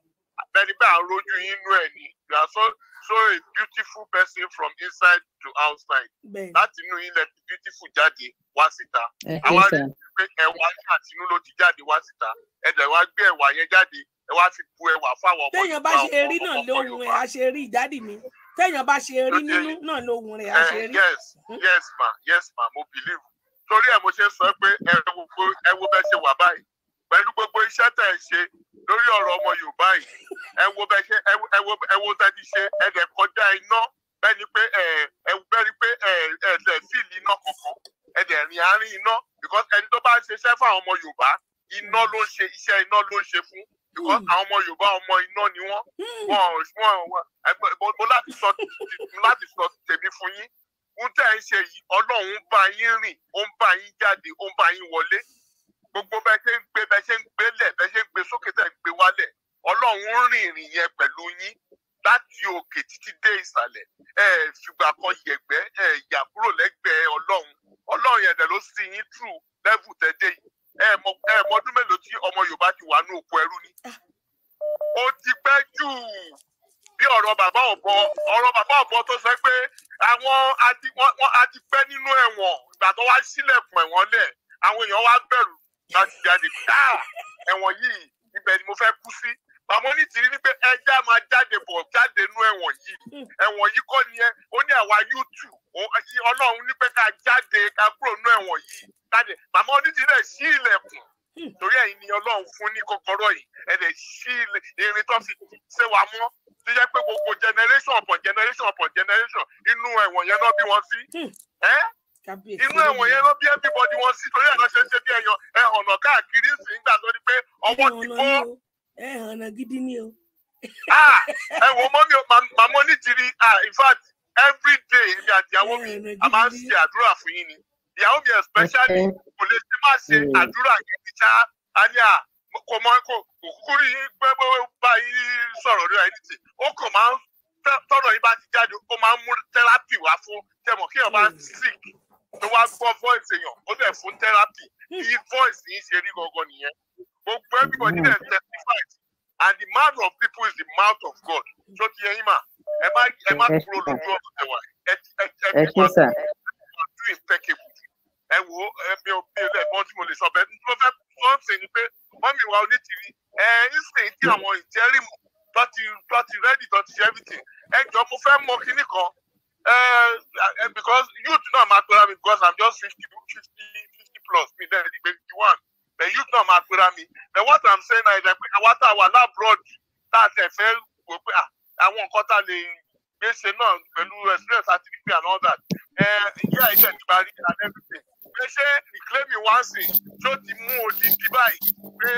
bẹ́ẹ̀ni bẹ́ẹ̀ à ń rójú yín inú ẹ̀ ni you are so so a beautiful person from inside to outside láti inú ilẹ̀ ti beautiful jáde wá síta àwa rí pé ẹwà àtinú ló ti jáde wá síta ẹ̀dẹ̀ wá gbé ẹ̀wà yẹn jáde ẹ fi bu ẹ̀wà fáwọn ọmọ Yorùbá ọmọ Yorùbá téèyàn bá ṣe rí náà lóhun ẹ̀ àṣẹ rí ìdádì mi téèyàn bá ṣe rí nínú náà lóhun rẹ̀ á eh, ṣe rí. yes hmm. yes ma yes ma mo believe torí ẹ mo ṣe sọ pé ẹ wo ẹ wo bẹ ṣe wà báyìí pẹ̀lú gbogbo iṣẹ́ tẹ̀ ń ṣe lórí ọ̀rọ̀ ọmọ yorùbá yìí ẹ wo bẹ ṣe ẹ wo ẹ wo tẹ ti ṣe ẹ dẹ̀ kọjá iná bẹ́ẹ̀ pé ẹ ẹ bẹ́ẹ̀ pé ẹ ẹ tẹ̀ sí iná kankan ẹ dẹ̀ rìn àárín iná because ẹni tó bá ń ṣiṣẹ́ fún àwọn ọmọ yorùbá iná ló ń ṣe iṣẹ́ iná ló ń ṣe fún because hmm. àwọn ọmọ yorùbá ọmọ iná ni wọn wọn wọn mo láti sọ láti sọ tèmi fún yín ohun tẹ́ ẹ ń ṣe yìí ọlọ́run bá yín rìn ó ń bá yín jáde ó ń bá yín wọlé gbogbo bẹ́ẹ̀ ṣe ń gbé bẹ́ẹ̀ ṣe ń gbélẹ̀ bẹ́ẹ̀ ṣe ń gbé sókè tẹ́ ń gbé wálẹ̀ ọlọ́run rìn ìrìn yẹn pẹ̀lú yín láti òkè títí dé ìsàlẹ̀ ẹ fìgbà kan yẹ̀gbẹ́ ẹ yà kúrò lẹ́gbẹ̀ẹ́ ọlọ́run ọlọ́run yẹn dẹ̀ ló sì yín tù lẹ́vù tẹ́ dé yìí ẹ mọ ẹ mọ ọdún mélòó tí ọmọ Yorùbá ti wà ní òkú ẹrú ni ó ti pẹ́ jù bí ọ̀rọ̀ bàbá ọ̀bọ ọ̀rọ̀ bàbá ọ̀bọ tó sọ pé àwọn àti pẹ́ nínú ẹ̀wọ̀n ìgbà tó wá sílẹ̀kùn ẹ̀wọ̀n lẹ̀ àwọn èèyàn wá bẹ̀rù láti jáde tá ẹ̀wọ̀n yìí ibẹ̀ ni mo fẹ́ kú sí bàmọ́ ní tìrí ni pé ẹja máa jáde bọ̀ jáde nú ẹ̀wọ̀n yìí ẹ̀wọ̀n yìí kọ́ ni ẹ ó ní àwa yóò tù ọlọ́run ní pé ká jáde ká kúrò nú ẹ̀wọ̀n yìí tani màmá onídìí rẹ̀ sí ilẹ̀kùn hmm. torí ẹ̀yin ni Ọlọ́run fún ní kọ́kọ́rọ́ yìí ẹ lè sí irin tó fi ṣe wà mọ́ tó jẹ́ pé gbogbo generation upon generation upon generation inú ẹ̀wọ̀n yẹn náà bí wọ́n sí hmm. inú ẹ̀wọ̀n yẹn ló bí everybody wọn sí torí ẹ̀rọ ṣe ṣe bí ẹyọ ẹ̀hànà káàkiri sì ń gbà lórí pé ọwọ́ ti kó. ẹ̀hànà gidi ni o. ẹ wo mọ́mí màmá oníjìrì in fact every day èmi àti ìyàwó mi a máa ń ṣe àdúrà fún yín ni ìyàwó mi especially kò lè ṣe má ṣe hmm. àdúrà kìí ṣá àníà kò mọ kò kúkú rí gbẹgbẹ báyìí sọ̀rọ̀ rí ẹni tì ó kàn máa ń tọ́rọ̀ yìí bá ti jáde ó máa ń mú tẹ́rápì wá fún tẹ̀mọ̀ kí èèyàn bá hmm. sick tó wá gbọ́ voice èèyàn ó bẹ̀ fún tẹ́rápì bí voice yìí ṣe rí gangan nìyẹn gbogbo everybody hmm. dey testify and the mouth of people is the mouth of God tó ti yẹn mà ẹ má ẹ má kúrò lójú ọ̀rọ̀ ẹ̀wà ẹ ẹ ẹ ẹ ẹ ẹ ẹ ẹ ẹ ẹ wo ẹbí òbí ẹlẹ́gbọ́n tí mo lè sọ bẹ́ẹ̀ tí mo fẹ́ wọ́n sì ń pé wọ́n mi wá onítìrí ẹ ìsìn tí àwọn ìjẹ́rìmù tó ti tó ti rẹ́dì tó ti ṣe everything ẹ jọ mo fẹ́ mọ kinní kan ẹ because youth náà máa pera mi because i'm just fifty fifty fifty plus mi then ẹni twenty one the youth náà máa pera mi then what i'm saying now is, ìdàgbé àwa tá a wà lábroad tá a tẹ̀ fẹ́ wò pé àwọn nǹkan tá a lè gbé náà pẹ̀lú experience àti bíbí and all that ẹ ìyá ìjẹ́ ìgbà rí and everything pé ṣé ìkílẹ́mì wá sí yóò ti mú odidi báyìí pé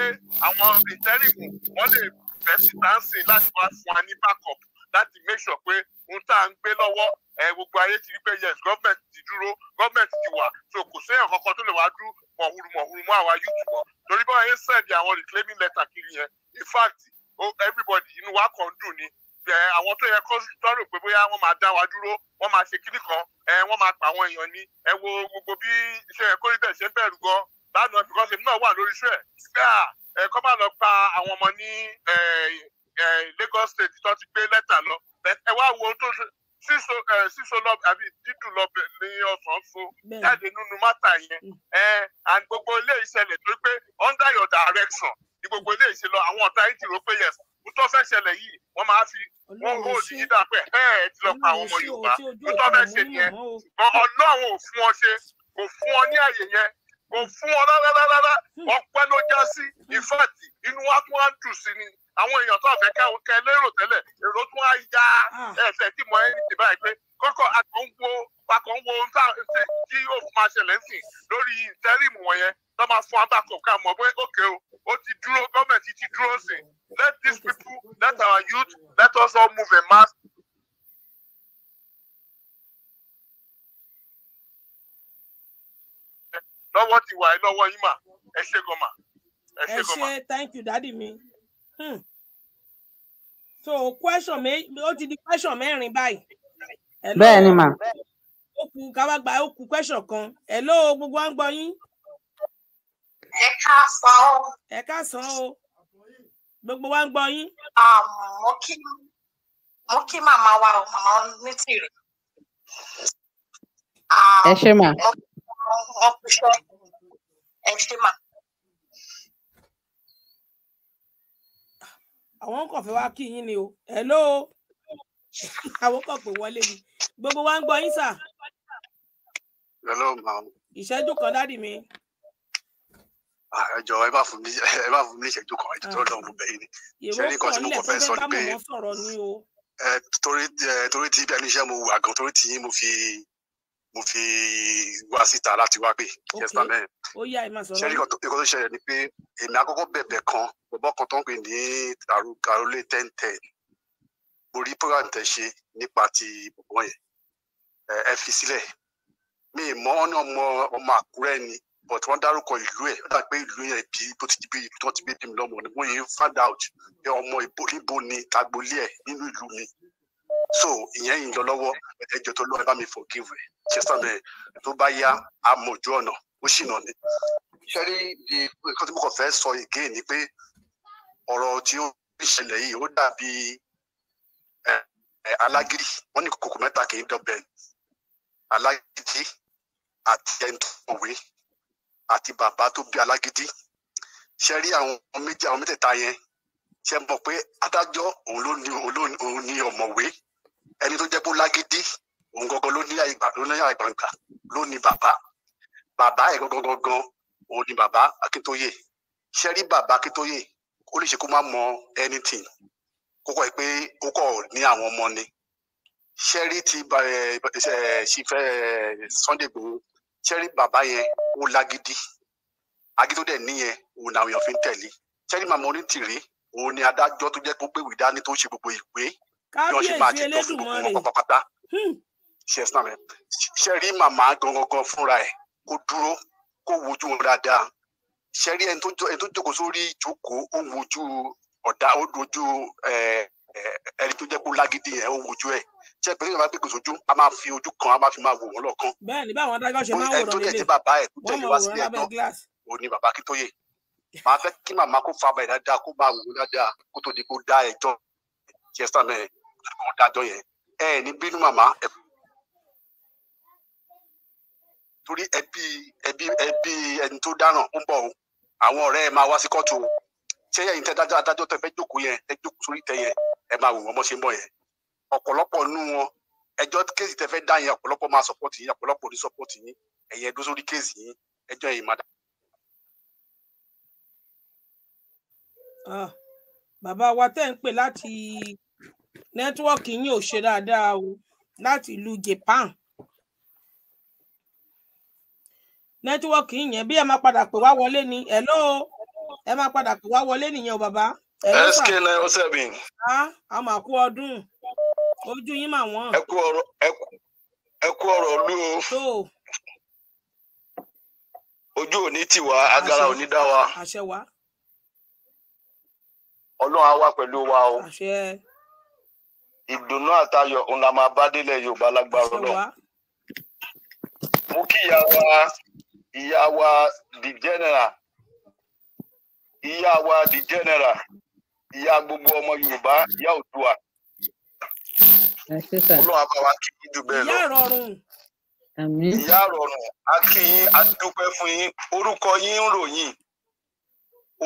àwọn ìtẹ́rìmù wọ́n lè bẹ́ síta ń sìn láti wá fún wa ní backup láti make sure pé ohun tá à ń gbé lọ́wọ́ ẹ gbogbo ayé ti rí pé yes government ti dúró government ti wà so kò séèyàn kankan tó lè wá dúró mọ̀húrú mọ̀húrú mọ́ àwa youth mọ̀ torí báwọn yẹn sẹ́ẹ̀dì àwọn reclaiming letter kiri yẹn in fact oh, everybody inú wa kàn dùn ni àwọn tó yẹ kó tọrọ pé bóyá wọ́n máa dá wa dúró wọ́n máa ṣe kíní kan wọ́n máa pa àwọn èèyàn ni ẹ wo gbogbo bí iṣẹ́ yẹn kórìí bẹ́ẹ̀ ṣe ń bẹ̀rù gan lánàá because èmi náà wà lórí iṣẹ́ ẹ kọ́ máa lọ pa àwọn ọmọ ní Lagos state tó ti gbé lẹ́tà lọ ẹ wá wo tó síso lọ àbí dídùn lọ ní ọ̀sán so jáde nínú mátà yẹn mm. and gbogbo ilé ìṣẹ̀lẹ̀ tó pé under your direction ni gbogbo ilé ìṣẹ̀lẹ̀ àwọn ọ̀tá yìí ti rò pé yẹ̀sán tó fẹ́ ṣẹlẹ̀ yìí wọ́n máa fi wọ́n hó yìí dà pé ẹ ẹ ti lọ pa àwọn ọmọ Yorùbá tó tó fẹ́ ṣe yẹn ṣùgbọ́n Ọlọ́run ò fún ọ ṣe kò fún ọ ní àyè yẹn kò fún ọ rárá rárá hmm. ọpẹ́ ló já sí ìfàtì inú wa tún á dùn sí ni àwọn èèyàn tó fẹ́ kẹ́ kẹ́ lérò tẹ́lẹ̀ èrò tún á ya ah. ẹsẹ̀ tí mo ẹni ti báyìí pé kọ́kọ́ àtọ̀ ń wo pakọ̀ ń wo máa ṣẹlẹ̀ sí lórí ìtẹ́rìmù wọ̀nyẹn tó máa fún abakọ̀ ká mọ̀ pé òkè o ó ti dúró gọ́ọ̀mẹ̀ntì ti dúró sí let these people let our youth let us all move a mass lọ́wọ́ ti wà lọ́wọ́ yín mà ẹ ṣe gan ẹ ṣe gan ẹ ṣe thank you dadi mi. Hmm. So question me ó ti di question mẹ́rin báyìí. Bẹ́ẹ̀ ni mà. Ó kù káwá gba ó kù question kan. Hello gbogbo à ń gbọ́ Ẹ ká sán o. Ẹ ká sán o. Gbogbo wa ń gbọ́ yín. Um, mo kí mo kí màmá wa o, màmá ní tìrì. Ẹ ṣé mà. Um, mo kí wọn kú Ẹ ṣé mà. àwọn kàn fẹ́ wá kí yín ni o hello àwọn kàn pé wọlé ni gbogbo wa ń gbọ́ yín sà. hello ma'am. ìṣẹ́jú kan dádì mi. ẹ ẹ bá fún mi ẹ bá fún mi ìṣẹ́jú kan ìjọ tó lọ́wọ́ bẹ́ẹ̀ ni. ìwé kọ́ ilẹ̀ tó fẹ́ bá mọ̀ wọ́n sọ̀rọ̀ ni o. torí torí ti ibi àníṣe mo wà gan torí ti yín mo fi mo fi wá síta láti wá pé yẹsà mẹ́rin ṣe ní ìkọ́ tó ṣẹlẹ̀ ni pé èmi àkọ́kọ́ bẹ̀bẹ̀ kan bọ̀bọ̀ kan tó ń pè ní Karole ten ten mo rí program tẹ̀ ṣe nípa ti bọ̀bọ̀ yẹn ẹ fi sílẹ̀ mi mọ ọ́nà ọmọ ọmọ Àkúrẹ́ ni but wọ́n dárúkọ ìlú ẹ̀ ó dà pé ìlú yẹn bí tó ti bí tó ti bí bí mi lọ́mọ ni mo yìí find out pé ọmọ ìbò níbo ni tagbolí ẹ̀ nínú ìlú mi so ìyẹn yìí lọ lọ́wọ́ ẹ̀jọ̀ tó lọ́ọ́ ẹ bá mi forgive ẹ̀ ṣe sànà ẹ̀ tó bá yá a ọ̀nà ó ṣìnà ni. ṣẹ́rí di nǹkan tí mo kàn fẹ́ sọ ìgé ni pé ọ̀rọ̀ tí ó ṣẹlẹ̀ yìí ó dàbí alágídí wọ́n ní kòkò mẹ́ta kì í dọ̀bẹ̀ alágídí àti ẹni tó kọ̀wé àti bàbá tó bí alágídí ṣe rí àwọn méjì àwọn mẹ́tẹ̀ẹ̀ta yẹn ṣe mọ̀ pé adájọ́ òun ló ní òun ẹni tó jẹ́ pé lágídí òun gangan ló ní àyè gbàngbà ló ní bàbá bàbá ẹ̀ gangan gangan òun ni bàbá Akíntóyè ṣe rí bàbá Akíntóyè ó lè ṣe kó má mọ anything kó kọ́ ẹ pé ó kọ̀ ní àwọn ọmọ ni ṣe ti eh, eh, ṣìfẹ́ eh, Sunday Igboho ṣe rí bàbá yẹn ó lágídí agídódẹ̀ níyẹn òun làwọn èèyàn fi ń tẹ̀lé ṣe rí màmá onítìrí òun ni adájọ́ tó jẹ́ kó gbé ìwé dání tó ń ṣe gbogbo ìwé bí ṣe máa ti tọ́ fún gbogbo wọn pátápátá hmm ṣe é sinamẹ ṣe rí màmá gangan fúnra ẹ̀ kó dúró kó wojú wọn dáadáa ṣe rí ẹni tó jókòó sórí ìjókòó ó wojú ọ̀dà ó dojú ẹni tó jẹ́ kó lágídí yẹn ó wojú ẹ̀ ṣe pé kí n bá gbé a máa fi ojú kan a máa fi máa wò wọ́n lọ́kàn. bẹ́ẹ̀ni báwọn adájọ́ ṣe máa ń ni bàbá màá fẹ́ kí màmá kó fa bàyìí dáadáa kó máa wòran dáadáa kó tó di kó dá ẹjọ́ jẹ́sàmẹ́ kó dájọ́ yẹn ẹ ní bínú màmá ẹ torí ẹbí ẹbí ẹbí ẹni tó dáná ń bọ̀ o àwọn ọ̀rẹ́ ẹ máa wá sí kóòtù o ṣé ẹ̀yin tẹ́ dájọ́ adájọ́ tẹ́ fẹ́ jókòó yẹn ẹ jókòó sórí tẹ́ yẹn ẹ máa wò wọ́n mọ́ ṣe ń bọ̀ yẹn ọ̀pọ̀lọpọ̀ nú wọn ẹjọ́ kéèsì tẹ́ fẹ́ dá yẹn ọ̀pọ̀lọpọ̀ máa sọ̀pọ̀tì yín ọ̀pọ̀lọpọ̀ ní sọ̀pọ̀tì yín ẹ̀yin ẹdó sórí kéèsì yín ẹjọ́ yìí máa dá. Ah, bàbá wa tẹ́ ń pè láti nẹ́tíwọ́ọ̀kì yín ò ṣe dáadáa o láti ìlú Japan nẹ́tíwọ́ọ̀kì yẹn bí ẹ máa padà pè wá wọlé ni ẹ máa padà pè wá wọlé nìyẹn o bàbá. sk nine oh a máa kú ọdún ojú yín ma wọ́n. ẹ kú ọ̀rọ̀ ẹ kú ojú òní wá agara òní dá wa ọlọ́run pẹ̀lú wa o ìdùnnú máa bá yorùbá lágbára lọ ìyá wa the general ìyá the general ìyá gbogbo ọmọ Yorùbá ìyá Oòduà Ọlọ́run àbáwá kí jù bẹ́ẹ̀ lọ rọrùn a kí a fún yín orúkọ yín ń ròyìn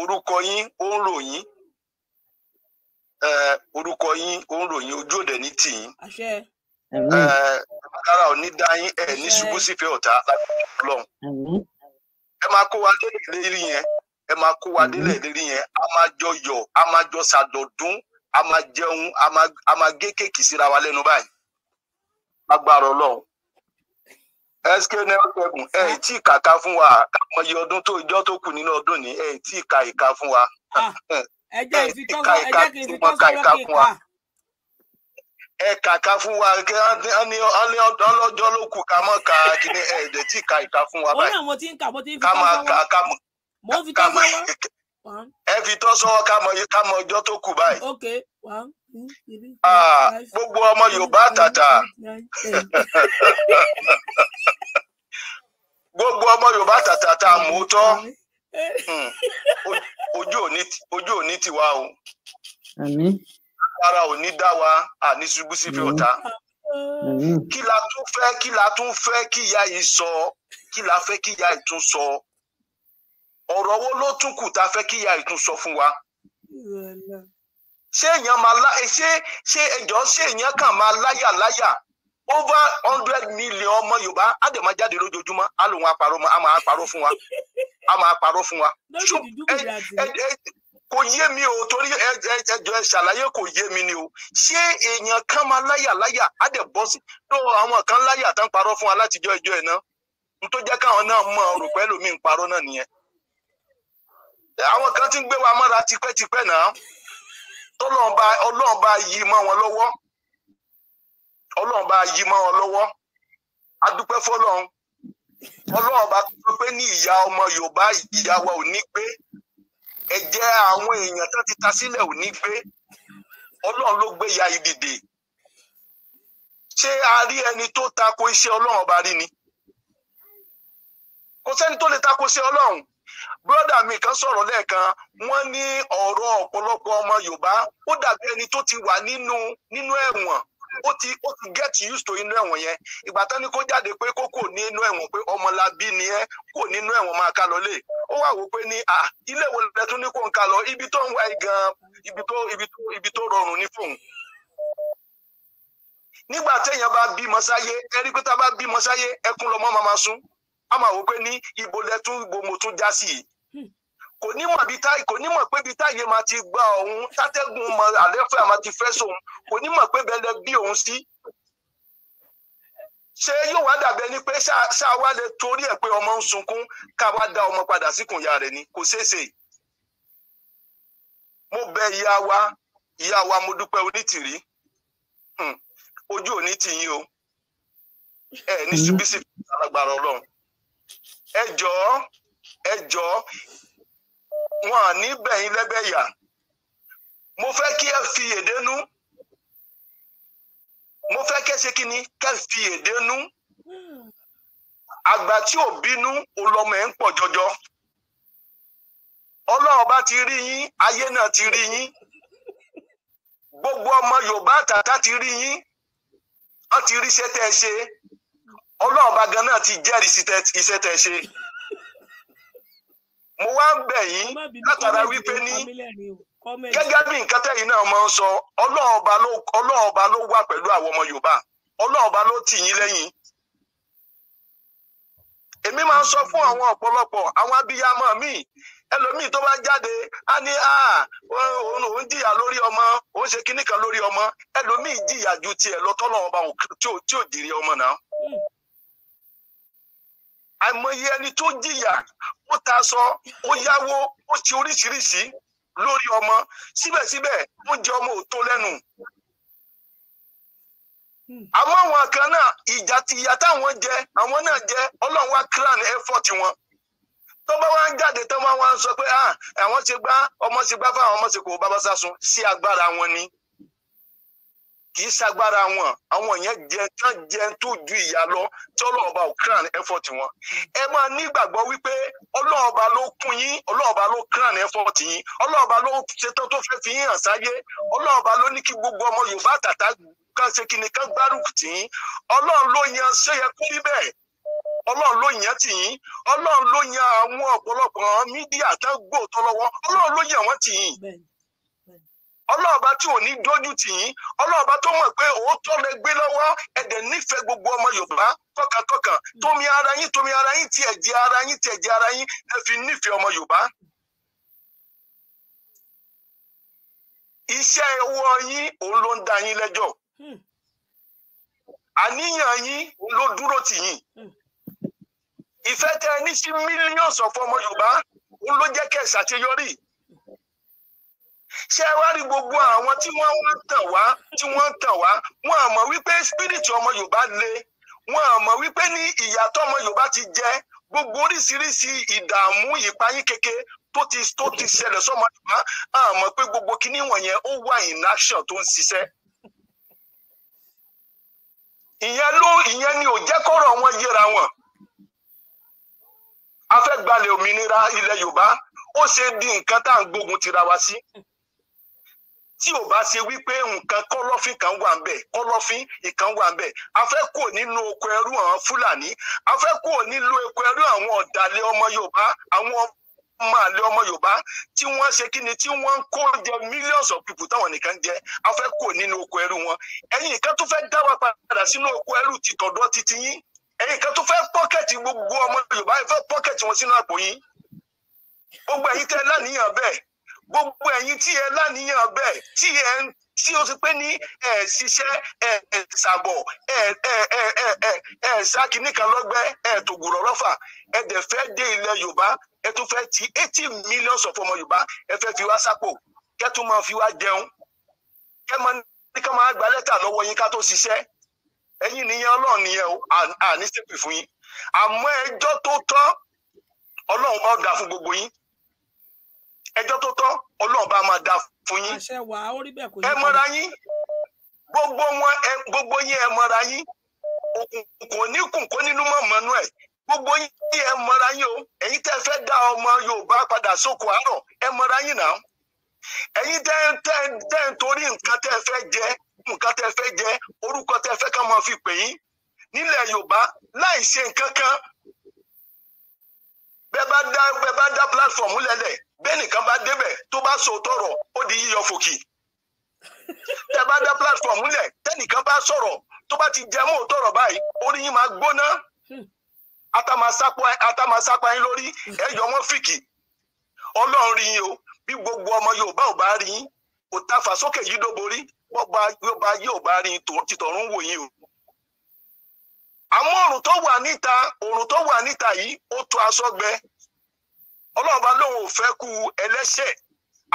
orúkọ yín ó ń ròyìn orúkọ yín ó ń ròyìn ojú òde ní rárá eh, ò ní dáyín ẹ ní ṣubú sífẹ́ ọ̀tá Ọlọ́run ẹ máa kó wa délé lérí yẹn ẹ máa kó wa délé lérí yẹn a máa jọ yọ̀ a máa jọ ṣàdọ̀dún a máa jẹun a máa gé kéèkì síra wa lẹ́nu báyìí agbára Ọlọ́run SK Nelson ẹ tí ì kàkà fún wa káwọn iye ọdún tó ìjọ tó kù nínú ọdún ni ẹ tí ì ka ìka fún wa ah, ẹ tí ì ka ìka fún wa. ẹ kàkà fún wa ọlọ́jọ́ ló kù ká mọ́ ka kíní ẹ̀ẹ́dẹ̀ tí ka ìka fún wa báyìí. mo ní àwọn tí ń kà mo ti ń fi tọ́ sọ́wọ́ mo ń fi tọ́ sọ́wọ́. ẹ fi tọ́ sọ́wọ́ ká mọ ọjọ́ tó kù báyìí. ok one gbogbo ọmọ yorùbá tàtà gbogbo ọmọ yorùbá tàtà tá a mú tọ́ ojú òní tiwa o. agbára ò ní dá wa àní ṣubú sí fi mm-hmm. ọ̀tá mm-hmm. kí la tún fẹ́ kí la tún fẹ́ kí ìyá yìí sọ kí la fẹ́ kí ìyá yìí tún sọ ọ̀rọ̀ wo ló tún kù tá a fẹ́ kí ìyá yìí tún sọ fún wa ṣé èèyàn máa lá ṣé ṣé ẹjọ́ ṣé èèyàn kàn máa láyà láyà over hundred million ọmọ yorùbá á dẹ̀ máa jáde lójoojúmọ́ á lòun àparọ́ a máa parọ́ fún wa a máa parọ́ fún wa (laughs) kò yé mi o torí ẹjọ ẹ ṣàlàyé kò yé mi ni o ṣé èèyàn kan máa láyà láyà á dẹ̀ bọ́ sí tó àwọn kan láyà tán parọ́ fún wa látijọ́ ìjọ ẹ̀ náà n tó jẹ́ káwọn náà mọ ọ̀rọ̀ pẹ́ lómi ń parọ́ náà nìyẹn àwọn kan ti ń gbé wa mọ́ra tipẹ́tipẹ́ náà tọ́lọ́ọ̀ba ọlọ́ọ̀ba yìí mọ́ wọn lọ́wọ́ ọlọ́ọ̀ba yìí mọ́ wọn lọ́wọ́ adúpẹ́ fọlọ́run ọlọ́ọ̀ba tó pé ní ìyá ọmọ Yorùbá ìyá wa ò ní pé ẹ̀jẹ̀ àwọn èèyàn tó ti ta sílẹ̀ ò ní gbé ọlọ́run ló gbé ya ìdìde ṣé a rí ẹni tó tako iṣẹ́ ọlọ́run ọba rí ni kò sẹ́ni tó lè tako iṣẹ́ ọlọ́run bírọ́dà mi kan sọ̀rọ̀ lẹ́ẹ̀kan wọ́n ní ọ̀rọ̀ ọ̀pọ̀lọpọ̀ ọmọ yorùbá ó dàbí ẹni tó ti wà nínú nínú ẹ̀wọ̀n ó ti ó ti get used to inú ẹ̀wọ̀n yẹn ìgbà tán ni kó jáde pé kó kò ní inú ẹ̀wọ̀n pé ọmọlábí ni ẹ kò nínú ẹ̀wọ̀n máa ká lọ lé ó wà wò pé ní ilé ìwé lẹ́tún ní kò ń ká lọ ibi tó ń wá gan ibi tó ibi tó ibi tó rọrùn ní fóun nígbà téèyàn bá bímọ sáyé ẹ rí pé tá a bá bímọ sáyé ẹkún lọmọ máa sún á máa wò pé ní ibo lẹ́tún ibo mo tún já sí yìí kò ní mọ̀ bíi táyé kò ní mọ̀ pé bíi táyé máa ti gba òun tátẹ́gùn mọ àlẹ́fẹ́ àmà ti fẹ́ sóun kò ní mọ̀ pé bẹ́ẹ̀ lẹ bí òun sí. ṣé yóò wá dàbẹ́ ni pé ṣáà wá lè torí ẹ̀ pé ọmọ ń sunkún ká wá dá ọmọ padà síkùn ìyá rẹ̀ ni kò ṣeé ṣe. mo bẹ ìyá wa ìyá wa mo dúpẹ́ onítìrí hmm, ojú òní ti yín o ẹ ní ṣubí mm-hmm. sí alágbára ọlọ́run ẹ jọ̀ọ́ ẹ jọ̀ọ́ wọn à ní bẹ̀yìn lẹ́bẹ̀yà mo fẹ́ kí ẹ fi èdè nú mo fẹ́ kí ẹ ṣe kí ni kẹ́ fi èdè nú àgbà tí ò bínú olọmọ ẹ̀ ń pọ̀ jọjọ ọlọ́run bá ti rí yín ayé náà ti rí yín gbogbo ọmọ yorùbá àtàtà ti rí yín wọ́n ti rí iṣẹ́ tẹ́ ẹ ṣe ọlọ́run bá gan náà ti jẹ́rìí iṣẹ́ tẹ́ ẹ ṣe mo wá ń bẹ̀ yín látara wípé ní gẹ́gẹ́ bí nǹkan tẹ̀yìn náà máa ń sọ ọlọ́run ọba ló wà pẹ̀lú àwọn ọmọ yorùbá ọlọ́run ọba ló tì yín lẹ́yìn èmi máa ń sọ fún àwọn ọ̀pọ̀lọpọ̀ àwọn abiyamọ míì ẹlòmíì tó bá jáde á ní à òun òun jìyà lórí ọmọ òun ṣe kinní kan lórí ọmọ ẹlòmíì jìyà ju tiẹ̀ lọ tọ́lọ̀ tí ò jìrì ọmọ náà hmm. àìmọye ẹni tó jìyà ó ta aṣọ ó yáwó ó ṣe oríṣiríṣi lórí ọmọ síbẹ̀síbẹ̀ oúnjẹ ọmọ ò tó lẹ́nu. Hmm. àmọ́ àwọn kan náà ìjà tí ìyá táwọn jẹ àwọn náà jẹ ọlọ́run wá clan effort wọn tó bá wá ń jáde tó máa wá ń sọ pé ah, àwọn ti gbá ọmọ ti gbá fún ọmọ ti kò bá bá sá sun sí agbára wọn ni kì í ṣagbára wọn àwọn yẹn jẹ tán jẹ tó ju ìyá lọ tí ọlọ́ọ̀ba ò crown effort wọn ẹ máa nígbàgbọ́ wípé ọlọ́ọ̀ba ló kún yín ọlọ́ọ̀ba ló crown effort yín ọlọ́ọ̀ba ló ṣetán tó fẹ́ fi hàn sáyé ọlọ́ọ̀ba ló ní kí gbogbo ọmọ Yorùbá tàtà kan ṣe kíni kan gbárùkù tì yín Ọlọ́run ló yan ṣé yẹ kó rí ló yan tì yín Ọlọ́run ló yan àwọn ọ̀pọ̀lọpọ̀ mídíà tán gbòòtọ́ lọ́wọ́ Ọlọ́run ló yan wọ́n tì yín ọlọ́ọ̀bá tí ò ní dójú tì yín ọlọ́ọ̀bá tó mọ̀ pé òótọ́ lẹ gbé lọ́wọ́ ẹ̀dẹ̀ nífẹ̀ẹ́ gbogbo ọmọ yorùbá tọkàntọkàn hmm. tómi ara yín tómi ara yín tí ẹ̀jẹ̀ ara yín tí ẹ̀jẹ̀ ara yín ẹ fi nífẹ̀ẹ́ ọmọ yorùbá. iṣẹ́ ọwọ́ yín òun ló ń dá yín lẹ́jọ́ hmm. àníyàn yín òun ló dúró tì yín hmm. ìfẹ́ tẹ ẹ ní sí mílíọ̀nù ọ̀fọ̀ ọmọ yorùbá òun ló jẹ́ kẹ́ ṣàṣeyọrí ṣé ẹ wá rí gbogbo àwọn tí wọ́n wá tàn wá tí wọ́n tàn wá wọ́n àmọ́ wípé spirit ọmọ Yorùbá le wọ́n àmọ́ wípé ní ìyàtọ̀ ọmọ Yorùbá ti jẹ gbogbo oríṣiríṣi ìdààmú ìpayín keke tó ti tó ti ṣẹlẹ̀ sọ́mọ Yorùbá àmọ́ pé gbogbo kinní wọ̀nyẹn ó wà in tó ń ṣiṣẹ́ ìyẹn ló ìyẹn ni ò jẹ́ kọ́rọ̀ wọn yẹra wọn a fẹ́ gbalẹ̀ òmìnira ilẹ̀ Yorùbá ó ṣe di nǹkan tá à ń gbógun tira wa sí. Si tí o bá ṣe wípé nǹkan kọ̀lọ̀fín kan wà ń bẹ kọ̀lọ̀fín ìkan wà ń bẹ a fẹ́ kò nínú oko ẹrú àwọn fúlàní a fẹ́ kò nínú oko ẹrú àwọn ọ̀dàlẹ̀ ọmọ yorùbá àwọn ọmọ àlẹ ọmọ yorùbá tí wọ́n ṣe kí ni tí wọ́n ń kó jẹ millions of people táwọn nìkan jẹ a fẹ́ kò nínú oko ẹrú wọn ẹ̀yin nǹkan tó fẹ́ dá wa padà sínú oko ẹrú ti tọ̀dọ̀ titi yín ẹ̀yin kan tó fẹ́ pọ́kẹ́tì gbogbo ọmọ yorùbá ẹ fẹ́ pọ́kẹ́tì wọn sínú àpò yín gbogbo ẹ̀yin tí ẹ láníyàn bẹ́ẹ̀ tí ẹ ń tí o ti pé ní ẹ ṣiṣẹ́ ẹ ẹ ṣàbọ ẹ ẹ ẹ ẹ ẹ ẹ ṣàkínìkan lọgbẹ ẹ tògùrọ lọfà ẹ dẹ fẹ́ dé ilẹ̀ Yorùbá ẹ tún fẹ́ ti eighty million of ọmọ Yorùbá ẹ fẹ́ fi wá sápò kẹ́ tún máa fi wá jẹun kẹ́ máa ní ká máa gba lẹ́tà lọ́wọ́ yín ká tó ṣiṣẹ́ ẹ̀yin nìyẹn Ọlọ́run nìyẹn o àní ṣèpè fún yín àmọ́ ẹjọ́ tó tọ́ Ọlọ́run ọgà fún gbogbo yín ẹjọ́ tó tọ́ ọlọ́run bá máa dá fún yín ẹ mọ́ra yín gbogbo wọn gbogbo yín ẹ mọ́ra yín òkùnkùn oníkùn kó nínú mọ́ mọ́nú ẹ̀ gbogbo yín ẹ mọ́ra yín o ẹ̀yin tẹ́ fẹ́ dá ọmọ Yorùbá padà sóko àárọ̀ ẹ mọ́ra yín náà ẹ̀yin tẹ́ tẹ́ tẹ́ torí nǹkan tẹ́ fẹ́ jẹ nǹkan tẹ́ fẹ́ jẹ orúkọ tẹ́ fẹ́ ká máa fi pè yín nílẹ̀ Yorùbá láì ṣe nǹkan kan bẹ́ẹ̀ bá dá bẹ́ẹ̀ bá dá platform lẹ́lẹ̀ bẹ́nìkan bá débẹ̀ tó bá sọ tọrọ ó di yíyọ fòkì tẹ bá dá platform lẹ̀ tẹ́nìkan bá sọ̀rọ̀ tó bá ti jẹ́ mọ́ tọrọ báyìí orí yín máa gbóná atamasápá yín lórí ẹ̀yọ́ wọn fìkì ọlọ́run rí yín o bí gbogbo ọmọ Yorùbá ò bá rí yín kò ta fàsókè yìí dóborí bọ́ba Yorùbá yóò bá rí yín tìtọ̀rún wò yín o àmọ́ òrùn tó wà níta òrùn tó wà níta yìí ó tu aṣọ gbẹ ọlọ́run bá lóun ò fẹ́ kú ẹlẹ́ṣẹ̀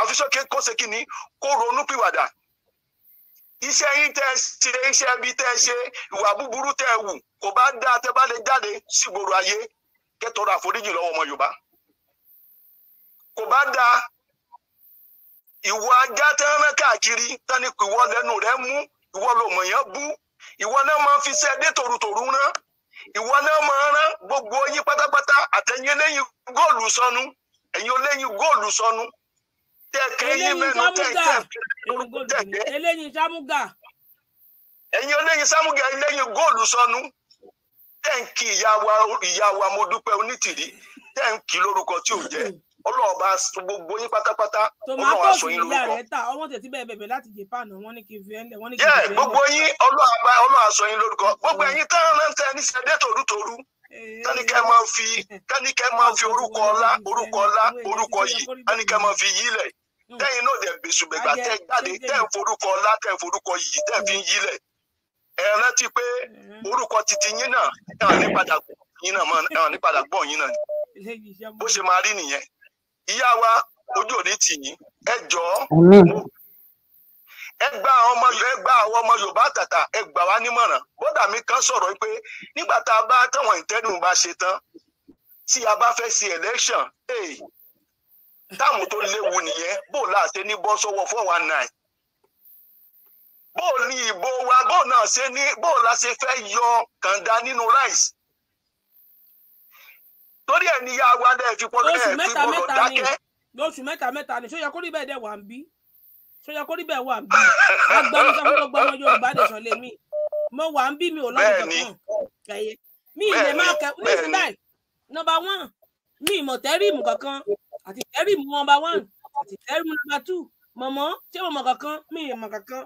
àfisọ́kẹ́ kó ṣe kínní kó ronú pìwàdà iṣẹ́ yín tẹ́ ẹ ṣe iṣẹ́ bí tẹ́ ẹ ṣe ìwà búburú tẹ́ ẹ wù kò bá dá tẹ́ bá lè jáde sígboro ayé kẹ́tọrọ àforíjì lọ́wọ́ ọmọ Yorùbá kò bá dá ìwọ ajá tẹ́ ẹ rán káàkiri tani ìwọ lẹ́nu rẹ̀ mú ìwọ lòmọ̀yán bú ìwọ náà máa ń fi ṣe dé tòrutòru rán ìwọ náà máa rán gbogbo yín pátápátá àtẹ̀yìn eléyìn góòlù sọnù góòlù sọnù tẹ̀kẹ́ yín mẹ́nu tẹ̀kẹ́ eléyìn sámúgà ẹ̀yìn eléyìn góòlù sọnù tẹ̀ǹkì ìyá wa mo dúpẹ́ onítìrí lórúkọ ọlọ́run bá gbogbo yín pátápátá ọlọ́run aṣọ yín lórúkọ. tòmátò ìyá ọmọ tètè bẹ́ẹ̀ bẹ̀bẹ̀ láti japan wọ́n ní kí n fi ẹ́lẹ̀ wọ́n ní kí n fi ẹ́lẹ̀. gbogbo yín ọlọ́run bá ọlọ́run aṣọ yín lórúkọ gbogbo ẹ̀yin tẹ́ ẹ̀rán tẹ́ ní sẹ́dẹ́ tòrútòrú eh. tẹ́nikẹ́ máa fi tẹ́nikẹ́ máa fi orúkọ ọlá orúkọ eh, ọlá orúkọ yìí tẹ́nikẹ́ máa ń hmm. fi ń yílẹ̀ ẹ eh. náà ẹ̀ hàn nípadà bó ṣe máa rí nìyẹn ìyá wa ojú òní tì yín ẹ jọ ẹ gba àwọn ọmọ ẹ gba àwọn ọmọ Yorùbá tàtà ẹ gbà wá nímọ̀ràn bọ́dà mi kan sọ̀rọ̀ pé nígbà tá a bá táwọn ìtẹ́nu bá ṣe tán tí a bá fẹ́ ṣe election táàmù tó léwu nìyẹn bó o láṣẹ ní bọ́ sọ́wọ́ four one nine bó ní ìbò wa bó náà ṣe ní bó o láṣẹ fẹ́ yọ kànga nínú rice torí ẹ̀ níyà wa lẹ́ fi gbọ́dọ̀ ẹ̀ fi gbọ́dọ̀ dákẹ́. lóṣù mẹ́ta mẹ́ta ni sóyà kórìí bẹ́ẹ̀ dẹ̀ wà ń bí sóyà kórìí bẹ́ẹ̀ wà ń bí agbẹnusọ fún gbogbo ọmọ Yorùbá nìṣọ lè mí mo wà ń bí mi ò lọ́dọ̀ kan ẹ̀yẹ mi ì lè má kẹ ní síbẹ̀ nọ́mbà wán mi ìmọ̀ tẹ́rìmù kankan àti tẹ́rìmù nọ́mbà wán àti tẹ́rìmù nọ́mbà tù mọ̀mọ́ tí mo mọ̀ kankan mi ì mọ̀ kankan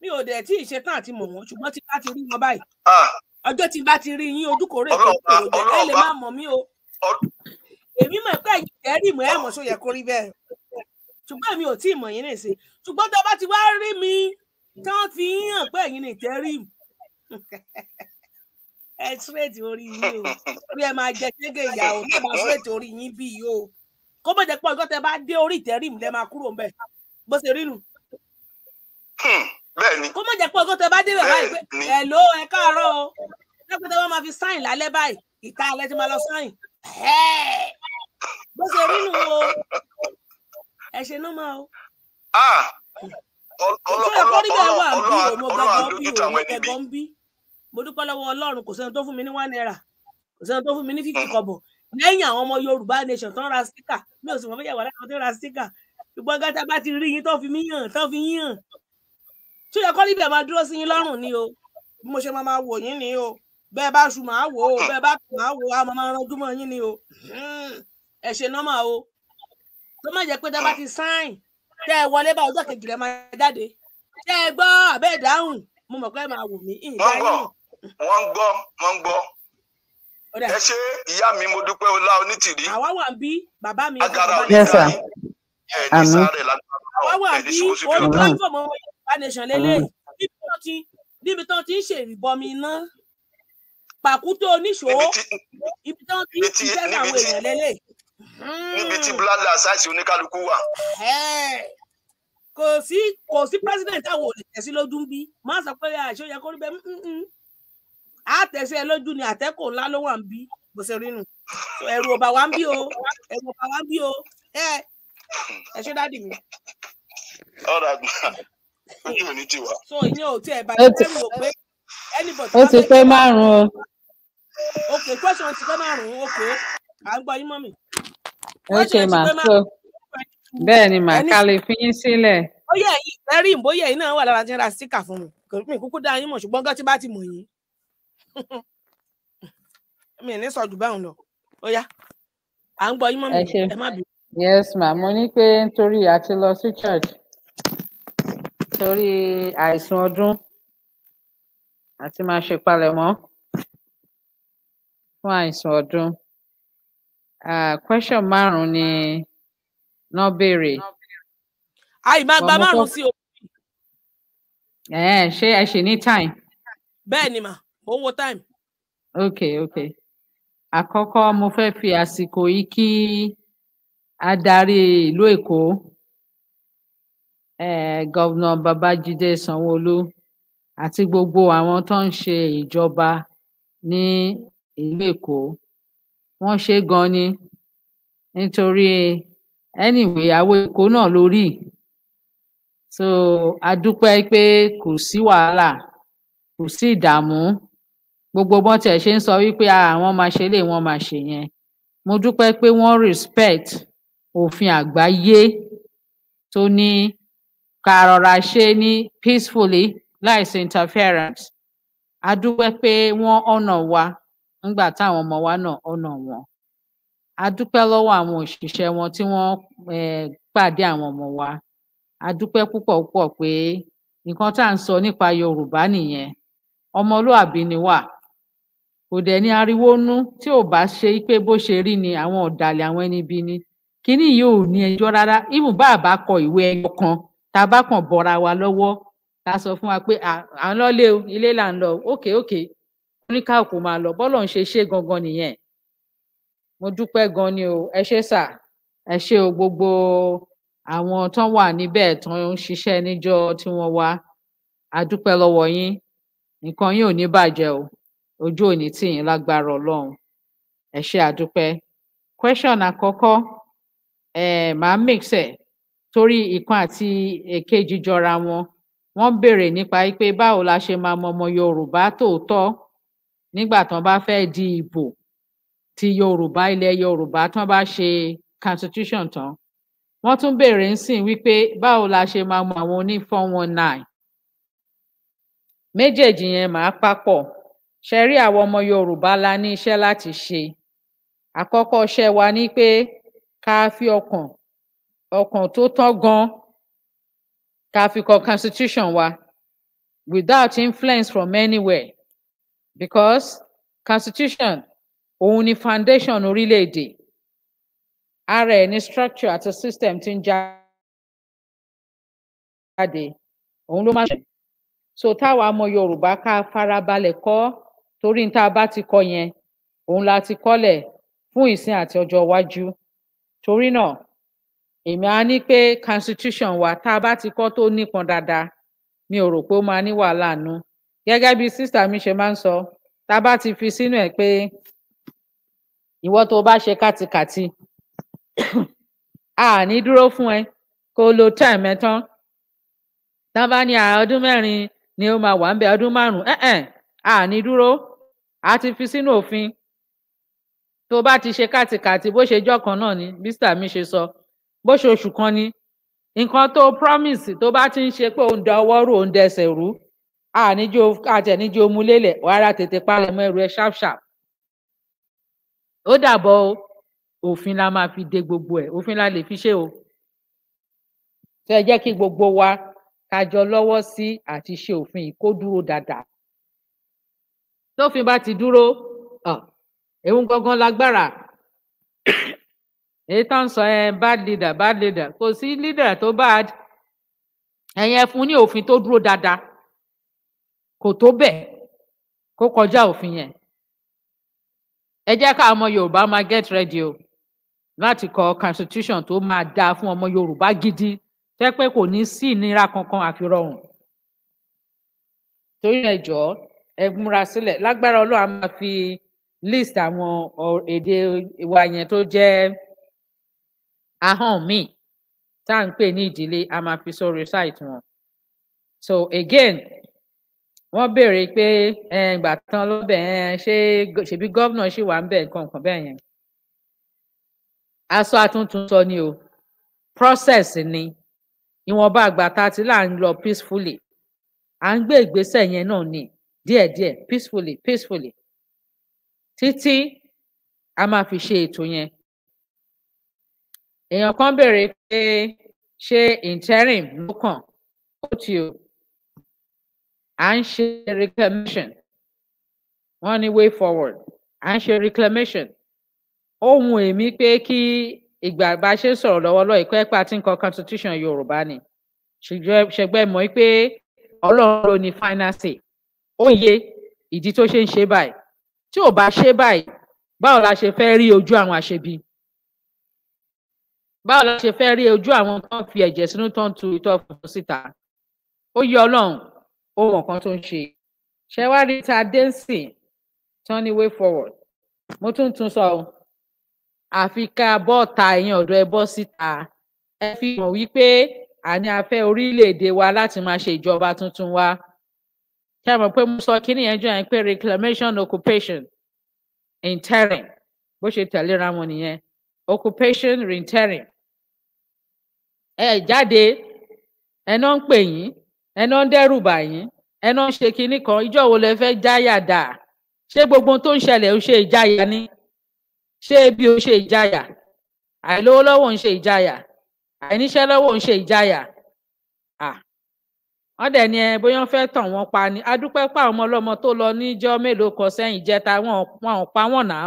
mi ò dẹ̀ tí ì ṣe tán àti mọ̀ wọ́n ṣùgbọ́n tí bá ti rí wọn báyìí ah. ọjọ́ tí bá ti rí yín ojú kò rè é lè má mọ̀ mí o èmi mọ̀ pé ẹ̀yìn kẹ́rì mọ́ ẹ̀mọ́ sóyẹ kó rí bẹ́ẹ̀ ṣùgbọ́n èmi ò tí ì mọ̀ yín nìsín ṣùgbọ́n tó bá ti wá rí mi tí wọ́n fi hàn pé ẹ̀yìn nìtẹ́rì (laughs) ẹ ṣúrẹ́ẹ̀tì orí yín o orí ẹ máa jẹ ṣẹ́gẹ̀ ìyàwó tó bá ṣúrẹ́ẹ̀tì orí yín bí yìí o kó bó jẹ pọ̀ ìgbọ́ tẹ bá dé orí ìtẹ́rì lẹ máa kúrò ńbẹ̀ bó ṣe rí nu. Hmm, kó má jẹ pọ̀ ìgbọ́ tẹ bá dé báyìí pé ẹ̀ ló ẹ káàárọ̀ o lẹ́kọ̀ọ́ tẹ wọ́n máa fi sáìn lálẹ́ báyìí ìta alẹ́ ti máa lọ sáìn bó ṣe rí nu o ẹ ṣe náà máa o. mo dúpẹ́ lọ́wọ́ ọlọ́run kò sẹ́ni tó fún mi ní one naira kò sẹ́ni tó fún mi ní fifty kọ́bọ̀ lẹ́yìn àwọn ọmọ yorùbá nation tó ń ra stika mi ò sì mọ̀ bóyá ìwà láwọn tó ń ra stika ṣùgbọ́n gata bá ti rí yín tó fi mí yàn tó fi yín hàn tó yẹ kọ́ níbẹ̀ máa dúró sí yín lọ́rùn ni o bí mo ṣe máa wò yín ni o bẹ́ẹ̀ bá ṣù máa ó bẹ́ẹ̀ bá tù máa ó a máa ranjú yín ni o hmm. ẹ ṣe nọ́mà o tó má jẹ́ pé tẹ́ bá ti sáìn tẹ́ ẹ wọlé bá ọjọ́ kejì rẹ̀ máa jáde tẹ́ ẹ gbọ́ àbẹ́ ìdáhùn mo mọ̀ pé ẹ máa wò mí. wọ́n gbọ́ wọ́n gbọ́ wọ́n gbọ́ ẹ ṣe ìyá mi mo dúpẹ́ ọlá onítìrí. àwa wà ń bí bàbá mi. agara oníkàrí ẹ̀ ní àwa wà ń bí orí platform Yorùbá Nation tó ti ń ṣèrìbọmi iná pàkúté oníṣòwò ibi tí wọ́n ti ń ṣiṣẹ́ àwọn èèyàn lélẹ̀. Hmm. níbi tí blada ṣáìsì oníkálukú wà. kò sí kò sí president àwọn olè tẹ̀sí lójú bí má sọ pé àṣẹ yẹ kó rí bẹ́ẹ̀ á tẹ̀sí ẹ lójú ni àtẹ́kù ńlá ló wà ń bí bó ṣe rí nù ẹ̀rù ọba wa ń bí o ẹ̀rù ọba wa ń bí o ẹ ẹ ṣe dádì mi. ọ̀rọ̀ àgbà ojú ò ní tiwa. so ìyẹn ò tí ẹ bá ẹ bẹ́ẹ̀ mi ò pé ó ti pé márùn-ún ok question ti pé márùn-ún ok à ń gbọ́ yín mọ́ mi. ok ma so bẹ́ẹ̀ ni mà ká lè fi yín sílẹ̀. ó yẹ yìí lẹ́rìí ìbóyè yìí náà wà lára tí ń ra síkà fún mi kò mí kúkú dá yín mọ̀ ṣùgbọ́n gán tí bá ti mọ̀ yín (laughs) mi ní sọ jù báwọn lọ ó yá à ń gbọ́ yín mọ́ mi ẹ má bínú. yes ma mo ní pé nítorí a ti lọ sí church torí àìsùn ọdún àti máa ṣèpalẹ̀mọ́ fún àìsàn ọdún uh, question márùn ni náà béèrè. àì máa gba márùn sí òbí. ṣé ẹ ṣì ní time. bẹ́ẹ̀ ni mà ó wo time. ok ok àkọ́kọ́ mo fẹ́ fi àsìkò yìí kí adarí ìlú èkó eh, gọ́vnà babájídé sanwóolu àti gbogbo àwọn tó ń ṣe ìjọba ní ìlú èkó wọn ṣe é ganan ni nítorí anyway àwọn èkó náà lórí so a dúpẹ́ pé kò sí wàhálà kò sí ìdààmú gbogbo bọ́n tiẹ̀ ṣe ń sọ wípé àwọn máa ṣe lè wọ́n máa ṣe yẹn mo dúpẹ́ pé wọ́n respect òfin àgbáyé tó ní ká rọra ṣe ní peacefully láìsí interference a dúpẹ́ pé wọ́n ọ̀nà wa nígbà táwọn ọmọ wa náà ọ̀nà wọn a dúpẹ́ lọ́wọ́ àwọn òṣìṣẹ́ wọn tí wọ́n pàdé àwọn ọmọ wa a dúpẹ́ púpọ̀ púpọ̀ pé nǹkan tá à ń sọ nípa yorùbá nìyẹn ọmọlúàbí ni wà kò dẹ̀ ní ariwo nú tí ò bá ṣe pé bó ṣe rí ni àwọn ọ̀dàlẹ̀ àwọn ẹni bí ni kínní yìí ò ní ẹjọ́ rárá ibùn bá a bá kọ ìwé ẹyọ kan tá a bá kàn bọ́ra wa lọ́wọ́ tá sọ fún wa pé à ń lọ lé o ilé là ń lọ òkè òkè ní káàkó máa lọ bọ́lọ̀ ń ṣe ṣe gangan nìyẹn mo dúpẹ́ gan ni o ẹ ṣé sà ẹ ṣé o gbogbo àwọn tán wà níbẹ̀ tán ń ṣiṣẹ́ níjọ́ tí wọ́n wá a dúpẹ́ lọ́wọ́ yín nǹkan yín ò ní bàjẹ́ o ojú ò ní tì yín lágbára Ọlọ́run ẹ ṣé a dúpẹ́ question àkọ́kọ́ ẹ máa mix ẹ torí ìkan àti èkejì jọra wọn wọ́n béèrè nípa pé báwo la ṣe máa mọ ọmọ Yorùbá tòótọ́ nígbà tán bá fẹ́ẹ́ di ìbò ti yorùbá ilẹ̀ yorùbá tán bá ṣe constitution tán wọ́n tún béèrè ńsìn wípé báwo la ṣe máa mọ àwọn oní four one nine méjèèjì yẹn máa papọ̀ ṣe rí àwọn ọmọ yorùbá la ní iṣẹ́ láti ṣe àkọ́kọ́ iṣẹ́ wa ni pé ká fi ọkàn ọkàn tó tán gan ká fi kọ constitution wa without influence from anywhere because constitution òun ni foundation orílẹ̀-èdè ara ẹ̀ ní structure àti system tí ń jáde òun ló máa ṣe so táwa ọmọ yorùbá ká farabalẹ̀ kọ́ torí tá a bá ti kọ́ yẹn òun la ti kọ́lẹ̀ fún ìsìn àti ọjọ́ iwájú torí náà èmi á ní pé constitution wa tá a bá ti kọ́ tó nípọn dáadáa mi ò rò pé ó máa ní wàhálà nù. No gẹ́gẹ́ bí sísà mi ṣe máa ń sọ tá a bá ti fi sínú ẹ̀ pé ìwọ tó bá ṣe kátikàti a ní dúró fún ẹ kó lo time ẹ tá a bá ní ọdún mẹ́rin ni ó máa wà ń bẹ ọdún márùn ẹ̀ẹ́n a ní dúró a ti fi sínú òfin tó bá ti ṣe kátikàti bó ṣe jọ́ kan náà ni bísítà mi ṣe sọ bó ṣe oṣù kan ni nǹkan tó promise tó bá ti ń ṣe pé òun da ọwọ́ rú òun dẹsẹ̀ rú àníjó àtẹ̀níjó mu lélẹ̀ wàrà tètè palẹ̀mọ́ ẹrù ẹ ṣáfṣáp ó dàbọ̀ o òfin la máa fi de gbogbo ẹ̀ òfin la lè fi ṣe o tó ẹ jẹ́ kí gbogbo wa ká jọ lọ́wọ́ sí àti ṣe òfin yìí kó dúró dáadáa tófin bá ti dúró ewu gangan lágbára èyí tó ń sọ ẹ bad leader bad leader kò sí leader tó bad ẹ̀yin ẹ fún ní òfin tó dúró dáadáa kò tó bẹ́ẹ̀ kó kọjá òfin yẹn ẹ jẹ́ ká ọmọ yorùbá máa get ready o láti kọ constitution tó máa dáa fún ọmọ yorùbá gidi tẹ́ pé kò ní sí ìnira kankan àfirọ̀rùn torí ẹ jọ̀ọ́ ẹ múra sílẹ̀ lágbára Ọlọ́run a máa fi list àwọn èdè wa yẹn tó jẹ́ ahọ́n míì tá à ń pè ní ìdílé a máa fi sórí site wọn so again wọ́n béèrè pé ìgbà tán lọ́bẹ̀ ṣé ṣèbí gómìnà ṣì wà ń bẹ̀ nǹkan nǹkan bẹ́ẹ̀ yẹn aṣọ àtúntún sọ ni o process ni ìwọ̀nba àgbà tá a ti là ń lọ peacefully à ń gbé ìgbésẹ̀ yẹn náà ni díẹ̀díẹ̀ peacefully peacefully títí a máa fi ṣe ètò yẹn èèyàn kan béèrè pé ṣé interim ló kàn ó ti o à ń ṣe reclamation wọ́n ní way forward à ń ṣe reclamation ohun èmi pé kí ìgbà bá ṣe sọ̀rọ̀ lọ́wọ́lọ́wọ́ ìpẹ pàtí nǹkan constitution yorùbá ni ṣẹgbẹ mọ̀ pé Ọlọ́run ló ní final say ó yẹ ìdí tó ṣe ń ṣe báyìí tí ò bá ṣe báyìí báwo la ṣe fẹ́ rí ojú àwọn àṣebí báwo la ṣe fẹ́ rí ojú àwọn tó ń fi ẹ̀jẹ̀ sínú tó ń tu ìtọ́ fún síta ó yẹ Ọlọ́run ó mọ nǹkan tó ń ṣe ṣe wá rí ta dẹ́nsì tán ní way forward mo tún tún sọ ọ àfi ká bọ́ọ̀ta ẹ̀yìn ọ̀dọ́ ẹ bọ́ síta ẹ fi hàn wípé àní a fẹ́ orílẹ̀-èdè wa láti máa ṣe ìjọba tuntun wa ṣe mọ̀ pé mo sọ kíní yẹn jọ yẹn pé reclamation occupation interim bó ṣe tẹ̀léra wọn nìyẹn occupation interim ẹ jáde ẹ náà ń pè yín ẹnà ń dẹ́rù bà yín ẹnà ń ṣe kinní kan ìjọ wo lẹ fẹ́ jáyà dà ṣé gbogbo tó ń ṣẹlẹ̀ ó ṣe ìjáyà ni ṣé ebi ó ṣe ìjáyà àìlówó lọ́wọ́ ń ṣe ìjáyà àìníṣẹ́ lọ́wọ́ ń ṣe ìjáyà wọ́n dẹ̀ ni ẹ bóyá fẹ́ tàn wọ́n pa ni adúpẹ́ pa ọmọ ọlọ́mọ tó lọ níjọ́ mélòó kan sẹ́yìn jẹta wọn ò pa wọn náà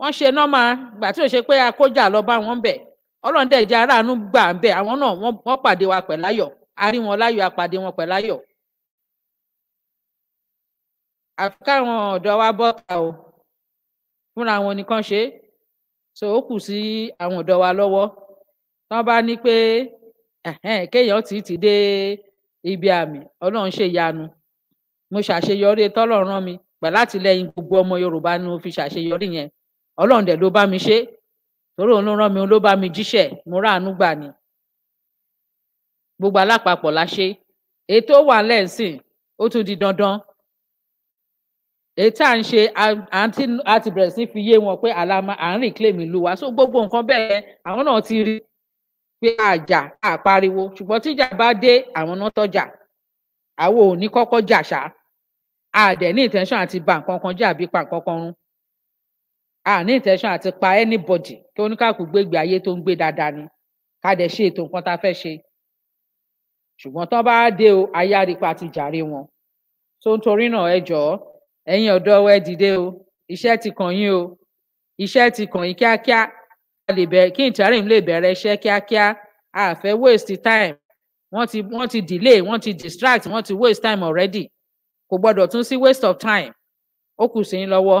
wọ́n ṣe nọ́mà gbà tí ò ṣe pé akójà lọ bá wọn bẹ̀ ọlọ́run dẹ̀ jẹ́ aráàánú gbà ń àwọn náà wọ́n pàdé wa pẹ̀ láyọ̀ a rí wọn láyọ̀ àpàdé wọn pẹ̀lú ayọ̀ àfi káwọn ọ̀dọ́ wa bọ́ta o fúnra wọn nìkan ṣe so ó kù sí àwọn ọ̀dọ́ wa lọ́wọ́ tán bá ní pé kéèyàn tì í ti dé ibi àmì Ọlọ́run ṣe ìyanu mo ṣàṣeyọrí tọ́lọ́run rán mi pẹ̀lú àtìlẹ́yìn gbogbo ọmọ Yorùbá ni mo fi ṣàṣeyọrí yẹn Ọlọ́run dẹ̀ ló bá mi ṣe torí òun ló rán mi ló bá mi jíṣẹ́ mo ráàánú gbà ni gbogbo alápapọ̀ la ṣe èyí tó wà lẹ́sìn ó tún di dandan èyí tá à ń ṣe à ti bẹ̀rẹ̀ sí fi yé wọn pé àlàmà à ń reclaim ìlú wa so gbogbo nǹkan bẹ́ẹ̀ àwọn náà ti rí pé àjà àpariwo ṣùgbọ́n tíjà bá dé àwọn náà tọ́jà àwọn ò ní kọ́kọ́ jà ṣá a dẹ̀ ní intention àti ba nǹkan kan jà bí pa nǹkan kan run a ní intention àti pa anybody kí oníkàkú gbégbé ayé tó ń gbé dáadáa ni ká dẹ̀ ṣe ètò nǹkan tá a fẹ́ ṣe ṣùgbọ́n tán bá dé o ayáripa ti jàre wọn tó ń torí náà ẹ jọ̀ọ́ ẹ̀yin ọ̀dọ́ ẹ dìde o iṣẹ́ ti kàn yín o iṣẹ́ ti kàn yín kíákíá kí interim lè bẹ̀rẹ̀ iṣẹ́ kíákíá a fẹ́ waste time wọ́n ti wọ́n ti delay wọ́n ti distract wọ́n ti waste time already kò gbọ́dọ̀ tún sí waste of time ó kù sí yín lọ́wọ́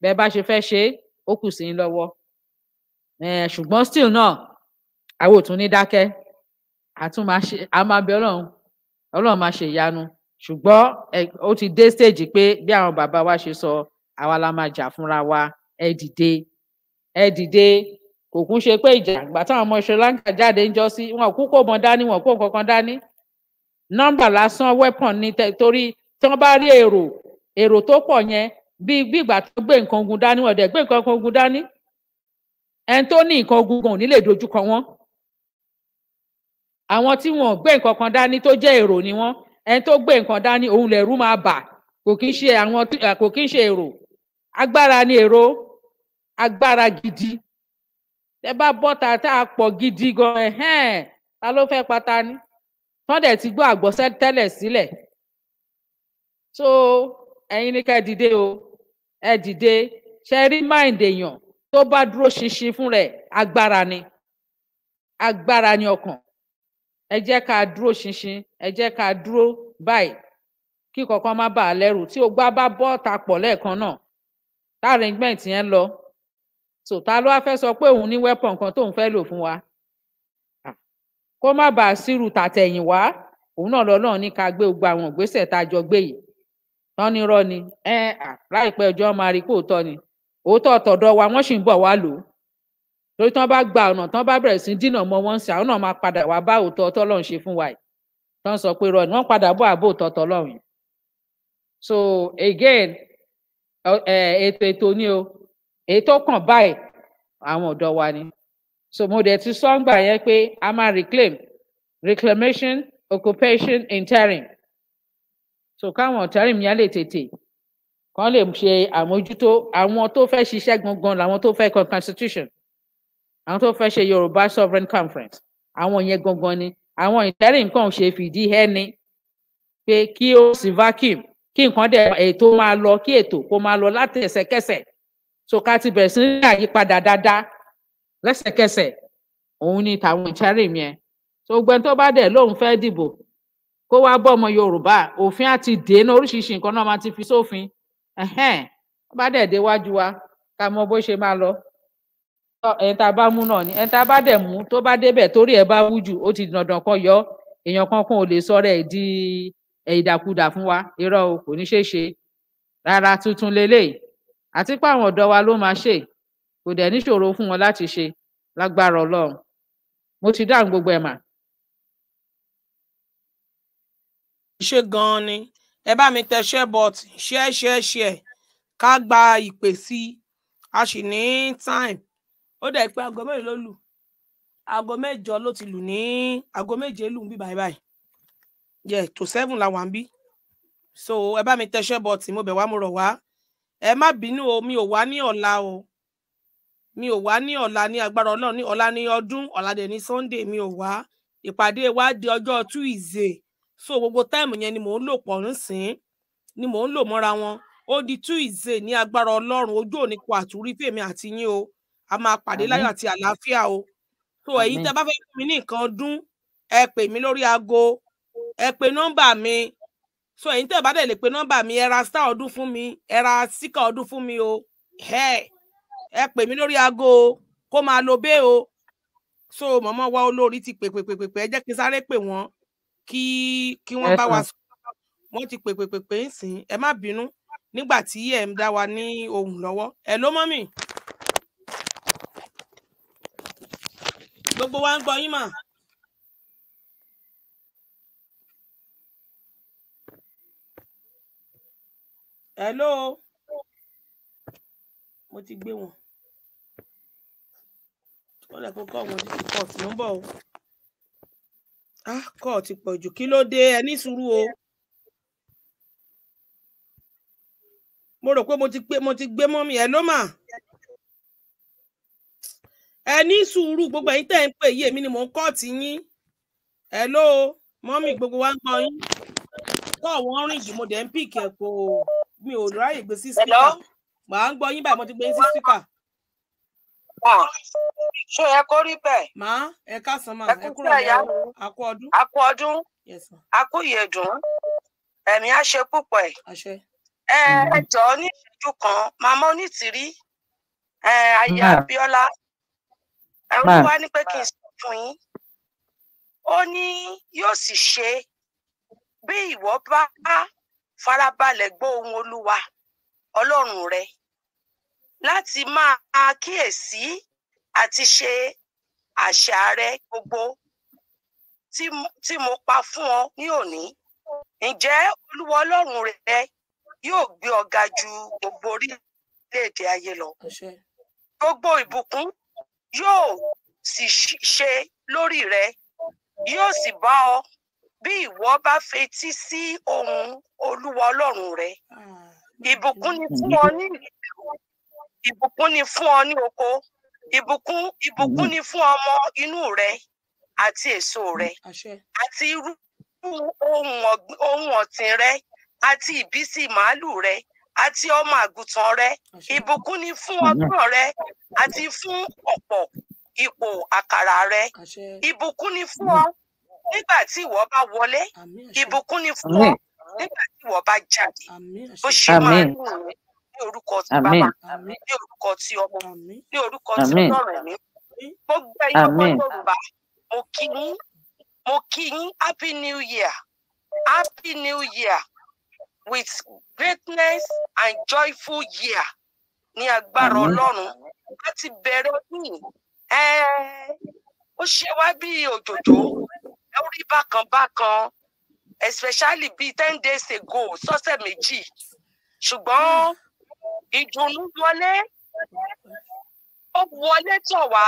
bẹ́ẹ̀ bá ṣe fẹ́ ṣe ó kù sí yín lọ́wọ́ ṣùgbọ́n still náà àwọn ò tún ní dákẹ́ àtún máa ṣe a máa bẹ ọlọ́run ọlọ́run máa ṣe ìyanu ṣùgbọ́n ó ti dé stage pé bí àwọn bàbá wa ṣe sọ àwa la máa jà fúnra wa ẹ dìde ẹ dìde kò kún ṣe pé ìjà àgbà táwọn ọmọ Sri Lanka jáde ń jọ sí wọn kú kò mọ dání wọn kó kankan dání nọ́mbà lásán weapon ni torí tí wọn bá rí èrò èrò tó pọ̀ yẹn bí bí ìgbà tó gbé nǹkan ogun dání wọn dẹ gbé nǹkan ogun dání ẹni tó ní nǹkan ogun gan ò ní lè dojúkọ wọn àwọn tí wọn gbé nǹkan kan dání tó jẹ́ èrò ni wọ́n ẹni tó gbé nǹkan dání òun lẹ̀rú máa bà kò kí ń ṣe àwọn kò kí ń ṣe èrò agbára ni èrò agbára gidi tẹ bá bọ́ta tá a pọ̀ gidi gan ẹ̀hẹ́n ta ló fẹ́ pata ni wọ́n dẹ̀ ti gbọ́ àgbọ̀sẹ́ tẹ́lẹ̀ sílẹ̀ so ẹ̀yin ní ká dìde o ẹ dìde ṣe rí mind èèyàn tó bá dúró ṣinṣin fún rẹ̀ agbára ni agbára ni ọkàn ẹ jẹ́ ká dúró ṣinṣin ẹ jẹ́ ká dúró báyìí kí kankan má bàa lẹ́rù tí o gbá bá bọ́ ta pọ̀ lẹ́ẹ̀kan náà tá arrangement yẹn lọ so ta ló wá fẹ́ sọ pé òun ní weapon kan tóun fẹ́ lò fún wa kó má bàa sírù tàtẹ̀yìn wá òun náà lọ́nà ní ká gbé gbogbo àwọn ìgbésẹ̀ tá a jọ gbé yìí tán ní rọ ni ẹ láìpẹ́ ọjọ́ máa rí pé òótọ́ ni òótọ́ tọ̀dọ̀ wa wọ́n sì ń bọ̀ wá lò ó torí tán bá gba ọ̀nà tán bá bẹ̀rẹ̀ sí dínà mọ́ wọn sí àwọn náà máa padà wá bá òótọ́ tọ́lọ́run ṣe fún wa yìí tán sọ pé rọ́ọ̀nì wọ́n padà bọ́ àbò òótọ́ tọ́lọ́run yìí so again ètò ètò ni o èyí tó kàn báyìí àwọn ọ̀dọ́ wa ni so mo dẹ̀ ti sọ́ngbà yẹn pé a máa reclaim reclamation occupation interim so káwọn interim yẹn lè tètè kán lè ṣe àmójútó àwọn tó fẹ́ ṣiṣẹ́ gangan làwọn tó fẹ́ constitution àwọn tó fẹ́ ṣe yorùbá sovereign conference àwọn yẹn gangan ni àwọn ìtẹ́rì nǹkan ṣe fìdí ẹni pé kí ó sì vacuum kí nǹkan dẹ̀ ètò máa lọ kí ètò kó máa lọ láti ẹsẹ̀kẹsẹ̀ so ká ti bẹ̀rẹ̀ sí ní àyípadà dáadáa lẹ́sẹ̀kẹsẹ̀ òun ni tàwọn ìtẹ́rì yẹn so gbẹ́ni tó bá dẹ̀ lóun fẹ́ dìbò kó wá bọ́ ọmọ yorùbá òfin àti dèénà oríṣiríṣi nǹkan náà máa ti fi sófin ẹ̀hẹ́n bá dẹ̀ déwájú wa ká mọ bó ṣe máa lọ ẹni tá a bá mú náà ni ẹni tá a bá dẹ̀ mú tó bá débẹ̀ torí ẹ̀ bá wú ó ti dandan kan yọ èèyàn kankan ò lè sọ̀rọ̀ ẹ̀ di ìdàkudà fún wa irọ́ o kò ní ṣeé ṣe rárá tuntun leléyìí àti pé àwọn ọ̀dọ́ wa ló máa ṣe kò dẹ̀ níṣòro fún wọn láti ṣe lágbára Ọlọ́run mo ti dáhùn gbogbo ẹ̀ mà. ṣe gan-an ni ẹ bá mi tẹ share button ká gba ìpè sí i a sì ní time ó dẹ̀ pé aago mẹ́rin ló lù aago mẹ́jọ ló ti lù ní aago méje lù ń bí báyìí yẹ tó seven la wà ń bí so ẹ bá mi tẹṣẹ bọ tí mo bẹ̀ wá mo rọ̀ wá ẹ má bínú o mi ò wá ní ọ̀la o mi ò wá ní ọ̀la ní agbára Ọlọ́run ní ọ̀la ní ọdún ọ̀la dẹ̀ ní Sunday mi ò wá ìpàdé wa di ọjọ́ Tuesday so gbogbo táìmù yẹn ni mò ń lò pọ̀ nísìn ni mò ń lò mọ́ra wọn ó di Tuesday ní agbára Ọlọ́run ojú òní kò àtúrí fèmí àti yín o a máa pàdé láyọ̀ àti àlàáfíà o so ẹ̀yin tẹ́ bá fẹ́ fún mi ní nǹkan ọdún ẹ pè mí lórí aago ẹ pè nọ́mbà mi so ẹ̀yin tẹ́ bá dẹ̀ lè pè nọ́mbà mi ẹ ra star ọdún fún mi ẹ ra ọdún fún mi o ẹ ẹ pè mí lórí aago kó máa lo bẹ́ẹ̀ o so mọ̀mọ́ wa olórí ti pè pè pè pè pè ẹ jẹ́ kí n sáré pè wọ́n kí kí wọ́n bá wa sọ wọ́n ti pè pè pè pè ń sìn ẹ má bínú nígbà tí ẹ̀ ń dá wa ní ohùn lọ́wọ́ ẹ ló mọ́ mi. gbogbo wa ń gbọ́ yín mà. hello mo ti gbé wọn wọn lè kó kọ wọn ní kóòtù ló ń bọ̀ o ah kóòtù pọ̀ jù kí ló dé ẹ ní sùúrù o mo rò pé mo ti gbé mọ́mí ẹ ló mà ẹ ní sùúrù gbogbo ẹ̀yin tẹ́ ń pè yí èmi ni mò ń kọ́ ti yín ẹ ló mọ́mì gbogbo wa ń gbọ́ yín kọ́ wọ́n rìn jù mo dẹ̀ ń pìkì ẹ̀ kò mi ò ráyè gbé sí síkà mà á ń gbọ́ yín báyìí mo ti gbé yín sí síkà. ṣé ẹ kó rí bẹ́ẹ̀. má ẹ káàsán máa ẹ kúrò ní àkú ọdún. àkú ọdún àkú ìyèdùn ẹ̀mí á ṣe púpọ̀ ẹ̀. ẹ jọ̀ọ́ ní ìṣẹ́jú kan màmá onítìrí aya Abíọ́lá. Mm ẹrú wa ní pé kí n sọ fún yín ó ní yóò sì ṣe bí ìwọ bá farabalẹ̀ gbọ́ ohùn olúwa ọlọ́run rẹ láti máa kíyèsí àti ṣe àṣà rẹ gbogbo tí mo pa fún ọ ní òní ǹjẹ́ olúwa ọlọ́run rẹ yóò gbé ọ ga ju gbogbo orílẹ̀ ayé lọ gbogbo ìbùkún yóò sì ṣe lórí rẹ yóò sì bá ọ bí ìwọ bá fetí sí ohùn olúwa ọlọ́run rẹ ah, ìbùkún ni fún ọ ní ìbùkún ni fún ọ ní oko ìbùkún ìbùkún ni fún ọmọ inú rẹ àti èso rẹ àti irú ohun ọ̀gbìn rẹ àti ìbísí màálù rẹ àti ọmọ àgùntàn rẹ ìbùkún ni fún ọdún rẹ àti fún ọ̀pọ̀ ipò àkàrà rẹ ìbùkún ni fún ọ nígbà tí ìwọ bá wọlé ìbùkún ni fún ọ nígbà tí ìwọ bá jáde bó ṣe máa ń ní orúkọ ti bàbá ní orúkọ ti ọmọ ní orúkọ ti Ọlọ́run mi mo gbẹ yín Yorùbá mo kí yín mo kí yín happy new year happy new year with greatness and joyful year ní agbára ọlọ́run láti bẹ̀rẹ̀ ọdún yìí ó ṣe wá bí òjòjò ẹ rí bákan bákan especially bíi ten days ago sọ́sẹ̀ méjì ṣùgbọ́n ìdùnnú wọlé ó wọlé tọ̀ wá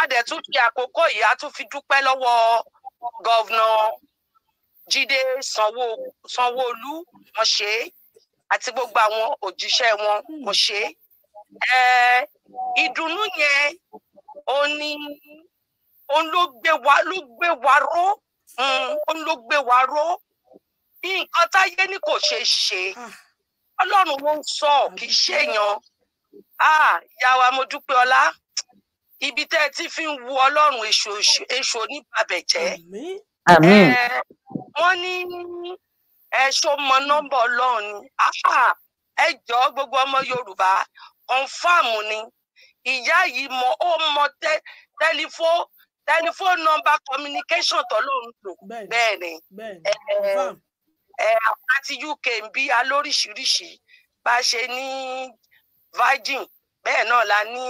a dẹ̀ tún fi àkókò yìí a tún fi dúpẹ́ lọ́wọ́ gọ́vnà Jídé Sanwó Sanwóolu wọ́n ṣe é àti gbogbo àwọn òjíṣẹ́ wọn wọ́n ṣe é ìdùnnú yẹn ó ní ó ló gbé wa ló gbé wa ró hmm, ó ló gbé wa ró nǹkan táyé ní kò ṣe ṣe Ọlọ́run ló ń sọ kì í ṣèyàn ìyá wa mo dúpẹ́ ọlá ibi tẹ́ ẹ ti fi ń wu Ọlọ́run èṣù oníbàbẹ̀jẹ́ àmín. wọ́n ní ẹ̀ṣọ́ mọ nọ́mbà ọlọ́run ni ẹ jọ̀ọ́ gbogbo ọmọ yorùbá kọ́nfàmù ni ìyá yìí mọ ó mọ tẹlifó tẹlifó nọ́mbà communication tọ́lọ́run lò bẹ́ẹ̀ ni àwọn àti uk ń bí a lóríṣiríṣi bá a ṣe ní virgin bẹ́ẹ̀ náà la ní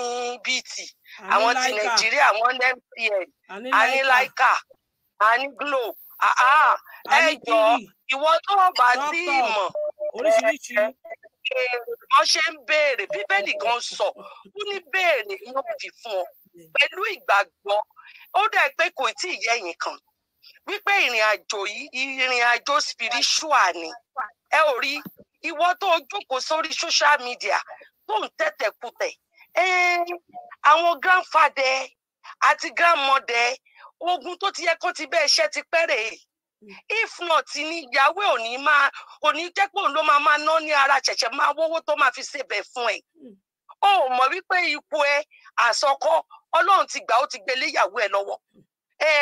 bt àwọn ti nàìjíríà wọn ní mtn a ní laika. Like a ní glo ah, ah, ẹ jọ ìwọ tó bá tí ì mọ̀ oríṣiríṣi wọ́n ṣe ń béèrè bíbélì gan sọ ó ní béèrè ló fi fún ọ pẹ̀lú ìgbàgbọ́ ó dẹ̀ pé kò tí ì yẹ̀yìn kan wípé ìrìn àjò yìí ìrìn àjò spiritual ni ẹ ò rí ìwọ tó jókòó sórí social media tó ń tẹ̀tẹ̀kùtẹ̀ àwọn grandfather àti grandmother ogun tó ti yẹ kó ti bẹ́ẹ̀ ṣẹ́ ti pẹ́rẹ̀ yìí if not ni ìyàwó ò ní máa ò ní jẹ́ pé òun ló máa máa ná ní ara ṣẹ̀ṣẹ̀ máa wówó tó máa fi ṣèbẹ̀ fún ẹ̀ ó mọ̀ wípé ipò ẹ àsọkọ ọlọ́run ti gbà ó ti gbé léyàwó ẹ lọ́wọ́ ẹ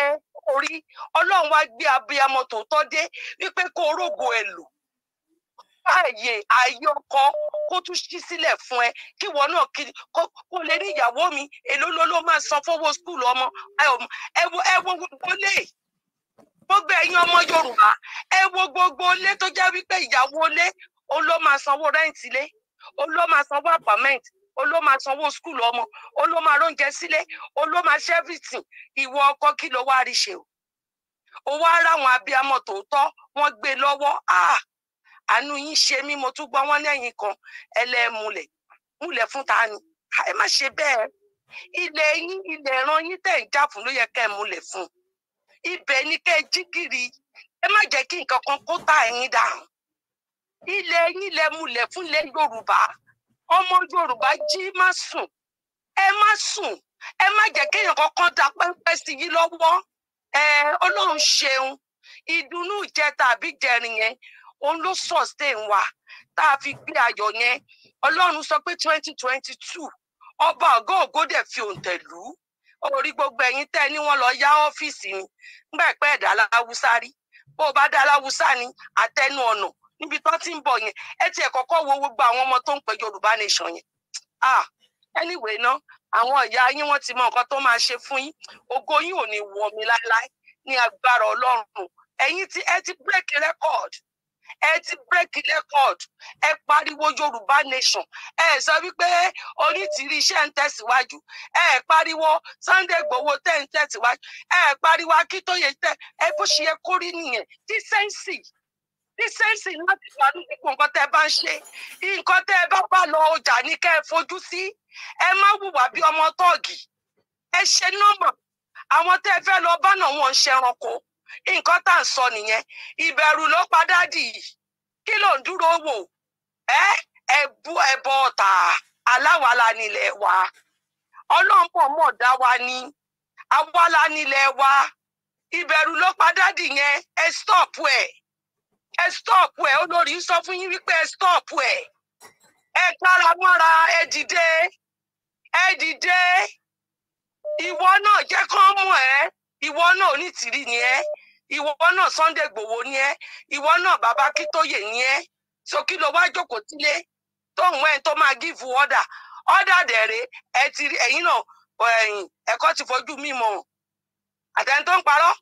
orí ọlọ́run wá gbé abiyamọ tòótọ́ dé wípé kó orógo ẹ lò ààyè ààyè ọkọ kó tún ṣí sílẹ̀ fún ẹ kí wọn náà kó lè ní ìyàwó mi èló ló ló máa san fowó skul ọmọ ẹ wo ẹ wo gbogbo lè gbogbo ẹ̀yin ọmọ Yorùbá ẹ wo gbogbo lé tó jẹ́ wípé ìyàwó lé òun ló máa sanwó rẹ́ǹtì lé òun ló máa sanwó apartment òun ló máa sanwó skul ọmọ òun ló máa róúnjẹ sílé òun ló máa ṣe ìwọ ọkọ kí ló wá rí ṣe o ó wá ráwọn abiyamọ tòótọ́ wọ́n gbé lọ́wọ́ ah àánú yín ṣe mí mo tún gbọ́ wọ́n lẹ́yìn kan ẹlẹ́mulẹ̀ múlẹ̀ fún ta ni ẹ má ṣe bẹ́ẹ̀ ilẹ̀ yín ilẹ̀ ẹ̀ràn yín tẹ̀ ń jà fún ló yẹ kẹ́ ẹ múlẹ̀ fún ibẹ̀ ni kẹ́ ẹ jí gìrì ẹ má jẹ́ kí nǹkan kan kó tà yín dàrún ilẹ̀ yín lẹ múlẹ̀ fúnlẹ̀ Yorùbá ọmọ Yorùbá jí má sùn ẹ má sùn ẹ má jẹ́ kéèyàn kankan da pẹ́ńpẹ́ sí yín lọ́wọ́ ẹ Ọlọ́run ṣeun ìdùnnú ìjẹta àbí jẹrin yẹn òun ló sustain wa tá a fi gbé ayọ̀ yẹn ọlọ́run sọ pé twenty twenty two ọba ọgọ́ ògódè fi òǹtẹ̀ lù ú orí gbogbo ẹ̀yin tẹ́ ni wọ́n lọ yá ọ́fíìsì ni nígbà ìpẹ́ ẹ̀dá aláwùsá rí bó o bá dá aláwùsá ni àtẹnu ọ̀nà níbi tó ti ń bọ̀ yẹn ẹ tiẹ̀ kọ́kọ́ wo gbogbo àwọn ọmọ tó ń pè yorùbá nation yẹn ah anyway ná àwọn ìyá yín wọ́n ti mọ nǹkan tó máa ṣe fún yín ògo yín ò ní wọ̀ mí láéláé ní agbára ọlọ́run ẹ̀yin tí ẹ ti break record ẹ ti break record ẹ pariwo yorùbá nation ẹ sọ wípé onítìrí iṣẹ́ ń tẹ̀síwájú ẹ pariwo Sunday Igboho tẹ̀ ń tẹ̀síwájú ẹ pariwo Akíntóyè tẹ̀ ẹ bó ṣe yẹ kórí nìyẹn dísẹ́ǹsì dísẹ́ǹsì láti wà ní gbogbo nǹkan tẹ́ bá ń ṣe nǹkan tẹ́ bá bá lọ ọjà ní kẹ́ ẹ fojú sí ẹ má wùwà bí ọmọ tọ́ọ̀gì ẹ ṣe nọ́mbà àwọn tẹ́ fẹ́ lọ bá náà wọ́n ṣẹranko nǹkan tá à ń sọ nìyẹn ìbẹ̀rù ló pa dádì kí ló ń dúró wò ẹ ẹ bú ọ̀tà nílẹ̀ wa ọlọ́mọ̀ mọ̀ dá wa ní wa ìbẹ̀rù ló pa yẹn ẹ stop ẹ ẹ stop ẹ olórí sọ fún yín wípé ẹ ẹ ẹ kára mọ́ra ẹ náà jẹ́ kán mọ̀ náà ni ìwọ náà Sunday Igboho ni ẹ ìwọ náà bàbá Akíntóyè ni ẹ so kí ló wá jókòó sílé tóun ẹ tó máa gíìfù order, ọdà dẹrẹ ẹ ti ẹyin náà ẹyìn ẹkọ ti fojú mi mọ àtẹni tó ń parọ́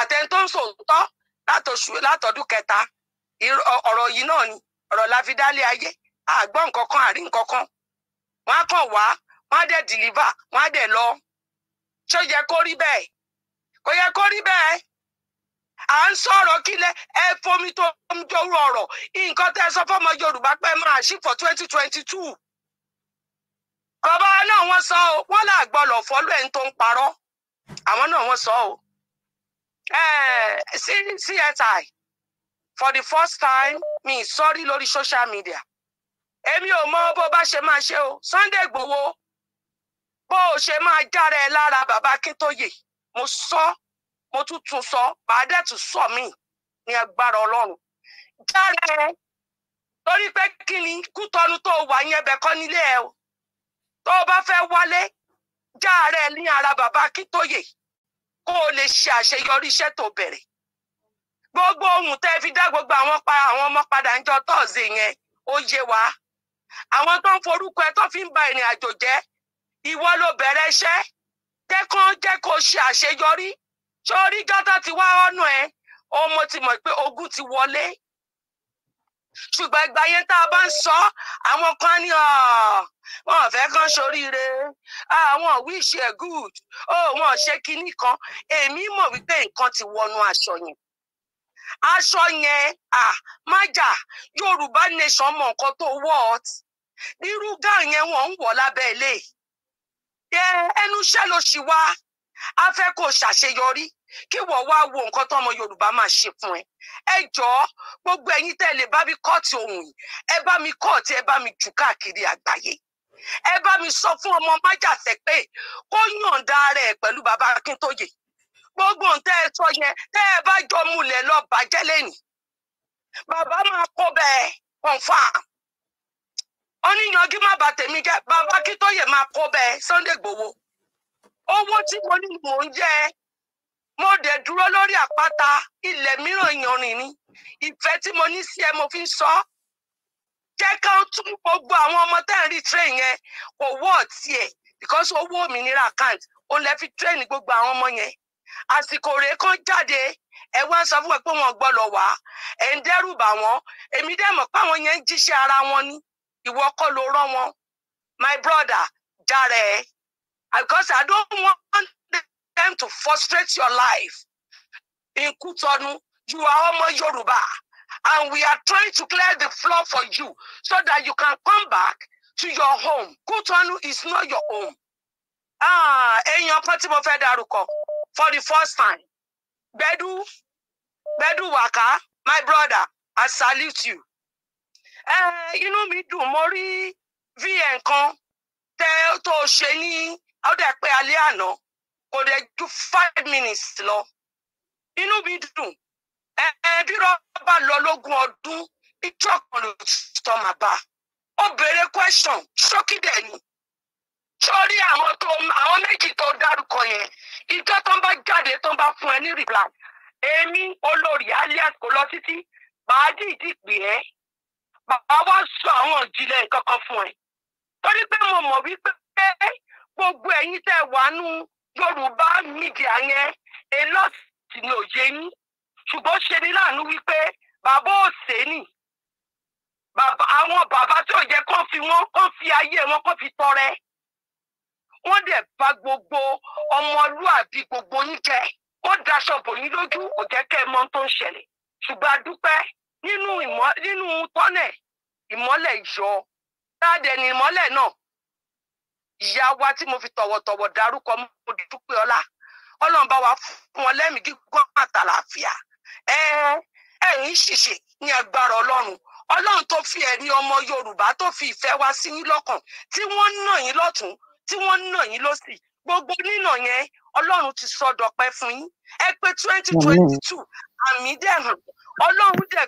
àtẹni tó ń sòótọ́ látọṣù látọdún kẹta ọ̀rọ̀ yìí náà ni ọ̀rọ̀ láfidálé ayé àgbọ nǹkan kan àrí nǹkan kan wọn á kàn wá wọn á dẹ dìlíbà wọn á dẹ lọ ṣó yẹ kó rí bẹ́ẹ̀ kò yẹ kó rí bẹ́ẹ̀ à ń sọ̀rọ̀ kílẹ̀ ẹ fomi tó ń jowú ọ̀rọ̀ nǹkan tẹ́ ẹ sọ fọ́mọ Yorùbá pé máa ṣí for twenty twenty two bàbá náà wọ́n sọ ọ́ wọ́n là gbọ́lọ̀ fọ́lú ẹ̀ ń tó ń parọ́ àwọn náà wọ́n sọ ọ́ CSI for the first time mi sọ́rí lórí social media èmi ò mọ bó bá ṣe máa ṣe o Sunday Igboho bó o ṣe máa jára ẹ lára bàbá Akíntóyè mo sọ. So, mo tún tún sọ màá dẹ̀ tún sọ mí ní agbára ọlọ́run járe torí pé kí ni kútọ́nu tó wà yẹn bẹ̀ kọ́ nílé ẹ o tó o bá fẹ́ wálé járe ní ara bàbá Akíntóyè kó o lè ṣe àṣeyọrí iṣẹ́ tó bẹ̀rẹ̀ gbogbo ohun tẹ́ fi dá gbogbo àwọn pa àwọn ọmọ padà ń jọ tọ́ọ̀sì yẹn ó yé wa àwọn tó ń forúkọ ẹ tó fi ń ba ìrìn àjò jẹ́ ìwọ ló bẹ̀rẹ̀ iṣẹ́ jẹ́ kó jẹ́ kó ṣe àṣeyọrí sórí jọ́tà ti wá ọ̀nà ẹ̀ ọmọ ti mọ̀ pé ogun ti wọlé ṣùgbọ́n ìgbà yẹn tá a bá ń sọ àwọn kan ní wọn fẹ́ kán soríire àwọn ah, wish ẹ̀ e good ó oh, wọn ṣe kinní kan èmi mọ̀ wípé nǹkan ti wọnú aṣọ yẹn aṣọ yẹn ah, májà yorùbá nation mọ̀ nǹkan tó wọ́ọ̀tì irú gáà yẹn wọ́n ń wọ̀ lábẹ́ ilé ẹnu iṣẹ́ ló ṣì wá a fẹ́ kó ṣàṣeyọrí kí wọ́n wá wo nǹkan tọ́mọ Yorùbá máa ṣe fún ẹ ẹ jọ̀ọ́ gbogbo ẹ̀yin tẹ́ lè bá mi kọ́ọ̀tì ohun yìí ẹ bá mi kọ́ọ̀tì ẹ bá mi jù káàkiri àgbáyé ẹ bá mi sọ fún ọmọ májàsẹ pé kó yọ̀ǹda rẹ̀ pẹ̀lú bàbá Akíntóyè gbogbo ǹtẹ́ ẹ sọ yẹn tẹ́ ẹ bá jọ múlẹ̀ lọ bàjẹ́ lẹ́nu bàbá máa kó bẹ́ẹ̀ confam oníyanjú má bà tèmi jẹ́ bàbá Akíntóyè máa kó bẹ́ẹ̀ Sunday Igboho owó tí mo ní mò ń jẹ́ mo dẹ̀ dúró lórí àpáta ilẹ̀ mìíràn yanrìn ni ìfẹ́ tí mo ní sí ẹ mo fi ń sọ ọ́ jẹ́ ká tún gbogbo àwọn ọmọ tẹ́ ń rí train yẹn kò wọ́ ọ̀tí ẹ̀ because owó òmìnira account òun lè fi train gbogbo àwọn ọmọ yẹn àsìkò rèé kan jáde ẹ wá ń sọ fún ẹ pé wọn gbọ́dọ̀ wá ẹ ń dẹ́rù bà wọ́n èmi dẹ̀ mọ̀ pé àwọn yẹn ń jíṣẹ́ ara wọn ni ìwọ kọ́ ló rán wọn my brother jàre because I don't want attempt to frustrate your life in Kutonu. You are almost Yoruba, and we are trying to clear the floor for you so that you can come back to your home. Kutonu is not your home. Ah, èèyàn kan party mo fẹ́ for the first time. Bedu, Bedu Waka, my brother, I salute you. Inú mi dùn, mo rí VN kan tẹ́ tó ṣe ní ọdẹ pé alẹ́ kò dẹ̀ ju five minutes lọ inú mi dùn ẹ ẹ bí rọ́bà lọ lógún ọdún ìjọ kan ló sọ màá bá ó béèrè question ṣókí dẹ̀ ni sórí àwọn tó àwọn méjì tó dárúkọ yẹn ìjọ tó ń bá jáde tó ń bá fún ẹ ní reply èmi olórí alias kò lọ títí màá dìídì pè ẹ́ màá wá sọ àwọn ìjìnlẹ̀ nǹkan fún ẹ torí pé mo mọ̀ wípé gbogbo ẹ̀yin tẹ́ wà nù yorùbá mídíà yẹn elọ́sì ni òye yín ṣùgbọ́n ṣe ni láàánú wípé bàbá òsèlú àwọn bàbá tí ò yẹ kó fi wọn kó fi ayé wọn kó fi tọrẹ wọ́n dẹ̀ bà gbogbo ọmọlúàbí gbogbo yín jẹ́ wọ́n daṣọ bò yín lójú kò jẹ́ kẹ́ ẹ tó ń ṣẹlẹ̀ ṣùgbọ́n a nínú ìmọ̀ nínú tọ́nẹ̀ ìmọ́lẹ̀ yọ táàdẹ̀ náà ìyá wa tí mo fi tọ̀wọ̀tọ̀wọ̀ darúkọ mo dúpẹ́ ọlá ọlọ́run bá wa fún wọn lẹ́mìí gígùn àtàlàáfíà ẹ̀yìn ṣìṣe ní agbára ọlọ́run ọlọ́run tó fi ẹ̀rí ọmọ yorùbá tó fi ìfẹ́ wá sí yín lọ́kàn tí wọ́n ń nà lọ́tún tí wọ́n ń nà lọ́sì gbogbo nínà yẹn ọlọ́run ti sọ dọ̀pẹ́ fún yín ẹ pé twenty twenty two àmì dẹ̀ hàn ọlọ́run dẹ̀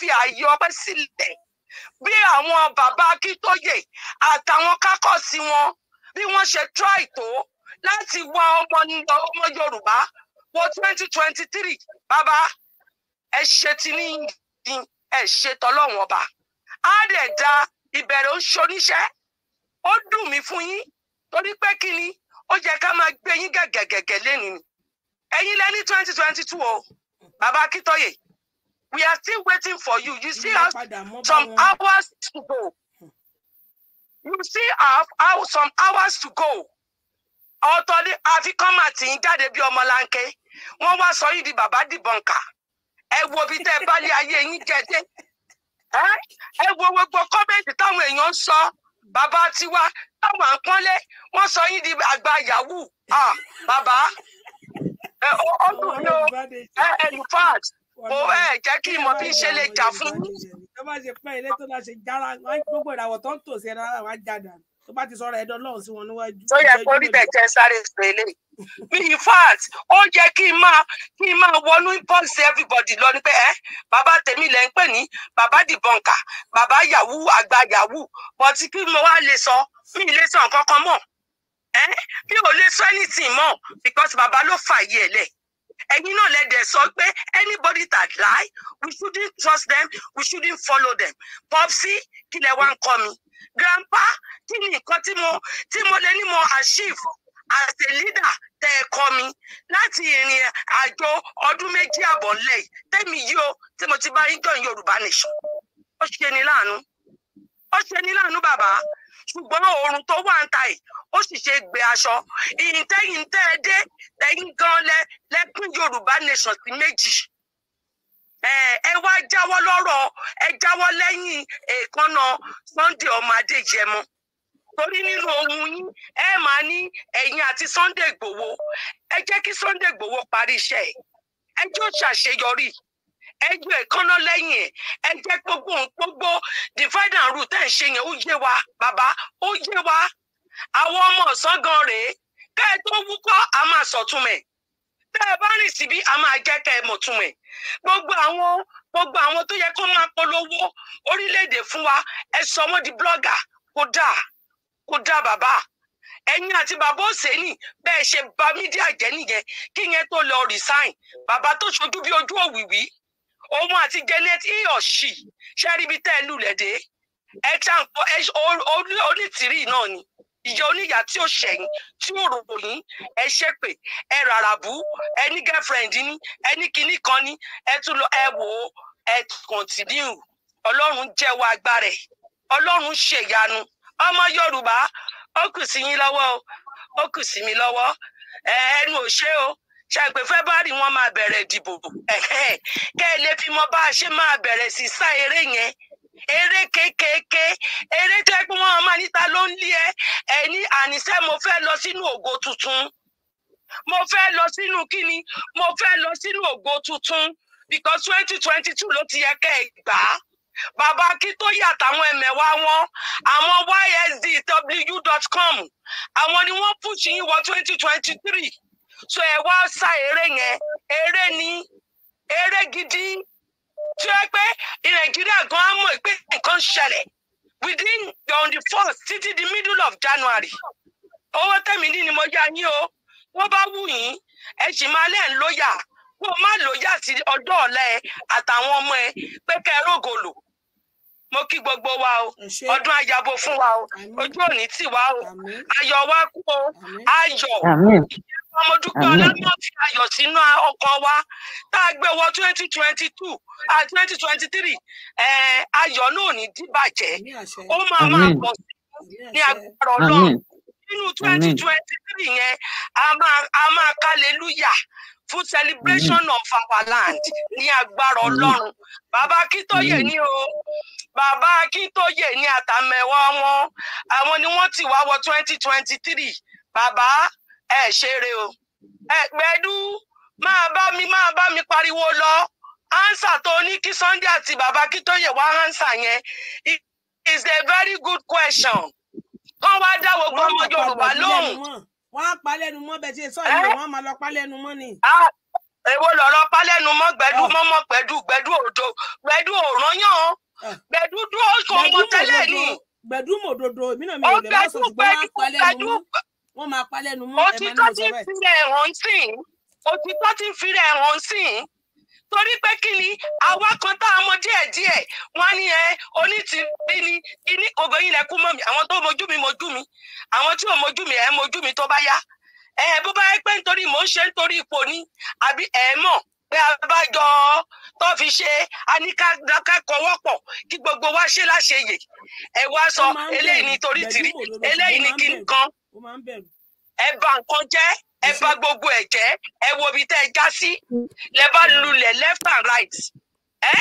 fi àyè ọpẹ́ sílẹ̀ bí àwọn bàbá akíntóyè àtàwọn kákọ́sí wọn bí wọ́n ṣe try tó láti wá ọmọ ọmọ yorùbá wọ twenty twenty three bàbá ẹ ṣe ti ní yín ẹ ṣe tọlọ́wọ́n ọba á dẹ̀ da ìbẹ̀rẹ̀ oníṣẹ́ ó dùn mí fún yín torí pé kí ni ó yẹ ká máa gbé yín gẹ̀gẹ̀gẹ̀gẹ̀ lẹ́nu ni ẹ̀yin lẹ́ni twenty twenty two o bàbá akíntóyè we are still waiting for you you see us some hours to go you see us some hours to go ọ̀tọ̀ ni àfikán máa tì í jáde bí ọmọlanke wọ́n wá sọ yìí di bàbá dìbọn kà ẹ wo bí tẹ́ ẹ bá lé ayé yín jẹdé ẹ wo gbogbo kọ́mẹ́ǹtì táwọn èèyàn ń sọ bàbá tiwa táwọn à ń pọ́nlé wọ́n sọ yìí di àgbà yahoo ah, bàbá ọdún mi ò ẹ ẹ in fact kò ẹ jẹ́ kí ìmọ̀ bí n ṣe lè jà fún. tó bá ṣe pẹ́ ilé tó láṣẹ jára gbogbo ìràwọ̀ tó ń tò sí ẹ̀rọ àwọn àjàdà tó bá ti sọ̀rọ̀ ẹ̀dọ́ lọ́hùn sí wọn níwájú. tó yẹ kó níbẹ̀ jẹ́ sáré sọ eléyìí. in fact ó yẹ kí n máa kí n máa wọnú impulse everybody lọ ni pé ẹ bàbá tèmi lẹ ń pè ní bàbá dìbọnkà bàbá yahoo àgbà yahoo but kí mo wá lè sọ mi lè sọ nǹkan kan mọ́ ẹ mi ò lè sọ anything mọ́ because bàbá ló fààyè ẹ̀ lẹ̀ ẹ̀yin náà lẹ́dẹ̀ sọ pé anybody that lie we shouldn't trust them we shouldn't follow them popsi kí lẹ wá ń kọ́ mi grandpa kí ni nǹkan tí mo tí mo lè ní mo achieve as a leader tẹ ẹ kọ́ mi láti ìrìn àjò ọdún méjì àbọ̀ lẹ́yìn tẹ́mi yìí o tí mo ti bá yín jọ̀yìn Yorùbá nation ó ṣe ni láàánú ó ṣe ni láàánú bàbá ṣùgbọ́n oorun tó wà ń ta yìí ó sì ṣe gbé aṣọ ìyìntẹ́yìn tẹ́ ẹ dé tẹ́yìn gan lẹ lẹ́kùn yorùbá nation sí méjì ẹ wá jáwọ́ lọ́rọ̀ ẹ jáwọ́ lẹ́yìn èèkánná Sunday ọmọ Adéyẹmọ torí nínú ohun yín ẹ máa ní ẹ̀yin àti Sunday Igboho ẹ jẹ́ kí Sunday Igboho parí iṣẹ́ ẹ jọ ṣàṣeyọrí ẹjọ́ ìkánná lẹ́yìn ẹ jẹ́ gbogbo gbogbo divide and rule tẹ̀ ń ṣe yẹn ó yé wa bàbá ó yé wa àwọn ọmọ ọ̀sán gan rèé kẹ́ ẹ tó wúkọ́ a máa sọ̀túnmẹ̀ tẹ́ ẹ bá rìn síbí a máa jẹ́ kẹ́ ẹ mọ̀túnmẹ̀ gbogbo àwọn gbogbo àwọn tó yẹ kó máa polówó orílẹ̀-èdè fún wa ẹ sọ wọ́n di blogger kó dáa kó dáa bàbá ẹ̀yin àti bàbá òsèlì bẹ́ẹ̀ ṣe ba mídíà jẹ́ nìyẹn kí yẹn tó lọ resign bàbá tó ṣojú bí ojú òwìwí òun àti Janet he or she ṣe rí ibi tẹ́ ẹ lulẹ̀ dé ẹ tá onítìrí náà ni ìyá oníyà tí ò ṣẹ̀yìn tí ò ròyìn ẹ ṣépè ẹ ràràbù ẹ ní girlfriend ní ẹ ní kinní kan ní ẹ tún lọ ẹ wò ó ẹ continue ọlọ́run jẹ́wọ́ agbára ẹ̀ ọlọ́run ṣèyanu ọmọ yorùbá ó kù sí yín lọ́wọ́ ó kù sí mi lọ́wọ́ ẹnu ò ṣe o ṣàgbé february wọn máa bẹ̀rẹ̀ ìdìbò kẹ́ ẹ lè fi mọ bá a ṣe máa bẹ̀rẹ̀ sí sá eré yẹn eré kéékèèké eré tó ẹ wọn máa níta ló ń lé ẹ ẹ ní àníṣe mo fẹ́ lọ sínú ògo tuntun mo fẹ́ lọ sínú kíni mo fẹ́ lọ sínú ògo tuntun because twenty twenty two ló ti yẹ kẹ́ ẹ gbà á bàbá akíntóyè àtàwọn ẹmẹ̀wà wọn àwọn ysdw.com àwọn ni wọ́n pùsì yín wọ twenty twenty three so ẹ wá sá eré yẹn eré ni eré gidi tí ó pé nàìjíríà gan á pé nǹkan ṣẹlẹ̀ within on the first títí the middle of january owó tẹ̀mí ní ni mo yá yín o wọ́n bá wù yín ẹ sì máa lẹ́ ń lóyà kó o má lóyà sí ọjọ́ ọ̀la ẹ àtàwọn ọmọ ẹ pé kẹ́ ẹ rògòlò mo kí gbogbo wa o ọdún ayabo fún wa o ojú òní tì wá o ayọ̀ wa kú o ayọ̀ ọmọ dúpẹ́ ọlọ́run fi ayọ̀ sínú ọkàn wa tá a gbé wọ twenty twenty two àti twenty twenty three ayọ̀ náà ní dìbàjẹ́ ó máa máa pọ̀ sí ní agbára ọlọ́run nínú twenty twenty three yẹn a máa a fún celebration of our land ní agbára ọlọ́run bàbá akíntóyè ní o bàbá akíntóyè ní àtàmẹ̀wá wọn àwọn ni wọ́n ti wá wọ twenty twenty three bàbá ẹ ṣeré o ẹ máa bá mi máa bá mi pariwo lọ ansa tó ní kí Sunday àti bàbá Akíntóyè wá ansa yẹn is a very good question kán wá dá gbogbo Yorùbá lóhùn. wọ́n á pa lẹ́nu mọ́ bẹ́ẹ̀ tí èso ìlú wọn máa lọ pa lẹ́nu mọ́ ni. èwo lọ̀rọ̀ pa lẹ́nu mọ́ gbẹ̀dú ah. mọ́mọ́ gbẹ̀dú gbẹ̀dú òdo gbẹ̀dú òranyàn ah. gbẹ̀dú dúró kò mọ ni. gbẹ̀dú mòdodo èmi náà mi ò lè má sọ ṣùgbọ́n wọ́n á pa lẹ́nu mọ́ wọ́n máa pa lẹ́nu mọ́ ẹ̀ máa ń sọ bẹ́ẹ̀. òtítọ́ ti ń filẹ̀ ẹ̀rọ ń sìn òtítọ́ ti ń filẹ̀ ẹ̀rọ ń sìn torí pé kí ni àwa kan tá a mọ díẹ̀ díẹ̀ wọ́n ní ẹ onítìbí ni kíní ògo yín lẹkún mọ́ mi àwọn tó mojú mi mojú mi àwọn tí ò mojú mi ẹ mojú mi tó bá yá ẹ bó bá yẹ pé nítorí mò ń ṣe nítorí ipò ni àbí ẹ mọ̀ pé abájọ tó fi ṣe aníkàkọwọ́pọ̀ kí gbogbo wa ṣe láṣeyè ẹ wá sọ eléyìí ní torí tìrí eléyìí ní kí nǹkan ẹ bà nǹkan jẹ́ ẹ bà gbogbo ẹ̀ jẹ́ ẹ wo ibi tẹ́ ẹ já sí lẹ bá lulẹ̀ left and right ẹ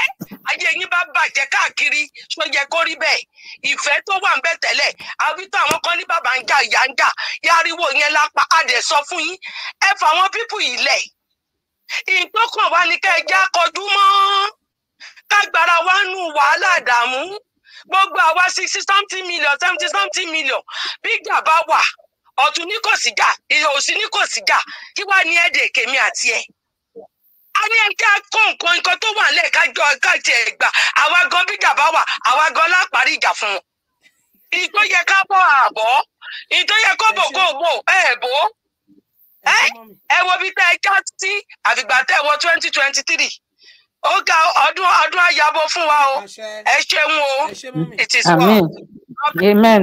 ayé yín bá bàjẹ́ káàkiri ṣó yẹ kó rí bẹ́ẹ̀ ìfẹ́ tó wà ń bẹ tẹ́lẹ̀ àbítọ́ àwọn kan ní bàbá ń jà ìyá ń jà yáriwo yẹn lápá adẹ̀ sọ fún yín ẹ fà àwọn pípù yìí lẹ̀ ìtọ́kàn wa ni ká ẹ já kọjú mọ́ ká gbára wa nù wàhálà àdàmú gbogbo àwa sixty something million seventy something million bí ìjà bá wà ọ̀tún ní kò síjà ìhò òsì ní kò síjà kí wàá ní ẹ̀dẹ̀ kèmí àti ẹ̀ a ní ẹjẹ kó nǹkan nǹkan tó wà lẹ kájọ kájẹ gbà àwa gan bíjà bá wà àwa gan láparí ìjà fún un ìtó yẹ ká bọ àbọ ìtó yẹ kó bò kó bò ẹ bò ẹ wo bí tẹ́ ẹ já sí àfìgbà tẹ́ ẹ wọ twenty twenty three ó ga ọdún ọdún àyàbọ̀ fún wa o ẹ ṣeun o it is well. amen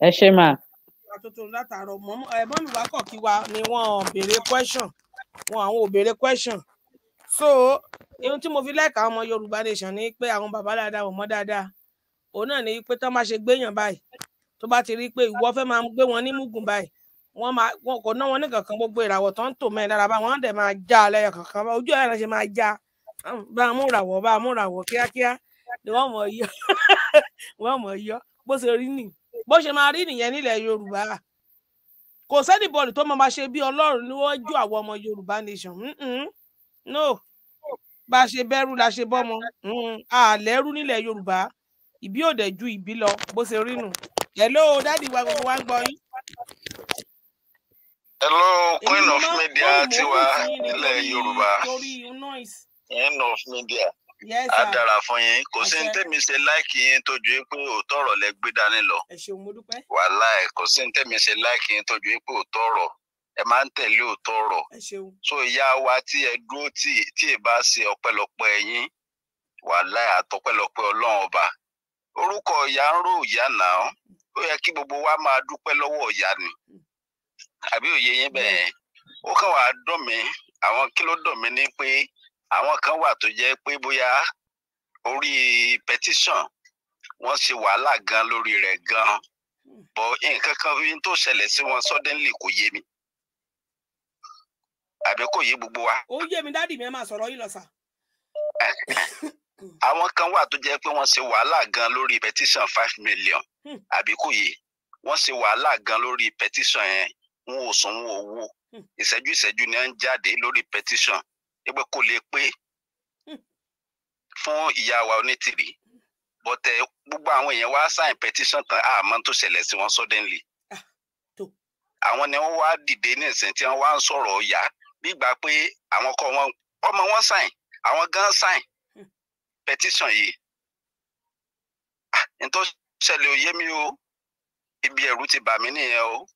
ẹ ṣe máa tuntun mi wá kọ kí wa ni wọn béèrè question wọn àwọn ò béèrè question so ohun tí mo fi lẹ́ka ọmọ Yorùbá nation ni pé àwọn bàbá dáadáa ò mọ̀ dáadáa òun náà ni pé tán bá ṣe gbéyàn báyìí tó bá ti rí i pé ìwọ fẹ́ máa gbé wọn ní mugun báyìí wọn máa wọn kò ná wọn ní gbogbo ìràwọ̀ tó ń tò mẹ́rin lára bá wọn dẹ̀ máa já lẹ́yìn kankan bá ojú ẹ̀ ṣe máa já bá mú ràwọ̀ bá mú ràwọ̀ kíákíá ni wọ́n mọ̀ yọ (laughs) wọ́n mọ̀ yọ bó ṣe rí nì bó ṣe máa rí nìyẹn nílẹ̀ Yorùbá kò sẹ́nìbọ̀dì tó máa ṣe bí Ọlọ́run níwájú àwọn ọmọ Yorùbá nation no bá ṣe bẹ́rù la ṣe bọ́mọ àlẹ́rú nílẹ̀ Yorùbá ìbí òdẹ̀ ìbí lọ bó ṣe rí nù hello dádì wa gbogbo wa ń gbọ́ yín hello queen of media tiwa ilẹ̀ yorùbá queen of media a dára fún yín kò sí ní tèmi ṣe láìkì yín tó ju pé òótọ́ ọ̀rọ̀ lẹ gbé dání lọ wàláì kò sí ní tèmi ṣe láìkì yín tó ju pé òótọ́ ẹ máa ń tẹ̀lé òótọ́ so ìyá wa tí ẹ dúró tí ì bá ṣe ọpẹ́lọpẹ́ yín wàláì àtọpẹ́lọpẹ́ ọlọ́run ọba orúkọ ìyá ń rò ìyá náà ó yẹ kí gbogbo wa máa dúpẹ́ lọ́wọ́ ìyá àbí òye yín bẹ́ẹ̀ ó kàn wá dùn mí àwọn kí ló dùn mí ni pé àwọn kan wà tó jẹ́ pé bóyá orí petition wọ́n ṣe wàhálà gan lórí rẹ̀ gan bọ̀ nǹkan kan fi tó ṣẹlẹ̀ sí wọn suddenly kò yé mi àbí kò yé gbogbo wa. ó yé mi dádì mi ẹ máa sọ̀rọ̀ yín lọ sà. (coughs) àwọn kan wà tó jẹ́ pé wọ́n ṣe wàhálà gan lórí petition five million hmm. àbí kò yé wọ́n ṣe wàhálà gan lórí petition yẹn wọn ò sanwó owó hmm. ìṣẹ́jú ìṣẹ́jú ni wọ́n ń jáde lórí petition pé kò lè pé hmm. fún ìyá wa onítìrí bọ́tẹ̀ eh, gbogbo àwọn èèyàn wá sign petition tán àmọ́ tó ṣẹlẹ̀ sí wọn suddenly ah, àwọn ni wọ́n wá dìde ní ìsìn tí wọ́n wá ń sọ̀rọ̀ ọ̀yà gbígbà pé àwọn kọ́ wọn ọmọ wọn sign àwọn gan sign hmm. petition yìí ah, n tó ṣẹlẹ̀ òye mi o ibi ẹ̀rù ti bà mí nìyẹn o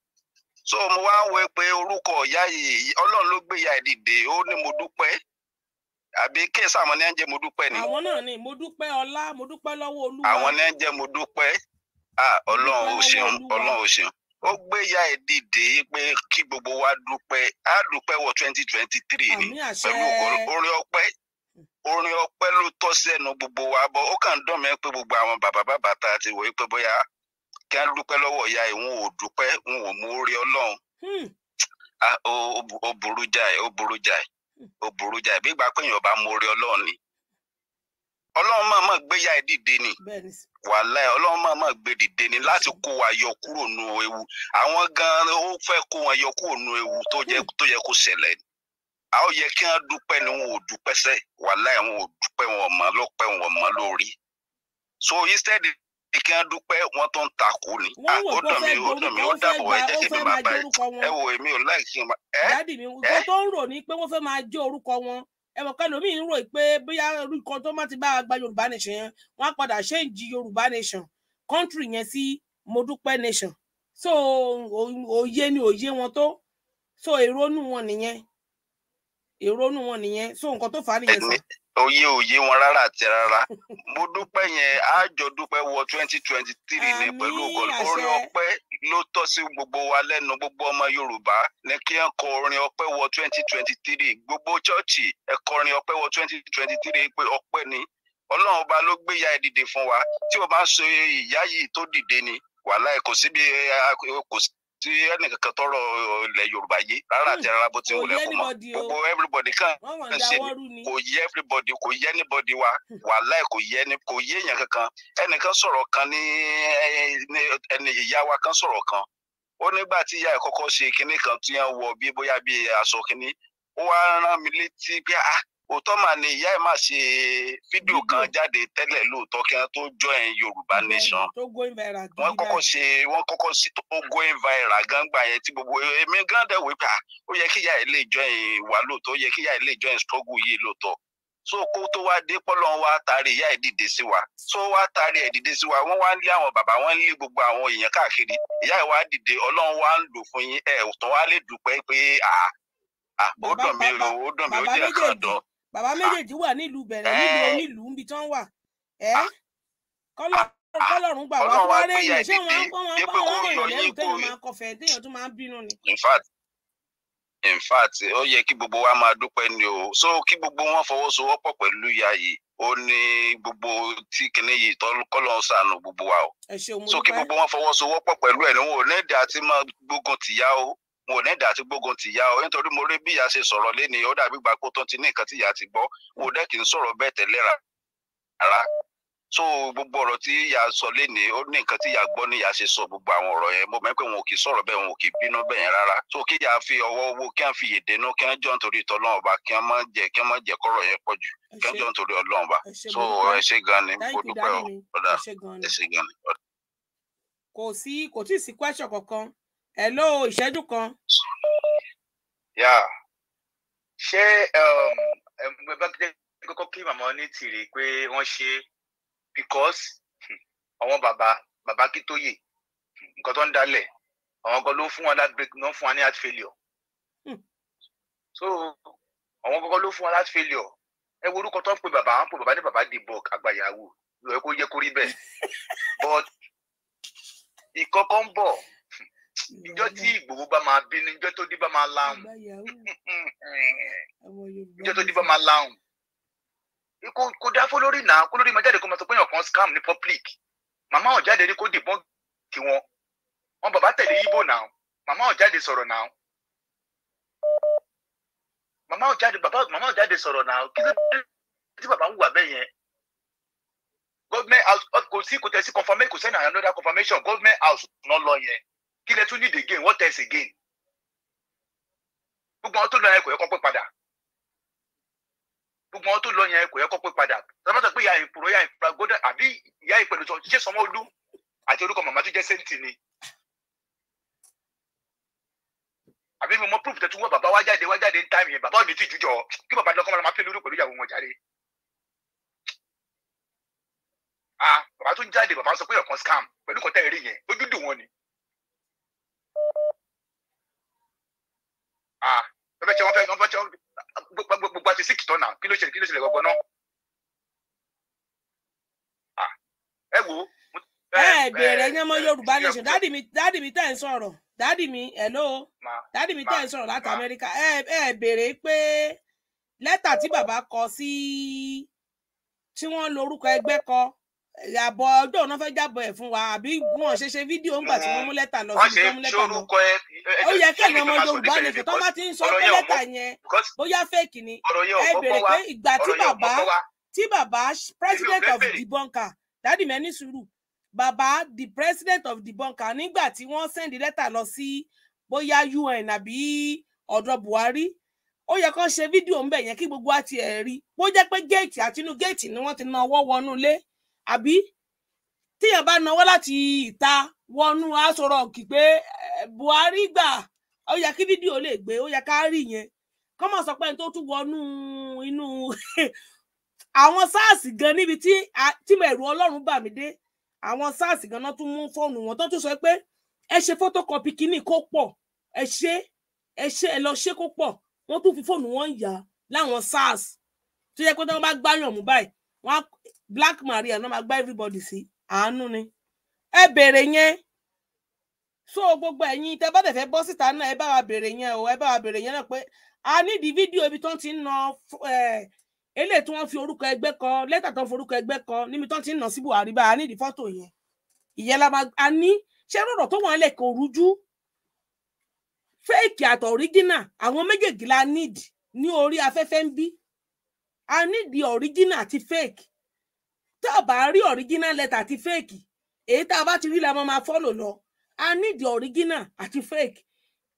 so mo wá wẹ pé orúkọ ìyá yìí ya ló gbé ìyá yìí ó ní mo dúpẹ́ àbí nje àwọn ní ẹ ni. àwọn náà ni mo dúpẹ́ ọlá mo dúpẹ́ lọwọ olúwa. àwọn ní ẹ ń jẹ mo dúpẹ́ ọlọ́run ò ṣeun ọlọ́run ò ṣeun ó gbé gbogbo wa dúpẹ́ á dúpẹ́ wọ twenty twenty three ni pẹ̀lú orin orin ọpẹ́ ló gbogbo wa ó kàn ń dán mi pé gbogbo àwọn bàbá bàbá ta ti kí á dúpẹ́ lọ́wọ́ ìyá ẹ̀ wọn ò dúpẹ́ wọn ò mú orí ọlọ́run ó hmm. ah, burú jáì ó burú jáì ó burú jáì bí ìgbà pé èèyàn bá mú orí ọlọ́run ni ọlọ́run máa máa gbé ya ẹ̀ dìde ni wàhálà ẹ̀ ọlọ́run máa máa gbé dìde ni láti kó wa yọ kúrò nù ewu àwọn gan ó fẹ́ kó wọn yọ kúrò nù ewu tó yẹ kó ṣẹlẹ̀ ni a ó yẹ kí wọn dúpẹ́ ni wọn ò dúpẹ́ sẹ́ wàhálà ẹ̀ wọn ò dúpẹ́ wọn mọ́ lọ́pẹ́ wọn mọ́ lórí so instead bí kí wọ́n dúpẹ́ wọ́n tó ń takò ní. ó dàn mí ó dàn mí ó dàbọ̀ ẹ jẹ́ kí mi máa bá ẹ wò èmi ò láì kí n máa. dádì mi nǹkan tó ń rò ní pé wọ́n fẹ́ máa jẹ́ orúkọ wọn ẹ̀wọ̀n kan lómi ń rò pé bóyá orúkọ tó má ti bá wa gba Yorùbá nation yẹn wọ́n á padà ṣéǹjì Yorùbá nation country yẹn sí Modúpẹ́ nation so òye ni òye wọn tó so èrònú wọn nìyẹn èrònú wọn nìyẹn so nǹkan tó fà á nìyẹn sọ òye òye wọn rárá àti rárá mo dúpẹ́ yẹn àjọ dúpẹ́ wọ twenty twenty three ní pẹ̀lú orin ọpẹ́ ló tọ́ sí gbogbo wa lẹ́nu gbogbo ọmọ yorùbá ní kí ẹ kọ orin ọpẹ́ wọ twenty twenty three gbogbo chọ́ọ̀chì ẹ kọrin ọpẹ́ wọ twenty twenty three pé ọpẹ́ ni ọlọ́run ọba ló gbé ìyá ẹ dìde fún wa tí o bá ń so ìyá yìí tó dìde ni wàhálà kò síbi kò sí tí ẹnìkankan tọrọ ilẹ̀ yorùbá yé rárá àti rárá bó ti wọlé fún mọ gbogbo everybody kan ṣe kò yé everybody kò yé anybody wa wàláì kò yé ẹni kò yé èèyàn kankan ẹnìkan sọ̀rọ̀ kan ní ẹni ìyá wa kan sọ̀rọ̀ kan ó nígbà tí ìyá ẹ̀ kọ́kọ́ ṣe kinní kan tí wọ́n wọ bí bóyá bí aṣọ kinní ó wá rán mi létí pé ah òótọ́ mà ni ìyá ẹ̀ máa ṣe fídíò kan jáde tẹ́lẹ̀ lóòótọ́ kí wọ́n tó join Yorùbá Nation wọ́n kọ́kọ́ ṣe wọ́n kọ́kọ́ ṣe tó going viral gangba yẹn tí gbogbo èmi gan dẹ̀ wí pé ó yẹ kí ìyá ẹ̀ lè join wá lóòótọ́ ó yẹ kí ìyá ẹ̀ lè join struggle yìí lóòótọ́ so kó tó wá dé pọ́lọ́ wá taari ìyá ẹ̀ dìde sí wa so wá taari ẹ̀ dìde sí wa wọ́n wá ń lé àwọn bàbá wọ́n ń lé gbogbo àwọn èèyàn káàkiri ìyá ẹ̀ wá dìde ọlọ́run wá ń lò fún yín ẹ̀ tó wá lè dúpẹ́ pé à ó dùn mí o ó dùn mí ó jẹ́ nǹkan bàbá ah. méjèèjì wà nílùú bẹ̀rẹ̀ eh. nílùú onílùú níbi tán wà ẹ́ eh? ah. ah. gbà wá fún wáré ṣé wọ́n á ń kọ́ wọn bá wọn lè lẹ́rù téèyàn máa kọfẹ́ téèyàn tún máa ń bínú ni. in fact in fact ó yẹ kí gbogbo wa máa dúpẹ́ ni o so kí gbogbo wọn fọwọ́sowọ́pọ̀ pẹ̀lú ìyá yìí ó ní gbogbo tí kìnìún yìí kọ́lọ́ sànù gbogbo wa o so kí gbogbo wọn fọwọ́sowọ́pọ̀ pẹ̀lú ẹ̀ ní wọn ní èdè àti máa gbógun tìyá o n ò ní ìdá àti gbógun ti ìyá ọ nítorí mo rí bí ìyá ṣe sọ̀rọ̀ léni ó dàbí gbà kó tó ti ní nǹkan tí ìyá ti gbọ́ n dẹ́ kì í sọ̀rọ̀ bẹ́ẹ̀ tẹ́lẹ̀ rárá so gbogbo ọ̀rọ̀ tí ìyá sọ léni ó ní nǹkan tí ìyá gbọ́ ní ìyá ṣe sọ gbogbo àwọn ọ̀rọ̀ yẹn mo mọ̀ pé wọn ò kì í sọ̀rọ̀ bẹ́ẹ̀ wọn ò kì í bínú bẹ́ẹ̀ yẹn rárá so kí ìyá fi ọwọ́ owó kí wọ́n fi yèdè inú kí wọ́n jọ nítorí ìtọ́lọ́run ọba kí wọ́n má jẹ kí wọ́n má jẹ kọ́rọ̀ yẹn pọ̀ jù kí wọ́n jọ nítorí ọlọ́run ọba so ẹ ṣé gan ni mo dúpẹ́ ọ̀dà ẹ ṣé gan ni. kò sí kò tí ì sí kwẹ́sọ̀ kankan hello ìṣẹ́jú kan. yà ṣé ẹgbẹ́ um, bákẹ́jẹ́ kọ́kọ́ kí màmá ní tìrì pé wọ́n ṣe because hmm, àwọn bàbá bàbá kí tó yè hmm, nǹkan tó ń dalẹ̀ àwọn kan ló fún wọn láti break náà fún wa ní heart failure hmm. so àwọn kọ́kọ́ ló fún wa láti failure ẹ wo orúkọ tó ń pe bàbá àwọn pè bàbá ní bàbá di bọ́ọ̀k àgbàyàwó yóò yẹ kó yẹ kó rí bẹ́ẹ̀ but ìkọ́kọ́ ń bọ̀ ìjọ tí Ìgbòho bá máa bínú ìjọ tó dé bá máa láhùn ìjọ (laughs) tó dé bá máa láhùn kò dá fólórí náà kó lórí máa jáde kó máa sọ pé èèyàn scam ní public màmá ọ̀ jáde rí kó dìbọn kí wọn wọn bàbá tẹ̀lé yíbò náà màmá ọ̀ jáde sọ̀rọ̀ náà màmá ọ̀ jáde bàbá màmá ọ̀ jáde sọ̀rọ̀ náà kí ló dé bàbá ń wà bẹ́ẹ̀ yẹn government house kò sí kò tẹ̀ sí confirmation kò sẹ́ni another confirmation government house náà lọ yẹn kí lẹ tún need again what else again gbogbo àwọn tó lọ yẹn kò yẹ kó pé padà gbogbo àwọn tó lọ yẹn kò yẹ kó pé padà tọ́mọ́tà pé ìyá ìpòrò ìyá ìpòrò gbọ́dọ̀ àbí ìyá ìpẹ̀lú tó ṣe Sanwó-Olú àti orúkọ màmá tó jẹ́ sẹ́ǹtì ni àbí mo mọ proof tẹ̀tún wọ bàbá wá jáde wá jáde ní táìmù yẹn bàbá ò ní tí jújọ kí bàbá lọ́kọ́ máa fi lórí pẹ̀lú ìyàwó wọn jáde. ah bàbá tó jáde bàbá sọ pé ọ̀kan scam pẹ̀lú kọ́tà ẹ̀rí yẹn ojú dùn wọn ni. ah wọ́n fẹ́ ṣe wọ́n fẹ́ wọ́n fẹ́ ṣe gbogbo àti síkì tọ́nà kí ló ṣẹlẹ̀ kí ló ṣẹlẹ̀ gbọ́gbọ́n náà. Ah, ẹ wo. ẹ bèrè ẹyán mọ Yorùbá nation dáàdì mi dáàdì mi tẹ́ ẹ̀ ń sọ̀rọ̀ dáàdì mi hello dáàdì mi tẹ́ ẹ̀ ń sọ̀rọ̀ láti Amẹ́ríkà ẹ ẹ bèrè pé lẹ́tà tí bàbá kọ sí tí wọ́n lórúkọ ẹgbẹ́ kọ àbọ̀ ọjọ́ náà fẹ́ jábọ̀ ẹ̀ fún wa àbí wọn ṣe ṣe fídíò ńgbà tí wọ́n mú lẹ́tà lọ sí wọ́n mú lẹ́tà lọ. ó yẹ kẹ́yìn ọmọ yorùbá ni kò tó bá ti ń sọ pé lẹ́tà yẹn bóyá fẹ́ẹ̀kì ni ẹ bèrè pé ìgbà tí bàbá tí bàbá president of the bunker dádì mẹ́ni sùúrù bàbá the president of the bunker nígbà tí wọ́n send lẹ́tà lọ sí bóyá un àbí ọ̀dọ̀ buhari ó yẹ kó ṣe fídíò ńbẹ yẹn kí gbogbo àti ẹ̀ rí bó jẹ́ pé géètì àtinú géètì ni wọ́n ti na ọwọ́ wọnú ilé àbí tíyàn bá náwó láti ìta wọnú aṣọ rọọkì pé eh, Buhari gbà ó yẹ kí fídíò lè gbé ó yẹ ká rí yẹn kọ́mọ̀ sọ pé ẹni tó tún wọnú inú (laughs) àwọn SARS gan níbi tí tí mo ẹ̀rù Ọlọ́run bà mí dé àwọn SARS gan náà tún mú fóònù wọn tó tún sọ pé ẹ ṣe photocopy kínní kó pọ̀ ẹ ṣe ẹ ṣe ẹ lọ ṣe kó pọ̀ wọ́n tún fi fóònù wọn yà láwọn SARS tó yẹ pé tí wọ́n bá gbáyàn mú báyìí wọ́n black maria náà máa gbá everybody sí àánú ni ẹ bèrè yẹn so gbogbo ẹ̀yin tẹ́ bá dẹ̀ fẹ́ bọ́ síta náà ẹ bá wa bèrè yẹn o ẹ bá wa bèrè yẹn náà pé a nídìí fídíò ibi tó ti ń nà eléyìí tí wọ́n fi orúkọ ẹgbẹ́ kọ lẹ́tà tó ń forúkọ ẹgbẹ́ kọ níbi tó ti ń nà sí buhari bá a nídìí fọ́tò yẹn ìyẹn la máa a ní ṣé rọrọ tó wọn lẹ kò rújú fake at original àwọn méjèèjì la need ní orí afẹ́fẹ́ ń bí a need the original àti fake tá a bá rí original letter àti fake èyí tá a bá ti rí la máa fọ́lò lọ a need original àti fake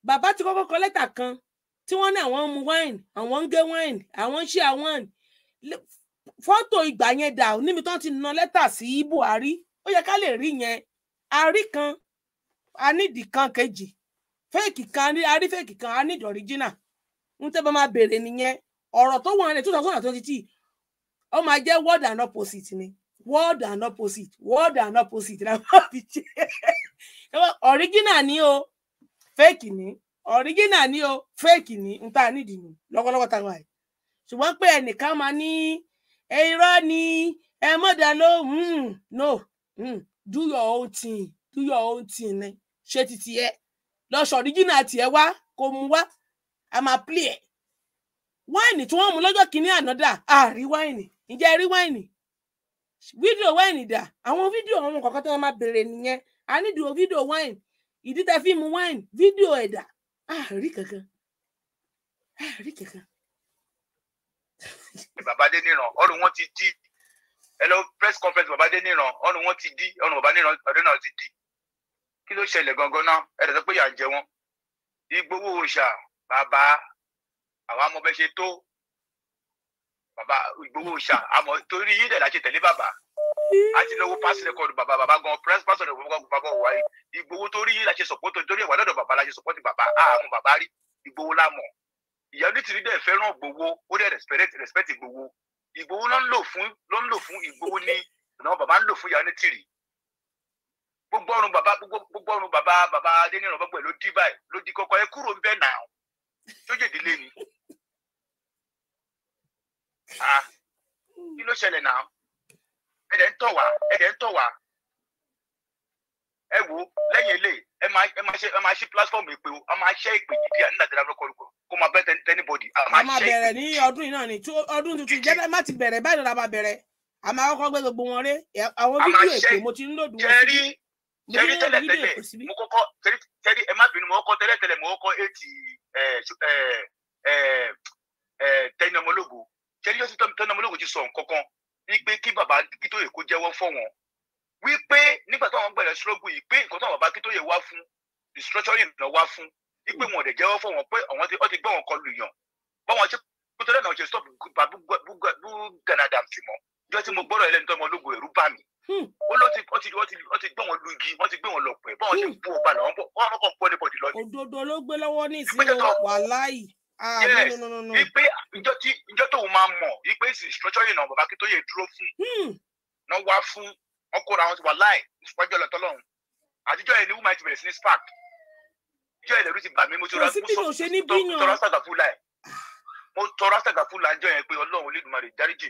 bàbá ti kọ́kọ́ kọ lẹ́tà kan tí wọ́n ní àwọn ń mu wine àwọn ń gé wine àwọn ń ṣe àwọn fọ́tò ìgbà yẹn dà níbi tán ti na lẹ́tà sí Buhari ó yẹ ká lè rí yẹn a rí kan a nídìí kan kejì fake kan a rí fake kan a nídìí original ń tẹ́ bá máa béèrè nìyẹn ọ̀rọ̀ tó wọ̀n rẹ̀ two thousand and twenty ọ ma jẹ́ word and ni word and opposite word and opposite la ọriginal (laughs) ni o fake ni ọriginal ni o fake ni nta ni ta ṣùgbọ́n pé ẹnìkan ní irọ́ ni ẹ mọ̀dà ló hmm, no hmm, do your own thing do your own thing ni ṣe ti tiẹ̀ tiẹ̀ wá kò mú wá a play ẹ̀ wáìnì tí wọ́n mú ǹjẹ́ rí wáìnì fídíò wáìnì dà àwọn fídíò àwọn kọ̀ọ̀kan tó máa bèrè nìyẹn a nídìí fídíò wáìnì ìdí tẹ fíìmù wáìnì fídíò ẹ̀dà àárí kankan àárí kankan. bàbá Adéníran ọrùn wọn ti dí ẹ lọ press conference bàbá Adéníran ọrùn wọn ti dí ọrùn bàbá Adéníran ti dí kí ló ṣẹlẹ̀ gangan náà ẹ dàgbà pé yà ń jẹ wọn ìgbowó òòṣà bàbá àwọn amọ̀bẹ ṣe tó bàbá Ìgbòho ṣá àmọ́ torí yín dẹ̀ la ṣe tẹ̀lé bàbá a ti lọ́wọ́ pass record bàbá bàbá gan press pass record bàbá bàbá wà yìí Ìgbòho torí yín la ṣe support torí ìwà lọ́dọ̀ bàbá la ṣe support bàbá àmọ́ bàbá rí Ìgbòho la mọ̀ ìyá onítìrí dẹ̀ fẹ́ràn Ìgbòho ó dẹ̀ respect respect Ìgbòho Ìgbòho ló ń lò fún ló ń lò fún Ìgbòho ní ìnáwó bàbá ń lò fún ìyá onítìrí gbogbo ọrùn bàbá gbogbo ọrùn bàbá bàbá adéníran gbogbo ẹ ló dí báyìí ló dí kọkọ ẹ kúrò ń bẹ náà sójèdílé ni Ah, kí ló ṣẹlẹ̀ náà ẹ̀dẹ̀ ń tọ̀ wá ẹ̀dẹ̀ ń tọ̀ wá ẹ wo lẹ́yìn ilé ẹ máa ẹ máa ṣe ẹ máa ṣe platform èpè o a máa ṣe èpè gidi àní nàìjíríà lọ́kọ̀ orúkọ kó máa bẹ́ tẹ́nibọ́dì a máa ṣe èpè. a máa bẹ̀rẹ̀ ní ọdún yìí kọ́kọ́ gbé gbogbo wọn ré àwọn fídíò èpè mo ti ń lòdù ẹ má ṣẹ́ríjọ́ sí tọ́nà ọmọlógún ti sọ nǹkan kan wípé kí bàbá kítóyè kó jẹ́wọ́ fọ̀wọ́n wípé nígbà táwọn bẹ̀rẹ̀ ṣọ́gbù yìí pé nǹkan táwọn bàbá kítóyè wá fún restructuring náà wá fún wípé wọn ò dẹ̀ jẹ́wọ́ fọ̀wọ́n pé àwọn ti ọtí gbọ́ wọn kọ lu yàn báwọn ṣe kótó lẹ́nu ṣe stop bùgànàdà sí mọ́ ìjọ tí mo gbọ́dọ̀ ẹlẹ́ni tó ọmọ ológun ẹ̀rú bà mí hmm. ó ló ti ọtí ọtí gbọ́ wọn lu igi wọ́n ti gbé wọn lọ pẹ̀ báwọn ṣe hmm. bú ọba làwọn bọ̀ wọ́n kàn Ah, yes ipe ìjọ tí ìjọ tó máa mọ̀ ipe sì structure ìnà bàbá kí tó yẹ dúró fún hmm. náà wá fún ọkùnrin àwọn tí wà láì ìfọwọ́jọ́ lọ́tọ́ lọ́hùn àtijọ́ yẹn ni woman ti a sí ní spark ìjọ yẹn lẹ́rú ti bà mí mo ti sọ mo tọrọ sàgàfúlà mo tọrọ sàgàfúlà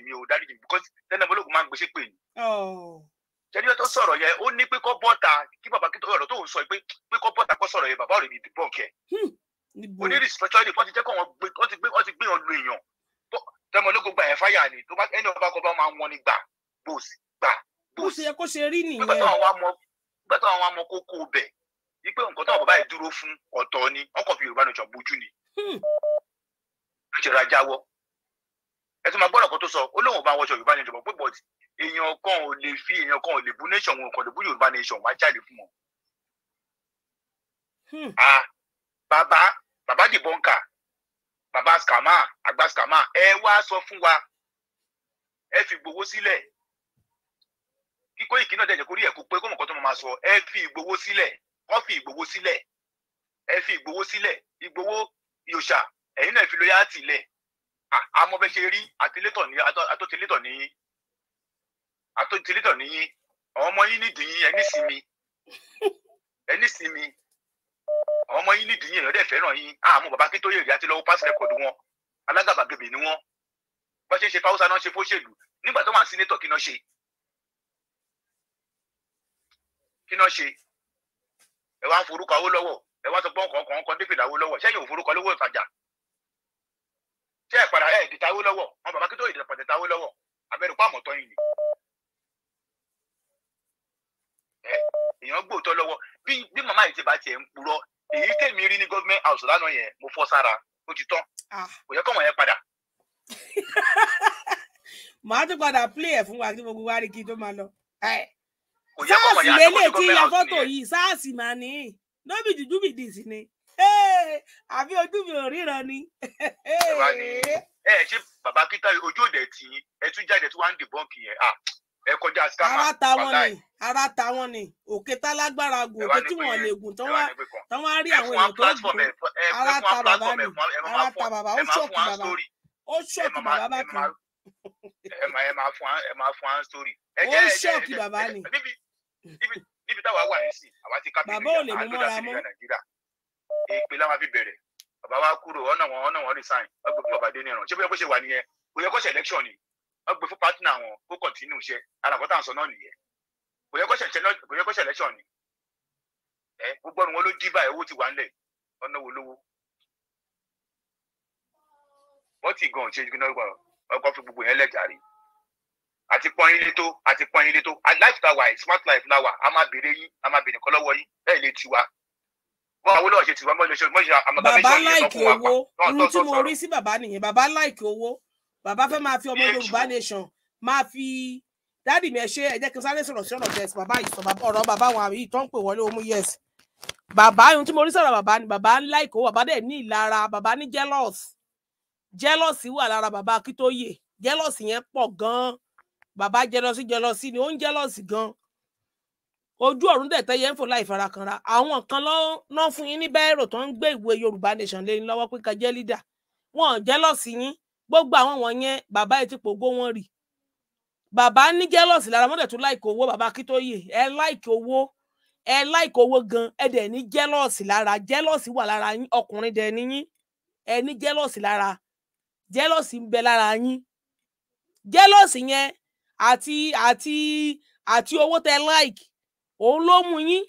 mi ò dáríjì mi because mo lóògùn máa ń gbèsè pè ní. sọrọ ó ní pé bọta kí bàbá onírìsì lọ́jọ́ ni wọ́n ti jẹ́ kó wọ́n ti gbé wọ́n ti gbé wọn lu èèyàn tẹmọlógún gba ẹ̀ fáyà ni tó bá ẹni ọba kan bá máa wọn ni gbà gbòòsì gbà gbòòsì. bó ṣe yẹ kó ṣe rí nìyẹn. nígbà táwọn àwọn ọmọ kókó bẹ̀ wípé nǹkan táwọn bàbá yìí dúró fún ọ̀tọ̀ ni wọ́n kàn fi Yorùbá nìjọ bójú ni. àjẹrà hmm. jáwọ́ ẹ tún máa gbọ́dọ̀ kan tó sọ ó lóun ò bá wọṣọ Yorùbá nìjọba pé bọ́ọ̀dì èèyàn kan ò lè fi èèyàn kan ò lè bú nation wọn kàn lè bú Yorùbá nation wá jáde fún wọn. Hmm. Ah, Baba, Baba di dìbọnkà Baba skama àgbà skama ẹ wá sọ fún wa ẹ fi gbowó sílẹ̀ kíkó ìkíná dẹjẹ kórí ẹ kó pé kómọkàn tó máa sọ ẹ fi ìgbowó sílẹ̀ wọn fi ìgbowó sílẹ̀ ẹ fi ìgbowó sílẹ̀ ìgbowó yòòṣà ẹ̀yin náà fi lóyà àtìlẹ àmọbẹṣe rí àtìlétọ ní àtọtìlétọ ní àtọtìlétọ ní yín àwọn ọmọ yín nídìí yín ẹni sinmi ẹni sinmi ọmọ yín nídìí yín èèyàn dẹ̀ fẹ́ràn yín ah, àmọ́ bàbá Akíntóyè rí àti lọ́wọ́ pass record wọn alágàbàgebè ni wọ́n bá ṣe ń ṣe fáwọ́sá náà ṣe fóṣèlú nígbà tó wà sínétọ̀ kí náà ṣe kí náà ṣe ẹ wá forúkọ Awólọ́wọ̀ ẹ wá sọ pé ọkọ̀ ọkọ̀ ọkọ̀ David Awólọ́wọ̀ ṣẹ́yìn òforúkọ lówó ìtajà ṣé ẹ padà ẹ dìtà Awólọ́wọ̀ wọn bàbá Akíntóyè dìtà pàtẹ́tà Awólọ́wọ̀ abẹ́rù pàmò tọ́ yìí ni èèyàn gbòótọ́ lọ́wọ́ bí bí màmá yìí ti bá tiẹ̀ ń purọ́ èyí tèmi rí ní government house lánàá yẹn mo fọ́ sára ó ti tán ah. kò yẹ kọ́mọ yẹn padà. (laughs) màá tún padà play ẹ̀ fún wa kí gbogbo wa rí kí n tó máa lọ. sáàsì lélẹ̀ tí ya fọ́tò yìí sáàsì máa ní lóbi dúdú bìdì sí ni àbí ojú mi ò ríran ni. ẹ ṣe bàbá kíta ojú òde tí ẹ tún jáde tí wàá ń dìbọ́ǹkì yẹn ah, ẹ kọjá scammer ara ta ni ara ta ni òkè tá lágbára gùn òkè tí wọn lè gùn tán wá rí àwọn èèyàn tó gùn ara ta bàbá ni ara ta bàbá ó ṣòkì bàbá ó ṣòkì bàbá bá kan. ẹ ó ṣòkì bàbá ni. níbi táwa wà nísìn àwa ti kábíyèsí bàbá ò lè mú mọ́ra mọ́ èpè láwọn fi bẹ̀rẹ̀ bàbá wa kúrò ọ̀nà wọn ọ̀nà wọn resign ọgbẹ́ fún bàbá dé ní ìrànṣẹ́ bóyá bó ṣe wà nìyẹn kò kó ṣe election ni wọ́n gbé fún pátínà wọn kó kọ̀tínú iṣẹ́ alàkọ́tà ń sọ náà nìyẹn kò yẹ kó ṣe election ni ẹ gbogbo ọ̀run wọn ló dí báyìí owó ti wà ńlẹ̀ ọ̀nà wo lówó wọ́n ti gan ṣe gbìnà ọgbà ọkọ̀ fún gbogbo yẹn lẹ́jàre àti pọ́n ilé tó àti pọ́n ilé tó life ta wà smart life la wà a máa béèrè yín a máa béèrè kọ́ lọ́wọ́ yín bẹ́ẹ̀ lè tiwa bọ́n àwọn olóòṣè tiwa mọ́ ilé iṣẹ́ mọ́ iṣẹ́ amagamẹ́sọ̀ yẹn lọ́kùnrin wa pa. bàbá láìkì owó ohun tí mo rí sí bàbá nìyẹn bàbá láìkì owó bàbá fẹ́ máa fi ọmọ yorùbá nation máa fi dáàdì mi ẹ ṣe ẹ jẹ́ kí n sáré sọ̀rọ̀ sí ọ̀rọ̀ tẹ̀sí bàbá ìsọ̀ ọ̀rọ̀ bàbá wọn àbí ìtọ́ ń pè wọlé omu yes bàbá ohun tí mo rí sọ̀rọ̀ bàbá ni bàbá ń láìkó bàbá dẹ̀ ní ìlara bàbá ní jealous jealous wà lára bàbá Akíntóyè jealous yẹn pọ̀ gan-an bàbá jealousy jealousy ni ó ń jealous gan-an ojú ọ̀run dẹ̀ tẹ́yẹ ń fò láì farakanra àwọn kan lọ́ọ́ fún yín ní bẹ́ẹ̀rò tó ń gbé ìwé Yorùbá Nation lé lọ́wọ́ pé ká jẹ́ leader wọn jealous yín gbogbo àwọn wọ̀nyẹn bàbá yìí ti pògó wọn rì bàbá ní jealousy lára mọ́tò tún láìkè owó bàbá Akíntóyè ẹ láìkè owó ẹ láìkè owó gan ẹ dẹ̀ ní jealousy lára jealousy wà lára yín ọkùnrin dẹ̀ ní yín ẹ ní jealousy lára jealousy ń bẹ lára yín jealousy yẹn àti àti àti owó tẹ like òun ló mú yín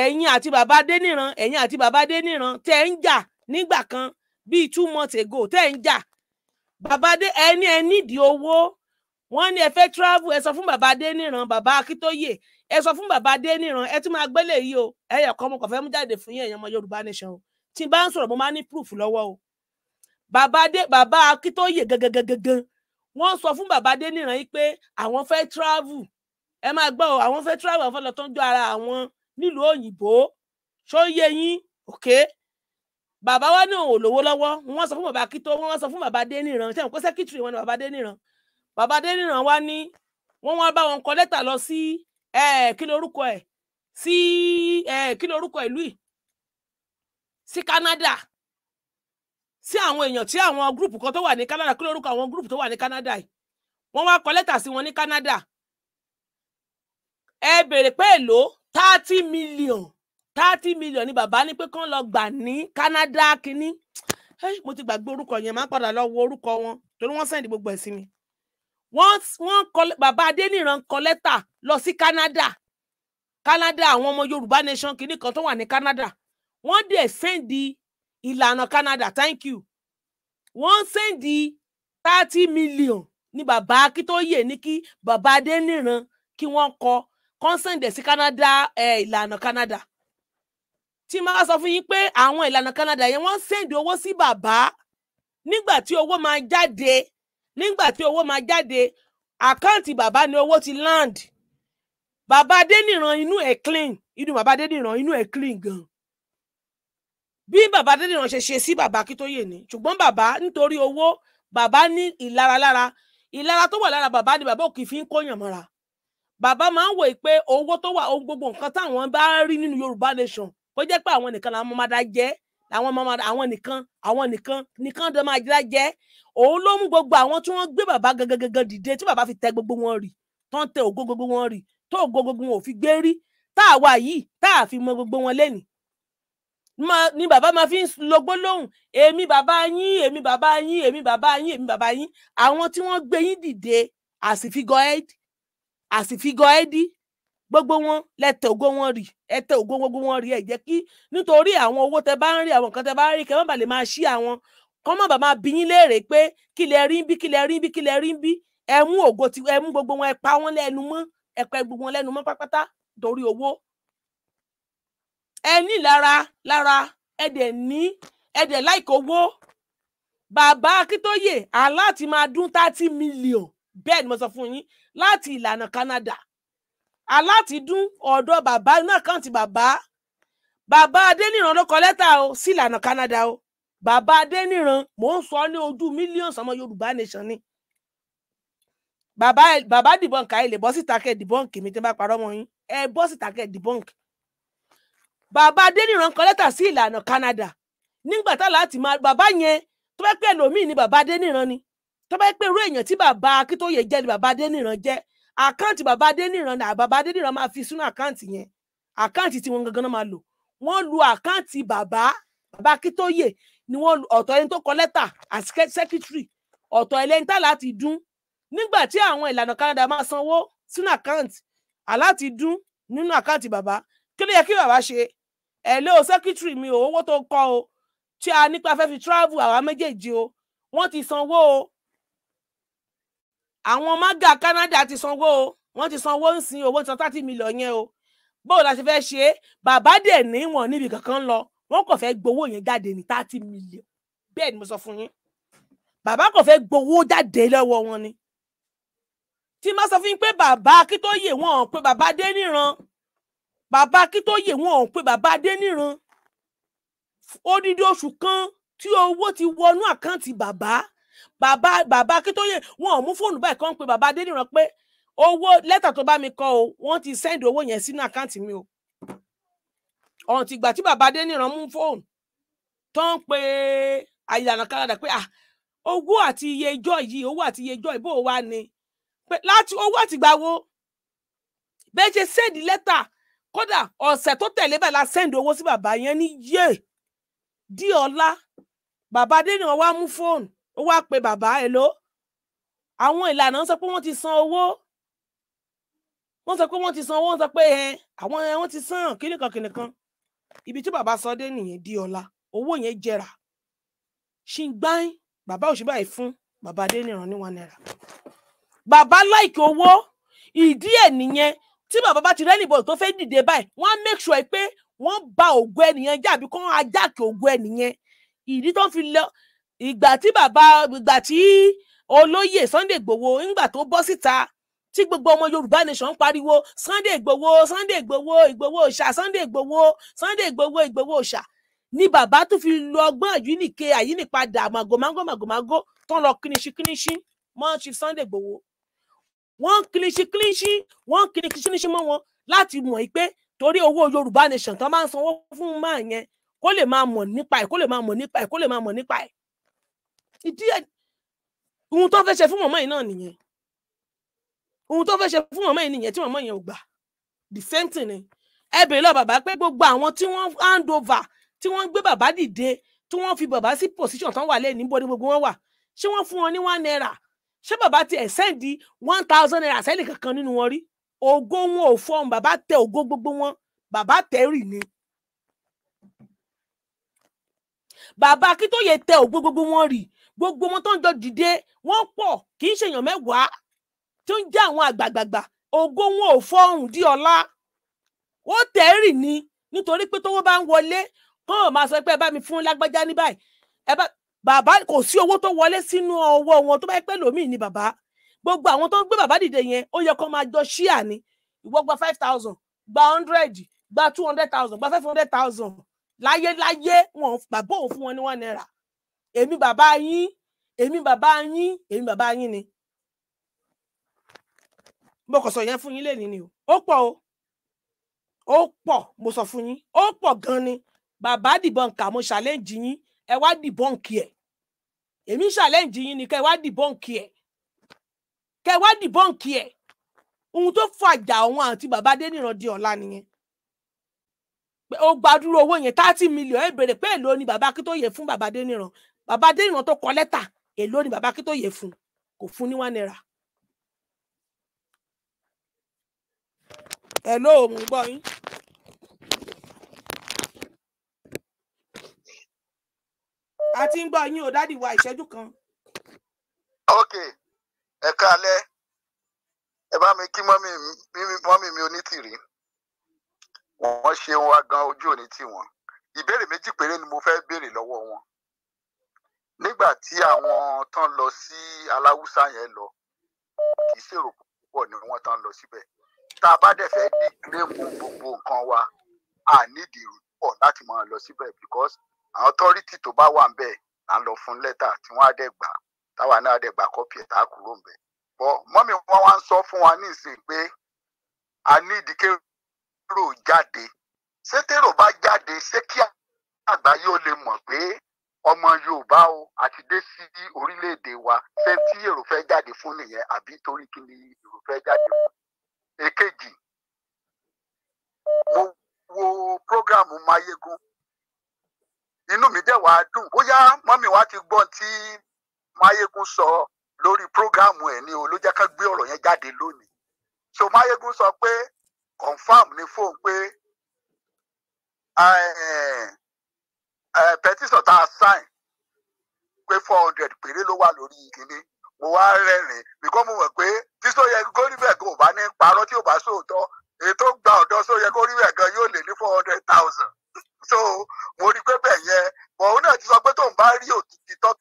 ẹ̀yin àti bàbá Adéníran ẹ̀yin àti bàbá Adéníran tẹ́ ń jà nígbà kan bíi two months ago tẹ́ ń jà babadé ẹni ẹ nídìí owó wọ́n ní ẹ fẹ́ travel ẹ sọ fún babadé níran baba akíntóyè ẹ sọ fún babadé níran ẹ tún máa gbélé yìí o ẹyẹ kan mo kàn fẹ́ mú jáde fún yẹn ọmọ yorùbá nation o tí n bá ń sọ̀rọ̀ mo máa ní proof lọ́wọ́ o babadé baba akíntóyè gangan wọ́n sọ fún babadé níran yìí pé àwọn fẹ́ travel ẹ máa gbọ́ o àwọn fẹ́ travel àwọn fẹ́ lọ tọ́jú ara àwọn nílùú òyìnbó ṣó yẹ yín òkè. Okay? bàbá wa náà ò lówó lọ́wọ́ wọ́n sọ fún bàbá kító wọ́n sọ fún bàbá déníran ṣé kó sẹ́kítìrì wọn ni bàbá déníran bàbá déníran wa ní wọ́n wá bá wọn kọ lẹ́tà lọ sí kí lorúkọ ẹ̀ sí kí lorúkọ ìlú yìí sí Canada sí àwọn èèyàn tí àwọn gúrùpù kan tó wà ní Canada kí lórúkọ àwọn gúrùpù tó wà ní Canada yìí wọ́n wá kọ lẹ́tà sí wọn ní Canada ẹ béèrè pé èlò thirty million thirty million ni bàbá ní pé kán lọ gbà ní Canada kínní mo ti gbàgbé orúkọ yẹn máa padà lọ wo orúkọ wọn torí wọ́n sẹ́ndì gbogbo ẹ̀ sí mi wọ́n wọ́n kọ bàbá Adéníran kọ lẹ́tà lọ sí Canada Canada àwọn ọmọ Yorùbá nation kínní kan tó wà ní Canada wọ́n dẹ̀ sẹ́ndì ìlànà Canada thank you wọ́n sẹ́ndì thirty million ni bàbá Akíntóyè ní kí bàbá Adéníran kí wọ́n kọ kọ́ńsẹ̀ǹdẹ̀ sí Canada eh, ìlànà eh, Canada tí máa sọ fún yín pé àwọn ìlànà Canada yẹn wọ́n sẹ́ndì owó sí bàbá nígbà tí owó máa jáde nígbà tí owó máa jáde àkáǹtì bàbá ni owó ti land bàbá Adéníran inú ẹ̀ clean inú bàbá Adéníran inú ẹ̀ clean gan bí bàbá Adéníran ṣe ṣe sí bàbá Akíntóyè ni ṣùgbọ́n bàbá nítorí owó bàbá ní ìlara lára ìlara tó wà lára bàbá ni bàbá òkè fi ń kóyàn mọ́ra bàbá máa ń wòye pé owó tó wà ohun gbogbo nǹkan táwọn bá rí nínú Yorùbá nation kó jẹ́ pé àwọn nìkan làwọn máa dá jẹ́ àwọn máa àwọn nìkan àwọn nìkan nìkan dán máa dá jẹ́ òun ló mú gbogbo àwọn tí wọ́n gbé bàbá gangan gangan dìde tí bàbá fi tẹ gbogbo wọn rì tó ń tẹ ògo gbogbo wọn rì tó ògo gbogbo wọn ò fi gbé rí tá a wà yìí tá a fi mọ gbogbo wọn lẹ́nìí ni bàbá máa fi ń logbó lóhùn èmi bàbá yín èmi bàbá yín èmi bàbá yín èmi bàbá yín àwọn tí wọ́n gbé yín dìde àsìfigọ ẹdí àsìfigọ ẹdí gbogbo wọn lẹtẹ ògo wọn rì ẹtẹ ògo gbogbo wọn rì ẹ jẹ́ kí nítorí àwọn owó tẹ bá ń rí àwọn nǹkan tẹ bá ń rí kẹ má bàa lè máa ṣí àwọn kán má bàa máa bí yín léèrè pé kí lẹ rí bí kí lẹ rí bí kí lẹ rí bí ẹ mú ògo ti ẹ mú gbogbo wọn ẹ pa wọn lẹ́nu mọ́ ẹ pa gbogbo wọn lẹ́nu mọ́ pátápátá torí owó ẹ ní lára lára ẹ dẹ̀ ní ẹ dẹ̀ láìkó owó bàbá Akíntóyè aláàtì máa dún thirty million bẹ́ẹ̀ ni mo sọ fún yín láti ìlànà Canada alátidún ọ̀dọ̀ bàbá inú àkáǹtì bàbá bàbá adéníran ló kọ lẹ́tà o sí ìlànà Canada o bàbá adéníran mò ń sọ ní ojú mílíọ̀nù ọmọ Yorùbá nation ni bàbá bàbá dìbọnk ayé lè bọ́ síta kẹ́ dìbọnk mi tẹ́ bá parọ́ mọ́ yín ẹ bọ́ síta kẹ́ dìbọnk bàbá adéníran kọ lẹ́tà sí ìlànà Canada nígbà tá láti máa bàbá yẹn tó bá pẹ́ lòmíì ni bàbá adéníran ni tó bá pẹ́ irú èèyàn tí bàbá akíntóye jẹ́ ni bàbá adéníran jẹ́ àkáǹtì bàbá adéníran náà bàbá adéníran máa fi sínú àkáǹtì yẹn àkáǹtì tí wọn gangan náà máa lò wọn lu àkáǹtì bàbá bàbá akíntóyè ni wọn ọ̀tọ̀ ẹni tó kọ lẹ́tà àti sẹkítírì ọ̀tọ̀ ẹlẹni tá láti dún nígbà tí àwọn ìlànà Canada máa sanwó sínú àkáǹtì aláti dún nínú àkáǹtì bàbá kí ló yẹ kí bàbá ṣe ẹ lé o sẹkítírì mi o owó tó kọ o tí a nípa fẹ́ fi travel àwa méjèèjì o wọ́n ti sanwó o àwọn maga Canada ti sanwó o wọ́n ti sanwó ń sin owó san thirty million yẹn o báwo la ṣe fẹ́ ṣe é bàbá dẹ̀ ní wọn níbi kankan lọ wọ́n kàn fẹ́ gbowó yẹn jáde ní thirty million bẹ́ẹ̀ ni mo sọ fún yín bàbá kàn fẹ́ gbowó jáde lọ́wọ́ wọn ni tí má sọ fún yín pé bàbá Akíntóyè wọn ò pé bàbá Adéníran bàbá Akíntóyè wọn ò pé bàbá Adéníran odidi oṣù kan tí owó ti wọnú àkáǹtì bàbá bàbá bàbá akíntóyè wọn ò mú fóònù báyìí kan pé bàbá adéníran pé owó lẹ́tà tó bá mi kọ o wọ́n ti send owó yẹn sínú àkáǹtì mi o ọ̀hún ti gbà tí bàbá adéníran mú fóònù tó ń pe àyànà kárádà pé ah owó àti iye ijọ́ yìí owó àti iye ijọ́ ìbò wa ni pé láti owó àtìgbà wo bẹ́ẹ̀ ṣe send lẹ́tà kódà ọ̀sẹ̀ tó tẹ̀lé bẹ́ẹ̀ la send owó sí bàbá yẹn ní yé di ọ̀la bàbá adéníran wá mú fóònù ó wá pe bàbá ẹ ló àwọn ìlànà ń sọ pé wọ́n ti san owó wọ́n sọ pé wọ́n ti san owó wọ́n sọ pé ẹ àwọn ẹ wọ́n ti san kíníkan kíníkan ibi tí bàbá sọ dé nìyẹn di ọ̀la owó yẹn jẹrà ṣì ń gbáyìn bàbá òṣùbà yìí fún bàbá Adéníran ní one naira bàbá láìkí owó ìdí ẹ̀ nìyẹn tí bàbá bá ti rẹ́nìbọ̀ tó fẹ́ dìde báyìí wọ́n á make sure pé wọ́n ba ògo ẹnìyẹn jẹ́ àbí kó wọ́n ajáàkì ògo ẹnìyẹn ìdí tó ń fi lọ ìgbà tí bàbá ìgbà tí olóyè Sunday Igboho ńgbà tó bọ́ síta tí gbogbo ọmọ Yorùbá nation ń pariwo Sunday Igboho Sunday Igboho Igboho òòṣà Sunday Igboho Sunday Igboho Igboho òòṣà ni bàbá tún fi lo ọgbọ́n àyínìke àyínìpadà màgòmágó màgòmágó tán lọ kíníṣí kíníṣí mọ́ Chief Sunday Igboho wọ́n kíníṣí kíníṣí wọ́n kíníṣí kíníṣí mọ́ wọn láti mọ̀ yìí pé torí owó Yorùbá nation tán máa ń sanwó fún máa yẹn kó lè máa mọ̀ nípa ẹ̀ kó lè máa mọ̀ nípa ẹ̀ kó lè máa mọ̀ nípa ẹ̀ ìdí ẹ̀ ohun tó fẹ́ ṣe fún mọ̀mọ́ yìí náà nìyẹn ohun tó fẹ́ ṣe fún mọ̀mọ́ yìí nìyẹn tí mọ̀mọ́ yẹn ò gbà the same thing ni ẹ bèrè lọ bàbá pé gbogbo àwọn tí wọ́n hand over tí wọ́n gbé bàbá dìde tí wọ́n fi bàbá sí position tán wà lẹ́yìn níbo ni gbogbo wọn wà ṣé wọ́n fún wọn ní one naira ṣé bàbá ti ẹ̀ sẹ́ndì one thousand naira sẹ́ni kankan nínú wọn rí ògo wọn ò fọ́ọ̀mù bàbá tẹ ògo gbogbo wọn bàbá tẹ rì ni bàbá Akíntóyè tẹ ògo gbogbo wọn rì gbogbo wọn tó ń jọ dìde wọ́n pọ̀ kì í ṣèyàn mẹ́wàá tó ń jẹ́ àwọn àgbàgbàgbà ògo wọn ò fọhùn di ọ̀la ó tẹ̀rì ni nítorí pé tówó bá ń wọlé kán ò máa sọ pé ẹ bá mi fún lágbájá ní báyìí ẹ bá bàbá kò sí owó tó wọlé sínú ọwọ́ wọn tó bá pẹ́ lòmíì ni bàbá gbogbo àwọn tó ń gbé bàbá dìde yẹn ó yẹ kó máa jọ ṣíà ni ìwọ gba five thousand gba hundred gba two hundred thousand gba five hundred thousand láyéláyé wọn bàbá òun fún wọn ní one naira èmi bàbá yín èmi bàbá yín èmi bàbá yín ni mo kàn sọ yẹn fún yín lẹ́ni ni o ó pọ̀ o ó pọ̀ mo sọ fún yín ó pọ̀ gan ni bàbá dìbọn kà mo ṣàlẹ́ǹjì yín ẹ wá dìbọn kì ẹ̀ èmi ṣàlẹ́ǹjì yín ni kẹ́ ẹ wá dìbọn kì ẹ̀ kẹ́ ẹ wá dìbọn kì ẹ̀ ohun tó fàjà òun àti bàbá Adéníran di ọ̀la nìyẹn ó gbàdúrà owó yẹn thirty million ẹ bèrè pé èlò ni bàbá Akíntóyè fún bàbá Adéníran bàbá adéyìnbọn tó kọ lẹ́tà èló ni bàbá akíntóye fún kò fún ní one naira. ẹ lóòmù gbọ́ yín. a ti ń gbọ́ yín o dádì wa ìṣẹ́jú kan. ok ẹ káalẹ́ ẹ bá mi kí mọ́mì mi onítìrí wọ́n ṣeun wa gan ojú òní tiwọn ìbéèrè méjì péré ni mo fẹ́ béèrè lọ́wọ́ wọn nígbà tí àwọn tán lọ sí aláwùsá yẹn lọ kì í ṣèrò púpọ̀ ni wọ́n tán lọ síbẹ̀ tá a bá dẹ̀ fẹ́ dí kílẹ̀mù gbogbo nǹkan wa a nídìí pọ̀ láti máa lọ síbẹ̀ because àwọn authority tó bá wà ń bẹ̀ là ń lọ fún lẹ́tà tí wọ́n á dẹ̀ gbà táwa náà dẹ̀ gbà kọ́pì ẹ̀ tá a kúrò ń bẹ̀ bọ́ mọ́mí wọn wá ń sọ fún wa nísìnyí pé a nídìí kérò jáde ṣé tèrò bá jáde ṣé kí àgbáyé ó lè mọ̀ pé ọmọ yorùbá o àti dé sí orílẹ̀-èdè wa ṣé tí èrò fẹ́ jáde fún nìyẹn àbí torí kí ni èrò fẹ́ jáde fún. èkejì mo wo prógráàmù mayegun inú mi dẹ̀ wá dùn bóyá mọ́mì wa ti gbọ́n tí mayegun sọ lórí prógráàmù ẹ̀ ni o ló jẹ́ ká gbé ọ̀rọ̀ yẹn jáde lónìí so mayegun sọ pé confam ni fóun pé pẹtísọ̀ tá a sign pé four hundred péré ló wà lórí ìkíní mo wá rẹ́rìn bíkọ́ mo mọ̀ pé tí sóyẹ gómìnà kò bá ní parọ́ tí ò bá sóòótọ́ èyí tó gba ọ̀dọ́ sóyẹ gómìnà gan yóò lè ní four hundred thousand (laughs) so mo rí pé bẹ́ẹ̀ yẹn bọ̀ náà ti sọ pé tóun bá rí òtítọ́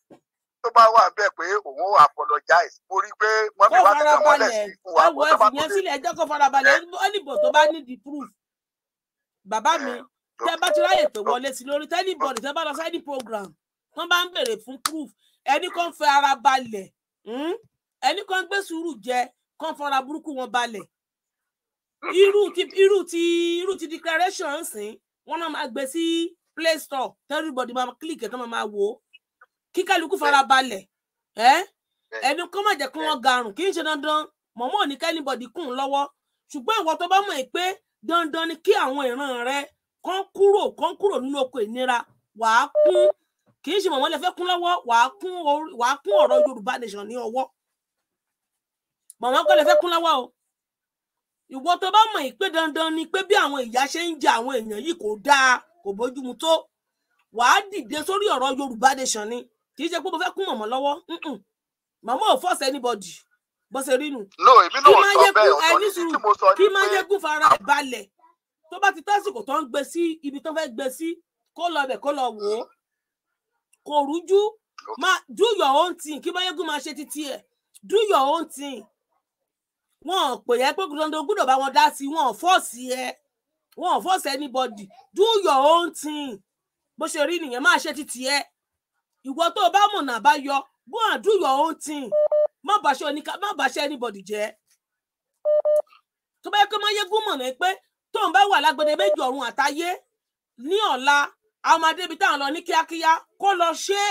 tó bá wà bẹ́ẹ̀ pé òun ò apologize mo rí pé mọ́mí wa ti tẹ̀wọ́lẹ̀ sí fún wa. ẹ ẹ fìyẹn sílẹ̀ ẹjọ́ kó farabalẹ̀ ó níbò tó bá ní the proof bàbá mi tẹ bá ti ráyè pé wọlé sí lórí tẹnibọdì tẹ bá lọ sáyẹdì program wọn bá ń béèrè fún proof ẹni kan fẹ́ ara balẹ̀ hmm? ẹni kan gbé sùúrù jẹ kan fọra burúkú wọn balẹ̀ irú ti irú ti irú ti declaration ń sìn wọn náà máa gbé sí play store tẹnibọdì máa click ẹ tán máa wò ó kí kálukú fara balẹ̀ ẹ ẹni kan má jẹ́ kí wọn garùn kì í ṣe dandan mọmọ ní kẹnibọdì kùn lọ́wọ́ ṣùgbọ́n ìwọ tó bá mọ̀ pé dandan ni kí àwọn ìran rẹ kán kúrò kán kúrò nínú oko ìnira wàá kún kì í ṣe mọ̀mọ́ lẹ fẹ́ kún lọ́wọ́ wàá kún ọ̀rọ̀ Yorùbá nation ní ọwọ́ mọ̀mọ́ kọ́ lẹ fẹ́ kún lọ́wọ́ o ìwọ tó bá mọ̀ ìpè dandan ni pé bí àwọn ìyá ṣe ń jẹ àwọn èèyàn yìí kò dáa kò bójúmu tó wàá dìde sórí ọ̀rọ̀ Yorùbá nation ni kì í ṣe pé mo fẹ́ kún mọ̀mọ́ lọ́wọ́ mọ̀mọ́ ò force anybody bó ṣe kí máa yẹ kún ẹni sùúrù kí máa yẹ kún fara balẹ̀ tó bá ti tásìkò tó ń gbé sí ibi tó fẹ́ gbé sí kó lọ bẹ̀ kó lọ wò ó kò rújú máa do your own thing kí báyégún máa ṣe títí ẹ̀ do your own thing wọn ò pè ẹ́ pé dandan gbọ́dọ̀ bá wọn dá sí wọn ò ẹ wọn ò anybody do your own thing bó ṣe rí nìyẹn máa ṣe títí ẹ ìwọ tó o bá mọ̀nà àbáyọ go and do your own thing má bàṣẹ oníka má bàṣẹ anybody jẹ́ tó bá yẹ kó máa yẹ gúnmọ̀ náà pé tó ń bá wà lágbede méjì ọ̀run àtayé ní ọ̀la àwọn máa débi táwọn lọ ní kíákíá kó lọ ṣe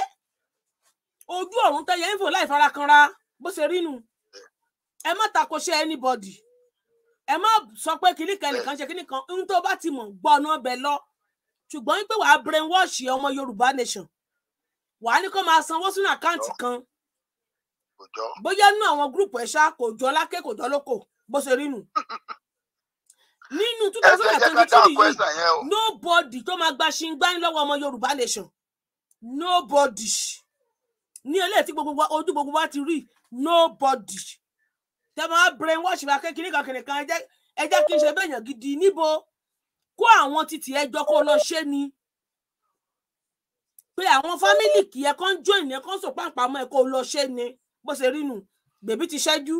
ojú ọ̀run tẹ́yẹ ń fò láì farakanra bó ṣe rí nu ẹ má tako ṣe anybody ẹ má sọ pé kinní kan se ṣe kinní kan ohun tó bá ti mọ̀ gbọ́ ọ̀nà ọbẹ̀ lọ ṣùgbọ́n wípé wàá brainwash ọmọ Yorùbá nation wàá ní kó máa sanwó sínú àkáǹtì kan bóyá nínú àwọn gúrùpù ẹ̀ṣá kò jọ lákè kò jọ lóko bó ṣe rí nu (laughs) nínú two thousand and twenty two yìí nobody tó máa gba ṣingbáyín lọ́wọ́ ọmọ yorùbá nation nobody ní eléyìí tí gbogbo ojú gbogbo wa ti rí nobody tẹ máa brainwash ra kékeré kan kìnìún kan ẹ jẹ́ kí n ṣe bẹyàn gidi níbo kó àwọn títí ẹjọ́ kó lọ ṣe ni pé àwọn fámìlì kì ẹ kàn join ẹ kàn sọ pàǹpàmọ ẹ kó lọ ṣe ni bó ṣe rí nù bèbí ti ṣẹ́jú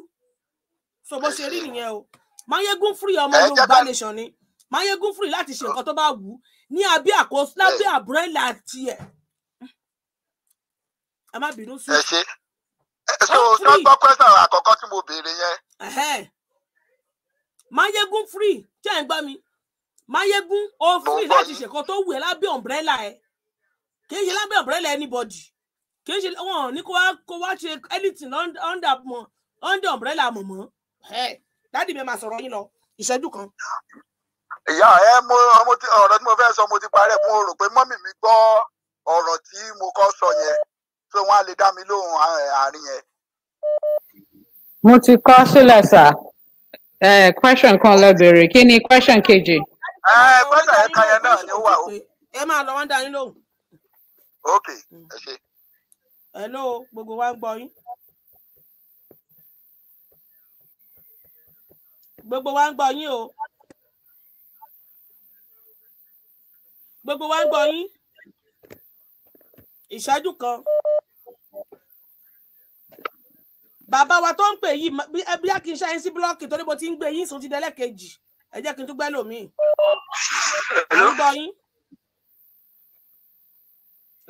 so bó ṣe rí nìyẹn o mayegun free ọmọ yorùbá nation ni mayegun free láti ṣe nǹkan tó bá wù ú ní abẹ́ àkóso lábẹ́ àbúrẹ́là tiẹ̀ ẹ má bínú sí. ẹ ṣe ẹ ṣe o ṣe gbọ́ kwẹ́sàn àkọ́kọ́ tí mo béèrè yẹn. mayegun free jẹ́ ẹ̀ gbọ́ mi mayegun ó free láti ṣe nǹkan tó wù ẹ́ lábẹ́ ọ̀mbrẹ́là ẹ̀ kì í ṣe lábẹ́ ọ̀mbrẹ́là anybody kì í ṣe wọn ní kó wá kó wá ṣe anything under under umbrella mọ̀mọ́. Hey dádì mi máa sọ̀rọ̀ yín lọ ìṣẹ́jú kan. ìyá ẹ mo ọmọ tí ọ̀rọ̀ tí mo fẹ́ sọ mo ti parẹ́ mo rò pé mọ́mì mi gbọ́ ọ̀rọ̀ tí mo kọ́ sọ yẹn tó wọ́n lè dá mi lóhùn àárín yẹn. mo ti kọ sílẹ̀ sà question kan lọ bèrè kí ni question kejì. ẹ gbọ́dọ̀ ẹ kan yẹn náà ni ó wà o. ẹ máa lọ wọ́n dá lóhùn. ok ẹ ṣe. hello gbogbo wa ń gbọ́ yín. gbogbo wa ń gbọ́ yín o gbogbo wa ń gbọ́ yín ìṣẹ́jú kan bàbá wa tó ń pè yìí bí a kì í ṣáyẹn sí búlọ́ọ̀kì torí mo ti ń gbé yín sùn ti dẹ́lẹ́kejì ẹ jẹ́ kí n tún gbẹ́ lòmíì à ń gbọ́ yín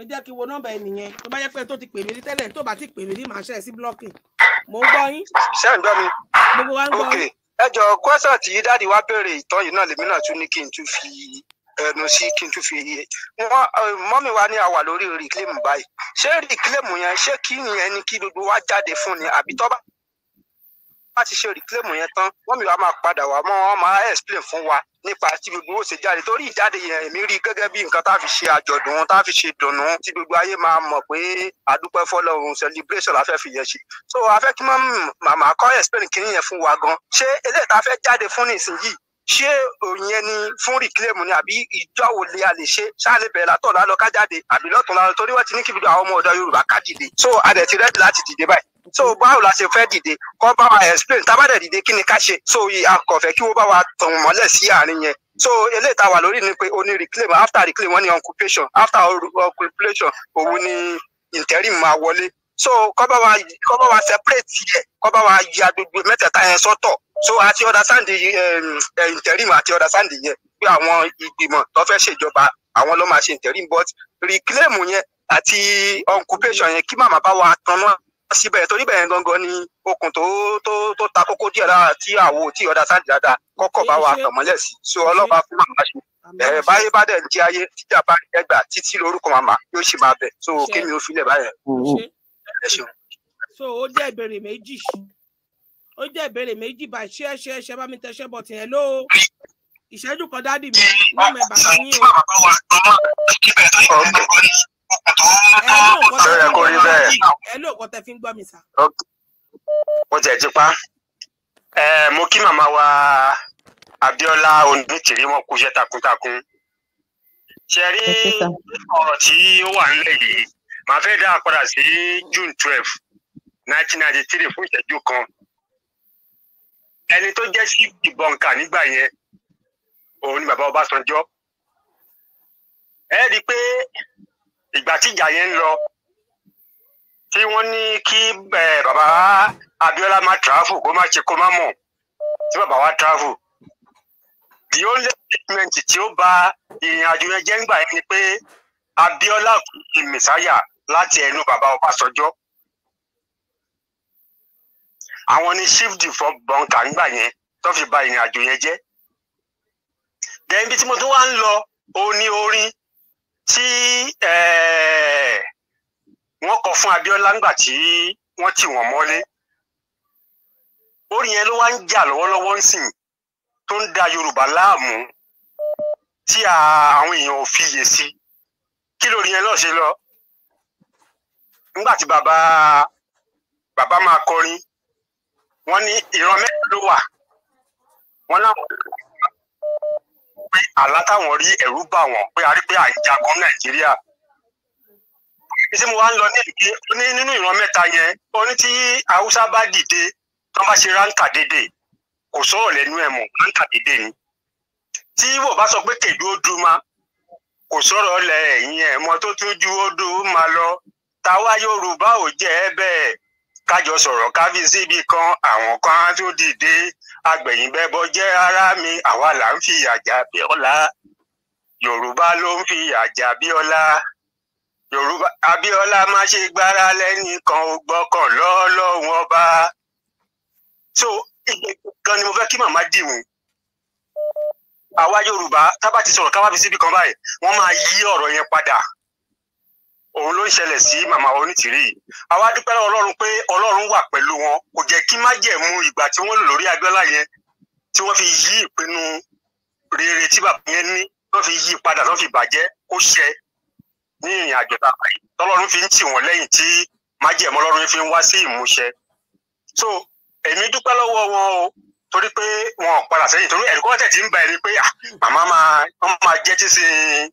ẹ jẹ́ kí n wo nọ́mbà ẹ tó bá yẹ pé tó ti pè mí rí tẹ́lẹ̀ tó bá ti pè mí rí màá ṣe é sí búlọ́ọ̀kì mò ń gbọ́ yín. gbogbo wa ń gbọ́ yín ẹ jọ kwẹsàn tí dáàdi wá béèrè ìtọ́ yìí náà lèmi náà tún ní kí n tún fi ẹnu sí kí n tún fi yé wọn mọ́mí wa ní a wà lórí reclaim báyìí ṣé reclaim yẹn ṣé kí yẹn ni kí gbogbo wa jáde fún ni àbí tọ́ bá wọ́n ti ṣe reclaim yẹn tán wọ́n mi wá máa padà wá mọ́ wọ́n máa explain fún wa nípa tí gbogbo ó ṣe jáde torí ìjáde yẹn èmi rí gẹ́gẹ́ bí nǹkan tá a fi ṣe àjọ̀dún tá a fi ṣe dùnnú tí gbogbo ayé máa mọ̀ pé àdúpẹ́ fọlọ́run celebration la fẹ́ fi yẹn ṣe so a fẹ́ kí màmá kọ́ explain kí yẹn fún wa gan ṣé eléyìí tá a fẹ́ jáde fún nísìnyìí ṣé òyìn ni fún reclaim ni àbí ìjọ wo lè a lè ṣe ṣáàlè bẹ̀rẹ̀ látọ̀ lálọ́ ká jáde àbí lọ́tún lálọ́ torí wọ́n ti ní kí gbogbo àwọn ọmọ ọ̀dọ́ Yorùbá ká dìde so adẹ̀ ti rẹ́dì láti dìde báyìí so báwo la ṣe fẹ́ dìde kọ́ bá wa explain tá a bá dẹ̀ dìde kí ni ká ṣe so a kò fẹ́ kí wọ́n bá wa tàn mọ́lẹ̀ sí àárín yẹn so eléyìí tá a wà lórí ni pé o ní reclaim after reclaim wọ́n ní occupation after occupation òun ni interim máa wọlé so kọ́ bá wa kọ́ bá wa separate yẹ kọ́ bá wa ya gbogbo mẹ́tẹ̀ẹ̀ta yẹn sọ́tọ̀ so àti understand um, eh, interim àti understand yẹn pé àwọn ìgbìmọ̀ tó fẹ́ ṣèjọba àwọn ló máa ṣe interim but reclaim yẹn àti occupation yẹn kí màmá bá wa tan náà síbẹ̀ torí bẹ̀rẹ̀ gangan ni okùn tó tó tó ta kókó díẹ̀ lára tí àwo tí ọ̀dà sáà dáadáa kọ́kọ̀ bá wa tọ̀mọ́lẹ̀ sí so ọlọ́ba fún màmá ṣe ẹ báyé bá dẹ̀ ń jẹ ayé tíjà bá ẹgbà títí lórúkọ màmá yóò ṣì máa bẹ̀ so kémi ò filẹ̀ báyẹn. ẹ ṣeun. so ó jẹ́ ìbéèrè méjì ó jẹ́ ìbéèrè méjì bá ṣe é ṣe é ṣe bá mi tẹṣẹ́ bọ̀ tìyẹn ló ìṣẹ́jú kan dádì mi lọ́mọ ẹ̀ bàbá yín o ló yẹ kó rí bẹ́ẹ̀. ẹ lóògùn tẹ fi ń gbọ́ mi sá. mo jẹ̀ jí pa kí màmá wa abiola Onítìrí mọ̀ kú iṣẹ́ takuntakun ṣe rí ọ̀rọ̀ tí ó wà nílẹ̀ yìí màá fẹ́ dá a padà sí June twelve nineteen ninety three fún ìṣẹ́jú kan ẹni tó jẹ́ sí ìbọnkà nígbà yẹn òun ni bàbá Ọbásanjọ́ ẹ rí i pé ìgbà tíjà yẹn ń lọ tí wọ́n ní kí bàbá Abíọ́lá má tìráfù kó má ṣe kó má mọ̀ tí bàbá wa tìráfù the only statement tí ó bà ìrìn àjò yẹn jẹ́ ńgbà yẹn ni pé Abíọ́lá kò di mẹsáyà láti ẹnu bàbá Ọbásanjọ́ àwọn ni chief de fọ bọǹkà ńgbà yẹn tó fi bà ìrìn àjò yẹn jẹ́ dẹ́yìn bí tí mo tún wá ń lọ òun ni orin tí eh, wọ́n kọ fún Abíọ́lá ńgbà tí wọ́n tì wọ́n mọ́lé orin yẹn ló wá ń jà lọ́wọ́lọ́wọ́ nsìn tó ń da Yorùbá láàmú tí àwọn èèyàn ò fiyè sí kí lórí yẹn lọ ṣe lọ nígbà tí bàbá bàbá máa kọrin wọ́n ní ìran mẹ́ta ló wà wọ́n láwọn pé àlá táwọn rí ẹ̀rù bà wọ́n pé a rí pé à ń jagun nàìjíríà ṣé mo wá ń lọ ní nínú ìran mẹ́ta yẹn ó ní tí haúsá bá dìde tó bá ṣe ráńkà dédè kò sọ̀rọ̀ lẹ́nu ẹ̀ mọ̀ ráńkà dédè ni tí ibo bá sọ pé kèdú ó dùn ma kò sọ̀rọ̀ lẹ̀ ẹ̀ mọ́ tó tún ju ó dùn ma lọ tàwa yorùbá ò jẹ́ bẹ́ẹ̀ kájọ sọ̀rọ̀ káfí síbi kan àwọn kan á tó dìde agbẹ̀yìnbẹ́bọ jẹ́ ara mi àwa là ń fìyà jẹ Abíọ́lá Yorùbá ló ń fìyà jẹ Abíọ́lá Yorùbá Abíọ́lá má ṣe gbára lẹ́nìkan ó gbọ́kàn lọ́lọ́run ọba so gan ni mo fẹ́ kí màmá dìmú àwa Yorùbá tá ti sọ̀rọ̀ ká síbi kan báyìí wọ́n máa yí ọ̀rọ̀ yẹn padà òun ló ń ṣẹlẹ̀ sí màmá onítìrí yìí àwa dúpẹ́ lọ́wọ́ ọlọ́run pé ọlọ́run wà pẹ̀lú wọn kò jẹ́ kí májẹ̀mú ìgbà tí wọ́n lò lórí agbẹ́lá yẹn tí wọ́n fi yí ìpinnu rere tí bàbá yẹn ní tó fi yí padà tó fi bàjẹ́ kó ṣẹ ní ìrìn àjò tàbá yìí tọ́lọ́run fi ń tì wọ́n lẹ́yìn tí májẹ̀mú ọlọ́run fi ń wá sí ìmúṣẹ so èmi dúpẹ́ lọ́wọ́ wọn o torí pé wọn ò padà sẹ́yìn torí ẹ̀rí kọ́tẹ̀ ti ń ba ẹni pé ah, màmá máa jẹ́ tí sin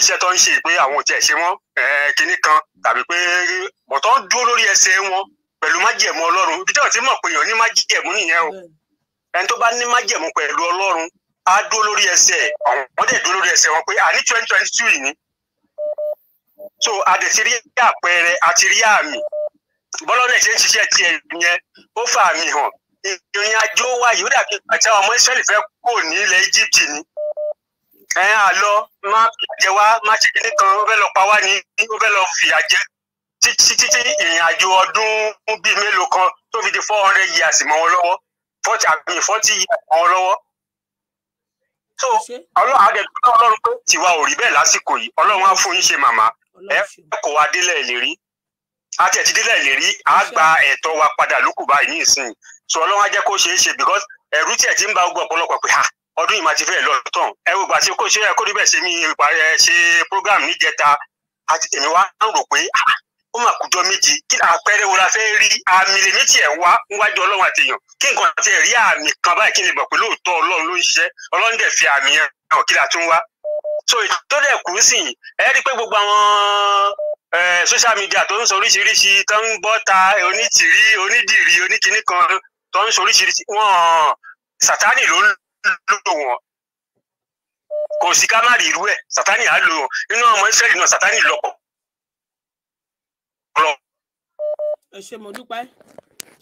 iṣẹ́ tó ń ṣe pé àwọn ò tiẹ̀ ṣe wọ́n kinní kan tàbí pé bọ̀tọ́ dúró lórí ẹsẹ̀ wọn pẹ̀lú májẹ̀mú ọlọ́run ibi táwọn ti mọ̀ pé èèyàn ní májẹ̀mú nìyẹn o ẹni tó bá ní májẹ̀mú pẹ̀lú ọlọ́run á dúró lórí ẹsẹ̀ wọ́n dẹ̀ dúró lórí ẹsẹ̀ wọn pé àní twenty yìí ni so a dẹ̀ ti rí àpẹẹrẹ a ti rí àmì bọ́lọ́dẹ̀ ṣe ń ṣiṣẹ́ tiẹ̀ yẹn ó fà àmì hàn ìrìn àjò wa yìí ó dàbí àti àwọn ọmọ Ísírẹ́lì fẹ́ kò ní ilẹ̀ Íjíbítì ni ẹ á lọ má jẹ wá má ṣe kíní kan ó fẹ́ lọ pa wá ní ó fẹ́ lọ fìyà jẹ títí títí ìrìn àjò ọdún bíi mélòó kan tó fi di four hundred years mọ́ wọn lọ́wọ́ forty àbí forty years mọ́ wọn lọ́wọ́ so ọlọ́run àdẹ̀dọ́ ọlọ́run pé tiwa ò rí bẹ́ẹ̀ lásìkò yìí ọlọ́run á fún yín ṣe màmá ẹ kò wá délẹ̀ ìlérí àti ẹ̀ ti délẹ̀ ìlérí á gba ẹ̀tọ́ wa padà lókùbá yìí ìsìn so ọlọ́run á jẹ́ kó ṣeé ṣe because ẹ̀rú tí ti ń ba ogun ọ̀pọ̀lọpọ̀ pé ha ọdún yìí máa ti fẹ́ lọ tán ẹ wo gbà tí kò ṣe ẹ kó níbẹ̀ ṣe mí ṣe program níjẹta àti èmi wá ń rò pé ah, ó mà kújọ méjì kí àpẹẹrẹ wo la fẹ́ rí àmì lèmi tiẹ̀ wá níwájú ọlọ́run àtẹ̀yàn kí nǹkan tiẹ̀ rí àmì kan báyìí kí n lè bọ̀ pé lóòótọ́ ọlọ́run ló ń ṣiṣẹ́ ọlọ́run dẹ̀ fi àmì yẹn hàn kí la tún wá. so tó dẹ̀ kú sí i ẹ rí i pé gbogbo àwọn social media tó ń sọ oríṣiríṣi tó ń bọ́ ta onítìrí onídìrí oníkiní kan tó ń sọ oríṣiríṣi wọn sátánì ló ń lò wọ́n kò sí ká má rí irú ẹ̀ sátani á lò wọ́n inú ọmọ Ísírẹ́lì náà sátani lọ́pọ̀. ẹ ṣé mo dúpẹ́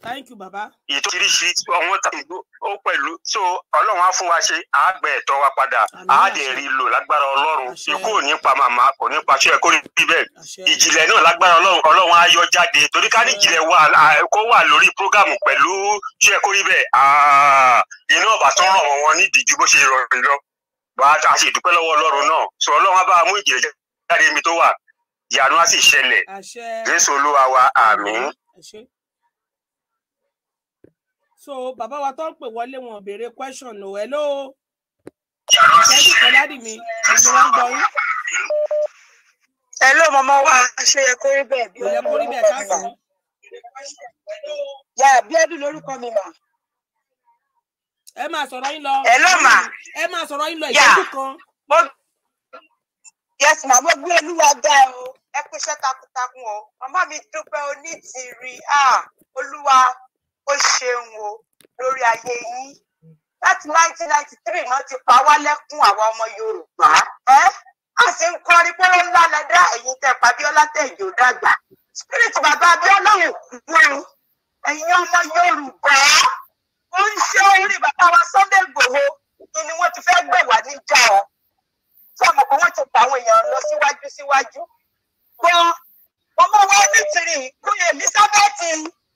thank you baba. ètò oríṣiríṣi ọ̀hún tàbí ó pẹ̀lú so ọlọ́run á fún wa ṣe àgbẹ̀ ẹ̀tọ́ wa padà àádẹ́rì lò lágbára ọlọ́run ikú ò ní pa màmá kò ní pa ṣẹ́ kó rí bẹ́ẹ̀ ìjìnlẹ̀ náà lágbára ọlọ́run ọlọ́run á yọ jáde torí ká ní ìjìnlẹ̀ kó wà lórí prógámù pẹ̀lú ṣẹ́ kó rí bẹ́ẹ̀ iná ọ̀bà tó ń ràn wọ́n nídìí ju bó ṣe rọrùn lọ bàtà ṣe ìdúpẹ́ lọ́wọ́ ọlọ́run náà sọ ọlọ́run á bá mú ìjìnlẹ̀ jáde mi tó wà ìyanu á sì ṣẹlẹ̀ jésù olúwa wa àmín so bàbá wa tó ń pè wọlé wọn béèrè question o hello ìtẹ́jú kan dádì mi ìṣòro ń gbọ́ yín. hello mama wa ṣe yẹ kó rí bẹ́ẹ̀ bí ó yẹ kó rí bẹ́ẹ̀ káàkiri. yà á bí ẹdùn lórúkọ mi mà. ẹ máa sọ̀rọ̀ yín lọ. hello ma. ẹ máa sọ̀rọ̀ yín lọ ìtẹ́jú kan. yes ma mo gbé olúwa dá ẹ o ẹ pèsè takuntakun o màmá mi dúpẹ́ onítìrí ah, olúwa ó ṣeun o lórí ayé yín láti nineteen ninety three náà ti pa wá lẹ́kún àwa ọmọ Yorùbá ẹ́ a sì ń kọrin pé ó ńlá lẹ́dá ẹ̀yin tẹ́ pa Abíọ́lá tẹ̀ yóò dàgbà spirit bàbá Abíọ́lá ò kú o ẹ̀yin ọmọ Yorùbá ó ń ṣe orí bàbá wa Sunday Igboho ni wọ́n ti fẹ́ gbẹ̀ wá níjà ọ́ tí ọmọ kan wọ́n ti pa àwọn èèyàn lọ síwájú síwájú gbọ́n ọmọ wa ní tìrì kúnyè Elizabeth.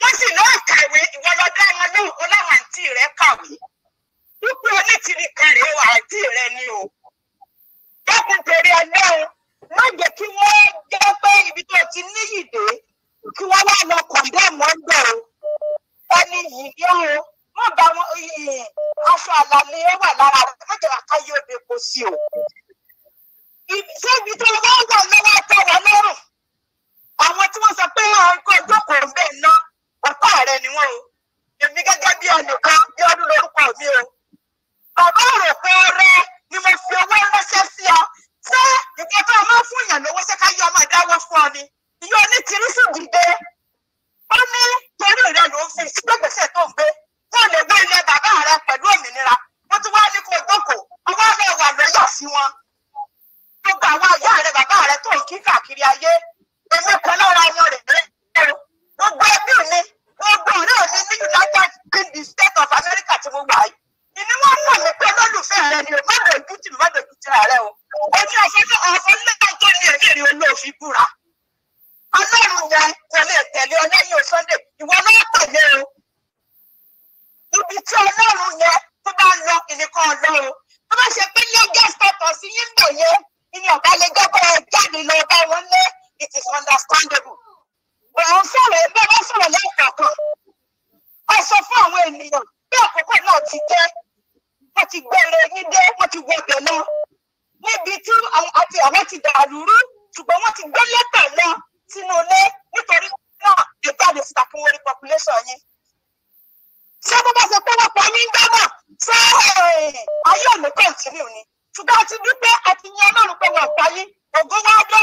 wọ́n sì náà kàwé ìwọ lọ dá wọn lóhùn ó láwọn àǹtí rẹ kàwé wípé wà àǹtí ni o ọlọ́run má jẹ́ kí wọ́n jẹ́ pé ibi tó ti níyì dé kí wọ́n wá lọ kọ̀ndẹ́mù o bá wọn aṣọ wà lára àkáyé òde kò sí o ṣé ibi tó wọ́n bàbá rẹ ni wọn o èmi gẹ́gẹ́ bí ẹnìkan bí ọdún lórúkọ mi o bàbá rò pé rẹ ni mo fi owó ránṣẹ́ sí ọ ṣé nǹkan tó o máa fún yàn lówó ṣé ká yọ ọmọ ìdáwọ́ fún ọ ni ìyá onítìrí sì dìde ó ní torí rẹ ló ń fi ìgbẹ́gbẹ́sẹ̀ tó ń gbé kó lè gbé ilé bàbá rẹ pẹ̀lú òmìnira wọ́n tún wá ní kó dọ́kọ̀ ọwọ́ rẹ wà lọ́yọ̀ sí wọn gbogbo àwọn ìyá rẹ bàbá rẹ tó ń kí káàkiri ayé èmi kan lára wọn rẹ̀ rẹ̀ gbogbo ẹbí ò ní gbogbo ọ̀rẹ́ ò ní ní united kingdom state of america tí mo gbà yìí ìní wọn mọ̀ mí pé lólùfẹ́ rẹ ni o má dojú tì má dojú tì ààrẹ o èmi ọ̀fọ́fọ́ ọ̀fọ́fọ́ tó ní ẹ̀mí rí olóòfin búra ọlọ́run yẹn kò lè tẹ̀lé ọlẹ́yìn sunday ìwọ lọ́wọ́ tẹ̀lé o ibi tí ọlọ́run yẹn tó bá lọ ìnìkan ọlọ́run tó bá ṣe pé lagos tọ̀tọ̀ sí yín lòye ìní ọ̀gá lè jẹ́ kó o jáde lọ bá wọn lé it is understandable òun sọ̀rọ̀ ẹgbẹ́ wọn sọ̀rọ̀ lẹ́ẹ̀ka kan ọ sọ fún àwọn ènìyàn bí àkókò náà ti tẹ́ wọ́n ti gbẹ̀rẹ̀ yín dé wọ́n ti wọbẹ̀ lọ níbi tí àti àwọn ti dàrú rú ṣùgbọ́n wọ́n ti gbé lẹ́tà lọ sínú ilé nítorí náà ìjáde síta kí wọ́n rí population yín ṣé bó bá ṣe pé wọ́n pa eh, ní gbámà ṣé ayé òní kọ̀ọ̀tì ni òní ṣùgbọ́n a ti dúpẹ́ àti yan ọlọ́run pé wọ́n pa yín ògo wá dé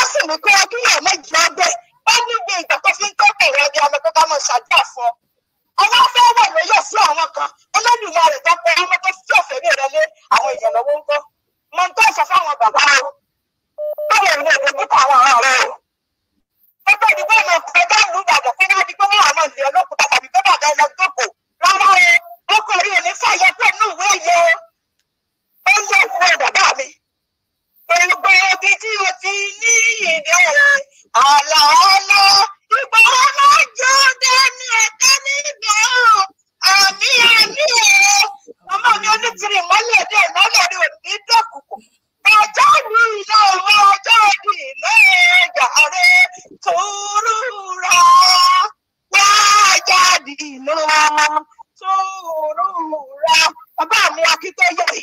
wọ́n sì ní pé ọdún yóò méjì ọgbẹ́ ó ní ibi ìgbà tó fi ń tọ́kọ̀ rẹ̀ bí ọmọ tó bá mọ̀ ṣàdúrà fún ọ. àwọn afẹ́ wà lóyè fún àwọn kan olódùmọ̀ rẹ̀ tó pé ọmọ tó fi ọ̀fẹ́ mi lé àwọn èèyàn lọ́wọ́ ń kọ́. mo ń tọ́ sọ fáwọn bàbá o báwo ni èdè àwọn ọ̀rọ̀ o. ó bẹ́ẹ̀ ni bẹ́ẹ̀ máa Gbogbo ibi tí o ti ní ìbẹ̀rẹ̀ àlàálá ìgbọ̀wọ́ máa jẹ́ dání ẹ̀ka ní ìbẹ̀ o. Àmì àmì ẹ̀rọ ọmọ mi onítìrì mọ́lẹ̀ dé ìmọ́lẹ̀ rẹ̀ òní dọ̀kùnkùn. Ọjọ́ mi ìlà ọmọ ọjọ́ mi ìlà ẹ̀jà rẹ̀ tòrú ra wá jáde ìlà tòrú Bàbá mi akítóyè yìí.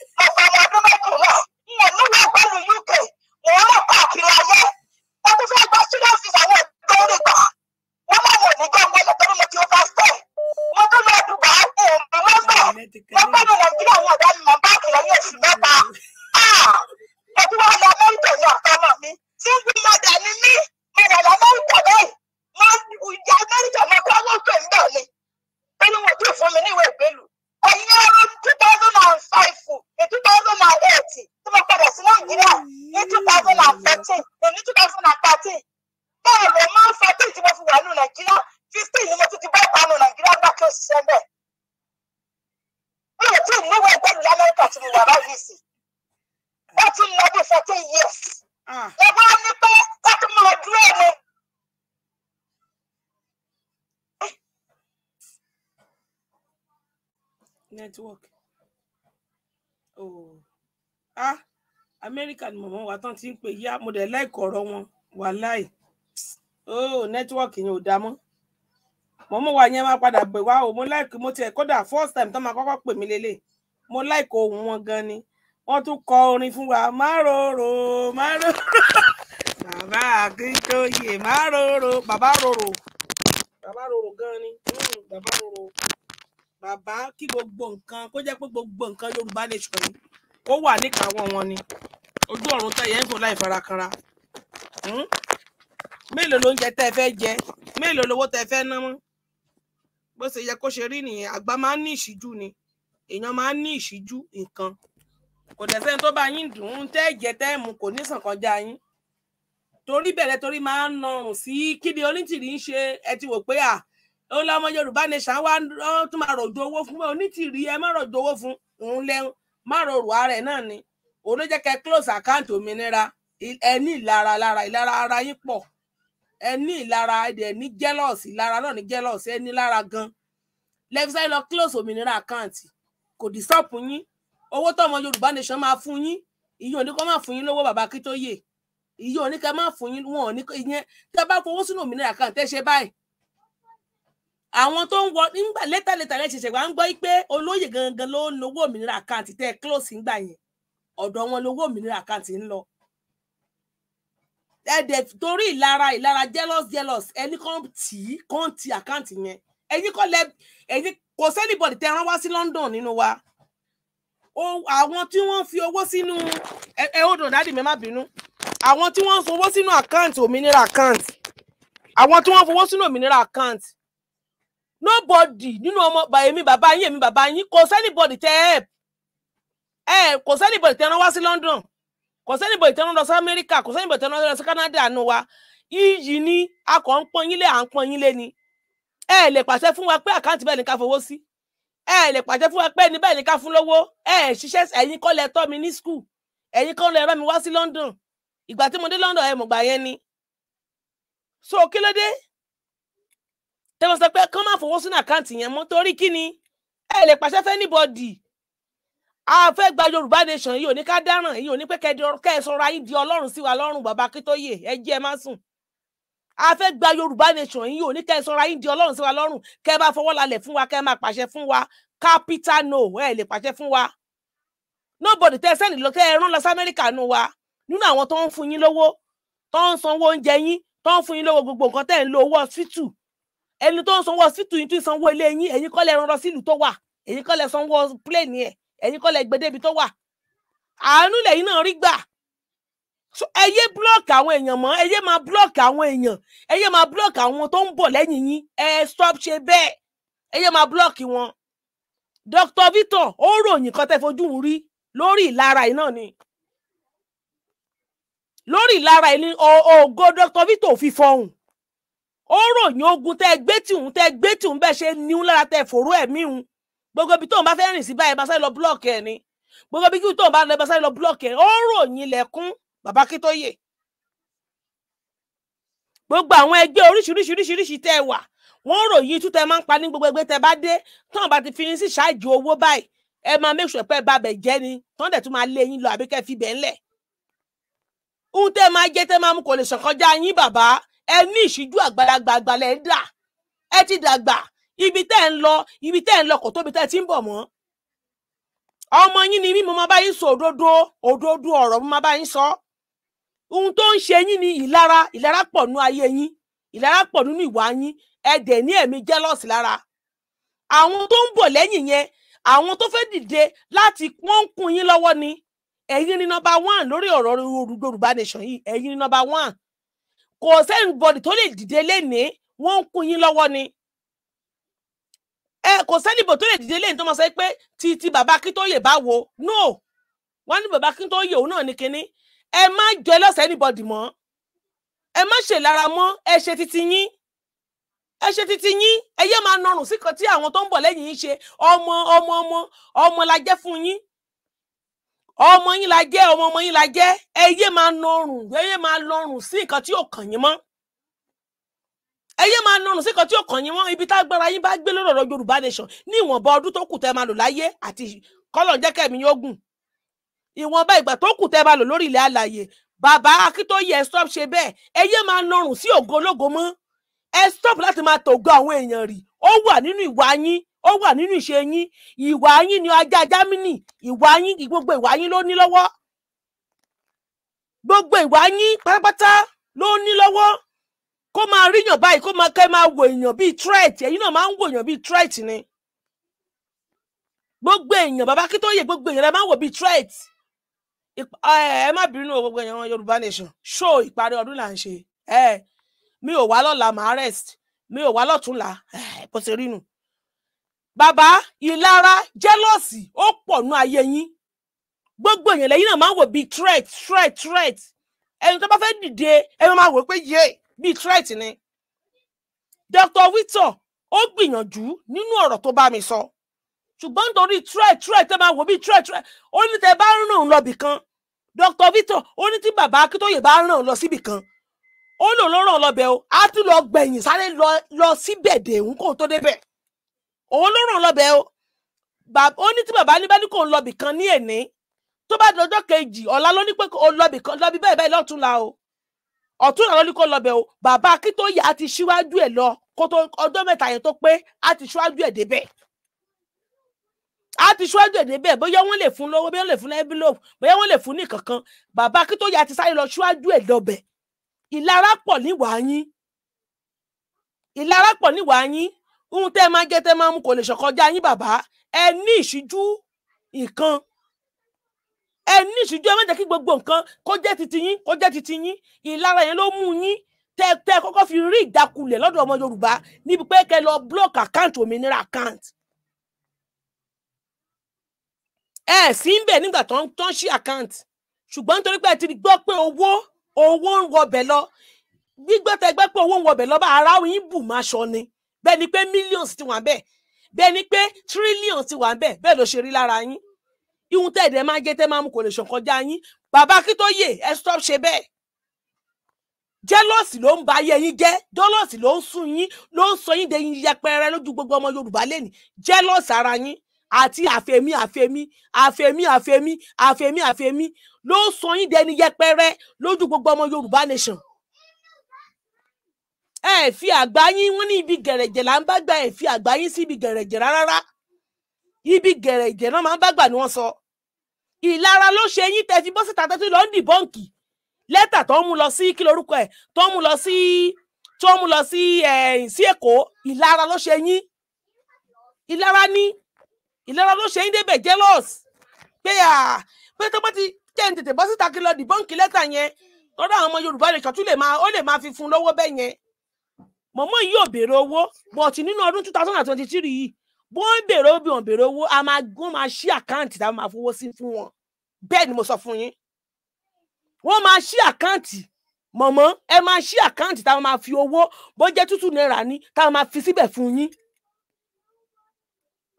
ọ̀pọ̀ ọmọ mi mọ̀ báàkì lẹ́yìn ẹ̀yin náà ní two thousand and five ní two thousand and eight tí mo padà sí nàìjíríà ní two thousand and fourteen ní two thousand and thirteen bẹ́ẹ̀ ló máa ń fourteen tí mo fi wà ní nàìjíríà fifteen ni mo tún ti bá ìpanu nàìjíríà gbà kí òṣìṣẹ́ bẹ̀. mi ò tí ì níwèé gbẹ́dùn lamẹ́ríkà tí mo wà báyìí sí ó ti lọ bí fourteen years. Ah. ẹ̀gbọ́n mi pé ó tún máa dúró ni. network oh ah amẹ́ríkà ni mọ̀mọ́ wa tán ti ń pè yá ah, mo dẹ̀ láìkọ̀ ọ̀rọ̀ wọn wà láì oh network yẹn ò dá mọ́ mọ̀mọ́ wa yẹn máa padà pè wá o mo láìkì mo tiẹ̀ kódà first time tán máa kọ́kọ́ pè mí lélẹ̀ mo láìkọ̀ ohun wọn gan ni wọ́n tún kọ orin fún wa má Maroro. má rorò (laughs) bàbá akíntóye má rorò bàbá rorò gan ni hmm, bàbá rorò bàbá kí gbogbo nǹkan kó jẹ́ pé gbogbo nǹkan Yorùbá nation yìí ó wà níkàáwọ́ wọn ni ojú ọ̀run tẹ̀yẹ ń fò láì farakanra hmm? mélòó lóúnjẹ tẹ́ ẹ fẹ́ jẹ mélòó lówó tẹ́ ẹ fẹ́ ná mọ́ bó ṣe yẹ kó ṣe rí nìyẹn àgbà máa ń ní ìṣíjú ni èèyàn máa ń ní ìṣíjú nǹkan kò dẹ̀ sẹ́ni tó bá yín dùn ún tẹ́ ẹ̀jẹ̀ tẹ́ ẹ̀ mú kò ní sàn kọjá yín torí bẹ̀rẹ̀ torí máa ń nọrùn sí kí ni onítìrí ń ṣe ẹ ti wò pé à òun lọmọ yorùbá nation wa tún máa rọ̀jò owó fún bẹ́ẹ̀ onítìrí ẹ má rọ̀jò owó fún òun lẹ́hún má rọrù ààrẹ náà ni òun ló jẹ́ kẹ́ close account òmìnira ẹ ní ìlara lára ìlara ara yín pọ̀ ẹ ní ìlara ẹ ní jealous ìlara náà ní jealous ẹ lára gan lẹ́fíṣẹ́ lọ close òmìnira account kò disturb yín owó tọmọ yorùbá nation máa fún yín ìyẹn ò ní kó má fún yín lówó bàbá kí tó yè ìyẹn ò ní kẹ́ má fún yín wọn ò ní ìyẹn tẹ́ bá fowó sínú òmìnira account ẹ ṣe báyìí àwọn tó ń wọ nígbà létà létà rẹ ṣẹ̀ṣẹ̀ wá ń gbọ́ pé olóyè gangan ló ń lówó òmìnira àkáǹtì tẹ́ ẹ close ńgbà yẹn ọ̀dọ̀ wọn lówó òmìnira àkáǹtì ń lọ ẹ dẹ̀ torí ìlara ìlara jealous jealous ẹni kan tì í kan ti àkáǹtì yẹn ẹ̀yin kọ́ lẹ ẹ̀yin kò sẹ́nìbọ̀dì tẹ́ rán wá sí London nínú wa àwọn tí wọ́n fi owó sínú ẹ ó dùn dáàdì mi má bínú àwọn tí wọ́n fowó sínú àkáǹtì òmìnira àkáǹtì àwọn tí wọ́n fowó sínú òmìnira àkáǹtì nobody nínú ọmọ èmi bàbá yín èmi bàbá yín kò sẹ́nibọ̀dì tẹ́ help ẹ kò sẹ́nibọ̀dì tẹ́ rán wá sí London kò sẹ́nibọ̀dì tẹ́ rán lọ sí Amẹ́ríkà kò sẹ́nibọ̀dì tẹ́ rán lọ sí Canada nu wa iyì ni a kàn ń pọ́n yín lé à ń pọ́n yín lé ni ẹ lè pàṣẹ fún wa pé àkáǹtì bẹ́ẹ̀ ni ká fowó sí ẹ lè pàṣẹ fún wa pé ẹni bẹ́ẹ̀ ni ká fún lówó ẹ ṣiṣẹ́ ẹ̀yin kọ́ lẹ tọ́ mi ní school ẹ̀yin kọ́ lẹ rán mi wá sí London ìgbà tí mo dé London ẹ mọ̀gbà yẹn ni so kí ló dé tẹ́wọ́n sọ pé kán má fowó sínú àkáǹtì yẹn mọ́ torí kí ni ẹ lè pàṣẹ fẹ́ níbọ̀dì a fẹ́ gba yorùbá nation yìí ò ní ká dáràn yìí ò ní pé kẹ́ ẹ sọra yín di ọlọ́run sí wa lọ́rùn bàbá Akíntóyè ẹ jí ẹ má sùn a fẹ́ gba yorùbá nation yìí ò ní kẹ́ ẹ sọra yín di ọlọ́run sí wa lọ́rùn kẹ́ ẹ bá fọwọ́ lalẹ̀ fún wa kẹ́ ẹ máa pàṣẹ fún wa capital no ẹ lè pàṣẹ fún wa nobody tẹ sẹ́ni lọ tẹ ẹ rán lọ sí amẹ́ríkà nu wa nínú àwọn tó ń fún yín lówó tó ń sanwó oúnjẹ yín tó ń fún yín lówó gbogbo nǹkan tẹ́ ń lo owó hospital ẹni tó ń sanwó ọsítù yìí tún sanwó ilé yín ẹ̀yin kọ́ lẹ rán lọ sílùú tó wà ẹ̀yin kọ́ lẹ sanwó pléènì ẹ̀ ẹ̀yin kọ́ lẹ gbẹdẹ́bi tó wà àánú lẹ́yìn náà rí gbà ẹ yé búlọ́ọ̀kì àwọn èèyàn mọ́ ẹ yé máa búlọ́ọ̀kì àwọn èèyàn ẹ yé máa búlọ́ọ̀kì àwọn tó ń bọ̀ lẹ́yìn yín ẹ stop ṣe bẹ́ẹ̀ ẹ yé máa búlọ́ọ̀kì wọn Dr. Victor ó ròyìn kan tẹ́ fojú rí lórí ìlara yìí náà ni lórí ìlara yìí ni ògo Dr. Victor ò fi fọhùn ó ròyìn ogun tẹ́ gbé tìhún tẹ́ gbé tìhún bẹ́ẹ̀ ṣe níhún lára tẹ́ fòró ẹ̀mí hun gbogbo ibi tóun bá fẹ́ rìn sí báyìí bá sáré lọ búlọ̀kì ẹ̀ ni gbogbo ibi tóun bá lọ bá sáré lọ búlọ̀kì ẹ̀ ó ròyìn lẹ́kún bàbá kí tó yè gbogbo àwọn ẹgbẹ́ oríṣiríṣiríṣiríṣi tẹ́ wà wọ́n ròyìn tú tẹ́ máa ń pa ní gbogbo ẹgbẹ́ tẹ́ bá dé tán bá ti fi ní sí ṣáàjì owó báyìí ẹ máa make sure pé ẹ bá bẹ̀ jẹ́ ni tán dẹ̀ tún máa lé yín lọ àbí kẹ́ fi bẹ̀ ńlẹ̀ ohun tẹ́ máa jẹ tẹ́ máa mú kò lè ẹ ní ìṣíjú àgbàlagbà àgbàlẹ̀ ń dà ẹ ti dàgbà ibi tẹ́ ń lọ ibi tẹ́ ń lọ kò tóbi tẹ́ ti ń bọ̀ mọ́ ọmọ yín ni mí mo máa bá yín sọ òdodo òdodo ọ̀rọ̀ mo máa bá yín sọ ohun tó ń ṣe yín ni ìlara ìlara pọ̀ nú ayé yín ìlara pọ̀ nínú ìwà yín ẹ dẹ̀ ní ẹ̀mí jealous lára àwọn tó ń bọ̀ lẹ́yìn yẹn àwọn tó fẹ́ dìde láti wọ́n ń kún yín lọ́wọ́ ni ẹ̀yin ni nọmba one lórí ọ̀rọ̀ Yorùbá nation yìí ẹ̀yin ni nọmba one kò sẹ́nìbọ̀dì tó lè dìde lénìí wọ́n ń kún yín lọ́wọ́ ni ẹ kò sẹ́nìbọ̀ tó lè dìde lénìí tó máa sọ pé ti ti bàbá Akíntóyè bá wo no wọ́n ní bàbá Akíntóyè òun náà ní kinní ẹ má jọ ẹlọ́sẹ̀ ẹnìbọ̀dì mọ́ ẹ má ṣe lára mọ́ ẹ ṣe titi yín ẹ ṣe titi yín ẹ yé máa nọrùn sí kan tí àwọn tó ń bọ̀ lẹ́yìn yín ṣe ọmọ ọmọ ọmọ ọmọ la jẹ́ fún yín ọmọ yín la jẹ́ ọmọ ọmọ yín la jẹ́ ẹ yé máa nọrùn ẹ yé máa lọrùn sí nǹkan tí yóò kàn yín mọ́ ẹ yé máa nọrùn sí nǹkan tí yóò kàn yín mọ́ ibi tágbára yín bá gbé lọ́rọ̀ Yorùbá nation ní ìwọ̀nba ọdún tó kù tẹ́ máa lò láyé àti kọ́lọ̀ jẹ́kẹ́ mi yóò gùn ìwọ̀nba ìgbà tó kù tẹ́ máa lò lórí ilẹ̀ alàyè bàbá Akíntóyè ẹ stop ṣe bẹ́ẹ̀ ẹ máa nọrùn sí ògo ológo mọ́ ẹ stop láti máa tògo àwọn èèyàn rì ó wà nínú ìwà yín ó wà nínú ìṣe yín ìwà yín ni ajá Jámínì ìwà yín gbogbo ìwà yín ló ní lọ́wọ́ gbogbo ìwà yín pátápátá ló ní lọ́wọ́ kó máa ríyàn báyìí kó máa kẹ́ máa wò èèyàn bíi threat ẹ̀yin náà máa ń wò èèyàn bíi threat ni gbogbo èèyàn bàbá kí tó yẹ gbogbo èèyàn lè máa ń wò bíi threat ẹ má bínú gbogbo èèyàn Yorùbá nation ṣó ìparí ọdún là ń ṣe mi ò wá lọ́la mà á rest mi ò wá lọ́túnla bó ṣe rí nù bàbá ìlara jẹ́lọ́sì ó pọ̀ nú ayé yín gbogbo èèyàn lẹ́yìn náà máa ń wò bíi threat threat threat ẹni tó bá fẹ́ dìde ẹni máa wò pé yé bíi threat ni Dr. Victor ó gbìyànjú nínú ọ̀rọ̀ tó bá mi sọ ṣùgbọ́n nítorí threat threat tẹ́ máa wò bíi threat threat ó ní tẹ́ bá ràn án lọ́bì kan Dr. Victor ó ní tí bàbá Akíntóyè bá ràn án lọ síbì kan ó lò ló ràn án lọ́bẹ̀ o á tún lọ gbẹ̀yìn sáré lọ síbẹ̀ dè ń kó tó débẹ̀ òun ló ràn lọ́bẹ̀ o ó ní tí bàbá ní bá ní kò ń lọ́bì kan ní èní tó bá dọjọ́ kejì ọ̀la ló ní pé kò lọ́bì kan lọ́bì bẹ́ẹ̀ bẹ́ẹ̀ lọ́tún la o ọ̀tún làwọn ní kò lọ́bẹ̀ o bàbá Akíntóyè á ti ṣíwájú ẹ̀ lọ kó tó ọjọ́ mẹ́ta yẹn tó pé á ti ṣíwájú ẹ̀ débẹ̀ á ti ṣíwájú ẹ̀ débẹ̀ bóyá wọ́n lè fún lówó bóyá wọ́n lè fún envelope bóyá wọ́n lè fún ní kankan bàbá Akíntóyè á ti sáré lọ ṣíwájú ẹ̀ lọ́bẹ̀ ìlara pọ̀ níwàá ìlara pọ̀ níwàá ohun tẹ́ ẹ máa jẹ tẹ́ ẹ máa mú kò lè ṣọ̀kọjá yín bàbá ẹ ní ìṣíjú nǹkan ẹ ní ìṣíjú ẹ má jẹ́ kí gbogbo nǹkan kó jẹ́ titi yín kó jẹ́ titi yín ìlara yẹn ló mú yín tẹ́ tẹ́ kọ́kọ́ fi rí ìdákulẹ̀ lọ́dọ̀ ọmọ Yorùbá níbi pé kẹ́ lọ block account òmìnira account ẹ sì ń bẹ nígbà tó ń tó ń ṣí account ṣùgbọ́n nítorí pé ẹ ti gbọ́ pé owó owó ń wọbẹ̀ lọ gbígbọ́ tẹ gbẹ́ pé owó ń wọbẹ̀ lọ bá ara yín bù máa ṣọ ni bẹ́ẹ̀ ni pé millions ti wà ń bẹ́ẹ̀ ni pé trillions ti wà ń bẹ̀ bẹ́ẹ̀ ló ṣe rí lára yín ihun tẹ̀ ẹ̀dẹ̀ máa jẹ́ tẹ́ máa mú kò lè ṣàn kọjá yín bàbá Akíntóyè ẹ stop ṣe bẹ́ẹ̀ jẹ́lọ́ọ̀sì ló ń ba ayé yín jẹ́ jẹ́lọ́ọ̀sì ló ń sún yín ló ń sọ yín dẹ̀yìn yẹpẹrẹ lójú gbogbo ọmọ Yorùbá lẹ́nìí jẹ́lọ́ọ̀sì ara yín àti àfẹ̀mí àfẹ̀mí àfẹ̀mí àfẹ̀mí àfẹ̀mí àfẹ̀mí ló ń sọ yín dẹni yẹpẹrẹ lójú gbogbo ọmọ Yorùbá nation ẹ fi àgbáyín wọn ní ibi gẹ̀rẹ̀jẹ̀ là ń bá gba ẹ fi àgbáyín sí ibi gẹ̀rẹ̀jẹ̀ rárá ibi gẹ̀rẹ̀jẹ̀ náà máa ń bá gbà ni wọ́n sọ ìlara ló ṣe yín tẹ́ fi bọ́ síta tẹ́tí lọ ń dìbọ́ǹkì lẹ́tà tó ń mú lọ sí kí lorúkọ ẹ̀ tó ń mú lọ sí tó ń mú lọ sí sí èkó ìlara ló ṣe yín ìlara ní ìlara ló ṣe yín débẹ̀ jealous pé à pé tó bá ti jẹ́ ń tètè bọ́ síta kí lọ dìbọ́ǹkì lẹ́tà yẹn lọ́dọ̀ àwọn ọmọ Yorùbá lè kàn lè máa ó lè máa fi fún lọ́wọ́ bẹ́ẹ̀ yẹn mọ̀mọ́ yìí ò béèrè owó but nínú ọdún two thousand and twenty three yìí bó ń béèrè ó bí wọn béèrè owó a máa gún máa ṣí àkáǹtì tá a máa fowó sí fún wọn bẹ́ẹ̀ ni mo sọ fún yín wọ́n máa ṣí àkáǹtì mọ̀mọ́ ẹ máa ṣí àkáǹtì tá a máa fi owó bó jẹ́ tútù náírà ni tá a máa fi síbẹ̀ fún yín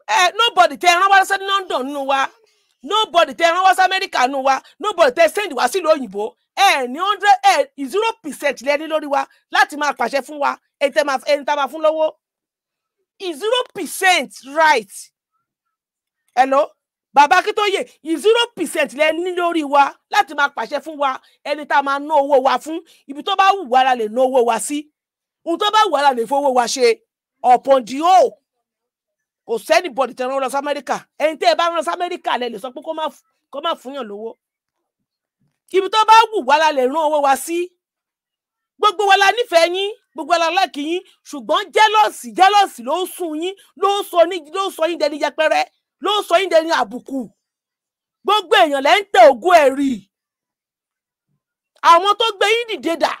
ẹ nobody tẹ ẹran wá sí London nínú wa nobody tẹ ẹran wá sí America nínú wa nobody tẹ send wá sílùú òyìnbó ẹ ní hundred ẹ zero percent lẹ́ni lórí wa láti máa pàṣẹ fún wa ẹni tá a máa fún lọ́wọ́ zero percent right hello bàbá Akíntóyè zero percent lẹ́ni lórí wa láti máa pàṣẹ fún wa ẹni tá a máa ná owó wa fún ibi tó bá wù wá la lè ná owó wa sí ohun tó bá wù wá la lè fowó wa ṣe upon the whole kò sẹ́ni bọ̀dì tẹ̀ rán lọ sí amẹ́ríkà ẹni tẹ́ ẹ bá rán lọ sí amẹ́ríkà lẹ lè sọ pé kó má fúnyàn lówó ibi tó bá wù wá la lè rán owó wa sí gbogbo wa la nífẹ̀ẹ́ yín gbogbo wa la láàkì yín ṣùgbọ́n jẹ́lọ́sì jẹ́lọ́sì ló ń sùn yín ló ń sọ ní ló ń sọ yín dẹni yẹpẹrẹ ló ń sọ yín dẹni àbùkù gbogbo èèyàn lẹ́ ń tẹ ògùn ẹ̀rì àwọn tó gbé yín dìde dà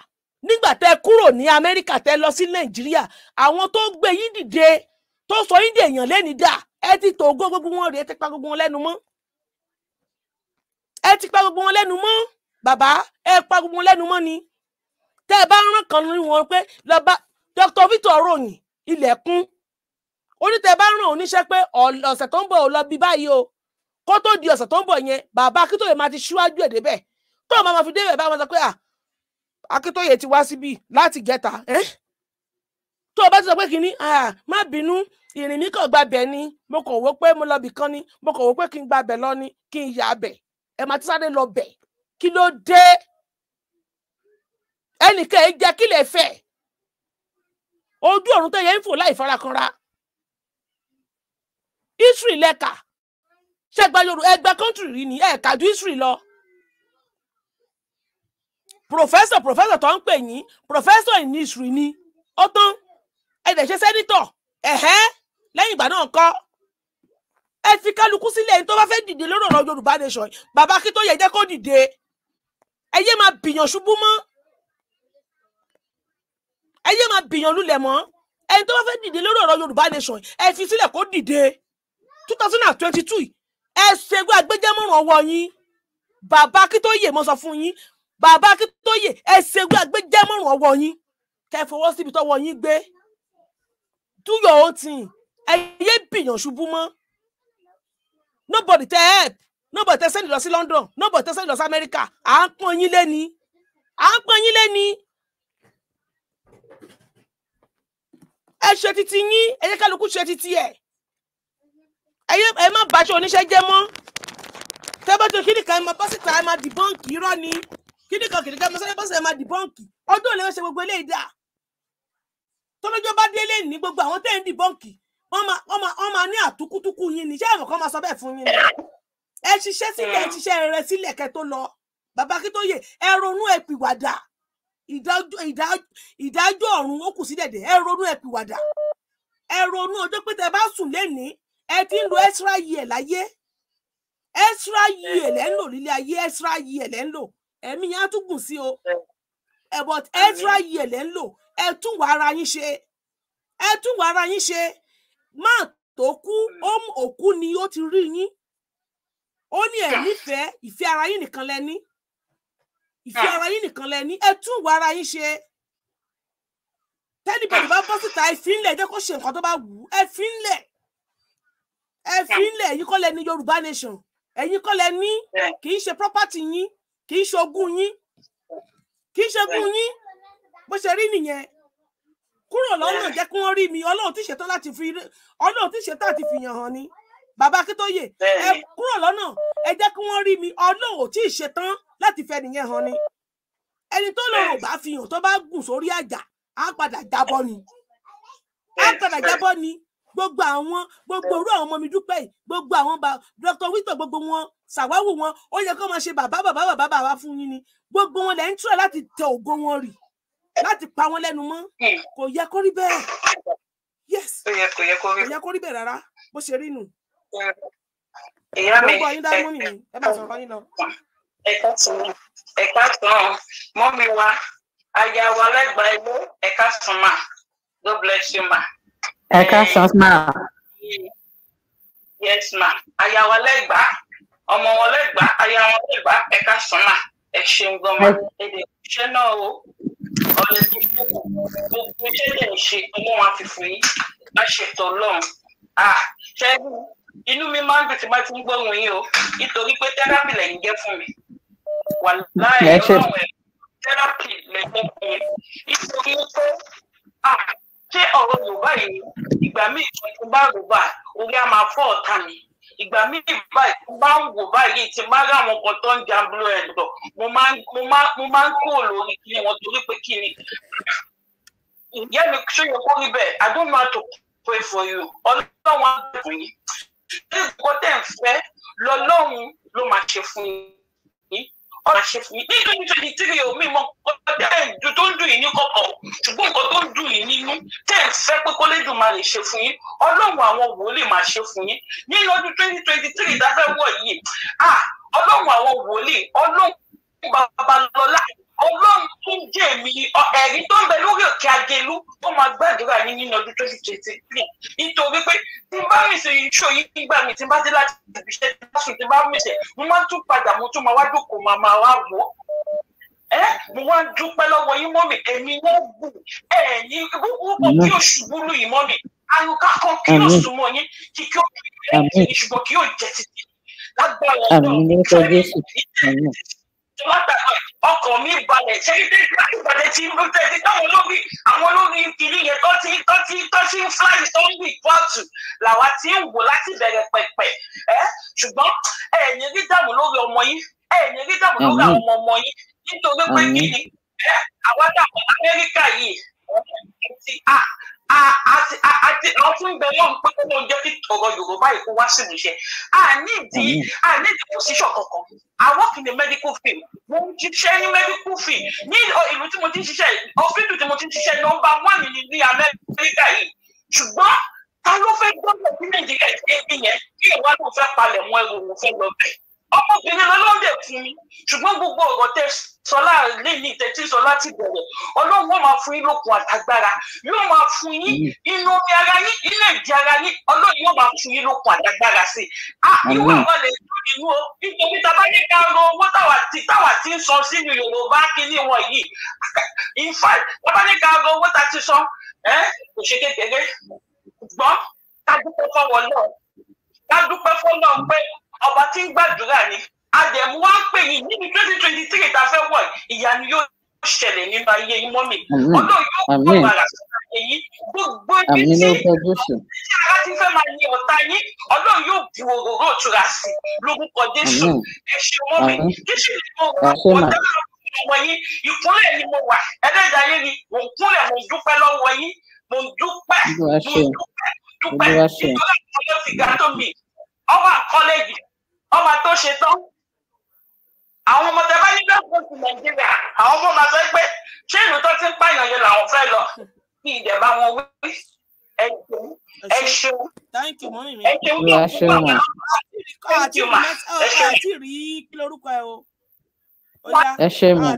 nígbà tẹ kúrò ní Amẹ́ríkà tẹ lọ sí Nàìjíríà àwọn tó gbé yín dìde tó sọ yín dèèyàn lẹ́ni dà ẹ ti tò ògùn gbogbo wọn rèé ti pa gbogbo wọn lẹ́nu mọ́ ẹ ti pa gbogbo wọn lẹ́nu mọ́ bàbá ẹ pa gbogbo lẹ́nu mọ́ ni tẹ́ ẹ bá rán kan nínú wọn pé lọ́ba Dr. Victor ròyìn ilẹ̀kùn onítẹ̀ bá ràn oníṣẹ́ pé ọ̀sẹ̀ tó ń bọ̀ lọ bí báyìí o kó tó di ọ̀sẹ̀ tó ń bọ̀ yẹn bàbá Akíntóyè máa ti ṣíwájú ẹ̀ débẹ̀ tó o máa fi débẹ̀ bá wọn sọ pé à ti wá síbí láti gẹ̀ta tó o bá ti sọ pé kínní má bínú ìrìn mi kàn gbàbẹ̀ ni mo kàn wó pé mo lọ bì kan ni mo kàn wó pé kí n gbàbẹ̀ lọ ni kí n yà bẹ̀ ẹ máa ti sáré lọ bẹ̀ kí ló dé ẹnìkan ẹ jẹ kí lè fẹ ojú ọ̀run tó yẹ ń fò láì farakanra history lẹ́ka ṣẹ́gbà yorùbá ẹgbẹ́ country rí ni ẹ̀ka ju history lọ professor professor tó ń pè yín professor in history ni ó tán ẹ dẹ̀ ṣe senator ẹ̀hẹ́ lẹ́yìn ìgbà náà kọ́ ẹ fi kálukú sílẹ̀ ẹni tó bá fẹ́ dìde lórí ọ̀rọ̀ yorùbá nation bàbá kí tó yẹ jẹ́ kó dìde ẹ yé máa bìyàn ṣubú mọ́ ẹ yé máa bìyàn lulẹ̀ mọ́ ẹni tó bá fẹ́ dìde lórí ọ̀rọ̀ Yorùbá nation ẹ fi sílẹ̀ kó dìde two thousand and twenty two ẹ ṣègbè agbẹjẹmọràn ọwọ́ yín bàbá kí tó yè mo sọ fún yín bàbá kí tó yè ẹ ṣègbè agbẹjẹmọràn ọwọ́ yín kẹ fọwọ́ síbi tọ́wọ́ yín gbé do your own thing ẹ yé bìyàn ṣubú mọ́ nobody tẹ help nọ́bọ̀ tẹ́ sẹ́ndì lọ sí London nọ́bọ̀ tẹ́ sẹ́ndì lọ sí Amẹ́ríkà à ń pọ́n yín lẹ́ni à ń pọ́n yín lẹ́ni. ẹ ṣe titi yín ẹyẹ kálukú ṣe titi ẹ ẹyẹ ẹ má bàṣẹ oníṣẹ́ jẹ́ mọ́ tẹ́bẹ́tò kí nìkan ẹ máa bọ́ síta ẹ máa dìbọ́ǹkì irọ́ ni kí nìkan kì nìkan mọ́sálẹ́ bọ́sẹ̀ ẹ máa dìbọ́ǹkì ọdún òní wọ́n ṣe gbogbo eléyìí dà tọ́lọ́jọ́ bá délé ní gbogbo àwọn tẹ́ ń dìbọ́ǹkì wọ́n máa ní àtúkútúkú yín ni ṣé ẹ̀mọ̀ kan máa sọ bẹ́ẹ̀ fún yín ni ẹ ṣiṣẹ́ sílẹ̀ ẹ ah. ṣiṣẹ́ rere sílẹ̀ kẹ́ tó lọ bàbá Akíntóyè ẹ ronú ẹ pìwàdà ìdájọ́ ọ̀run ó kù sí dẹ̀dẹ̀ ẹ ronú ẹ pìwàdà ẹ ronú ọjọ́ pé tẹ bá sùn lẹ́ni ẹ ti ń lo extra year láyé extra year lẹ́ ń lò nílé ayé extra year lẹ́ ń lò ẹ̀mí yẹn á tún gùn sí o eh, eh, but extra year lẹ́ ń lò ẹ tún wà ara yín ṣe ẹ tún wà ara yín ṣe máa tó kú hmm. òkú ni ó ti rí yín ó ní ẹ nífẹ̀ẹ́ ìfẹ́ ara yín nìkan lẹni ìfẹ́ ara yín nìkan lẹni ẹ tún ìwà ara yín ṣe tẹnibẹni bá bọ́ síta ẹ fi ń lẹ̀ ẹ jẹ́ kó ṣe nǹkan tó bá wù ú ẹ fi ń lẹ̀ ẹ fi ń lẹ̀ ẹ̀yin kọ́ lẹ ní Yorùbá nation ẹ̀yin kọ́ lẹ ní kì í ṣe property yín kì í ṣe ogún yín kì í ṣe ogún yín bó ṣe rí nìyẹn kúrò lọ́nà jẹ́ kí wọ́n rí mi Ọlọ́run ti ṣetán láti fi Ọlọ́run ti ṣetán láti fi yàn hàn ni bàbá akíntóye ẹ kúrò lọ́nà ẹ jẹ́ kí wọ́n rí mi ọlọ́run ò tí ì ṣetán láti fẹ́ nìyẹn hàn ni ẹni tó lòun ò bá fi hàn tó bá gùn sórí àjà á padà jábọ́ ni á padà jábọ́ ni gbogbo àwọn gbogbo orú àwọn ọmọ mi dúpẹ́ yìí gbogbo àwọn bá Dr. Victor gbogbo wọn ṣàwáwò wọn ó yẹ kó máa ṣe bàbá bàbá bàbá bàbá fún yín ni gbogbo wọn lẹ́ ń túra láti tẹ ògo wọn rì láti pa wọn lẹ́nu mọ́ hmm. kò yẹ kó rí bẹ́ẹ̀ yes kò yẹ kó rí bẹ́ẹ̀ rárá bó ṣe rí nù ìyá mi ẹ̀ka tún ẹ̀ka tún mọ́ mi wá aya wa lẹ́gbàá ilé ẹ̀ka sùn mà God bless you ma. ẹ̀ka eh, sùn mà. yes ma aya wa lẹ́gbàá ọmọ wọn lẹ́gbàá aya wọn lẹ́gbàá ẹ̀ka sùn mà ẹ̀ ṣeun gan ma èdè iṣẹ́ náà o ọ̀rẹ́ tó fún gbogbo iṣẹ́ lè ṣe ọmọ wa fífún yín má ṣètò ọlọ́run ṣẹ́gun inú mi máa ń dùn tí bá ti ń gbóhùn yín o nítorí pé tẹ́rápì lẹ́yìn jẹ́ fún mi wà láàyè ọlọ́run ẹ̀ tẹ́rápì lẹ́yìn fún mi nítorí pé ṣé ọ̀rọ̀ yorùbá yìí ìgbà míì tuntun bá rò bá orí a máa fọ́ ọ̀tá mi ìgbà míì bá ń wò báyìí tí má rà wọn kan tó ń jamblo ẹ̀ lọ mo máa ń kó lórí kí wọn torí pé kí ni ìyá mi ṣó yẹ kó rí bẹ́ẹ̀ I don't know how to pray for you ọlọ́run á bẹ̀rù yín nǹkan tẹ̀ ń fẹ́ lọ́lọ́run ló máa ṣe fún yín ọ̀rọ̀ àṣẹ fún yín ní twenty twenty three o mímọ́ ọ̀dà ẹ̀dùn tó ń dùn yín ní kọ̀kọ̀ ṣùgbọ́n nǹkan tó ń dùn yín nínú tẹ̀ ń fẹ́ pé kó lédùn máa lè ṣe fún yín ọlọ́run àwọn wòlíì máa ṣe fún yín nínú ọdún twenty twenty three tá a fẹ́ wọ̀ yìí ọlọ́run àwọn wòlíì ọlọ́run babalọ́lá ọlọ́run tó ń jẹ́ mi ẹ̀rí tó ń bẹ lórí òkè agelu ó máa gbàdúrà ní nínú ọdún tó ti tètè pè nítorí pé tí n bá rìn sí iṣó yìí nígbà mi tí n bá dé láti ibi iṣẹ́ tí n bá sùn tí n bá rìn sí mo máa ń tún padà mo tún máa wá dòkó máa máa wá wò ó ẹ mo wá ń dúpẹ́ lọ́wọ́ yín mọ́mì ẹ̀mí wọ́n gù ẹ̀yìn gbogbo kí o ṣubú lù yín mọ́mì kan kí o sùn mọ́ yín kí kí o kí o ṣùgbọ́n kí o jẹ títí lágbára ọ̀nà tí wọ́n gbà pé ọkàn mi balẹ̀ ṣé kí tẹ́tí ìpàdé tí mo tẹ́tí táwọn olórí àwọn olórí kìíní yẹn tó ti tó ti tó ti ń fly tó ń rìpọ́ọ̀tù làwa ti ń wò láti bẹ̀rẹ̀ pẹ̀pẹ̀ ẹ́ ṣùgbọ́n ẹ̀yin rí dààmú lórí ọmọ yín ẹ̀yin rí dààmú lórí àwọn ọmọ yín nítorí pé kìíní ẹ́ àwa dààmú Amẹ́ríkà yìí ẹ̀ ti à àwọn tó ń bẹ lọ́run pé kó ló jẹ́ kí ọ̀rọ̀ Yorùbá èkó wá sí ìmúṣẹ àníìdí àníìdí pòsíṣọ̀ kankan I work in the medical field mo ń ṣiṣẹ́ ní medical field ní ìlú tí mo ti ń ṣiṣẹ́ ọ̀fíìsì tí mo ti ń ṣiṣẹ́ nọ́mbà one ní ní Amẹ́ríkà yìí ṣùgbọ́n ta ló fẹ́ gbọ́dọ̀ sí Nàìjíríà ṣe é yẹn kí ìwádìí fẹ́ palẹ̀ mọ́ ẹrù òun fẹ́ lọ bẹ́ẹ̀ ọmọbìnrin lọlọ́dẹ fún mi ṣùgbọ́n gbogbo ọ̀rọ̀ tẹ sọ láàrin ní ìtẹ́tí sọ láti bẹ̀rẹ̀ ọlọ́run ó máa fún yín lókun àtàgbára yóò máa fún yín inú omi ara yín ilé ìdí ara yín ọlọ́run yóò máa fún yín lókun àtàgbára sí i. a ìwé àwọn lè dún nínú o nítorí tábà ní ká ro owó táwa ti táwa ti ń san sínú yorùbá kínní wọn yìí in fact tábà ní ká ro owó tá a ti san ẹ kò ṣe kékeré gbọ́n ká dúpẹ́ fọwọ́ náà ká dúpẹ́ fọwọ́ náà pé ọba tí ń gbàdúrà ni àdẹ̀mú wá pè yín níbi twenty twenty three ta fẹ́ wọ̀ ìyanu yóò ṣẹlẹ̀ nínú ayé yín mọ́mì ọlọ́run yóò kọ́ bàrà sọ́dọ̀ yín gbogbo ibi tí ara ti fẹ́ máa ní ọ̀tá yín ọlọ́run yóò bu òróró òtura sí lórúkọ jésù ẹ ṣe mọ́mì kí ṣe ní o wà ọ̀tá lọ́wọ́ yín ìkúnlẹ̀ ni mo wà ẹlẹ́dàá yé mi ń kúnlẹ̀ mò ń dúpẹ́ lọ́wọ́ yín mò ń dúpẹ́ mò ń dúpẹ́ dúpẹ́ ìtọ́lá ọlọ́sìn gàtó mi ọmọ àkọlẹ́jì ọmọ tó ṣe tán àwọn ọmọ tẹ bá ní gbàgbọ́ sí nàìjíríà àwọn ọmọ màá pé ṣé ìlú tó ti ń pààyàn yẹn làwọn fẹ́ lọ kí ìdẹ̀ bá wọn wí ẹ ṣeun ẹ ṣeun ẹ ṣeun ní ọkùnrin àwọn ọmọ àti ìmọ̀ ẹ ṣeun. àti rí kí lorúkọ ẹ o ẹ ṣe mọ.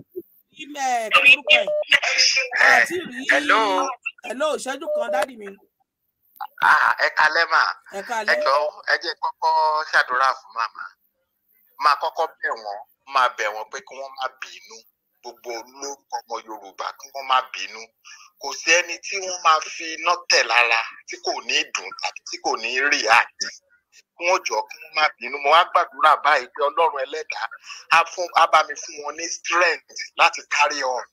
ilẹ̀ kí lorúkọ ẹ àti rí hello ìṣẹ́jú kan dádì mi. Ah, ẹ kalẹ́ mà ẹ jọ ẹ jẹ́ kọ́kọ́ ṣàdúrà fún màmá máa kọ́kọ́ bẹ̀ wọ́n máa bẹ̀ wọ́n pé kí wọ́n má bínú gbogbo olórúkọ ọmọ yorùbá kí wọ́n má bínú kò sí ẹni tí wọ́n máa fi iná tẹ̀ lára tí kò ní dùn tàbí tí kò ní rí àdé kí wọ́n jọ kí wọ́n má bínú mo wá gbàdúrà báyìí pé ọlọ́run ẹlẹ́dàá á bá mi fún wọn ní strength láti carry on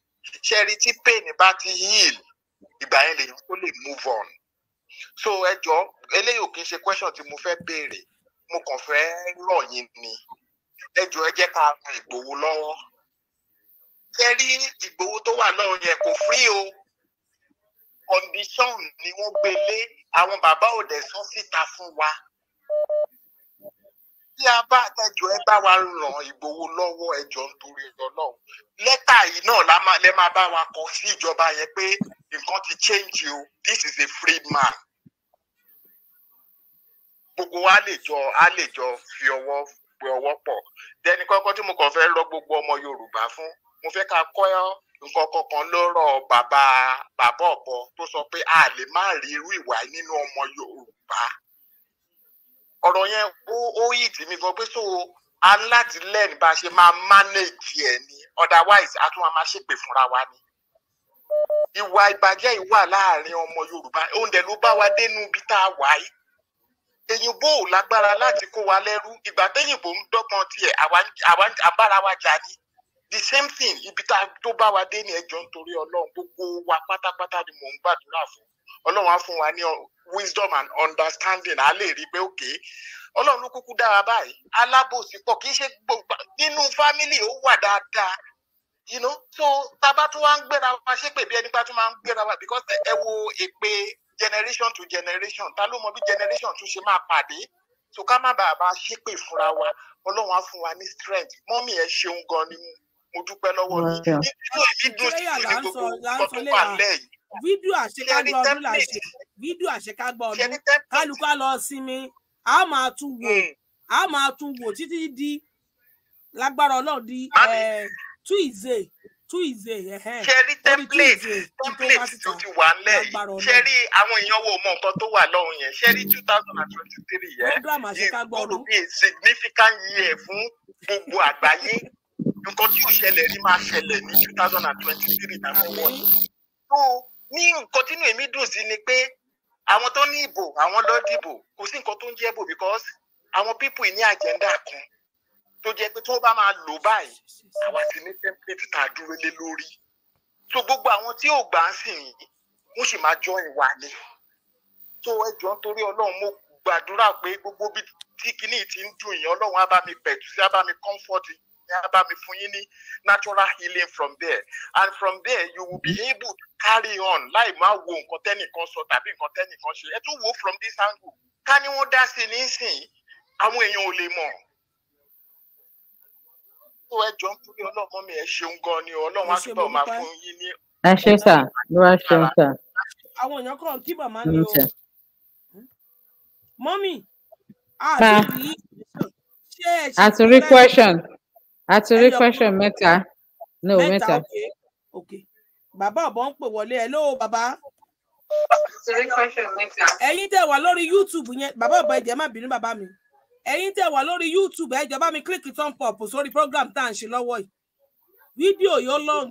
ṣe rí tí pain bá ti heal ìgbà yẹn lèyàn tó lè move on so ẹ jọ eléyìí ò kí ń ṣe question tí mo fẹ́ béèrè mo kàn fẹ́ rọ̀ yín ni ẹ jọ ẹ jẹ́ ká ran Ìgbòho lọ́wọ́ ẹ rí Ìgbòho tó wà náà yẹn kò free o condition ni wọ́n gbé lé àwọn bàbá òde sọ síta fún wa tí a bá ẹjọ́ ẹ bá wa ràn Ìgbòho lọ́wọ́ ẹjọ́ nítorí ẹjọ́ náà lẹ́tà yìí náà lẹ máa bá wa kọ sí ìjọba yẹn pé nǹkan ti change o this is a free man gbogbo wa lè jọ a lè jọ fi ọwọ́ pe ọwọ́ pọ̀ dẹni kọ́kọ́ tí mo kàn fẹ́ rọ gbogbo ọmọ Yorùbá fún mo fẹ́ ká kọ́ nǹkan kankan lọ́rọ̀ bàbá bàbá ọ̀bọ tó sọ pé a lè má rí irú ìwà nínú ọmọ Yorùbá ọ̀rọ̀ yẹn ó ó yìí tì mí gan pé so a ń láti lẹ́nu bá a ṣe máa manage ẹ̀ ni otherwise a tún máa ṣépè fúnra wa ni ìwà ìbàjẹ́ ìwà láàrin ọmọ Yorùbá oúnjẹ ló bá wa dénú ibi tá a wà yìí èyìnbó ò lágbára láti kó wa lẹ́rú ìgbà téyìnbó ń dọ́gbọ́n tiẹ̀ àwa àbára wa jà ní the same thing ibi tá tó bá wa dé ní ẹjọ́ nítorí ọlọ́run gbogbo wa pátápátá ni mò ń gbàdúrà fún ọlọ́run á fún wa ní wisdom and understanding á lè rí i pé òkè ọlọ́run kúkú dára báyìí alábòsí pọ̀ kì í ṣe gbogbo nínú fámìlì ó wà dáadáa you know so tá a bá tún wá ń gbéra wa ṣépè bí ẹni bá tún máa ń gbéra wa because ẹ wo èpè generation to generation ta ló mọ bí generation tún ṣe máa pàdé so ká má bàa bá ṣépè fúnra wa ọlọ́run á fún wa ní strength mọ́mì ẹ ṣeun gan ni mo dúpẹ́ lọ́wọ́ yìí nínú èyí dùn sí ìdílé gbogbo nǹkan tó wà lẹ́yìn. fídíò àṣekágbọ́ ọdún là ṣe fídíò àṣekágbọ́ ọdún kálukú á sinmi a máa tún wò hmm. a máa tún wò títí di lágbára ọlọ́run di tuesday ẹ̀hẹ́ ṣẹ́rí template template tó ti wà lẹ̀ ṣẹ́rí àwọn èèyàn wo mọ nǹkan tó wà lọ́hùn yẹn ṣẹ́rí two thousand and twenty three yẹn is going to a significant year fún gbogbo àgbáyé nǹkan tí ò ṣẹlẹ̀ rí máa ṣẹlẹ̀ ní two thousand and twenty three náà wọ́n tó ní nǹkan tínú èmi dùn sí ni pé àwọn tó ní ìbò àwọn ló dìbò kò sí nǹkan tó ń jẹ́ bò because àwọn people ní agenda kan tó jẹ́ pé tí wọ́n bá máa lò báyìí àwa ti ní template tá a dúró lé lórí so gbogbo àwọn tí ò gbà ń sìn yìí wọ́n sì máa join wa ni tó ẹjọ́ nítorí ọlọ́run mo gbàdúrà pé gbogbo bí tí kinní ti ń dùn yín ọlọ́run á bá mi pẹ̀tù sí á bá mi comfort yín á bá mi fún yín ní natural healing from there and from there you will be able to carry on láì máa wo nǹkan tẹ́nìkan sọ tàbí nǹkan tẹ́nìkan ṣe ẹ tún wo from this angle ká ní wọ́n dá sí nísìnyí àwọn èèyàn ò lè mọ̀ tó ẹjọ ń kúrò ọlọmọ mi ẹ ṣeun gan ni Ọlọ́run àtúbọ máa fún yín ní. ẹ ṣe sà ló wá ṣeun sà. àwọn èèyàn kan kí màmá mi o mọ́mì a ti rí question a ti rí question mẹ́ta no mẹ́ta. bàbá ọ̀bọ̀n ń pè wọlé ẹ lóo bàbá ẹ̀yin tẹ́ wà lórí YouTube yẹn bàbá ọ̀bọ̀n ẹ̀jẹ̀ má bínú bàbá mi ẹ̀yin tẹ́ wà lórí youtube ẹ jọ̀ọ́ bá mi click turn pop sórí program tá à ń ṣe lọ́wọ́ yìí fídíò yóò long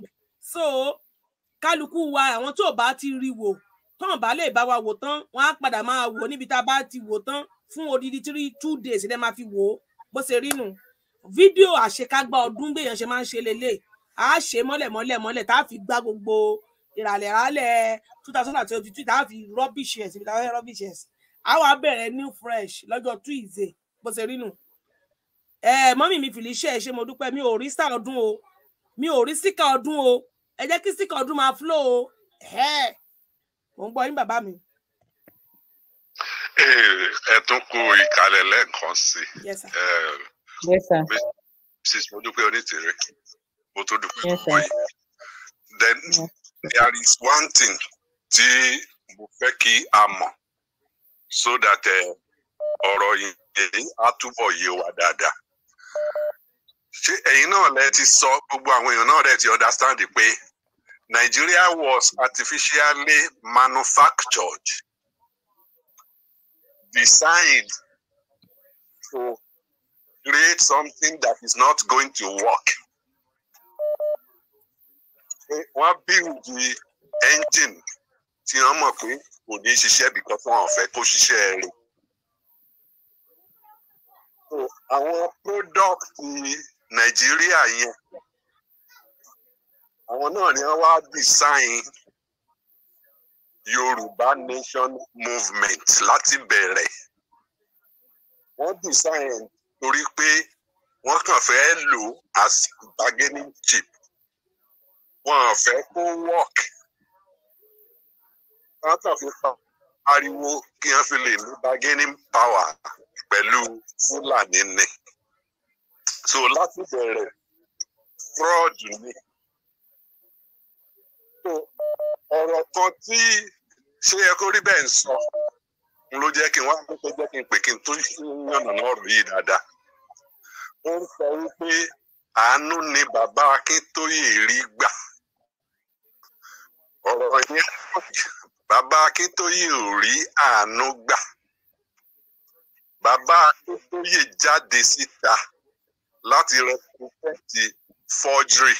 so kálukú wa àwọn tó bá ti rí wò tán bá lè bá wa wò tán wọn á padà máa wò níbi tá a bá ti wò tán fún odidi three two days lẹ máa fi wò ó bó ṣe rí nù fídíò àṣekágbá ọdún gbèyàn ṣe máa ń ṣe lélẹ̀ á ṣe mọ́lẹ̀mọ́lẹ̀ mọ́lẹ̀ tá a fi gbá gbogbo ìrànlẹ̀ ìrànlẹ̀ two thousand and twenty two tá a fi rubbish ẹ̀ síbi tá a fẹ́ rubbish ẹ̀ sí. a bẹ̀rẹ̀ new fresh lọ́jọ́ tuesday bó ṣe rí nù ẹ mọ́mì mi fìlíṣẹ́ ẹ ṣe mo dúpẹ́ mi ò rí sá ọdún o mi ò rí síkà ọdún o ẹ jẹ́ kí síkà ọdún máa fúlò o ẹ mò ń gbọ́ yín bàbá mi. ẹ tún kú ìkàlẹ̀ lẹ́ẹ̀kan sí i mrs mo dúpẹ́ onítìrẹ mo tó dúpẹ́ tó wáyé then there is one thing tí mo fẹ́ kí a mọ̀ so that. Uh, ọ̀rọ̀ yìí á túbọ̀ yé wa dáadáa ṣé ẹ̀yin náà lẹ ti sọ gbogbo àwọn èèyàn náà rẹ̀ ti understand pé Nigeria was artificially manufactured designed to create something that is not going to work. Wọ́n bíwùdì ẹ́ńjìn tí wọ́n mọ̀ pé kò ní ṣiṣẹ́ bìkan fún àwọn ọ̀fẹ́ kó ṣiṣẹ́ rẹ̀ àwọn pírọ́dọ̀kì nàìjíríà yẹn àwọn náà ni wọ́n wá design yorùbá nation movement láti bẹ̀rẹ̀ wọ́n design torí pé wọ́n kàn fẹ́ lò as bargaining chip wọ́n fẹ́ kó work wọ́n kàn fi pariwo kí wọ́n fi lè ní bargaining power pẹ̀lú fúlàní ni so láti bẹ̀rẹ̀ fraud ni so ọ̀rọ̀ kan tí ṣé yẹ kó rí bẹ́ẹ̀ ń sọ n ló jẹ́ kí n wá pé jẹ́ kí n pè kí n tún yànnàná ọ̀rọ̀ yìí dáadáa ó ń sọ wípé àánú ni bàbá Akíntóyè rí gbà ọ̀rọ̀ yẹn bàbá Akíntóyè ò rí àánú gbà bàbá akíntóyè jáde síta láti rẹpẹtì forgery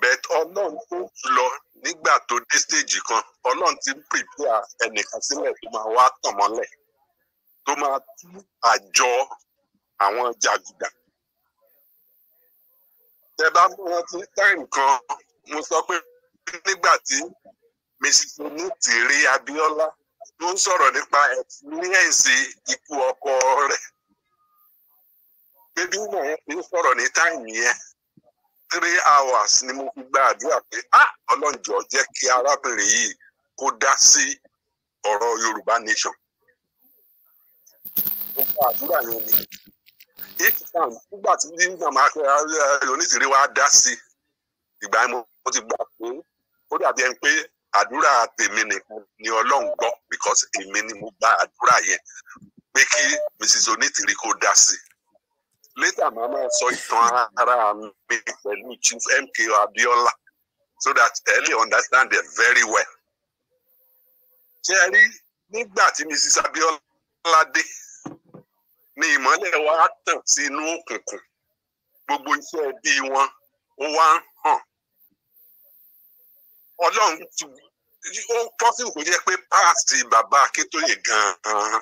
but ọlọ́run tó lọ nígbà tó dé stage kan ọlọ́run ti ń prepare ẹnìkan sílẹ̀ tó máa wá tàn mọ́lẹ̀ tó máa tú àjọ àwọn jàgùdà tẹ bá mú wọn sí time kan mo sọ pé nígbà tí mrs onítìrí abíọ́lá tó ń sọ̀rọ̀ nípa ẹ̀sìnlẹ́ẹ̀sì ikú ọkọ rẹ̀ pé bí mò ń sọ̀rọ̀ ní táìmì yẹn three hours ni mo fi gba àdúrà pé ah ọlọ́njọ́ jẹ́ kí arábìnrin yìí kó dá sí ọ̀rọ̀ Yorùbá nation mo gba àdúrà yẹn ni ìtàn nígbà tí nígbà máa kẹ́ onítìrí wa dá sí ìgbà yẹn mo ti gbà pé ó dàbí ẹni pé àdúrà tèmi nìkan ni Ọlọ́run gbọ́ because èmi ni mo gba àdúrà yẹn pé kí mrs onítìrí kó dá sí i later màá máa sọ ìtàn ara mi pẹ̀lú chief mk abiola so that ẹ understand it very well ṣe rí nígbà tí mrs abiola dé ni ìmọ́lẹ̀ wa tàn sí inú òkùnkùn gbogbo iṣẹ́ ẹbí wọn ó wá ń hàn ọlọ́run ó pọ́sibù kó jẹ́ pé páàsì bàbá Akíntóyè gan-an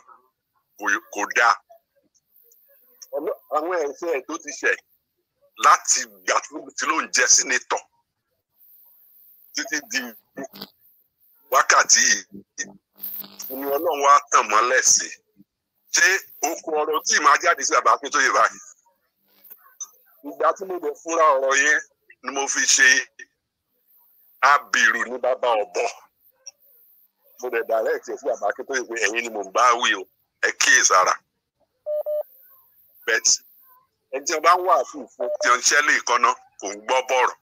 kò dáa àwọn ẹ̀ṣẹ̀ tó ti ṣẹ̀ láti gbà tí ló ń jẹ́ sínétọ̀ títí di wákàtí yìí ni ọlọ́run wá tàn mọ́lẹ̀ sí ṣé oko ọ̀rọ̀ tí màá jáde sí bàbá Akíntóyè báyìí ìgbà tí mo lè fúnra ọ̀rọ̀ yẹn ni mo fi ṣe abirù ní bàbá ọ̀bọ mo dẹ̀ direct ẹ̀ sí bàbá Akíntóyè pé ẹ̀yin ni mò ń bá wí o ẹ kíyèsára bẹ́ẹ̀ ẹni tí wọn bá ń wà fún ìfún tí wọn ń ṣẹlẹ̀ ìkànnà kò ń gbọ́ bọ̀rọ̀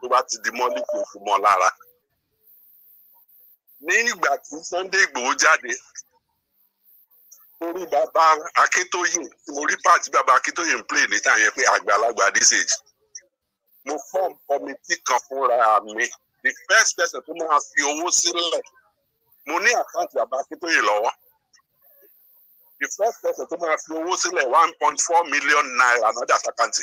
tó bá ti di mọ́lì kò fún mọ́ lára. ní ìgbà tí Sunday Ìgbòho jáde orí bàbá Akíntóyè mo rí pàtí bàbá Akíntóyè ń play níta yẹn pé àgbàlagbà this age mo form committee kan fúnra mi the first person tó máa fi owó sílẹ̀ mo ní àkáǹtì bàbá Akíntóyè lọ́wọ́ the first person tó máa fi owó sílẹ̀ one point four million naira náírà sàkáǹtì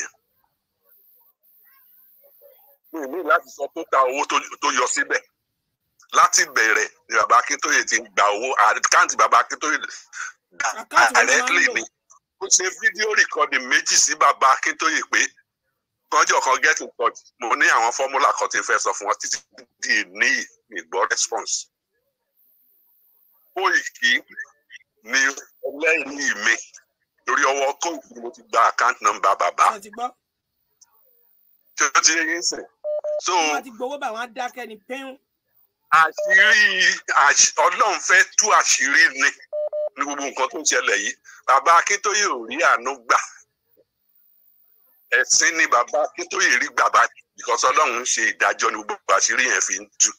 mi ní láti sọ tó ta owó tó yọ síbẹ̀ láti bẹ̀rẹ̀ ni bàbá Akíntóyè ti gba owó àkáǹtì bàbá Akíntóyè directly ni ó ṣe fídíò rìkọ́dì méjì sí bàbá Akíntóyè pé kọjọ kan get in touch mo ní àwọn fọ́múlà kan tí n fẹ́ sọ fún wọn títí di níyì mi gbọ́ response. Kóìkì ni ẹlẹ́rìí mi torí ọwọ́ Kóìkì ni mo ti gba account number bàbá tí ó ti yé sìn. so àṣírí ọlọ́run fẹ́ tú àṣírí ni ní gbogbo nǹkan tó ń ṣẹlẹ̀ yìí bàbá Akíntóyè ò rí àánú gbà ẹ̀sìn ni bàbá Akíntóyè rí gbà ìkọ́sọ́ ọlọ́run ń ṣe ìdájọ́ ní gbogbo àṣírí yẹn fi ń tú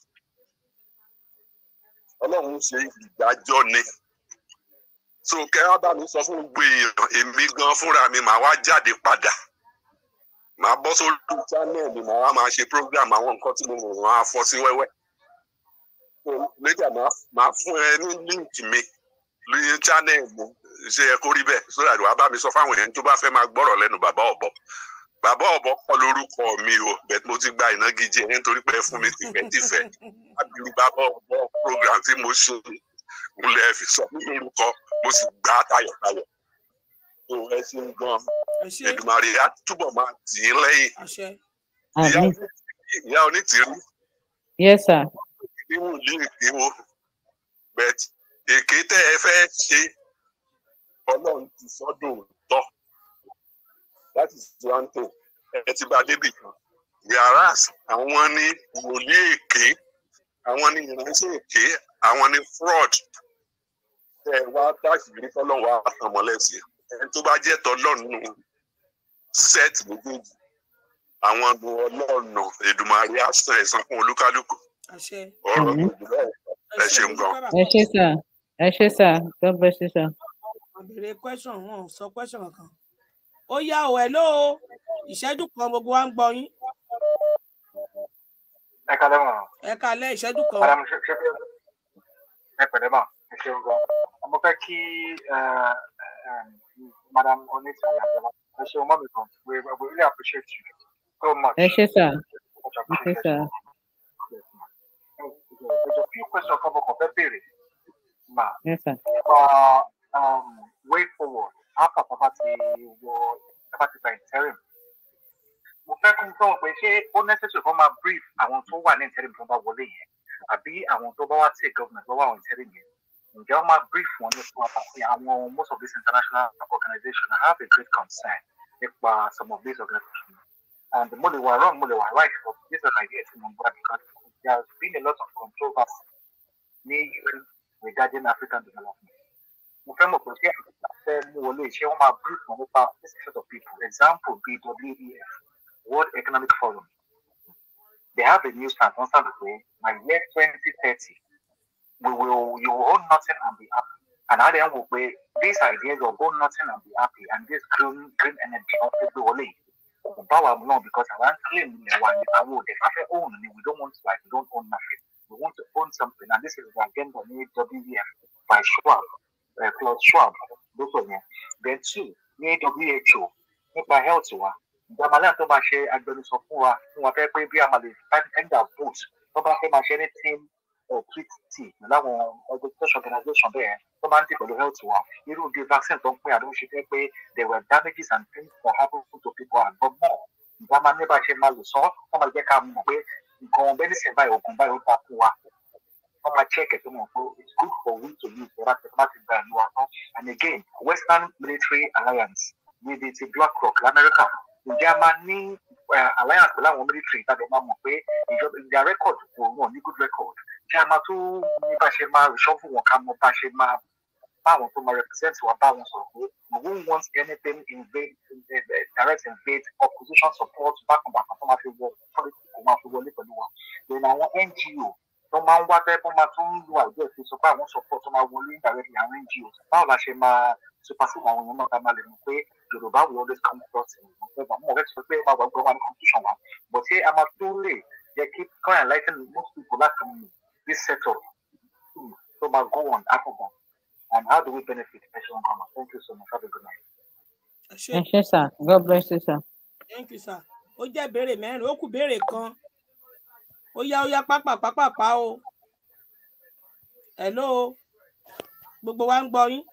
ọlọ́run ṣe ìdájọ́ ni so kẹ́wàá bá mi sọ fún gbogbo èèyàn èmi gan fúnra mi màá wá jáde padà màá bọ́ sórí channel màá wá máa ṣe program àwọn nǹkan tí mo mọ̀ wọ́n fọ́ sí wẹ́wẹ́ lẹ́jà màá fún ẹ ní link mi lóyún channel mo ṣe ẹ kó bẹ́ẹ̀ sórí àdúrà bá mi sọ fáwọn èèyàn tó bá fẹ́ máa gbọ́rọ̀ lẹ́nu bàbá ọ̀bọ bàbá ọ̀bọ kọ́ lórúkọ mi o bẹ́ẹ̀ mo ti gba ìnagijẹ nítorí pé fún mi ti fẹ́ ti fẹ́ abiru bàbá ọ̀bọ program tí mo ṣe ń lẹ fi sọ mí lórúkọ mo sì gbà tayọ̀tayọ̀ tó ẹ ṣe ń gan Èdùmàrè á túbọ̀ máa tì í lẹ́yìn ìyá onítìrí. yes sir. ìwò ilé ìkéwò bẹ́ẹ̀ èké tẹ́ ẹ fẹ́ ṣe Ọlọ́run ti sọ́dọ̀ that is the one thing. ẹ ti bá débi kan whereas àwọn ní wòlíì èké àwọn ní ìránṣẹ́ èké àwọn ní fraud ẹ wá táṣìírí tọ́lọ́wọ́ àtàmọ́lẹ́sì ẹni tó bá jẹ́ tọ́lọ́nù set méjèèjì àwọn ọmọ ọlọ́ọ̀nà Èdùmàrè àṣà ẹ̀sán fún olúkálùkù ọ̀rọ̀ ìdílé ẹ ṣeun gan. ẹ ṣe sà ẹ ṣe sà God bless you sà. ọ̀bẹ̀rẹ̀ question wọn ò sọ question ó yá o ẹ lóo ìṣẹ́jú kan gbogbo wa ń gbọ́ yín. ẹ kalẹ́ mọ̀. ẹ kalẹ́ ìṣẹ́jú kan. madam ṣe ṣe ẹ pẹ̀lẹ́ mọ̀ ẹ ṣeun gan mo fẹ́ kí madam onítìrì àbẹ̀wò ẹ ṣe ọmọ mi gan we we really appreciate you so much. ẹ ṣé sà ẹ ṣé sà. There's a few questions I'm going to prepare. Ma, yes, sir. Uh, um, way forward áfà bàbá ti wọ bàbá ti gba interim mo fẹ́ kún fún ọ pé ṣé ó necessary kó máa brief àwọn tó wà ní interim tó bá wọlé yẹn àbí àwọn tó bá wá sí government lọ́wọ́ àwọn interim yẹn ǹjẹ́ wọ́n máa brief wọn nípa àwọn most of these international organizations I have a great concern nípa some of these organizations and mo lè wà wrong mo lè wà right but this is an idea tí mo ń gbà because there has been a lot of controversy ní UN regarding African development mo fẹ́ mọ̀ pé ṣé àgbà deci e un abuz mă a set of people. Example, BWEF, World Economic Forum. They have a new stance on Saturday, by year 2030, we will, you will own nothing and be happy. And I then will be, these ideas of own nothing and be happy, and this green, green energy of the Wole, power alone, because I want to claim the one, I will, the fact own, we don't want to, like, we don't own nothing. We want to own something, and this is the agenda of WEF by Schwab, uh, Claude Schwab, ló sọ yẹn then two ní WHO nípa health wa ìjàmbá náà tó máa ṣe agbẹnusọ fún wa fún wa fẹ́ pé bí a máa lè ẹ́ndà vote tó bá fẹ́ máa ṣe ní team treaty láwọn organization organization bẹ́ẹ̀ tó máa ń dì pẹ̀lú health wa irú bí vaccine tó ń pín àdéhùn ṣe fẹ́ pé there were damages and things that happened to people and but more ìjàmbá ní bá ṣe máa lò sọ wọ́n máa jẹ́ ká mọ̀ pé nǹkan medicine báyìí oògùn báyìí ó ta fún wa wọ́n máa check ẹ̀ tó mọ̀ pé it's good for we to use the àtẹ̀kọ́láti gba ìlú wa and again western military alliance with the blackrock lamẹ́ríkà ǹjẹ́ a eh, alliance pẹ̀lú àwọn military ìtàgé máa mọ̀ pé ìjọba ìjà record kò wọ́n good record ṣé a máa tún ní bá ṣe máa ṣọ́fù wọn ká mọ bá ṣe máa báwọn tó máa represent wa báwọn sọ̀rọ̀ wants we won't want anything invade direct invade opposition support Back bákan back. máa fi wọ kó máa fi wọlé pẹ̀lú wa then àwọn NGO tó máa ń wá bẹ́ẹ̀ bó máa tún lo àìjẹ́ ìfi sọ pé àwọn support tó máa wọlé indirectly àwọn NGOs báwo la ṣe máa supersede àwọn èèyàn náà ká máa lè mọ̀ pé Yorùbá we always come across in Yorùbá mo rẹ̀ sọ pé máa wà gbọ́dọ̀ ní competition wa but ṣé a máa tó lè yẹ kí try and lighten most people láti mú this settle. tó máa go on after and how do we benefit ẹ̀ṣọ́ nǹkan mọ̀ thank you so much have a good night. ẹ ṣé sir God bless you sir. thank you sir ó jẹ́ béèrè mẹ́rin ó kù béèrè kan ó yá ó yá pápá pápá pa o hello gbogbo wa ń gbọ́ yín.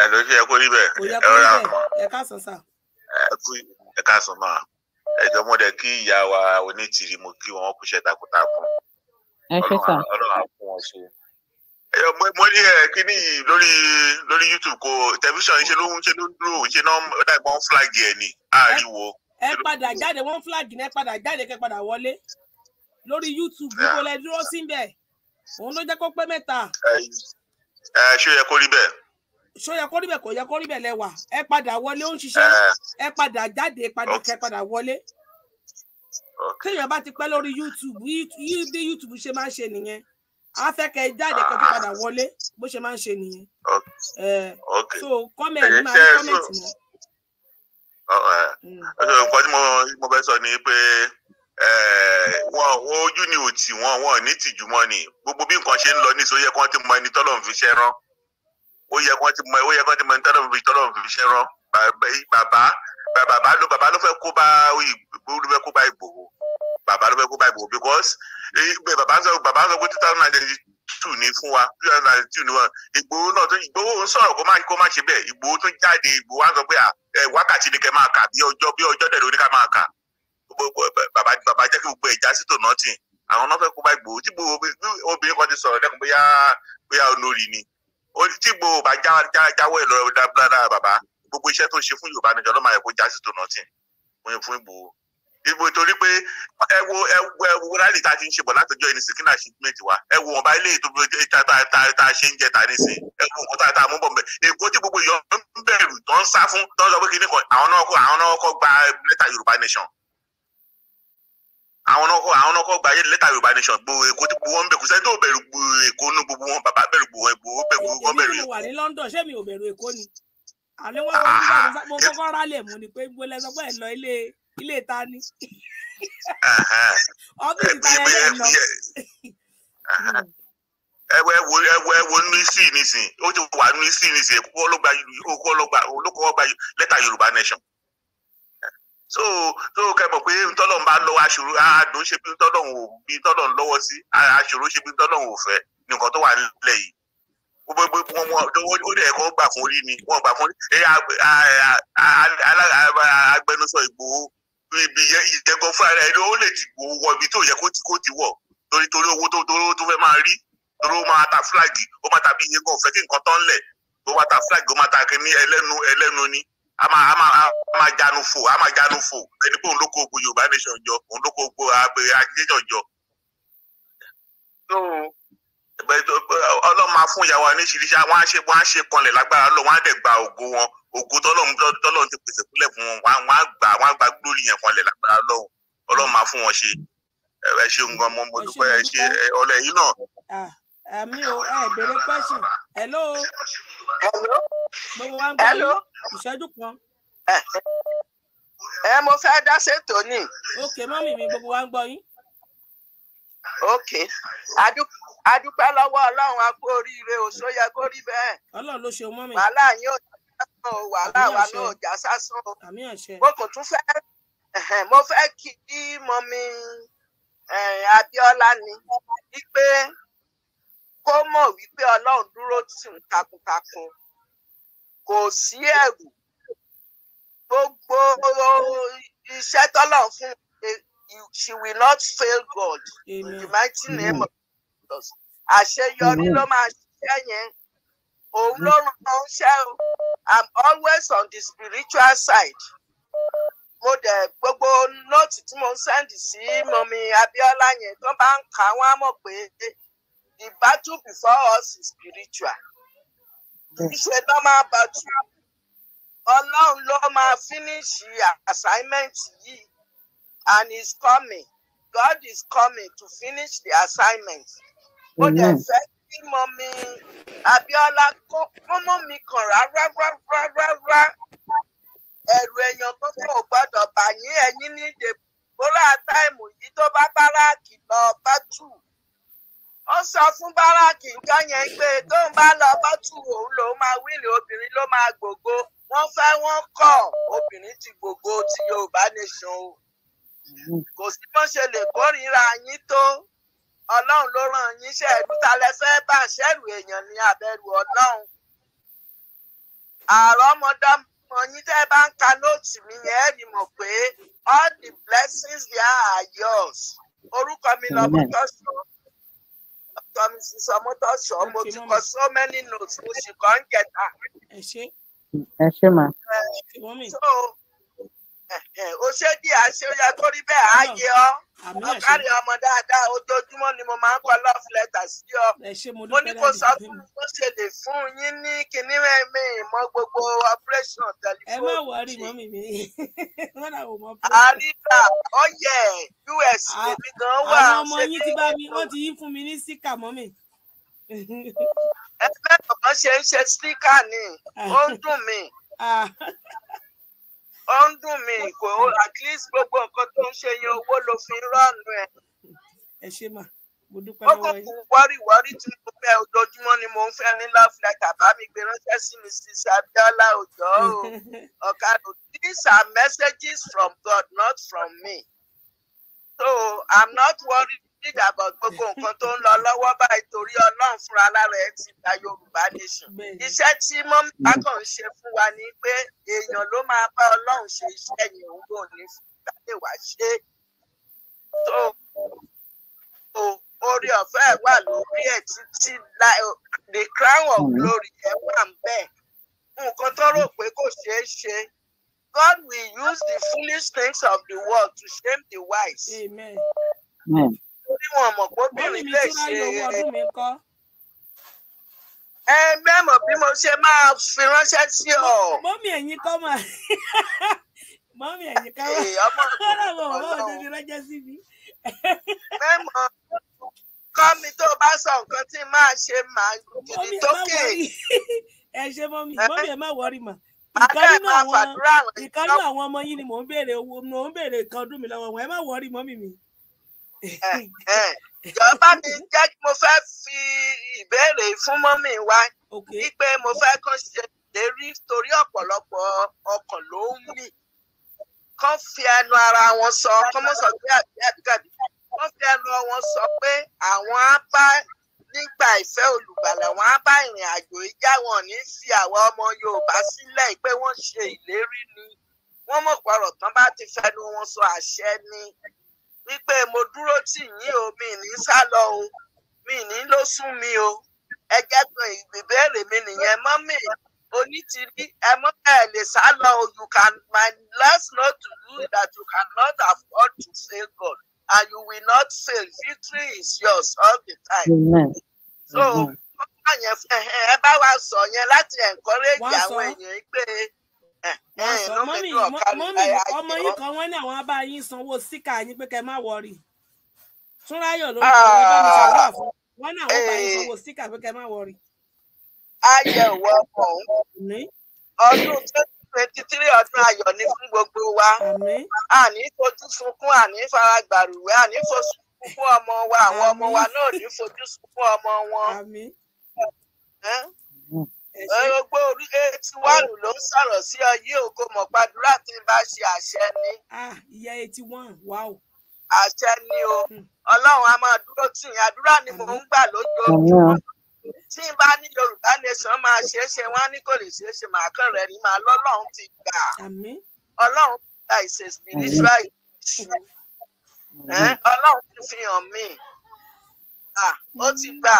ẹ ló ṣe ẹ kó rí bẹ́ẹ̀ ẹ rọra ẹ káàsán sà. ẹ káàsán máa ẹjọ mọdẹ kí ìyá wa onítìrí mo kí wọn kúṣẹ́ takuntakun Ọlọ́run àfún wọn ṣe. ẹyọ mo ní ẹ kíní yìí lórí lórí YouTube kò tẹlifíṣàn ṣe ló ń ṣe ló ń dúró ṣe náà ó dàgbọn flag ẹ ní àríwo. ẹ padà jáde wọn flag ní ẹ padà jáde kẹ padà wọlé lórí YouTube níbo lẹ dúró sí ń bẹ̀ òun ló jẹ́ kó pé mẹ́ta. ẹ ṣó yẹ kó rí bẹ́ẹ̀. ṣó yẹ kó rí bẹ́ẹ̀ kò yẹ kó rí bẹ́ẹ̀ lẹ́wà ẹ padà wọlé ó ń ṣiṣẹ́ ẹ padà jáde padà kẹ padà wọlé. téèyàn bá ti pẹ́ lórí YouTube bí YouTube ṣe máa ń ṣe nìyẹn a fẹ́ kẹ́ jáde kẹ́ tó padà wọlé bó ṣe máa ń ṣe nìyẹn. so comment máa ń comment mọ́. Mm. nǹkan tí mo fẹ́ sọ ni pé. Eh, wọn ojú ni ò tì wọn wọn ní tìjú mọ́ ni gbogbo bí nǹkan ṣe ń lọ ní sọ yẹ kí wọ́n ti mọ ẹni tọ́lọ̀ ń fi ṣẹ́ rán ó yẹ kí wọ́n ti mọ ó yẹ kí wọ́n ti mọ ẹni tọ́lọ̀ ń fi tọ́lọ̀ ń fi ṣẹ́ rán bàbá bàbá ló bàbá ló fẹ́ kó bá ló fẹ́ kó bá Ìgbòho bàbá ló fẹ́ kó bá Ìgbòho because e, bàbá sọ bàbá sọ pé two thousand and two ni fún wa two thousand and two ni wọn Ìgbòho náà tó Ìgbòho ń sọ̀rọ̀ kó má kó má ṣe bẹ́ẹ̀ Ìgbòho tó jáde Ìgbòho á sọ pé wákàtí ni kẹ́ máa kà bí ọjọ́ bí ọjọ́ dẹ̀ lóní ká máa kà bàbá bàbá jẹ́ kí gbogbo ìjà sí tò nọ́tì àwọn náà fẹ́ kó bá Ìgbòho tí gbogbo obìnrin kan ti sọ̀rọ̀ lẹ́kùn bóyá bóyá olórí ni tí Ìgbòho bá jáwọ́ ẹ̀ lọ́rọ̀ dáadáa bàbá gbogbo iṣẹ́ tó ṣe fún Yorùbá níjọ ló máa yẹ kó já sí tò nọ́tì fún Ìgbòho ìbò torí pé ẹ wo ẹ wo ẹ wo rally tá a ti ń ṣe bọ̀ látọjọ́ yìí ní sikina shipment wa ẹ wo ọba ilé ètò ta ta ta ta ṣe ń jẹ ta ní sìn ẹ wo nǹkan tá a ta mú bọ̀ mbẹ èkó tí gbogbo èèyàn ń bẹ̀rù tó ń sá fún tó ń sọ pé kí ni kan àwọn náà kọ àwọn náà kọ gba lẹ́tà Yorùbá nation àwọn ọkọ àwọn ọkọ gbàyè lẹ́tà yorùbá nation gbogbo èkó tí gbogbo wọn bẹ̀rù sẹ́ni tó bẹ̀rù gbogbo èkó nú gbogbo wọn bàbá bẹ̀rù gbogbo èkó bẹ̀rù gbogbo wọn bẹ̀rù èkó. èmi wà ní London ṣé mi ò bẹ̀rù èkó ni àní wọn wọn nígbà mo kọ́kọ́ rálẹ̀ mú ni pé gbogbo lẹ́sọ̀ pé ẹ̀ lọ ilé ilé ta ni ọ́fíìsì ta ẹ̀ lè lọ. ẹwẹ wo ẹwẹ wo ní sí nísìn ó ti wà ní sí nísìn èkó ló gba lẹ́tà yorùbá nation so so kẹ mọ̀ pé ntọ́lọ́n bá lọ́wọ́ aṣòro àádùn ṣe bí ntọ́lọ́n ò bí ntọ́lọ́n lọ́wọ́ sí aṣòro ṣe bí ntọ́lọ́n ò fẹ́ nìkan tó wà nílẹ̀ yìí gbogbo wọn wọn ó dẹ̀ kọ́ gbà fún rí ni wọn gbà fún rí agbẹnusọ Ìgbòho ibi ìjẹgàn fúnra rẹ̀ ló lè ti gbòho wọ ibi tó yẹ kó ti kó ti wọ̀ torí torí owó tó tó fẹ́ máa rí torí ó máa ta fúlàgì ó máa ta bí iye kan ọ̀fẹ́ kí nǹkan tán lẹ̀ ó máa ta fúlàgì ó máa ta kí ní ẹlẹ́nu ẹlẹ́nu ni a máa a máa a máa janu fò a máa janu fò ẹni pé òun ló kó gbogbo yorùbá nation jọ òun ló kó gbogbo agbèrè agitation jọ. ọlọ́run máa fún ìyá wa ní ṣìríṣà wọ́n á ṣe wọ́n á ṣe kanlẹ̀ lágbára lọ wọ́n á dẹ̀ gba ògo wọn ògo tọ́lọ́run tọ́lọ́run ti pèsè fúnlẹ̀ fún wọn wọ́n á gbà wọ́n á gba glory yẹn kanlẹ̀ lágbára lọ́hùn ọlọ́run máa fún wọn ṣe ẹ ṣeun gan mo mo dúpẹ́ ẹ ṣe ọlẹ́ yìí náà. Ah àmì o ẹ bèrè question hello. hello. mo ìṣẹ́jú kan. ẹ mo fẹ́ dá ṣètò ní. ok mọ́mì mi gbogbo wa ń gbọ́ yín. ok adúpẹ́ lọ́wọ́ ọlọ́run a oríire o yẹ kó rí bẹ́ẹ̀. ọlọ́run ló ṣe mọ́mì. wàhálà yín ò sásán o wàhálà wa náà ò sásán o. mo kò tún fẹ́ mo fẹ́ kí mọ́mì Abíọ́lá ni wípé kó mọ̀ wípé Ọlọ́run dúró tì ń takuntakun kò sí ẹ̀rù gbogbo iṣẹ́ tọ́lọ́run fún she will not fail God in the mighty name of Jesus àṣeyọrí ló máa ṣiṣẹ́ yẹn òun ló ràn án ṣẹ́ o I'm always on the spiritual side mo dẹ̀ gbogbo nóòtù tí mo ń sẹ́ndì sí mọ́mi Abíọ́lá yẹn tó bá ń kà wọ́n á mọ̀ pé the battle before us is spiritual kì í ṣe normal battle ọlọ́run ló máa finish assignment yìí and he's coming God is coming to finish the assignment ó dẹ̀ fẹ́ kí mọ mi Abíọ́lá kó mọ mi kàn rárá rárá rárá ẹ̀rù èèyàn gbogbo ò gbọ́dọ̀ bà yín ẹ̀yin ní ìdè bóra táìmù yìí tó bá bára kìlọ̀ bá tù ó sọ fún báràkì nǹkan yẹn pé tóun bá lọ bọ́tù òun lòun máa wíìlì obìnrin ló máa gbògo wọ́n fẹ́ wọ́n kọ̀ obìnrin ti gbògo ti Yorùbá nation o kò sí bó ṣe lè kórìíra yín tó Ọlọ́run ló ràn yín ṣe ẹ̀rú ta lẹ fẹ́ bá ṣẹ́rù èèyàn ní abẹ́rù Ọlọ́run àrọ́mọdọ́mọ yín tẹ́ bá ń ka nóòtì mi yẹn rí mọ̀ pé all the blessings there are yours orúkọ mi lọ́mọ tó sọ. Thompson Sọmọtọ́sọ mo she kọ so many notes mo sì kọ́ ń jẹta. ẹ ṣe. ẹ ṣe mà. so ó ṣe dí àṣẹ ó yẹ kó rí bẹ́ẹ̀ á yẹ ọ́ ọ̀kárí ọmọ dáadáa ojoojúmọ́ ni mo máa ń kọ́ love letter sí ọ mo ní kó sọ fún mi bó ṣe lè fún yín ní kinní mi mọ gbogbo operation telephone. ẹ má wọrí mọ́ mi mi wọ́n náà wò fún mi. àríwá ọyẹ us èmi gan wà. àwọn ọmọ yín ti bá mi wọ́n ti yín fún mi ní síkà mọ́ mi. ẹgbẹ́ bàbá ṣe ń ṣe síkà ni ó ń dùn mí. (laughs) Ah. (laughs) ó ń dùn mí kò at least gbogbo nǹkan tó ń ṣe yẹn owó ló fi ń ránu ẹ. ẹ ṣe mà mo dúpẹ́ lọ́wọ́ yín. ó kò kú wáríwárí tí mo fẹ́ ojoojúmọ́ ni mo ń fẹ́ ní láfíà tàbá mi gbé ránṣẹ́ sí mrs abiola ọjọ́ o ọ̀kadà these are messages from God not from me so I'm not worried dìdàbọ̀ gbogbo nǹkan tó ń lọ lọ́wọ́ báyìí torí ọlọ́run fúnra lára ẹ ti gba yorùbá nation iṣẹ́ tí mọ́mí bákan ṣe fún wa ni pé èèyàn ló máa bá ọlọ́run ṣe iṣẹ́ yẹn òun kò ní gbàdé wá ṣe tó o orí ọ̀fẹ́ wà lórí ẹ̀ títí the crown of mm-hmm. glory ẹ̀ wà ń bẹ̀ nǹkan tó rò pé kò ṣeé ṣe. God will use the foolish things of the world to shame the wise. Amen. Mm torí wọn mọ̀ pé obìnrin lè ṣe ẹ mẹ́mọ̀ bí mo ṣe máa fi ránṣẹ́ sí ọ. mọ́mí ẹ̀yin kọ́ mà (laughs) mọ́mí ẹ̀yin kọ́ mà kọ́lá mọ̀ mọ́ òdodo ránṣẹ́ sí mi. mẹ́mọ̀ kọ́ mi tó bá sọ nǹkan tí màá ṣe màá gidi tókè. ẹ ṣe mọ́mí mọ́mí ẹ má wọrí (laughs) mà ìkan nínú àwọn ọmọ yín ni mò ń béèrè owó mò ń béèrè nǹkan ọdún mi lọ́wọ́ ẹ má wọrí mọ́mí mi. Eh, eh, ìjọba mi jẹ́ kí mo fẹ́ fi ìbéèrè fún mọ́mì wa wípé mo fẹ́ kàn ṣe ìlérí torí ọ̀pọ̀lọpọ̀ ọkàn ló ń mì kàn fi ẹnu ara wọn sọ kàn mọ́ sọ pé àbíkàbí kàn fi ẹnu wọn sọ pé àwọn á bá nígbà ìfẹ́ olùgbàlà wọn á bá ìrìn àjò ìjà wọn ní fi àwa ọmọ Yorùbá sílẹ̀ pé wọ́n ṣe ìlérí ni wọ́n mọ̀ pọ̀rọ̀ tán bá ti fẹnu wọn sọ àṣẹ ni wípé mo dúró tì yín o mi ní sá lọ o mi ní ló sún mi o ẹ jẹ́ pé ìbéèrè mi nìyẹn mọ́ mi onítìrí ẹ mọ́ ẹ lè sá lọ o you can my last note to you that you cannot afford to fail God and you will not fail victory is yours all the time. Amen. so ẹ bá wa sọ yẹn láti encourage àwọn èèyàn pé mọ́mí ọmọ yìí kan wọ́n ní àwọn abá yín sanwó síkà yín pé kẹ́ má wọrí túnráyọ̀ ló ń ah. bá mi ṣàdúrà fún wọn ní àwọn abá yín eh. sanwó síkà pé kẹ́ má wọrí. ayọ̀ wọ́pọ̀ ọdún twenty twenty three ọdún ayọ̀ ni fún gbogbo wa àní fojú sunkún àní faragbàrúwé àní fojú sunkún ọmọ wa àwọn ọmọ wa náà ní fojú sunkún ọmọ wọn gbogbo orí eighty one ló ń sọ̀rọ̀ sí ọ yìí ò kò mọ̀ gbàdúrà tí n bá ṣe àṣẹ ni. Ah, ìyá eighty one wow. àṣẹ ni o hmm. ọlọ́run a máa dúró tì yín àdúrà ni mò ń gbà lójoojúmọ́ tí n bá ní yorùbá nation máa ṣe é ṣe wọn ní kò lè ṣe é ṣe màá kàn rẹ ni màá lọ́lọ́run ti gbà ọlọ́run ti ìṣe spiritual ìṣe ọlọ́run ti fi hàn mí ó ti gbà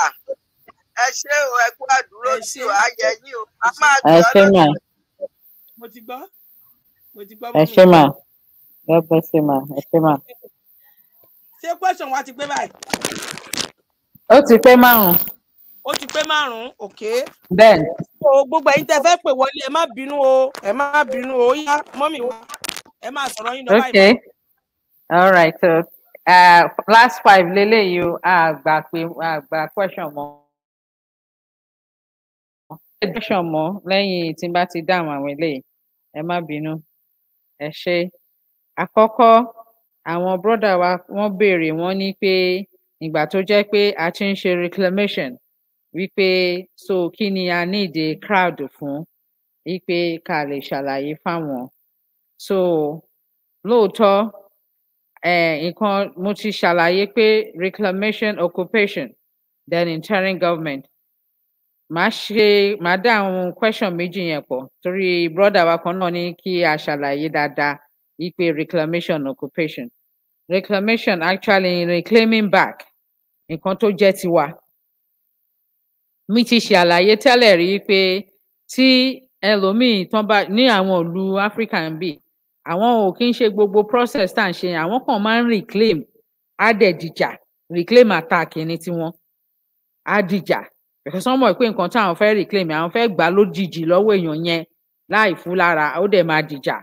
ẹ ṣé o ẹ kú àdúró sí o ayẹ yín o a máa dùn ọ́ lọ́dún. mo ti gbọ́ mo ti gbọ́. ẹ ṣé mà ẹ pẹ́ sí mà ẹ ṣé mà. ṣé question wa ti pé báyìí. ó ti pé márùn-ún. ó ti pé márùn-ún òkè. bẹ́ẹ̀. o gbogbo ẹ̀yin tẹ́ fẹ́ pè wọlé ẹ má bínú o ẹ má bínú o yá mọ́mì wa ẹ máa sọ̀rọ̀ yín lọ́wọ́ ìmọ̀. all right so uh, last five lélẹ́yìí o àgbà pé àgbà question mọ́ question mọ́ lẹ́yìn tí n bá ti dáhùn àwọn eléyìí ẹ má bínú ẹ ṣe àkọ́kọ́ àwọn brọdà wa wọ́n béèrè wọ́n ní pé ìgbà tó jẹ́ pé a ti ń ṣe reclamation wípé so kí ni a ní ìdè crowd fún wípé ká lè ṣàlàyé fáwọn so lóòótọ́ nǹkan eh, mo ti ṣàlàyé pé reclamation occupation then interim government màá ṣe màá dá àwọn question méjì yẹn pọ̀ torí brọdà wa kan náà ní kí a ṣàlàyé dáadáa wípé reclamation occupation reclamation actually reclaiming back nǹkan tó jẹ́ tiwa mi ti ṣe àlàyé tẹ́lẹ̀ rí pé tí ẹlòmíì tán bá ní àwọn ìlú Áfíríkà ń bì àwọn ò kí ń ṣe gbogbo process tá à ń ṣe àwọn kan máa ń reclaim adẹ̀dìjà reclaim attack ní tiwọn adìjà because wọ́n mọ̀ pé nǹkan táwọn fẹ́ reclaim àwọn fẹ́ gbà lójijì lọ́wọ́ èèyàn yẹn láì fún lára ó dẹ̀ máa dìjà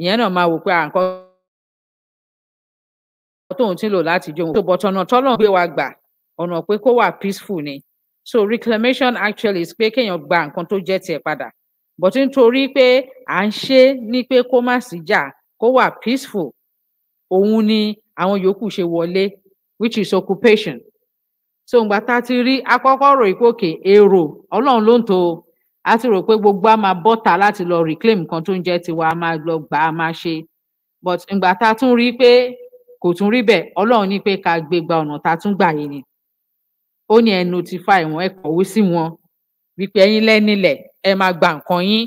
ìyẹn náà máa wò pé à ń kọ́ tóun ti lò láti jó wọn tó bọ́tọ̀ náà tọ́lọ́ gbé wa gbà ọ̀nà pé kó wà peaceful ni so reclamation actually is pé kéèyàn gba nǹkan tó jẹ́ tiẹ̀ padà but nítorí pé à ń ṣe ni pé kó má sí jà kó wà peaceful òun ni àwọn yòókù ṣe wọlé which is occupation so ìgbà tá a ti rí akọ́kọ́ rò pé òkè èrò ọlọ́run ló ń to a ti rò pé gbogbo a máa bọ́ta láti lọ reclaim nǹkan tó ń jẹ́ tiwa a máa lọ gbà a máa ṣe but ìgbà tá a tún rí pé kò tún rí bẹ́ẹ̀ ọlọ́run ní pé ká gbé gba ọ̀nà tá tún gbà yìí ni ó ní ẹ notify wọn ẹ kọ̀wé sí wọn wípé ẹ̀yin lẹ́nilẹ̀ ẹ máa gba nǹkan yín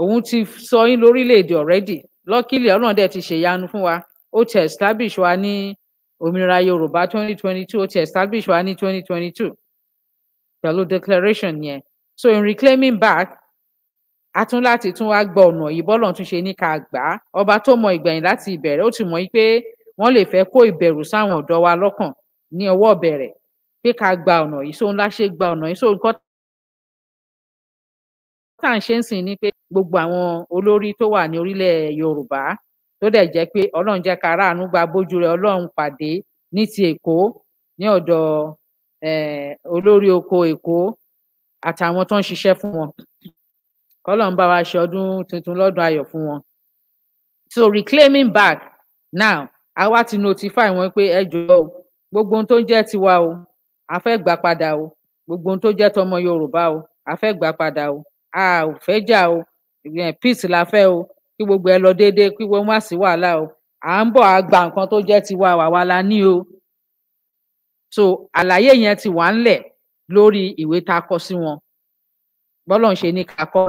òun ti sọ yín lórílẹ̀‐èdè already luckily ọlọ́run dẹ̀ ti ṣèyanu fún wa ó ti establish wa ní òmìnira yorùbá twenty twenty two ó ti establish wa ní twenty twenty two pẹ̀lú declaration yẹn so in reclaiming back a tún láti tún wá gba ọ̀nà yìí bọ́lọ̀ tún ṣe ní ká gbà á ọba tó mọ ìgbẹ̀yìn láti ìbẹ̀rẹ̀ ó ti mọ̀ pé wọ́n lè fẹ́ kó ìbẹ̀rù sáwọn ọ̀dọ́ wa lọ́kàn ní ọwọ́ bẹ̀rẹ̀ pé ká gba ọ̀nà yìí so ńlá gba ọ̀nà yìí so nǹkan ń ṣe ń sìn ni pé gbogbo àwọn olórí tó wà ní orílẹ̀ yorùbá tó dẹ̀ jẹ́ pé ọlọ́run jẹ́ ká ráàánú gba bójú rẹ̀ ọlọ́run pàdé ní ti èkó ní ọ̀dọ̀ olórí oko èkó àtàwọn tó ń ṣiṣẹ́ fún wọn kọ́lọ́run bá wa ṣe ọdún tuntun lọ́dún ayọ̀ fún wọn so reclaiming back now àwa ti notify wọn pé ẹ jọ̀ọ́ gbogbo ohun tó ń jẹ́ tiwa o a fẹ́ gbà padà o gbogbo ohun tó jẹ́ tọmọ yorùbá o a fẹ́ gbà padà o a ò fẹ́ jà o peace la fẹ́ o kí gbogbo ẹ lọ déédéé kí wọn má sí wàhálà o à ń bọ̀ á gba nǹkan tó jẹ́ tiwa wàwa la ní o so àlàyé yẹn ti wà ńlẹ̀ lórí ìwé tá a kọ sí wọn bọ́lọ́n ṣe ní kakọ́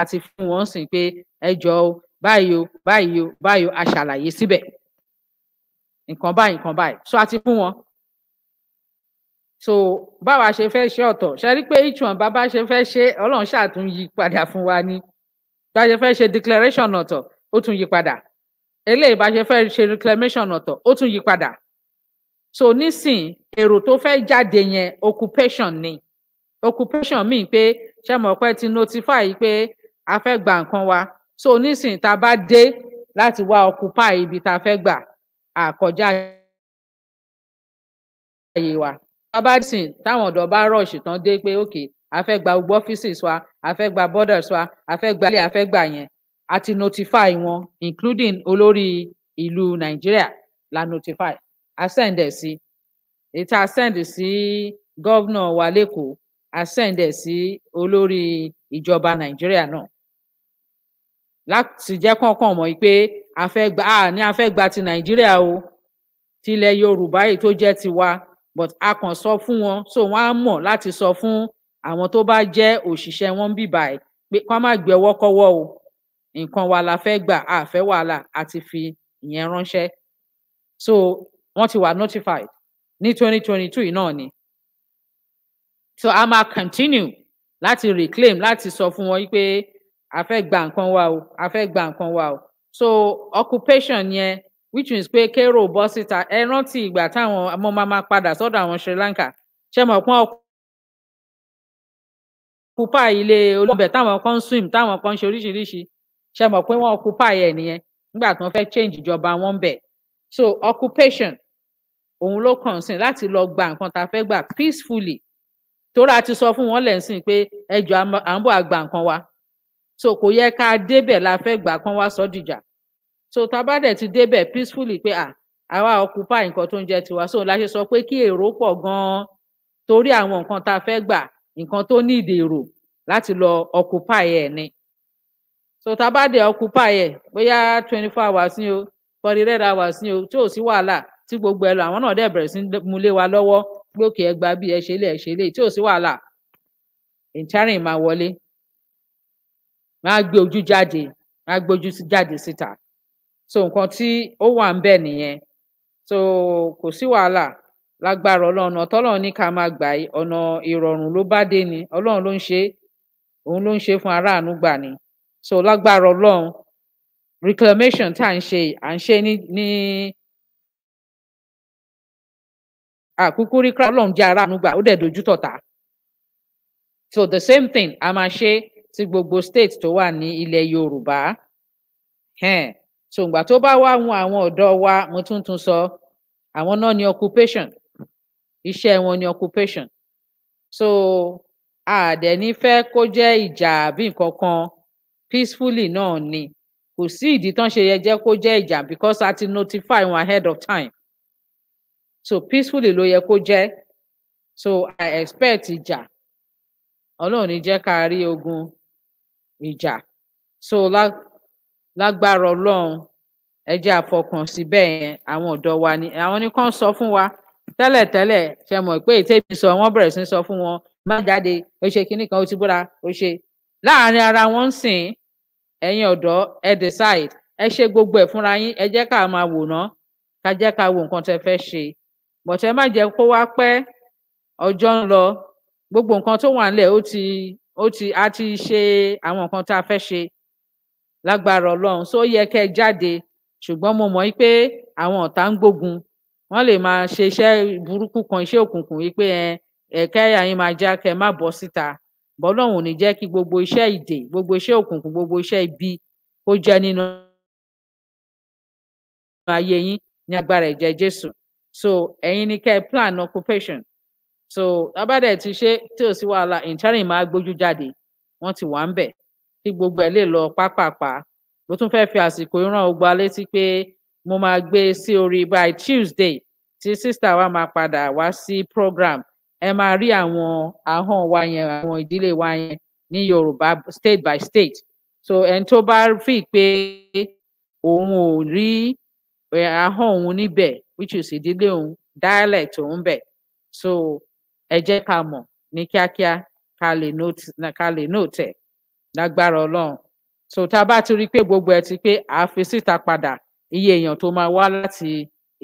àti fún wọn sìn pé ẹ jọ o báyìí o báyìí o báyìí o a ṣàlàyé síbẹ̀ nǹkan báyìí nǹkan báyìí so a ti fún wọn so báwa ṣe fẹ́ ṣe ọ̀tọ̀ ṣe rí pé ìtùwọ̀n bàbá ṣe fẹ́ ṣe ọlọ́run ṣàtúnyí padà fún wa ni bá ṣe fẹ́ ṣe declaration ọ̀tọ̀ ó tún yí padà eléyìí bá ṣe fẹ́ ṣe reclamation ọ̀tọ̀ ó tún yí padà so nísìn èrò tó fẹ́ jáde yẹn occupation ni occupation mean pé ṣé mo pẹ́ ti notify pé a fẹ́ gba nǹkan wa so nísìn tá a bá dé láti wá occupy ibi tá a fẹ́ gbà àkọjá àyè wa tá a bá sìn táwọn ọ̀dọ́ bá rush tán dé pé okay a fẹ́ gba gbogbo offices wa a fẹ́ gba borders wa a fẹ́ gba ilé a fẹ́ gba yẹn a ti notify wọn including olórí ìlú nàìjíríà la notify a send ẹ̀ sí ètò a send sí gọ́vnà wa lẹ́kọ̀ọ́ a send ẹ̀ sí olórí ìjọba nàìjíríà náà láti jẹ́ kọ̀ọ̀kan mọ̀ pé a fẹ́ gba a ní a fẹ́ gba ti nàìjíríà o tilẹ̀ yorùbá yìí tó jẹ́ tiwa but a kàn sọ fún wọn so wọ́n á mọ̀ láti sọ fún àwọn tó bá jẹ òṣìṣẹ́ wọn ń bìbà ẹ pé kó má gbé ọwọ́ kọ́wọ́ o nǹkan wa la fẹ́ gbà a fẹ́ wàhálà a ti fi ìyẹn ránṣẹ́ so wọ́n ti wà notified ní 2022, twenty two náà ni so a máa continue láti reclaim láti sọ fún wọn pé a fẹ́ gba nǹkan wa o a fẹ́ gba nǹkan wa o so occupation yẹn which means pé kérò bọ́ síta ẹ rántí ìgbà táwọn ọmọ máa padà sọ́dọ̀ àwọn Sri Lanka ṣe mọ̀ pọ́n ọkùnrin pupa ilé olóńgbẹ táwọn kan ń swim táwọn kan ń ṣe oríṣiríṣi ṣe mọ̀ pé wọ́n pupa yẹ nìyẹn nígbà tí wọ́n fẹ́ change ìjọba wọn bẹ̀ so occupation òun ló kàn sí láti lọ gba nǹkan tá a fẹ́ gbà peacefully tóra ti sọ fún wọn lẹ́sìn pé ẹjọ́ à ń bọ̀ àgbà nǹkan wa so kò yẹ ká débẹ̀ la fẹ́ gbà kán wá sọ dìjà so tá ti débẹ̀ peacefully pé à àwa occupy nǹkan tó ń jẹ tiwa so la ṣe sọ pé kí èrò pọ̀ gan-an torí àwọn nǹkan tá a fẹ́ gbà nǹkan tó ní ìdè èrò láti lọ occupy ẹ ni so tá a bá dé occupy ẹ bóyá twenty four hours ni o forty eight hours ni o tí ò sí wàhálà tí gbogbo ẹ lọ àwọn náà dẹ̀ bẹ̀rẹ̀ sí múlé wa lọ́wọ́ gbókè ẹgbàá bíi ẹ ṣe lé ẹ ṣe lé tí ò sí wàhálà ìtárìn máa wọlé máa gbé ojú jáde máa gbé ojú jáde síta so nǹkan tí ó wà ń bẹ nìyẹn so kò sí wàhálà lágbára ọlọ́run ọ̀nà tọ́lọ́run ní ká máa gbà yí ọ̀nà ìrọ̀rùn ló bá dé ni ọlọ́run ló ń ṣe òun ló ń ṣe fún aráàánú gbà ni so lágbára ọlọ́run reclamation tá à ń ṣe à ń ṣe ní ní àkúkú rí kíláà ọlọ́run jẹ́ aráàánú gbà ó dẹ̀ dojú tọ̀tà so the same thing a máa ṣe sí gbogbo state tó wà ní ilẹ̀ yorùbá so ìgbà tó bá wá wọn àwọn ọ̀dọ́ wa mo tún tún sọ àwọn náà ní occupation iṣẹ́ wọn ni occupation so àdẹ̀ni fẹ́ kó jẹ́ ìjà àbí nǹkan kan peacefully náà ni kò sí ìdí tán ṣe yẹ jẹ́ kó jẹ́ ìjà because a ti notify wọn ahead of time so peacefully ló yẹ kó jẹ́ so I expect ìjà Ọlọ́run ní jẹ́ ká rí ogun ìjà so lágbára Ọlọ́run ẹ jẹ́ àfọkàn sí bẹ́ẹ̀ yẹn àwọn ọ̀dọ́ wa ni àwọn nìkan sọ fún wa tẹ́lẹ̀tẹ́lẹ̀ ṣe mọ̀ pé ètèmi sọ wọ́n bẹ̀rẹ̀ sí sọ fún wọn má jáde ó ṣe kinní kan ó ti búra ó ṣe láàrin ara wọn ń sìn ẹ̀yin ọ̀dọ́ ẹ decide ẹ ṣe gbogbo ẹ̀ fúnra yín ẹ jẹ́ ká máa wòran ká jẹ́ ká wo nǹkan tẹ fẹ́ ṣe bọ̀tẹ́ má jẹ́ kó wá pẹ́ ọjọ́ ń lọ gbogbo nǹkan tó wà nílẹ̀ ó ti ó ti a ti ṣe àwọn nǹkan tá a fẹ́ ṣe lágbára Ọlọ́run só yẹ kẹ́ jáde ṣùgbọ́n mo mọ̀ pé àwọn ọ̀tá ń gbógun wọn lè máa ṣe iṣẹ́ burúkú kan iṣẹ́ òkùnkùn yìí pé ẹkẹ àyín máa já kẹ má bọ́ síta bọlọrun ò ní jẹ́ kí gbogbo iṣẹ́ ìdè gbogbo iṣẹ́ òkùnkùn gbogbo iṣẹ́ ibi kó jẹ́ nínú ayé yín ní agbára ẹ̀jẹ̀ Jésù so ẹ̀yin ni kẹ́ plan occupation so abádẹ ti ṣe tí ò sí wàhálà ìntẹrìn máa gbójú jáde wọ́n ti wà ń bẹ kí gbogbo ẹ̀ lè lọ pápápá ló tún fẹ́ẹ́ fi àsìkò ìran ogba létí pé mo máa gbé e sí orí by Tuesday tí sísá wa máa padà wá sí program ẹ máa rí àwọn ahọ́n wa yẹn àwọn ìdílé wa yẹn ní Yorùbá state by state so ẹni tó bá fi pé òun ò rí ahọ́n òun níbẹ̀ which is ìdílé òun dialect òun bẹ̀ so ẹ jẹ́ ká mọ̀ ní kíákíá ká lè note ká lè note ẹ̀ lágbára Ọlọ́run so tá a bá ti rí i pé gbogbo ẹ ti pé àá fi síta padà iye èèyàn tó máa wá láti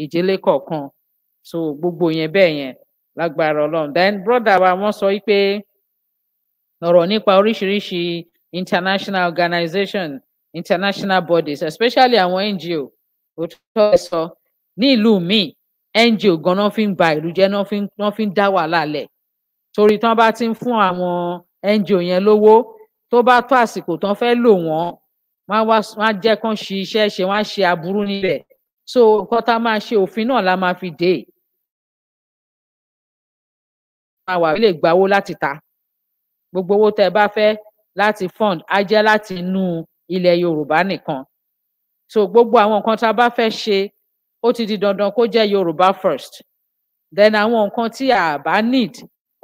ìdílé kọ̀ọ̀kan so gbogbo yẹn bẹ́ẹ̀ yẹn lágbára Ọlọ́run then brother wa wọ́n sọ wípé ọ̀rọ̀ nípa oríṣiríṣi international organization international bodies especially àwọn NGO òtútọ́ ẹ sọ ní ìlú míì NGO ganan fi ń ba ìlú jẹ́ náà fi ń dá wàhálà lẹ̀ torí tán bá ti ń fún àwọn NGO yẹn lówó tó bá tó àsìkò tán fẹ́ lò wọ́n wọn wá wọn jẹ kán ṣe iṣẹ́ ṣe wọn ṣe aburú níbẹ̀ so nǹkan tá a máa ṣe òfin náà la máa fi dé máa wà lè gbà owó láti ta gbogbo owó tẹ́ bá fẹ́ láti fund á jẹ́ láti inú ilẹ̀ Yorùbá nìkan so gbogbo àwọn nǹkan tá a bá fẹ́ ṣe ó ti di dandan kó jẹ́ Yorùbá first then àwọn nǹkan tí a bá need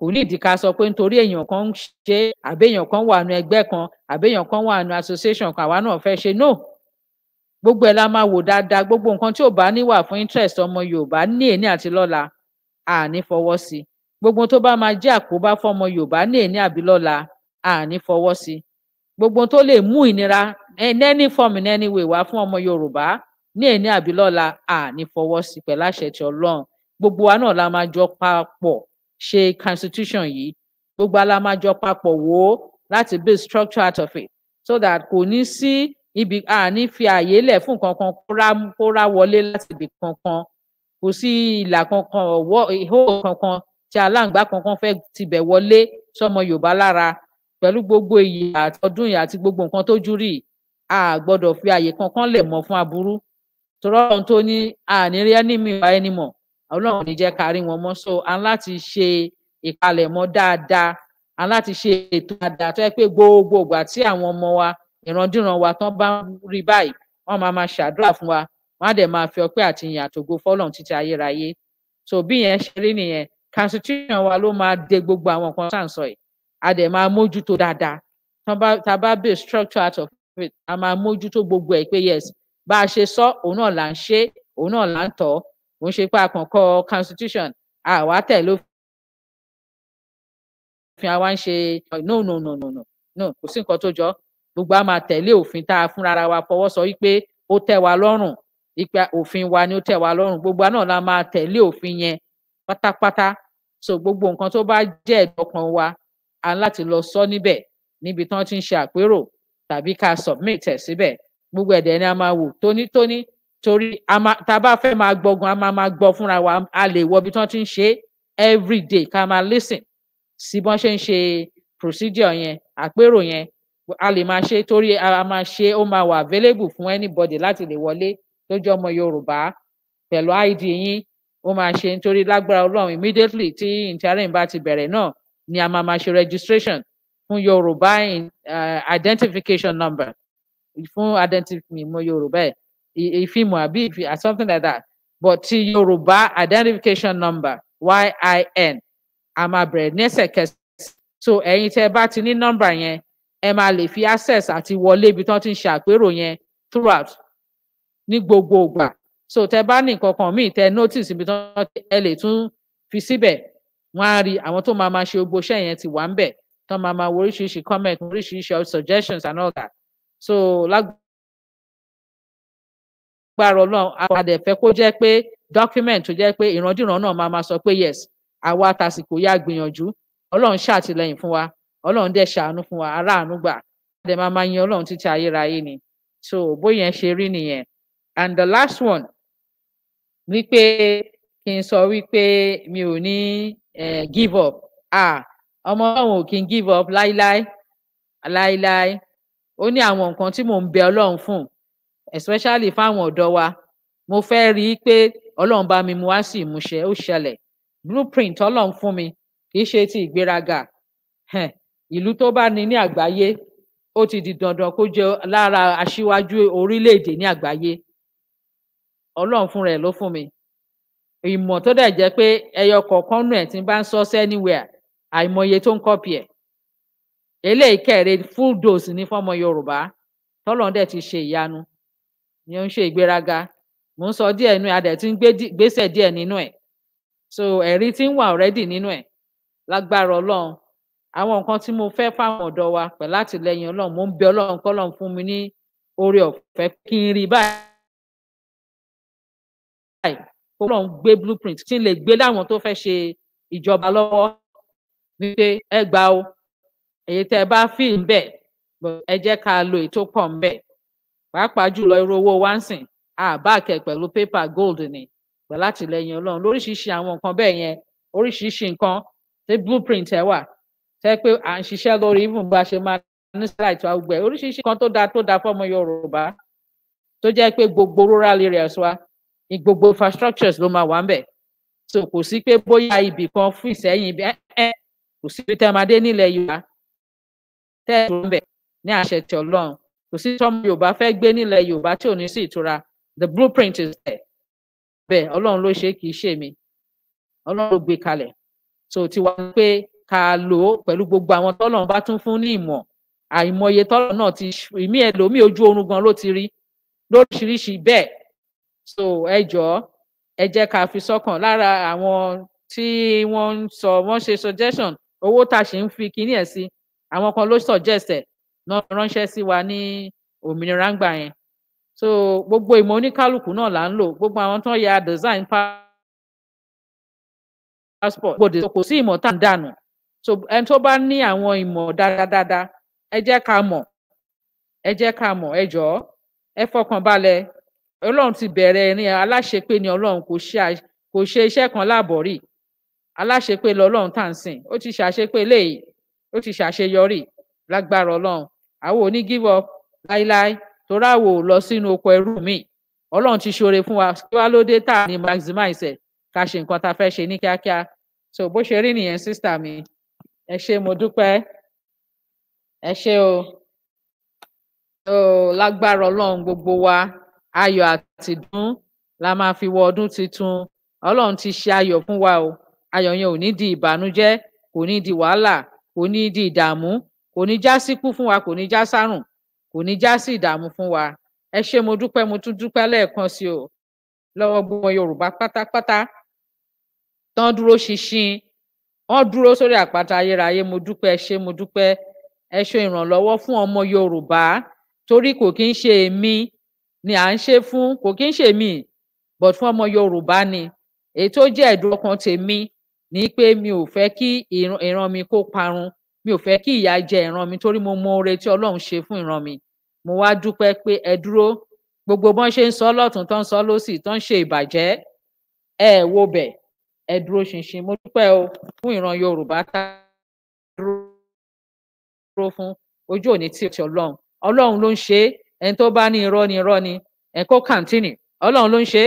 kò ní ìdí ká sọ pé nítorí èèyàn kan ń ṣe àbẹ́yàn kan wà nù ẹgbẹ́ kan àbẹ́yàn kan wà nù association kan àwa náà fẹ́ ṣe no gbogbo ẹ̀ la máa wò dáadáa gbogbo nǹkan tí ò bá níwà fún interest ọmọ Yorùbá ní èní àti lọ́la àní fọwọ́ sí gbogbo tó bá máa jẹ́ àkóbá fọmọ Yorùbá ní èní àbí lọ́la àní fọwọ́ sí gbogbo tó lè mú ìnira in any form in any way wá fún ọmọ Yorùbá ní èní àbí lọ́la àní fọwọ́ sí pẹ̀láṣẹ ti Ọlọ́run gbogbo wa náà la máa jọ papọ̀ ṣe constitution yìí gbogbo alámájọ papọ̀ wò ó láti build structure out of it so that kò ní sí ibi àní fi àyè lẹ̀ fún kankan kó rá wọlé láti ibì kankan kò sí ìlà kankan ọ̀wọ́ ìhó kankan tí aláǹgbá kankan fẹ́ tibẹ̀ wọlé sọmọ Yorùbá lára pẹ̀lú gbogbo iyì àtọdún yìí àti gbogbo nǹkan tó jú rí a gbọ́dọ̀ fi àyè kankan lẹ̀ mọ́ fún aburú tọrọ ohun tó ní àníríẹ́ ní mi wá ẹni mọ̀ ọlọ́run ní jẹ́ ká rí wọn mọ́ so à ń láti ṣe ìpalẹ̀mọ́ dáadáa à ń láti ṣe ètò dáadáa tó yẹ pé gbogbo ìgbà tí àwọn ọmọ wa ìrandíran wa tán bá rí báyìí wọn máa máa ṣàdúrà fún wa wọn á dẹ̀ máa fi ọpẹ́ àti ìyìn àtògo fọ́lọ́run títí ayérayé so bí yẹn ṣe rí nìyẹn constitution wa ló máa de gbogbo àwọn nǹkan tá à ń sọ yìí a dẹ̀ máa mójútó dáadáa tá a bá bè structure out of it a máa mójútó gbogbo ẹ̀ pé yes bá a ṣe sọ òun náà là ń ṣe òun náà là ń tọ́ kò ń ṣe pé a kàn kọ constitution àwa tẹ̀ ló fi àwa ń ṣe no no no no no no kò sí nǹkan tó jọ gbogbo a máa tẹ̀lé òfin tá a fúnra ara wa fọwọ́ sọ wípé ó tẹ́ wa lọ́rùn ipa òfin wa ni ó tẹ́ wa lọ́rùn gbogbo náà la máa tẹ̀lé òfin yẹn pátápátá so gbogbo nǹkan tó bá jẹ́ ẹ̀dọ̀kan wa a láti lọ sọ níbẹ̀ níbi tí wọ́n ti ń ṣe àpérò tàbí ká submit ẹ̀ síbẹ̀ gbogbo ẹ̀dẹ̀ ni a máa wò tónítóní torí tá a bá fẹ́ máa gbọ́gun a máa máa gbọ́ fúnra wa a lè wọ ibi tí wọ́n ti ń ṣe every day ká máa listen sí bọ́n ṣe ń ṣe procedure yẹn àpérò yẹn a lè máa ṣe torí a máa ṣe ó máa wà available fún anybody láti lè wọlé lójú ọmọ Yorùbá pẹ̀lú id yín ó máa ṣe nítorí lágbára Ọlọ́run immediately tí interim bá ti bẹ̀rẹ̀ náà ni a máa máa ṣe registration fún Yorùbá uh, identification number fún identify mi mo Yorùbá ẹ̀ Ifimu àbí Ifi something like that but ti Yorùbá identification number YIN a máa bẹ̀rẹ̀ lẹ́sẹ̀kẹsẹ̀ so any tẹ́ bá ti ní nọ́mbà yẹn ẹ máa lè fi access àti wọlé ibi tí wọ́n ti ń ṣe àpérò yẹn throughout ní gbogbo ìgbà so tẹ́ bá ní nǹkan kan míì notice ibi tí wọ́n ẹ lè tún fi síbẹ̀ wọ́n á rí àwọn tó máa máa ṣe gbogbo iṣẹ́ yẹn ti wà ń bẹ̀ tán máa suggestions and all that so like agbára ọlọ́run àpàdé fẹ́ kó jẹ́ pé document tó jẹ́ pé ìrandíran náà máa máa sọ pé yes àwa tàsìkò yá gbìyànjú ọlọ́run ṣàtìlẹ́yìn fún wa ọlọ́run dẹ̀ ṣàánú fún wa aráàánú gbà àdè máa máa yin ọlọ́run títí ayérayé ni so bóyẹn ṣe rí nìyẹn and the last one wípé kí n sọ wípé mi ò ní give up ah ọmọ ọlọ́run ò kí n give up láíláí láíláí ó ní àwọn nǹkan tí mò ń bẹ ọlọ́run fún especially fáwọn ọ̀dọ́ wa mo fẹ́ rí i pé ọlọ́run bá mi mú wá sí ìmúṣẹ ó ṣẹlẹ̀ blueprint ọlọ́run fún mi kì í ṣe ti ìgbéraga ìlú tó bá ní ní àgbáyé ó ti di dandan kó jẹ́ lára aṣíwájú orílẹ̀-èdè ní àgbáyé ọlọ́run fún rẹ̀ ló fún mi ìmọ̀ tó dẹ̀ jẹ́ pé ẹyọ kọ̀ọ̀kan nù ẹ̀ tí n bá ń sọ anywhere àìmọye tó ń kọ́pì ẹ̀ eléyìí kẹ̀rẹ̀ full dose ní fọ́mọ yorùbá tọ́lọ́n dẹ̀ ti ṣe ìyanu mi ò ń ṣe ìgbéraga mò ń sọ díẹ̀ nínú ẹ̀ adẹ̀ tí ń gbésẹ̀ díẹ̀ nínú ẹ̀ so ẹ̀rí tí ń wà already nínú ẹ̀ lágbára ọlọ́run àwọn nǹkan tí mo fẹ́ fáwọn ọ̀dọ́ wa pẹ̀lú àtìlẹyìn ọlọ́run mò ń bẹ ọlọ́run kọ́ ọlọ́run fún mi ní oore ọ̀fẹ́ kí n rí báyìí kó ọlọ́run gbé blueprint tí n lè gbé láwọn tó fẹ́ ṣe ìjọba lọ́wọ́ wípé ẹ gbà o èyí tẹ́ ẹ bá fi ń bẹ̀ ẹ jẹ́ ká lo ètò pọ̀ ń bẹ̀ pàápàá jùlọ irú owó wánsìn àbáàkẹ pẹ̀lú pépà gold ni pẹ̀lú àtìlẹ́yìn Ọlọ́run lóríṣiríṣi àwọn nǹkan bẹ́ẹ̀ yẹn oríṣiríṣi nǹkan tí blueprint ẹ wà tẹ pé à ń ṣiṣẹ́ lórí even bá a ṣe máa ní sàìtì àwùgbẹ oríṣiríṣi nǹkan tó dáa tó dáa fọmọ Yorùbá tó jẹ́ pé gbogbo rural areas wa gbogbo infrastructures ló máa wà ń bẹ̀ so kò sí pé bóyá ibì kan fún Ìsẹ́yìn ẹ ẹ kò sí pé tẹ máa dé nílẹ̀ Yorùbá tẹ ẹ tó ń bẹ ní àṣẹ tí Ọlọ́run kò sí tọ́mọ yorùbá fẹ́ gbé nílẹ̀ yorùbá tí ò ní sí ìtura the blueprint is there bẹ́ẹ̀ ọlọ́run ló ṣe kì í ṣe mi ọlọ́run ló gbé e kalẹ̀ so tiwa ni pé ká lò ó pẹ̀lú gbogbo àwọn tọ́lọ́run bá tún fún ní ìmọ̀ àìmọye tọ́lọ́run náà ti ìmí ẹ̀ lómi ojú oorun gan ló ti rí lóríṣiríṣi bẹ́ẹ̀ so ẹ jọ̀ọ́ ẹ jẹ́ ká fi sọ́kàn lára àwọn tí wọ́n ń sọ wọ́n ṣe suggestion owó tá a ṣe ń fi kinní ẹ̀ sí àwọn kan ló suggest ẹ̀ náà ránṣẹ́ sí wa ní òmìnira ń gbà yẹn so gbogbo ìmọ̀ oníkálukú náà là ń lò gbogbo àwọn tó ń ya design passport gbòdì kò sí ìmọ̀ tá à ń dànù so ẹni tó bá ní àwọn ìmọ̀ dáadáa ẹ jẹ́ ká mọ̀ ẹ jẹ́ ká mọ̀ ẹ jọ̀ọ́ ẹ fọkàn balẹ̀ ọlọ́run ti bẹ̀rẹ̀ ìrìn aláṣepé ni ọlọ́run kò ṣe iṣẹ́ kan láàbọ̀ rí aláṣepé lọ́lọ́run tá à ń sìn ó ti ṣàṣepé léyìí ó ti ṣàṣeyọrí lágbára ọlọ́run àwọn ò ní give up láíláí torí àwọn ò lọ sínú oko ẹrú mi ọlọ́run ti ṣoore fún wa kí wá ló dé tá a ní maximize ẹ̀ ká ṣe nǹkan tá a fẹ́ ṣe ní kíákíá so bó ṣe rí nìyẹn sísítà mi ẹ ṣé mo dúpẹ́ ẹ ṣé o o lágbára ọlọ́run gbogbo wa ayọ̀ àtìdùn la máa fi wọ ọdún tuntun ọlọ́run ti ṣe ayọ̀ fún wa o ayọ̀ yẹn ò ní di ìbànújẹ́ kò ní di wàhálà kò ní di ìdààmú kò ní já síkú fún wa kò ní já sárùn kò ní já sí ìdààmú fún wa ẹ ṣé mo dúpẹ́ mo tún dúpẹ́ lẹ́ẹ̀kan sí o lọ́wọ́ gbọmọ yorùbá pátápátá tán dúró ṣinṣin wọ́n dúró sórí àpáta ayérayé mo dúpẹ́ ẹ ṣé mo dúpẹ́ ẹ ṣe ìrànlọ́wọ́ fún ọmọ yorùbá torí kò kí ń ṣe èmi ni à ń ṣe fún kò kí ń ṣe èmi but fún ọmọ yorùbá ni èyí tó jẹ́ ẹ̀dùn ọkàn tèmi ni pé mi ò fẹ́ kí ìran mi kó parun mi ò fẹ́ kí ìyà jẹ ìran mi torí mo mọ oore tí Ọlọ́run ṣe fún ìran mi mo wá dúpẹ́ pé ẹ dúró gbogbo bọ́n ṣe ń sọ lọ́tún tó sọ lọ́sì tó ṣe ìbàjẹ́ ẹ wo bẹ̀ ẹ dúró ṣinṣin mo dúpẹ́ o fún ìran Yorùbá tá dúró fún ojú òní tí ó ti Ọlọ́run Ọlọ́run ló ń ṣe ẹni tó bá ní irọ́ ní irọ́ ni ẹ kó kàǹtìnì Ọlọ́run ló ń ṣe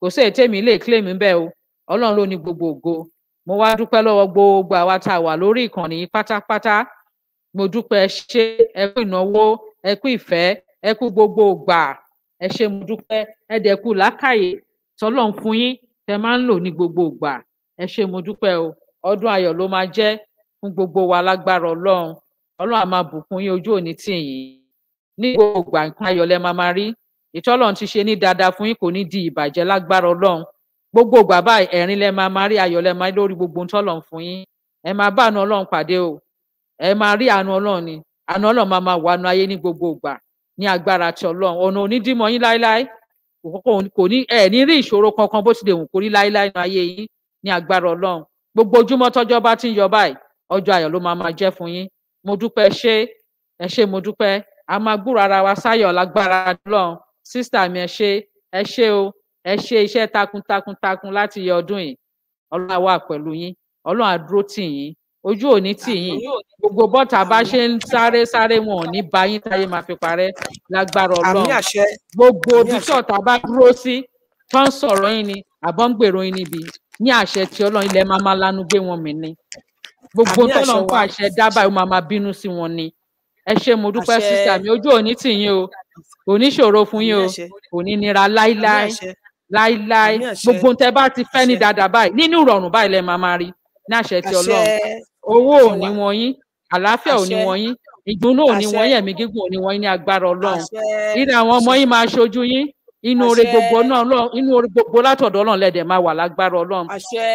kò sí ètè mi lè claim bẹ́ẹ̀ o Ọlọ́run ló ní gbogbo ògo mo wá dúpẹ́ lọ́wọ́ gbogbo àwa tá a wà lórí ìkànnì pátápátá mo dúpẹ́ ṣe ẹ kú ìnáwó ẹ kú ìfẹ́ ẹ kú gbogbo ògbà ẹ ṣe mo dúpẹ́ ẹ dẹ̀ kú fún yín tẹ máa ń lò ní gbogbo ògbà ẹ ṣe mo dúpẹ́ o ọdún ayọ̀ ló máa jẹ́ fún gbogbo wa lágbára Ọlọ́run Ọlọ́run á máa bùkún yín ojú òní tì yín ní gbogbo ògbà nǹkan ayọ̀ lẹ máa máa rí ìtọ́lọ́run ti ṣe ní dáadáa fún yín kò ní di ìbàjẹ́ lágbára Ọlọ́run gbogbo ìgbà báyìí ẹ̀rín lẹ máa máa rí ayọ̀ lẹ máa lórí gbogbo ohun tọ́lọ̀ ń fún yín ẹ máa bá àánú ọlọ́run pàdé o ẹ máa rí àánú ọlọ́run ni àánú ọlọ́run máa máa wàánu ayé ní gbogbo ìgbà ní agbára ti ọlọ́run ọ̀nà onídìmọ̀ yín láéláé kò ní ẹ ní rí ìṣòro kankan bó ti lè wù kó rí láéláé nu ayé yín ní agbára ọlọ́run gbogbo ojúmọ́ tọ́jọ́ bá ti ń yọ báyìí ọjọ́ ayọ̀ ló máa máa jẹ́ fún yín mo dúpẹ́ ṣé ẹ ṣé mo dúpẹ́ a máa gbúrò ara wa sáyọ̀ lágbára ọlọ́run sísítà mi ẹ ṣé ẹ ṣé o ẹ ṣe iṣẹ́ takuntakuntakun láti yẹ ọdún yìí ọlọ́run á wà pẹ̀lú yín ọlọ́run á dúró tì yín ojú òní tì yín gbogbo bọ́tà bá ṣe ń sáré sáré wọn ò ní ba yín táyé máa fi parẹ́ lágbára ọlọ́run gbogbo ibi tí dúró sí tó ń yín ni àbọ̀ ń gbèrò yín níbi ní àṣẹ tí ọlọ́run ilẹ̀ máa máa lanu gbé wọn mì ni gbogbo tọ́lọ̀ ń kọ́ àṣẹ dábàá yóò máa máa bínú sí wọn ni ẹ ṣe mo dúpẹ́ sísá ojú òní tì yín o kò ṣòro fún yín o kò nira láíláí láíláí gbogbo tẹ bá ti fẹ́ ní dáadáa báyìí nínú ìrọ̀rùn báyìí lẹ máa máa rí ní àṣẹ ti Ọlọ́run owó ò ní wọn yín àlàáfíà ò ní wọn yín ìdùnnú ò ní wọn yín ẹ̀mí gígùn ò ní wọn yín ní agbára Ọlọ́run nínú àwọn ọmọ yín máa ṣojú yín inú oore gbogbo náà Ọlọ́run inú oore gbogbo látọ̀dọ̀ Ọlọ́run lẹdẹ máa wà lágbára Ọlọ́run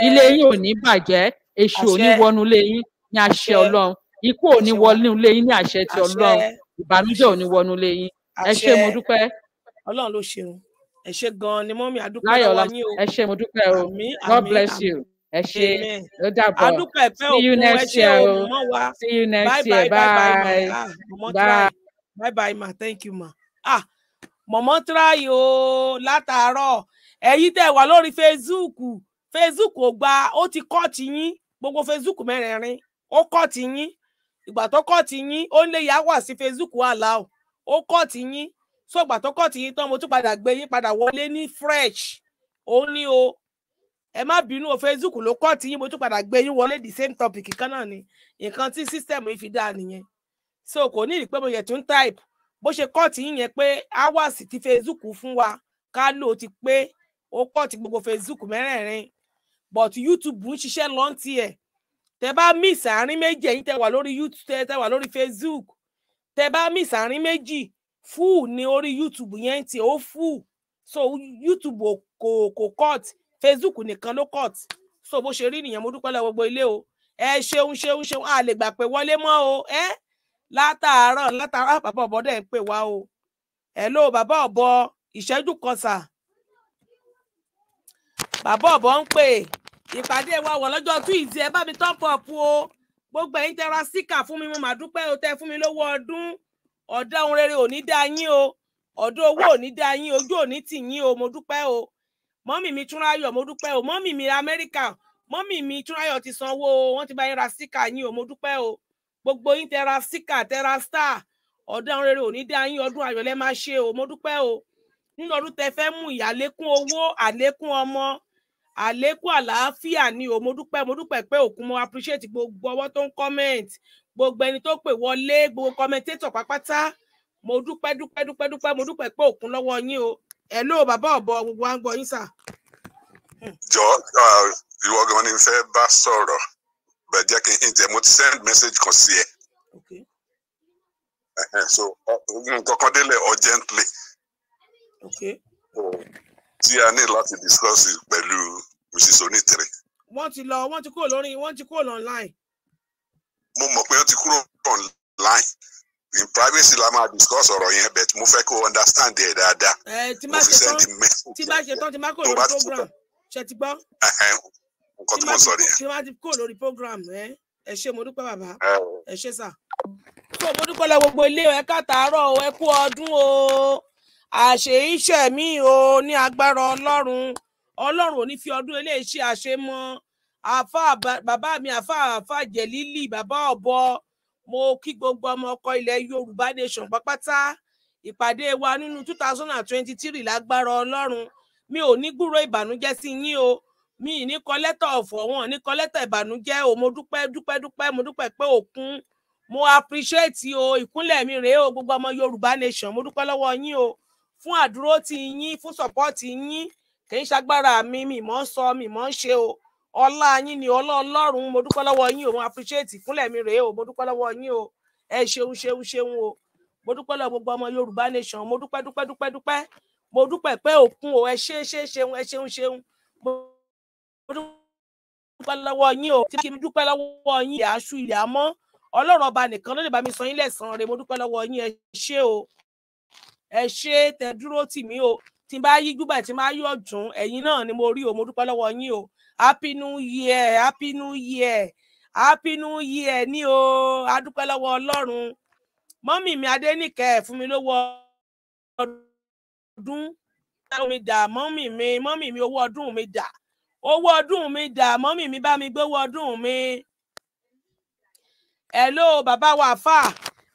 ilé yín ò ní bàjẹ́ èṣù ò ní wọnú ilé yín ní àṣẹ Ọlọ́run ikú ò ní wọnú ilé yín ní àṣẹ ti Ọlọ́run ìbànújẹ́ ò ní wọnú ilé yín ẹ ṣé mo dúpẹ́. Ọlọ́run ló ṣeun ẹ gan ni mọ́mí adúpẹ́ lọ́wọ́ yín o ẹ mo dúpẹ́ o god bless you ẹ ṣé ó dàbọ̀ adúpẹ́ ìfẹ́ òkun ẹ see you next year bye bye bye ah, bye bye bye ma thank you ma ah mọ̀mọ́ try o látàárọ̀ ẹ̀yin tẹ̀ wà lórí facebook facebook ò gba ó ti kọ́ ti yín gbogbo facebook mẹ́rẹ̀ẹ̀rin ó kọ́ ti yín ìgbà tó kọ́ ti yín ó lè yá wà sí facebook wà láò ó kọ́ ti yín sọgbà tó kọ́ tìyín tán mo tún padà gbé yín padà wọlé ní fresh òun ni o ẹ má bínú o Facebook ló kọ́ tìyín mo tún padà gbé yín wọlé the same topic kan náà ni nǹkan tí system yìí fi dá nìyẹn so kò ní ìdí pé mo yẹ tún type bó ṣe kọ́ tìyín yẹn pé hours ti Facebook fún wa ká lò ó ti pé ó kọ́ ti gbogbo Facebook mẹ́rẹ̀ẹ̀rin but YouTube ń ṣiṣẹ́ lọ́ntì ẹ̀ tẹ bá miss àárín méjì ẹ̀yin tẹ wà lórí YouTube tẹ wà lórí Facebook tẹ bá miss àárín méjì full ni orí youtube yẹn ti ó full so youtube kò kò cut facebook nìkan ló cut so bó ṣe rí nìyẹn mo dúpẹ́ lọ́wọ́ gbogbo ilé o ẹ ṣeun ṣeun ṣeun a lè gbà pé wọlé mọ́ o ẹ látàárọ̀ látàárọ̀ ah, bàbá ọ̀bọ dẹ̀ ń pè wá o ẹ ló bàbá ọ̀bọ ìṣẹ́jú kan sà bàbá ọ̀bọ ń pè ìpàdé wa wọ̀ lọ́jọ́ túìsì ẹ bá mi tọ́pọ̀ ọ̀pù o gbogbo ẹ̀yin tẹ́ra síkà fún mi mo mà dúpẹ́ o tẹ́ fún mi lówó ọdún ọ̀dọ́ ohun rere ò ní dá yín o ọ̀dọ́ owó ò ní dá yín ojú ò ní tì yín o mo dúpẹ́ o mọ́mì mi Túnráyọ̀ mo dúpẹ́ o mọ́mì mi Amẹ́ríkà mọ́mì mi Túnráyọ̀ ti sanwó o wọ́n ti bá yín ra síkà yín o mo dúpẹ́ o gbogbo yín tẹ́ra síkà tẹ́ra star ọ̀dọ́ ohun rere ò ní dá yín ọdún ayọ̀ lẹ́ máa ṣe o mo dúpẹ́ o nínú ọdún tẹ fẹ́ mú ìyàlékún owó àlékún ọmọ àlékún àlàáfíà ni o mo dúpẹ́ mo dúpẹ́ pé òkun mo appreciate gbogbo ọwọ́ tó ń comment gbogbo ẹni tó pè wọlé gbogbo kọmẹtétọ̀ pápátá mo dúpẹ́ dúpẹ́ dúpẹ́ dúpẹ́ mo dúpẹ́ pé òkun lọ́wọ́ yín o ẹ ló bàbá ọ̀bọ gbogbo wa ń gbọ́ yín sà. jọ ìwọ gan ni fẹ́ bá sọ̀rọ̀ bẹ́ẹ̀ jẹ́ kí n jẹ mo ti send message kan sí ẹ so nǹkan kan délẹ̀ urgently tí a ní láti discuss pẹ̀lú mrs onítìrí. wọ́n ti lọ wọ́n ti kúrò lórí wọ́n ti kúrò online mo mọ̀ pé ó ti kúrò online in privacy la máa discuss ọ̀rọ̀ yẹn but mo fẹ́ kó understand ẹ̀ dáadáa mo fi send message tí bá ṣe tán tí bá kò lórí program ṣe ti gbọ́ nǹkan tí mo sọ nìyẹn tí bá ti kò lórí program ẹ ẹ ṣe mo dúpẹ́ bàbá ẹ ṣe sà tó mo dúpẹ́ lọ gbogbo ilé ẹ káàtàárọ̀ ẹ kú ọdún o àṣeyíṣẹ́ mi o ní agbára ọlọ́run ọlọ́run ò ní fi ọdún eléyìí ṣe àṣemọ́ àfa bàbá mi àfa àfa jẹ̀lílì bàbá ọ̀bọ mo kí gbogbo ọmọ ọkọ ilẹ̀ yorùbá nation pápátá ìpàdé wa nínú two thousand and twenty three lágbára ọlọ́run mi ò ní gbúrò ìbànújẹ́ sí yín o mi ì ní kọ lẹ́tà ọ̀fọ̀ wọn ní kọ lẹ́tà ìbànújẹ́ o mo dúpẹ́ dúpẹ́ dúpẹ́ mo dúpẹ́ pé òkun mo appreciate o ìkúnlẹ̀ mi rèé o gbogbo ọmọ yorùbá nation mo dúpẹ́ lọ́wọ́ yín o fún àdúró ti yín fún support yín kì í ṣagbára mi mi mọ̀ ń sọ mi mọ̀ ń ṣe o ọlá yín ni ọlá Ọlọ́run mo dúpẹ́ lọ́wọ́ yín o mo appreciate ìkúnlẹ̀ mi rèé o mo dúpẹ́ lọ́wọ́ yín o ẹ ṣeun ṣeun ṣeun o mo dúpẹ́ lọ́wọ́ gbogbo ọmọ Yorùbá nation mo dúpẹ́ dúpẹ́ dúpẹ́ dúpẹ́ mo dúpẹ́ pé òkun o ẹ ṣe ṣe ṣeun ẹ ṣeun ṣeun mo dúpẹ́ lọ́wọ́ yín o tí kì í dúpẹ́ lọ́wọ́ yín ilẹ̀ aṣú ilẹ̀ amọ́ Ọlọ́run ọba nìkan ló lè bá mi sọ yín lẹ́san rẹ̀ mo dúpẹ́ lọ́wọ́ yín ẹ ṣe o ẹ ṣe tẹ dúró tì mí o tí n bá yí júbà tí n bá yí ọ̀dùn ẹ̀yin náà ni mo rí o mo dúpẹ́ lọ́wọ́ yín o happy new year happy new year happy new year Ni o adúpẹ́ lọ́wọ́ ọlọ́run mọ́mì mi adẹ́nìkẹ́ fún mi lówó ọdún mi dà mọ́mì mi mọ́mì mi owó ọdún mi dà owó ọdún mi dà mọ́mì mi ba mi gbówó ọdún mi hello Baba wa fà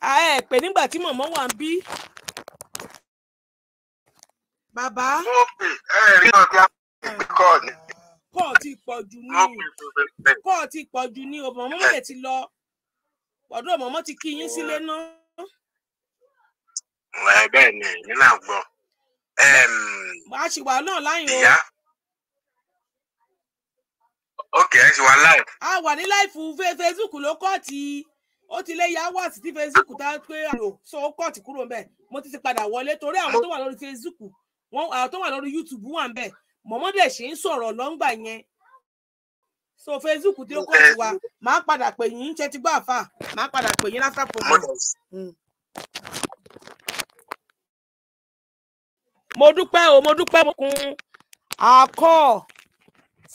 á ẹ̀ pé nígbà tí mọ̀mọ́ wà ń bí. bàbá. mo pè ẹ rí ọjà ni kọ́ ti pọ̀ jù ní kọ́ ti ní o mọ̀mọ́ mọ̀lẹ̀ ti lọ ọ̀dọ̀ mọ̀mọ́ ti kí yín sílé náà. bẹ́ẹ̀ ni èmi náà gbọ́. wàá ṣì wà náà láyìn o. ok ẹ ṣì wà láì. a wà ní láìfù Facebook ló kọ́ ó ti lé yáwá sí ti Facebook tá a pé àrò so kọ́ kúrò ń bẹ̀ mo ti ti padà wọlé torí àwọn tó wà lórí Facebook àwọn tó wà lórí YouTube wà ń bẹ̀ mọ̀mọ́ dẹ̀ ṣì ń sọ̀rọ̀ lọ́ngbà yẹn so facebook tí ó kọ́ sí wa máa padà pè yín ṣe ti gbọ́ àfà máa padà pè yín láfà program. Hmm. mo dúpẹ́ o mo dúpẹ́ mo kun àkọ́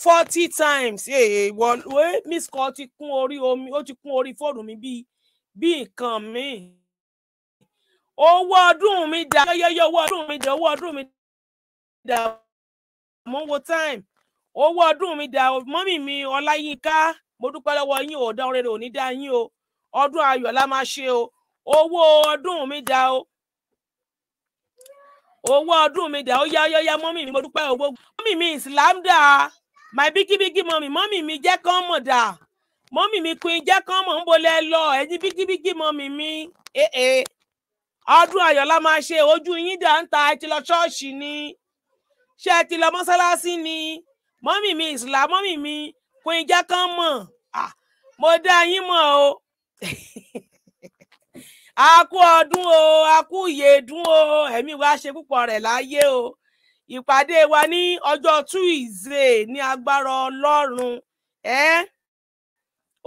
forty times ìwọ̀lúwé miss call ti kún orí omi ó ti kún orí fóònù mi bíi bíi nǹkan míì owó ọdún mi dà yẹyẹ owó ọdún mi dà owó ọdún mi dà mo ń wo time owó ọdún mi dà mọ́mì mi ọláyínká mo dúpẹ́ lọ́wọ́ yín o ọ̀dọ́ rere ò ní dá yín o ọdún ayọ̀ la máa ṣe o owó ọdún mi dà o owó ọdún mi dà ó yá ó yá mọ́mì mi mo dúpẹ́ owó mọ́mì mi islam dà my bíkíbíkí mọ́mì mọ́mì mi jẹ́ kán mọ̀ dà mọ́mì mi queen jẹ́ kán mọ̀ ń bolẹ̀ lọ ẹ̀yin bíkíbíkí mọ́mì mi eh, eh. ọdún ayọ̀ la máa ṣe ojú yín dà ń ta ẹ ti lọ ṣọ́ọ̀ṣì ni ṣé ẹ ti lọ mọ́sálásí ni mọ́mì mi ìsìlá mọ́mì mi kun ìjà kan mọ̀ mo dá yín mọ̀ o (laughs) a kú ọdún o a kú ìyèdún o ẹ̀mí wa ṣe púpọ̀ rẹ̀ láyé o ìpàdé wa ní ọjọ́ Tuesday ní agbára Ọlọ́run ẹ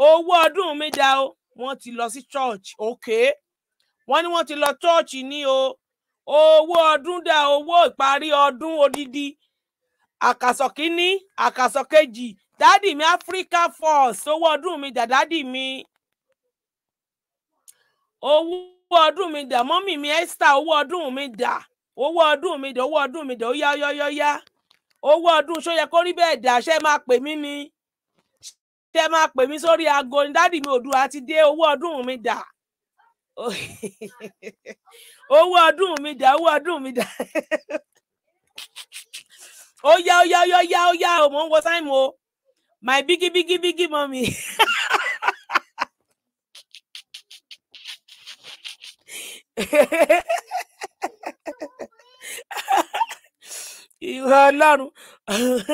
owó ọdún mi dá o wọ́n ti lọ sí church òkè wọ́n ní wọ́n ti lọ church ní o owó ọdún dà owó ìparí ọdún odidi àkàsọ̀ kínní àkàsọ̀ kejì dádì mi Africa Falls owó ọdún mi dà dádì mi owó ọdún mi dà mọ́mì mi Esther owó ọdún mi dà owó ọdún mi dà owó ọdún mi dà ó yá yá yá yá owó ọdún ṣó yẹ kó rí bẹ́ẹ̀ dà ṣe máa pè mí ni ṣe máa pè mí sórí aago ni dádì mi Oòduà ti dé owó ọdún mi dà (laughs) owó ọdún mi dà owó ọdún mi dà ó yá ó yá ó yá ó yá ó mò ń wo time o my bigi bigi bigi mommy. (laughs) ìwọ ọlọ́run (laughs)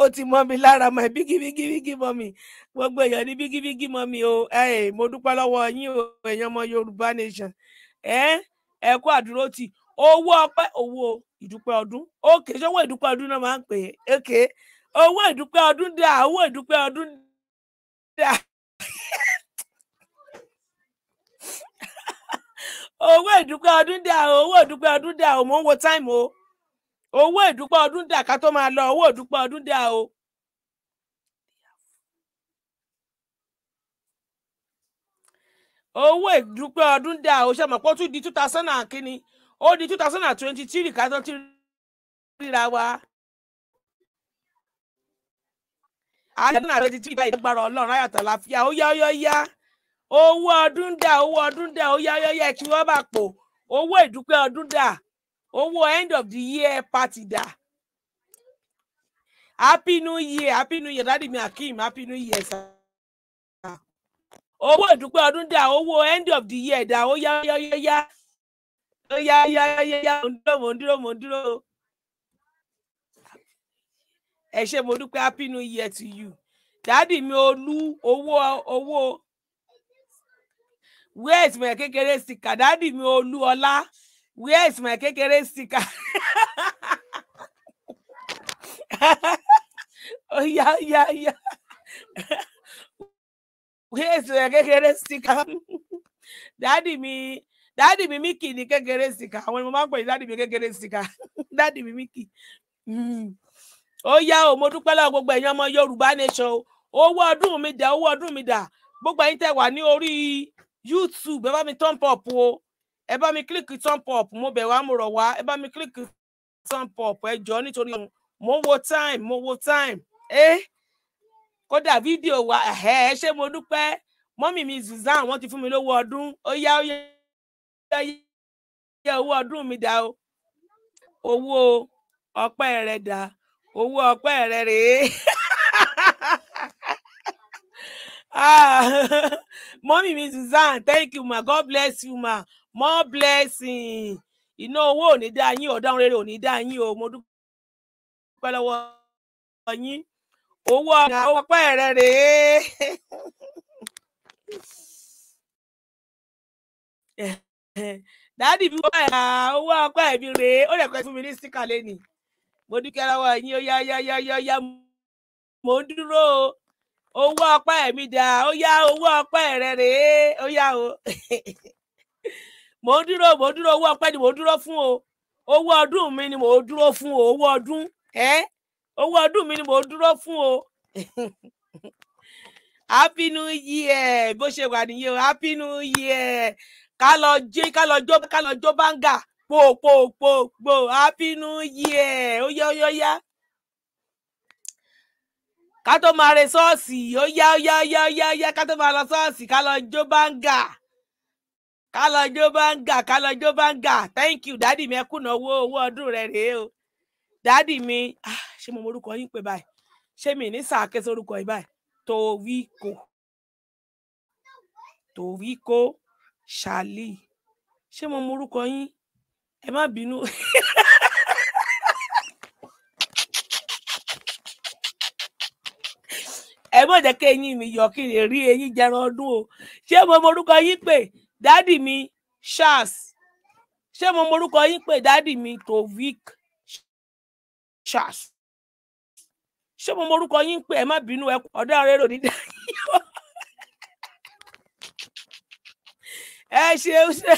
ó ti mọ́ mi lára my bígí bígí bígí mọ́ mi gbogbo èèyàn ní bígí bígí mọ́ mi o mo dúpẹ́ lọ́wọ́ yín o èèyàn ọmọ Yorùbá nation ẹ kú àdúró tì owó ọpẹ́ owó ìdúpẹ́ ọdún òkè ṣọwọ ìdúpẹ́ ọdún náà máa ń pè é òkè owó ìdúpẹ́ ọdún dà owó ìdúpẹ́ ọdún dà (laughs) owó ìdúpẹ́ ọdún dà owó ìdúpẹ́ ọdún dà o mò ń wo táìmù o. owó ìdúpẹ́ ọdún dà ká tó máa lọ owó ìdúpẹ́ ọdún dà o. owó ìdúpẹ́ ọdún dà o ṣe mọ̀ pé ó di two thousand and ó di two thousand and twenty three ká tó ti ríra wa. àyàtọ̀ náà twenty three báyìí lágbára ọlọrun àyàtọ̀ láfíà ó yá yá owó ọdún dà owó ọdún dà ó yá owó end of the year party dà happy new year happy new year dádì mi akeem happy new year sir owó ìdúpẹ́ ọdún dà owó end of the year dà ó yá yá yá yá ó yá yá yá yá mò ń dúró mò ń dúró mò ń dúró ẹ ṣé mo dúpẹ́ happy new year to you dádì mi olú owó owó wait mo kékeré sí kà mi olú ọlá. Where is my kekere sticker? (laughs) oh, yeah, yeah, yeah. Where is my kekere sticker? Daddy mi, daddy mi Mickey ni kekere sticker. Àwọn ọmọ máa ń pè daddy mi kekere sticker. (laughs) Daddy mi Mickey. Ó yá o, mo dúpẹ́ lọ́wọ́ gbogbo ẹ̀yin ọmọ Yorùbá nation o. Owó ọdún mi dà, owó ọdún mi dà. Gbogbo ẹ̀yin tẹ̀ wà ní orí YouTube, ẹ bá mi tọ́ǹpọ̀ ọ̀pọ̀ ẹ bá mi kílíkì thumb up mo bẹ̀ wá mo rọ̀ wá ẹ bá mi kílíkì thumb up ẹ nítorí ọ̀hún mo wo time mo wo time ẹ kódà fídíò wa ẹ ṣé mo dúpẹ́ mọ́mì mi zuzan wọ́n ti fún mi lówó ọdún ó yá ó yá owó ọdún mi dá o owó ọpẹ́ rẹ dá owó ọpẹ́ rẹ rèé (laughs) ah, (laughs) mọ́mì mi zuzan thank you ma God bless you ma more blessing iná owó ò ní dá yín o rere ò ní dá yín o mo dúpẹ́ lọ́wọ́ yín owó ọ̀nà rẹ rèé. dáàdì mi wọ́n ẹ̀ owó mi rèé ó lè pẹ́ fún mi ní síkà mo yín (laughs) mò ń dúró mò ń dúró owó fún o owó ọdún mi ni mò fún o owó ọdún owó ọdún mi ni mò fún o (laughs) happy new year bó ṣe wà o kálọjọ bá ń gà kálọjọ bá ń gà thank you dádì mi ẹ kùnà owó owó ọdún rẹ rèé o dádì mi ah, ṣé mo morúkọ yín pé báyìí ṣé mi ní sàáké sórúkọ báyìí tòwíkò tòwíkò ṣàlì mo morúkọ yín ẹ má bínú. (laughs) ẹ mọ̀ mi yọ kí n lè o ṣé mo morúkọ yín pé dádì mi Charles ṣé mo morúkọ yín pé dádì mi Tovik Charles ṣé mo morúkọ yín pé ẹ má bínú ẹ ọdọ ọrẹ rò ní dádì yìí (laughs) ẹ ṣe ṣe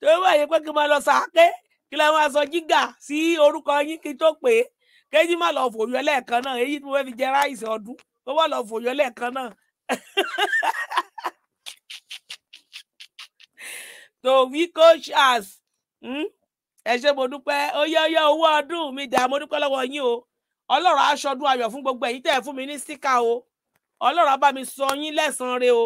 tó bá yẹ pé kí n máa lọ sàáké kí lè máa sọ jígà sí orúkọ yín kí n tó pè kéjì má lọ fòyọ lẹ́ẹ̀kan náà èyí tí mo fẹ́ fi jẹ ráìsì ọdún ó wà lọ fòyọ lẹ́ẹ̀kan náà (laughs) Tobiko's house hmm? ẹ ṣe mo dúpẹ́ oyeyọ owó ọdún mi dà mo dúpẹ́ lọ́wọ́ yín o ọlọ́run aṣọdún ayọ̀ fún gbogbo ẹ̀yin tẹ́ ẹ fún mi ní síkà o ọlọ́run á bá mi sọ yín lẹ́sàn-án re o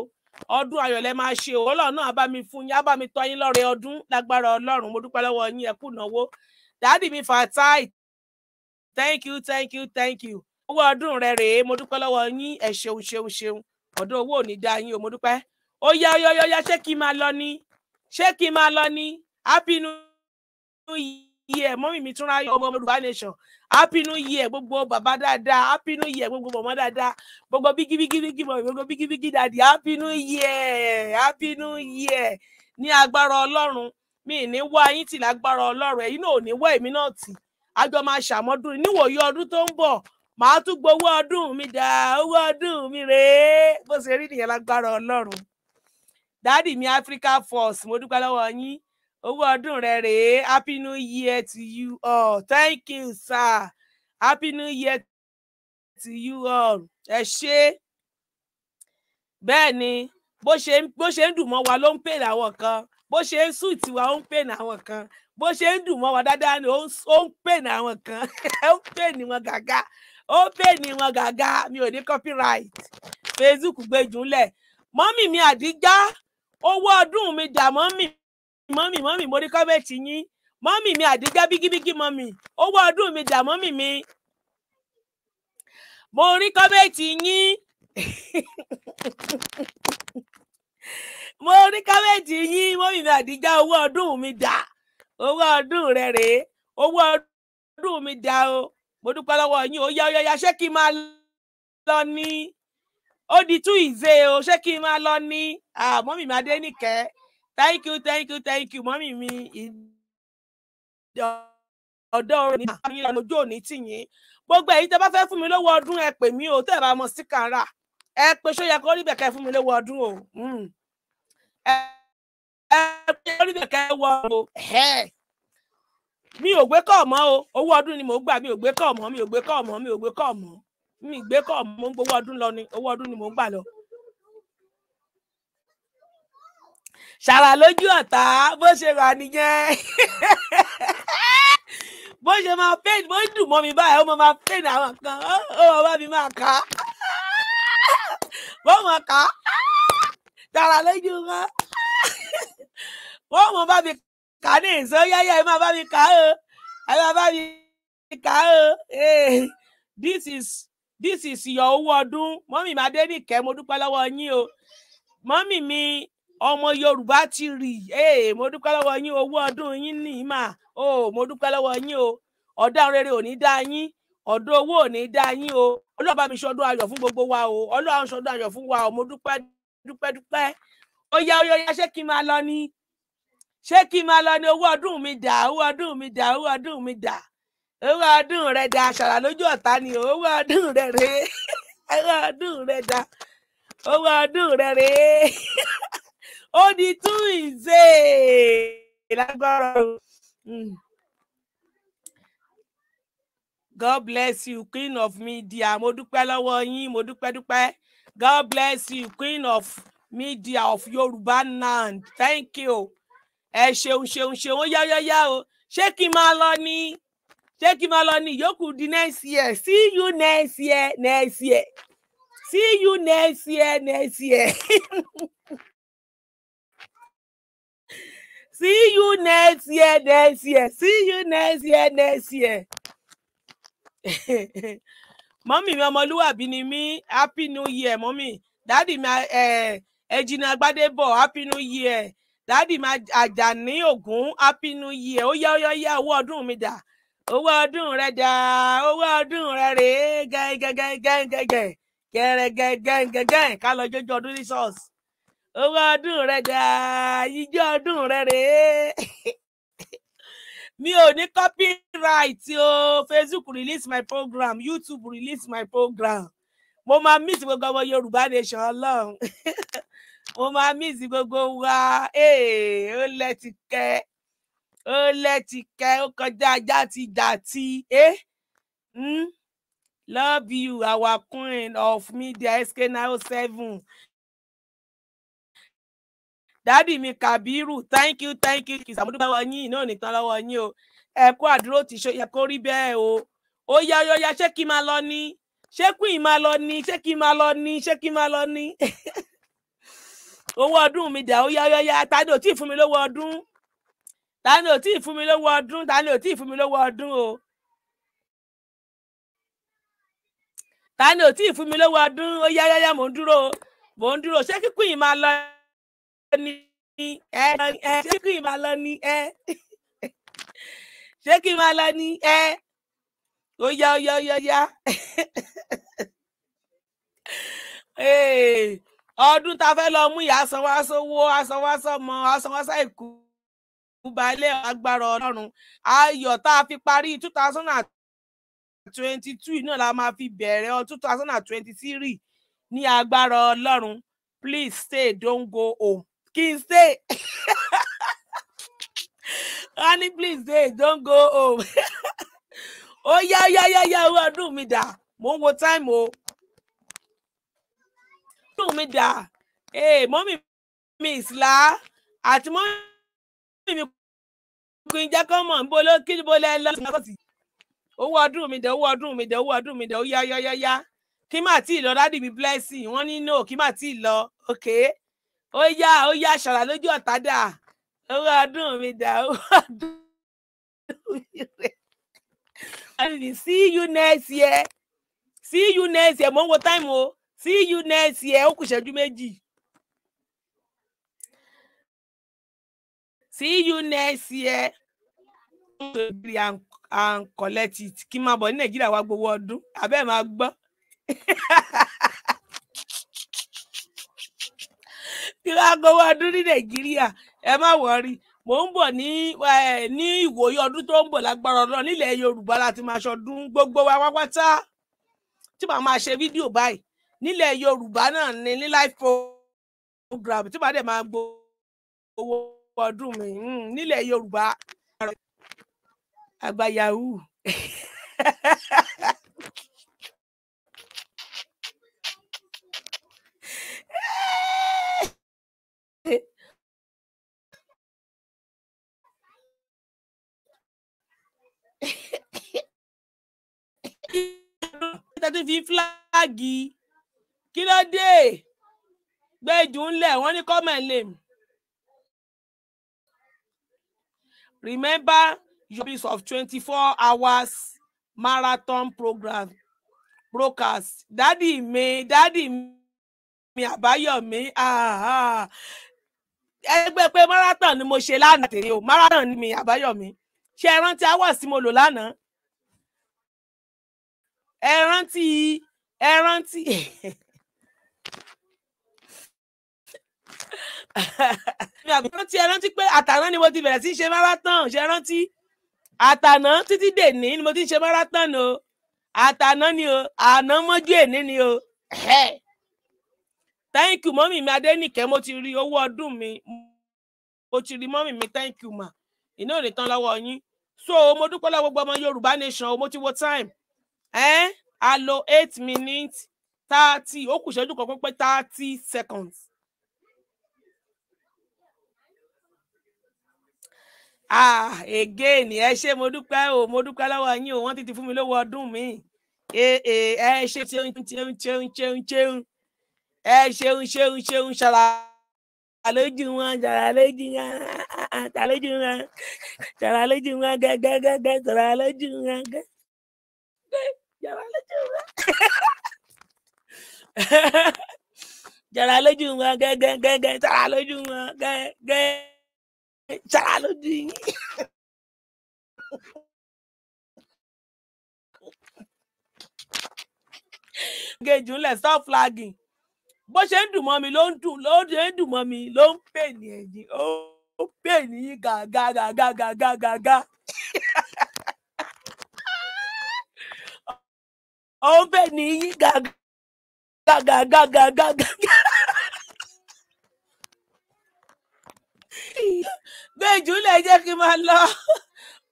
ọdún ayọ̀ lẹ máa ṣe o ọlọ́run náà á bá mi fún yín á bá mi tọ́ yín lọ́rẹ ọdún lágbára ọlọ́run mo dúpẹ́ lọ́wọ́ yín ẹ kú náwó dáàdì mi Fatai thank you thank you thank you owó ọdún rẹ rèé mo dúpẹ́ lọ́wọ́ yín ẹ ṣeun ṣeun ṣeun ọ̀dọ̀ owó ò ní dá yín o mo dúpẹ́ ó yá ó ṣé kí n máa lọ ni ṣé kí n máa lọ ní happy new year mọ́mì mi tún ráyọ̀ ọmọ yorùbá nation happy new year gbogbo bàbá dáadáa happy new year gbogbo mọ̀mọ́ dáadáa gbogbo bígí bígí gbogbo bígí dàdí happy new year happy new year ní agbára ọlọ́run mi ní wá yín tì lágbára ọlọ́run ẹ̀yin náà ò ní wá èmi náà tì a jọ máa ṣàmọ́dún níwòye ọdún tó ń bọ̀ màá tún gbowó ọdún mi dá owó ọdún mi rèé bó ṣe rí nìyẹn lágbára ọlọ́run dáàdì mi Africa Force mo dúpẹ́ lọ́wọ́ yín owó ọdún rẹ rèé happy new year to you all thank you sir happy new year to you all ẹ ṣé bẹ́ẹ̀ ni bó ṣe bó ṣe ń dùn mọ́ wa ló ń pè láwọn kan bó ṣe ń sùn tiwa ó ń pè láwọn kan bó ṣe ń dùn mọ́ wa dáadáa ni ó ń pè láwọn kan ó ń pè ní wọn gàgà ó ń pè ní wọn gàgà mi ò ní copyright Facebook gbé jùlẹ̀ mọ́mì mi àdíjá owó ọdún mi dà mọ́mì mọ́mì mọ́mì mo rí kọ́mẹ́ǹtì yín mọ́mì mi àdíjá bígíbígí mọ́mì owó ọdún mi dà mọ́mì mi mo rí kọ́mẹ́ǹtì yín mo rí kọ́mẹ́ǹtì yín mọ́mì mi àdíjá owó ọdún mi dà owó ọdún rẹ rèé owó ọdún mi dà o mo dúpẹ́ lọ́wọ́ yín ó yá ó yá ṣé kí n máa lọ ní. o di tú ìzé o ṣé kí n máa lọ ní mọ́mì mi adénìkẹ́ thank you thank you thank you mọ́mì mi ọ̀dọ́ ní ìlànà ojú òní tìyín gbogbo èyí tẹ bá fẹ́ fún mi lówó ọdún ẹ pè mí o tẹ́ bá mọ sí ẹ pé ṣó yẹ kó mi lówó ọdún o hmm. ẹ pé rí bẹ̀kẹ́ wọ o mi ò gbé kọ̀ mọ́ ọdún ni gbà mi ò gbé kọ̀ mọ́ mi ò gbé mi gbé kọ mo ń gbowó ọdún lọ ni owó ọdún ni mo ń gbà lọ. ṣàrà lójú ọ̀tá bó ṣe rà nìyẹn (laughs) bó ṣe máa pain bó dùn mọ́ mi báyìí ó máa máa pain àwọn kan ó máa bá mi máa kà á wọ́n máa kà á ṣàrà lójú wọn wọ́n máa bá mi kà á ní ìṣó ẹ máa bá mi kà á ẹ máa bá mi kà á o eh, this is this is your owó mommy. mọ́mì máa dé nìkẹ́ mo dúpẹ́ lọ́wọ́ yín o mommy mi ọmọ yorùbá ti rì ee mo dúpẹ́ lọ́wọ́ yín owó ọdún yín ní mà o oh, mo dúpẹ́ lọ́wọ́ yín o Oda rere ò ní dá yín ọ̀dọ̀ owó ò ní dá o ọlọ́run mi ṣọdún ayọ̀ fún gbogbo wa o ọlọ́run ṣọdún ayọ̀ fún wa o mo dúpẹ́ dúpẹ́ dúpẹ́ ó yá ó yá ṣé kí n máa lọ ni ṣé kí n máa ni owó ọdún mi da. owó ọdún mi da. owó ọdún mi da owó ọdún rẹ da ṣàrà lójú ọ̀tá ni owó ọdún rẹ rè é (laughs) owó ọdún rẹ da owó ọdún rẹ rè é (laughs) ó di tún ìzé lágbára o. Hmm. God bless you, Queen of Media. Mo dúpẹ́ lọ́wọ́ yín, mo dúpẹ́ dúpẹ́. God bless you, Queen of Media of Yorùbá land. Thank you. Ẹ ṣeun ṣeun ṣeun yáyáyá o. Ṣé kí n máa lọ ni? ṣé kí n máa lọ ní ìyókù di next year see you next year next year see you next year next year (laughs) see you next year next year see you next year next year (laughs) mọ́mì mi ọmọlúwàbí ni mí happy new year mọ́mì dáàdì mi ẹ̀jìnà agbádébọ̀ happy new year dáàdì mi àjàní ògún happy new year ó yá ó yá ó yá owó ọdún mi dà owó ọdún rẹ dà owó ọdún rẹ rèé gẹ́gẹ́gẹ́gẹ́gẹ́ gẹ́rẹ́gẹ́gẹ́gẹ́ ká lọ jójó ọdún ní ṣọ́ọ̀ṣì owó ọdún rẹ dà ijó ọdún rẹ rèé mi ò ní copyright o Facebook release my program YouTube release my program mo máa miss gbogbo ọmọ Yorùbá nation Ọlọ́run mo máa miss gbogbo wa ó lẹ ti kẹ ó lẹ́tì kẹ́ ó kọjá ajá ti dà tí ẹ́ hmm? love you our queen of media sk nine oh seven dádì mi kàbírù thank you thank you kìsà mo dúpẹ́ lọ́wọ́ yín iná nìkan lọ́wọ́ yín o ẹ kú àdúró tí yẹ kó rí bẹ́ẹ̀ o ó yá ó yá ṣé kí n máa lọ ní ṣé queen máa lọ ní ṣé kí n máa lọ ní ṣé kí n máa lọ ní (laughs) owó ọdún mi dà ó yá ó yá tádé ò tí ì fún mi lówó ọdún ta ni ò tí ì fún mi lówó ọdún ta ni ò tí ì fún mi lówó ọdún o ta ni ò tí ì fún mi lówó ọdún ó yá yáyá mò ń dúró mò ń dúró ṣé kíkún yìí máa lọ ní ẹ ẹ ṣé kíkún yìí máa lọ ní ẹ ṣé kí n máa lọ ní ẹ ó yá ó yá ó yá yá ọdún tá fẹ́ lọ mú ìyá asanwó asánwó asanwó asánmọ asanwó asán èkó balẹ̀ agbára ọlọ́run ayọ̀ tá a fi parí two thousand and twenty two náà la máa fi bẹ̀rẹ̀ ọ two thousand and twenty three ní agbára ọlọ́run please stay don't go home kí n stay honey (laughs) please stay don't go home (laughs) ó yá yá yá yá owó ọdún mi dà mò ń wo time o ọdún mi dà mọ́mí mi ìsìlá àti mọ́mí mi kún jẹ́ kọ́ mọ̀ níbo ló kí níbo lẹ́ lọ sí ọ̀sì owó ọdún mi dé owó ọdún mi dé owó ọdún mi dé ó yá kí má tí ì lọ dádì mi blessing wọ́n ní no kí má tí ì lọ òkè ó yá ó yá ṣàrà lójú ọ̀tá dà owó ọdún mi dà owó ọdún mi rẹ̀ see you next year see you next year mo ń wo time o see you next year ó kù ṣẹ́jú méjì. see you next year to and, and collect it kima ní nàìjíríà wá gbowó ọdún abẹ́ gbọ́ (laughs) kí gbowó ní nàìjíríà ẹ má wọrí ní ní ìwòye ọdún tó ń bọ̀ yorùbá láti ṣọdún gbogbo wa ma báyìí yorùbá ní live program ma pọ̀ dùn mí nílẹ̀ Yorùbá àgbà yahoo. tẹ́tí fi fúláàgì kí ló dé gbẹ́jù ńlẹ̀ wọ́n ní kọ́mẹ̀ Remember your piece of 24 hours marathon program broadcast. Daddy me, daddy me Àbáyọ̀mí. Ah, ah. pé marathon ni mo ṣe lánàá tèmi o, marathon ni mi Àbáyọ̀mí. Ṣé ẹ rántí hours tí mo lò lánàá? Ẹ rántí, ẹ rántí. (laughs) mi àgbọn tí ẹ rántí pé àtàná ni mo ti bẹ̀rẹ̀ sí ṣe marathon ṣe rántí àtàná títí dèní ni mo ti ṣe marathon o àtàná ni o àná mọ́jú èní ni o thank you mọ́mì mi adẹ́nìkẹ́ mo ti rí owó ọdún mi mo ti rí mọ́mì mi thank you ma iná ò ní tán lọ́wọ́ yín so mo dúpẹ́ lọ́wọ́ gbogbo ọmọ Yorùbá nation o mo ti wo time eh? a lo eight minutes thirty ó kù ṣẹ́jú kan pé thirty seconds ah again ẹ ṣe mo dúpẹ́ o mo dúpẹ́ lọ́wọ́ yín o wọ́n ti ti fún mi lówó ọdún mi ẹ ṣe ṣeun ṣeun ṣeun ṣeun ṣeun ẹ ṣeun ṣeun ṣeun ṣara lójú wọn ṣara lójú wọn ṣara lójú wọn ṣara lójú wọn gẹgẹgẹgẹ (laughs) ṣara lójú wọn gẹ ṣara lójú wọn ṣara lójú wọn gẹgẹgẹgẹ ṣara lójú wọn gẹgẹ. ìjàrá lójú yín. gèjì ńlẹ̀ stop bó ṣe ń dùn mọ́ mi ló ń dùn ló ń dùn mọ́ mi ló ń pè ní ẹ̀yìn ó pè ní gàgàgàgàgàgàgà. ó pè ní gbé ìjùlẹ̀ jẹ́ kí n máa lọ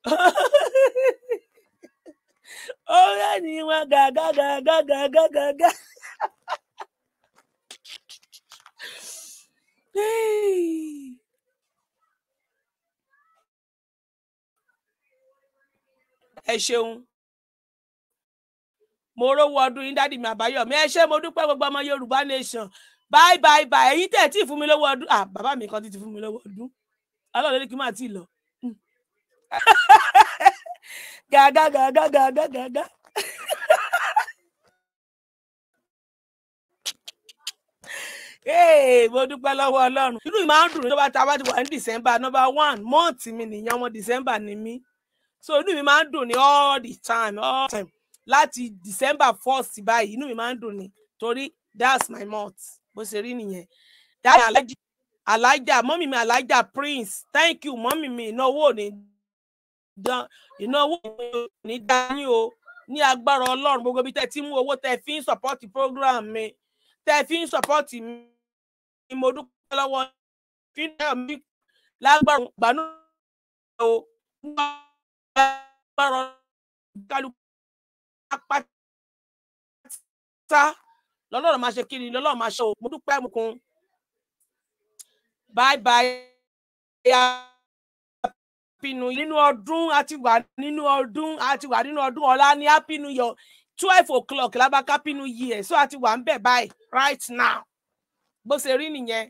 (laughs) ó rẹ́ni wọn gàgàgàgàgàgàgà. ẹ ṣeun mo rówó ọdún yín dádì mi àbáyọmí ẹ ṣé mo dúpẹ́ gbogbo ọmọ yorùbá nation bye bye bye ẹ̀yin tẹ́ ti fún mi lówó ọdún ah bàbá mi kan ti ti fún mi lówó ọdún alọ́ọ̀lẹ́ ní kí n máa tí ì lọ. gàgà gàgà gàgà gàgà. mo dúpẹ́ lọ́wọ́ ọlọ́run inú mi máa ń dùn tó bá ta bá wà ní december number one month mi nìyẹn ọmọ december ni mí so inú mi máa ń dùn ní all the time all the time láti december first báyìí inú mi máa ń dùn ní torí that's my month bó ṣe rí nìyẹn dáadáa alájí alájà mọ́mì mi alájà prince thank you mọ́mì mi ìnáwó ò ní dán ìnáwó ò ní dání o ní agbára ọlọ́run gbogbo bí tẹ́ ti mú owó tẹ́ fi ń support program mi tẹ́ fi ń support mi mo dúpẹ́ lọ́wọ́ fi ń tẹ́ mi lágbára gbanú o ní agbára kálukú apáta lọ́lọ́run máa ṣe kí ni lọ́lọ́run máa ṣe o mo dúpẹ́ mukun bye bye happy new nínú ọdún a ti wà nínú ọdún a ti wà nínú ọdún ọ̀la ni happy new year twelve o'clock labaka happy new year so a ti wà ń bẹ̀ báyìí right now bó ṣe rí nìyẹn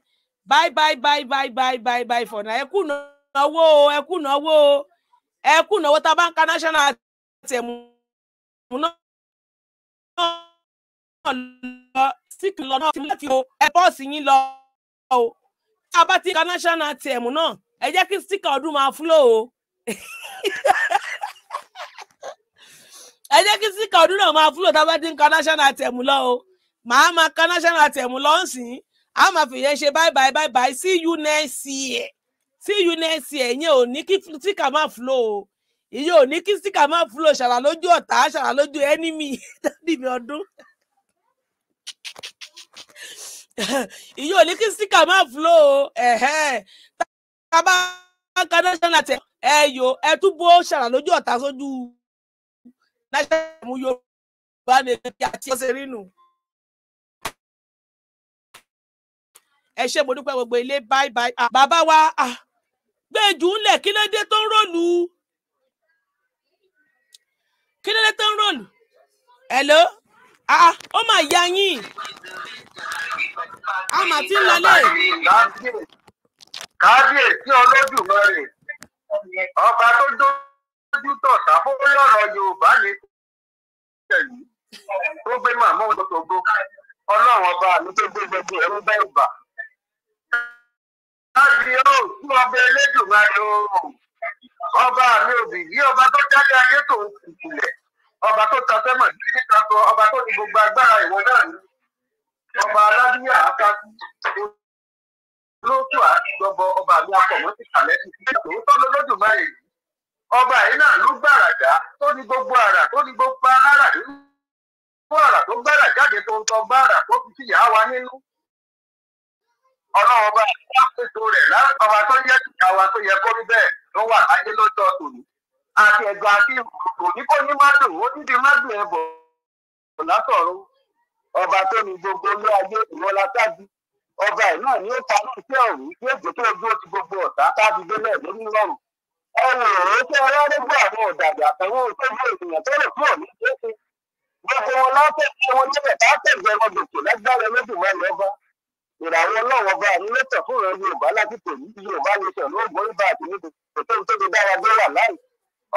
bye bye bye bye bye bye bye for now ẹ kú náwó o ẹ kú náwó o ẹ kú náwó tá a bá ń ka national anthem náà lọ sí kìlọ̀ náà ti mú ẹ fi o ẹ bọ́ọ̀sì yín lọ o tá a bá ti ka national anthem náà ẹ jẹ́ kí sticker ọdún máa flow o (laughs) ẹ jẹ́ kí sticker ọdún náà máa flow tá a bá ti ka national anthem lọ o màá máa ka national anthem lọ ń sìn á máa fìyẹn ṣe bye bye bye bye see you next year see you next year yẹn ò ní kí sticker máa flow o ìyẹn ò ní kí sticker máa flow ṣàrà lójú ọ̀tá ṣàrà lójú enemy (laughs) dábìbì ọdún ìyá ò ní kí síkà máa fúlò o tábà kan national tẹ ẹ yò ẹ túbọ ṣàrà lójú ọ̀tá sójú national mú yorùbá nìkan kí àti ọ̀sẹ̀ rínú. ẹ ṣe mo dúpẹ́ gbogbo ilé bye bye bàbá wa gbẹ̀jù ńlẹ̀ kí ló dé tó ń ròlù kí ló dé tó ń ròlù hello. ah ó mà yá yín a mà ti ń lọlé. kábíyèsí olódùmarè ọba tó dójú tọ̀tà fún ọ̀rọ̀ yorùbá ní tẹ̀lú tó gbé màmá òdòdó ọlọ́run ọba mi tó gbé gbogbo ẹ̀rú bá ìgbà. láti yóò ọba mi òbí yí ọba tó jáde ọba tó ta sẹ́mọ̀ níta sọ ọba tó ní gbogbo agbára ìwọ náà ní ọba aládùúyà àkàtú olóòtú àtijọbọ ọba mi akọ̀mọ́ ti kàlẹ́ ti fi tòótọ́ lọ́lọ́dúnmáyé yìí ọba yìí náà ló gbàràdá tó ní gbogbo àrà tó ní gbogbo alára nínú àrà tó gbàrà jáde tó ń tọ́ gbàrà tó fi fìyà wa nínú ọlọ́wọ́ bá a ṣètò rẹ̀ láti ọba tó yẹ kìkà wa tó yẹ kó rí ló wà láyé lọ́jọ́ tòní àti ẹ̀gọ́ àti ìgbòho ní kò ní mọ́tò ó dídí mọ́tò ẹ̀ bọ̀ látọ̀rọ̀ ọba tó ní gbogbo ilé ayé ìwọlá tábí ọba ẹ̀ náà ní ó ta ní iṣẹ́ òun yóò jẹ́ kí ojú ó ti gbogbo ọ̀tá tábí délẹ̀ lórí lọ́rùn ẹ̀rù òun tó ọlá gbogbo àwọn ọ̀dàgbà àtàwọn òṣèlú ènìyàn tó rò fún òní ṣeéṣe gbogbo ọba ìràwọ̀ fún ìran Yorùbá lásìkò yìí Yorùbá lè sọ̀rọ̀ lóògùn ìbá níbi ètò dára gbé wà láì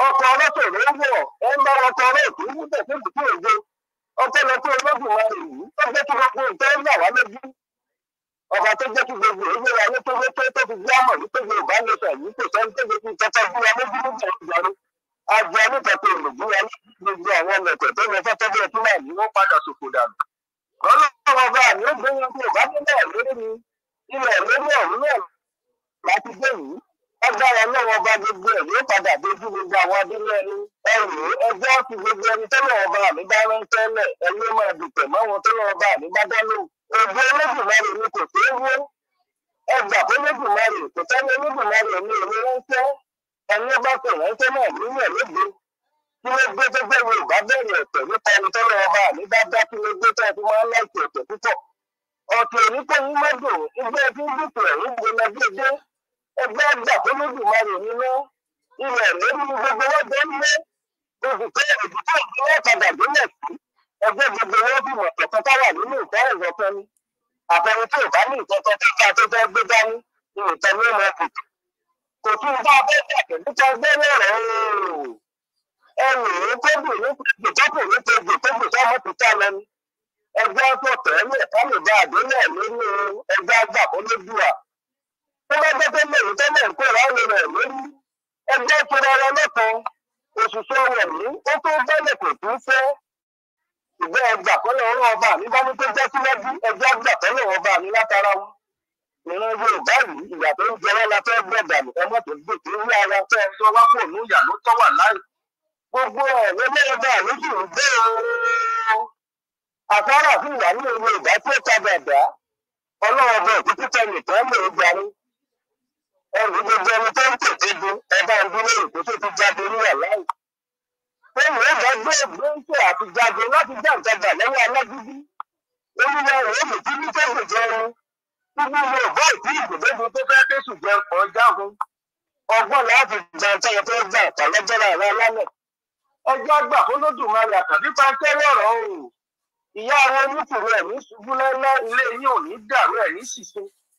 ọkọ̀ ọlọ́tọ̀ ló ń wọ̀ ẹ ń bá ọkọ̀ ọlọ́tọ̀ ń bẹ̀ fún ìdíkú òde ọkọ̀ lọ ológun wa èyí tó jẹ́ kí gbogbo nǹkan ń yà wá lójú ọba tó jẹ́ kí gbogbo èyí wa ní tó tó tó fi gbé àmọ̀ ní tó gbé òbá lè yìí kò sẹ́ni tó fi tata bí wa lójú lójú ìjọba àjọ onítàkùn tó yẹ fẹ́ wọn kó òbá dé náà lórí mi agbára lọ́wọ́ bá gbogbo ẹ̀ yóò padà dojú gbogbo àwọn abúlé ẹni ẹrù ẹgbẹ́ ọ̀tún gbogbo ẹni tó lọ́wọ́ bá mi bá rán tẹ́lẹ̀ ẹni máa dùtẹ̀ mọ́wọn tó lọ́wọ́ bá mi bá dánú. ògbó olódùmarè ni kò tó wó ẹgbà tó olódùmarè kò tẹ́lẹ̀ olódùmarè ni èmi ránṣẹ́ ẹni bá kò ránṣẹ́ náà nílẹ̀ lóde kí ló gbé tó gbé wo ìbá bẹ̀rẹ̀ ẹ̀tẹ̀ nípa ẹni tó lọ́wọ́ bá bá dá kí ló gbé tó ẹni ẹgbẹ́ ẹgbẹ́ àtọ́lódùmarè nínú ilẹ̀ lórí gbogbo ọjọ́ ńlẹ̀ olùkọ́ ìdíkọ́ ìdílé ọ̀kadà gbélé sí ẹgbẹ́ gbogbo wọn bí mọ̀tọ́tọ́ tá wà nínú ìtọ́ ìrọ̀tọ́ ni àtẹni tí ò bá ní ìtọ́tọ́ tó ká tó fẹ́ gbé dání ní ìtọ́ ní ìmọ̀ kòtò kò tún bá abẹ́gbẹ́ àtẹ̀jútọ́ gbẹ́rẹ́ rẹ̀ ẹnì ní tóbi ní tòbí ní tóbi tóbi tó mọ̀ tó tá lẹ́nu ẹgbẹ́ tó tẹ̀lé ẹ̀ká lè dá àdéhùn ẹ̀ lórí ẹgbẹ́ àgbà kó lójú à tó bá jẹ́ pé mẹ́rin tó mẹ́rin kó ra ọ̀lẹ́ rẹ̀ lórí ẹgbẹ́ ìpínlẹ̀ ọ̀rọ̀ lẹ́kọ̀ọ́ òṣìṣẹ́ rẹ̀ ní ó tó bẹ́lẹ̀ kò tún fẹ́ ìgbẹ́ ẹgbà kọ́lẹ̀ ọ̀rọ̀ ọba mi bá ní tó jẹ́ síwájú ẹgbẹ́ àgbà kọ́lẹ̀ ọba mi látara wọn ìran Yorùbá yìí ìyà tó ń jẹrẹ la fẹ́ gbọ́ dànù ọmọ tó gbé tó ń yára fẹ́ tó wá pò ní ìyà ló tọ́ wà láì gbogbo ẹ̀rọ mẹ́rẹ̀ẹ́dá méjì ń bẹ́ẹ̀ àfárá fún ìyàwó Yorùbá tó ta dàdá ọlọ́wọ́ bẹ́ẹ̀ tó tẹ̀ nìkan lè gbà ní ẹrù ẹni tó ń tètè du ẹ̀dá ìdílé ìpè tó ti jáde ní ọ̀láyìn. Fóònù ẹ̀dá gbé gbóńtò àti jáde láti já ìtajà lẹ́yìn alágídí. Olúwa rẹ̀ èdè tí ní tẹ́sán jẹun. Gbogbo ìwé ọ̀gá ìdí ìgbòdógún tó fẹ́ tẹ̀sùn jẹ ọjà ọ̀hún. Ọgbọ́n láti jà ń tẹ́yẹ tó gbà tàlẹ́jọ́ àwọn alálẹ̀. Ọjọ́ àgbà Olódùmarè àtàbí pàǹtẹ́rẹ́ ọ̀rọ̀ òòrùn. Ìyá àwọn oníkùnrin ẹ̀mí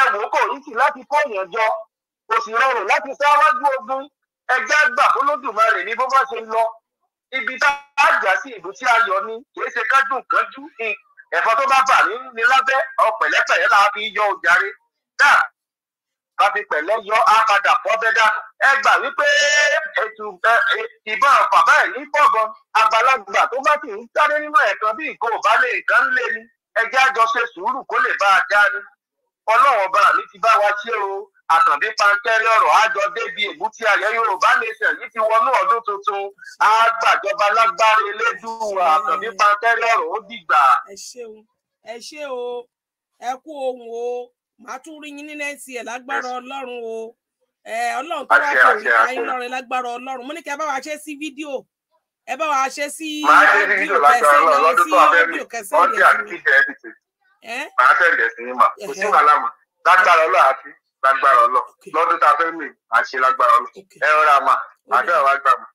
ẹ̀wò kò rí sí láti kó èèyàn jọ kò sì rọrùn láti sáwájú ogun ẹjẹ́ àgbà olódùmarè ní bó bá ṣe lọ ibi tá a jà sí ìlú tí a yọ ni kì í ṣe kádùn kánjú ẹ̀fọ́ tó bá bà ní ní lábẹ́ ọ̀pẹ̀lẹ́pẹ̀lẹ́ la fi yọ òjàre náà a fi pẹ̀lẹ́ yọ á padà pọ́ bẹ́dà ẹ gbà wípé ètò ìbọn bàbá ẹ̀ ní pọ̀gan àgbàlagbà tó bá sì ń sáré nínú ẹ̀kan bí nǹkan ò bá lè nǹkan lé ni ẹjẹ́ àjọṣe sùúrù kó lè bá a dá ni ọlọ́wọ́n bá mi ti bá wa ṣe o àtàndé pankẹ́rẹ́ ọ̀rọ̀ àjọ débi èbúté ayẹ yorùbá nation yìí ti wọnú ọdún tuntun á lágbára elédùnwà àtàndé pankẹ́rẹ́ ọ̀rọ̀ ó dìgbà. ẹ ṣe o ẹ kú ohun o màá tún rí yín ní nẹ́ẹ̀sì o ọlọ́run tó wá kò rí ayé lọ́rẹ̀ lágbára ọlọ́run mo ní ẹ bá wa ṣe sí ẹ bá wa ṣe sí fídíò kẹsẹ́ màá tẹ̀lé sí ní mà kò sí wàhálà mà lágbára ọlọ́ àti lágbára ọlọ́ lọ́dún tá a fẹ́ mi à ń ṣe lágbára ọlọ́ ẹ rọra mà àdúrà wa gbà mà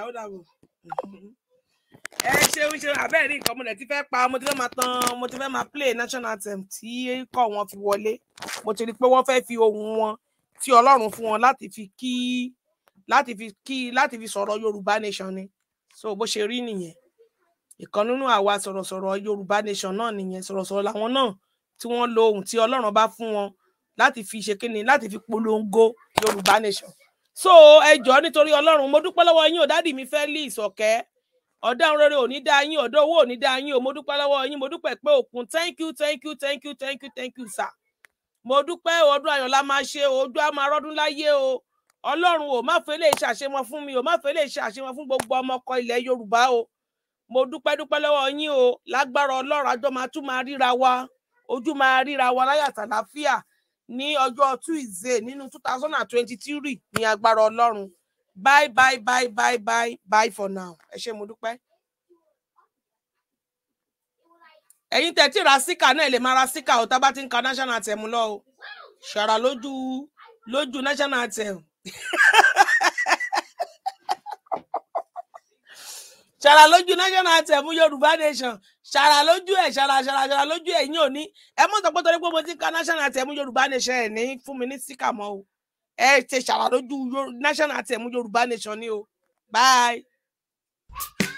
ó dà wù. ẹ ṣeun ṣeun àbẹ́ẹ̀ rí nǹkan mo lẹ̀ ti fẹ́ pa mo ti fẹ́ máa tan mo ti fẹ́ máa play national anthem tí kọ́ wọn fi wọlé mo ti rí i pé wọ́n fẹ́ fi ohun wọn tí Ọlọ́run fún wọn láti fi kí láti fi kí láti fi sọ̀rọ̀ Yorùbá nation ni so bó ṣe rí nìyẹn ìkan nínú àwa sọ̀rọ̀sọ̀rọ̀ yorùbá nation náà nìyẹn sọ̀rọ̀sọ̀rọ̀ làwọn náà tí wọ́n lo ohun tí ọlọ́run bá fún wọn láti fi ṣe kíni láti fi polongo yorùbá nation so ẹ jọ̀ọ́ nítorí ọlọ́run mo dúpẹ́ lọ́wọ́ yín o dádì mi Felix Ọ̀kẹ́ ọ̀daràn rere ò ní dá yín ọ̀dọ́ owó ò ní dá yín o mo dúpẹ́ lọ́wọ́ yín mo dúpẹ́ pé òkun thank you thank you thank you thank you thank you sir mo dúpẹ́ ọdún ayọ̀ la máa ṣe o ojú á máa rọ́dún láyé o ọlọ́run ò má fẹ́ lè ṣàṣemọ fún mi ò má fẹ́ lè ṣàṣemọ fún gbogbo ọmọkọ ilẹ̀ yorùbá o mo dúpẹ́ dúpẹ́ lọ́wọ́ yín o lágbára ọlọ́run àjọ máa tún máa wa ojú máa ríra wa láyàtà láfíà ní ọjọ́ tuesday nínú two three ní agbára ọlọ́run bye bye bye bye bye bye for now ẹ ṣe mo dúpẹ́. ẹ̀yin tẹ̀ tí ra síkà náà lè bá ti ń ka national anthem lọ o ṣàrà lójú lójú national (laughs) ṣàrà lójú national anthem yorùbá nation ṣàrà lójú ẹ ṣàrà ṣàrà ṣàrà lójú ẹ yín òní ẹ mọ̀ sọ́pọ̀ torí pé mo ti ka national anthem yorùbá nation ẹ̀ ní fún mi ní síkà mọ́ o ẹ ṣe ṣàrà lójú national anthem yorùbá nation ni o bye.